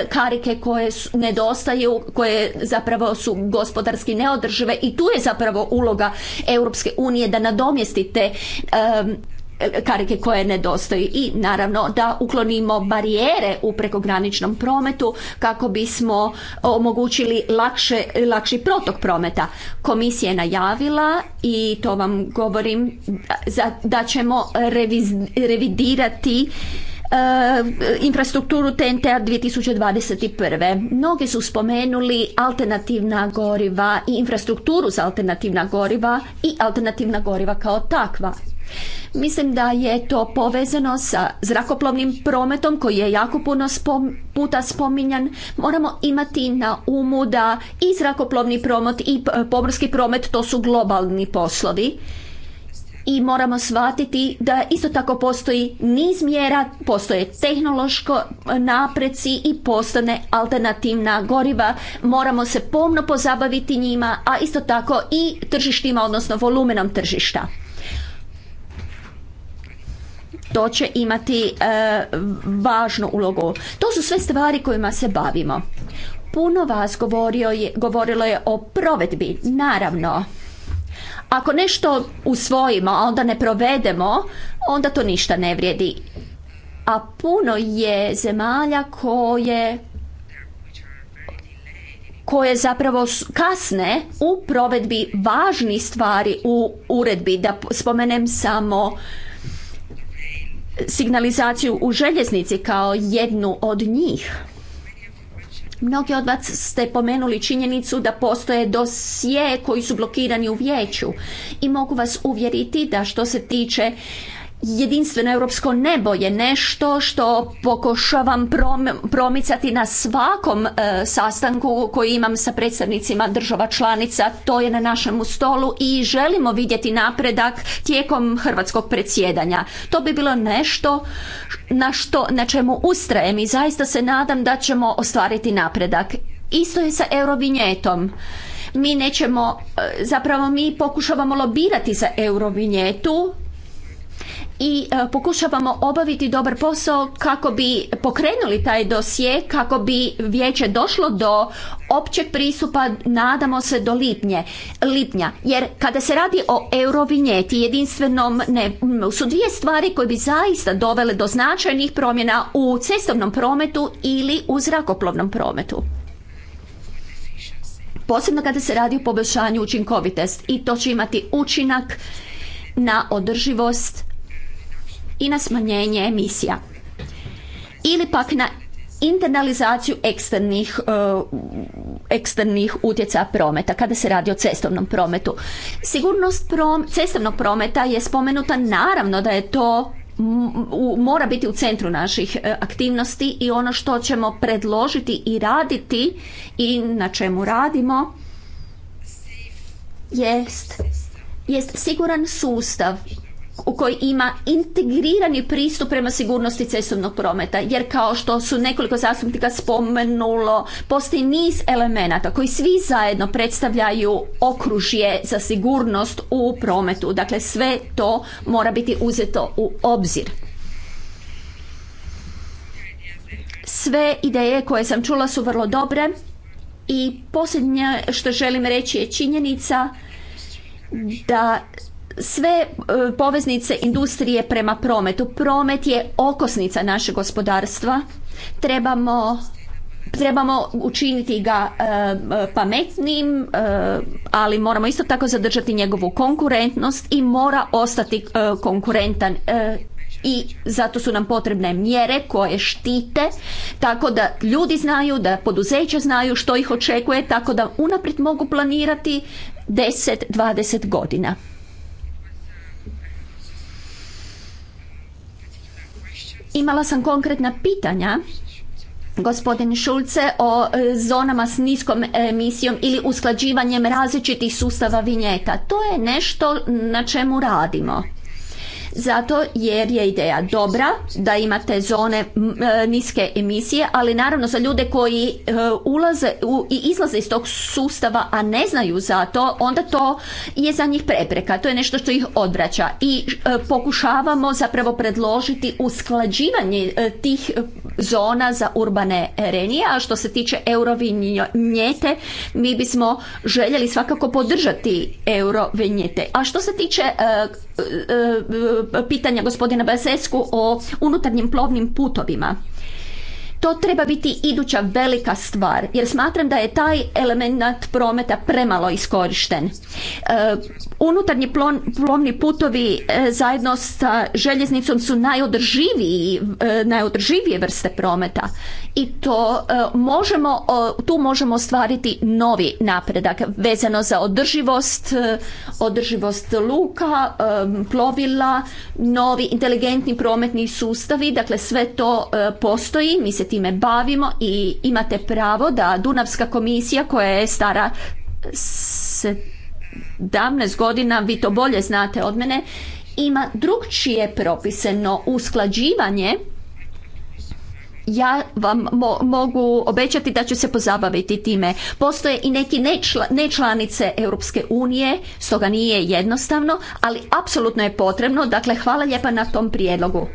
karike koje nedostaju, koje zapravo su gospodarski neodržive i tu je zapravo uloga Europske unije da nadomjesti te e, karike koje nedostaju i naravno da uklonimo barijere u prekograničnom prometu kako bismo omogućili lakše, lakši protok prometa. Komisija je najavila i to vam govorim da ćemo revidirati eh, infrastrukturu tnt 2021. Mnogi su spomenuli alternativna goriva i infrastrukturu za alternativna goriva i alternativna goriva kao takva. Mislim da je to povezano sa zrakoplovnim prometom koji je jako puno puta spominjan. Moramo imati na umu da i zrakoplovni promet i pomorski promet to su globalni poslovi i moramo shvatiti da isto tako postoji niz mjera, postoje tehnološko e, napreci i postane alternativna goriva. Moramo se pomno pozabaviti njima, a isto tako i tržištima, odnosno volumenom tržišta to će imati e, važnu ulogu. To su sve stvari kojima se bavimo. Puno vas govorio je, govorilo je o provedbi, naravno. Ako nešto usvojimo, a onda ne provedemo, onda to ništa ne vrijedi. A puno je zemalja koje koje zapravo kasne u provedbi važnih stvari u uredbi. Da spomenem samo signalizaciju u željeznici kao jednu od njih. Mnogi od vas ste pomenuli činjenicu da postoje dosije koji su blokirani u vijeću i mogu vas uvjeriti da što se tiče jedinstveno europsko nebo je nešto što pokušavam promicati na svakom e, sastanku koji imam sa predstavnicima država članica to je na našemu stolu i želimo vidjeti napredak tijekom hrvatskog predsjedanja to bi bilo nešto na što na čemu ustrajem i zaista se nadam da ćemo ostvariti napredak isto je sa eurovinjetom mi nećemo e, zapravo mi pokušavamo lobirati za eurovinjetu i e, pokušavamo obaviti dobar posao kako bi pokrenuli taj dosje, kako bi vijeće došlo do općeg pristupa, nadamo se do lipnje, lipnja. Jer kada se radi o eurovinjeti jedinstvenom, ne, mm, su dvije stvari koje bi zaista dovele do značajnih promjena u cestovnom prometu ili u zrakoplovnom prometu posebno kada se radi o poboljšanju učinkovitosti i to će imati učinak na održivost i na smanjenje emisija ili pak na internalizaciju eksternih, e, eksternih utjecaja prometa kada se radi o cestovnom prometu. Sigurnost prom, cestovnog prometa je spomenuta naravno da je to mora biti u centru naših e, aktivnosti i ono što ćemo predložiti i raditi i na čemu radimo jest jest siguran sustav u koji ima integrirani pristup prema sigurnosti cestovnog prometa jer kao što su nekoliko zastupnika spomenulo postoji niz elemenata koji svi zajedno predstavljaju okružje za sigurnost u prometu dakle sve to mora biti uzeto u obzir sve ideje koje sam čula su vrlo dobre i posljednje što želim reći je činjenica da sve e, poveznice industrije prema prometu. Promet je okosnica našeg gospodarstva. Trebamo trebamo učiniti ga e, pametnim, e, ali moramo isto tako zadržati njegovu konkurentnost i mora ostati konkurentan i zato su nam potrebne mjere koje štite tako da ljudi znaju, da poduzeća znaju što ih očekuje, tako da unaprijed mogu planirati 10-20 godina. Imala sam konkretna pitanja gospodin Šulce o e, zonama s niskom emisijom ili usklađivanjem različitih sustava vinjeta. To je nešto na čemu radimo zato jer je ideja dobra da imate zone e, niske emisije, ali naravno za ljude koji e, ulaze u, i izlaze iz tog sustava, a ne znaju za to, onda to je za njih prepreka. To je nešto što ih odvraća i e, pokušavamo zapravo predložiti usklađivanje tih zona za urbane renije, a što se tiče eurovinjete, mi bismo željeli svakako podržati eurovinjete. A što se tiče E, e, pitanja gospodina Bazesku o unutarnjim plovnim putovima. To treba biti iduća velika stvar jer smatram da je taj element prometa premalo iskorišten. E, Unutarnji plovni putovi e, zajedno sa željeznicom su najodrživiji, e, najodrživije vrste prometa i to e, možemo, tu možemo ostvariti novi napredak vezano za održivost, održivost luka, plovila, novi inteligentni prometni sustavi, dakle sve to postoji, mi se time bavimo i imate pravo da Dunavska komisija koja je stara se 17 godina, vi to bolje znate od mene, ima drugčije propiseno usklađivanje ja vam mogu obećati da ću se pozabaviti time. Postoje i neki nečla nečlanice Europske unije, stoga nije jednostavno, ali apsolutno je potrebno. Dakle, hvala lijepa na tom prijedlogu.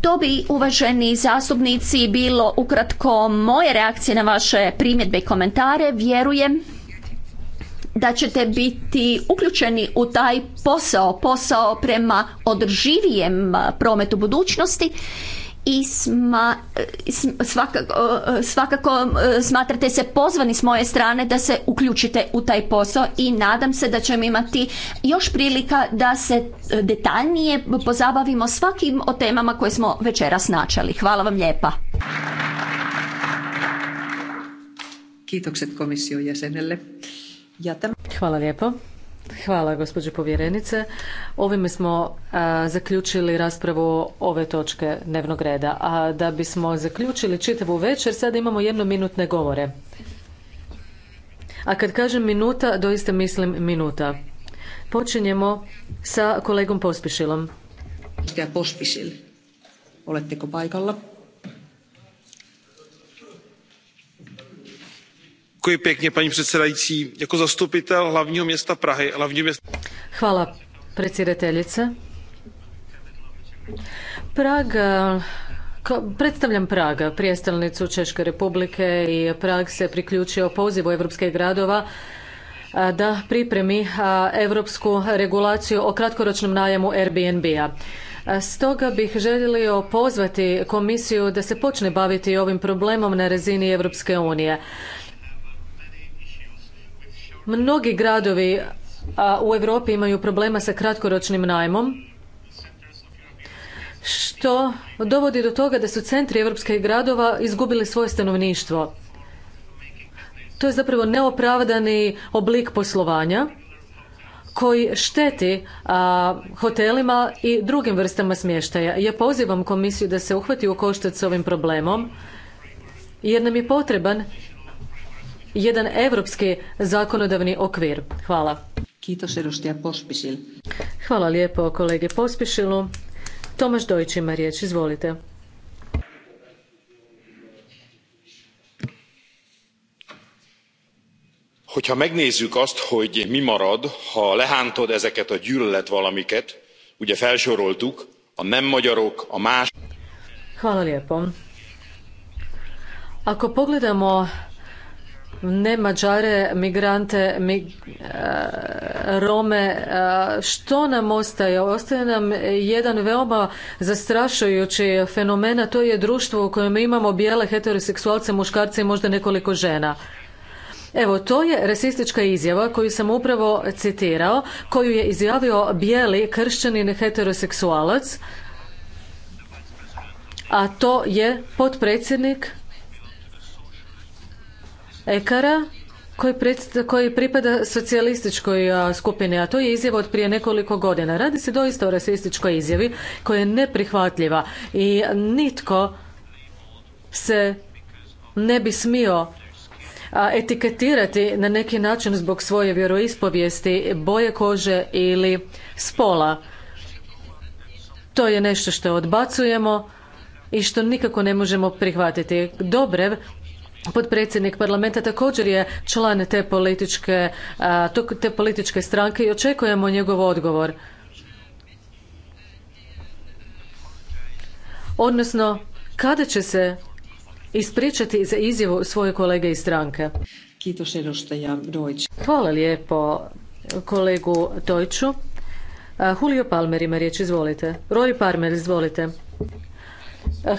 To bi, uvaženi zastupnici, bilo ukratko moje reakcije na vaše primjedbe i komentare. Vjerujem da ćete biti uključeni u taj posao, posao prema održivijem prometu budućnosti i e, e, svakako, e, smatrate se pozvani s moje strane da se uključite u taj posao i nadam se da ćemo imati još prilika da se detaljnije pozabavimo svakim o temama koje smo večeras načeli. Hvala vam lijepa. Hvala lijepo. Hvala gospođo povjerenice. Ovime smo zaključili raspravu ove točke dnevnog reda. A da bismo zaključili čitavu večer, sada imamo jednominutne govore. A kad kažem minuta, doista mislim minuta. Počinjemo sa kolegom Pospišilom. Pospišil. Oletteko paikalla? paní předsedající jako zastupitel hlavního města prahy Hvala predsjedateljice. Prag Predstavljam Praga, prijestolnicu Češke republike i Prag se priključio pozivu europskih gradova da pripremi europsku regulaciju o kratkoročnom najmu Airbnb-a. Stoga bih želio pozvati komisiju da se počne baviti ovim problemom na razini Europske unije. Mnogi gradovi u Europi imaju problema sa kratkoročnim najmom što dovodi do toga da su centri europskih gradova izgubili svoje stanovništvo. To je zapravo neopravdani oblik poslovanja koji šteti hotelima i drugim vrstama smještaja. Ja pozivam komisiju da se uhvati u koštac s ovim problemom jer nam je potreban jedan europski zakonodavni okvir. Hvala. Hvala lijepo kolege Pospišilu. Tomaš Dojić ima riječ, izvolite. hogyha megnézzük azt hogy mi marad ha lehántod ezeket a valamiket, ugye felsoroltuk a nem magyarok a más. Hvala lijepo. Ako pogledamo ne Mađare, migrante, e, Rome. E, što nam ostaje? Ostaje nam jedan veoma zastrašujući fenomena, to je društvo u kojem imamo bijele heteroseksualce, muškarce i možda nekoliko žena. Evo, to je rasistička izjava koju sam upravo citirao, koju je izjavio bijeli kršćanin heteroseksualac, a to je potpredsjednik Ekara koji, pripada socijalističkoj skupini, a to je izjava od prije nekoliko godina. Radi se doista o rasističkoj izjavi koja je neprihvatljiva i nitko se ne bi smio etiketirati na neki način zbog svoje vjeroispovijesti, boje kože ili spola. To je nešto što odbacujemo i što nikako ne možemo prihvatiti. Dobrev potpredsjednik parlamenta također je član te političke, te političke stranke i očekujemo njegov odgovor. Odnosno, kada će se ispričati za izjavu svoje kolege iz stranke? Hvala lijepo kolegu Tojču. Julio Palmer ima riječ, izvolite. Roy Palmer, izvolite.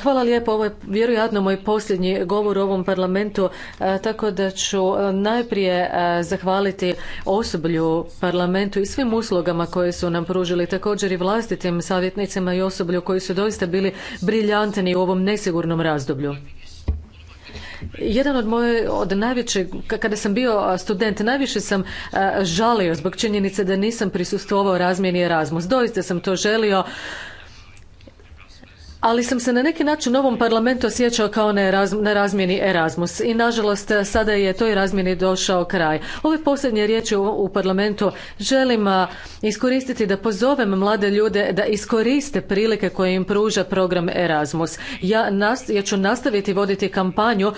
Hvala lijepo, ovo je vjerojatno moj posljednji govor u ovom parlamentu, e, tako da ću e, najprije e, zahvaliti osoblju parlamentu i svim uslugama koje su nam pružili, također i vlastitim savjetnicima i osoblju koji su doista bili briljantni u ovom nesigurnom razdoblju. Jedan od moje, od najvećeg, kada sam bio student, najviše sam žalio zbog činjenice da nisam prisustvovao razmjeni Erasmus. Doista sam to želio ali sam se na neki način u ovom parlamentu osjećao kao na razmjeni Erasmus i nažalost sada je toj razmjeni došao kraj. Ove posljednje riječi u parlamentu želim iskoristiti da pozovem mlade ljude da iskoriste prilike koje im pruža program Erasmus. Ja, nas, ja ću nastaviti voditi kampanju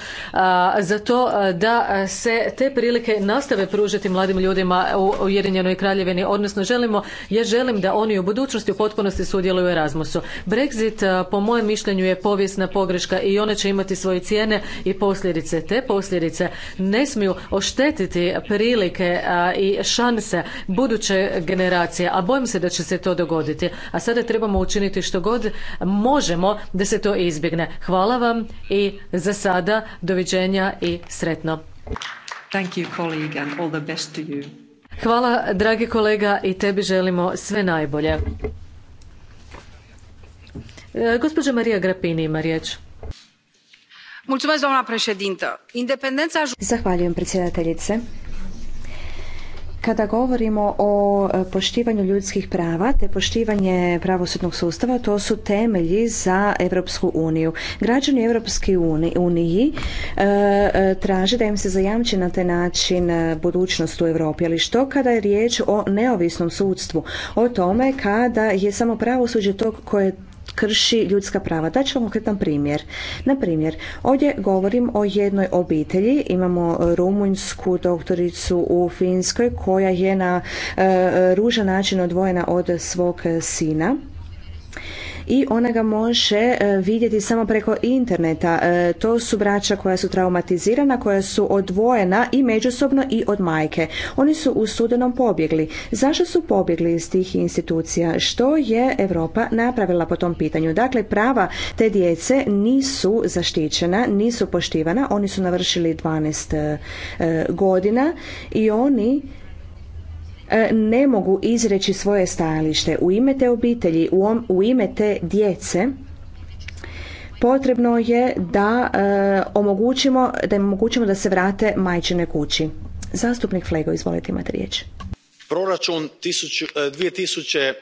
za to da se te prilike nastave pružiti mladim ljudima u Ujedinjenoj Kraljevini, odnosno želimo, ja želim da oni u budućnosti u potpunosti sudjeluju u Erasmusu. Brexit po mojem mišljenju je povijesna pogreška i ona će imati svoje cijene i posljedice. Te posljedice ne smiju oštetiti prilike i šanse buduće generacije, a bojim se da će se to dogoditi. A sada trebamo učiniti što god možemo da se to izbjegne. Hvala vam i za sada doviđenja i sretno. Hvala, dragi kolega, i tebi želimo sve najbolje. E, gospođa Marija Grapini ima riječ. Zahvaljujem predsjedateljice. Kada govorimo o e, poštivanju ljudskih prava te poštivanje pravosudnog sustava, to su temelji za Europsku uniju. Građani Europske uniji e, traže da im se zajamči na taj način budućnost u Europi, ali što kada je riječ o neovisnom sudstvu, o tome kada je samo pravosuđe to koje krši ljudska prava. ću vam konkretan primjer. Na primjer, ovdje govorim o jednoj obitelji. Imamo e, rumunjsku doktoricu u Finskoj koja je na e, e, ružan način odvojena od svog sina i ona ga može e, vidjeti samo preko interneta. E, to su braća koja su traumatizirana, koja su odvojena i međusobno i od majke. Oni su u studenom pobjegli. Zašto su pobjegli iz tih institucija? Što je Europa napravila po tom pitanju? Dakle, prava te djece nisu zaštićena, nisu poštivana. Oni su navršili 12 e, godina i oni E, ne mogu izreći svoje stajalište u ime te obitelji, u ime te djece potrebno je da e, omogućimo da im omogućimo da se vrate majčine kući. Zastupnik Flego, izvolite imate riječ. Proračun 2021. E,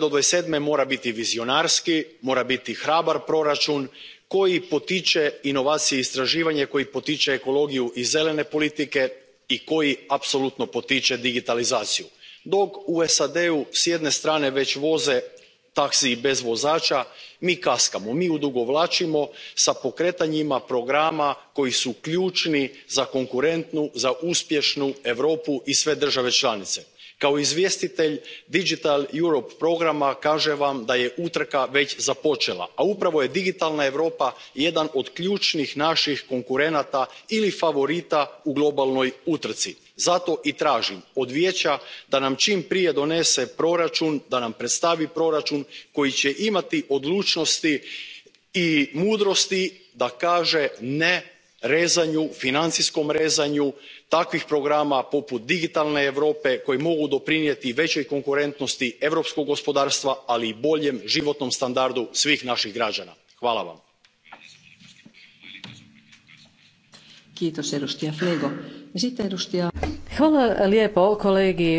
do 2027. mora biti vizionarski mora biti hrabar proračun koji potiče inovacije i istraživanje koji potiče ekologiju i zelene politike i koji apsolutno potiče digitalizaciju. dok u sad u s jedne strane već voze taksiji bez vozača mi kaskamo mi odugovlačimo s pokretanjima programa koji su ključni za konkurentnu za uspješnu europu i sve države članice kao izvjestitelj digital europe programa kaem vam da je utrka već započela, a upravo je digitalna europa jedan od kljunih naših konkurenata ili favorita u globalnoj utrci. zato i tražim od vijeća da nam čim prije donese proraun da nam predstavi proraun koji će imati odlunosti i mudrosti da kaže ne rezanju financijskom rezanju takvih programa poput digitalne europe koji mogu doprinijeti veoj konkurentnosti europskog gospodarstva ali i boljem životnom standardu svih naših građana. hvala vam. kolegi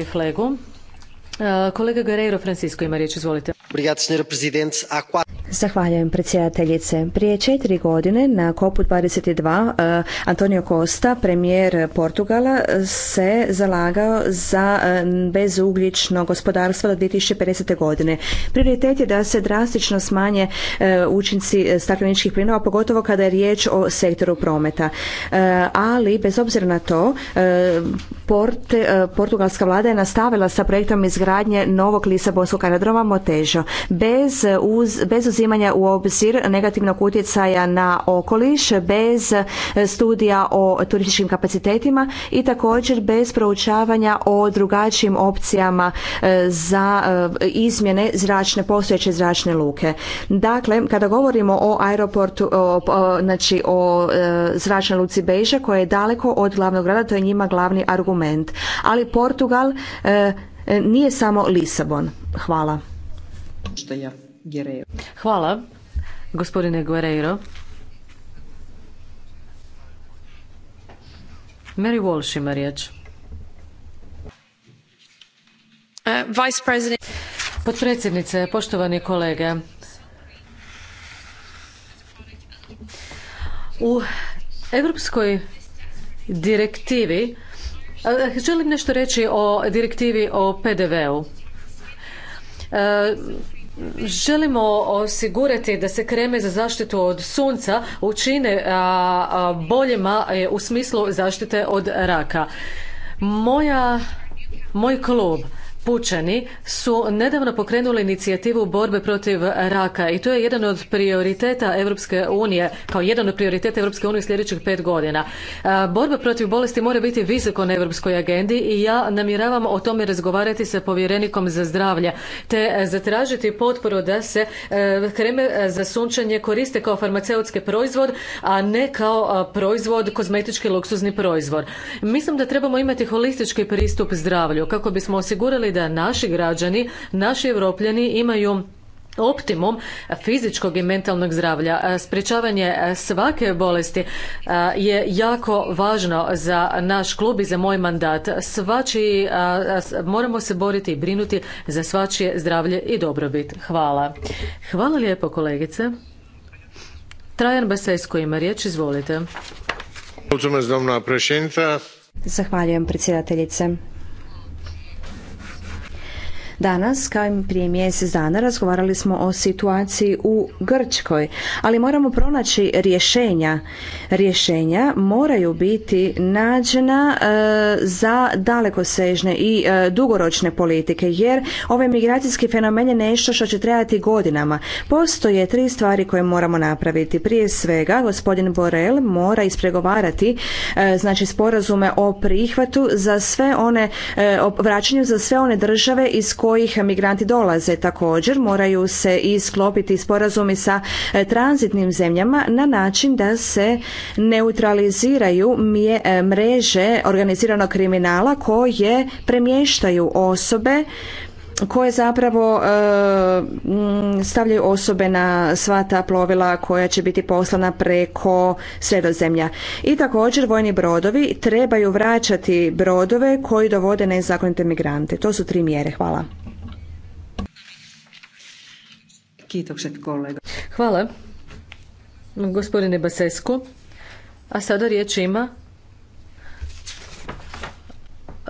Zahvaljujem predsjedateljice. Prije četiri godine na dvadeset 22 eh, Antonio Costa, premijer Portugala, se zalagao za eh, bezugljično gospodarstvo do 2050. godine. Prioritet je da se drastično smanje eh, učinci stakleničkih plinova, pogotovo kada je riječ o sektoru prometa. Ali, bez obzira na to, portugalska vlada je nastavila sa projektom izgradnje novog Lisabonskog aerodroma Moteža bez, uz, bez uzimanja u obzir negativnog utjecaja na okoliš, bez studija o turističkim kapacitetima i također bez proučavanja o drugačijim opcijama e, za e, izmjene zračne, postojeće zračne luke. Dakle, kada govorimo o aeroportu, o, znači o e, zračnoj luci Beža koja je daleko od glavnog grada, to je njima glavni argument. Ali Portugal nije samo Lisabon. Hvala. Hvala, gospodine Guerreiro. Mary Walsh ima riječ. Uh, Potpredsjednice, poštovani kolege. U Europskoj direktivi uh, želim nešto reći o direktivi o PDV-u. Uh, želimo osigurati da se kreme za zaštitu od sunca učine boljima e, u smislu zaštite od raka. moj klub Pučani su nedavno pokrenuli inicijativu borbe protiv raka i to je jedan od prioriteta Europske unije, kao jedan od prioriteta Europske unije sljedećih pet godina. Borba protiv bolesti mora biti visoko na europskoj agendi i ja namjeravam o tome razgovarati sa povjerenikom za zdravlje te e, zatražiti potporu da se e, kreme e, za sunčanje koriste kao farmaceutski proizvod, a ne kao proizvod, kozmetički luksuzni proizvod. Mislim da trebamo imati holistički pristup zdravlju kako bismo osigurali da naši građani, naši europljani imaju optimum fizičkog i mentalnog zdravlja. Sprječavanje svake bolesti je jako važno za naš klub i za moj mandat. Svačiji, moramo se boriti i brinuti za svačije zdravlje i dobrobit. Hvala. Hvala lijepo kolegice. Trajan Basesko ima riječ, izvolite. Zahvaljujem predsjedateljice. Danas, kao i prije mjesec dana, razgovarali smo o situaciji u Grčkoj, ali moramo pronaći rješenja. Rješenja moraju biti nađena e, za dalekosežne i e, dugoročne politike, jer ovaj migracijski fenomen je nešto što će trajati godinama. Postoje tri stvari koje moramo napraviti. Prije svega, gospodin Borel mora ispregovarati e, znači sporazume o prihvatu za sve one, e, o vraćanju za sve one države iz koje kojih migranti dolaze. Također moraju se i sklopiti sporazumi sa e, tranzitnim zemljama na način da se neutraliziraju e, mreže organiziranog kriminala koje premještaju osobe koje zapravo e, stavljaju osobe na sva ta plovila koja će biti poslana preko sredozemlja. I također vojni brodovi trebaju vraćati brodove koji dovode nezakonite migrante. To su tri mjere. Hvala. Hvala. Gospodine Basesku, A sada riječ ima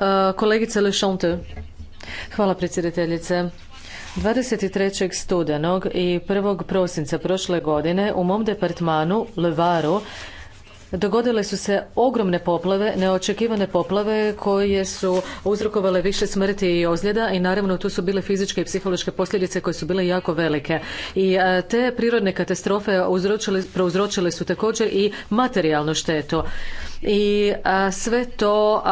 e, kolegica Lešonte. Hvala predsjedateljice. 23. studenog i 1. prosinca prošle godine u mom departmanu Levaru Dogodile su se ogromne poplave, neočekivane poplave koje su uzrokovale više smrti i ozljeda i naravno tu su bile fizičke i psihološke posljedice koje su bile jako velike. I e, te prirodne katastrofe prouzročile su također i materijalnu štetu i sve to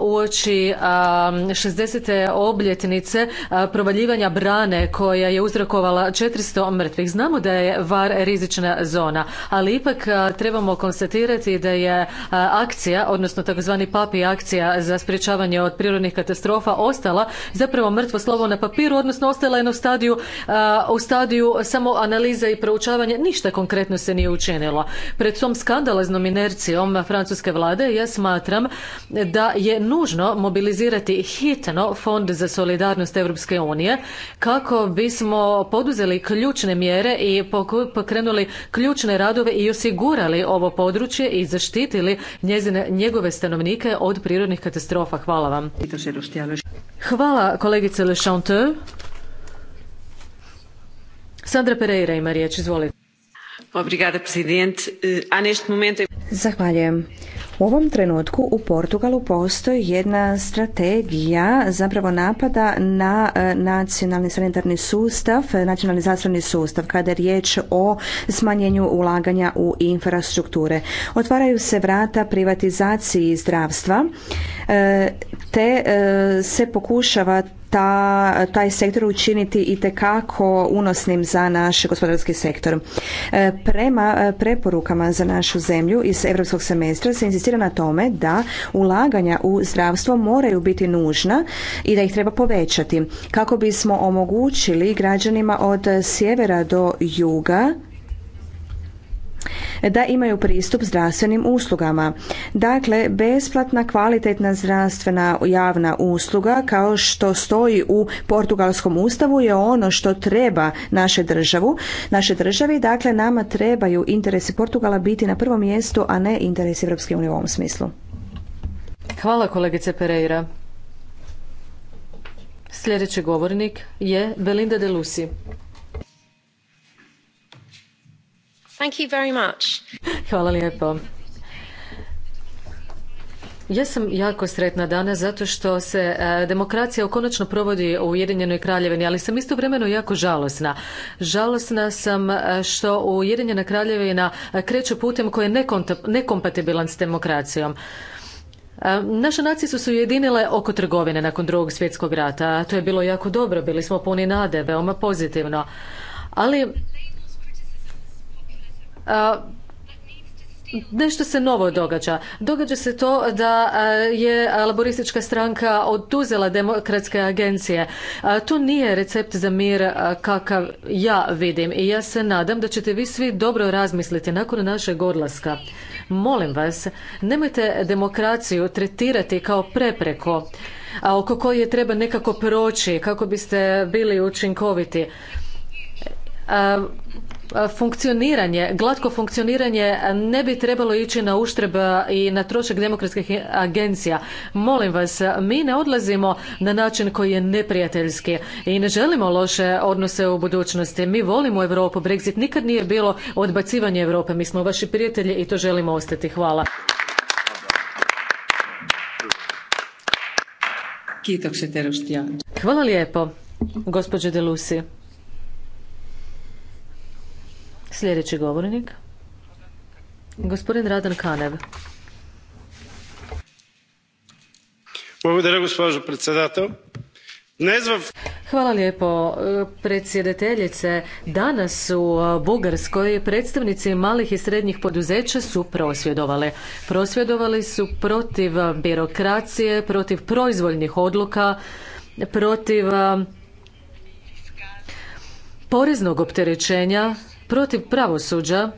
uoči 60. obljetnice provaljivanja brane koja je uzrokovala 400 mrtvih. Znamo da je VAR rizična zona, ali ipak trebamo konstatirati da je akcija, odnosno takozvani papi akcija za sprječavanje od prirodnih katastrofa ostala zapravo mrtvo slovo na papiru, odnosno ostala je na stadiju, u stadiju samo analiza i proučavanje. Ništa konkretno se nije učinilo. Pred tom skandaloznom inercijom Francuska vlade, ja smatram da je nužno mobilizirati hitno Fond za solidarnost Europske unije kako bismo poduzeli ključne mjere i pokrenuli ključne radove i osigurali ovo područje i zaštitili njegove stanovnike od prirodnih katastrofa. Hvala vam. Hvala kolegice Le Sandra Pereira ima riječ, izvolite. Eh, a neste Zahvaljujem. U ovom trenutku u Portugalu postoji jedna strategija zapravo napada na e, nacionalni sanitarni sustav, e, nacionalni zastavni sustav kada je riječ o smanjenju ulaganja u infrastrukture. Otvaraju se vrata privatizaciji zdravstva e, te se pokušava ta, taj sektor učiniti i tekako unosnim za naš gospodarski sektor. E, prema e, preporukama za našu zemlju iz europskog semestra se insistira na tome da ulaganja u zdravstvo moraju biti nužna i da ih treba povećati kako bismo omogućili građanima od sjevera do juga da imaju pristup zdravstvenim uslugama. Dakle, besplatna kvalitetna zdravstvena javna usluga kao što stoji u portugalskom ustavu je ono što treba naše državu, naše državi, dakle nama trebaju interesi Portugala biti na prvom mjestu, a ne interesi Europske unije u ovom smislu. Hvala kolegice Pereira. Sljedeći govornik je Belinda de Lusi. Thank you Hvala lijepo. Ja sam jako sretna danas zato što se e, demokracija konačno provodi u Ujedinjenoj Kraljevini, ali sam istovremeno jako žalosna. Žalosna sam e, što Ujedinjena Kraljevina e, kreće putem koji je nekompatibilan s demokracijom. Naše nacije su se ujedinile oko trgovine nakon drugog svjetskog rata. To je bilo jako dobro, bili smo puni nade, veoma pozitivno. Ali Nešto se novo događa. Događa se to da je laboristička stranka oduzela demokratske agencije. To nije recept za mir kakav ja vidim i ja se nadam da ćete vi svi dobro razmisliti nakon našeg odlaska. Molim vas, nemojte demokraciju tretirati kao prepreko oko koje treba nekako proći kako biste bili učinkoviti. E, funkcioniranje, glatko funkcioniranje e, ne bi trebalo ići na uštreb e, i na trošak demokratskih agencija. Molim vas, mi ne odlazimo na način koji je neprijateljski i ne želimo loše odnose u budućnosti. Mi volimo Europu. Brexit nikad nije bilo odbacivanje Europe. Mi smo vaši prijatelji i to želimo ostati. Hvala. Hvala lijepo, gospođo Delusi. Sljedeći govornik. Gospodin Radan Kanev. Благодаря, госпожо председател. Hvala lijepo e, predsjedateljice. Danas u e, Bugarskoj predstavnici malih i srednjih poduzeća su prosvjedovali. Prosvjedovali su protiv e, birokracije, protiv proizvoljnih odluka, protiv poreznog opterećenja protiv pravosuđa,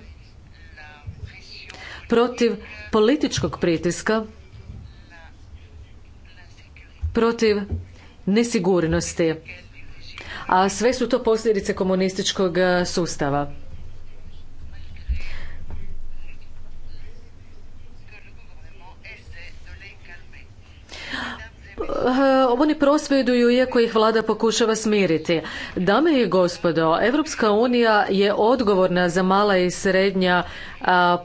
protiv političkog pritiska, protiv nesigurnosti. A sve su to posljedice komunističkog e, sustava. Eh, oni prosvjeduju iako ih vlada pokušava smiriti. Dame i gospodo, Europska unija je odgovorna za mala i srednja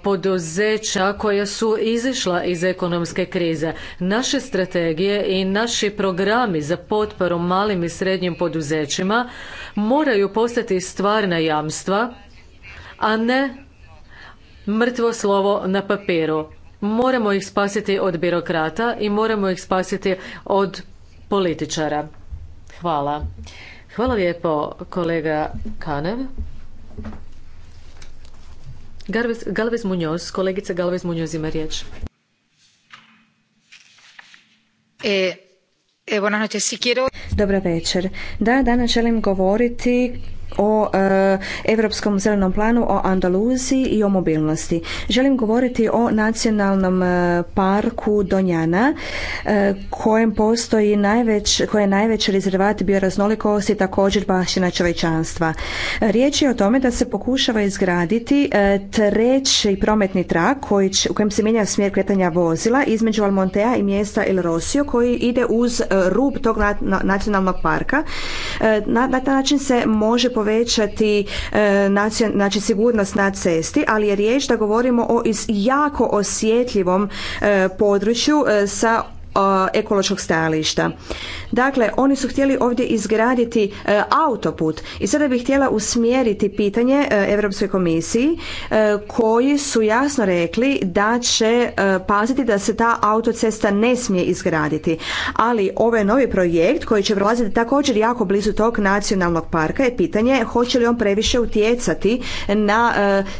poduzeća koja su izišla iz ekonomske krize. Naše strategije i naši programi za potporu malim i srednjim poduzećima moraju postati stvarna jamstva, a ne mrtvo slovo na papiru. Moramo ih spasiti od birokrata i moramo ih spasiti od političara. Hvala. Hvala lijepo kolega Kanev. Galvez, Galvez Munoz, kolegica Galvez Munoz ima riječ. E, e, buenas si quiero... Dobar večer. Da, danas želim govoriti o e, Europskom zelenom planu, o Andaluziji i o mobilnosti. Želim govoriti o nacionalnom e, parku Donjana e, kojem postoji najveć, koje je najveći rezervat bioraznolikosti i također baština čovečanstva. Riječ je o tome da se pokušava izgraditi treći prometni trak koji u kojem se mijenja smjer kretanja vozila između Almontea i mjesta El Rosio koji ide uz rub tog nacionalnog parka. Na taj način se može povećati e, znači sigurnost na cesti, ali je riječ da govorimo o jako osjetljivom e, području e, sa ekološkog stajališta. Dakle, oni su htjeli ovdje izgraditi e, autoput i sada bih htjela usmjeriti pitanje e, Europskoj komisiji e, koji su jasno rekli da će paziti da se ta autocesta ne smije izgraditi. Ali ovaj novi projekt koji će prolaziti također jako blizu tog nacionalnog parka je pitanje hoće li on previše utjecati na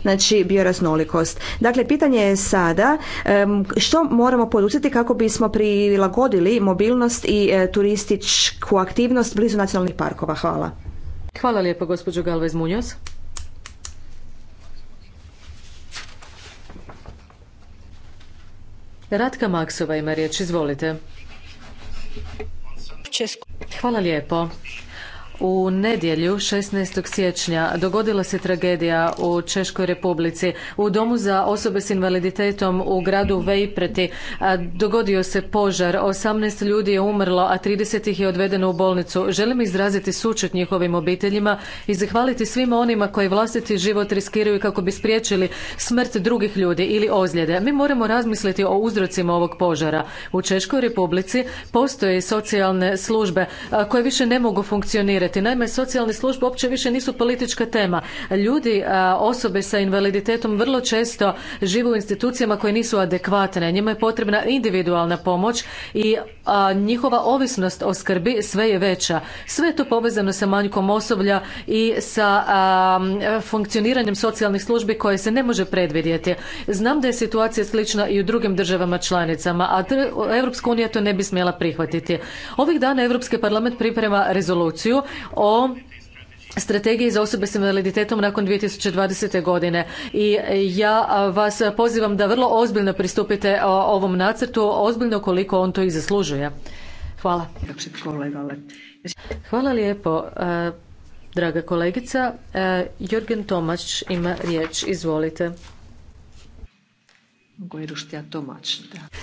znači, bioraznolikost. Dakle, pitanje je sada što moramo poduzeti kako bismo pri prilagodili mobilnost i e, turističku aktivnost blizu nacionalnih parkova. Hvala. Hvala lijepo, gospođo Galvez Munjos. Ratka Maksova ima riječ, izvolite. Hvala lijepo. U nedjelju 16. siječnja dogodila se tragedija u Češkoj Republici. U domu za osobe s invaliditetom u gradu Vejpreti dogodio se požar. 18 ljudi je umrlo, a 30 ih je odvedeno u bolnicu. Želim izraziti sučet njihovim obiteljima i zahvaliti svima onima koji vlastiti život riskiraju kako bi spriječili smrt drugih ljudi ili ozljede. Mi moramo razmisliti o uzrocima ovog požara. U Češkoj Republici postoje socijalne službe koje više ne mogu funkcionirati Naime, socijalne službe uopće više nisu politička tema. Ljudi, osobe sa invaliditetom vrlo često žive u institucijama koje nisu adekvatne. Njima je potrebna individualna pomoć i njihova ovisnost o skrbi sve je veća. Sve je to povezano sa manjkom osoblja i sa funkcioniranjem socijalnih službi koje se ne može predvidjeti. Znam da je situacija slična i u drugim državama članicama, a Europska unija to ne bi smjela prihvatiti. Ovih dana Europski parlament priprema rezoluciju o strategiji za osobe s invaliditetom nakon 2020. godine i ja vas pozivam da vrlo ozbiljno pristupite ovom nacrtu, ozbiljno koliko on to i zaslužuje. Hvala. Hvala lijepo, draga kolegica. Jorgen Tomač ima riječ, izvolite.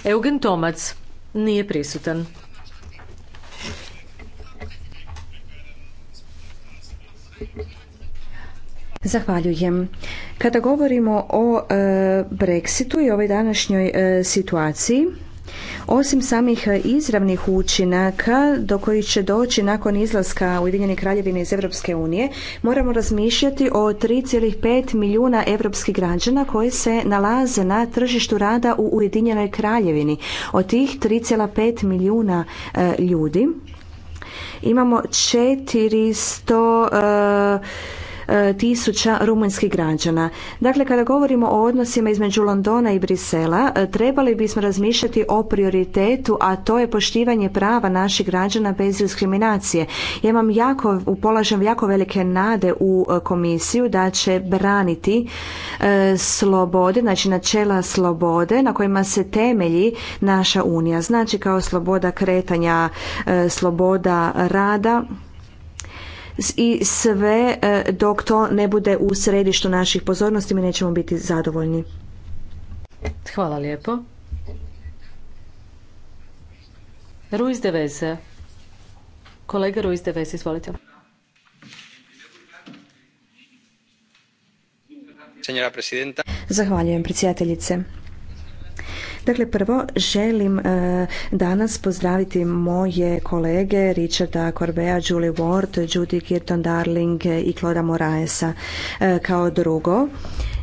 Eugen Tomac nije prisutan. Zahvaljujem. Kada govorimo o e, Brexitu i ovoj današnjoj e, situaciji, osim samih e, izravnih učinaka do kojih će doći nakon izlaska Ujedinjene kraljevine iz Europske unije, moramo razmišljati o 3,5 milijuna europskih građana koji se nalaze na tržištu rada u Ujedinjenoj kraljevini. Od tih 3,5 milijuna ljudi Imamo 400 tisuća rumunjskih građana. Dakle, kada govorimo o odnosima između Londona i Brisela, e, trebali bismo razmišljati o prioritetu, a to je poštivanje prava naših građana bez diskriminacije. Ja imam jako, polažem jako velike nade u e, komisiju da će braniti e, slobode, znači načela slobode na kojima se temelji naša unija. Znači kao sloboda kretanja, sloboda rada, i sve e, dok to ne bude u središtu naših pozornosti mi nećemo biti zadovoljni. Hvala lijepo. Ruiz de Veze. Kolega Ruiz de Veze, izvolite. Zahvaljujem predsjedateljice. Dakle, prvo želim e, danas pozdraviti moje kolege Richarda Corbea, Julie Ward, Judy Kirton Darling i Cloda Moraesa. E, kao drugo,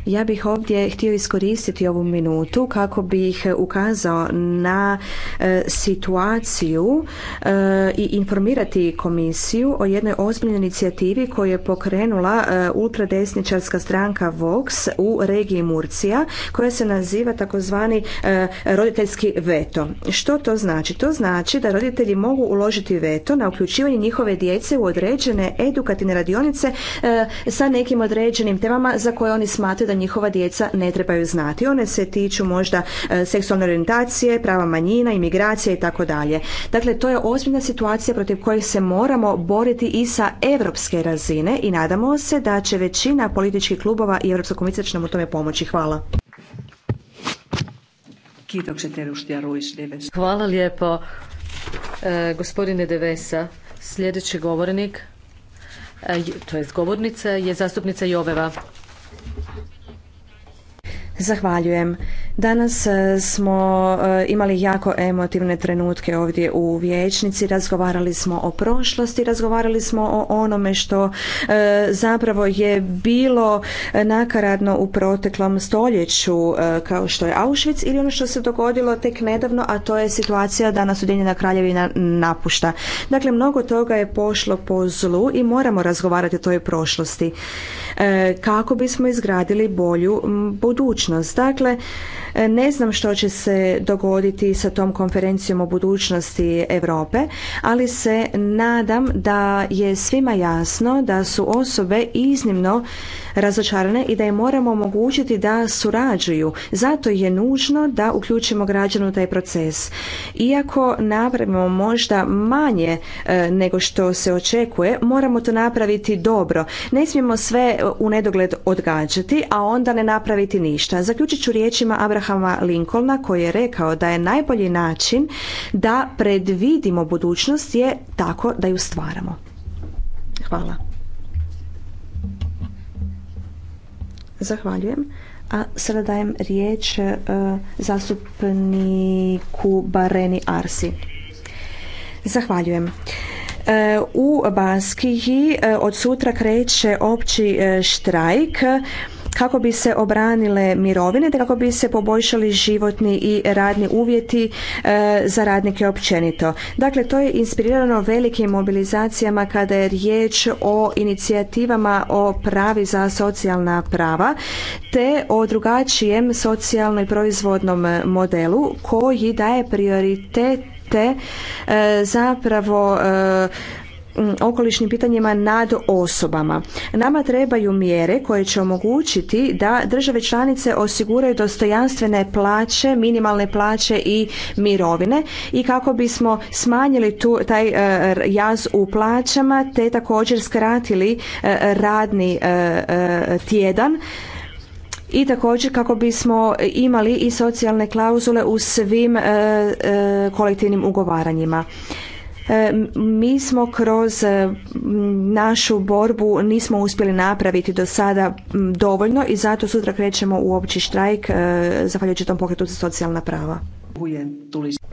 ja bih ovdje htio iskoristiti ovu minutu kako bih ukazao na e, situaciju e, i informirati komisiju o jednoj ozbiljnoj inicijativi koju je pokrenula e, ultradesničarska stranka Vox u regiji Murcija koja se naziva takozvani roditeljski veto. Što to znači? To znači da roditelji mogu uložiti veto na uključivanje njihove djece u određene edukativne radionice sa nekim određenim temama za koje oni smatraju da njihova djeca ne trebaju znati. One se tiču možda e, seksualne orijentacije, prava manjina, imigracije i tako dalje. Dakle, to je ozbiljna situacija protiv koje se moramo boriti i sa europske razine i nadamo se da će većina političkih klubova i Europska komisija će nam u tome pomoći. Hvala. Hvala lijepo. E, gospodine Devesa, sljedeći govornik, e, to je govornica, je zastupnica Joveva. Zahvaljujem. Danas e, smo e, imali jako emotivne trenutke ovdje u vijećnici, razgovarali smo o prošlosti, razgovarali smo o onome što e, zapravo je bilo nakaradno u proteklom stoljeću kao što je Auschwitz ili ono što se dogodilo tek nedavno, a to je situacija da nas Ujedinjena kraljevina napušta. Dakle, mnogo toga je pošlo po zlu i moramo razgovarati o toj prošlosti. E, kako bismo izgradili bolju budućnost. Dakle, e, ne znam što će se dogoditi sa tom konferencijom o budućnosti Europe, ali se nadam da je svima jasno da su osobe iznimno razočarane i da im moramo omogućiti da surađuju. Zato je nužno da uključimo građane u taj proces. Iako napravimo možda manje e, nego što se očekuje, moramo to napraviti dobro. Ne smijemo sve u nedogled odgađati, a onda ne napraviti ništa. Zaključit ću riječima Abrahama Lincolna koji je rekao da je najbolji način da predvidimo budućnost je tako da ju stvaramo. Hvala. Zahvaljujem. A sada dajem riječ e, zastupniku Bareni Arsi. Zahvaljujem. E, u Baskiji e, od sutra kreće opći štrajk kako bi se obranile mirovine te kako bi se poboljšali životni i radni uvjeti e, za radnike općenito. Dakle, to je inspirirano velikim mobilizacijama kada je riječ o inicijativama o pravi za socijalna prava te o drugačijem socijalno proizvodnom modelu koji daje prioritete te zapravo e, okolišnim pitanjima nad osobama. Nama trebaju mjere koje će omogućiti da države članice osiguraju dostojanstvene plaće, minimalne plaće i mirovine i kako bismo smanjili tu, taj e, jaz u plaćama te također skratili e, radni e, tjedan i također kako bismo imali i socijalne klauzule u svim kolektivnim ugovaranjima. E, mi smo kroz e, našu borbu nismo uspjeli napraviti do sada dovoljno i zato sutra krećemo u opći štrajk e, zahvaljujući tom pokretu za socijalna prava.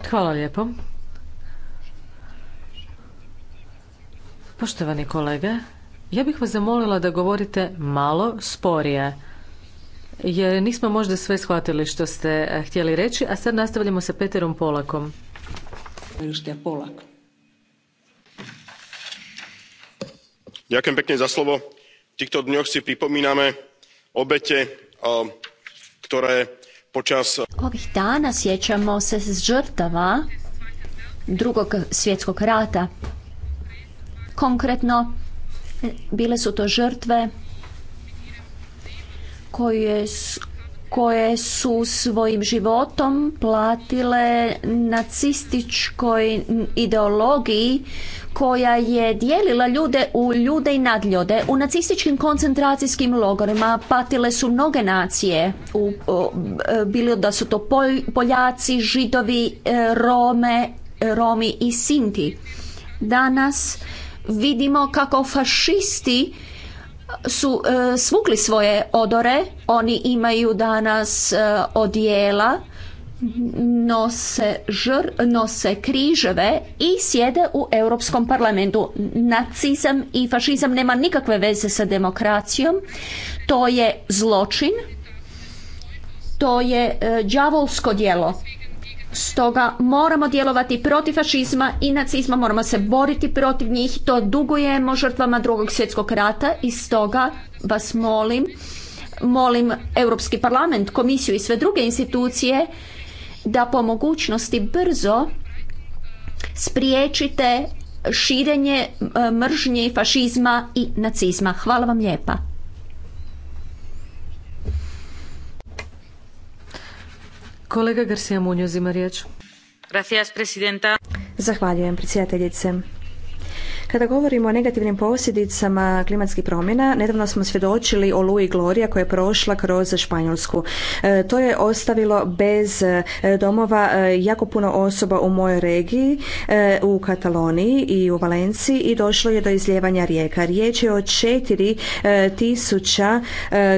Hvala lijepo. Poštovani kolege, ja bih vas zamolila da govorite malo sporije, jer nismo možda sve shvatili što ste htjeli reći, a sad nastavljamo sa Peterom Polakom. Polak. v týchto dňoch si pripomíname obete je počas Ovih dana sjećamo se žrtava drugog svjetskog rata. Konkretno bile su to žrtve koje, koje su svojim životom platile nacističkoj ideologiji koja je dijelila ljude u ljude i nadljode U nacističkim koncentracijskim logorima patile su mnoge nacije, u, e, bili da su to Poljaci, Židovi, e, Rome, Romi i Sinti. Danas vidimo kako fašisti su e, svukli svoje odore, oni imaju danas e, odijela, nose, žr, nose križeve i sjede u Europskom parlamentu. Nacizam i fašizam nema nikakve veze sa demokracijom. To je zločin, to je e, đavolsko djelo Stoga moramo djelovati protiv fašizma i nacizma, moramo se boriti protiv njih, to dugujemo žrtvama drugog svjetskog rata i stoga vas molim, molim Europski parlament, komisiju i sve druge institucije da po mogućnosti brzo spriječite širenje e, mržnje fašizma i nacizma. Hvala vam lijepa. Kolega Garcia Munoz ima riječ. Gracias, presidenta. Zahvaljujem, predsjedateljice. Kada govorimo o negativnim posljedicama klimatskih promjena, nedavno smo svjedočili o Luji Gloria koja je prošla kroz Španjolsku. E, to je ostavilo bez e, domova e, jako puno osoba u mojoj regiji, u Kataloniji i u Valenciji i došlo je do izljevanja rijeka. Riječ je o četiri tisuća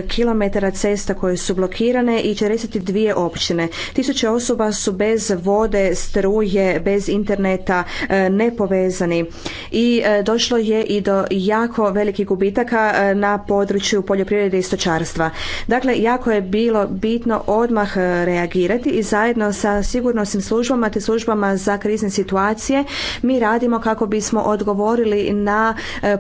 kilometara cesta koje su blokirane i 42 općine. Tisuće osoba su bez vode, struje, bez interneta, nepovezani. I E, došlo je i do jako velikih gubitaka e, na području poljoprivrede i stočarstva. Dakle, jako je bilo bitno odmah e, reagirati i zajedno sa sigurnosnim službama te službama za krizne situacije mi radimo kako bismo odgovorili na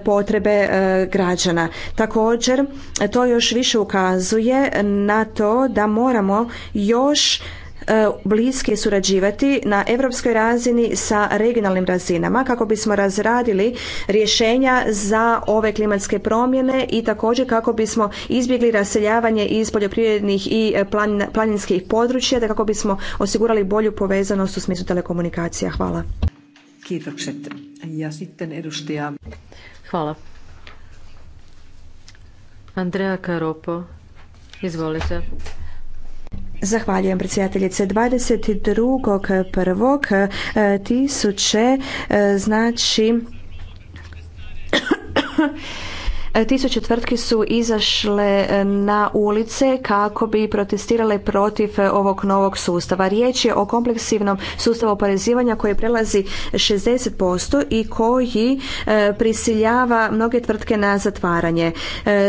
potrebe građana. Također, to još više ukazuje na to da moramo još E, bliski surađivati na europskoj razini sa regionalnim razinama kako bismo razradili rješenja za ove klimatske promjene i također kako bismo izbjegli raseljavanje iz poljoprivrednih i e, planinskih područja te kako bismo osigurali bolju povezanost u smislu telekomunikacija. Hvala. Hvala. Andrea Karopo, izvolite. Zahvaljujem predsjedateljice. 22.1. Eh, tisuće eh, znači E, tisuće tvrtki su izašle e, na ulice kako bi protestirale protiv e, ovog novog sustava. Riječ je o kompleksivnom sustavu oporezivanja koji prelazi 60% i koji prisiljava mnoge tvrtke na zatvaranje.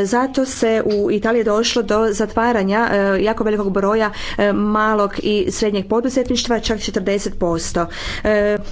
Zato se u Italiji došlo do zatvaranja jako velikog broja malog i srednjeg poduzetništva, čak 40%.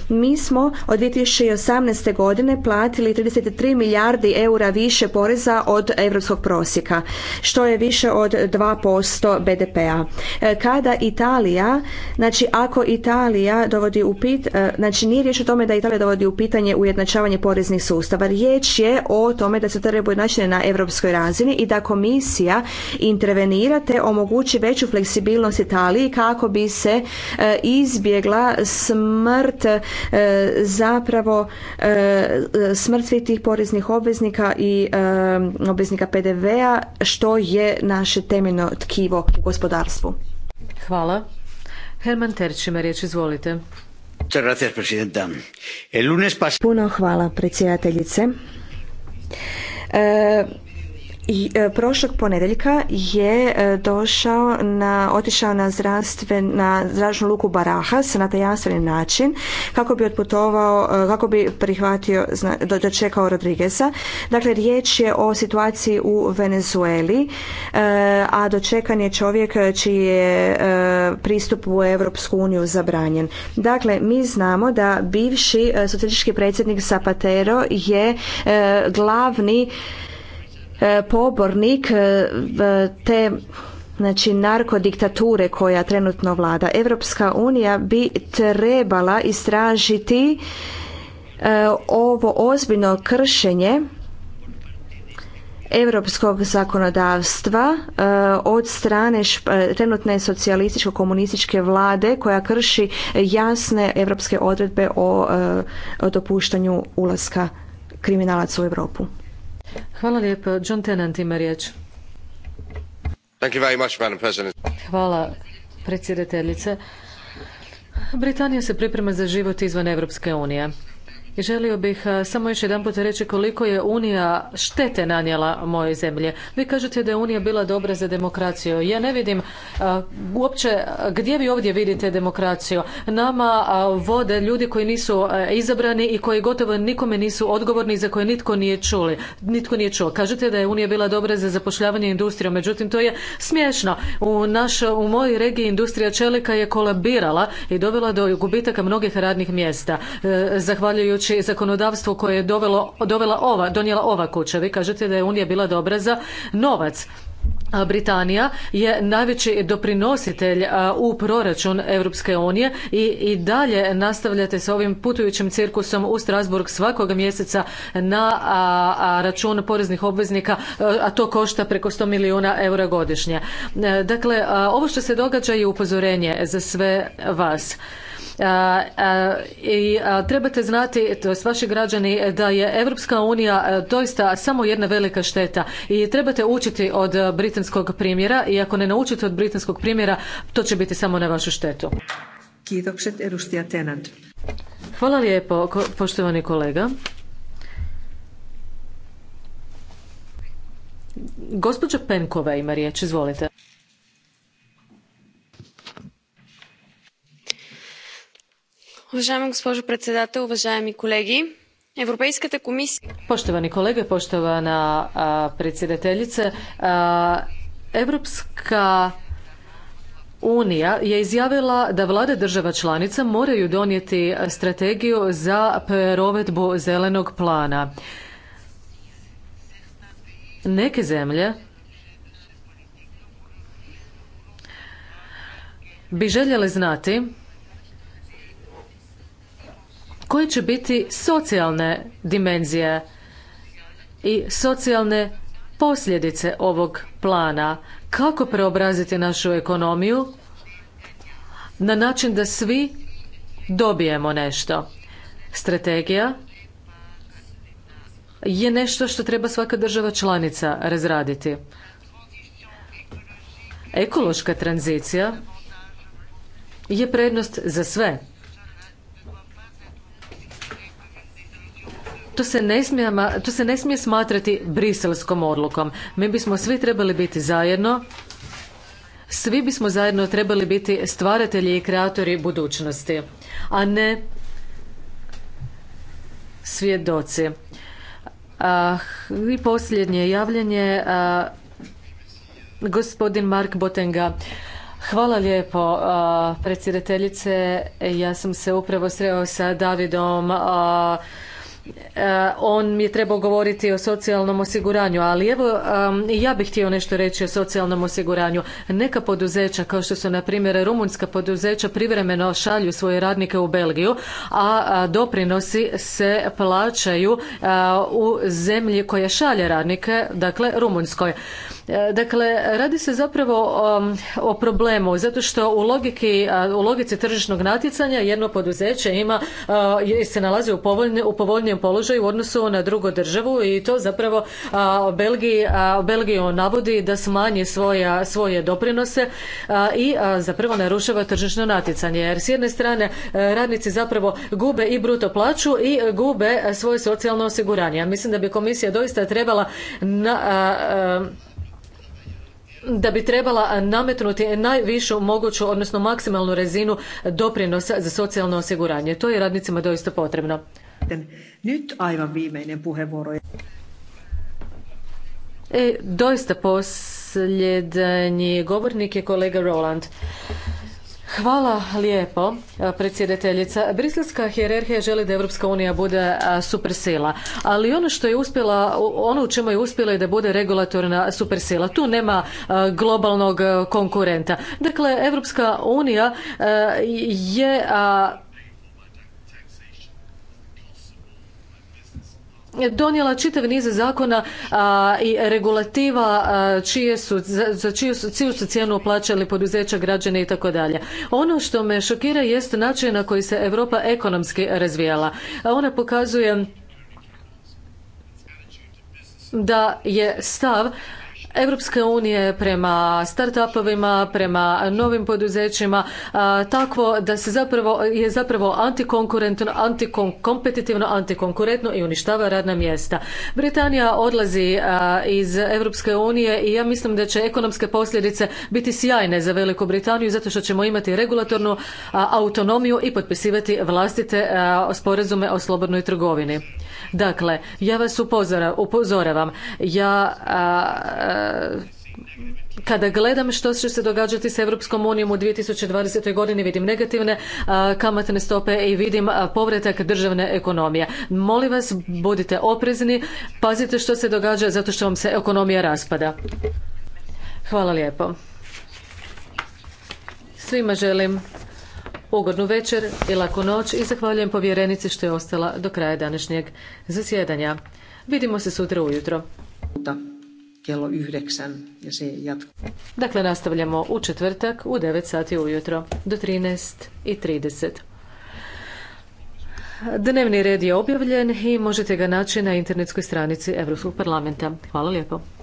Mi smo od 2018. godine platili 33 milijardi eura više po poreza od europskog prosjeka, što je više od 2% BDP-a. E, kada Italija, znači ako Italija dovodi u pitanje, znači nije riječ o tome da Italija dovodi u pitanje ujednačavanje poreznih sustava. Riječ je o tome da se treba ujednačiti na europskoj razini i da komisija intervenira te omogući veću fleksibilnost Italiji kako bi se e, izbjegla smrt e, zapravo smrt svih tih poreznih obveznika i Um, obveznika PDV-a što je naše temeljno tkivo u gospodarstvu. Hvala. Herman Terč ima riječ, izvolite. Puno hvala predsjedateljice. E, i e, prošlog ponedjeljka je e, došao na, otišao na zdravstven, na zračnu luku Barajas na tajanstveni način kako bi otputovao, e, kako bi prihvatio, zna, dočekao Rodrigueza. Dakle, riječ je o situaciji u Venezueli, a dočekan je čovjek čiji je pristup u Europsku uniju zabranjen. Dakle, mi znamo da bivši socijalistički predsjednik Zapatero je glavni E, pobornik e, te znači narkodiktature koja trenutno vlada. Europska unija bi trebala istražiti e, ovo ozbiljno kršenje europskog zakonodavstva od strane trenutne socijalističko komunističke vlade koja krši jasne europske odredbe o dopuštanju ulaska kriminalaca u Europu. Hvala lijepo. John Tennant ima riječ. Hvala predsjedateljice. Britanija se priprema za život izvan Europske unije. Želio bih e, samo još jedanput reći koliko je Unija štete nanijela moje zemlje. Vi kažete da je Unija bila dobra za demokraciju. Ja ne vidim e, uopće gdje vi ovdje vidite demokraciju. Nama e, vode ljudi koji nisu izabrani i koji gotovo nikome nisu odgovorni i za koje nitko nije čuli. Nitko nije čuo. Kažete da je Unija bila dobra za zapošljavanje industriju, međutim to je smiješno. U, u mojoj regiji industrija čelika je kolabirala i dovela do gubitaka mnogih radnih mjesta. Zahvaljujući je znači zakonodavstvo koje je dovelo, dovela ova, donijela ova kuća. Vi kažete da je Unija bila dobra za novac. Britanija je najveći doprinositelj u proračun Europske unije i, i dalje nastavljate s ovim putujućim cirkusom u Strasburg svakog mjeseca na račun poreznih obveznika, a to košta preko 100 milijuna eura godišnje. E, dakle, ovo što se događa je upozorenje za sve vas. I trebate znati, to jest vaši građani, da je Europska unija e, doista samo jedna velika šteta i trebate učiti od britanskog primjera i ako ne naučite od britanskog primjera, to će biti samo na vašu štetu. Hvala lijepo, poštovani kolega. Gospođa Penkova ima riječ, izvolite. Уважаема госпожо predsjedatel, uvaženi kolegi, Poštovani kolege, poštovana predsjedateljice, Unija je izjavila da vlade država članica moraju donijeti strategiju za provedbu zelenog plana. Neke zemlje bi željele znati koje će biti socijalne dimenzije i socijalne posljedice ovog plana, kako preobraziti našu ekonomiju na način da svi dobijemo nešto. Strategija je nešto što treba svaka država članica razraditi. Ekološka tranzicija je prednost za sve. to se ne smije, smatrati briselskom odlukom. Mi bismo svi trebali biti zajedno, svi bismo zajedno trebali biti stvaratelji i kreatori budućnosti, a ne svjedoci. I posljednje javljanje, gospodin Mark Botenga. Hvala lijepo, predsjedateljice. Ja sam se upravo sreo sa Davidom E, on mi je trebao govoriti o socijalnom osiguranju, ali evo ja bih htio nešto reći o socijalnom osiguranju. Neka poduzeća kao što su na primjer rumunjska poduzeća privremeno šalju svoje radnike u Belgiju, a doprinosi se plaćaju e, u zemlji koja šalje radnike, dakle Rumunjskoj. E, dakle, radi se zapravo um, o, problemu zato što u, logiki, u logici tržišnog natjecanja jedno poduzeće ima se nalazi u, u povoljnijem položaju u odnosu na drugu državu i to zapravo Belgiji, Belgiju navodi da smanji svoje doprinose i zapravo narušava tržišno natjecanje. Jer s jedne strane e, radnici zapravo gube i bruto plaću i gube e, svoje socijalno osiguranje. mislim da bi komisija doista trebala na, da bi trebala nametnuti najvišu moguću, odnosno maksimalnu razinu doprinosa za socijalno osiguranje. To je radnicima doista potrebno. E, doista posljednji govornik je kolega Roland. Hvala lijepo, e, predsjedateljica. Briselska hjerarhija želi da Europska unija bude e, supersila, ali ono što je uspjela, ono u čemu je uspjela je da bude regulatorna supersila. Tu nema e, globalnog konkurenta. Dakle, Europska unija je donijela čitav niz zakona i regulativa za, čiju su, cijenu plaćali poduzeća, građani i tako dalje. Ono što me šokira jest način na koji se Europa ekonomski razvijala. A ona pokazuje da je stav Europske unije prema startupovima, prema novim poduzećima, takvo da se zapravo je zapravo antikonkurentno, antikompetitivno, antikonkurentno i uništava radna mjesta. Britanija odlazi iz Europske unije i ja mislim da će ekonomske posljedice biti sjajne za Veliku Britaniju zato što ćemo imati regulatornu autonomiju i potpisivati vlastite sporazume o slobodnoj trgovini. Dakle, ja vas upozoravam, ja kada gledam što će se događati s Europskom unijom u 2020. godini vidim negativne kamatne stope i vidim povratak državne ekonomije. Molim vas, budite oprezni, pazite što se događa zato što vam se ekonomija raspada. Hvala lijepo. Svima želim ugodnu večer i laku noć i zahvaljujem povjerenici što je ostala do kraja današnjeg zasjedanja. Vidimo se sutra ujutro. Dakle, nastavljamo u četvrtak u 9 sati ujutro do 13.30. Dnevni red je objavljen i možete ga naći na internetskoj stranici Europskog parlamenta. Hvala lijepo.